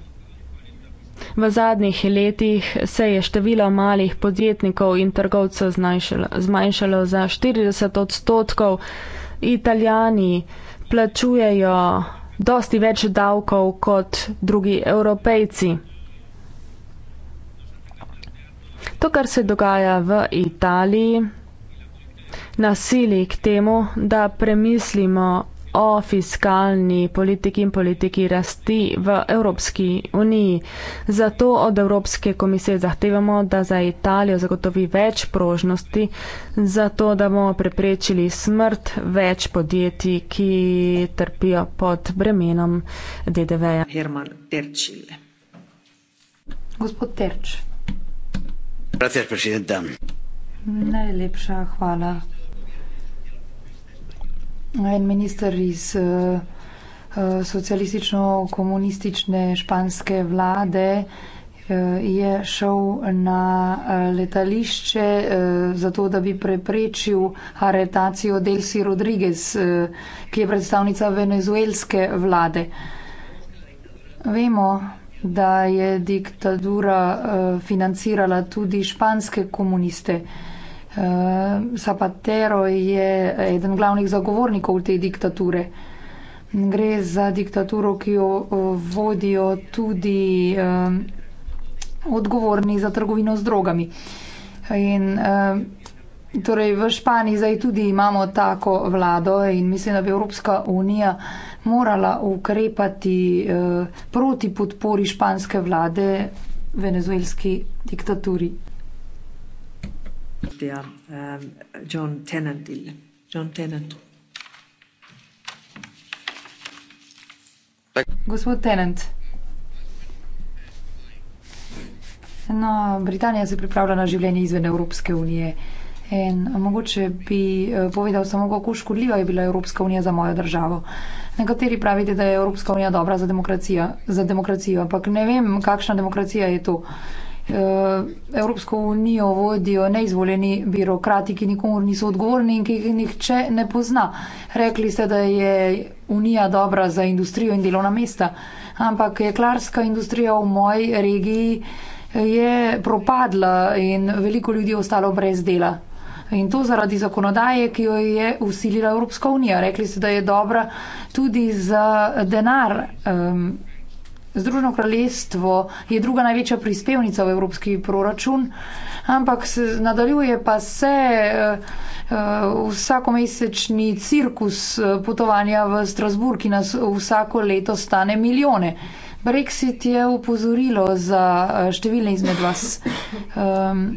V zadnjih letih se je število malih podjetnikov in trgovcev zmanjšalo za 40 odstotkov. Italijani plačujejo dosti več davkov kot drugi evropejci. To, kar se dogaja v Italiji, nasili k temu, da premislimo o fiskalni politiki in politiki rasti v Evropski uniji. Zato od Evropske komisije zahtevamo, da za Italijo zagotovi več prožnosti, zato da bomo preprečili smrt več podjetij, ki trpijo pod bremenom DDV-ja. Gospod Terč. Najlepša hvala, en minister iz eh, socialistično-komunistične španske vlade eh, je šel na eh, letališče zato, da bi preprečil aretacijo Delsi Rodriguez, ki je predstavnica venezuelske vlade. Vemo, da je diktatura financirala tudi španske komuniste. Eh, Zapatero je eden glavnih zagovornikov te diktature. Gre za diktaturo, ki jo eh, vodijo tudi eh, odgovorni za trgovino z drogami. In torej v Španiji zdaj tudi imamo tako vlado in mislim, da bi Evropska unija morala ukrepati proti podpori španske vlade venezuelski diktaturi der äh, um, John Tennant. John Tennant. Gospod Tennant. No, Britanija se pripravlja na življenje izven Evropske unije. In mogoče bi eh, povedal samo, kako škodljiva je bila Evropska unija za mojo državo. Nekateri pravite, da je Evropska unija dobra za demokracijo, za demokracijo ampak ne vem, kakšna demokracija je to. Eh, Evropsko unijo vodijo neizvoljeni birokrati, ki nikomu niso odgovorni in ki jih nihče ne pozna. Rekli ste, da je unija dobra za industrijo in delovna mesta, ampak jeklarska industrija v moji regiji eh, je propadla in veliko ljudi je ostalo brez dela. In to zaradi zakonodaje, ki jo je usilila Evropska unija. Rekli ste, da je dobra tudi za denar. Um, Združeno kraljestvo je druga največja prispevnica v evropski proračun, ampak se, nadaljuje pa se uh, vsakomesečni cirkus eh, potovanja v Strasburg, ki nas vsako leto stane milijone. Brexit je upozorilo za številne izmed vas. Um,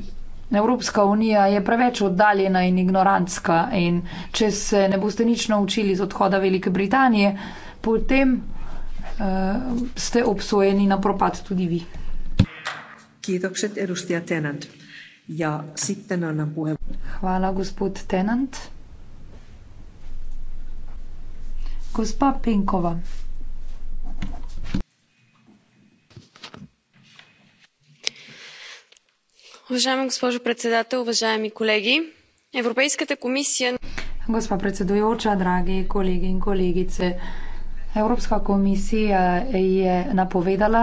Evropska unija je preveč oddaljena in ignorantska in če se ne boste nič naučili iz odhoda Velike Britanije, potem. Eh, ste obsojeni na propad tudi vi. Kiitokset, edustaja Tenant. Ja sitten annan puhe- Hvala, gospod Tenant. Gospa Penkova. Уважаема госпожо председател, уважаеми колеги, Европейската комисия... Госпожа председател, драги колеги и колегице, Evropska komisija je napovedala,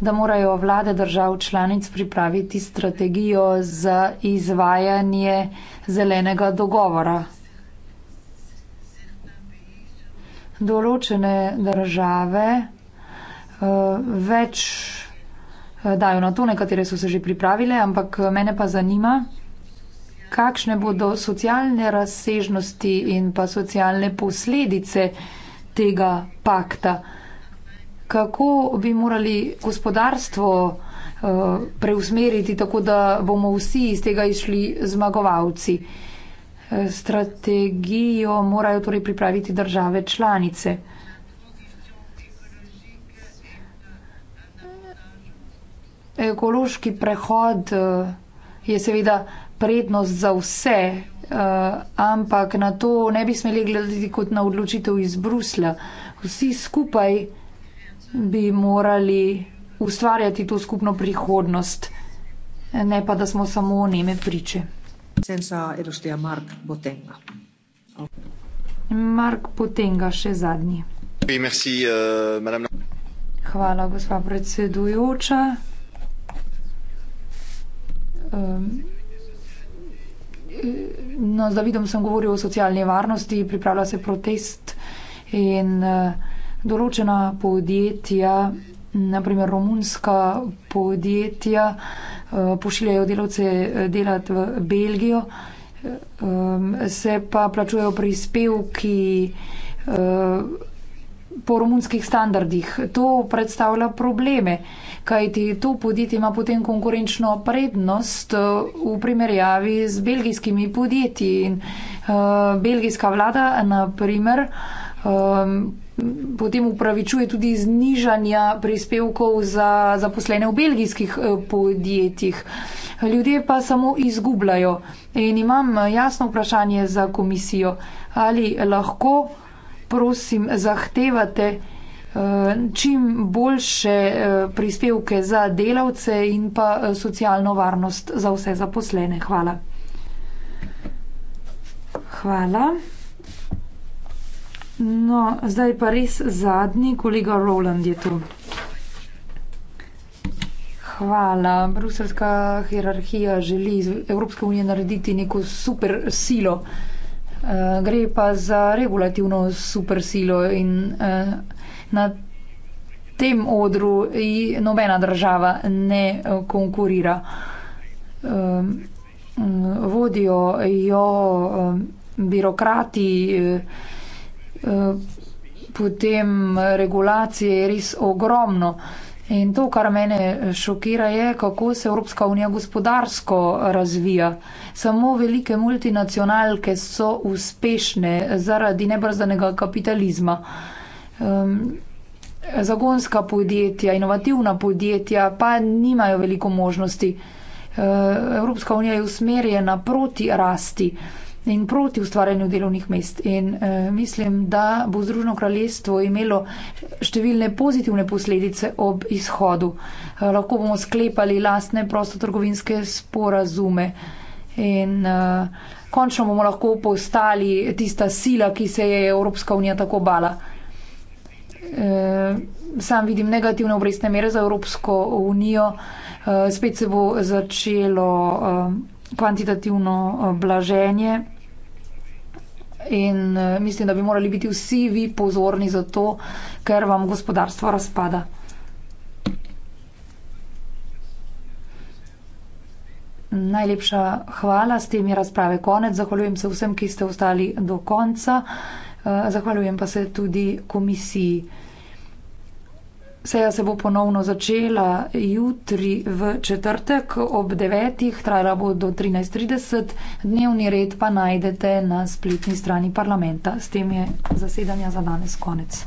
da morajo vlade držav članic pripraviti strategijo za izvajanje zelenega dogovora. Določene države uh, več eh, dajo na to, nekatere so se že pripravile, ampak eh, mene pa zanima, kakšne bodo socialne razsežnosti in pa socialne posledice uh, tega pakta. Kako bi morali gospodarstvo eh, preusmeriti, tako da bomo vsi iz tega išli zmagovalci? Eh, strategijo morajo torej pripraviti države članice. Ekološki prehod eh, je seveda prednost za vse, Eh, ampak na to ne bi smeli gledati kot na odločitev iz Brusla. Vsi skupaj bi morali ustvarjati to skupno prihodnost, ne pa da smo samo neme priče. Mark Botenga. Mark Botenga, še zadnji. Euh, Hvala, gospa predsedujoča no, z Davidom sem govoril o socialni varnosti, pripravlja se protest in eh, določena podjetja, naprimer romunska podjetja, eh, pošiljajo delavce eh, delati v Belgijo, se pa plačujejo prispevki po romunskih standardih. To predstavlja probleme, kajti to podjetje ima potem konkurenčno prednost eh, v primerjavi z belgijskimi podjetji. In, uh, belgijska vlada, na primer, um, potem upravičuje tudi znižanja prispevkov za zaposlene v belgijskih podjetjih. Ljudje pa samo izgubljajo. In imam jasno vprašanje za komisijo, ali lahko prosim, zahtevate eh, čim boljše eh, prispevke za delavce in pa eh, socialno varnost za vse zaposlene. Hvala. Hvala. No, zdaj pa res zadnji, kolega Roland je tu. Hvala. Bruselska hierarhija želi Evropske unije narediti neko super silo. Uh, Eh, gre pa za regulativno supersilo in eh, na tem odru nobena država ne eh, konkurira. Ehm, mm, vodijo jo birokrati, potem regulacije je res ogromno. In to, kar mene šokira, je, kako se Evropska unija gospodarsko razvija. Samo velike multinacionalke so uspešne zaradi nebrzdanega kapitalizma. Um, zagonska podjetja, inovativna podjetja pa nimajo veliko možnosti. Uh, Evropska unija je usmerjena proti rasti in proti ustvarjanju delovnih mest. In uh, mislim, da bo Združeno kraljestvo imelo številne pozitivne posledice ob izhodu. Uh, lahko bomo sklepali lastne prostotrgovinske sporazume in uh, končno bomo lahko postali tista sila, ki se je Evropska unija tako bala. Sam vidim negativne obrestne mere za Evropsko unijo. Spet se bo začelo kvantitativno blaženje in eh, mislim, da bi morali biti vsi vi pozorni za to, ker vam gospodarstvo razpada. Najlepša hvala, s tem je razprave konec. Zahvaljujem se vsem, ki ste ostali do konca. Eh, zahvaljujem pa se tudi komisiji. Seja se bo ponovno začela jutri v četrtek ob 9. Trajala bo do 13.30. Dnevni red pa najdete na spletni strani parlamenta. S tem je zasedanja za danes konec.